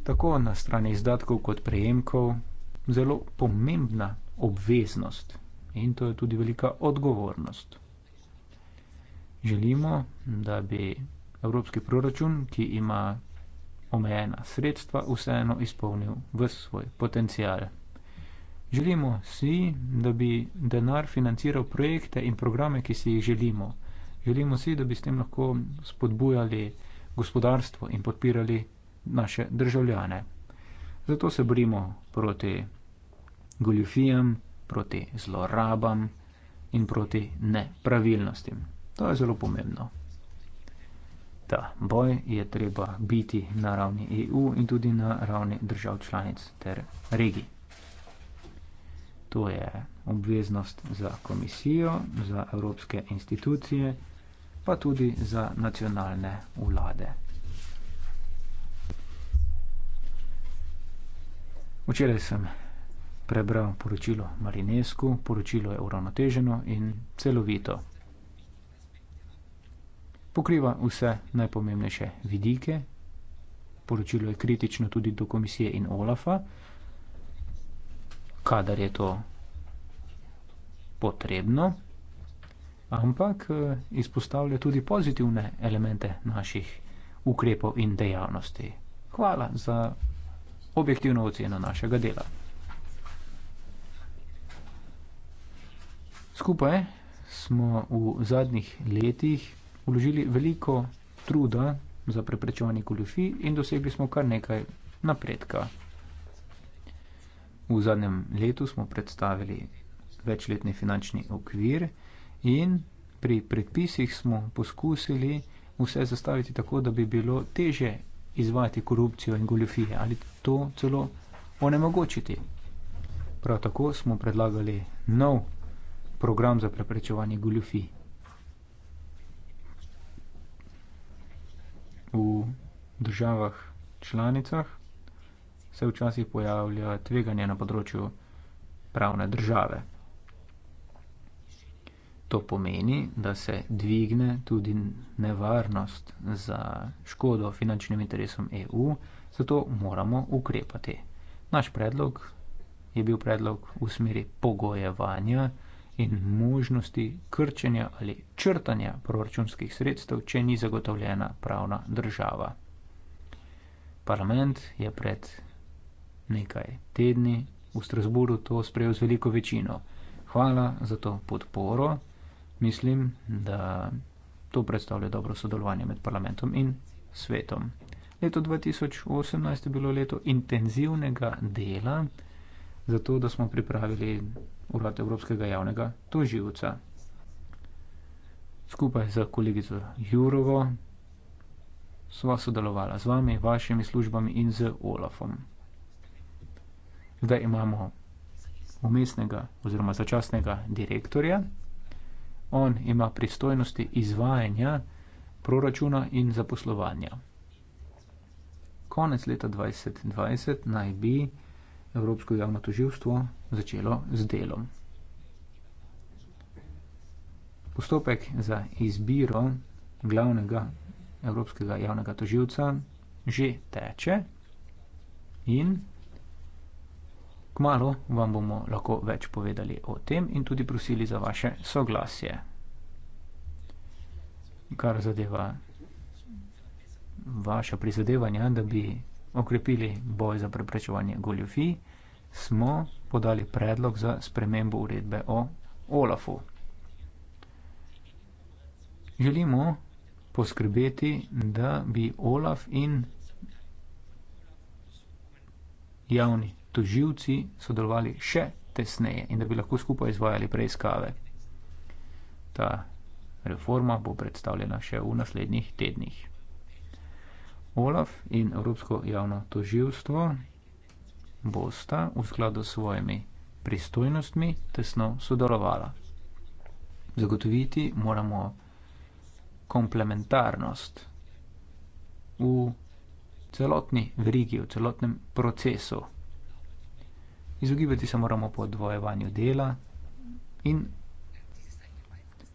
tako na strani izdatkov kot prejemkov, zelo pomembna obveznost in to je tudi velika odgovornost. Želimo, da bi evropski proračun, ki ima omejena sredstva vseeno izpolnil ves svoj potencial želimo si da bi denar financiral projekte in programe ki si jih želimo želimo si da bi s tem lahko spodbujali gospodarstvo in podpirali naše državljane zato se borimo proti goljufijam proti zlorabam in proti nepravilnostim to je zelo pomembno ta boj je treba biti na ravni EU in tudi na ravni držav članic ter regij. To je obveznost za komisijo, za evropske institucije, pa tudi za nacionalne vlade. Včeraj sem prebral poročilo Marinesku, poročilo je uravnoteženo in celovito pokriva vse najpomembnejše vidike. Poročilo je kritično tudi do komisije in OLAFA, kadar je to potrebno, ampak eh, izpostavlja tudi pozitivne elemente naših ukrepov in dejavnosti. Hvala za objektivno oceno našega dela. Skupaj smo v zadnjih letih vložili veliko truda za preprečevanje goljufij in dosegli smo kar nekaj napredka. V zadnjem letu smo predstavili večletni finančni okvir in pri predpisih smo poskusili vse zastaviti tako, da bi bilo teže izvajati korupcijo in goljufije ali to celo onemogočiti. Prav tako smo predlagali nov program za preprečevanje goljufij. v državah članicah se včasih pojavlja tveganje na področju pravne države. To pomeni, da se dvigne tudi nevarnost za škodo finančnim interesom EU, zato moramo ukrepati. Naš predlog je bil predlog v smeri pogojevanja in možnosti krčenja ali črtanja proračunskih sredstev če ni zagotovljena pravna država parlament je pred nekaj tedni v strasbourgu to sprejel z veliko večino hvala za to podporo mislim da to predstavlja dobro sodelovanje med parlamentom in svetom leto 2018 je bilo leto intenzivnega dela zato da smo pripravili Urad Evropskega javnega toživca. Skupaj z kolegico Jurovo sva sodelovala z vami, vašimi službami in z Olafom. Zdaj imamo umestnega oziroma začasnega direktorja. On ima pristojnosti izvajanja proračuna in zaposlovanja. Konec leta 2020 naj bi Evropsko javno toživstvo začelo z delom. Postopek za izbiro glavnega Evropskega javnega toživca že teče in kmalo vam bomo lahko več povedali o tem in tudi prosili za vaše soglasje. Kar zadeva vaša prizadevanja, da bi okrepili boj za preprečevanje goljofij, smo podali predlog za spremembo uredbe o OLAFu. Želimo poskrbeti, da bi OLAF in javni tuživci sodelovali še tesneje in da bi lahko skupaj izvajali preiskave. Ta reforma bo predstavljena še v naslednjih tednih. Olaf in Evropsko javno toživstvo bosta v skladu s svojimi pristojnostmi tesno sodelovala. Zagotoviti moramo komplementarnost v celotni verigi, v celotnem procesu. Izogibati se moramo po odvojevanju dela in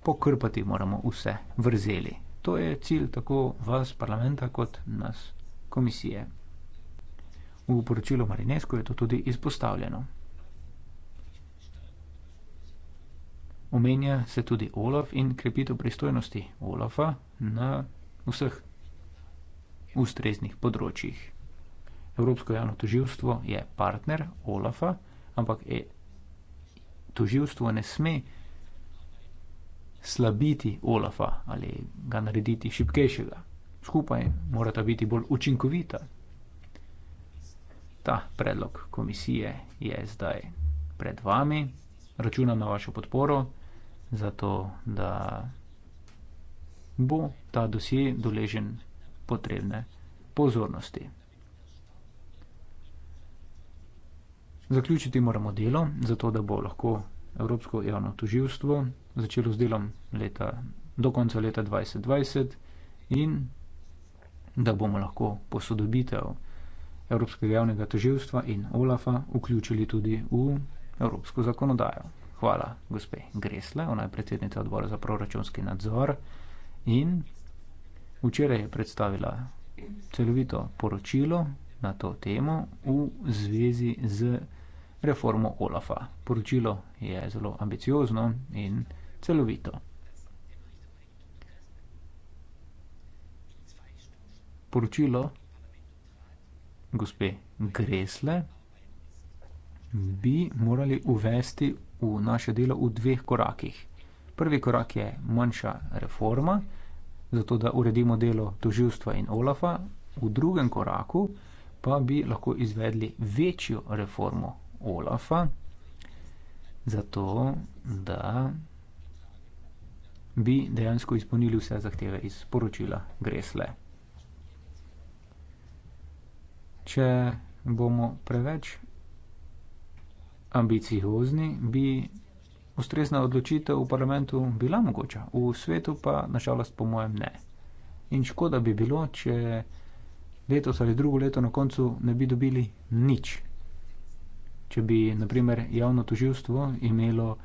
pokrpati moramo vse vrzeli. To je cilj tako vas parlamenta kot nas komisije. V poročilu Marinesko je to tudi izpostavljeno. Omenja se tudi OLAF in krepitev pristojnosti OLAFA na vseh ustreznih področjih. Evropsko javno toživstvo je partner OLAFA, ampak e, toživstvo ne sme slabiti Olafa ali ga narediti šipkejšega. Skupaj morata biti bolj učinkovita. Ta predlog komisije je zdaj pred vami. Računam na vašo podporo, zato da bo ta dosje doležen potrebne pozornosti. Zaključiti moramo delo, zato da bo lahko evropsko javno toživstvo začelo z delom leta, do konca leta 2020 in da bomo lahko posodobitev Evropskega javnega toživstva in OLAFA vključili tudi v evropsko zakonodajo. Hvala gospe Gresle, ona je predsednica odbora za proračunski nadzor in včeraj je predstavila celovito poročilo na to temo v zvezi z reformo Olafa. Poročilo je zelo ambiciozno in celovito. Poročilo gospe Gresle bi morali uvesti v naše delo v dveh korakih. Prvi korak je manjša reforma, zato da uredimo delo toživstva in Olafa, v drugem koraku pa bi lahko izvedli večjo reformo Олафа za to, da bi dejansko izpolnili vse zahteve iz poročila Gresle. Če bomo preveč ambiciozni, bi ustrezna odločitev v parlamentu bila mogoča, v svetu pa nažalost po mojem ne. In škoda bi bilo, če letos ali drugo leto na koncu ne bi dobili nič če bi naprimer javno toživstvo imelo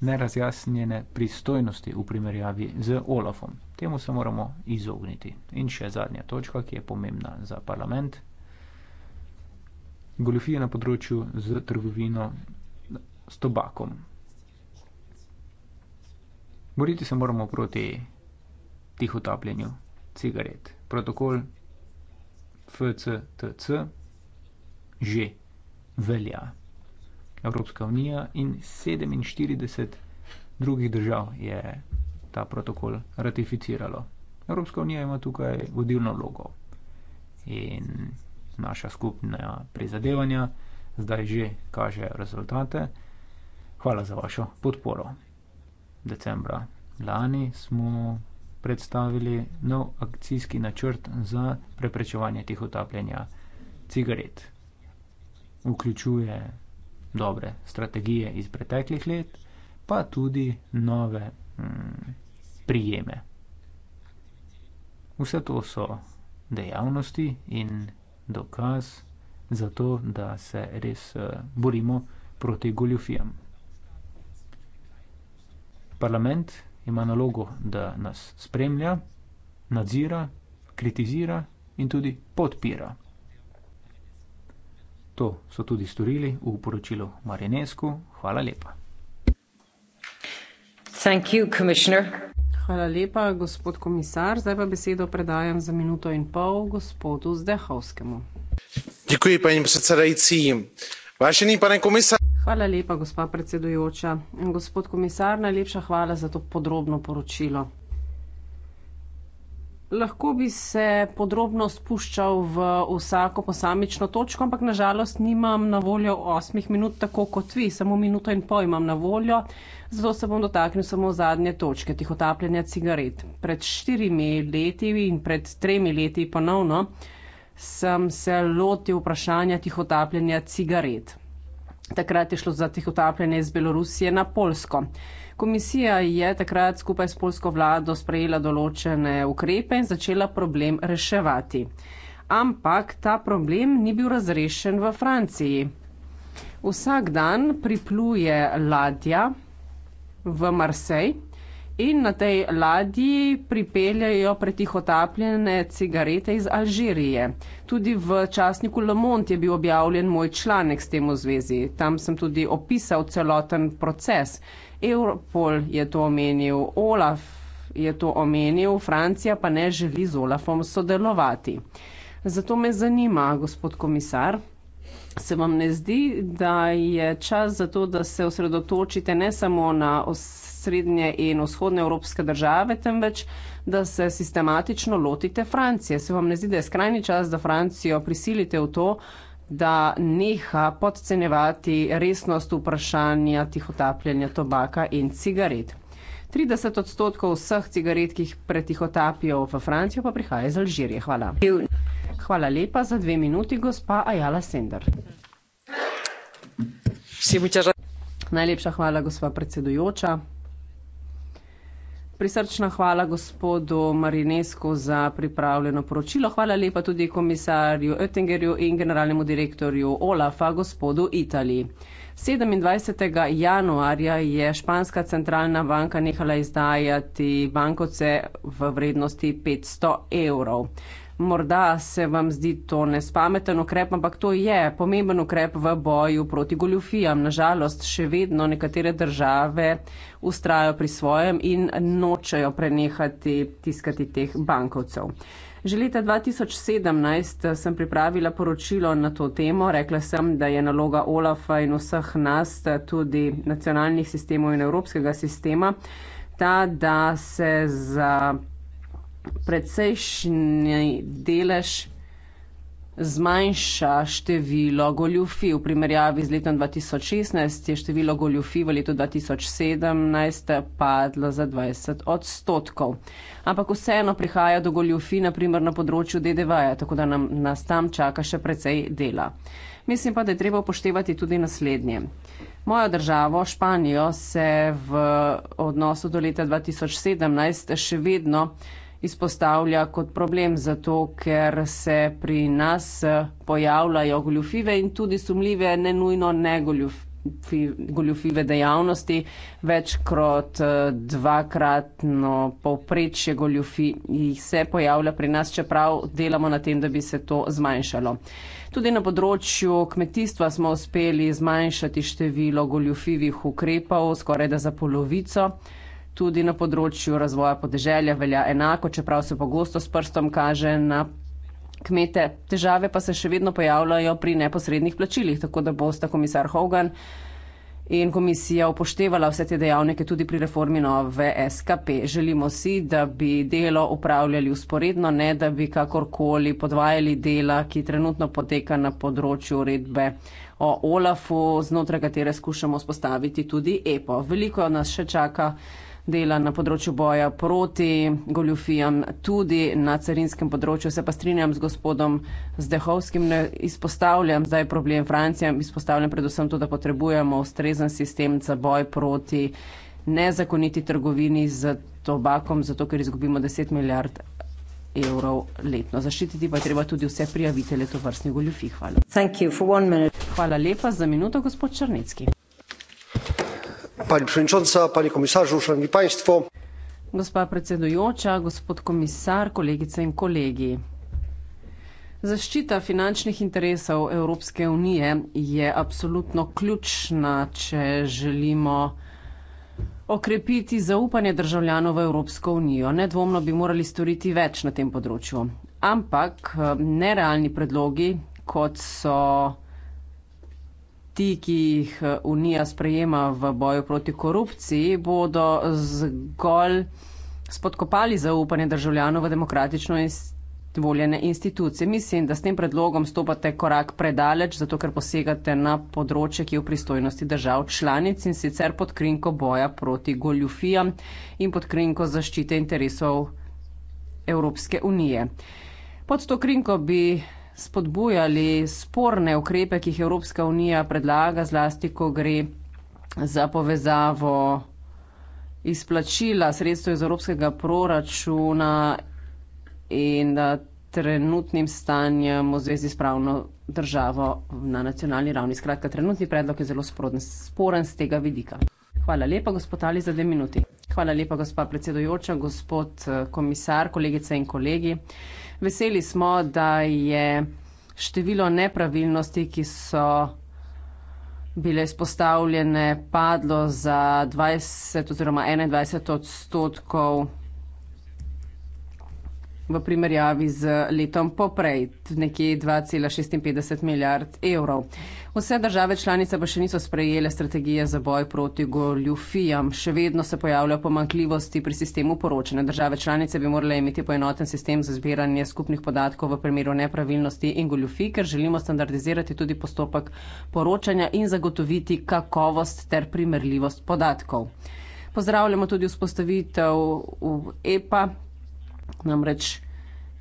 nerazjasnjene pristojnosti v primerjavi z Olafom. Temu se moramo izogniti. In še zadnja točka, ki je pomembna za parlament. Goljofije na področju z trgovino s tobakom. Boriti se moramo proti tihotapljenju cigaret. Protokol FCTC že velja. Evropska unija in 47 drugih držav je ta protokol ratificiralo. Evropska unija ima tukaj vodilno vlogo in naša skupna prizadevanja zdaj že kaže rezultate. Hvala za vašo podporo. Decembra lani smo predstavili nov akcijski načrt za preprečevanje tihotapljenja cigaret. Vključuje dobre strategije iz preteklih let, pa tudi nove mm, prijeme. Vse to so dejavnosti in dokaz za to, da se res eh, borimo proti goljufijam. Parlament ima nalogo, da nas spremlja, nadzira, kritizira in tudi podpira. To so tudi storili v poročilu Marinesku. Hvala lepa. Thank you, commissioner. Hvala lepa, gospod komisar. Zdaj pa besedo predajam za minuto in pol gospodu Zdehovskemu. Děkuji, paní předsedající. Vážený pane komisar. Hvala lepa, gospa predsedujoča. Gospod komisar, najlepša hvala za to podrobno poročilo. Lahko bi se podrobno spuščal v vsako posamično točko, ampak nažalost nimam na voljo osmih minut, tako kot vi, samo minuto in pol imam na voljo, zato se bom dotaknil samo zadnje točke, tihotapljanja cigaret. Pred štirimi leti in pred tremi leti ponovno sem se lotil vprašanja tihotapljanja cigaret. Takrat je šlo za tihotapljanje iz Belorusije na Polsko. Komisija je takrat skupaj s polsko vlado sprejela določene ukrepe in začela problem reševati. Ampak ta problem ni bil razrešen v Franciji. Vsak dan pripluje ladja v Marsej in na tej ladji pripeljajo pretihotapljene cigarete iz Alžirije. Tudi v časniku Le Monde je bil objavljen moj članek s tem v zvezi. Tam sem tudi opisal celoten proces. Europol je to omenil, Olaf je to omenil, Francija pa ne želi z Olafom sodelovati. Zato me zanima, gospod komisar, se vam ne zdi, da je čas za to, da se osredotočite ne samo na srednje in vzhodne evropske države, temveč da se sistematično lotite Francije. Se vam ne zdi, da je skrajni čas, da Francijo prisilite v to, da neha podcenevati resnost vprašanja tihotapljenja tobaka in cigaret. 30 odstotkov vseh cigaret, ki jih pretihotapijo v Francijo, pa prihaja iz Alžirije. Hvala. Hvala lepa za dve minuti, gospa Ajala Sender. Najlepša hvala, gospa predsedujoča. Prisrčna hvala gospodu Marinesku za pripravljeno poročilo. Hvala lepa tudi komisarju Oettingerju in generalnemu direktorju Olafa, gospodu Italiji. 27. januarja je Španska centralna banka nehala izdajati bankoce v vrednosti 500 evrov. Morda se vam zdi to nespameten ukrep, ampak to je pomemben ukrep v boju proti goljufijam. Nažalost, še vedno nekatere države ustrajajo pri svojem in nočejo prenehati tiskati teh bankovcev. Že leta 2017 sem pripravila poročilo na to temo. Rekla sem, da je naloga Olafa in vseh nas, tudi nacionalnih sistemov in evropskega sistema, ta, da se za precejšnji delež zmanjša število goljufij. V primerjavi z letom 2016 je število goljufij v letu 2017 padlo za 20 odstotkov. Ampak vseeno prihaja do goljufij naprimer na področju DDV-ja, tako da nam, nas tam čaka še precej dela. Mislim pa, da je treba upoštevati tudi naslednje. Mojo državo, Španijo, se v odnosu do leta 2017 še vedno izpostavlja kot problem, zato ker se pri nas eh, pojavljajo goljufive in tudi sumljive, ne nujno ne goljufi, goljufive dejavnosti, večkrat eh, dvakratno povprečje goljufi se pojavlja pri nas, čeprav delamo na tem, da bi se to zmanjšalo. Tudi na področju kmetijstva smo uspeli zmanjšati število goljufivih ukrepov skoraj da za polovico. Tudi na področju razvoja podeželja velja enako, čeprav se pogosto s prstom kaže na kmete. Težave pa se še vedno pojavljajo pri neposrednih plačilih, tako da boste komisar Hogan in komisija upoštevala vse te dejavnike tudi pri reformi nove SKP. Želimo si, da bi delo upravljali usporedno, ne da bi kakorkoli podvajali dela, ki trenutno poteka na področju uredbe o OLAF-u, znotraj katere skušamo spostaviti tudi EPO. Veliko nas še čaka dela na področju boja proti goljufijam, tudi na carinskem področju. Se pa strinjam z gospodom Zdehovskim, ne izpostavljam zdaj problem Francijam, izpostavljam predvsem to, da potrebujemo ustrezen sistem za boj proti nezakoniti trgovini z tobakom, zato ker izgubimo 10 milijard evrov letno. Zaščititi pa treba tudi vse prijavitele to vrstne goljufi. Hvala. Hvala lepa za minuto, gospod Črnecki pani predsednica, pani komisarzu, šanowni państwo. Gospa predsedujoča, gospod komisar, kolegice in kolegi. Zaščita finančnih interesov Evropske unije je absolutno ključna, če želimo okrepiti zaupanje državljanov v Evropsko unijo. Nedvomno bi morali storiti več na tem področju. Ampak eh, nerealni predlogi, kot so oblasti, ki jih eh, Unija sprejema v boju proti korupciji, bodo zgolj spodkopali zaupanje državljanov v demokratično voljene institucije. Mislim, da s tem predlogom stopate korak predaleč, zato ker posegate na področje, ki je v pristojnosti držav članic in sicer pod krinko boja proti goljufijam in pod krinko zaščite interesov Evropske unije. Pod to krinko bi spodbujali sporne ukrepe, ki jih Evropska unija predlaga, zlasti, ko gre za povezavo izplačila sredstev iz evropskega proračuna in eh, trenutnim stanjem v zvezi s pravno državo na nacionalni ravni. Skratka, trenutni predlog je zelo sporen, sporen z tega vidika. Hvala lepa, gospod Ali, za dve minuti. Hvala lepa, gospa predsedojoča, gospod eh, komisar, kolegice in kolegi. Veseli smo, da je število nepravilnosti, ki so bile izpostavljene, padlo za 20 oziroma 21 odstotkov v primerjavi z letom poprej, nekje 2,56 milijard evrov. Vse države članice pa še niso sprejele strategije za boj proti goljufijam. Še vedno se pojavljajo pomankljivosti pri sistemu poročanja. Države članice bi morale imeti poenoten sistem za zbiranje skupnih podatkov v primeru nepravilnosti in goljufij, ker želimo standardizirati tudi postopek poročanja in zagotoviti kakovost ter primerljivost podatkov. Pozdravljamo tudi vzpostavitev EPA, Namreč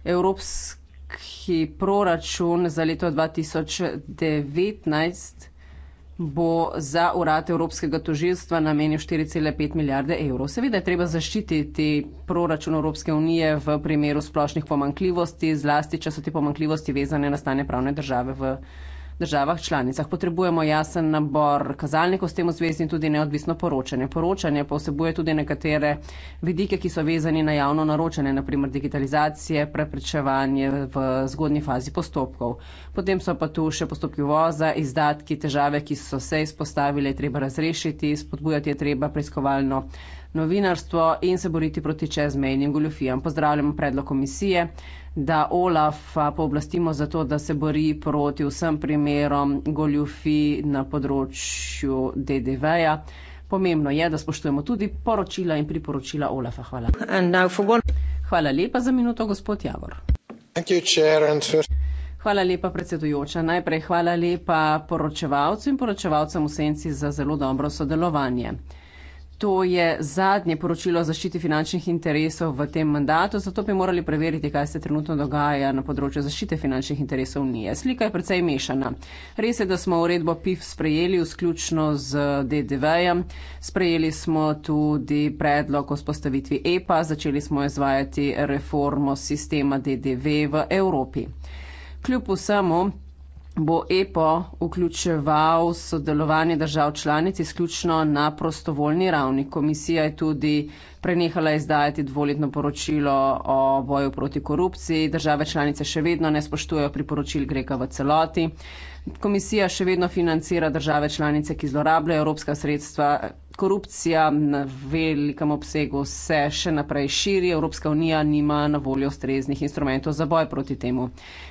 evropski proračun za leto 2019 bo za urad Evropskega tožilstva namenil 4,5 milijarde evrov. Seveda je treba zaščititi proračun Evropske unije v primeru splošnih pomankljivosti, zlasti, če so te pomankljivosti vezane na stanje pravne države v Evropi državah članicah. Potrebujemo jasen nabor kazalnikov s tem v zvezi in tudi neodvisno poročanje. Poročanje pa vsebuje tudi nekatere vidike, ki so vezani na javno naročanje, naprimer digitalizacije, preprečevanje v zgodnji fazi postopkov. Potem so pa tu še postopki voza, izdatki, težave, ki so se izpostavile, treba razrešiti, spodbujati je treba preiskovalno novinarstvo in se boriti proti čezmejnim goljofijam. Pozdravljamo predlog komisije da Olaf pooblastimo za to, da se bori proti vsem primerom goljufi na področju DDV-ja. Pomembno je, da spoštujemo tudi poročila in priporočila Olafa. Hvala. Hvala lepa za minuto, gospod Javor. Hvala lepa, predsedujoča. Najprej hvala lepa poročevalcu in poročevalcem v senci za zelo dobro sodelovanje. To je zadnje poročilo o zaščiti finančnih interesov v tem mandatu, zato bi morali preveriti, kaj se trenutno dogaja na področju zaščite finančnih interesov Unije. Slika je precej mešana. Res je, da smo uredbo PIF sprejeli, vključno z DDV-jem. Sprejeli smo tudi predlog o spostavitvi EPA, začeli smo izvajati reformo sistema DDV v Evropi. Kljub vsemu bo EPO vključeval sodelovanje držav članic izključno na prostovoljni ravni. Komisija je tudi prenehala izdajati dvoletno poročilo o boju proti korupciji. Države članice še vedno ne spoštujejo priporočil Greka v celoti komisija še vedno financira države članice, ki zlorabljajo evropska sredstva. Korupcija na velikem obsegu se še naprej širi, Evropska unija nima na voljo ustreznih instrumentov za boj proti temu.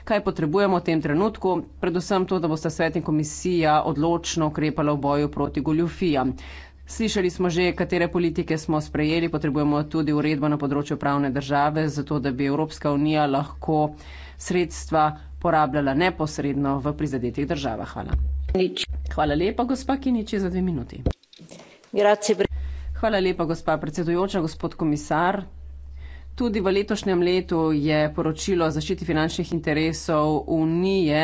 Kaj potrebujemo v tem trenutku? Predvsem to, da bosta svet in komisija odločno ukrepala v boju proti goljufijam. Slišali smo že, katere politike smo sprejeli, potrebujemo tudi uredbo na področju pravne države, zato da bi Evropska unija lahko sredstva porabljala neposredno v prizadetih državah. Hvala. Nič. Hvala lepa, gospa Kiniči, za dve minuti. Grazie. Hvala lepa, gospa predsedujoča, gospod komisar. Tudi v letošnjem letu je poročilo o zaščiti finančnih interesov Unije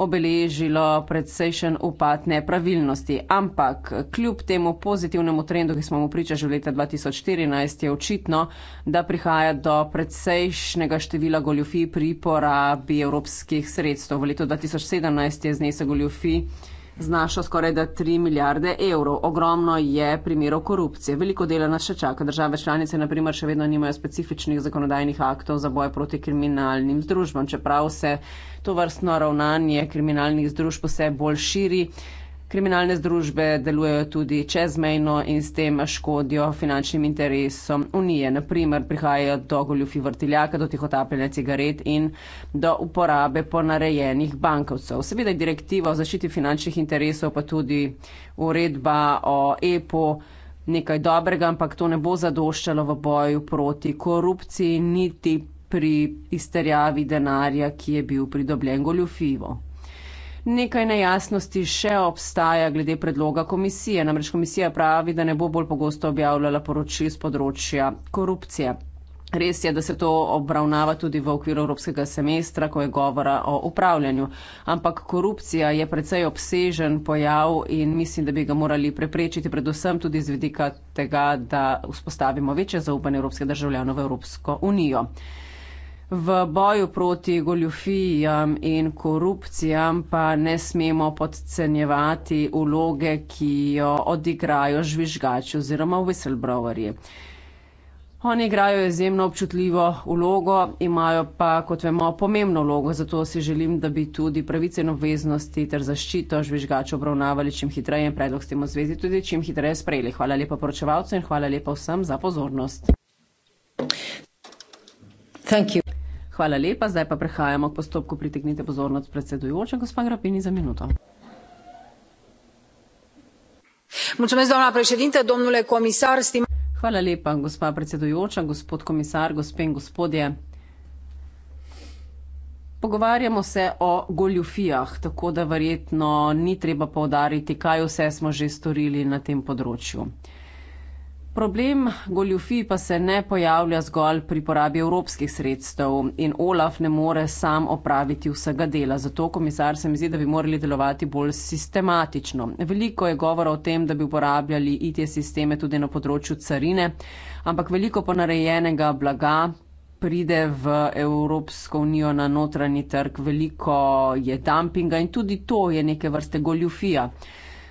obeležilo predsejšen upad nepravilnosti. Ampak kljub temu pozitivnemu trendu, ki smo mu pričali že v leta 2014, je očitno, da prihaja do predsejšnega števila goljufi pri porabi evropskih sredstev. V letu 2017 je znesek goljufi znaša skoraj da 3 milijarde evrov. Ogromno je primerov korupcije. Veliko dela nas še čaka. Države članice, naprimer, še vedno nimajo specifičnih zakonodajnih aktov za boj proti kriminalnim združbam, čeprav se to vrstno ravnanje kriminalnih združb vse bolj širi. Kriminalne združbe delujejo tudi čezmejno in s tem škodijo finančnim interesom Unije. Naprimer, prihajajo do goljufi vrtiljaka, do tihotapljenja cigaret in do uporabe ponarejenih bankovcev. Seveda je direktiva o zaščiti finančnih interesov, pa tudi uredba o EPO nekaj dobrega, ampak to ne bo zadoščalo v boju proti korupciji, niti pri izterjavi denarja, ki je bil pridobljen goljufivo. Nekaj nejasnosti še obstaja glede predloga komisije. Namreč komisija pravi, da ne bo bolj pogosto objavljala poročil z področja korupcije. Res je, da se to obravnava tudi v okviru evropskega semestra, ko je govora o upravljanju. Ampak korupcija je precej obsežen pojav in mislim, da bi ga morali preprečiti predvsem tudi z vidika tega, da vzpostavimo večje zaupanje evropskih državljanov v Evropsko unijo. V boju proti goljofijam in korupcijam pa ne smemo podcenjevati vloge, ki jo odigrajo žvižgači oziroma whistleblowerji. Oni igrajo izjemno občutljivo vlogo, imajo pa, kot vemo, pomembno vlogo, zato si želim, da bi tudi pravice in obveznosti ter zaščito žvižgačev obravnavali čim hitreje in predlog s tem v zvezi tudi čim hitreje sprejeli. Hvala lepa poročevalcu in hvala lepa vsem za pozornost. Thank you. Hvala lepa, zdaj pa prehajamo k postopku pritegnite pozornost predsedujoča, gospa Grapini za minuto. Mulțumesc, doamna președinte, domnule comisar, stim... Hvala lepa, gospa predsedujoča, gospod komisar, gospe in gospodje. Pogovarjamo se o goljufijah, tako da verjetno ni treba povdariti, kaj vse smo že storili na tem področju. Problem goljufij pa se ne pojavlja zgolj pri porabi evropskih sredstev in Olaf ne more sam opraviti vsega dela. Zato, komisar, se mi zdi, da bi morali delovati bolj sistematično. Veliko je govora o tem, da bi uporabljali IT sisteme tudi na področju carine, ampak veliko ponarejenega blaga pride v Evropsko unijo na notranji trg, veliko je dumpinga in tudi to je neke vrste goljufija.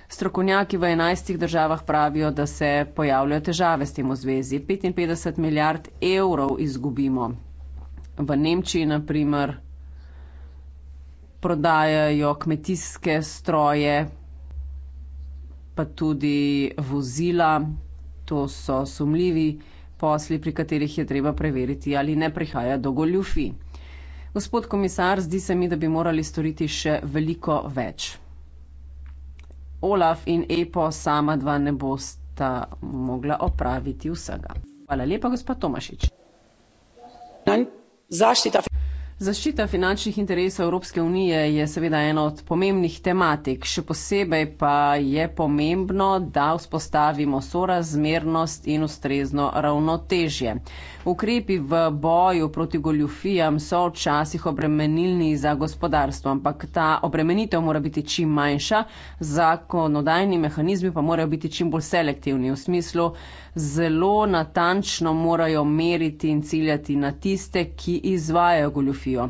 Strokovnjaki v 11 državah pravijo, da se pojavljajo težave s tem v zvezi. 55 milijard evrov izgubimo. V Nemčiji, naprimer, prodajajo kmetijske stroje, pa tudi vozila. To so sumljivi posli, pri katerih je treba preveriti, ali ne prihaja do goljufi. Gospod komisar, zdi se mi, da bi morali storiti še veliko več. Olaf in Epo, sama dva ne bosta mogla opraviti vsega. Hvala lepa, gospod Tomašič. Zaščita. Zaščita finančnih interesov Evropske unije je seveda ena od pomembnih tematik, še posebej pa je pomembno, da vzpostavimo sorazmernost in ustrezno ravnotežje. Ukrepi v boju proti goljufijam so včasih obremenilni za gospodarstvo, ampak ta obremenitev mora biti čim manjša, zakonodajni mehanizmi pa morajo biti čim bolj selektivni v smislu, zelo natančno morajo meriti in ciljati na tiste, ki izvajajo goljufijo.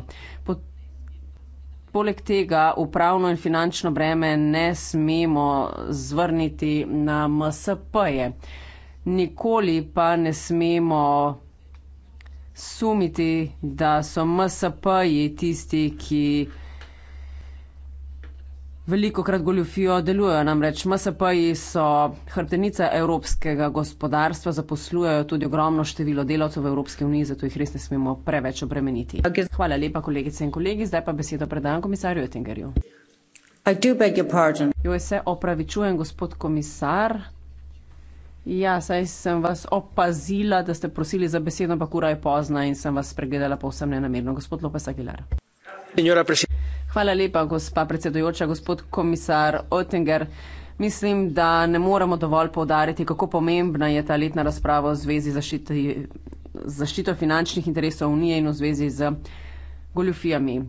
Poleg tega upravno in finančno breme ne smemo zvrniti na MSP-je. Nikoli pa ne smemo sumiti, da so MSP-ji tisti, ki veliko krat goljufijo, delujejo. Namreč MSP-ji so hrbtenica evropskega gospodarstva, zaposlujejo tudi ogromno število delavcev v Evropski uniji, zato jih res ne smemo preveč obremeniti. Hvala lepa, kolegice in kolegi. Zdaj pa besedo predajam komisarju Oettingerju. Jo se opravičujem, gospod komisar. Ja, saj sem vas opazila, da ste prosili za besedo, ampak ura je pozna in sem vas spregledala povsem nenamerno. Gospod Lopes Aguilar. Hvala lepa, gospa predsedujoča, gospod komisar Oettinger. Mislim, da ne moremo dovolj povdariti, kako pomembna je ta letna razprava v zvezi zaščiti, zaščito finančnih interesov Unije in v zvezi z goljufijami.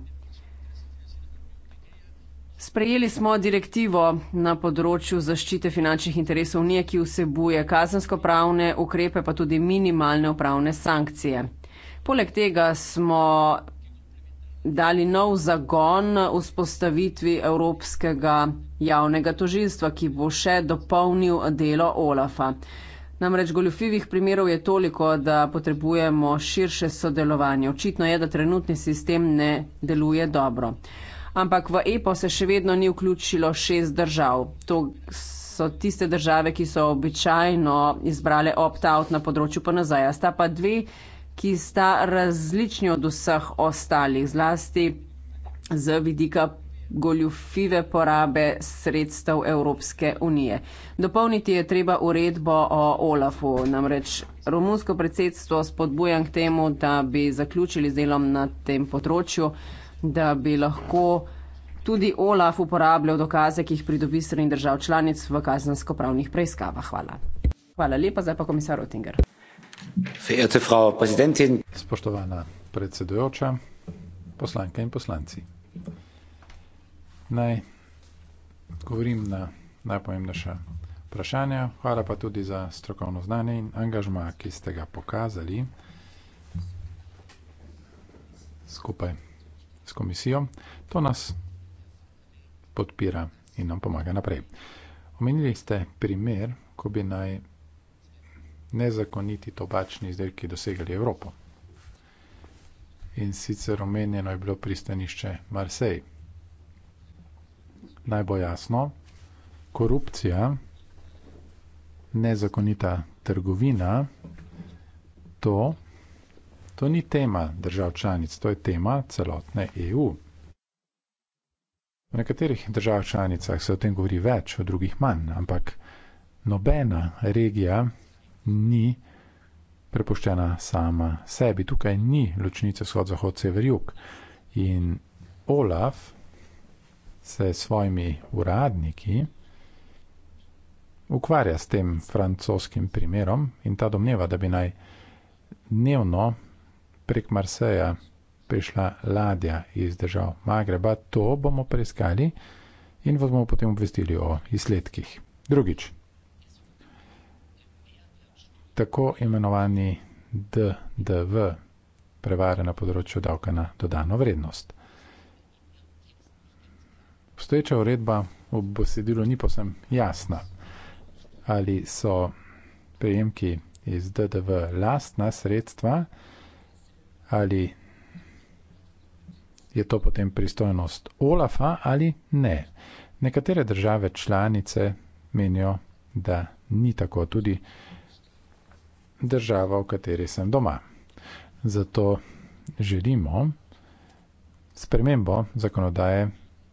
Sprejeli smo direktivo na področju zaščite finančnih interesov Unije, ki vsebuje kazensko-pravne ukrepe, pa tudi minimalne upravne sankcije. Poleg tega smo dali nov zagon vzpostavitvi Evropskega javnega tožilstva, ki bo še dopolnil delo OLAFA. Namreč goljufivih primerov je toliko, da potrebujemo širše sodelovanje. Očitno je, da trenutni sistem ne deluje dobro ampak v EPO se še vedno ni vključilo šest držav. To so tiste države, ki so običajno izbrale opt-out na področju ponazaja. Sta pa dve, ki sta različni od vseh ostalih, zlasti z vidika goljufive porabe sredstev Evropske unije. Dopolniti je treba uredbo o OLAF-u, namreč romunsko predsedstvo spodbujam k temu, da bi zaključili z delom na tem področju da bi lahko tudi Olaf uporabljal dokaze, ki jih pridobi strani držav članic v kazensko-pravnih preiskavah. Hvala. Hvala lepa, zdaj pa komisar Rotinger. Spoštovana predsedujoča, poslanke in poslanci. Naj govorim na najpomembnejša vprašanja. Hvala pa tudi za strokovno znanje in angažma, ki ste ga pokazali skupaj s komisijo, to nas podpira in nam pomaga naprej. Omenili ste primer, ko bi naj nezakoniti tobačni izdelki dosegali Evropo. In sicer omenjeno je bilo pristanišče Marseille. Naj bo jasno, korupcija, nezakonita trgovina, to To ni tema držav članic, to je tema celotne EU. V nekaterih državah članicah se o tem govori več, v drugih manj, ampak nobena regija ni prepuščena sama sebi. Tukaj ni ločnice vzhod-zahod-sever-jug. In Olaf se s svojimi uradniki ukvarja s tem francoskim primerom in ta domneva, da bi naj dnevno prek Marseja prišla ladja iz držav Magreba. To bomo preiskali in vas bomo potem obvestili o izsledkih. Drugič, tako imenovani DDV, prevare na področju davka na dodano vrednost. Obstoječa uredba v besedilu ni posem jasna, ali so prejemki iz DDV lastna sredstva, ki so prejemki iz DDV lastna sredstva, ali je to potem pristojnost OLAF-a ali ne. Nekatere države članice menijo, da ni tako tudi država, v kateri sem doma. Zato želimo spremembo zakonodaje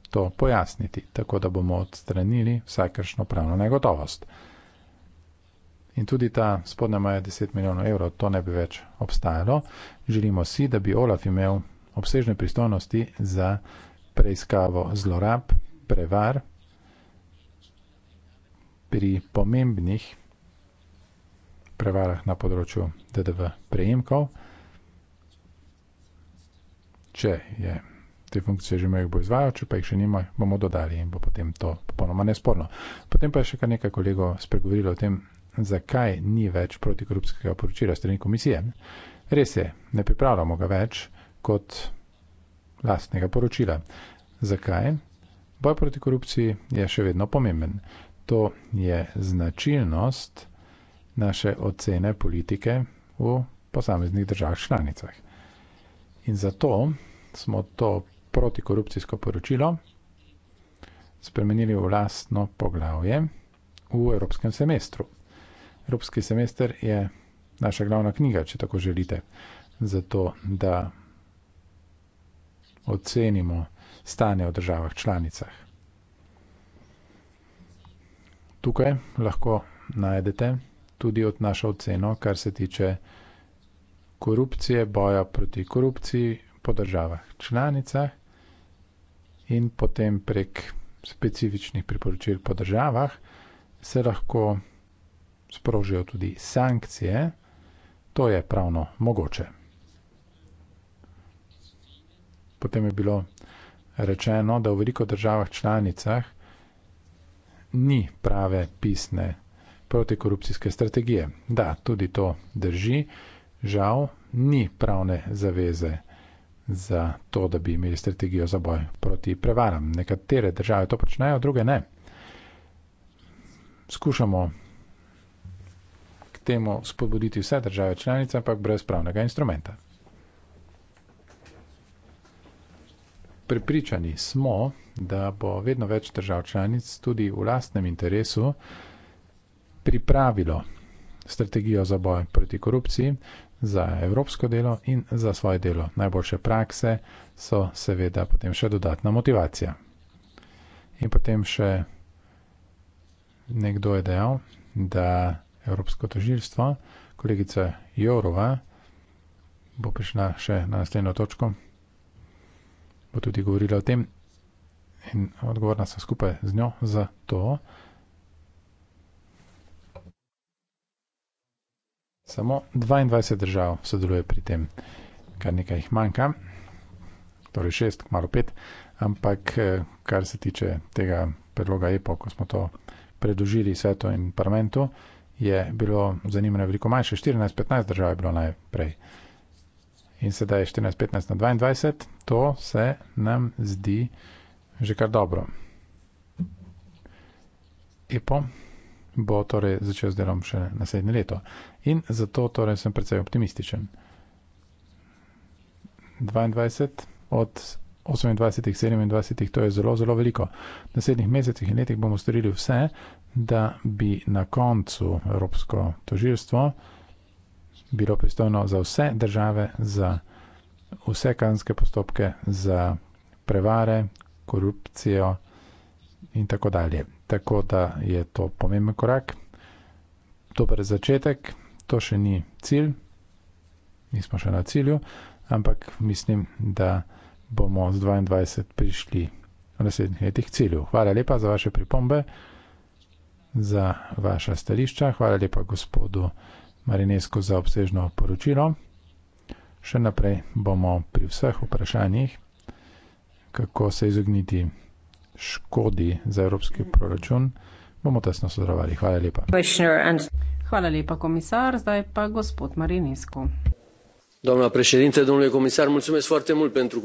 to pojasniti, tako da bomo odstranili vsakršno pravno negotovost. In tudi ta spodnja maja 10 milijonov evrov, to ne bi več obstajalo. Želimo si, da bi Olaf imel obsežne pristojnosti za preiskavo zlorab, prevar pri pomembnih prevarah na področju DDV prejemkov. Če je te funkcije že imel, bo izvajal, če pa jih še nima, bomo dodali in bo potem to popolnoma nesporno. Potem pa je še kar nekaj kolegov spregovorilo o tem, zakaj ni več protikorupskega poročila strani komisije. Res je, ne pripravljamo ga več kot lastnega poročila. Zakaj? Boj proti korupciji je še vedno pomemben. To je značilnost naše ocene politike v posameznih državah članicah. In zato smo to protikorupcijsko poročilo spremenili v lastno poglavje v Evropskem semestru. Evropski semester je naša glavna knjiga, če tako želite, zato da ocenimo stanje v državah članicah. Tukaj lahko najdete tudi od našo oceno, kar se tiče korupcije, boja proti korupciji po državah članicah in potem prek specifičnih priporočil po državah se lahko sprožijo tudi sankcije, to je pravno mogoče. Potem je bilo rečeno, da v veliko državah članicah ni prave pisne protikorupcijske strategije. Da, tudi to drži. Žal, ni pravne zaveze za to, da bi imeli strategijo za boj proti prevaram. Nekatere države to počnejo, druge ne. Skušamo temu spodbuditi vse države članice, ampak brez pravnega instrumenta. Pripričani smo, da bo vedno več držav članic tudi v lastnem interesu pripravilo strategijo za boj proti korupciji, za evropsko delo in za svoje delo. Najboljše prakse so seveda potem še dodatna motivacija. In potem še nekdo je dejal, da Evropsko toživstvo. Kolegica Jourova bo prišla še na naslednjo točko, bo tudi govorila o tem in odgovorna sem skupaj z njo za to. Samo 22 držav sodeluje pri tem, kar nekaj jih manjka, torej šest, malo pet, ampak eh, kar se tiče tega predloga EPO, ko smo to predložili svetu in parlamentu, je bilo zanimanje veliko manjše, 14-15 držav je bilo najprej. In sedaj je 14-15 na 22, to se nam zdi že kar dobro. EPO bo torej začel z delom še naslednje leto. In zato torej sem precej optimističen. 22 od 28-27, to je zelo, zelo veliko. V naslednjih mesecih in letih bomo storili vse, da bi na koncu Evropsko tožilstvo bilo pristojno za vse države, za vse kanske postopke, za prevare, korupcijo in tako dalje. Tako da je to pomemben korak, dober začetek, to še ni cilj, mi smo še na cilju, ampak mislim, da bomo z 22 prišli v naslednjih letih cilju. Hvala lepa za vaše pripombe za vaša stališča. Hvala lepa gospodu Marinesku za obsežno poročilo. Še naprej bomo pri vseh vprašanjih, kako se izogniti škodi za evropski proračun, bomo tesno sodelovali. Hvala lepa. Hvala lepa, komisar. Zdaj pa gospod Marinesku doamnă președintă, domnule comisar, mulțumesc foarte mult pentru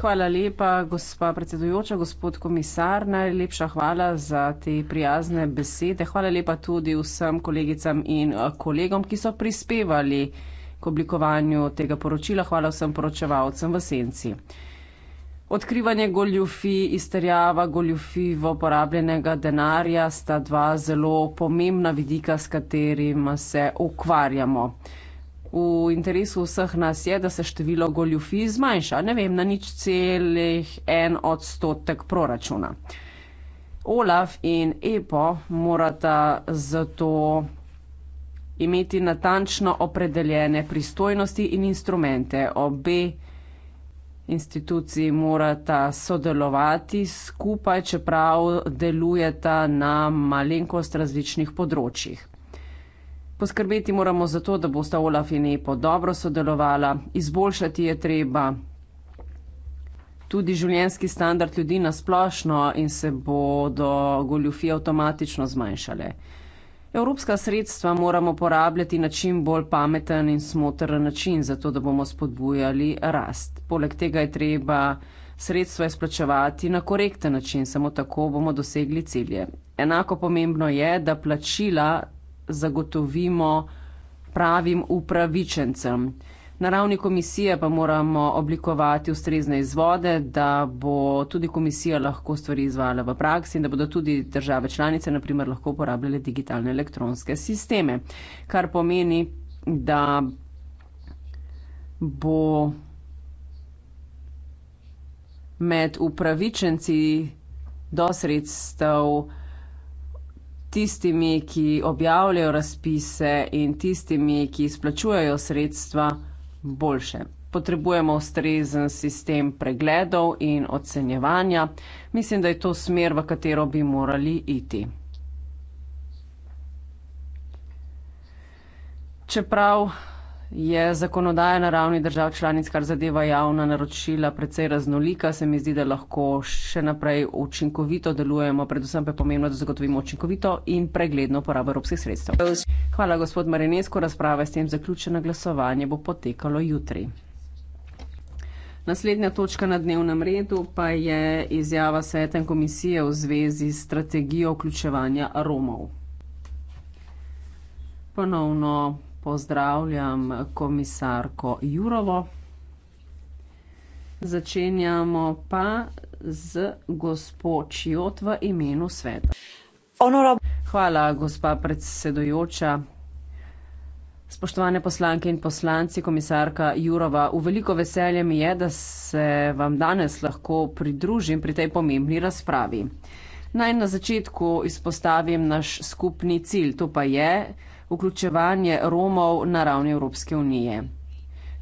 Hvala lepa, gospa predsedujoča, gospod komisar. Najlepša hvala za te prijazne besede. Hvala lepa tudi vsem kolegicam in eh, kolegom, ki so prispevali k oblikovanju tega poročila. Hvala vsem poročevalcem v senci. Odkrivanje goljufi, izterjava goljufi v uporabljenega denarja sta dva zelo pomembna vidika, s katerima se ukvarjamo. V interesu vseh nas je, da se število goljufij zmanjša, ne vem, na nič celih en odstotek proračuna. Olaf in Epo morata zato imeti natančno opredeljene pristojnosti in instrumente. Obe instituciji morata sodelovati skupaj, čeprav delujeta na malenkost različnih področjih. Poskrbeti moramo za to, da bosta Olaf in Epo dobro sodelovala, izboljšati je treba tudi življenski standard ljudi na splošno in se bodo goljufije avtomatično zmanjšale. Evropska sredstva moramo porabljati na čim bolj pameten in smotren način, zato da bomo spodbujali rast. Poleg tega je treba sredstva izplačevati na korekten način, samo tako bomo dosegli cilje. Enako pomembno je, da plačila zagotovimo pravim upravičencem. Na ravni komisije pa moramo oblikovati ustrezne izvode, da bo tudi komisija lahko stvari izvala v praksi in da bodo tudi države članice, naprimer, lahko uporabljale digitalne elektronske sisteme, kar pomeni, da bo med upravičenci do sredstev tistimi, ki objavljajo razpise in tistimi, ki izplačujejo sredstva, boljše. Potrebujemo ustrezen sistem pregledov in ocenjevanja. Mislim, da je to smer, v katero bi morali iti. Čeprav je zakonodaja na ravni držav članic, kar zadeva javna naročila, precej raznolika. Se mi zdi, da lahko še naprej učinkovito delujemo, predvsem pa je pomembno, da zagotovimo učinkovito in pregledno porabo evropskih sredstev. Hvala, gospod Marinesko. Razprava je s tem zaključena. Glasovanje bo potekalo jutri. Naslednja točka na dnevnem redu pa je izjava Sveta in komisije v zvezi s strategijo vključevanja Romov. Ponovno Pozdravljam komisarko Jurovo. Začenjamo pa z gospo Čiot v imenu sveta. Hvala, gospa predsedujoča. Spoštovane poslanke in poslanci, komisarka Jurova, v veliko veselje mi je, da se vam danes lahko pridružim pri tej pomembni razpravi. Naj na začetku izpostavim naš skupni cilj, to pa je, vključevanje Romov na ravni Evropske unije.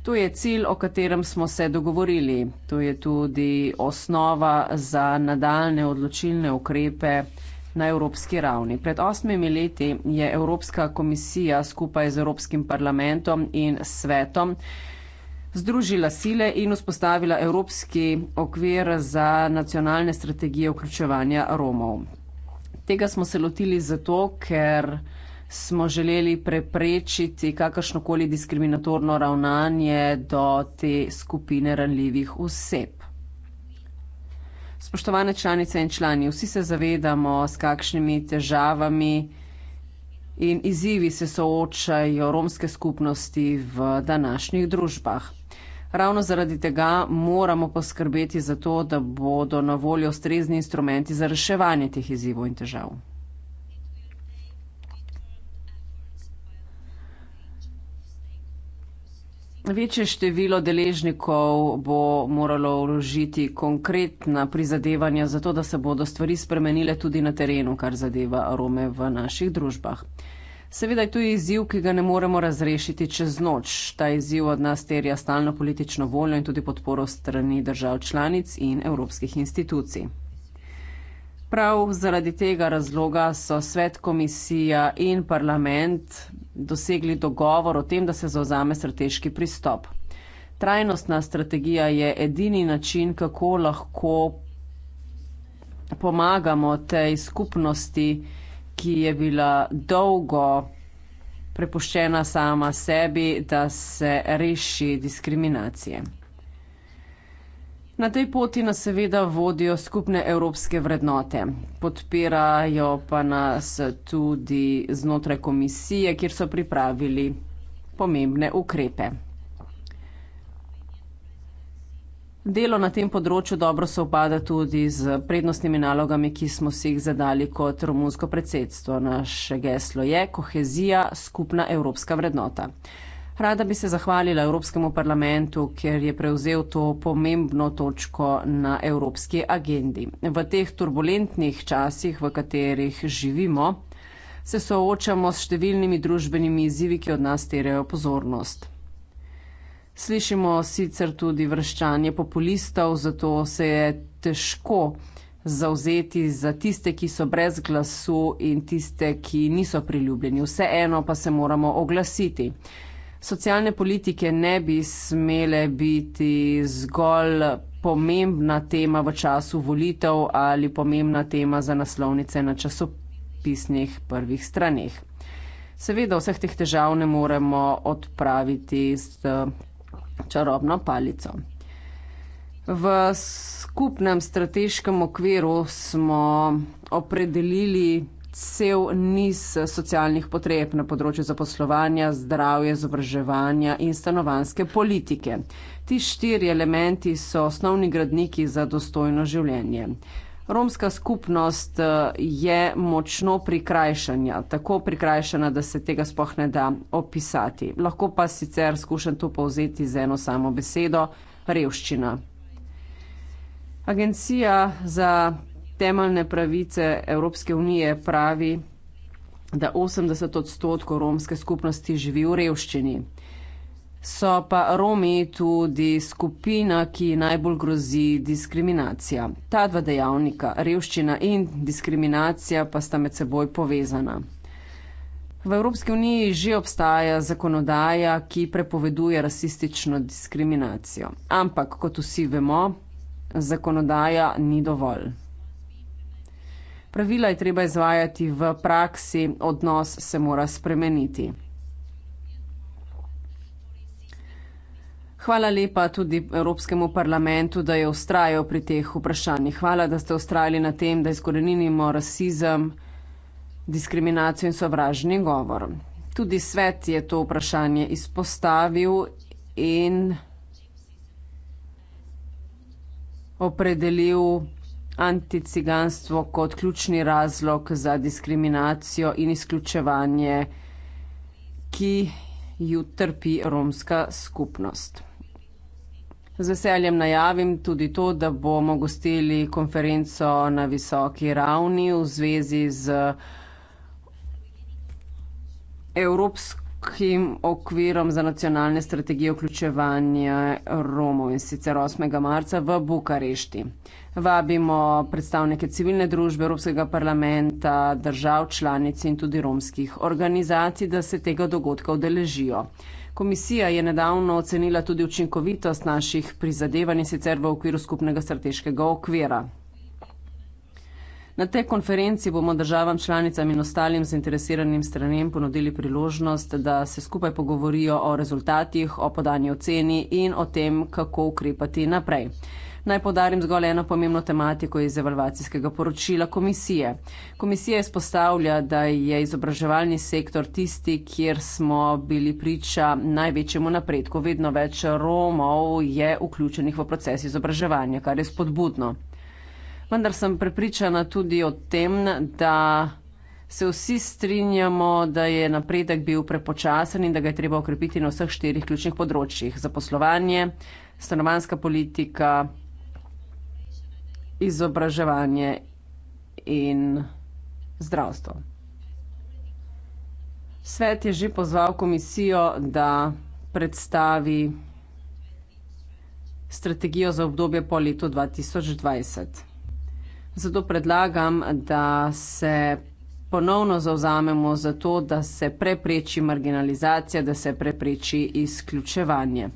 To je cilj, o katerem smo se dogovorili. To je tudi osnova za nadaljne odločilne ukrepe na evropski ravni. Pred osmimi leti je Evropska komisija skupaj z Evropskim parlamentom in svetom združila sile in vzpostavila Evropski okvir za nacionalne strategije vključevanja Romov. Tega smo se lotili zato, ker smo želeli preprečiti kakršnokoli diskriminatorno ravnanje do te skupine ranljivih oseb. Spoštovane članice in člani, vsi se zavedamo, s kakšnimi težavami in izzivi se soočajo romske skupnosti v današnjih družbah. Ravno zaradi tega moramo poskrbeti za to, da bodo na voljo ustrezni instrumenti za reševanje teh izzivov in težav. Večje število deležnikov bo moralo vložiti konkretna prizadevanja za to, da se bodo stvari spremenile tudi na terenu, kar zadeva Rome v naših družbah. Seveda je to izziv, ki ga ne moremo razrešiti čez noč. Ta izziv od nas terja stalno politično voljo in tudi podporo strani držav članic in evropskih institucij. Prav zaradi tega razloga so svet komisija in parlament dosegli dogovor o tem, da se zauzame strateški pristop. Trajnostna strategija je edini način, kako lahko pomagamo tej skupnosti, ki je bila dolgo prepuščena sama sebi, da se reši diskriminacije. Na tej poti nas seveda vodijo skupne evropske vrednote. Podpirajo pa nas tudi znotraj komisije, kjer so pripravili pomembne ukrepe. Delo na tem področju dobro se upada tudi z prednostnimi nalogami, ki smo si jih zadali kot romunsko predsedstvo. Naše geslo je kohezija, skupna evropska vrednota. Rada bi se zahvalila Evropskemu parlamentu, ker je prevzel to pomembno točko na evropski agendi. V teh turbulentnih časih, v katerih živimo, se soočamo s številnimi družbenimi izzivi, ki od nas terajo pozornost. Slišimo sicer tudi vrščanje populistov, zato se je težko zauzeti za tiste, ki so brez glasu in tiste, ki niso priljubljeni. Vseeno pa se moramo oglasiti socialne politike ne bi smele biti zgolj pomembna tema v času volitev ali pomembna tema za naslovnice na časopisnih prvih straneh. Seveda vseh teh težav ne moremo odpraviti z eh, čarobno palico. V skupnem strateškem okviru smo opredelili cel niz socialnih potreb na področju zaposlovanja, zdravja, izobraževanja in stanovanske politike. Ti štiri elementi so osnovni gradniki za dostojno življenje. Romska skupnost eh, je močno prikrajšana, tako prikrajšana, da se tega sploh ne da opisati. Lahko pa sicer skušam to povzeti z eno samo besedo: revščina. Agencija za temeljne pravice Evropske unije pravi, da 80 odstotkov romske skupnosti živi v revščini. So pa Romi tudi skupina, ki najbolj grozi diskriminacija. Ta dva dejavnika, revščina in diskriminacija, pa sta med seboj povezana. V Evropski uniji že obstaja zakonodaja, ki prepoveduje rasistično diskriminacijo. Ampak, kot vsi vemo, zakonodaja ni dovolj pravila je treba izvajati v praksi, odnos se mora spremeniti. Hvala lepa tudi Evropskemu parlamentu, da je ustrajal pri teh vprašanjih. Hvala, da ste ustrajali na tem, da izkoreninimo rasizem, diskriminacijo in sovražni govor. Tudi svet je to vprašanje izpostavil in opredelil anticiganstvo kot ključni razlog za diskriminacijo in izključevanje, ki jo trpi romska skupnost. Z veseljem najavim tudi to, da bomo gostili konferenco na visoki ravni v zvezi z evropsko nekim okvirom za nacionalne strategije vključevanja Romov in sicer 8. marca v Bukarešti. Vabimo predstavnike civilne družbe, Evropskega parlamenta, držav, članic in tudi romskih organizacij, da se tega dogodka udeležijo. Komisija je nedavno ocenila tudi učinkovitost naših prizadevanj sicer v okviru skupnega strateškega okvira. Na tej konferenci bomo državam članicam in ostalim zainteresiranim stranem ponudili priložnost, da se skupaj pogovorijo o rezultatih, o podanju ceni in o tem, kako ukrepati naprej. Naj podarim zgolj eno pomembno tematiko iz evalvacijskega poročila komisije. Komisija izpostavlja, da je izobraževalni sektor tisti, kjer smo bili priča največjemu napredku. Vedno več Romov je vključenih v proces izobraževanja, kar je spodbudno vendar sem prepričana tudi o tem, da se vsi strinjamo, da je napredek bil prepočasen in da ga je treba okrepiti na vseh štirih ključnih področjih. Zaposlovanje, stanovanska politika, izobraževanje in zdravstvo. Svet je že pozval komisijo, da predstavi strategijo za obdobje po letu 2020. Zato predlagam, da se ponovno zauzamemo za to, da se prepreči marginalizacija, da se prepreči izključevanje.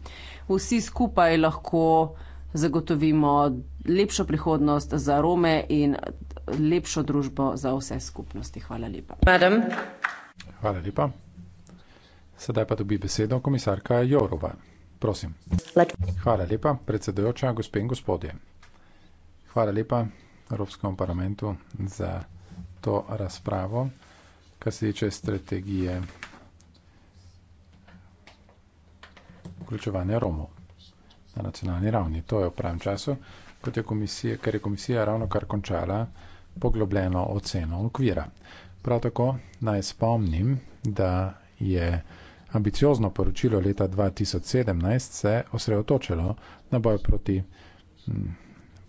Vsi skupaj lahko zagotovimo lepšo prihodnost za Rome in lepšo družbo za vse skupnosti. Hvala lepa. Madam. Hvala lepa. Sedaj pa dobi besedo komisarka Jorova. Prosim. Hvala lepa, predsedojoča, gospe in gospodje. Hvala lepa, Evropskemu parlamentu za to razpravo, kar se tiče strategije vključevanja Romov na nacionalni ravni. To je v pravem času, kot je komisija, ker je komisija ravno kar končala poglobljeno oceno okvira. Prav tako naj spomnim, da je ambiciozno poročilo leta 2017 se osredotočilo na boj proti hm,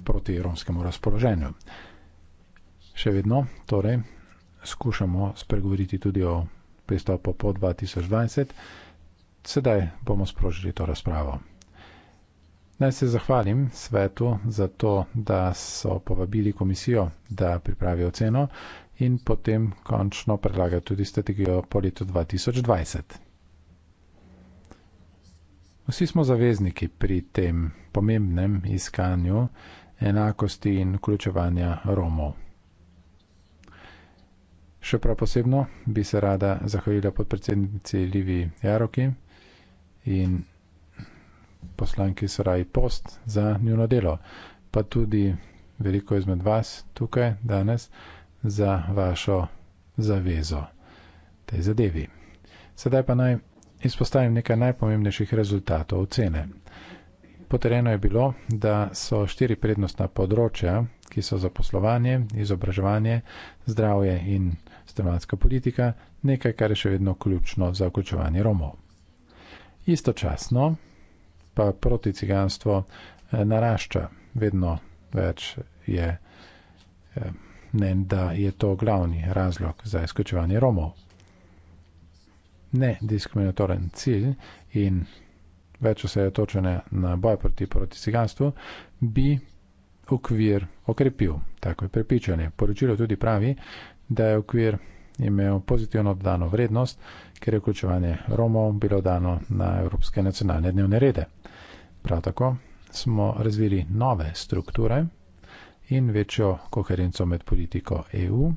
proti romskemu razpoloženju. Še vedno torej skušamo spregovoriti tudi o pristopu po 2020. Sedaj bomo sprožili to razpravo. Naj se zahvalim svetu za to, da so povabili komisijo, da pripravi oceno in potem končno predlaga tudi strategijo po letu 2020. Vsi smo zavezniki pri tem pomembnem iskanju enakosti in vključevanja Romov. Še prav posebno bi se rada zahvalila podpredsednici Livi Jaroki in poslanki Saraji Post za njuno delo, pa tudi veliko izmed vas tukaj danes za vašo zavezo tej zadevi. Sedaj pa naj izpostavim nekaj najpomembnejših rezultatov ocene. Potrejeno je bilo, da so štiri prednostna področja, ki so zaposlovanje, izobraževanje, zdravje in stanovanska politika, nekaj, kar je še vedno ključno za vključevanje Romov. Istočasno pa proticiganstvo eh, narašča, vedno več je eh, mnen, da je to glavni razlog za izključevanje Romov. Ne diskriminatoren cilj in več osredotočene na boj proti, proti ciganstvu, bi okvir okrepil. Tako je prepričanje. Poročilo tudi pravi, da je okvir imel pozitivno dodano vrednost, ker je vključevanje Romov bilo dano na evropske nacionalne dnevne rede. Prav tako smo razvili nove strukture in večjo koherenco med politiko EU,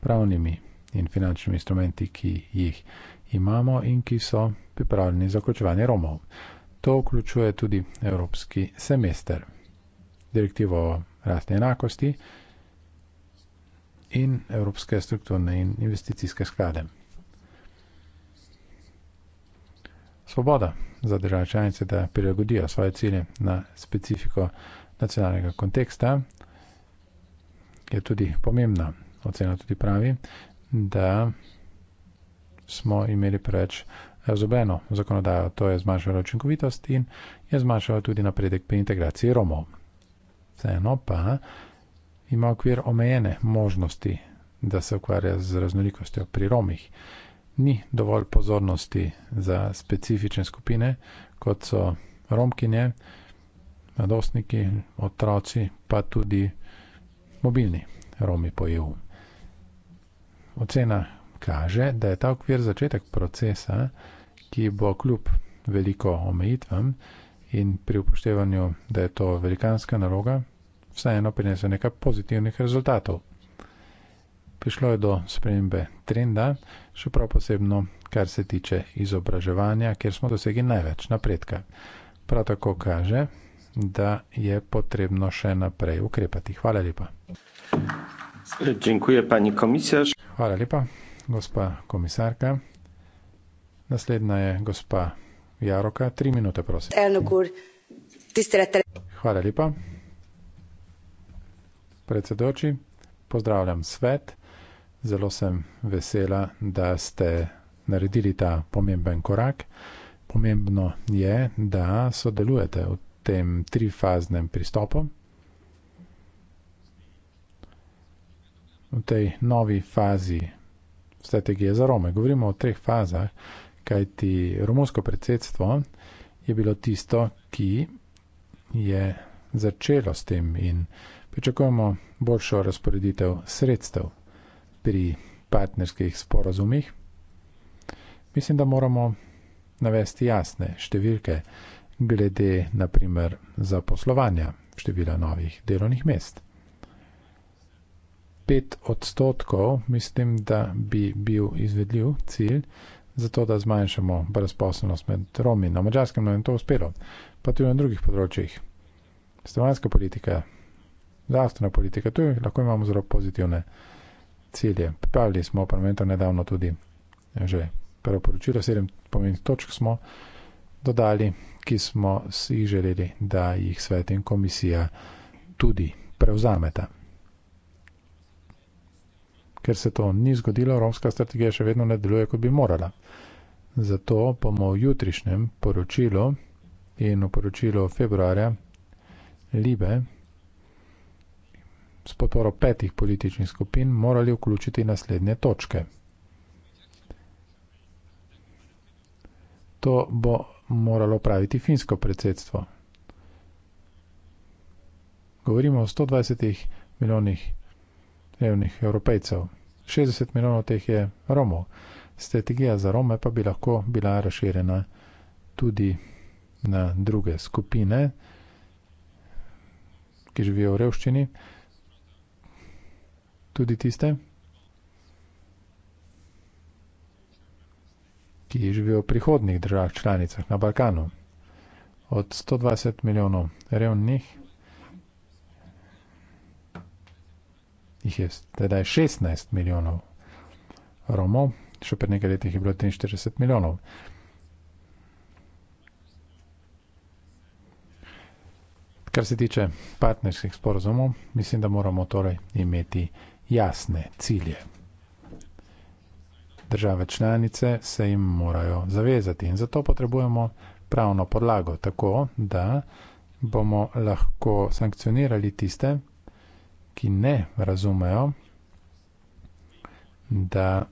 pravnimi in finančnimi instrumenti, ki jih imamo imamo in ki so pripravljeni za končevanje Romov. To vključuje tudi evropski semester, direktivo o rasti enakosti in evropske strukturne in investicijske sklade. Svoboda za države članice, da prilagodijo svoje cilje na specifiko nacionalnega konteksta, je tudi pomembna. Ocena tudi pravi, da smo imeli preveč razobeno eh, zakonodajo. To je zmanjšalo učinkovitost in je zmanjšalo tudi napredek pri integraciji Romov. Vseeno pa ima okvir omejene možnosti, da se ukvarja z raznolikostjo pri Romih. Ni dovolj pozornosti za specifične skupine, kot so romkinje, mladostniki, otroci, pa tudi mobilni Romi po EU. Ocena kaže, da je ta okvir začetek procesa, ki bo kljub veliko omejitvam in pri upoštevanju, da je to velikanska naloga, vseeno prinesel nekaj pozitivnih rezultatov. Prišlo je do spremembe trenda, še prav posebno, kar se tiče izobraževanja, kjer smo dosegli največ napredka. Prav tako kaže, da je potrebno še naprej ukrepati. Hvala lepa. Dziękuję pani komisarz. Hvala lepa gospa komisarka. Naslednja je gospa Jaroka. Tri minute, prosim. Hvala lepa. Predsedoči, pozdravljam svet. Zelo sem vesela, da ste naredili ta pomemben korak. Pomembno je, da sodelujete v tem trifaznem pristopu. V tej novi fazi strategije za Rome. Govorimo o treh fazah, kajti romunsko predsedstvo je bilo tisto, ki je začelo s tem in pričakujemo boljšo razporeditev sredstev pri partnerskih sporazumih. Mislim, da moramo navesti jasne številke glede na primer zaposlovanja števila novih delovnih mest. 5 odstotkov, mislim, da bi bil izvedljiv cilj, zato da zmanjšamo brezposobnost med Romi. Na mačarskem nam no, je to uspelo, pa tudi na drugih področjih. Stavanska politika, zdravstvena politika, tu lahko imamo zelo pozitivne cilje. Pripravili smo parlamentu nedavno tudi že prvo poročilo, sedem pomenih točk smo dodali, ki smo si želeli, da jih svet in komisija tudi prevzameta ker se to ni zgodilo, romska strategija še vedno ne deluje, kot bi morala. Zato bomo v jutrišnjem poročilu in v poročilu februarja Libe s podporo petih političnih skupin morali vključiti naslednje točke. To bo moralo praviti finsko predsedstvo. Govorimo o 120 milijonih revnih evropejcev. 60 milijonov teh je Romov. Strategija za Rome pa bi lahko bila razširjena tudi na druge skupine, ki živijo v revščini, tudi tiste, ki živijo v prihodnih državah članicah na Balkanu. Od 120 milijonov revnih jih je tedaj 16 milijonov Romov, še pred nekaj letih je bilo 43 milijonov. Kar se tiče partnerskih sporozumov, mislim, da moramo torej imeti jasne cilje. Države članice se jim morajo zavezati in zato potrebujemo pravno podlago, tako da bomo lahko sankcionirali tiste, ki ne razumejo, da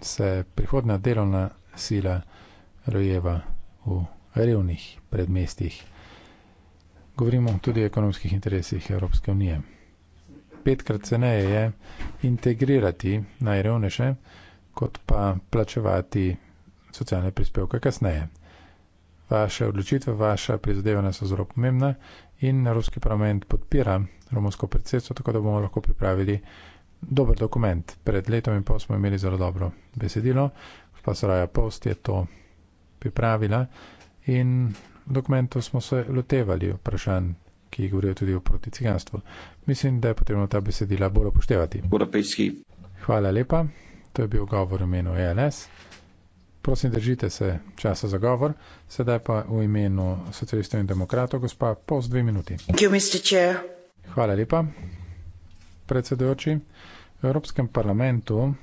se prihodna delovna sila rojeva v revnih predmestih. Govorimo tudi o ekonomskih interesih Evropske unije. Petkrat ceneje je integrirati najrevnejše, kot pa plačevati socialne prispevke kasneje. Vaše odločitve, vaša prizadevanja so zelo pomembna in Evropski parlament podpira romunsko predsedstvo, tako da bomo lahko pripravili dober dokument. Pred letom in pol smo imeli zelo dobro besedilo, pa Soraya Post je to pripravila in dokumentu smo se lotevali vprašanj, ki govorijo tudi o proticiganstvu. Mislim, da je potrebno ta besedila bolj upoštevati. Budapeski. Hvala lepa. To je bil govor imenu ELS. Prosim, držite se časa za govor. Sedaj pa v imenu socialistov in demokratov, gospa, post dve minuti. Hvala lepa, predsedujoči. V Evropskem parlamentu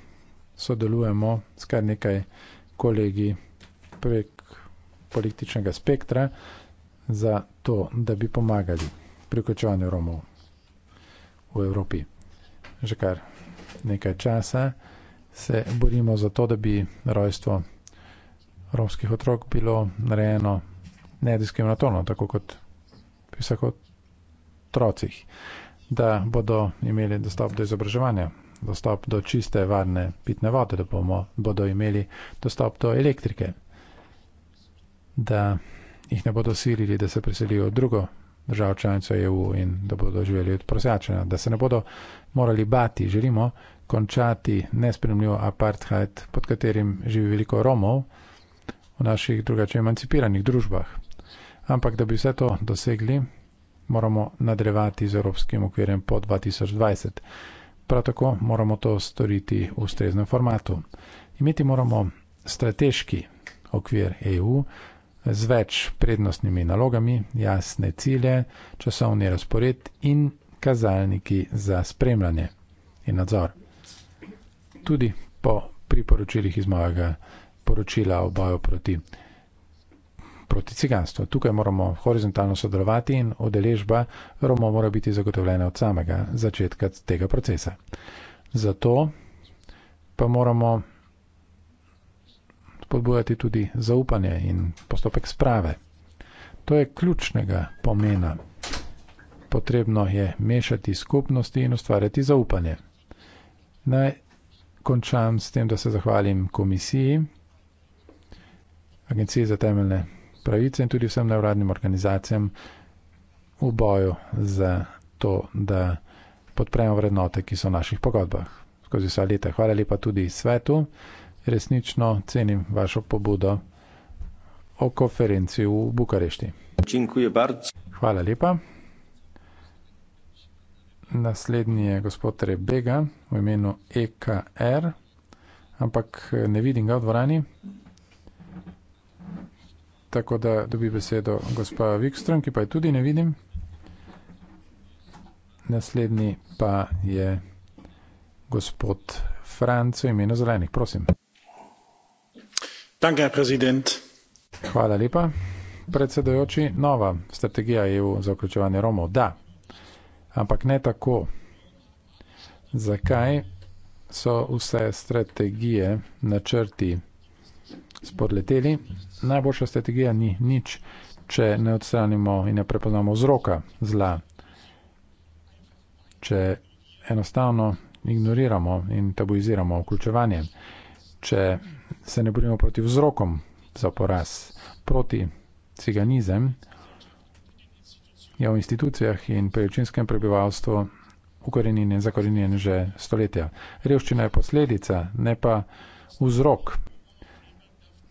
sodelujemo s kar nekaj kolegi prek političnega spektra za to, da bi pomagali pri vključevanju Romov v Evropi. Že kar nekaj časa se borimo za to, da bi rojstvo romskih otrok bilo narejeno nediskriminatorno, tako kot pri vsako otrocih, da bodo imeli dostop do izobraževanja, dostop do čiste, varne pitne vode, da bomo, bodo imeli dostop do elektrike, da jih ne bodo silili, da se preselijo v drugo državo članico EU in da bodo živeli od prosjačenja, da se ne bodo morali bati, želimo končati nespremljivo apartheid, pod katerim živi veliko Romov, v naših drugače emancipiranih družbah. Ampak, da bi vse to dosegli, moramo nadrevati z evropskim okvirjem po 2020. Prav tako moramo to storiti v ustreznem formatu. Imeti moramo strateški okvir EU z več prednostnimi nalogami, jasne cilje, časovni razpored in kazalniki za spremljanje in nadzor. Tudi po priporočilih iz mojega priporočila v boju proti, proti ciganstvu. Tukaj moramo horizontalno sodelovati in odeležba Romov mora biti zagotovljena od samega začetka tega procesa. Zato pa moramo spodbujati tudi zaupanje in postopek sprave. To je ključnega pomena. Potrebno je mešati skupnosti in ustvarjati zaupanje. Naj končam s tem, da se zahvalim komisiji. Agenciji za temeljne pravice in tudi vsem nevladnim organizacijam v boju za to, da podpremo vrednote, ki so v naših pogodbah skozi vsa leta. Hvala lepa tudi svetu. Resnično cenim vašo pobudo o konferenci v Bukarešti. Hvala lepa. Naslednji je gospod Rebega v imenu EKR, ampak ne vidim ga v dvorani. Tako da dobi besedo gospa Wikström, ki pa je tudi ne vidim. Naslednji pa je gospod Franc v imenu zelenih, prosim. Danke, prezident. Hvala lepa. Predsedajoči, nova strategija EU za vključevanje Romov, da, ampak ne tako. Zakaj so vse strategije, načrti spodleteli, najboljša strategija ni nič, če ne odstranimo in ne prepoznamo vzroka zla. Če enostavno ignoriramo in taboiziramo vključevanje, če se ne borimo proti vzrokom za poraz, proti ciganizem, je v institucijah in pri občinskem prebivalstvu ukorenjen in zakorenjen že stoletja. Revščina je posledica, ne pa vzrok.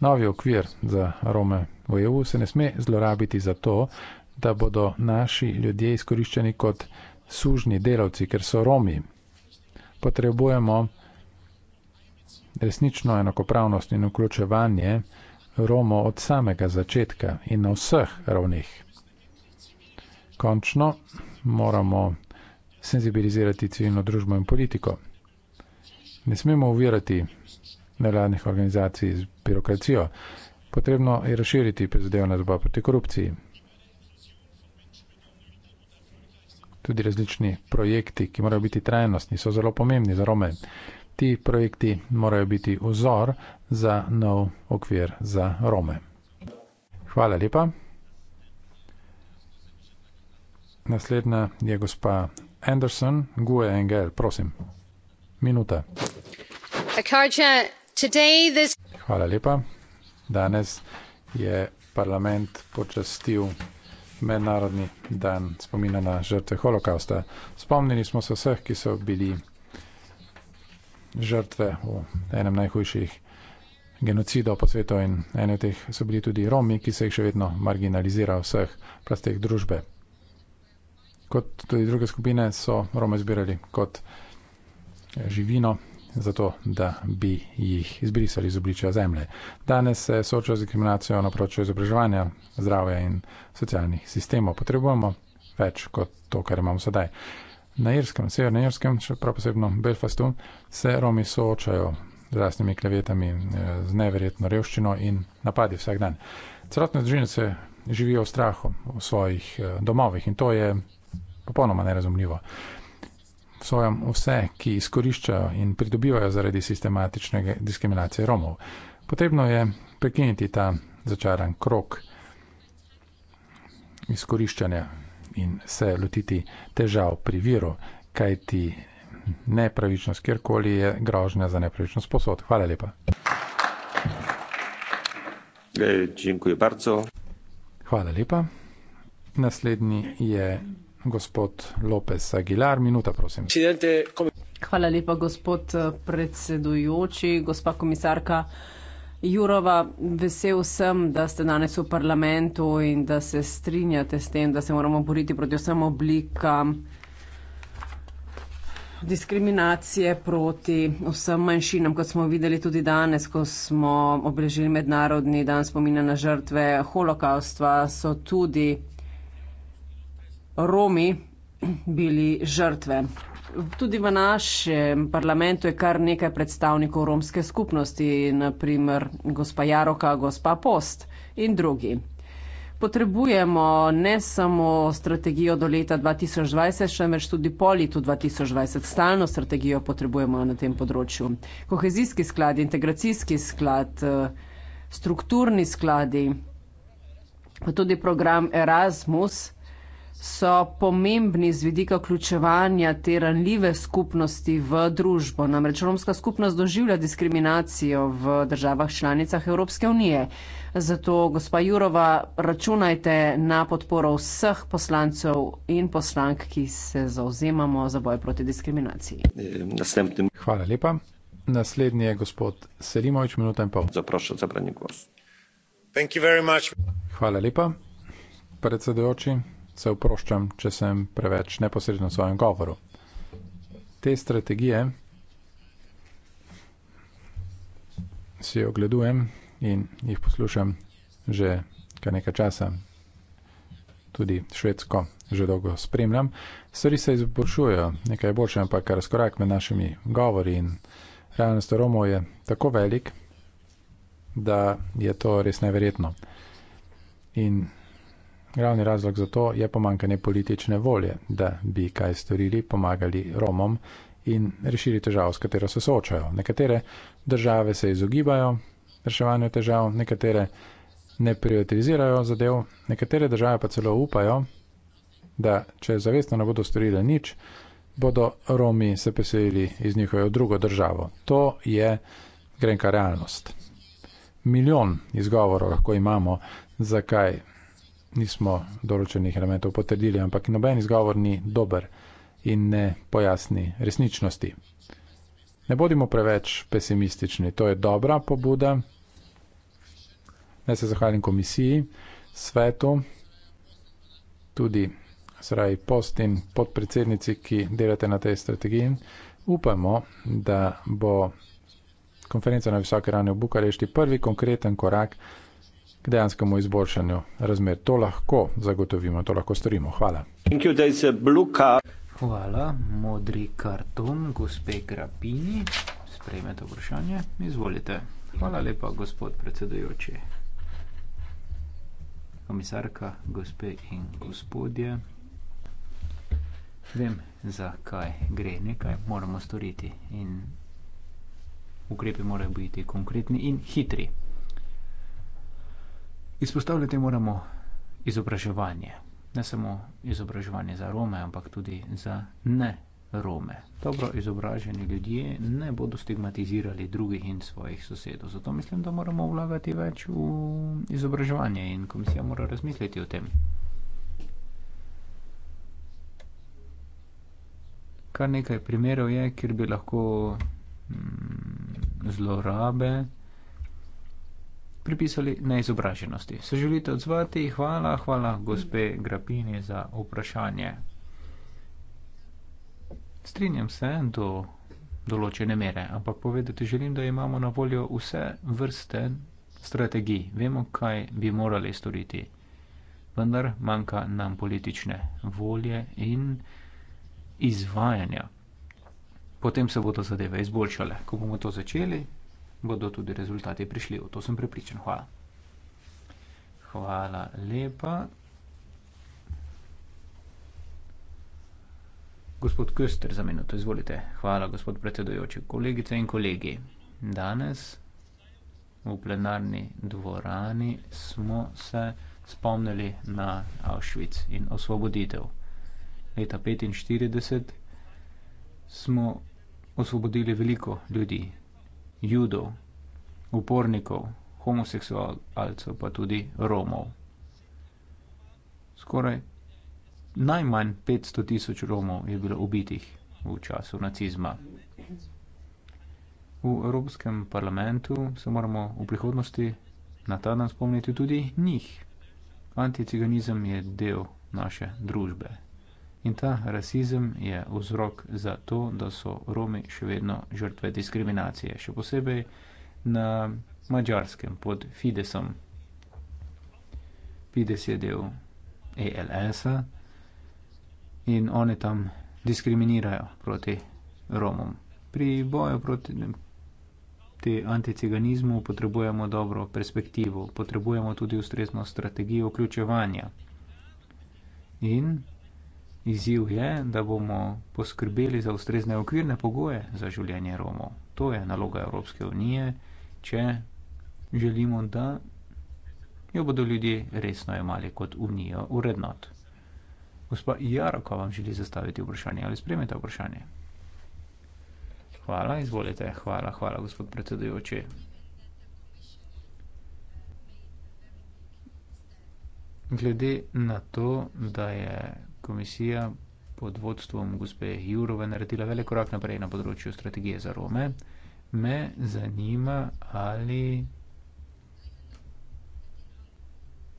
Novi okvir za Rome v EU se ne sme zlorabiti za to, da bodo naši ljudje izkoriščeni kot sužni delavci, ker so Romi. Potrebujemo resnično enakopravnost in vključevanje Romo od samega začetka in na vseh ravnih. Končno moramo senzibilizirati civilno družbo in politiko. Ne smemo uvirati nevladnih organizacij z birokracijo. Potrebno je razširiti prizadevanje za boj proti korupciji. Tudi različni projekti, ki morajo biti trajnostni, so zelo pomembni za Rome. Ti projekti morajo biti vzor za nov okvir za Rome. Hvala lepa. Naslednja je gospa Anderson, Gue Engel, prosim. Minuta. Hvala lepa. Danes je parlament počastil mednarodni dan spomina na žrtve holokausta. Spomnili smo se vseh, ki so bili žrtve v enem najhujših genocidov po svetu in eni od teh so bili tudi Romi, ki se jih še vedno marginalizira v vseh plasteh družbe. Kot tudi druge skupine so Rome zbirali kot živino zato, da bi jih izbrisali iz obličja zemlje. Danes se soočajo z diskriminacijo na področju izobraževanja, zdravja in socialnih sistemov. Potrebujemo več kot to, kar imamo sedaj. Na Irskem, severnem Irskem, še prav posebno Belfastu, se Romi soočajo z rasnimi klevetami, eh, z neverjetno revščino in napadi vsak dan. Celotne družine se živijo v strahu v svojih eh, domovih in to je popolnoma nerazumljivo obsojam vse, ki izkoriščajo in pridobivajo zaradi sistematične diskriminacije Romov. Potrebno je prekiniti ta začaran krok izkoriščanja in se lotiti težav pri viru, kajti nepravičnost kjerkoli je grožnja za nepravičnost posod. Hvala lepa. E, Hvala lepa. Naslednji je Gospod Lopes Aguilar, minuta, prosim. Hvala lepa, gospod eh, predsedujoči, gospa komisarka. Jurova, vesel sem, da ste danes v parlamentu in da se strinjate s tem, da se moramo boriti proti vsem oblikam diskriminacije, proti vsem manjšinam, kot smo videli tudi danes, ko smo obležili mednarodni dan spomina na žrtve holokaustva, so tudi Romi bili žrtve. Tudi v našem parlamentu je kar nekaj predstavnikov romske skupnosti, naprimer gospa Jaroka, gospa Post in drugi. Potrebujemo ne samo strategijo do leta 2020, še meč tudi po letu 2020. Stalno strategijo potrebujemo na tem področju. Kohezijski sklad, integracijski sklad, strukturni skladi, pa tudi program Erasmus, so pomembni z vidika vključevanja te ranljive skupnosti v družbo. Namreč romska skupnost doživlja diskriminacijo v državah članicah Evropske unije. Zato, gospa Jurova, računajte na podporo vseh poslancev in poslank, ki se zauzemamo za boj proti diskriminaciji. Hvala lepa. Naslednji je gospod Selimovič, minuta in pol. Zaprošam za branje glas. Hvala lepa, predsedujoči se oproščam, če sem preveč neposreden v svojem govoru. Te strategije si ogledujem in jih poslušam že kar nekaj časa. Tudi švedsko že dolgo spremljam. Stvari se izboljšujejo, nekaj je boljše, ampak razkorak med našimi govori in realnostjo Romov je tako velik, da je to res neverjetno. In Glavni razlog za to je pomankanje politične volje, da bi kaj storili, pomagali Romom in rešili težavo, s katero se soočajo. Nekatere države se izogibajo reševanju težav, nekatere ne prioritizirajo zadev, nekatere države pa celo upajo, da če zavestno ne bodo storile nič, bodo Romi se preselili iz njihove drugo državo. To je grenka realnost. Milijon izgovorov lahko imamo, zakaj nismo določenih elementov potrdili, ampak noben izgovor ni dober in ne pojasni resničnosti. Ne bodimo preveč pesimistični, to je dobra pobuda. Naj se zahvalim komisiji, svetu, tudi sraji post in podpredsednici, ki delate na tej strategiji. Upamo, da bo konferenca na visoke ravni v Bukarešti prvi konkreten korak k dejanskemu izboljšanju razmer. To lahko zagotovimo, to lahko storimo. Hvala. You, Hvala, modri kartum, gospe Grapini. Sprejmete vprašanje? Izvolite. Hvala lepa, gospod predsedujoči. Komisarka, gospe in gospodje. Vem, zakaj gre, nekaj moramo storiti in ukrepi morajo biti konkretni in hitri. Izpostavljati moramo izobraževanje. Ne samo izobraževanje za Rome, ampak tudi za ne Rome. Dobro izobraženi ljudje ne bodo stigmatizirali drugih in svojih sosedov. Zato mislim, da moramo vlagati več v izobraževanje in komisija mora razmisliti o tem. Kar nekaj primerov je, kjer bi lahko mm, zlorabe pripisali neizobraženosti. Se želite odzvati? Hvala, hvala gospe Grapini za vprašanje. Strinjam se do določene mere, ampak povedati želim, da imamo na voljo vse vrste strategij. Vemo, kaj bi morali storiti, vendar manjka nam politične volje in izvajanja. Potem se bodo zadeve izboljšale. Ko bomo to začeli, bodo tudi rezultati prišli. V to sem prepričan. Hvala. Hvala lepa. Gospod Köster, za minuto izvolite. Hvala, gospod predsedujoči. Kolegice in kolegi, danes v plenarni dvorani smo se spomnili na Auschwitz in osvoboditev. Leta 1945 smo osvobodili veliko ljudi, judov upornikov homoseksualcev pa tudi romov skoraj najmanj 500 tisoč romov je bilo ubitih v času nacizma v evropskem parlamentu se moramo v prihodnosti na ta dan spomniti tudi njih anticiganizem je del naše družbe In ta rasizem je vzrok za to, da so Romi še vedno žrtve diskriminacije, še posebej na mačarskem pod Fidesom. Fides je del ALS-a in oni tam diskriminirajo proti Romom. Pri boju proti te anticiganizmu potrebujemo dobro perspektivo, potrebujemo tudi ustrezno strategijo vključevanja. In Izjiv je, da bomo poskrbeli za ustrezne okvirne pogoje za življenje Romov. To je naloga Evropske unije, če želimo, da jo bodo ljudje resno imali kot unijo urednot. Gospa Jaroka vam želi zastaviti vprašanje ali spremete vprašanje. Hvala, izvolite. Hvala, hvala, gospod predsedujoči. Glede na to, da je komisija pod vodstvom gospe Jurove naredila velik korak naprej na področju strategije za Rome, me zanima, ali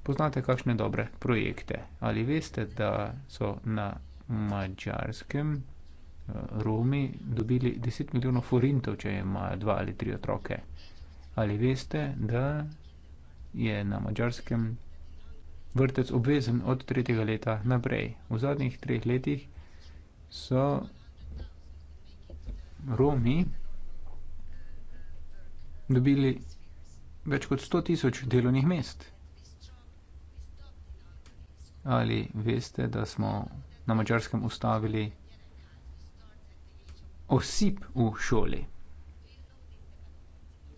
poznate kakšne dobre projekte. Ali veste, da so na mačarskem eh, Romi dobili 10 milijonov forintov, če imajo dva ali tri otroke? Ali veste, da je na mačarskem vrtec obvezen od 3. leta naprej v zadnjih 3 letih so romi dobili več kot 100 tisoč delovnih mest ali veste da smo na madžarskem ustavili osip v šoli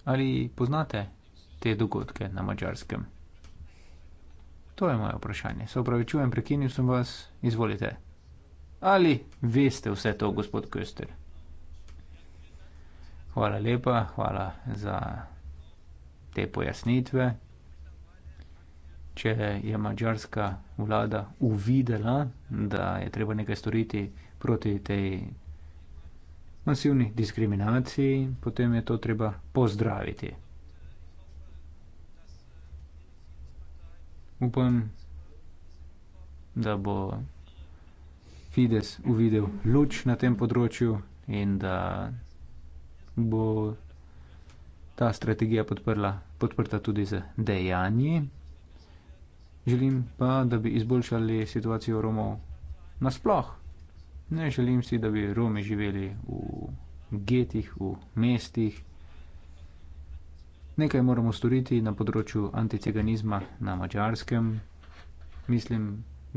ali poznate te dogodke na madžarskem To je moje vprašanje. Se upravičujem, prekinil sem vas, izvolite. Ali veste vse to, gospod Köster? Hvala lepa, hvala za te pojasnitve. Če je mađarska vlada uvidela, da je treba nekaj storiti proti tej masivni diskriminaciji, potem je to treba pozdraviti. upam, da bo Fides uvidel luč na tem področju in da bo ta strategija podprla, podprta tudi z dejanji. Želim pa, da bi izboljšali situacijo Romov nasploh. Ne želim si, da bi Romi živeli v getih, v mestih nekaj moramo storiti na področju anticiganizma na mačarskem. Mislim,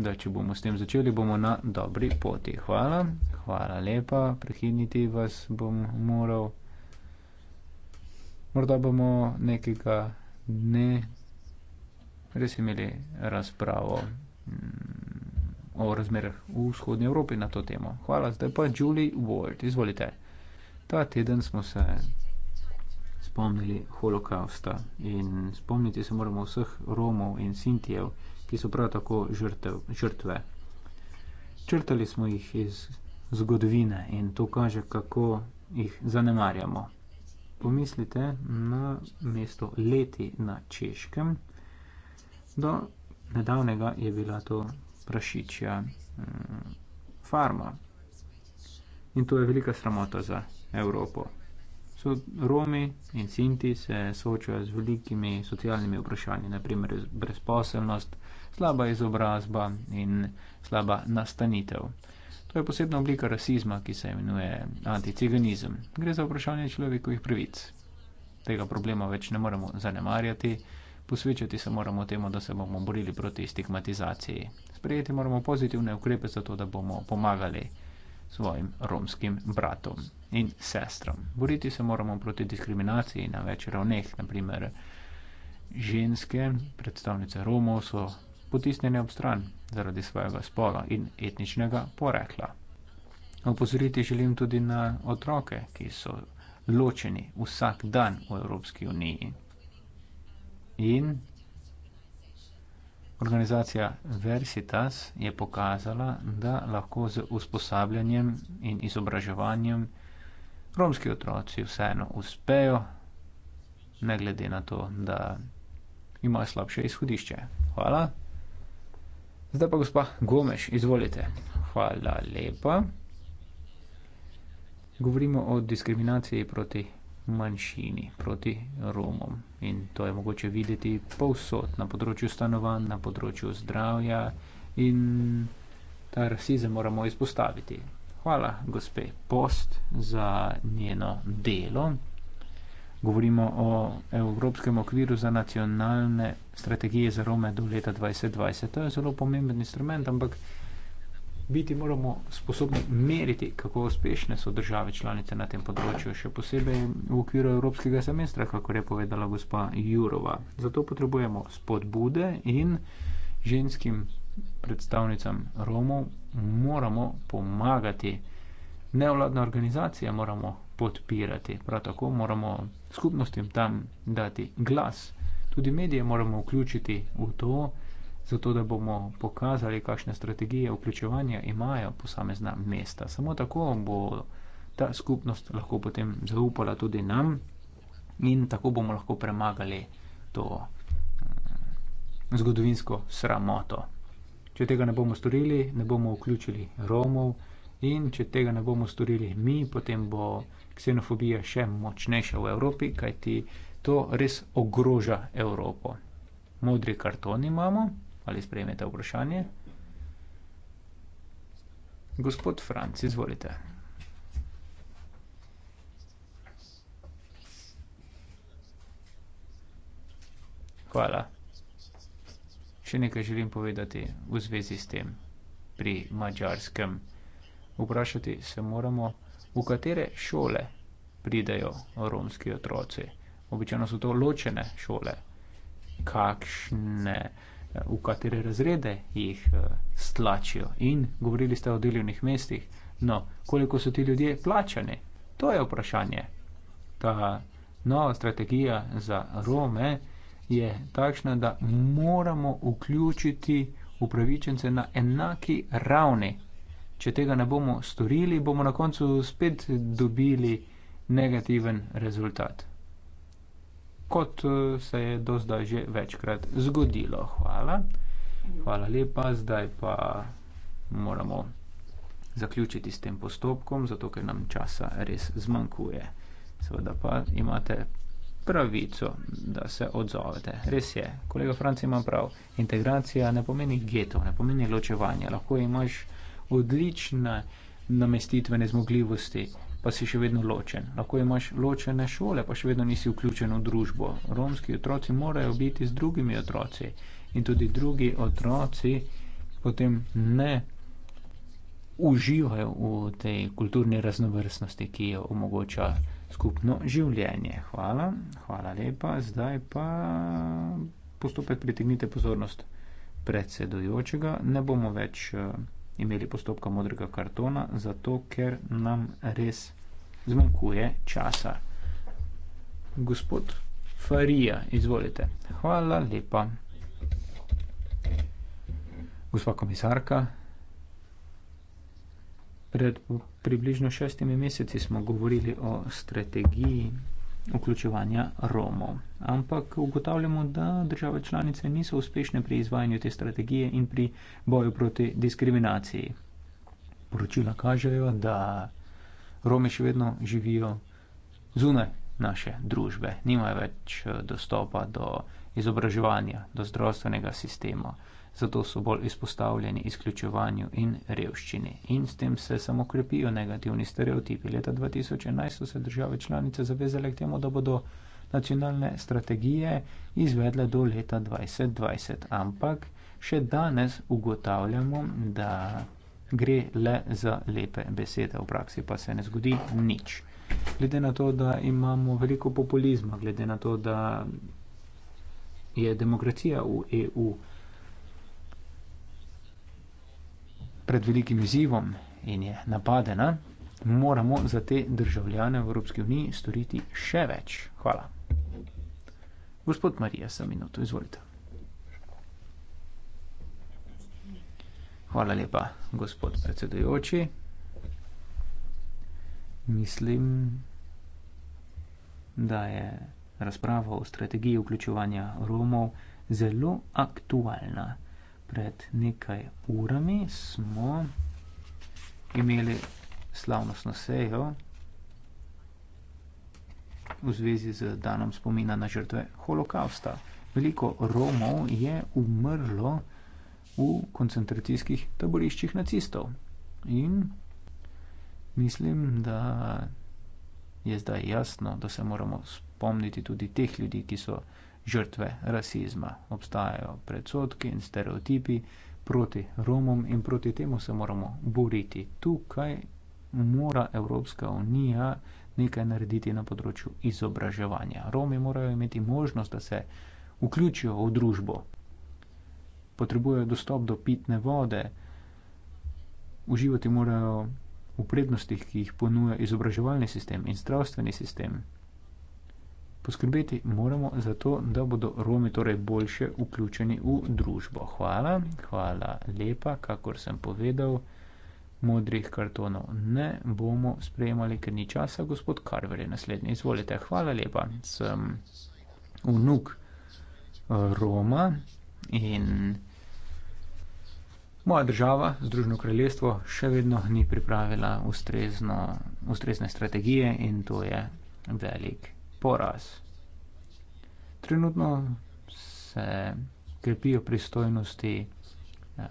da če bomo s tem začeli, bomo na dobri poti. Hvala, hvala lepa, prekiniti vas bom moral. Morda bomo nekega dne res imeli razpravo mm, o razmerah v vzhodnji Evropi na to temo. Hvala, zdaj pa Julie Ward, izvolite. Ta teden smo se spomnili holokausta in spomniti se moramo vseh Romov in Sintijev, ki so prav tako žrtev, žrtve. Črtali smo jih iz zgodovine in to kaže, kako jih zanemarjamo. Pomislite na mesto leti na Češkem. Do nedavnega je bila to prašičja mm, farma. In to je velika sramota za Evropo so Romi in Sinti se soočajo z velikimi socialnimi vprašanji, naprimer brezposelnost, slaba izobrazba in slaba nastanitev. To je posebna oblika rasizma, ki se imenuje anticiganizem. Gre za vprašanje človekovih pravic. Tega problema več ne moremo zanemarjati, posvečati se moramo temu, da se bomo borili proti stigmatizaciji. Sprejeti moramo pozitivne ukrepe za to, da bomo pomagali svojim romskim bratom in sestram. Boriti se moramo proti diskriminaciji na več ravneh. Naprimer, ženske, predstavnice Romov, so potisnjene ob stran zaradi svojega spola in etničnega porekla. Opozoriti želim tudi na otroke, ki so ločeni vsak dan v Evropski uniji. In Organizacija Versitas je pokazala, da lahko z usposabljanjem in izobraževanjem romski otroci vseeno uspejo, ne glede na to, da imajo slabše izhodišče. Hvala. Zdaj pa gospa Gomeš, izvolite. Hvala lepa. Govorimo o diskriminaciji proti manjšini proti Romom. In to je mogoče videti povsod, na področju stanovanj, na področju zdravja in ta rasizem moramo izpostaviti. Hvala, gospe Post, za njeno delo. Govorimo o Evropskem okviru za nacionalne strategije za Rome do leta 2020. To je zelo pomemben instrument, ampak biti moramo sposobni meriti, kako uspešne so države članice na tem področju, še posebej v okviru evropskega semestra, kako je povedala gospa Jurova. Zato potrebujemo spodbude in ženskim predstavnicam Romov moramo pomagati. Nevladne organizacije moramo podpirati, prav tako moramo skupnostim tam dati glas. Tudi medije moramo vključiti v to, zato da bomo pokazali, kakšne strategije vključevanja imajo posamezna mesta. Samo tako bo ta skupnost lahko potem zaupala tudi nam in tako bomo lahko premagali to eh, zgodovinsko sramoto. Če tega ne bomo storili, ne bomo vključili Romov in če tega ne bomo storili mi, potem bo ksenofobija še močnejša v Evropi, kajti to res ogroža Evropo. Modri karton imamo ali sprejmete vprašanje? Gospod Franc, izvolite. Hvala. Še nekaj želim povedati v zvezi s tem pri mačarskem. Vprašati se moramo, v katere šole pridajo romski otroci. Običajno so to ločene šole. Kakšne? v katere razrede jih eh, stlačijo in govorili ste o delovnih mestih. No, koliko so ti ljudje plačani? To je vprašanje. Ta nova strategija za Rome je takšna, da moramo vključiti upravičence na enaki ravni. Če tega ne bomo storili, bomo na koncu spet dobili negativen rezultat kot eh, se je do zdaj že večkrat zgodilo. Hvala. Hvala lepa, zdaj pa moramo zaključiti s tem postopkom, zato ker nam časa res zmanjkuje. Seveda pa imate pravico, da se odzovete. Res je, kolega Franci ima prav, integracija ne pomeni geto, ne pomeni ločevanje, lahko imaš odlične namestitvene zmogljivosti pa si še vedno ločen. Lahko imaš ločene šole, pa še vedno nisi vključen v družbo. Romski otroci morajo biti z drugimi otroci in tudi drugi otroci potem ne uživajo v tej kulturni raznovrstnosti, ki jo omogoča skupno življenje. Hvala, hvala lepa. Zdaj pa postopek pritegnite pozornost predsedujočega. Ne bomo več eh, imeli postopka modrega kartona, zato ker nam res zmanjkuje časa. Gospod Farija, izvolite. Hvala lepa. Gospa komisarka, pred približno šestimi meseci smo govorili o strategiji vključevanja Romov. Ampak ugotavljamo, da države članice niso uspešne pri izvajanju te strategije in pri boju proti diskriminaciji. Poročila kažejo, da Romi še vedno živijo zunaj naše družbe, nimajo več eh, dostopa do izobraževanja, do zdravstvenega sistema, zato so bolj izpostavljeni izključevanju in revščini. In s tem se samo krepijo negativni stereotipi. Leta 2011 so se države članice zavezale k temu, da bodo nacionalne strategije izvedle do leta 2020. Ampak še danes ugotavljamo, da gre le za lepe besede, v praksi pa se ne zgodi nič. Glede na to, da imamo veliko populizma, glede na to, da je demokracija v EU pred velikim izzivom in je napadena, moramo za te državljane v Evropski uniji storiti še več. Hvala. Gospod Marija, samo minuto, izvolite. Hvala lepa, gospod predsedujoči. Mislim, da je razprava o strategiji vključevanja Romov zelo aktualna. Pred nekaj urami smo imeli slavnostno sejo v zvezi z danom spomina na žrtve holokausta. Veliko Romov je umrlo v koncentracijskih taboriščih nacistov. In mislim, da je zdaj jasno, da se moramo spomniti tudi teh ljudi, ki so žrtve rasizma. Obstajajo predsotki in stereotipi proti Romom in proti temu se moramo boriti. Tukaj mora Evropska unija nekaj narediti na področju izobraževanja. Romi morajo imeti možnost, da se vključijo v družbo potrebujejo dostop do pitne vode, uživati morajo v prednostih, ki jih ponuja izobraževalni sistem in zdravstveni sistem. Poskrbeti moramo za to, da bodo Romi torej boljše vključeni v družbo. Hvala, hvala lepa, kakor sem povedal, modrih kartonov ne bomo sprejemali, ker ni časa, gospod Karver je naslednji. Izvolite, hvala lepa, sem vnuk eh, Roma in moja država, Združeno kraljestvo, še vedno ni pripravila ustrezno, ustrezne strategije in to je velik poraz. Trenutno se krepijo pristojnosti eh,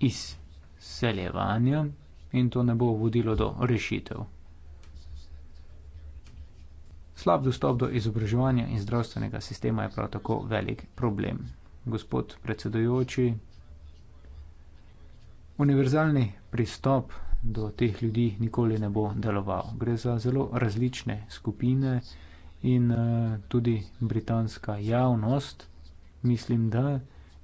izseljevanja in to ne bo vodilo do rešitev. Slab dostop do izobraževanja in zdravstvenega sistema je prav tako velik problem. Gospod predsedujoči, Univerzalni pristop do teh ljudi nikoli ne bo deloval. Gre za zelo različne skupine in uh, tudi britanska javnost, mislim, da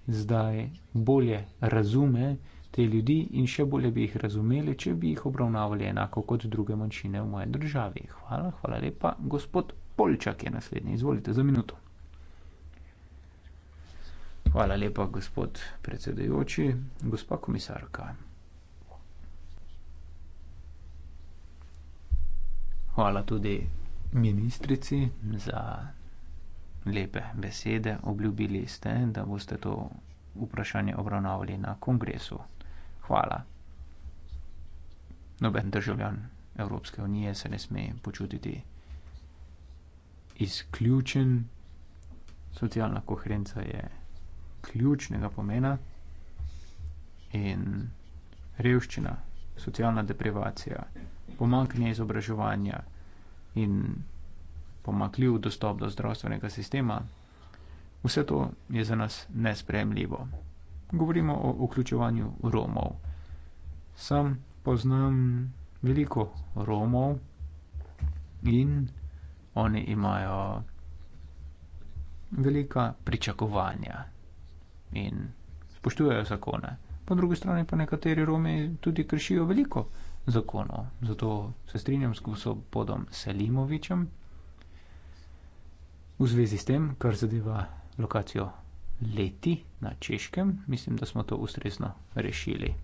zdaj bolje razume te ljudi in še bolje bi jih razumeli, če bi jih obravnavali enako kot druge manjšine v moje državi. Hvala, hvala lepa. Gospod Polčak je naslednji. Izvolite za minuto. Hvala lepa, gospod predsedujoči, gospa komisarka. Hvala tudi ministrici za lepe besede. Obljubili ste, da boste to vprašanje obravnavali na kongresu. Hvala. Noben državljan Evropske unije se ne sme počutiti izključen. Socialna koherenca je ključnega pomena in revščina, socialna deprivacija, pomankanje izobraževanja in pomakljiv dostop do zdravstvenega sistema, vse to je za nas nespremljivo. Govorimo o vključevanju Romov. Sam poznam veliko Romov in oni imajo velika pričakovanja in spoštujejo zakone. Po drugi strani pa nekateri Romi tudi kršijo veliko zakonov. Zato se strinjam s gospodom Selimovičem v zvezi s tem, kar zadeva lokacijo leti na Češkem. Mislim, da smo to ustrezno rešili.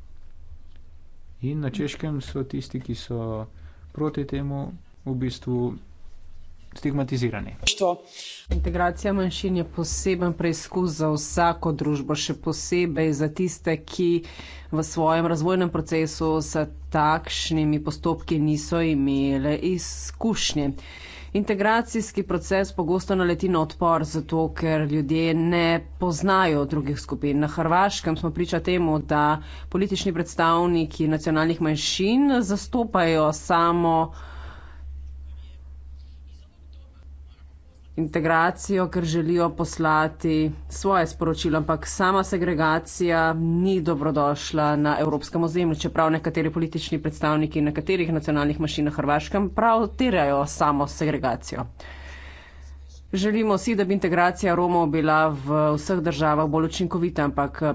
In na Češkem so tisti, ki so proti temu, v bistvu stigmatizirani. Integracija manjšin je poseben preizkus za vsako družbo, še posebej za tiste, ki v svojem razvojnem procesu s takšnimi postopki niso imele izkušnje. Integracijski proces pogosto naleti na odpor, zato ker ljudje ne poznajo drugih skupin. Na Hrvaškem smo priča temu, da politični predstavniki nacionalnih manjšin zastopajo samo uh, integracijo, ker želijo poslati svoje sporočilo, ampak sama segregacija ni dobrodošla na evropskem ozemlju, čeprav nekateri politični predstavniki nekaterih nacionalnih mašin na Hrvaškem prav terjajo samo segregacijo. Želimo si, da bi integracija Romov bila v vseh državah bolj učinkovita, ampak eh,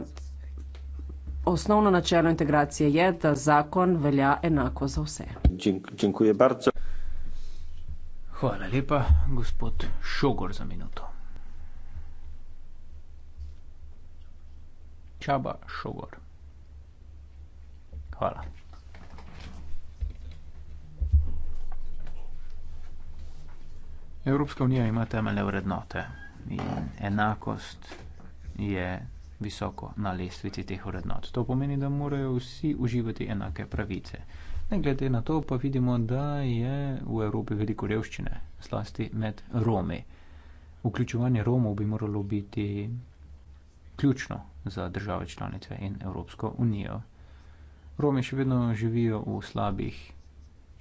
osnovno načelo integracije je, da zakon velja enako za vse. Dziękuję bardzo. Hvala lepa, gospod Šogor, za minuto. Čaba Šogor. Hvala. Evropska unija ima temeljne vrednote in enakost je visoko na lestvici teh vrednot. To pomeni, da morajo vsi uživati enake pravice. Ne glede na to, pa vidimo, da je v Evropi veliko revščine, zlasti med Romi. Vključevanje Romov bi moralo biti ključno za države članice in Evropsko unijo. Romi še vedno živijo v slabih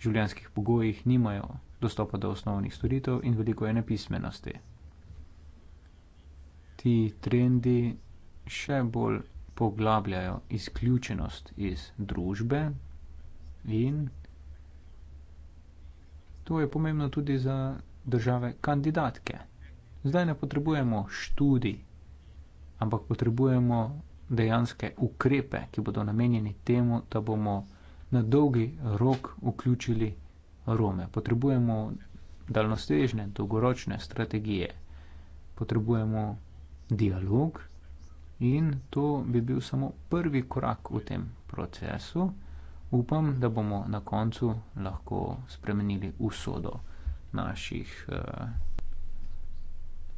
življenjskih pogojih, nimajo dostopa do osnovnih storitev in veliko je nepismenosti. Ti trendi še bolj poglabljajo izključenost iz družbe, in to je pomembno tudi za države kandidatke. Zdaj ne potrebujemo študij, ampak potrebujemo dejanske ukrepe, ki bodo namenjeni temu, da bomo na dolgi rok vključili Rome. Potrebujemo daljnostežne, dolgoročne strategije. Potrebujemo dialog in to bi bil samo prvi korak v tem procesu upam da bomo na koncu lahko spremenili usodo naših uh,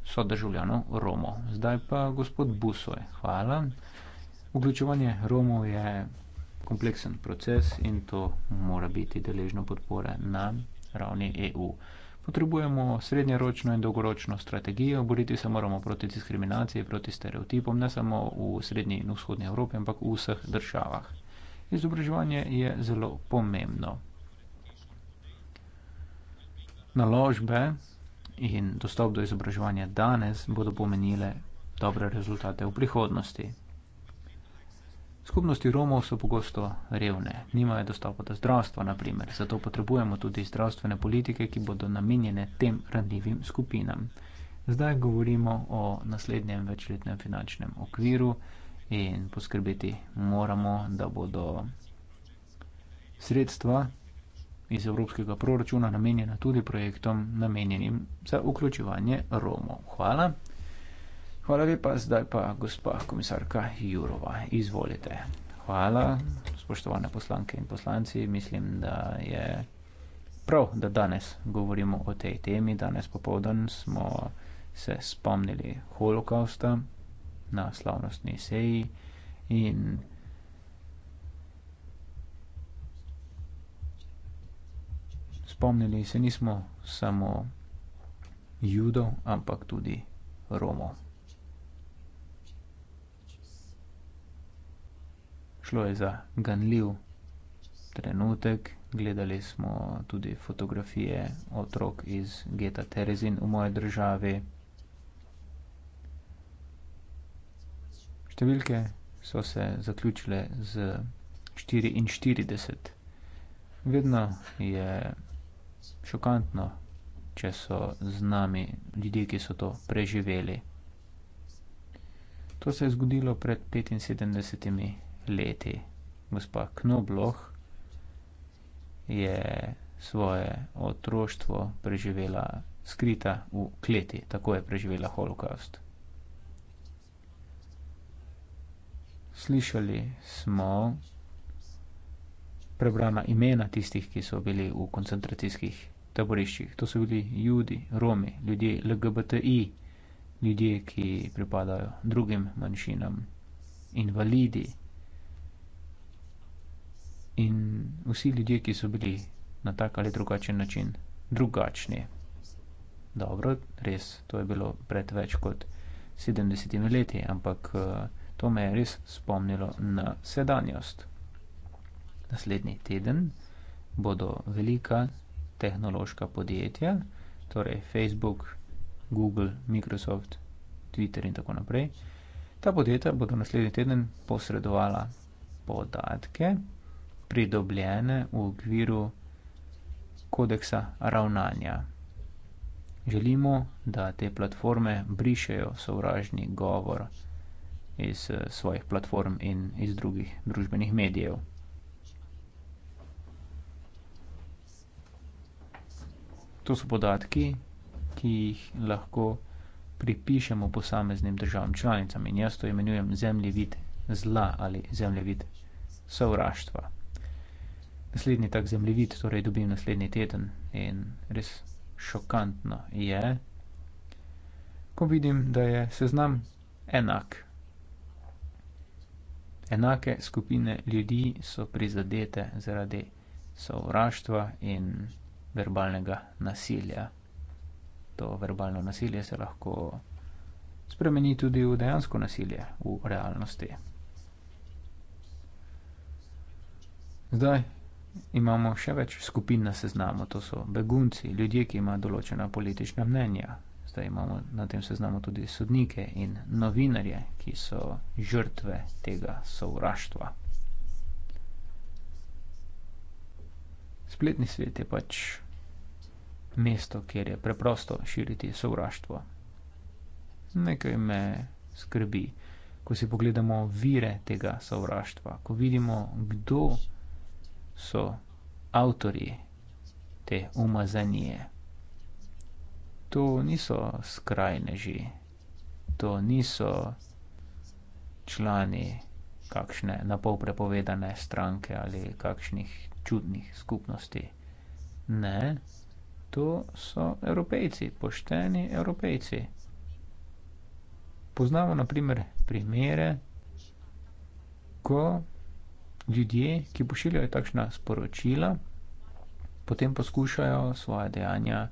sodržavljanov romov zdaj pa gospod busoj hvala vključevanje romov je kompleksen proces in to mora biti deležno podpore na ravni EU. Potrebujemo srednjeročno in dolgoročno strategijo, boriti se moramo proti diskriminaciji, proti stereotipom, ne samo v srednji in vzhodni Evropi, ampak v vseh državah izobraževanje je zelo pomembno naložbe in dostop do izobraževanja danes bodo pomenile dobre rezultate v prihodnosti skupnosti romov so pogosto revne nimajo dostopa do zdravstva na primer zato potrebujemo tudi zdravstvene politike ki bodo namenjene tem ranljivim skupinam zdaj govorimo o naslednjem večletnem finančnem okviru in poskrbeti moramo, da bodo sredstva iz evropskega proračuna namenjena tudi projektom, namenjenim za vključevanje Romov. Hvala. Hvala lepa, zdaj pa gospa komisarka Jurova. Izvolite. Hvala, spoštovane poslanke in poslanci. Mislim, da je prav, da danes govorimo o tej temi. Danes popovdan smo se spomnili holokausta na slavnostni seji in spomnili se nismo samo judov, ampak tudi romov. Šlo je za ganljiv trenutek, gledali smo tudi fotografije otrok iz geta Terezin v moji državi. številke so se zaključile z 44. Vedno je šokantno, če so z nami ljudje, ki so to preživeli. To se je zgodilo pred 75 leti. Gospa Knobloh je svoje otroštvo preživela skrita v kleti, tako je preživela holokaust. slišali smo prebrana imena tistih, ki so bili v koncentracijskih taboriščih. To so bili judi, romi, ljudje LGBTI, ljudje, ki pripadajo drugim manjšinam, invalidi in vsi ljudje, ki so bili na tak ali drugačen način drugačni. Dobro, res, to je bilo pred več kot 70 leti, ampak uh, to me je res spomnilo na sedanjost naslednji teden bodo velika tehnološka podjetja torej facebook google microsoft twitter in tako naprej ta podjetja bodo naslednji teden posredovala podatke pridobljene v okviru kodeksa ravnanja. Želimo, da te platforme brišejo sovražni govor iz eh, svojih platform in iz drugih družbenih medijev. To so podatki, ki jih lahko pripišemo posameznim državam članicam in jaz to imenujem zemljevid zla ali zemljevid sovraštva. Naslednji tak zemljevid torej dobim naslednji teden in res šokantno je, ko vidim, da je seznam enak enake skupine ljudi so prizadete zaradi sovraštva in verbalnega nasilja to verbalno nasilje se lahko spremeni tudi v dejansko nasilje v realnosti zdaj imamo še več skupin na seznamu to so begunci ljudje ki imajo določena politična mnenja da imamo na tem seznamu tudi sodnike in novinarje, ki so žrtve tega sovraštva. Spletni svet je pač mesto, kjer je preprosto širiti sovraštvo. Nekaj me skrbi, ko si pogledamo vire tega sovraštva, ko vidimo, kdo so avtori te umazanije to niso skrajneži, to niso člani kakšne napol prepovedane stranke ali kakšnih čudnih skupnosti. Ne, to so evropejci, pošteni evropejci. Poznamo naprimer primere, ko ljudje, ki pošiljajo takšna sporočila, potem poskušajo svoje dejanja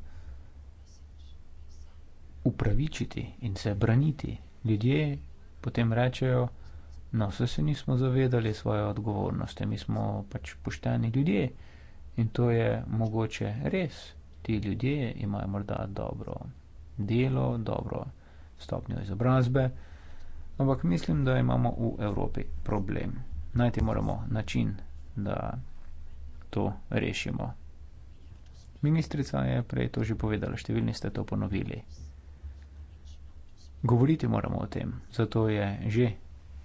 upravičiti in se braniti ljudje potem rečejo no vse se nismo zavedali svoje odgovornosti mi smo pač pošteni ljudje in to je mogoče res ti ljudje imajo morda dobro delo dobro stopnjo izobrazbe ampak mislim da imamo v Evropi problem najti moramo način da to rešimo Ministrica je prej to že povedala, številni ste to ponovili govoriti moramo o tem, zato je že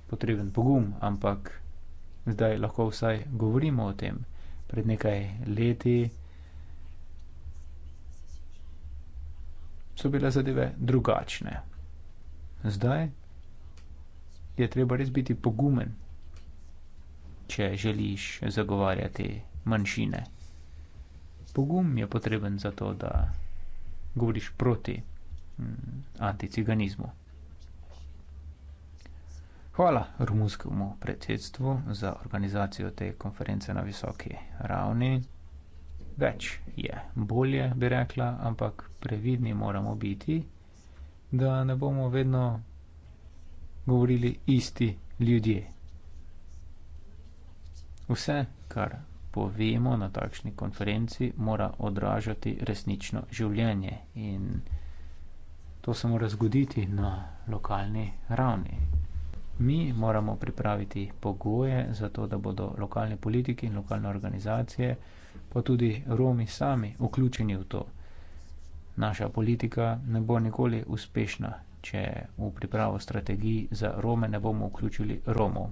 potreben pogum, ampak zdaj lahko vsaj govorimo o tem. Pred nekaj leti so bile zadeve drugačne. Zdaj je treba res biti pogumen, če želiš zagovarjati manjšine. Pogum je potreben za to, da govoriš proti Mm, anticiganizmu. Hvala rumunskemu predsedstvu za organizacijo te konference na visoki ravni. Več je bolje, bi rekla, ampak previdni moramo biti, da ne bomo vedno govorili isti ljudje. Vse, kar povemo na takšni konferenci, mora odražati resnično življenje in življenje. To se mora zgoditi na lokalni ravni. Mi moramo pripraviti pogoje za to, da bodo lokalne politike in lokalne organizacije, pa tudi Romi sami, vključeni v to. Naša politika ne bo nikoli uspešna, če v pripravo strategij za Rome ne bomo vključili Romov.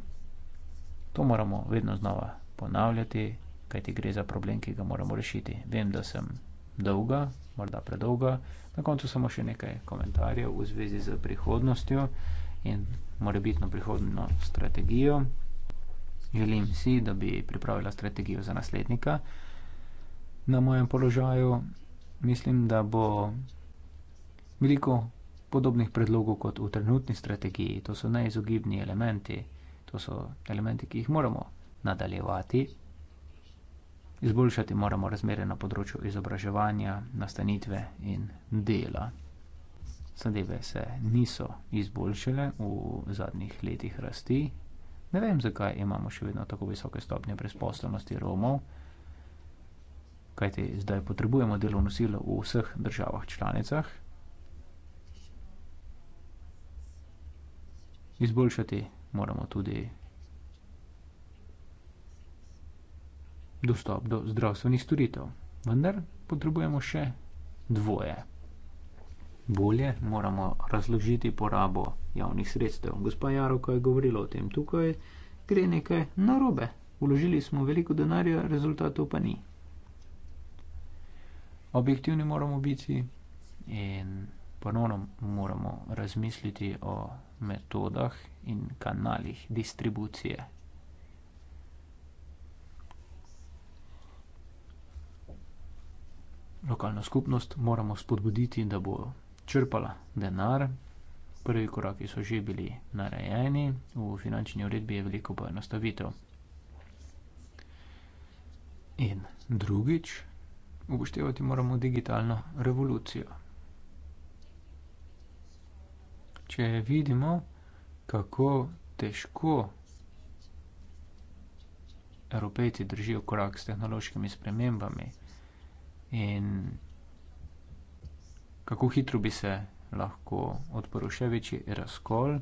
To moramo vedno znova ponavljati, kajti gre za problem, ki ga moramo rešiti. Vem, da sem dolga, morda predolga. Na koncu samo še nekaj komentarjev v zvezi z prihodnostjo in morebitno prihodno strategijo. Želim si, da bi pripravila strategijo za naslednika na mojem položaju. Mislim, da bo veliko podobnih predlogov kot v trenutni strategiji. To so neizogibni elementi, to so elementi, ki jih moramo nadaljevati. Izboljšati moramo razmere na področju izobraževanja, nastanitve in dela. Zadeve se niso izboljšale v zadnjih letih rasti. Ne vem, zakaj imamo še vedno tako visoke stopnje brezposelnosti Romov, kajti zdaj potrebujemo delovno silo v vseh državah članicah. Izboljšati moramo tudi dostop do zdravstvenih storitev. Vendar potrebujemo še dvoje. Bolje moramo razložiti porabo javnih sredstev. Gospa Jaroka je govorila o tem, tukaj gre nekaj narobe. Uložili smo veliko denarja, rezultatov pa ni. Objektivni moramo biti in ponovno moramo razmisliti o metodah in kanalih distribucije lokalno skupnost moramo spodbuditi, da bo črpala denar. Prvi koraki so že bili narejeni, v finančni uredbi je veliko poenostavitev. In drugič, upoštevati moramo digitalno revolucijo. Če vidimo, kako težko Evropejci držijo korak s tehnološkimi spremembami, in kako hitro bi se lahko odprl še večji razkol.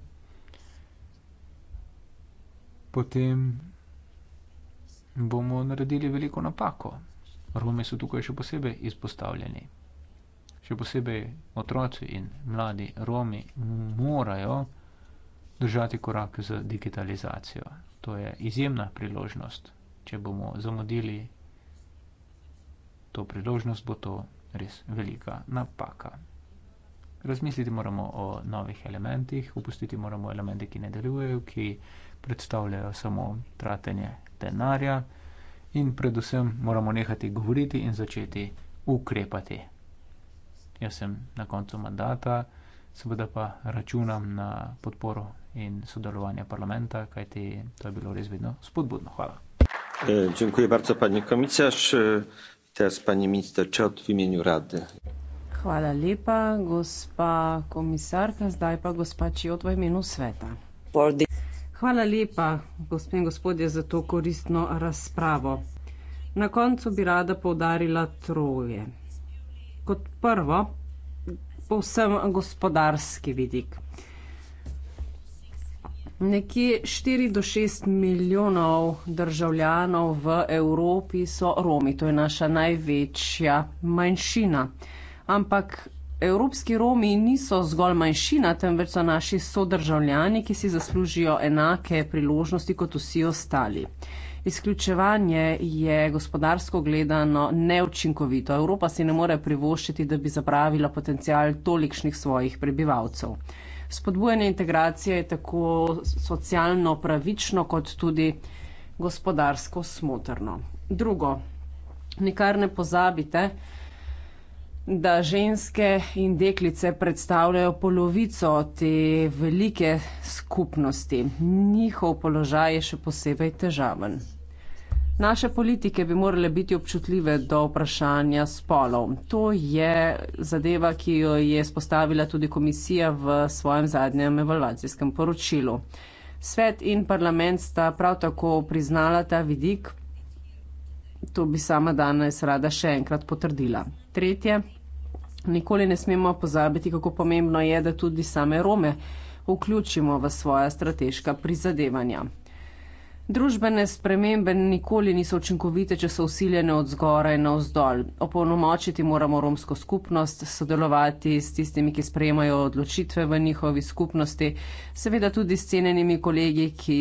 Potem bomo naredili veliko napako. Romi so tukaj še posebej izpostavljeni. Še posebej otroci in mladi Romi morajo držati korak z digitalizacijo. To je izjemna priložnost. Če bomo zamudili to priložnost, bo to res velika napaka. Razmisliti moramo o novih elementih, opustiti moramo elemente, ki ne delujejo, ki predstavljajo samo tratenje denarja in predvsem moramo nehati govoriti in začeti ukrepati. Jaz sem na koncu mandata, seveda pa računam na podporo in sodelovanje parlamenta, kajti to je bilo res vedno spodbudno. Hvala. E, Teraz pani minister Čot v imenu rady. Hvala lepa, gospa komisarka, zdaj pa gospa Čot v imenu sveta. Hvala lepa, gospe in gospodje, za to koristno razpravo. Na koncu bi rada povdarila troje. Kot prvo, povsem gospodarski vidik. Nekje 4 do 6 milijonov državljanov v Evropi so Romi, to je naša največja manjšina. Ampak evropski Romi niso zgolj manjšina, temveč so naši sodržavljani, ki si zaslužijo enake priložnosti kot vsi ostali. Izključevanje je gospodarsko gledano neučinkovito. Evropa si ne more privoščiti, da bi zapravila potencial tolikšnih svojih prebivalcev. Spodbujanje integracije je tako socialno pravično kot tudi gospodarsko smotrno. Drugo, nikar ne pozabite, da ženske in deklice predstavljajo polovico te velike skupnosti. Njihov položaj je še posebej težaven. Naše politike bi morale biti občutljive do vprašanja spolov. To je zadeva, ki jo je spostavila tudi komisija v svojem zadnjem evalvacijskem poročilu. Svet in parlament sta prav tako priznala ta vidik. To bi sama danes rada še enkrat potrdila. Tretje, nikoli ne smemo pozabiti, kako pomembno je, da tudi same Rome vključimo v svoja strateška prizadevanja. Družbene spremembe nikoli niso učinkovite, če so usiljene od zgoraj na vzdolj. Opolnomočiti moramo romsko skupnost, sodelovati s tistimi, ki sprejemajo odločitve v njihovi skupnosti, seveda tudi s cenenimi kolegi, ki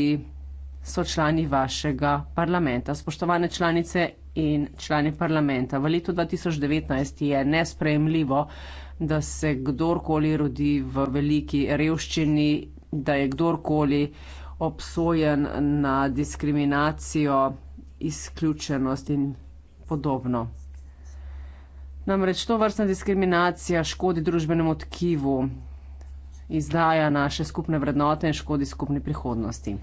so člani vašega parlamenta. Spoštovane članice in člani parlamenta, v letu 2019 je nesprejemljivo, da se kdorkoli rodi v veliki revščini, da je kdorkoli obsojen na diskriminacijo, izključenost in podobno. Namreč to vrstna diskriminacija škodi družbenemu tkivu, izdaja naše skupne vrednote in škodi skupni prihodnosti.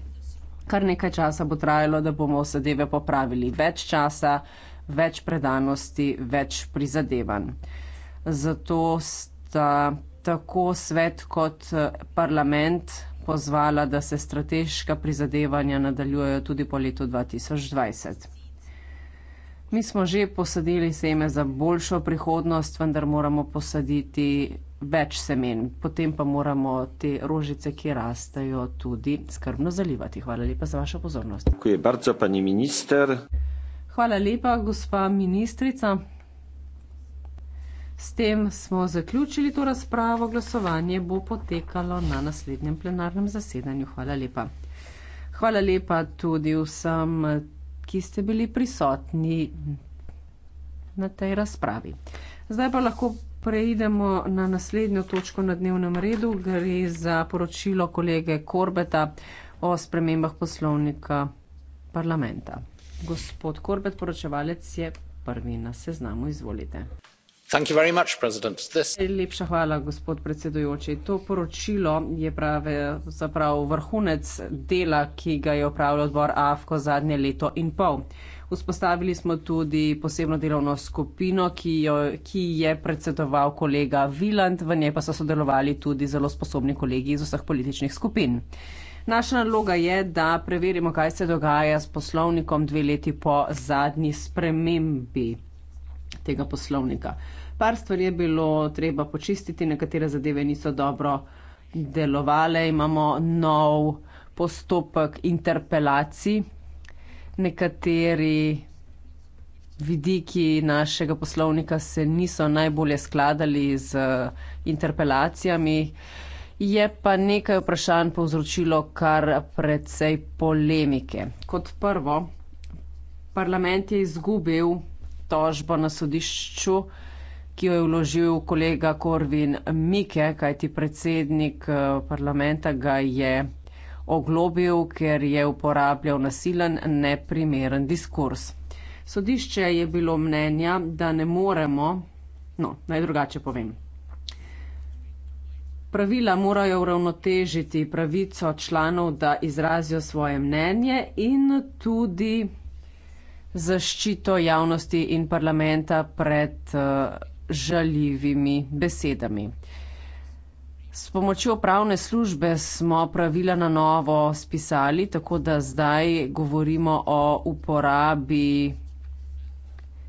Kar nekaj časa bo trajalo, da bomo zadeve popravili. Več časa, več predanosti, več prizadevanj. Zato sta tako svet kot eh, parlament pozvala, da se strateška prizadevanja nadaljujejo tudi po letu 2020. Mi smo že posadili seme za boljšo prihodnost, vendar moramo posaditi več semen. Potem pa moramo te rožice, ki rastejo, tudi skrbno zalivati. Hvala lepa za vašo pozornost. Hvala lepa, gospa ministrica. S tem smo zaključili to razpravo. Glasovanje bo potekalo na naslednjem plenarnem zasedanju. Hvala lepa. Hvala lepa tudi vsem, ki ste bili prisotni na tej razpravi. Zdaj pa lahko preidemo na naslednjo točko na dnevnem redu. Gre za poročilo kolege Korbeta o spremembah poslovnika parlamenta. Gospod Korbet, poročevalec je prvi na seznamu. Izvolite. Najlepša hvala, gospod predsedujoči. To poročilo je pravzaprav vrhunec dela, ki ga je opravljal odbor AFCO zadnje leto in pol. Vzpostavili smo tudi posebno delovno skupino, ki, jo, ki je predsedoval kolega Viland, v njej pa so sodelovali tudi zelo sposobni kolegi iz vseh političnih skupin. Naša naloga je, da preverimo, kaj se dogaja s poslovnikom dve leti po zadnji spremembi tega poslovnika par stvari je bilo treba počistiti, nekatere zadeve niso dobro delovale, imamo nov postopek interpelacij, nekateri vidiki našega poslovnika se niso najbolje skladali z eh, interpelacijami. Je pa nekaj vprašanj povzročilo kar precej polemike. Kot prvo, parlament je izgubil tožbo na sodišču ki jo je vložil kolega Korvin Mike, kajti predsednik eh, parlamenta ga je oglobil, ker je uporabljal nasilen, neprimeren diskurs. Sodišče je bilo mnenja, da ne moremo, no, naj drugače povem. Pravila morajo uravnotežiti pravico članov, da izrazijo svoje mnenje in tudi zaščito javnosti in parlamenta pred uh, žaljivimi besedami. S pomočjo pravne službe smo pravila na novo spisali, tako da zdaj govorimo o uporabi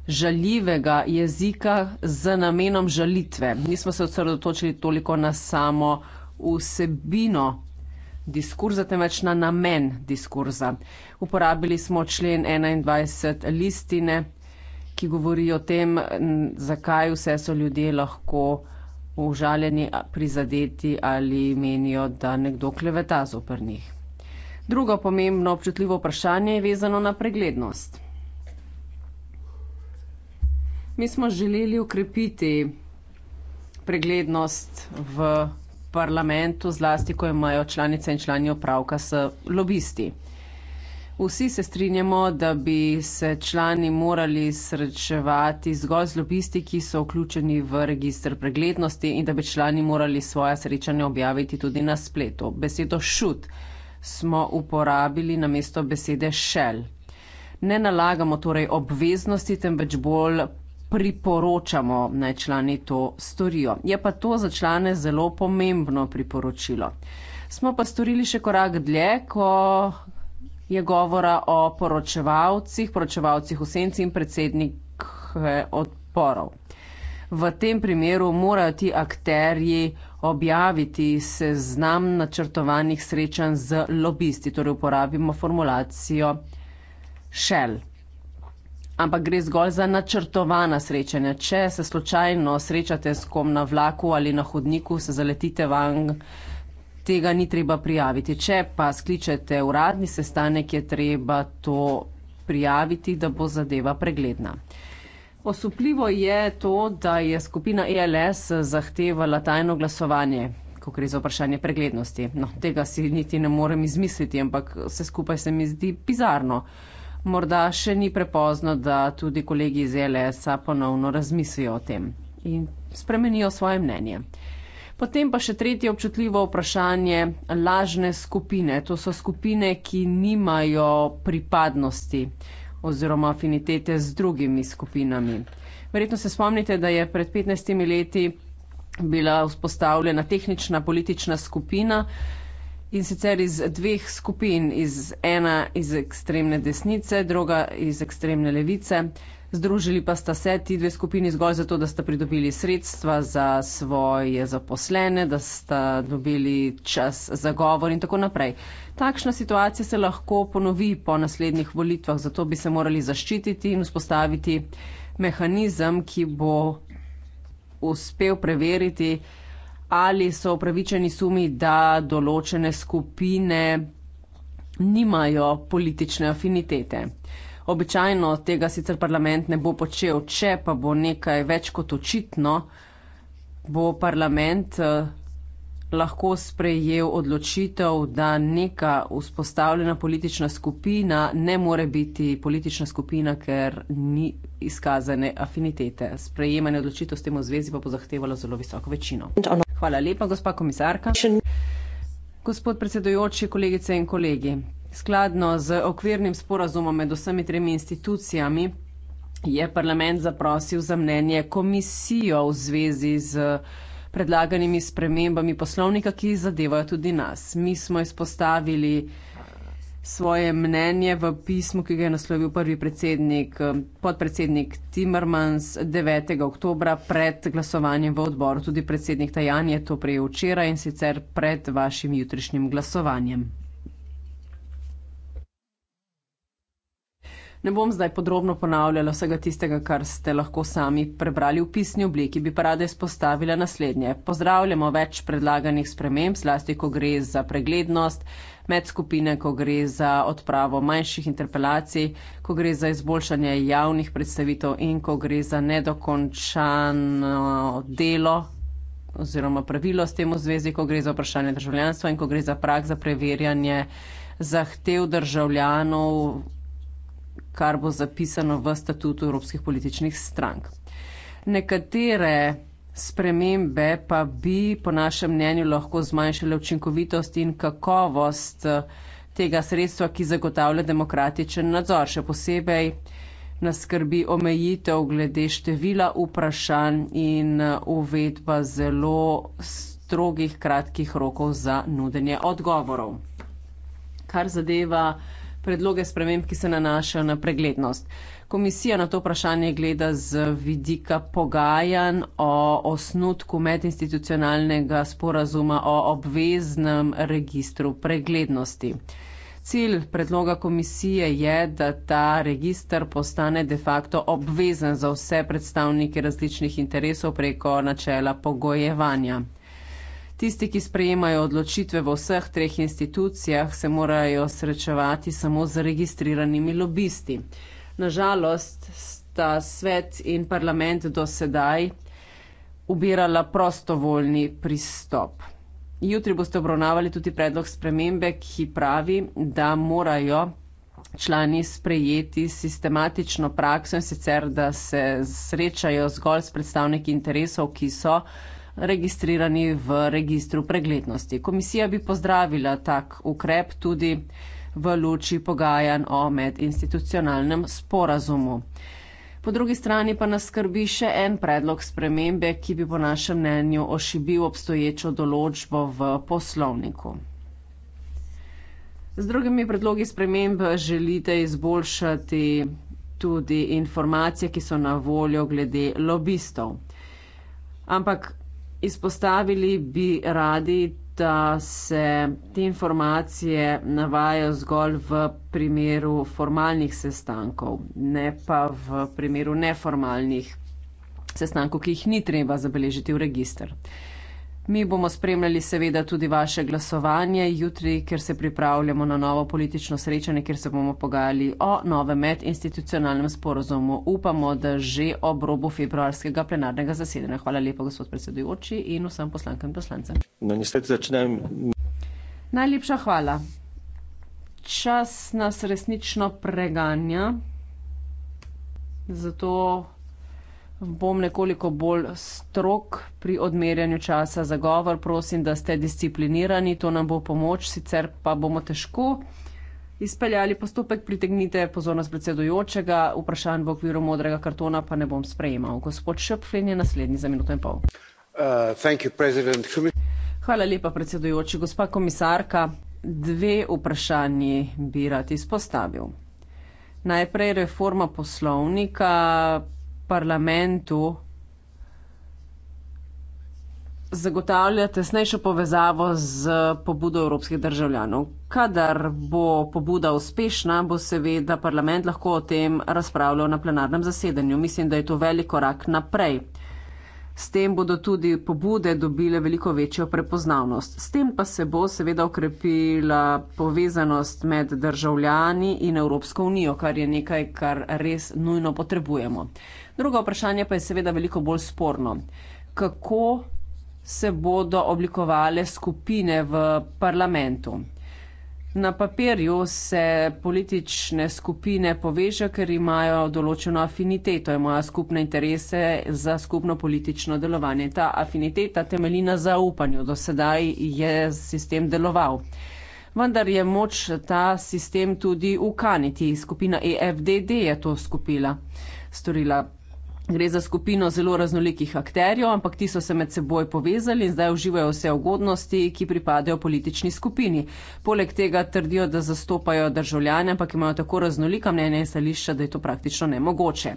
žaljivega jezika z namenom žalitve. Nismo se osredotočili toliko na samo vsebino diskurza, temveč na namen diskurza. Uporabili smo člen 21 listine ki govori o tem, zakaj vse so ljudje lahko užaljeni, prizadeti ali menijo, da nekdo kleveta zoper njih. Drugo pomembno občutljivo vprašanje je vezano na preglednost. Mi smo želeli ukrepiti preglednost v parlamentu, zlasti ko imajo članice in člani opravka s lobisti. Vsi se strinjamo, da bi se člani morali srečevati zgolj z lobisti, ki so vključeni v registr preglednosti in da bi člani morali svoje srečanje objaviti tudi na spletu. Besedo šut smo uporabili na mesto besede šel. Ne nalagamo torej obveznosti, temveč bolj priporočamo, naj člani to storijo. Je pa to za člane zelo pomembno priporočilo. Smo pa storili še korak dlje, ko je govora o poročevalcih, poročevalcih v senci in predsednik eh, odporov. V tem primeru morajo ti akterji objaviti seznam načrtovanih srečanj z lobisti, torej uporabimo formulacijo šel. Ampak gre zgolj za načrtovana srečanja. Če se slučajno srečate s kom na vlaku ali na hodniku, se zaletite vanj, tega ni treba prijaviti. Če pa skličete uradni sestanek, je treba to prijaviti, da bo zadeva pregledna. Osupljivo je to, da je skupina ELS zahtevala tajno glasovanje, ko gre za vprašanje preglednosti. No, tega si niti ne morem izmisliti, ampak vse skupaj se mi zdi bizarno. Morda še ni prepozno, da tudi kolegi iz ELS-a ponovno razmislijo o tem in spremenijo svoje mnenje. Potem pa še tretje občutljivo vprašanje, lažne skupine. To so skupine, ki nimajo pripadnosti oziroma afinitete z drugimi skupinami. Verjetno se spomnite, da je pred 15 leti bila vzpostavljena tehnična politična skupina in sicer iz dveh skupin, iz ena iz ekstremne desnice, druga iz ekstremne levice. Združili pa sta se ti dve skupini zgolj zato, da sta pridobili sredstva za svoje zaposlene, da sta dobili čas za govor in tako naprej. Takšna situacija se lahko ponovi po naslednjih volitvah, zato bi se morali zaščititi in vzpostaviti mehanizem, ki bo uspel preveriti, ali so upravičeni sumi, da določene skupine nimajo politične afinitete. Običajno tega sicer parlament ne bo počel, če pa bo nekaj več kot očitno, bo parlament eh, lahko sprejel odločitev, da neka vzpostavljena politična skupina ne more biti politična skupina, ker ni izkazane afinitete. Sprejemanje odločitev s tem v zvezi pa bo zahtevalo zelo visoko večino. Hvala lepa, gospa komisarka. Gospod predsedujoči, kolegice in kolegi, Skladno z okvirnim sporazumom med vsemi tremi institucijami je parlament zaprosil za mnenje komisijo v zvezi z predlaganimi spremembami poslovnika, ki zadevajo tudi nas. Mi smo izpostavili svoje mnenje v pismu, ki ga je naslovil prvi predsednik, podpredsednik Timmermans 9. oktobra pred glasovanjem v odboru. Tudi predsednik Tajan je to prejel včeraj in sicer pred vašim jutrišnjim glasovanjem. Ne bom zdaj podrobno ponavljala vsega tistega, kar ste lahko sami prebrali v pisni obliki, bi pa rada izpostavila naslednje. Pozdravljamo več predlaganih sprememb, zlasti ko gre za preglednost medskupine, ko gre za odpravo manjših interpelacij, ko gre za izboljšanje javnih predstavitev in ko gre za nedokončano delo oziroma pravilo s tem v zvezi, ko gre za vprašanje državljanstva in ko gre za prak za preverjanje zahtev državljanov kar bo zapisano v statutu evropskih političnih strank. Nekatere spremembe pa bi, po našem mnenju, lahko zmanjšale učinkovitost in kakovost eh, tega sredstva, ki zagotavlja demokratičen nadzor. Še posebej nas skrbi omejitev glede števila vprašanj in eh, uvedba zelo strogih kratkih rokov za nudenje odgovorov. Kar zadeva predloge sprememb, ki se nanašajo na preglednost. Komisija na to vprašanje gleda z vidika pogajanj o osnutku medinstitucionalnega sporazuma o obveznem registru preglednosti. Cilj predloga komisije je, da ta registr postane de facto obvezen za vse predstavnike različnih interesov preko načela pogojevanja. Tisti, ki sprejemajo odločitve v vseh treh institucijah, se morajo srečevati samo z registriranimi lobisti. Nažalost sta svet in parlament do sedaj ubirala prostovoljni pristop. Jutri boste obravnavali tudi predlog spremembe, ki pravi, da morajo člani sprejeti sistematično prakso in sicer, da se srečajo zgolj s predstavniki interesov, ki so registrirani v registru preglednosti. Komisija bi pozdravila tak ukrep tudi v luči pogajanj o medinstitucionalnem sporazumu. Po drugi strani pa nas skrbi še en predlog spremembe, ki bi po našem mnenju ošibil obstoječo določbo v poslovniku. Z drugimi predlogi sprememb želite izboljšati tudi informacije, ki so na voljo glede lobistov. Ampak Izpostavili bi radi, da se te informacije navajajo zgolj v primeru formalnih sestankov, ne pa v primeru neformalnih sestankov, ki jih ni treba zabeležiti v registr. Mi bomo spremljali seveda tudi vaše glasovanje jutri, ker se pripravljamo na novo politično srečanje, kjer se bomo pogajali o novem medinstitucionalnem sporozumu. Upamo, da že ob robu februarskega plenarnega zasedanja. Hvala lepa, gospod predsedujoči in vsem poslankam in poslancem. No, Najlepša hvala. Čas nas resnično preganja. Zato bom nekoliko bolj strok pri odmerjanju časa za govor. Prosim, da ste disciplinirani, to nam bo pomoč, sicer pa bomo težko izpeljali postopek. Pritegnite pozornost predsedujočega, vprašanj v okviru modrega kartona pa ne bom sprejemal. Gospod Šepflin je naslednji za minuto in pol. Uh, Hvala lepa, predsedujoči. Gospa komisarka, dve vprašanji bi rad izpostavil. Najprej reforma poslovnika, parlamentu zagotavlja tesnejšo povezavo z pobudo evropskih državljanov. Kadar bo pobuda uspešna, bo seveda parlament lahko o tem razpravljal na plenarnem zasedanju. Mislim, da je to velik korak naprej. S tem bodo tudi pobude dobile veliko večjo prepoznavnost. S tem pa se bo seveda okrepila povezanost med državljani in Evropsko unijo, kar je nekaj, kar res nujno potrebujemo. Drugo vprašanje pa je seveda veliko bolj sporno. Kako se bodo oblikovale skupine v parlamentu? Na papirju se politične skupine povežajo, ker imajo določeno afiniteto, imajo skupne interese za skupno politično delovanje. Ta afiniteta temelji na zaupanju. Do sedaj je sistem deloval. Vendar je moč ta sistem tudi ukaniti. Skupina EFDD je to skupila, storila. Gre za skupino zelo raznolikih akterjev, ampak ti so se med seboj povezali in zdaj uživajo vse ugodnosti, ki pripadajo politični skupini. Poleg tega trdijo, da zastopajo državljane, ampak imajo tako raznolika mnenja in stališča, da je to praktično nemogoče.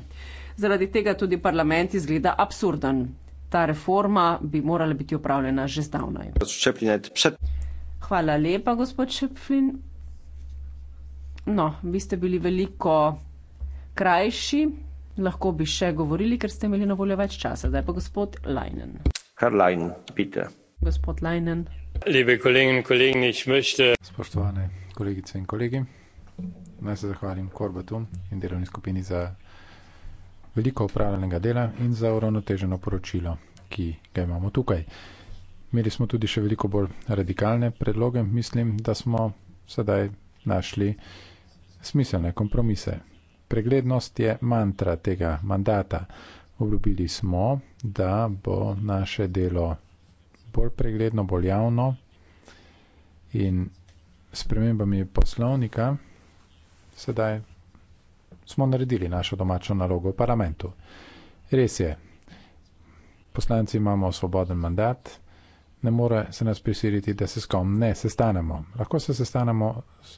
Zaradi tega tudi parlament izgleda absurdan. Ta reforma bi morala biti upravljena že zdavnaj. Hvala lepa, gospod Šepflin. No, vi ste bili veliko krajši lahko bi še govorili, ker ste imeli na voljo več časa. Zdaj pa gospod Leinen. Karlajn, pite. Gospod Leinen. Lepe kolegi in kolegi, šmešte. Spoštovane kolegice in kolegi, naj se zahvalim Korbatu in delovni skupini za veliko opravljenega dela in za uravnoteženo poročilo, ki ga imamo tukaj. Imeli smo tudi še veliko bolj radikalne predloge, mislim, da smo sedaj našli smiselne kompromise preglednost je mantra tega mandata. Obljubili smo, da bo naše delo bolj pregledno, bolj javno in spremembami poslovnika sedaj smo naredili našo domačo nalogo v parlamentu. Res je, poslanci imamo svoboden mandat, ne more se nas prisiliti, da se s kom ne sestanemo. Lahko se sestanemo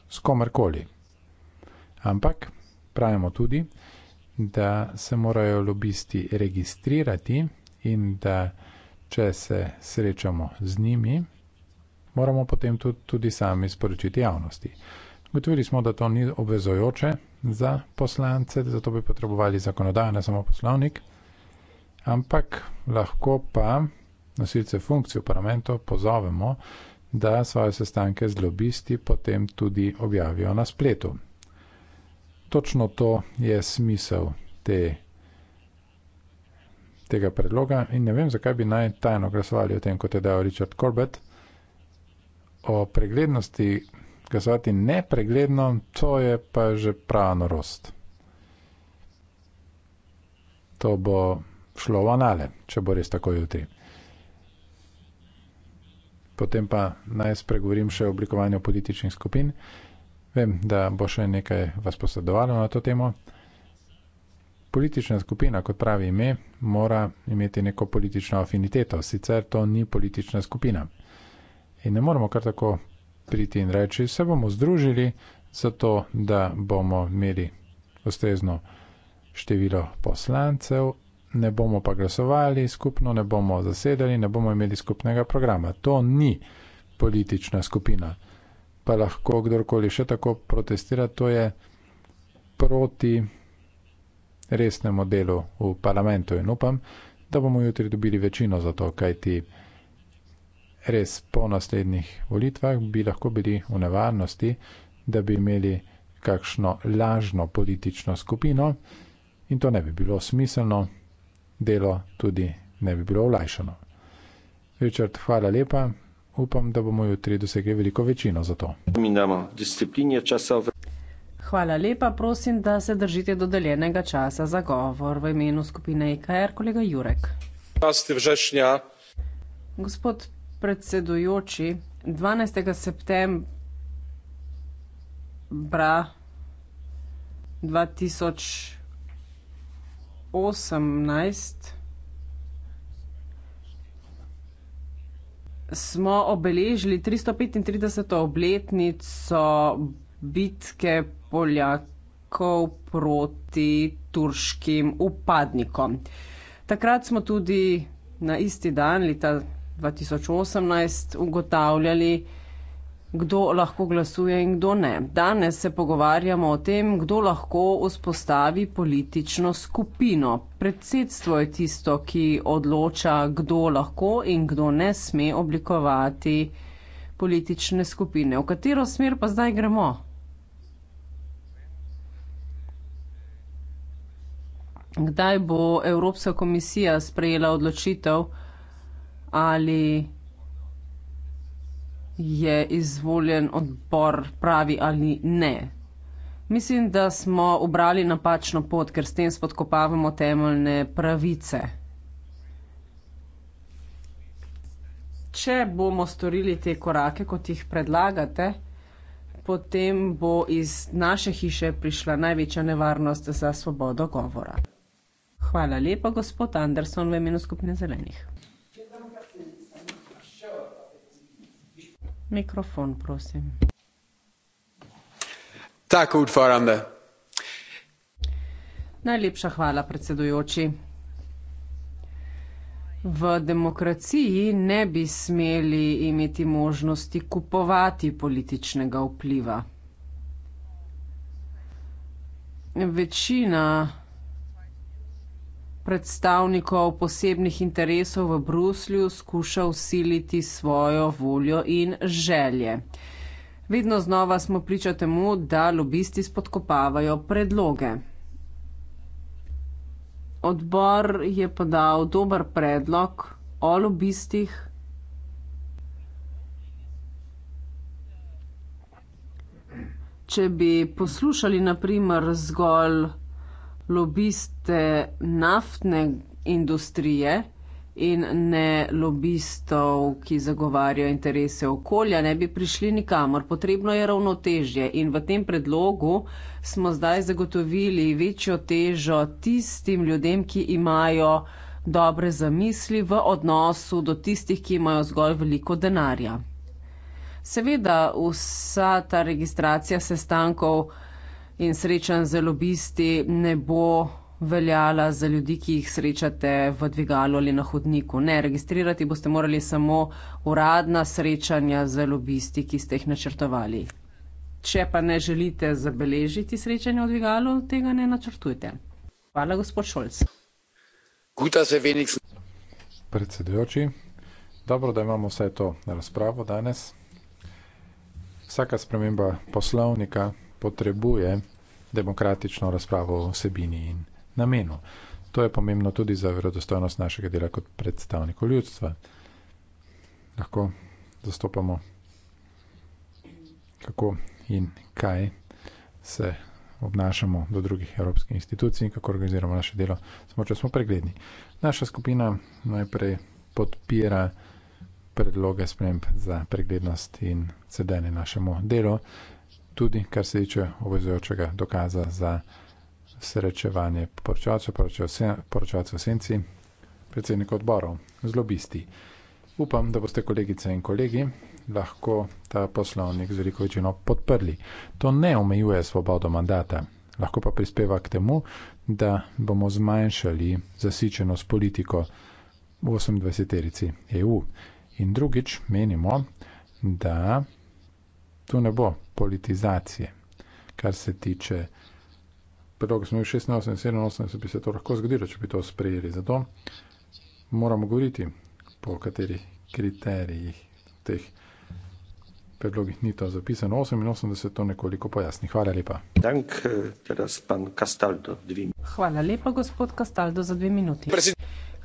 s komerkoli. Ampak pravimo tudi, da se morajo lobisti registrirati in da če se srečamo z njimi, moramo potem tudi, tudi sami sporočiti javnosti. Gotovili smo, da to ni obvezojoče za poslance, zato bi potrebovali zakonodajo, ne samo poslovnik, ampak lahko pa nosilce funkcij v parlamentu pozovemo, da svoje sestanke z lobisti potem tudi objavijo na spletu. Točno to je smisel te, tega predloga in ne vem, zakaj bi naj tajno glasovali o tem, kot je dal Richard Corbett. O preglednosti glasovati nepregledno, to je pa že prava norost. To bo šlo v anale, če bo res tako jutri. Potem pa naj spregovorim še o oblikovanju političnih skupin. Vem, da bo še nekaj vas posredovalo na to temo. Politična skupina, kot pravi ime, mora imeti neko politično afiniteto, sicer to ni politična skupina. In ne moremo kar tako priti in reči, se bomo združili, zato da bomo imeli ustrezno število poslancev, ne bomo pa glasovali skupno, ne bomo zasedali, ne bomo imeli skupnega programa. To ni politična skupina pa lahko kdorkoli še tako protestira, to je proti resnemu delu v parlamentu in upam, da bomo jutri dobili večino za to, kaj ti res po naslednjih volitvah bi lahko bili v nevarnosti, da bi imeli kakšno lažno politično skupino in to ne bi bilo smiselno, delo tudi ne bi bilo olajšano. Richard, hvala lepa. Upam, da bomo jutri dosegli veliko večino za to. Hvala lepa, prosim, da se držite dodeljenega časa za govor v imenu skupine IKR, e kolega Jurek. Gospod predsedujoči, 12. septembra 2018. smo obeležili 335. obletnico bitke Poljakov proti turškim upadnikom. Takrat smo tudi na isti dan, leta 2018, ugotavljali, kdo lahko glasuje in kdo ne. Danes se pogovarjamo o tem, kdo lahko vzpostavi politično skupino. Predsedstvo je tisto, ki odloča, kdo lahko in kdo ne sme oblikovati politične skupine. V katero smer pa zdaj gremo? Kdaj bo Evropska komisija sprejela odločitev ali je izvoljen odbor pravi ali ne. Mislim, da smo obrali napačno pot, ker s tem spodkopavamo temeljne pravice. Če bomo storili te korake, kot jih predlagate, potem bo iz naše hiše prišla največja nevarnost za svobodo govora. Hvala lepa, gospod Anderson, v imenu skupine zelenih. Najlepša hvala, predsedujoči. V demokraciji ne bi smeli imeti možnosti kupovati političnega vpliva. Večina predstavnikov posebnih interesov v Bruslju skuša usiliti svojo voljo in želje. Vedno znova smo priča temu, da lobisti spodkopavajo predloge. Odbor je podal dober predlog o lobistih. Če bi poslušali naprimer zgolj lobiste naftne industrije in ne lobistov, ki zagovarjajo interese okolja, ne bi prišli nikamor. Potrebno je ravnotežje in v tem predlogu smo zdaj zagotovili večjo težo tistim ljudem, ki imajo dobre zamisli v odnosu do tistih, ki imajo zgolj veliko denarja. Seveda vsa ta registracija sestankov in srečanj z lobisti ne bo veljala za ljudi, ki jih srečate v dvigalu ali na hodniku. Ne, registrirati boste morali samo uradna srečanja z lobisti, ki ste jih načrtovali. Če pa ne želite zabeležiti srečanja v dvigalu, tega ne načrtujte. Hvala, gospod Šolc. Predsedujoči, dobro, da imamo vse to na razpravo danes. Vsaka sprememba poslovnika potrebuje demokratično razpravo o vsebini in namenu. To je pomembno tudi za verodostojnost našega dela kot predstavnikov ljudstva. Lahko zastopamo, kako in kaj se obnašamo do drugih evropskih institucij in kako organiziramo naše delo, samo če smo pregledni. Naša skupina najprej podpira predloge sprememb za preglednost in sedenje našemu delu tudi kar se tiče obvezujočega dokaza za srečevanje poročevalcev v senci, predsednik odborov, z lobisti. Upam, da boste kolegice in kolegi lahko ta poslovnik z veliko večino podprli. To ne omejuje svobodo mandata, lahko pa prispeva k temu, da bomo zmanjšali zasičenost politiko v 28-erici EU. In drugič menimo, da tu ne bo politizacije. Kar se tiče, predolgo smo v 1680, 1780, bi se to lahko zgodilo, če bi to sprejeli. Zato moramo govoriti, po katerih kriterijih teh predlogih ni to zapisano. 88 to nekoliko pojasni. Hvala lepa. Dank, Kastaldo, eh, Hvala lepa, gospod Kastaldo, za dve minuti.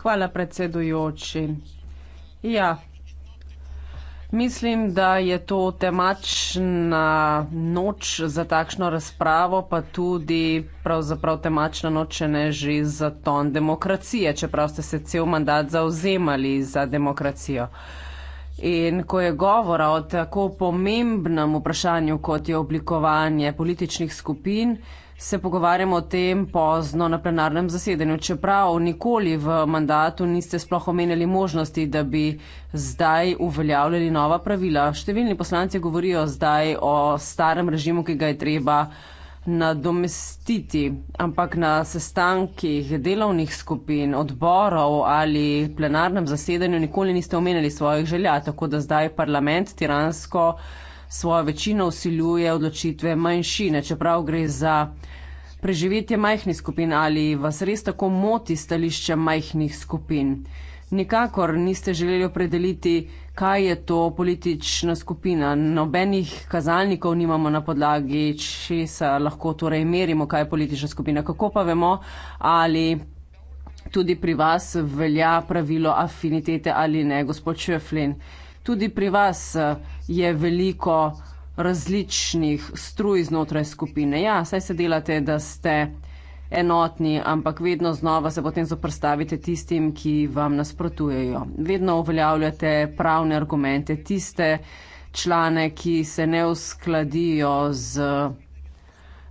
Hvala predsedujoči. Ja, Mislim, da je to temačna noč za takšno razpravo, pa tudi pravzaprav temačna noč, če ne že za ton demokracije, čeprav ste se cel mandat zauzemali za demokracijo. In ko je govora o tako pomembnem vprašanju, kot je oblikovanje političnih skupin, se pogovarjamo o tem pozno na plenarnem zasedanju. Čeprav nikoli v mandatu niste sploh omenjali možnosti, da bi zdaj uveljavljali nova pravila. Številni poslanci govorijo zdaj o starem režimu, ki ga je treba nadomestiti, ampak na sestankih delovnih skupin, odborov ali plenarnem zasedanju nikoli niste omenjali svojih želja, tako da zdaj parlament tiransko svojo večino usiljuje odločitve manjšine, čeprav gre za preživetje majhnih skupin ali vas res tako moti stališče majhnih skupin? Nikakor niste želeli opredeliti, kaj je to politična skupina. Nobenih kazalnikov nimamo na podlagi, če se lahko torej merimo, kaj je politična skupina. Kako pa vemo, ali tudi pri vas velja pravilo afinitete ali ne, gospod Šeflin. Tudi pri vas je veliko različnih struj znotraj skupine. Ja, saj se delate, da ste enotni, ampak vedno znova se potem zoprstavite tistim, ki vam nasprotujejo. Vedno uveljavljate pravne argumente, tiste člane, ki se ne uskladijo z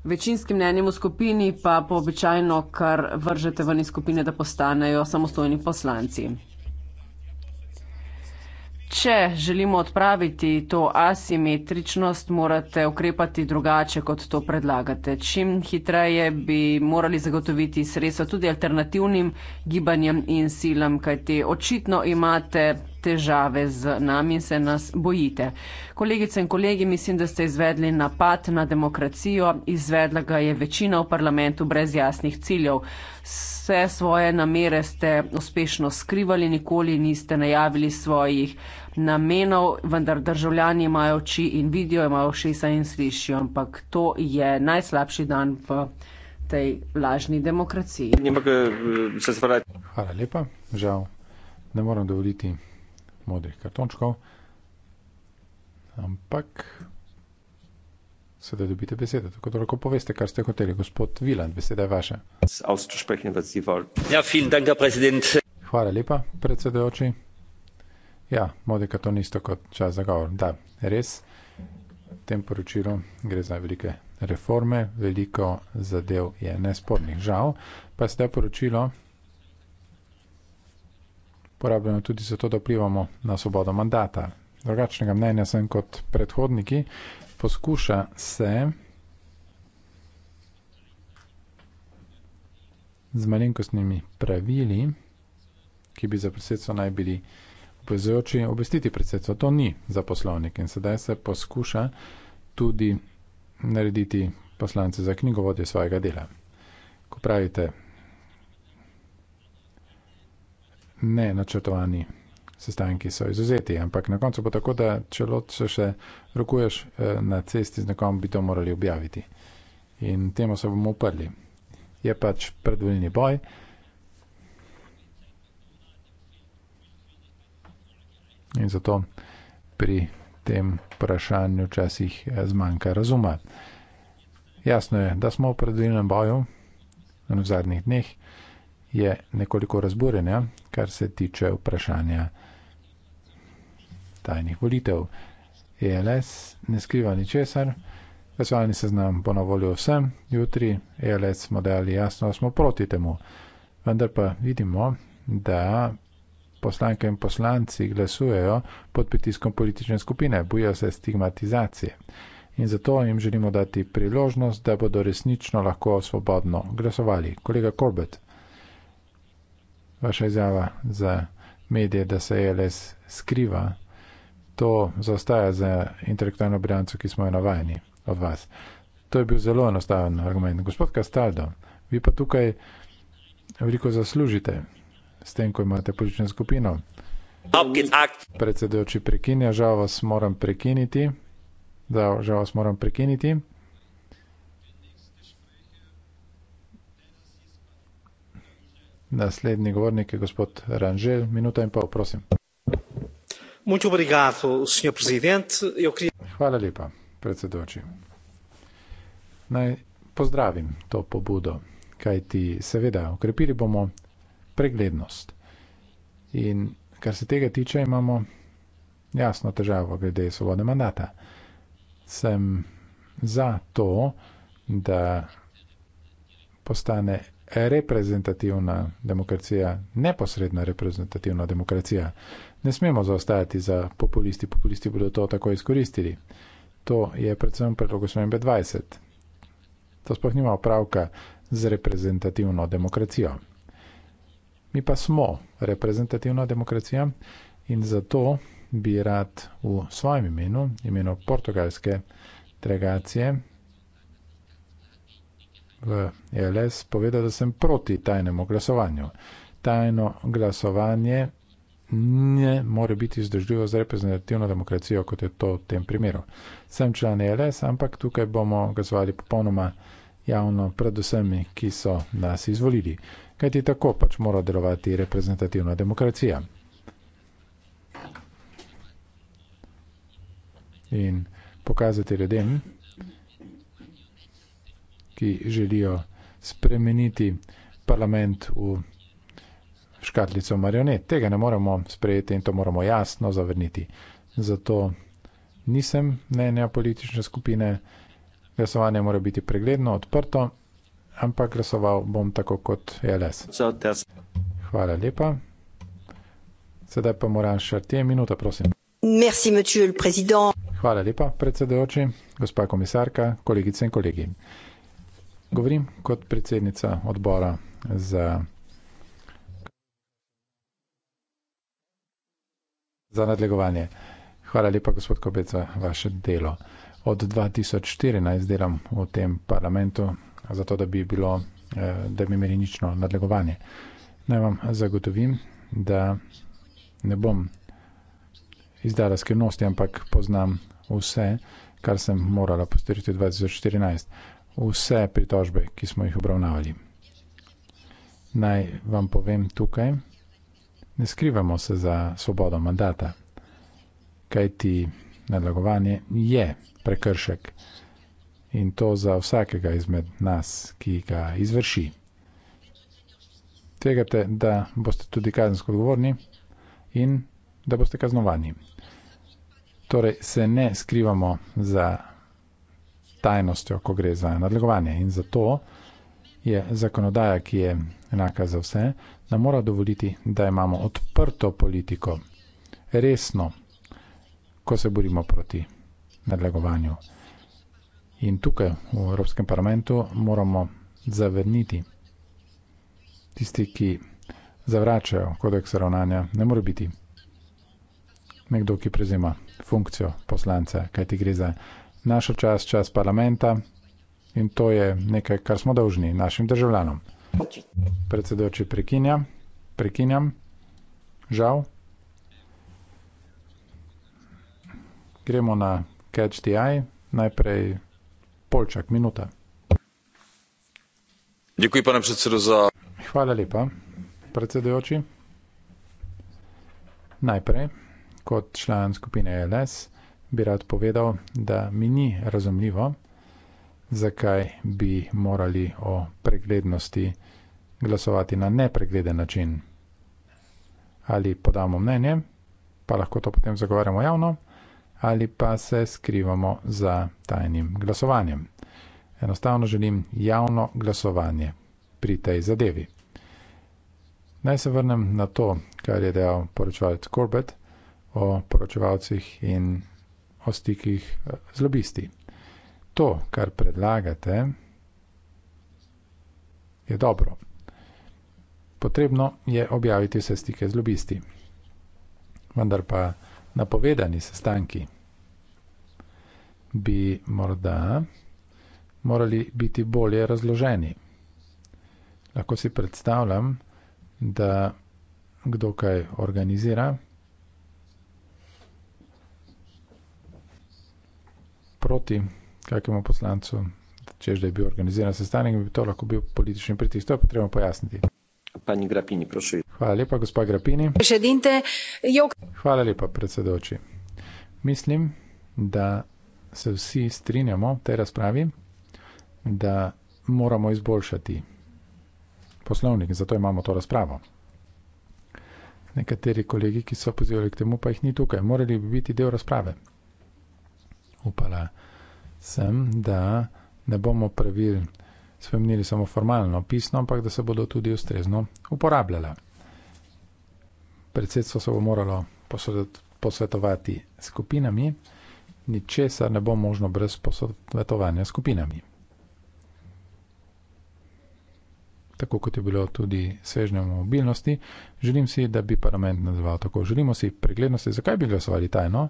večinskim mnenjem v skupini, pa poobičajno kar vržete ven iz skupine, da postanejo samostojni poslanci. Če želimo odpraviti to asimetričnost, morate ukrepati drugače, kot to predlagate. Čim hitreje bi morali zagotoviti sredstva tudi alternativnim gibanjem in silam, kajti očitno imate težave z nami in se nas bojite. Kolegice in kolegi, mislim, da ste izvedli napad na demokracijo, izvedla ga je večina v parlamentu brez jasnih ciljev. Vse svoje namere ste uspešno skrivali, nikoli niste najavili svojih namenov, vendar državljani imajo oči in vidijo, imajo šesa in slišijo, ampak to je najslabši dan v tej lažni demokraciji. Eh, Hvala lepa, žal. Ne moram dovoliti modrih kartončkov, ampak sedaj dobite besedo, tako da lahko poveste, kar ste hoteli. Gospod Vilan, beseda je vaša. Ja, Hvala lepa, predsedojoči. Ja, modrika to nisto kot čas za govor. Da, res, v tem poročilu gre za velike reforme, veliko zadev je nespornih. Žal, pa sedaj poročilo uporabljamo tudi zato, da vplivamo na svobodo mandata. Drugačnega mnenja sem kot predhodniki. Poskuša se z malenkostnimi pravili, ki bi za predsedstvo naj bili obvezujoči, obvestiti predsedstvo. To ni za poslovnik in sedaj se poskuša tudi narediti poslance za knjigovodje svojega dela. Ko pravite, ne načrtovani sestanki so izuzeti, ampak na koncu bo tako, da če se še rokuješ eh, na cesti z nekom, bi to morali objaviti. In temu se bomo uprli. Je pač predvoljni boj. In zato pri tem vprašanju včasih eh, zmanjka razuma. Jasno je, da smo v predvoljnem boju, v zadnjih dneh, je nekoliko razburjena, kar se tiče vprašanja tajnih volitev. ELS ne skriva ničesar, glasovalni seznam bo na voljo vsem, jutri ELS model jasno smo proti temu, vendar pa vidimo, da poslanke in poslanci glasujejo pod pritiskom politične skupine, bojijo se stigmatizacije. In zato jim želimo dati priložnost, da bodo resnično lahko svobodno glasovali. Kolega Corbett vaša izjava za medije, da se e LS skriva, to zaostaja za intelektualno brjanco, ki smo jo navajeni od vas. To je bil zelo enostaven argument. Gospod Castaldo, vi pa tukaj veliko zaslužite s tem, ko imate politično skupino. Predsedujoči prekinja, žal vas moram prekiniti. Da, žal vas moram prekiniti. Naslednji govornik je gospod Ranžel, minuta in pol, prosim. Obrigado, kri... Hvala lepa, predsedoči. Naj pozdravim to pobudo, kajti seveda ukrepili bomo preglednost. In kar se tega tiče, imamo jasno težavo glede svobode mandata. Sem za to, da postane reprezentativna demokracija, neposredna reprezentativna demokracija. Ne smemo zaostajati za populisti, populisti bodo to tako izkoristili. To je predvsem predlog osmembe 20. To sploh nima opravka z reprezentativno demokracijo. Mi pa smo reprezentativna demokracija in zato bi rad v svojem imenu, imenu portugalske delegacije, v e LS povedal, da sem proti tajnemu glasovanju. Tajno glasovanje ne more biti zdržljivo z reprezentativno demokracijo, kot je to v tem primeru. Sem član e LS, ampak tukaj bomo glasovali popolnoma javno, predvsem, ki so nas izvolili. Kajti tako pač mora delovati reprezentativna demokracija. In pokazati ljudem, ki želijo spremeniti parlament v škatlico marionet. Tega ne moremo sprejeti in to moramo jasno zavrniti. Zato nisem mnenja politične skupine. Glasovanje mora biti pregledno, odprto, ampak glasoval bom tako kot LS. Hvala lepa. Sedaj pa moram še te minuta, prosim. Merci, monsieur le président. Hvala lepa, predsedujoči, gospa komisarka, kolegice in kolegi govorim kot predsednica odbora za, za nadlegovanje. Hvala lepa, gospod Kobec, za vaše delo. Od 2014 delam v tem parlamentu, zato da bi bilo, eh, da bi imeli nično nadlegovanje. Naj vam zagotovim, da ne bom izdala skrivnosti, ampak poznam vse, kar sem morala postoriti v 2014 vse pritožbe, ki smo jih obravnavali. Naj vam povem tukaj, ne skrivamo se za svobodo mandata, kajti nadlagovanje je prekršek in to za vsakega izmed nas, ki ga izvrši. Tvegate, da boste tudi kazensko odgovorni in da boste kaznovani. Torej se ne skrivamo za svobodo mandata, tajnostjo, ko gre za nadlegovanje. In zato je zakonodaja, ki je enaka za vse, nam mora dovoliti, da imamo odprto politiko, resno, ko se borimo proti nadlegovanju. In tukaj v Evropskem parlamentu moramo zavrniti tisti, ki zavračajo kodeks ravnanja, ne more biti nekdo, ki prezima funkcijo poslanca, kajti gre za naš čas, čas parlamenta in to je nekaj, kar smo dolžni našim državljanom. Predsedujoči prekinja, prekinjam, žal. Gremo na catch the eye, najprej polčak, minuta. Dekuji, pane predsedo, za. Hvala lepa, predsedujoči. Najprej, kot član skupine LS, bi rad povedal, da mi ni razumljivo, zakaj bi morali o preglednosti glasovati na nepregleden način. Ali podamo mnenje, pa lahko to potem zagovarjamo javno, ali pa se skrivamo za tajnim glasovanjem. Enostavno želim javno glasovanje pri tej zadevi. Naj se vrnem na to, kar je dejal poročevalec Corbett o poročevalcih in o stikih z lobisti. To, kar predlagate, je dobro. Potrebno je objaviti vse stike z lobisti. Vendar pa napovedani sestanki bi morda morali biti bolje razloženi. Lahko si predstavljam, da kdo kaj organizira, proti kakemu poslancu, čež da je bil organiziran sestanek, bi to lahko bil politični pritisk. To je potrebno pojasniti. Pani Grapini, prosim. Hvala lepa, gospa Grapini. Hvala lepa, predsedoči. Mislim, da se vsi strinjamo v tej razpravi, da moramo izboljšati poslovnik, zato imamo to razpravo. Nekateri kolegi, ki so pozivali k temu, pa jih ni tukaj, morali bi biti del razprave upala sem, da ne bomo pravil spremenili samo formalno, pisno, ampak da se bodo tudi ustrezno uporabljala. Predsedstvo se bo moralo posvetovati skupinami, ničesar ne bo možno brez posvetovanja skupinami. Tako kot je bilo tudi svežnjem mobilnosti, želim si, da bi parlament nadzval tako. Želimo si preglednosti, zakaj bi glasovali tajno.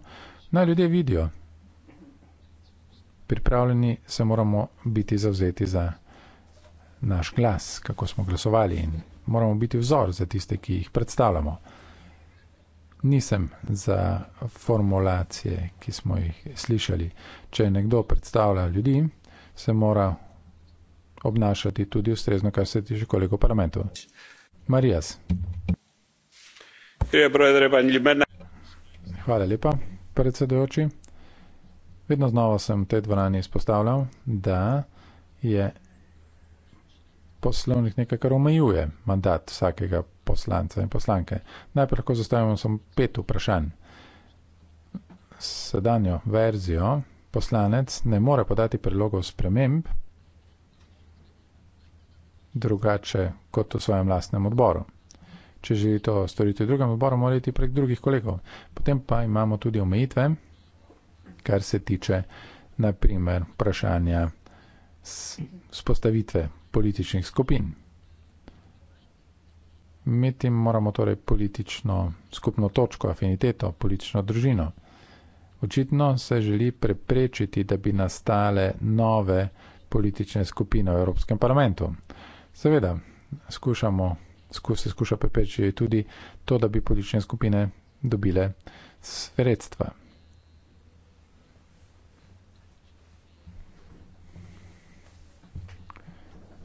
Naj ljudje vidijo, pripravljeni se moramo biti zavzeti za naš glas, kako smo glasovali in moramo biti vzor za tiste, ki jih predstavljamo. Nisem za formulacije, ki smo jih slišali. Če nekdo predstavlja ljudi, se mora obnašati tudi ustrezno, kar se tiče kolegov parlamentu. Marijas. Hvala lepa, predsedujoči. Vedno znova sem v tej dvorani izpostavljal, da je poslovnik nekaj, kar omejuje mandat vsakega poslanca in poslanke. Najprej lahko zastavimo samo pet vprašanj. Sedanjo verzijo poslanec ne more podati predlogov sprememb drugače kot v svojem lastnem odboru. Če želi to storiti v drugem odboru, mora iti prek drugih kolegov. Potem pa imamo tudi omejitve kar se tiče naprimer vprašanja spostavitve političnih skupin. Imeti moramo torej politično skupno točko, afiniteto, politično družino. Očitno se želi preprečiti, da bi nastale nove politične skupine v Evropskem parlamentu. Seveda, skušamo, se skuša preprečiti tudi to, da bi politične skupine dobile sredstva.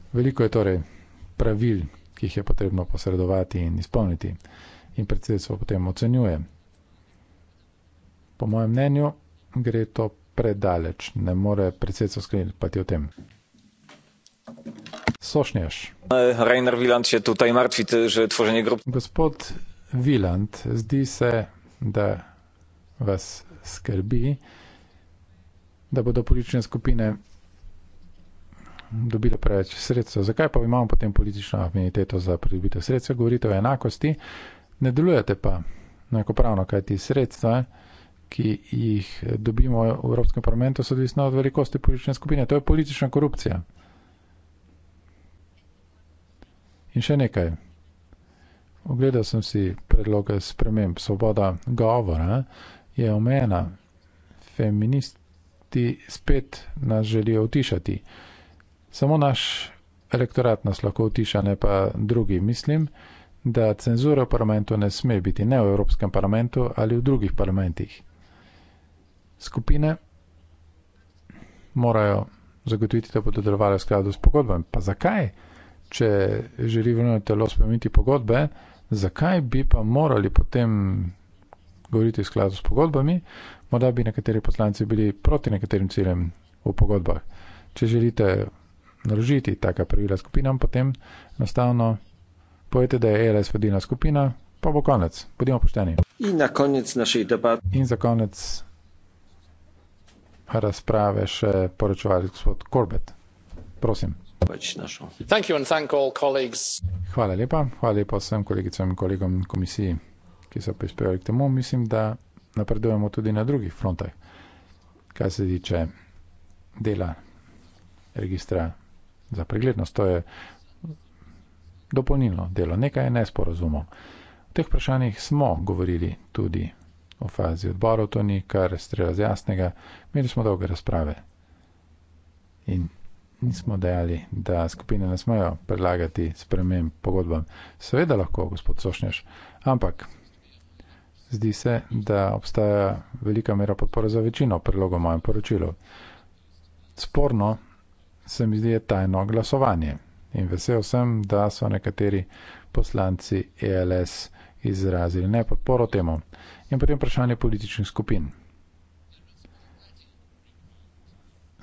Veliko je torej pravil, ki jih je potrebno posredovati in izpolniti. In predsedstvo potem ocenjuje. Po mojem mnenju gre to predaleč. Ne more predsedstvo skleniti pa ti o tem. Sošnjaš. Rainer Wieland je tukaj martvi, že tvoženje grup. Gospod Wieland, zdi se, da vas skrbi, da bodo politične skupine dobile preveč sredstev. Zakaj pa imamo potem politično afiniteto za pridobitev sredstev? Govorite o enakosti, ne delujete pa enakopravno, kaj ti sredstva, ki jih dobimo v Evropskem parlamentu, so odvisna od velikosti politične skupine. To je politična korupcija. In še nekaj. Ogledal sem si predloge sprememb. Svoboda govora je omena. Feministi spet nas želijo utišati samo naš elektorat nas lahko utiša, ne pa drugi. Mislim, da cenzura v parlamentu ne sme biti, ne v Evropskem parlamentu ali v drugih parlamentih. Skupine morajo zagotoviti, da bodo delovali v skladu s pogodbami. Pa zakaj, če želi vrnjeno telo spremeniti pogodbe, zakaj bi pa morali potem govoriti v skladu s pogodbami, morda bi nekateri poslanci bili proti nekaterim ciljem v pogodbah. Če želite naložiti taka pravila skupinam, potem enostavno povete, da je ELS vodilna skupina, pa bo konec, bodimo pošteni. In na konec naših debat. In za konec razprave še poročevali gospod Korbet. Prosim. Pač thank you and thank all colleagues. Hvala lepa, hvala lepa vsem kolegicam in kolegom komisiji, ki so prispevali k temu. Mislim, da napredujemo tudi na drugih frontah, kar se tiče dela registra za preglednost. To je dopolnilno delo, nekaj je nesporazumov. V teh vprašanjih smo govorili tudi o fazi odborov, to ni kar strela z jasnega, imeli smo dolge razprave in nismo dejali, da skupine ne smejo predlagati spremem pogodbam. Seveda lahko, gospod Sošneš, ampak zdi se, da obstaja velika mera podpora za večino predlogov mojem poročilu. Sporno se mi zdi, je tajno glasovanje. In vesel sem, da so nekateri poslanci ELS izrazili ne podporo temu. In potem vprašanje političnih skupin.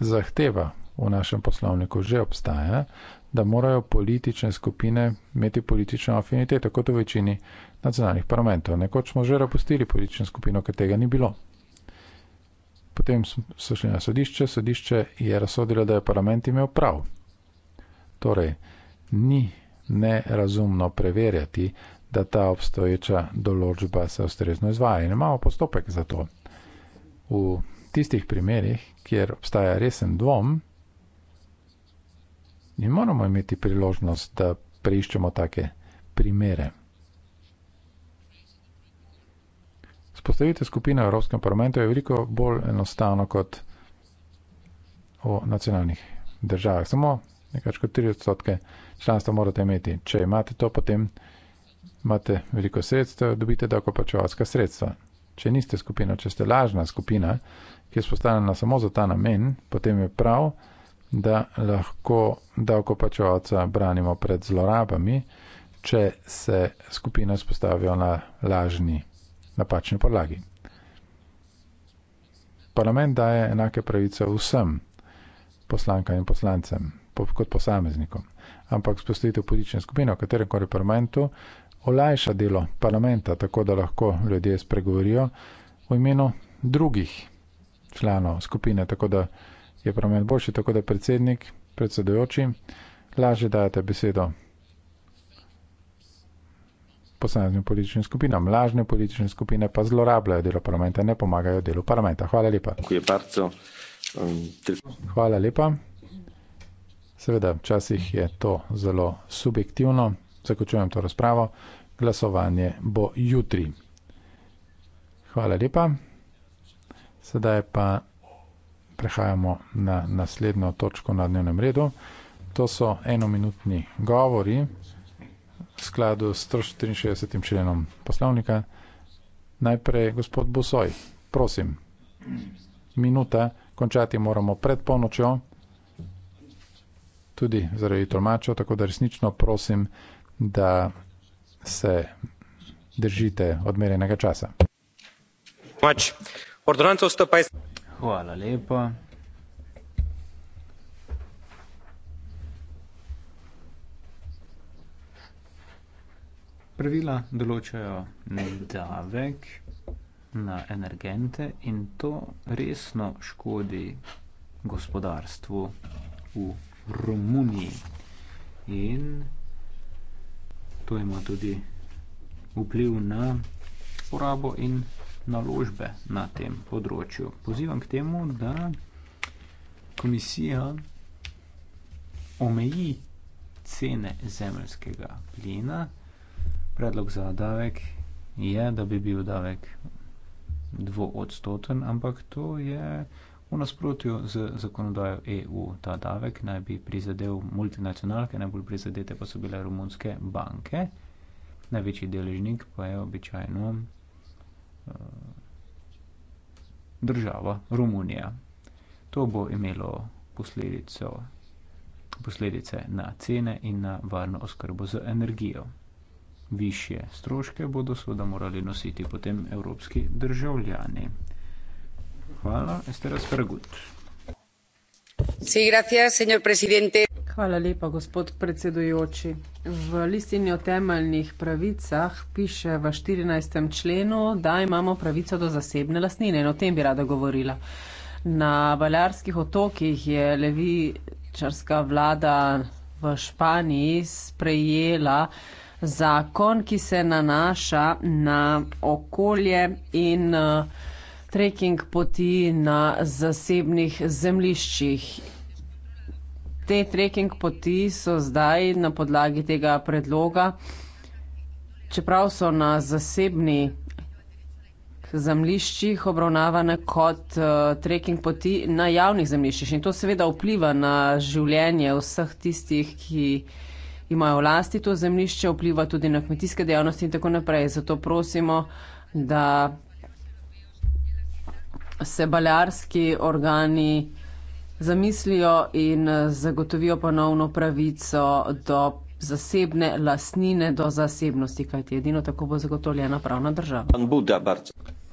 Zahteva v našem poslovniku že obstaja, da morajo politične skupine imeti politično afiniteto, kot v večini nacionalnih parlamentov. Nekoč smo že napustili politično skupino, ker tega ni bilo. Potem so šli na sodišče, sodišče je razsodilo, da je parlament imel prav. Torej, ni nerazumno preverjati, da ta obstoječa določba se ustrezno izvaja in imamo postopek za to. V tistih primerih, kjer obstaja resen dvom, mi moramo imeti priložnost, da preiščemo take primere. vzpostavitev skupine v Evropskem parlamentu je veliko bolj enostavno kot v nacionalnih državah. Samo nekaj kot 3 odstotke članstva morate imeti. Če imate to, potem imate veliko sredstev, dobite davkoplačevalska sredstva. Če niste skupina, če ste lažna skupina, ki je spostavljena samo za ta namen, potem je prav, da lahko davkoplačevalca branimo pred zlorabami, če se skupine spostavijo na lažni napačni podlagi. Parlament daje enake pravice vsem poslankam in poslancem, kot posameznikom, ampak spostavitev politične skupine v katerem koli parlamentu olajša delo parlamenta, tako da lahko ljudje spregovorijo v imenu drugih članov skupine, tako da je parlament boljši, tako da predsednik, predsedujoči, lažje dajete besedo posameznim političnim skupinam. Lažne politične skupine pa zlorabljajo delo parlamenta, ne pomagajo delu parlamenta. Hvala lepa. Um, Hvala lepa. Seveda, včasih je to zelo subjektivno. Zaključujem to razpravo. Glasovanje bo jutri. Hvala lepa. Sedaj pa prehajamo na naslednjo točko na dnevnem redu. To so enominutni govori v skladu s 163. členom poslovnika. Najprej gospod Busoj, prosim, minuta, končati moramo pred ponočjo, tudi zaradi tolmačev, tako da resnično prosim, da se držite odmerjenega časa. Hvala lepa. Pravila določajo davek na energente in to resno škodi gospodarstvu v Romuniji. In to ima tudi vpliv na porabo in naložbe na tem področju. Pozivam k temu, da komisija omeji cene zemljskega plina predlog za davek je, da bi bil davek dvoodstoten, ampak to je v nasprotju z zakonodajo EU. Ta davek naj bi prizadel multinacionalke, najbolj prizadete pa so bile romunske banke, največji deležnik pa je običajno eh, država Romunija. To bo imelo posledice na cene in na varno oskrbo z energijo. Višje stroške bodo seveda morali nositi potem evropski državljani. Hvala, Ester Asfergut. Sí, gracias, señor presidente. Hvala lepa, gospod predsedujoči. V listini o temeljnih pravicah piše v 14. členu, da imamo pravico do zasebne lastnine in o tem bi rada govorila. Na Balearskih otokih je levičarska vlada v Španiji sprejela zakon, ki se nanaša na okolje in uh, trekking poti na zasebnih zemliščih. Te trekking poti so zdaj na podlagi tega predloga, čeprav so na zasebni zemliščih obravnavane kot uh, trekking poti na javnih zemliščih. In to seveda vpliva na življenje vseh tistih, ki uh, imajo v lasti to zemljišče, vpliva tudi na kmetijske dejavnosti in tako naprej. Zato prosimo, da se baljarski organi zamislijo in zagotovijo ponovno pravico do zasebne lastnine, do zasebnosti, kajti edino tako bo zagotovljena pravna država.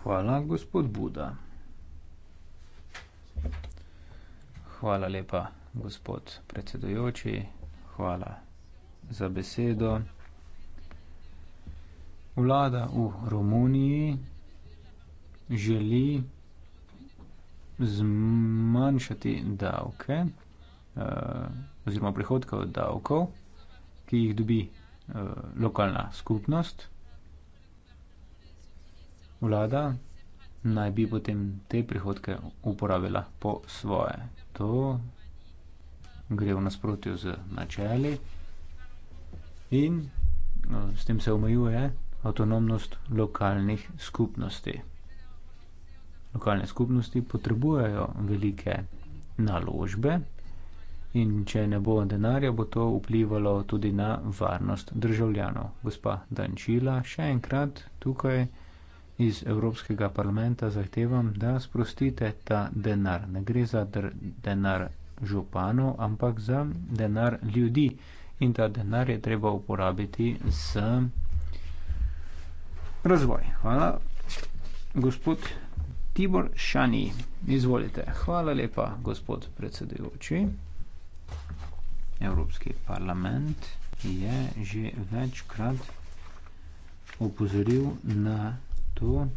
Hvala, gospod Buda. Hvala lepa, gospod predsedujoči. Hvala za besedo. Vlada v Romuniji želi zmanjšati davke, eh, oziroma prihodke od davkov, ki jih dobi, eh, lokalna skupnost. Vlada naj bi potem te prihodke uporabila po svoje. To gre v nasprotju z načeli in s tem se omejuje avtonomnost lokalnih skupnosti. Lokalne skupnosti potrebujejo velike naložbe in če ne bo denarja, bo to vplivalo tudi na varnost državljanov. Gospa Dančila, še enkrat tukaj iz Evropskega parlamenta zahtevam, da sprostite ta denar. Ne gre za denar županov, ampak za denar ljudi in ta denar je treba uporabiti za razvoj. Hvala. Gospod Tibor Šani, izvolite. Hvala lepa, gospod predsedujoči. Evropski parlament je že večkrat opozoril na to,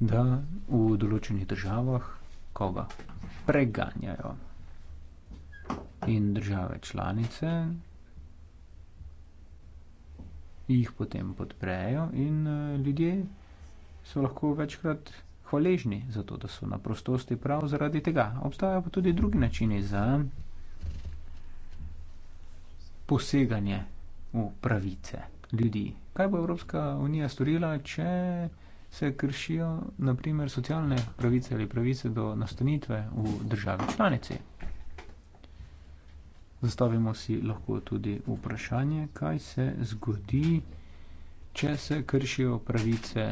da v določenih državah koga preganjajo in države članice jih potem podprejo in eh, ljudje so lahko večkrat hvaležni za to, da so na prostosti prav zaradi tega. Obstajajo pa tudi drugi načini za poseganje v pravice ljudi. Kaj bo Evropska unija storila, če se kršijo, naprimer, socialne pravice ali pravice do nastanitve v državi članici? Zastavimo si lahko tudi vprašanje, kaj se zgodi, če se kršijo pravice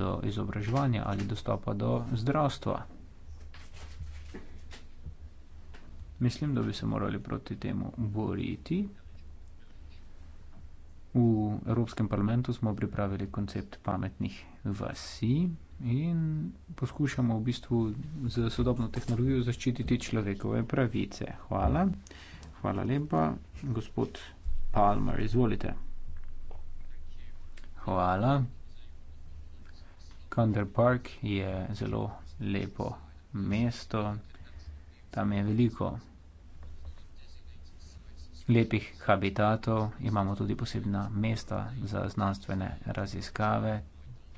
do izobraževanja ali dostopa do zdravstva. Mislim, da bi se morali proti temu boriti. V Evropskem parlamentu smo pripravili koncept pametnih vasi in poskušamo v bistvu z sodobno tehnologijo zaščititi človekove pravice. Hvala. Hvala lepa. Gospod Palmer, izvolite. Hvala. Kander Park je zelo lepo mesto. Tam je veliko lepih habitatov. Imamo tudi posebna mesta za znanstvene raziskave.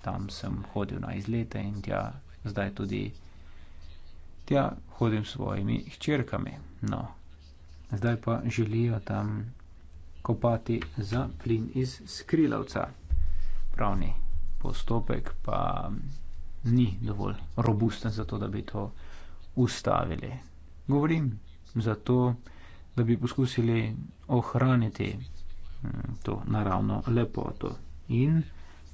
Tam sem hodil na izlete in tja zdaj tudi tja hodim s svojimi hčerkami. No, zdaj pa želijo tam kopati za plin iz skrilavca. Pravni postopek pa ni dovolj robusten za to, da bi to ustavili. Govorim zato, da bi poskusili ohraniti hm, to naravno lepoto in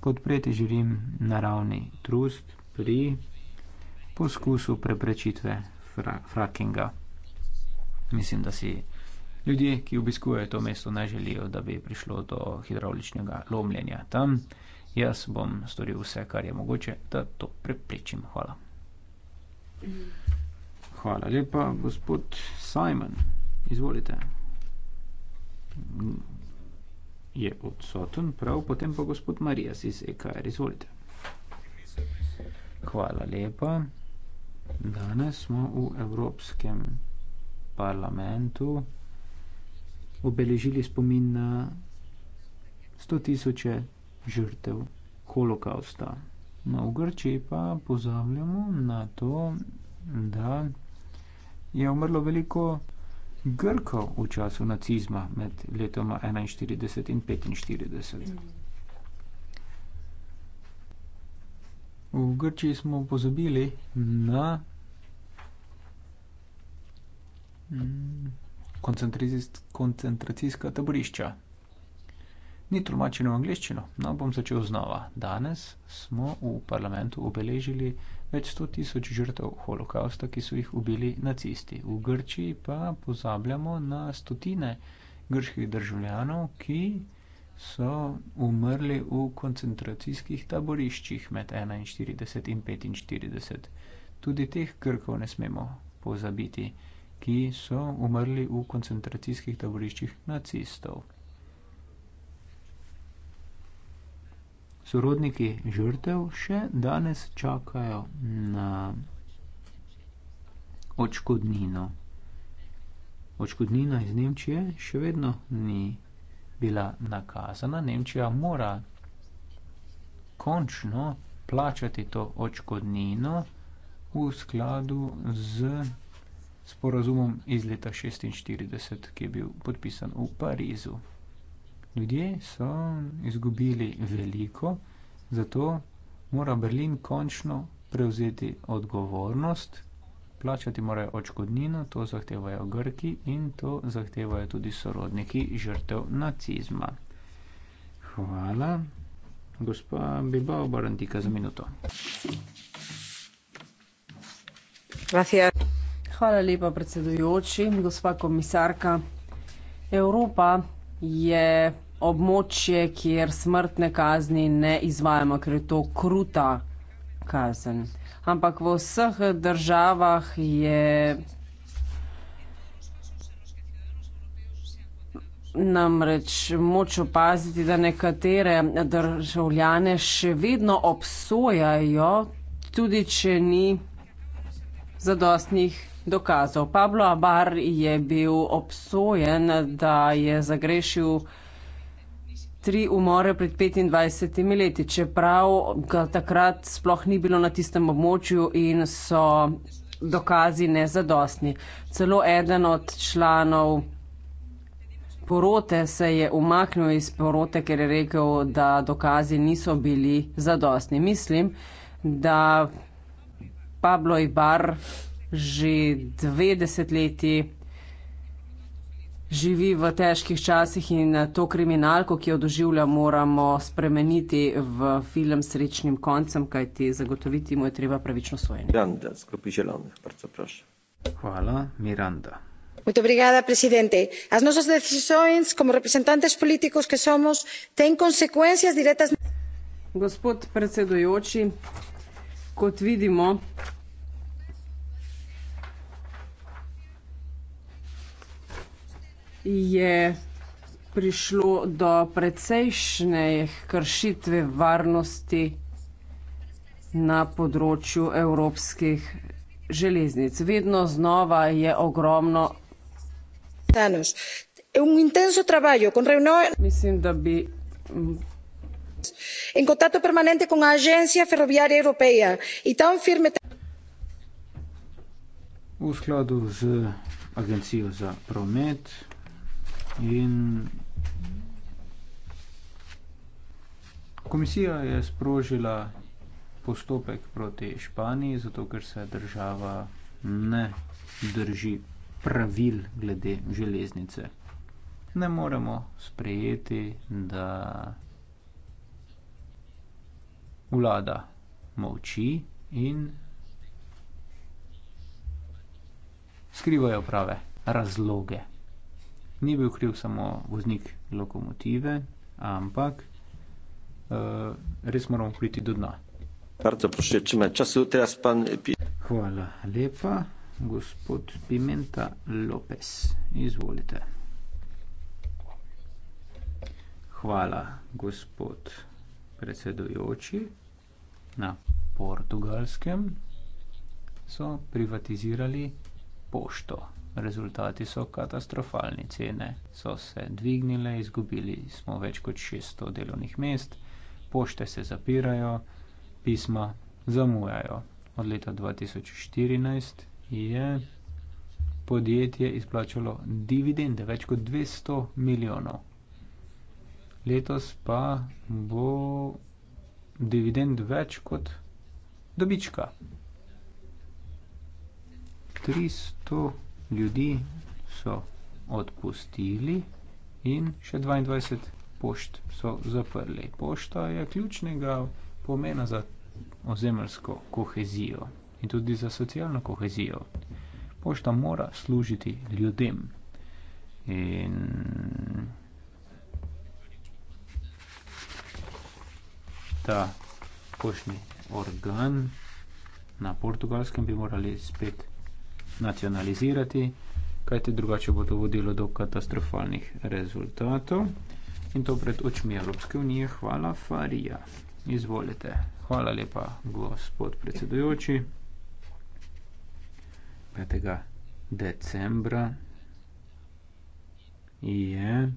podpreti živim naravni trust pri poskusu preprečitve fra frackinga mislim, da si ljudje, ki obiskujejo to mesto, ne želijo, da bi prišlo do hidrauličnega lomljenja tam. Jaz bom storil vse, kar je mogoče, da to preprečim. Hvala. Hvala lepa, gospod Simon. Izvolite. Je odsoten, prav, potem pa gospod Marijas iz EKR. Izvolite. Hvala lepa. Danes smo v Evropskem parlamentu obeležili spomin na 100.000 žrtev holokavsta no v grčiji pa pozabljamo na to da je umrlo veliko grkov v času nacizma med letoma 1941 in 1945 v grčiji smo pozabili na Mm. koncentracijska taborišča. Ni tolmačeno v angliščino, no bom začel znova. Danes smo v parlamentu obeležili več sto tisoč žrtev holokausta, ki so jih ubili nacisti. V Grčiji pa pozabljamo na stotine grških državljanov, ki so umrli v koncentracijskih taboriščih med 41 in 45. Tudi teh Grkov ne smemo pozabiti ki so umrli v koncentracijskih taboriščih nacistov sorodniki žrtev še danes čakajo na odškodnino odškodnina iz Nemčije še vedno ni bila nakazana Nemčija mora končno plačati to odškodnino v skladu z sporazumom iz leta 1649 ki je bil podpisan v parizu ljudje so izgubili veliko zato mora berlin končno prevzeti odgovornost plačati morajo odškodnino to zahtevajo grki in to zahtevajo tudi sorodniki žrtev nacizma hvala gospa bilbao barandika za minuto Hvala lepa, predsedujoči, gospa komisarka. Evropa je območje, kjer smrtne kazni ne izvajamo, ker je to kruta kazen. Ampak v vseh državah je namreč moč opaziti, da nekatere državljane še vedno obsojajo, tudi če ni zadostnih dokazov. Pablo Abar je bil obsojen, da je zagrešil tri umore pred 25 leti, čeprav ga takrat sploh ni bilo na tistem območju in so dokazi nezadostni. Celo eden od članov porote se je umaknil iz porote, ker je rekel, da dokazi niso bili zadostni. Mislim, da Pablo Ibar že dve desetletji živi v težkih časih in to kriminalko, ki jo doživlja, moramo spremeniti v film s srečnim koncem, kajti zagotoviti mu je treba pravično sojenje. Miranda, skupaj želim, prca prosim. Hvala, Miranda. Muito obrigada, presidente. As nosas decisões, como representantes políticos que somos, têm consequências diretas... Gospod predsedujoči, kot vidimo, je prišlo do precejšnje kršitve varnosti na področju evropskih železnic. Vedno znova je ogromno. Mislim, da bi. In kontakto permanente con agencija ferroviarja Evropeja in tam firme. V skladu z agencijo za promet In komisija je sprožila postopek proti Španiji, zato ker se država ne drži pravil glede železnice. Ne moremo sprejeti, da vlada molči in skrivajo prave razloge ni bil kriv samo voznik lokomotive, ampak uh, res moramo priti do dna. Hvala lepa, gospod Pimenta Lopes. Izvolite. Hvala, gospod predsedujoči. Na portugalskem so privatizirali pošto rezultati so katastrofalni, cene so se dvignile, izgubili smo več kot 600 delovnih mest, pošte se zapirajo, pisma zamujajo. Od leta 2014 je podjetje izplačalo dividende več kot 200 milijonov. Letos pa bo dividend več kot dobička. 300 ljudi so odpustili in še 22 pošt so zaprli. Pošta je ključnega pomena za ozemljsko kohezijo in tudi za socialno kohezijo. Pošta mora služiti ljudem. In ta poštni organ na portugalskem bi morali spet nacionalizirati, kajte drugače bo to vodilo do katastrofalnih rezultatov. In to pred očmi Evropske unije. Hvala, Farija. Izvolite. Hvala lepa, gospod predsedujoči. 5. decembra je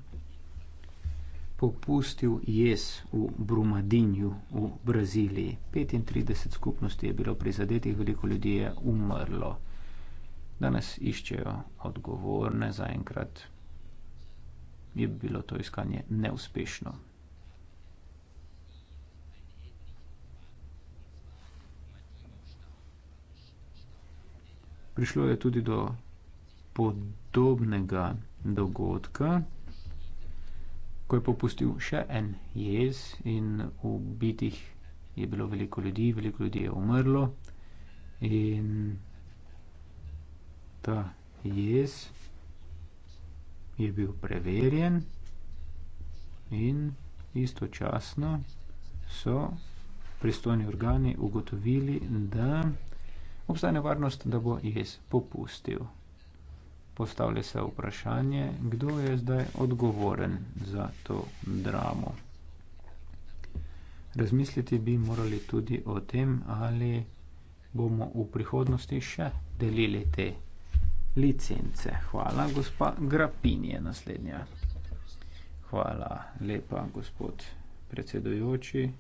popustil jes v Brumadinju v Braziliji. 35 skupnosti je bilo prizadetih, veliko ljudi je umrlo danes iščejo odgovorne, zaenkrat je bilo to iskanje neuspešno. Prišlo je tudi do podobnega dogodka, ko je popustil še en jez in ubitih je bilo veliko ljudi, veliko ljudi je umrlo in ta jez je bil preverjen in istočasno so pristojni organi ugotovili, da obstaja nevarnost, da bo jez popustil. Postavlja se vprašanje, kdo je zdaj odgovoren za to dramo. Razmisliti bi morali tudi o tem, ali bomo v prihodnosti še delili te licence. Hvala, gospa Grapin je naslednja. Hvala lepa, gospod predsedujoči,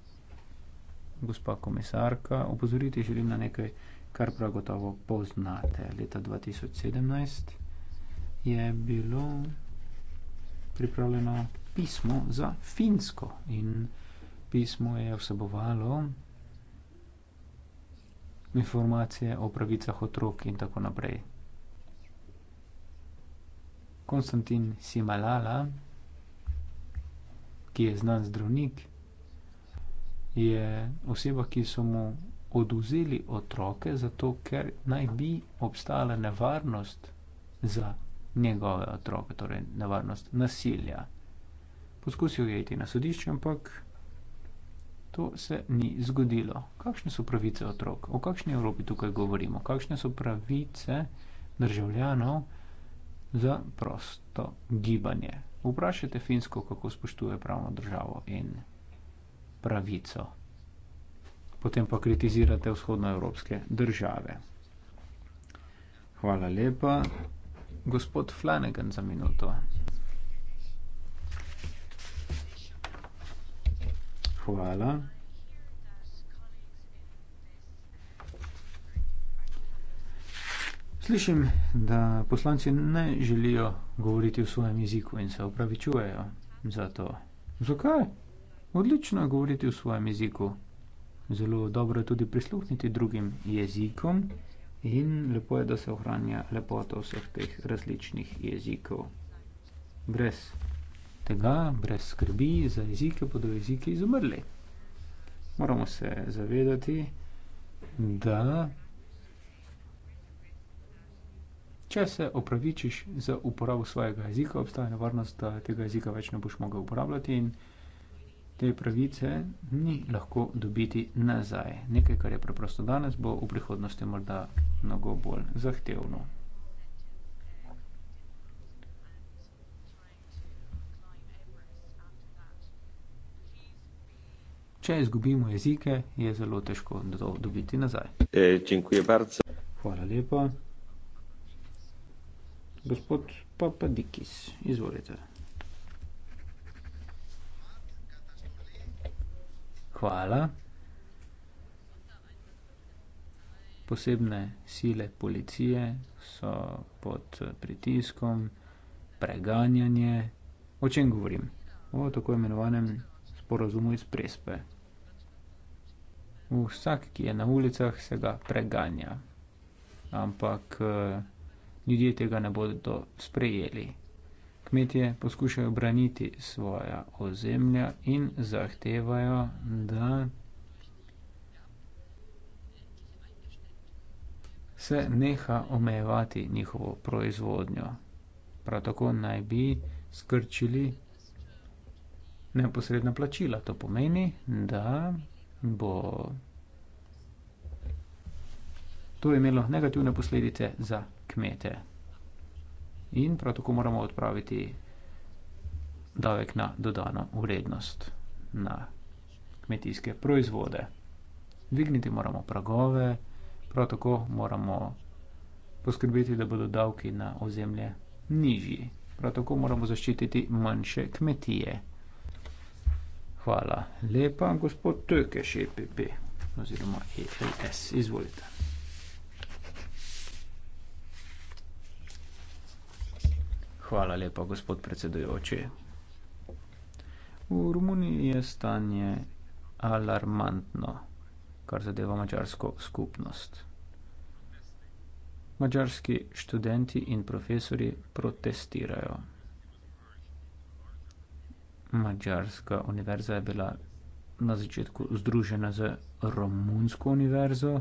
gospa komisarka. Upozoriti želim na nekaj, kar prav gotovo poznate. Leta 2017 je bilo pripravljeno pismo za Finsko in pismo je vsebovalo informacije o pravicah otrok in tako naprej. Konstantin Simalala, ki je znan zdravnik, je oseba, ki so mu oduzeli otroke, zato ker naj bi obstala nevarnost za njegove otroke, torej nevarnost nasilja. Poskusil je iti na sodišče, ampak to se ni zgodilo. Kakšne so pravice otrok? O kakšni Evropi tukaj govorimo? Kakšne so pravice državljanov? za prosto gibanje. Vprašajte Finsko, kako spoštuje pravno državo in pravico. Potem pa kritizirate vzhodnoevropske države. Hvala lepa. Gospod Flanagan za minuto. Hvala. Slišim, da poslanci ne želijo govoriti v svojem jeziku in se opravičujejo za to. Zakaj? Odlično je govoriti v svojem jeziku. Zelo dobro je tudi prisluhniti drugim jezikom in lepo je, da se ohranja lepota vseh teh različnih jezikov. Brez tega, brez skrbi za jezike, bodo jeziki izumrli. Moramo se zavedati, da Če se opravičiš za uporabo svojega jezika, obstaja nevarnost, da tega jezika več ne boš mogel uporabljati in te pravice ni lahko dobiti nazaj. Nekaj, kar je preprosto danes, bo v prihodnosti morda mnogo bolj zahtevno. Če izgubimo jezike, je zelo težko do dobiti nazaj. E, Hvala lepa gospod Papadikis. Izvolite. Hvala. Posebne sile policije so pod pritiskom, preganjanje. O čem govorim? O tako imenovanem sporazumu iz Prespe. Vsak, ki je na ulicah, se ga preganja. Ampak eh, ljudje tega ne bodo sprejeli kmetje poskušajo braniti svoja ozemlja in zahtevajo da se neha omejevati njihovo proizvodnjo prav tako naj bi skrčili neposredna plačila to pomeni da bo to imelo negativne posledice za kmete. In prav tako moramo odpraviti davek na dodano vrednost na kmetijske proizvode. Dvigniti moramo pragove, prav tako moramo poskrbeti, da bodo davki na ozemlje nižji. Prav tako moramo zaščititi manjše kmetije. Hvala lepa, gospod Tökeš, EPP, oziroma ELS, izvolite. Hvala lepa, gospod predsedujoči. V Romuniji je stanje alarmantno, kar zadeva mačarsko skupnost. Mačarski študenti in profesori protestirajo. Mačarska univerza je bila na začetku združena z romunsko univerzo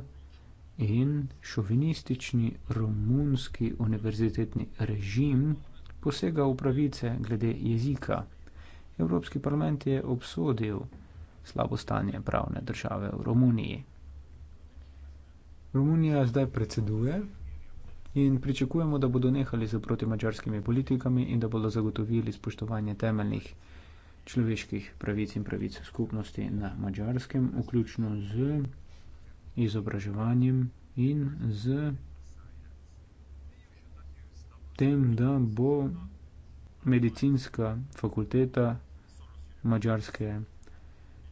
in šovinistični romunski univerzitetni režim posega v pravice glede jezika evropski parlament je obsodil slabo stanje pravne države v romuniji romunija zdaj predseduje in pričakujemo da bodo nehali s protimačarskimi politikami in da bodo zagotovili spoštovanje temeljnih človeških pravic in pravic skupnosti na mačarskem vključno z izobraževanjem in z tem da bo medicinska fakulteta madžarske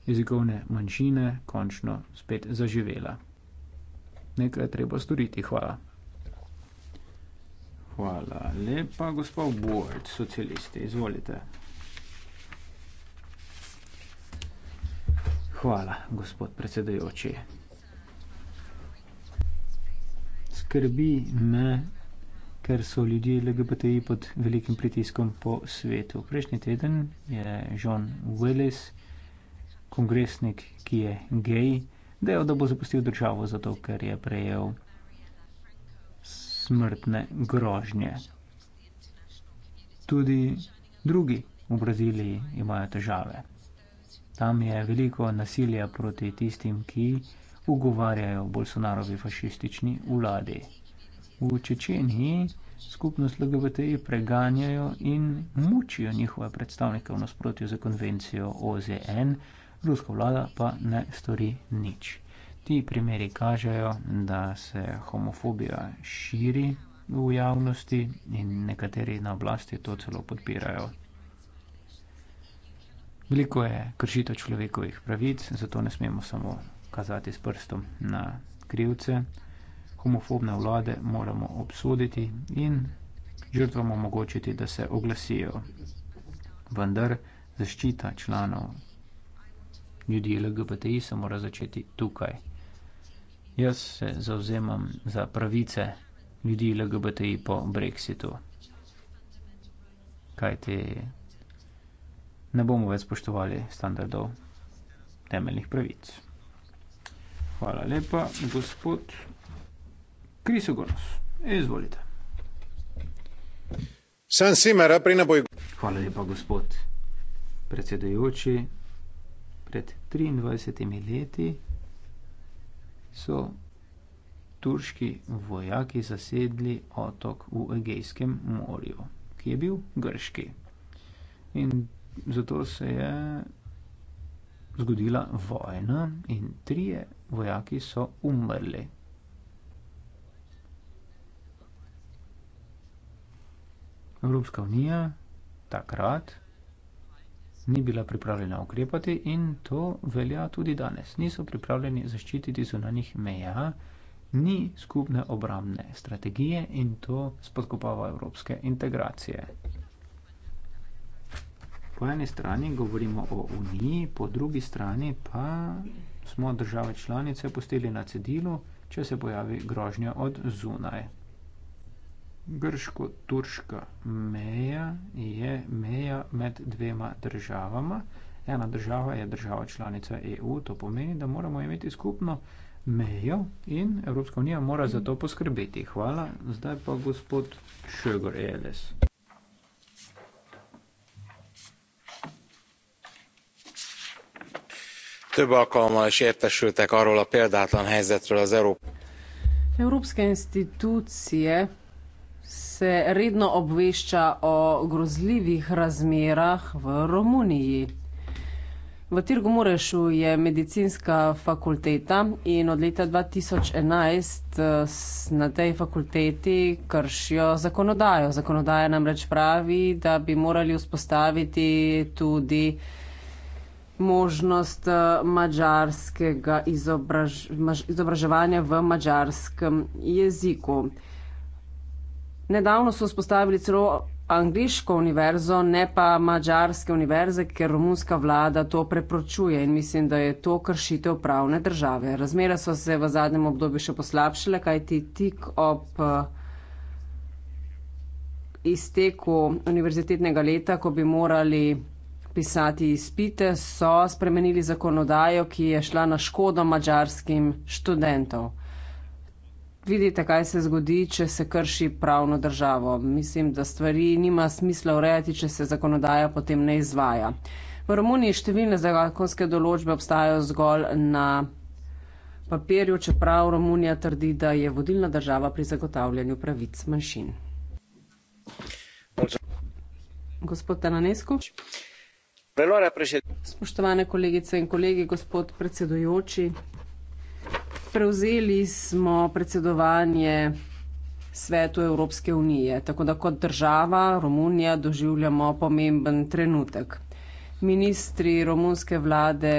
jezikovne manjšine končno spet zaživela nekaj je treba storiti hvala hvala lepa gospod Bolt socialisti izvolite hvala gospod predsedujoči skrbi me ker so ljudje LGBTI pod velikim pritiskom po svetu. Prejšnji teden je John Willis, kongresnik, ki je gej, dejal, da bo zapustil državo zato, ker je prejel smrtne grožnje. Tudi drugi v Braziliji imajo težave. Tam je veliko nasilja proti tistim, ki ugovarjajo Bolsonarovi fašistični vladi v čečeniji skupnost LGBTI preganjajo in mučijo njihove predstavnike v nasprotju z konvencijo OZN, ruska vlada pa ne stori nič. Ti primeri kažejo, da se homofobija širi v javnosti in nekateri na oblasti to celo podpirajo. Veliko je kršitev človekovih pravic, zato ne smemo samo kazati s prstom na krivce homofobne vlade moramo obsoditi in žrtvam omogočiti, da se oglasijo. Vendar zaščita članov ljudi LGBTI se mora začeti tukaj. Jaz se zauzemam za pravice ljudi LGBTI po Brexitu. Kaj te ne bomo več spoštovali standardov temeljnih pravic. Hvala lepa, gospod. Krisogonos, izvolite. San Sima, rabri na boj. Hvala lepa, gospod predsedujoči. Pred 23 leti so turški vojaki zasedli otok v Egejskem morju, ki je bil grški. In zato se je zgodila vojna in trije vojaki so umrli. Evropska unija takrat ni bila pripravljena ukrepati in to velja tudi danes. Niso pripravljeni zaščititi zunanjih meja, ni skupne obramne strategije in to spodkopava evropske integracije. Po eni strani govorimo o uniji, po drugi strani pa smo države članice pustili na cedilu, če se pojavi grožnja od zunaj grško-turška meja je meja med dvema državama. Ena država je država članica EU, to pomeni, da moramo imeti skupno mejo in Evropska unija mora za to poskrbeti. Hvala. Zdaj pa gospod Šegor Eles. Több alkalommal is értesültek arról a példátlan helyzetről az Európa. Európske institúcie se redno obvešča o grozljivih razmerah v Romuniji. V Tirgumurešu je medicinska fakulteta in od leta 2011 eh, na tej fakulteti kršijo zakonodajo. Zakonodaja namreč pravi, da bi morali vzpostaviti tudi možnost eh, izobraževanja v mađarskem jeziku. Nedavno so spostavili celo angliško univerzo, ne pa mađarske univerze, ker romunska vlada to preprečuje in mislim, da je to kršitev pravne države. Razmere so se v zadnjem obdobju še poslabšale, kajti tik ob uh, izteku univerzitetnega leta, ko bi morali pisati izpite, so spremenili zakonodajo, ki je šla na škodo mađarskim študentom. Vidite, kaj se zgodi, če se krši pravno državo. Mislim, da stvari nima smisla urejati, če se zakonodaja potem ne izvaja. V Romuniji številne zakonske določbe obstajajo zgolj na papirju, čeprav Romunija trdi, da je vodilna država pri zagotavljanju pravic manjšin. Gospod Tananesko. Spoštovane kolegice in kolegi, gospod predsedujoči prevzeli smo predsedovanje svetu Evropske unije, tako da kot država Romunija doživljamo pomemben trenutek. Ministri romunske vlade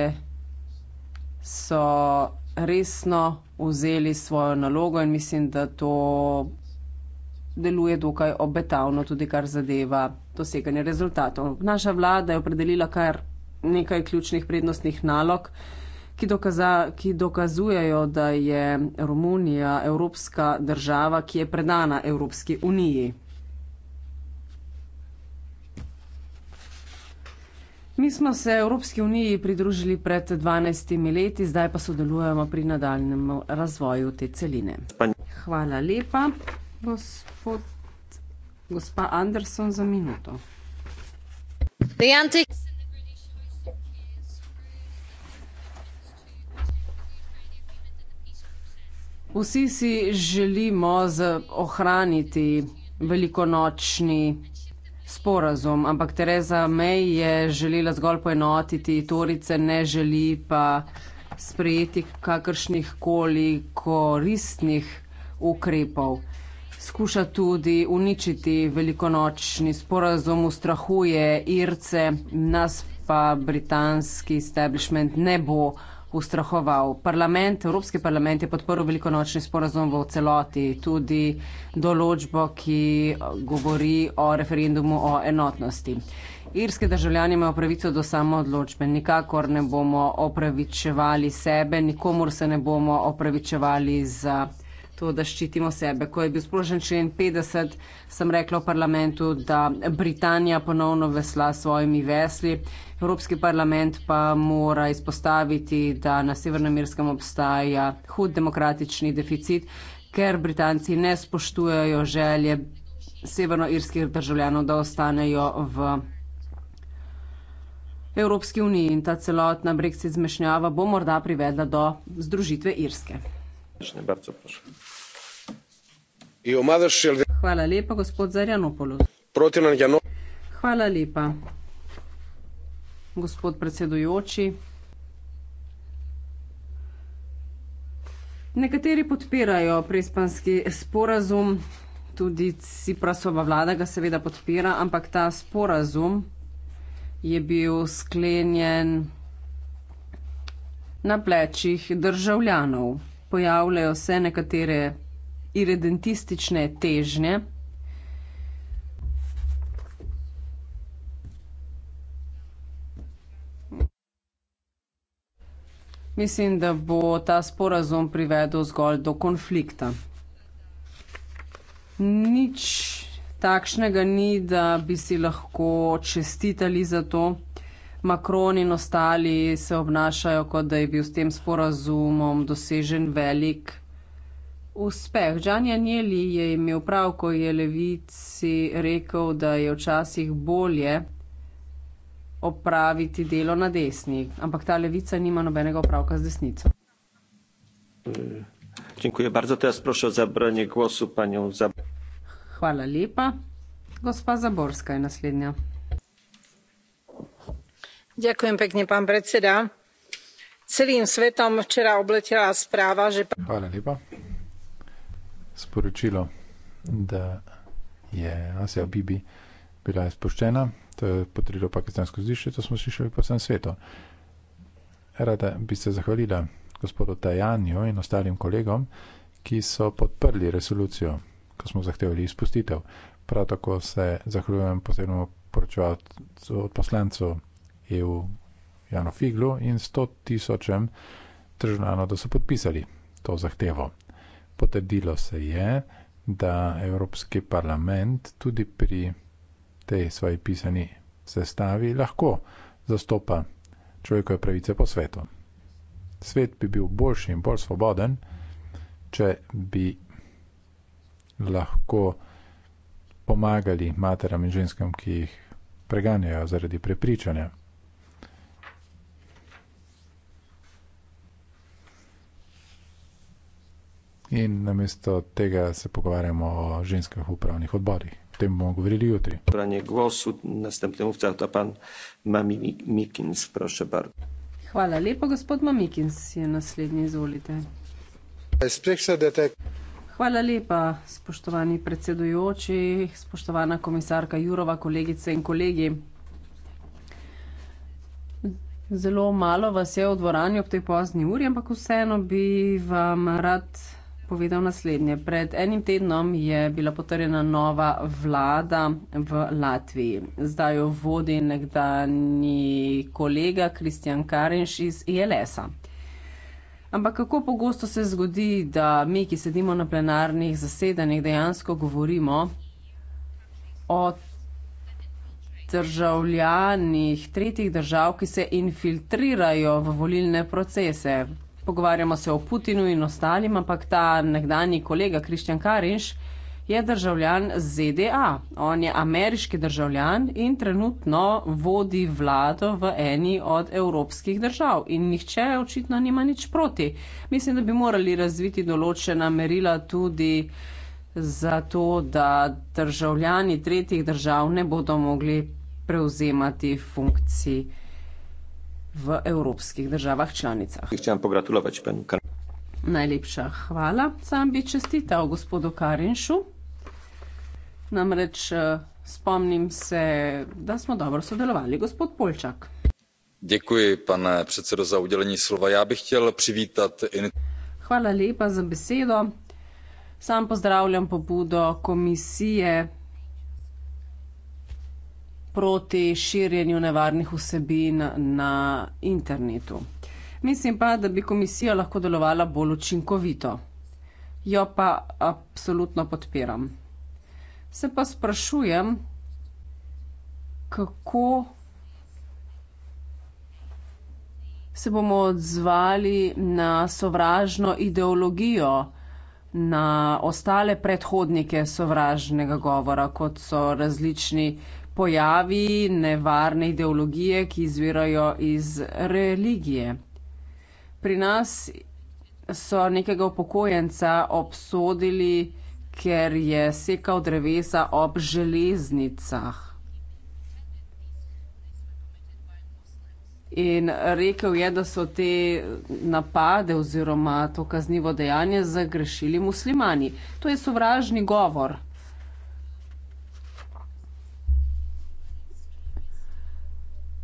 so resno vzeli svojo nalogo in mislim, da to deluje dokaj obetavno, tudi kar zadeva doseganje rezultatov. Naša vlada je opredelila kar nekaj ključnih prednostnih nalog ki, dokaza, ki dokazujejo, da je Romunija evropska država, ki je predana Evropski uniji. Mi smo se Evropski uniji pridružili pred 12 leti, zdaj pa sodelujemo pri nadaljem razvoju te celine. Hvala lepa, gospod, gospa Anderson, za minuto. The antics. Vsi si želimo ohraniti velikonočni sporazum, ampak Tereza May je želela zgolj poenotiti, Torice ne želi pa sprejeti kakršnih koli koristnih ukrepov. Skuša tudi uničiti velikonočni sporazum, ustrahuje Irce, nas pa britanski establishment ne bo ustrahoval. Parlament, Evropski parlament je podporil veliko nočni sporazum v celoti, tudi določbo, ki govori o referendumu o enotnosti. Irske državljani imajo pravico do samoodločbe. Nikakor ne bomo opravičevali sebe, nikomor se ne bomo opravičevali za to, da ščitimo sebe. Ko je bil sprožen člen 50, sem rekla v parlamentu, da Britanija ponovno vesla svojimi vesli. Evropski parlament pa mora izpostaviti, da na Severnemirskem obstaja hud demokratični deficit, ker Britanci ne spoštujejo želje severnoirskih državljanov, da ostanejo v. Evropski uniji in ta celotna brexit zmešnjava bo morda privedla do združitve Irske. Bardzo proszę. Hvala lepa, gospod Zarjanopoulos. Hvala lepa, gospod predsedujoči. Nekateri podpirajo prespanski sporazum, tudi Ciprasova vlada ga seveda podpira, ampak ta sporazum je bil sklenjen na plečih državljanov pojavljajo vse nekatere irredentistične težnje. Mislim, da bo ta sporazum privedel zgolj do konflikta. Nič takšnega ni, da bi si lahko čestitali za to. Makron in ostali se obnašajo, kot da je bil s tem sporazumom dosežen velik uspeh. Džan Janjeli je imel prav, ko je levici rekel, da je včasih bolje opraviti delo na desni, ampak ta levica nima nobenega opravka z desnico. Dziękuję bardzo. Teraz proszę o zabranie głosu panią Zab. Hvala lepa. Gospa Zaborska je naslednja pán predsedajúci celým svetom včera obletela správa že. Hvala lepa. Sporočilo, da je Asia Bibi bila izpuščena, to je potrdilo pakistansko zdišče, to smo slišali po vsem svetu. Rada bi se zahvalila gospodu Tajanju in ostalim kolegom, ki so podprli resolucijo, ko smo zahtevali izpustitev. Prav tako se zahvaljujem posebnemu poročevalcu od poslancov EU Jano Figlu in 100 tisočem državljanov, da so podpisali to zahtevo. Potrdilo se je, da Evropski parlament tudi pri tej svoji pisani sestavi lahko zastopa človekove pravice po svetu. Svet bi bil boljši in bolj svoboden, če bi lahko pomagali materam in ženskam, ki jih preganjajo zaradi prepričanja. in namesto tega se pogovarjamo o ženskah v upravnih odborih. O tem bomo govorili jutri. Branje glasu, naslednji vcel, to pan Mami Mikins, prosim, bar. Hvala lepa, gospod Mamikins, je naslednji, izvolite. Hvala lepa, spoštovani predsedujoči, spoštovana komisarka Jurova, kolegice in kolegi. Zelo malo vas je v dvorani ob tej pozni uri, ampak vseeno bi vam rad povedal naslednje. Pred enim tednom je bila potrjena nova vlada v Latviji. Zdaj jo vodi nekdani kolega Kristjan Karenš iz ILS-a. Ampak kako pogosto se zgodi, da mi, ki sedimo na plenarnih zasedanjih, dejansko govorimo o državljanih tretjih držav, ki se infiltrirajo v volilne procese pogovarjamo se o Putinu in ostalim, ampak ta nekdani kolega Kristjan Karinš je državljan ZDA. On je ameriški državljan in trenutno vodi vlado v eni od evropskih držav. In nihče očitno nima nič proti. Mislim, da bi morali razviti določena merila tudi zato, da državljani tretjih držav ne bodo mogli prevzemati funkciji v evropskih državah članicah. Hvala pogratulovati panu Karinšu. Najlepša hvala. Sam bi čestital gospodu Karinšu. Namreč eh, spomnim se, da smo dobro sodelovali, gospod Polčak. Děkuji, pane předsedo, za udělení slova. Já bych chtěl přivítat... In... Hvala lepa za besedo. Sam pozdravljam pobudo komisije proti širjenju nevarnih vsebin na internetu. Mislim pa, da bi komisija lahko delovala bolj učinkovito. Jo pa absolutno podpiram. Se pa sprašujem, kako se bomo odzvali na sovražno ideologijo, na ostale predhodnike sovražnega govora, kot so različni pojavi nevarne ideologije, ki izvirajo iz religije. Pri nas so nekega upokojenca obsodili, ker je sekal drevesa ob železnicah. In rekel je, da so te napade oziroma to kaznivo dejanje zagrešili muslimani. To je sovražni govor.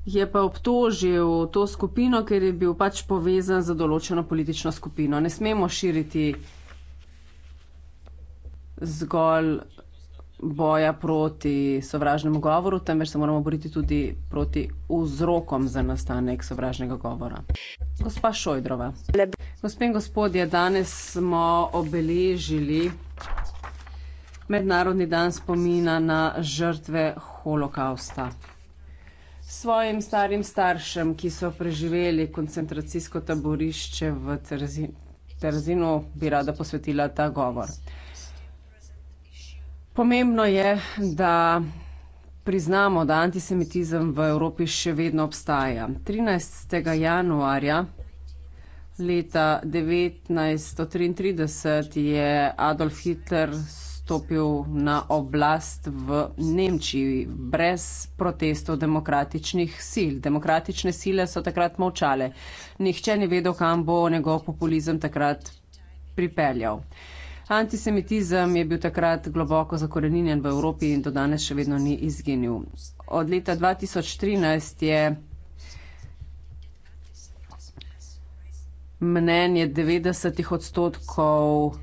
je pa obtožil to skupino, ker je bil pač povezan za določeno politično skupino. Ne smemo širiti zgolj boja proti sovražnemu govoru, temveč se moramo boriti tudi proti vzrokom za nastanek sovražnega govora. Gospa Šojdrova. Gospe in gospodje, danes smo obeležili Mednarodni dan spomina na žrtve holokausta svojim starim staršem, ki so preživeli koncentracijsko taborišče v Terzinu, Terzinu bi rada posvetila ta govor. Pomembno je, da priznamo, da antisemitizem v Evropi še vedno obstaja. 13. januarja leta 1933 je Adolf Hitler stopil na oblast v Nemčiji brez protestov demokratičnih sil. Demokratične sile so takrat molčale. Nihče ni vedel, kam bo njegov populizem takrat pripeljal. Antisemitizem je bil takrat globoko zakoreninjen v Evropi in do danes še vedno ni izginil. Od leta 2013 je mnenje 90 odstotkov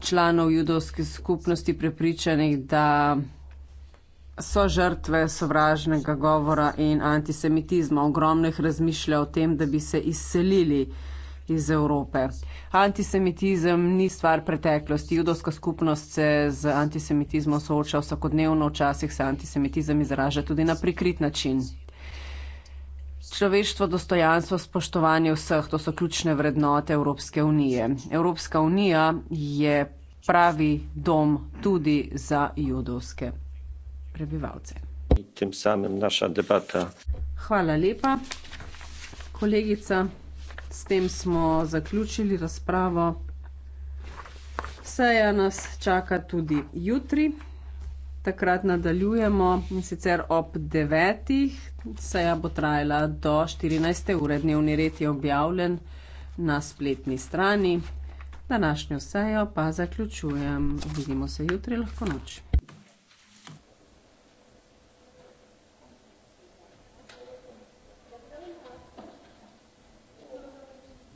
članov judovske skupnosti prepričanih, da so žrtve sovražnega govora in antisemitizma. Ogromno jih razmišlja o tem, da bi se izselili iz Evrope. Antisemitizem ni stvar preteklosti. Judovska skupnost se z antisemitizmom sooča vsakodnevno, včasih se antisemitizem izraža tudi na prikrit način človeštvo, dostojanstvo, spoštovanje vseh, to so ključne vrednote Evropske unije. Evropska unija je pravi dom tudi za judovske prebivalce. In tem samem naša debata. Hvala lepa, kolegica. S tem smo zaključili razpravo. Seja nas čaka tudi jutri takrat nadaljujemo in sicer ob 9. Seja bo trajala do 14. ure. Dnevni red je objavljen na spletni strani. Današnjo sejo pa zaključujem. Vidimo se jutri, lahko noči.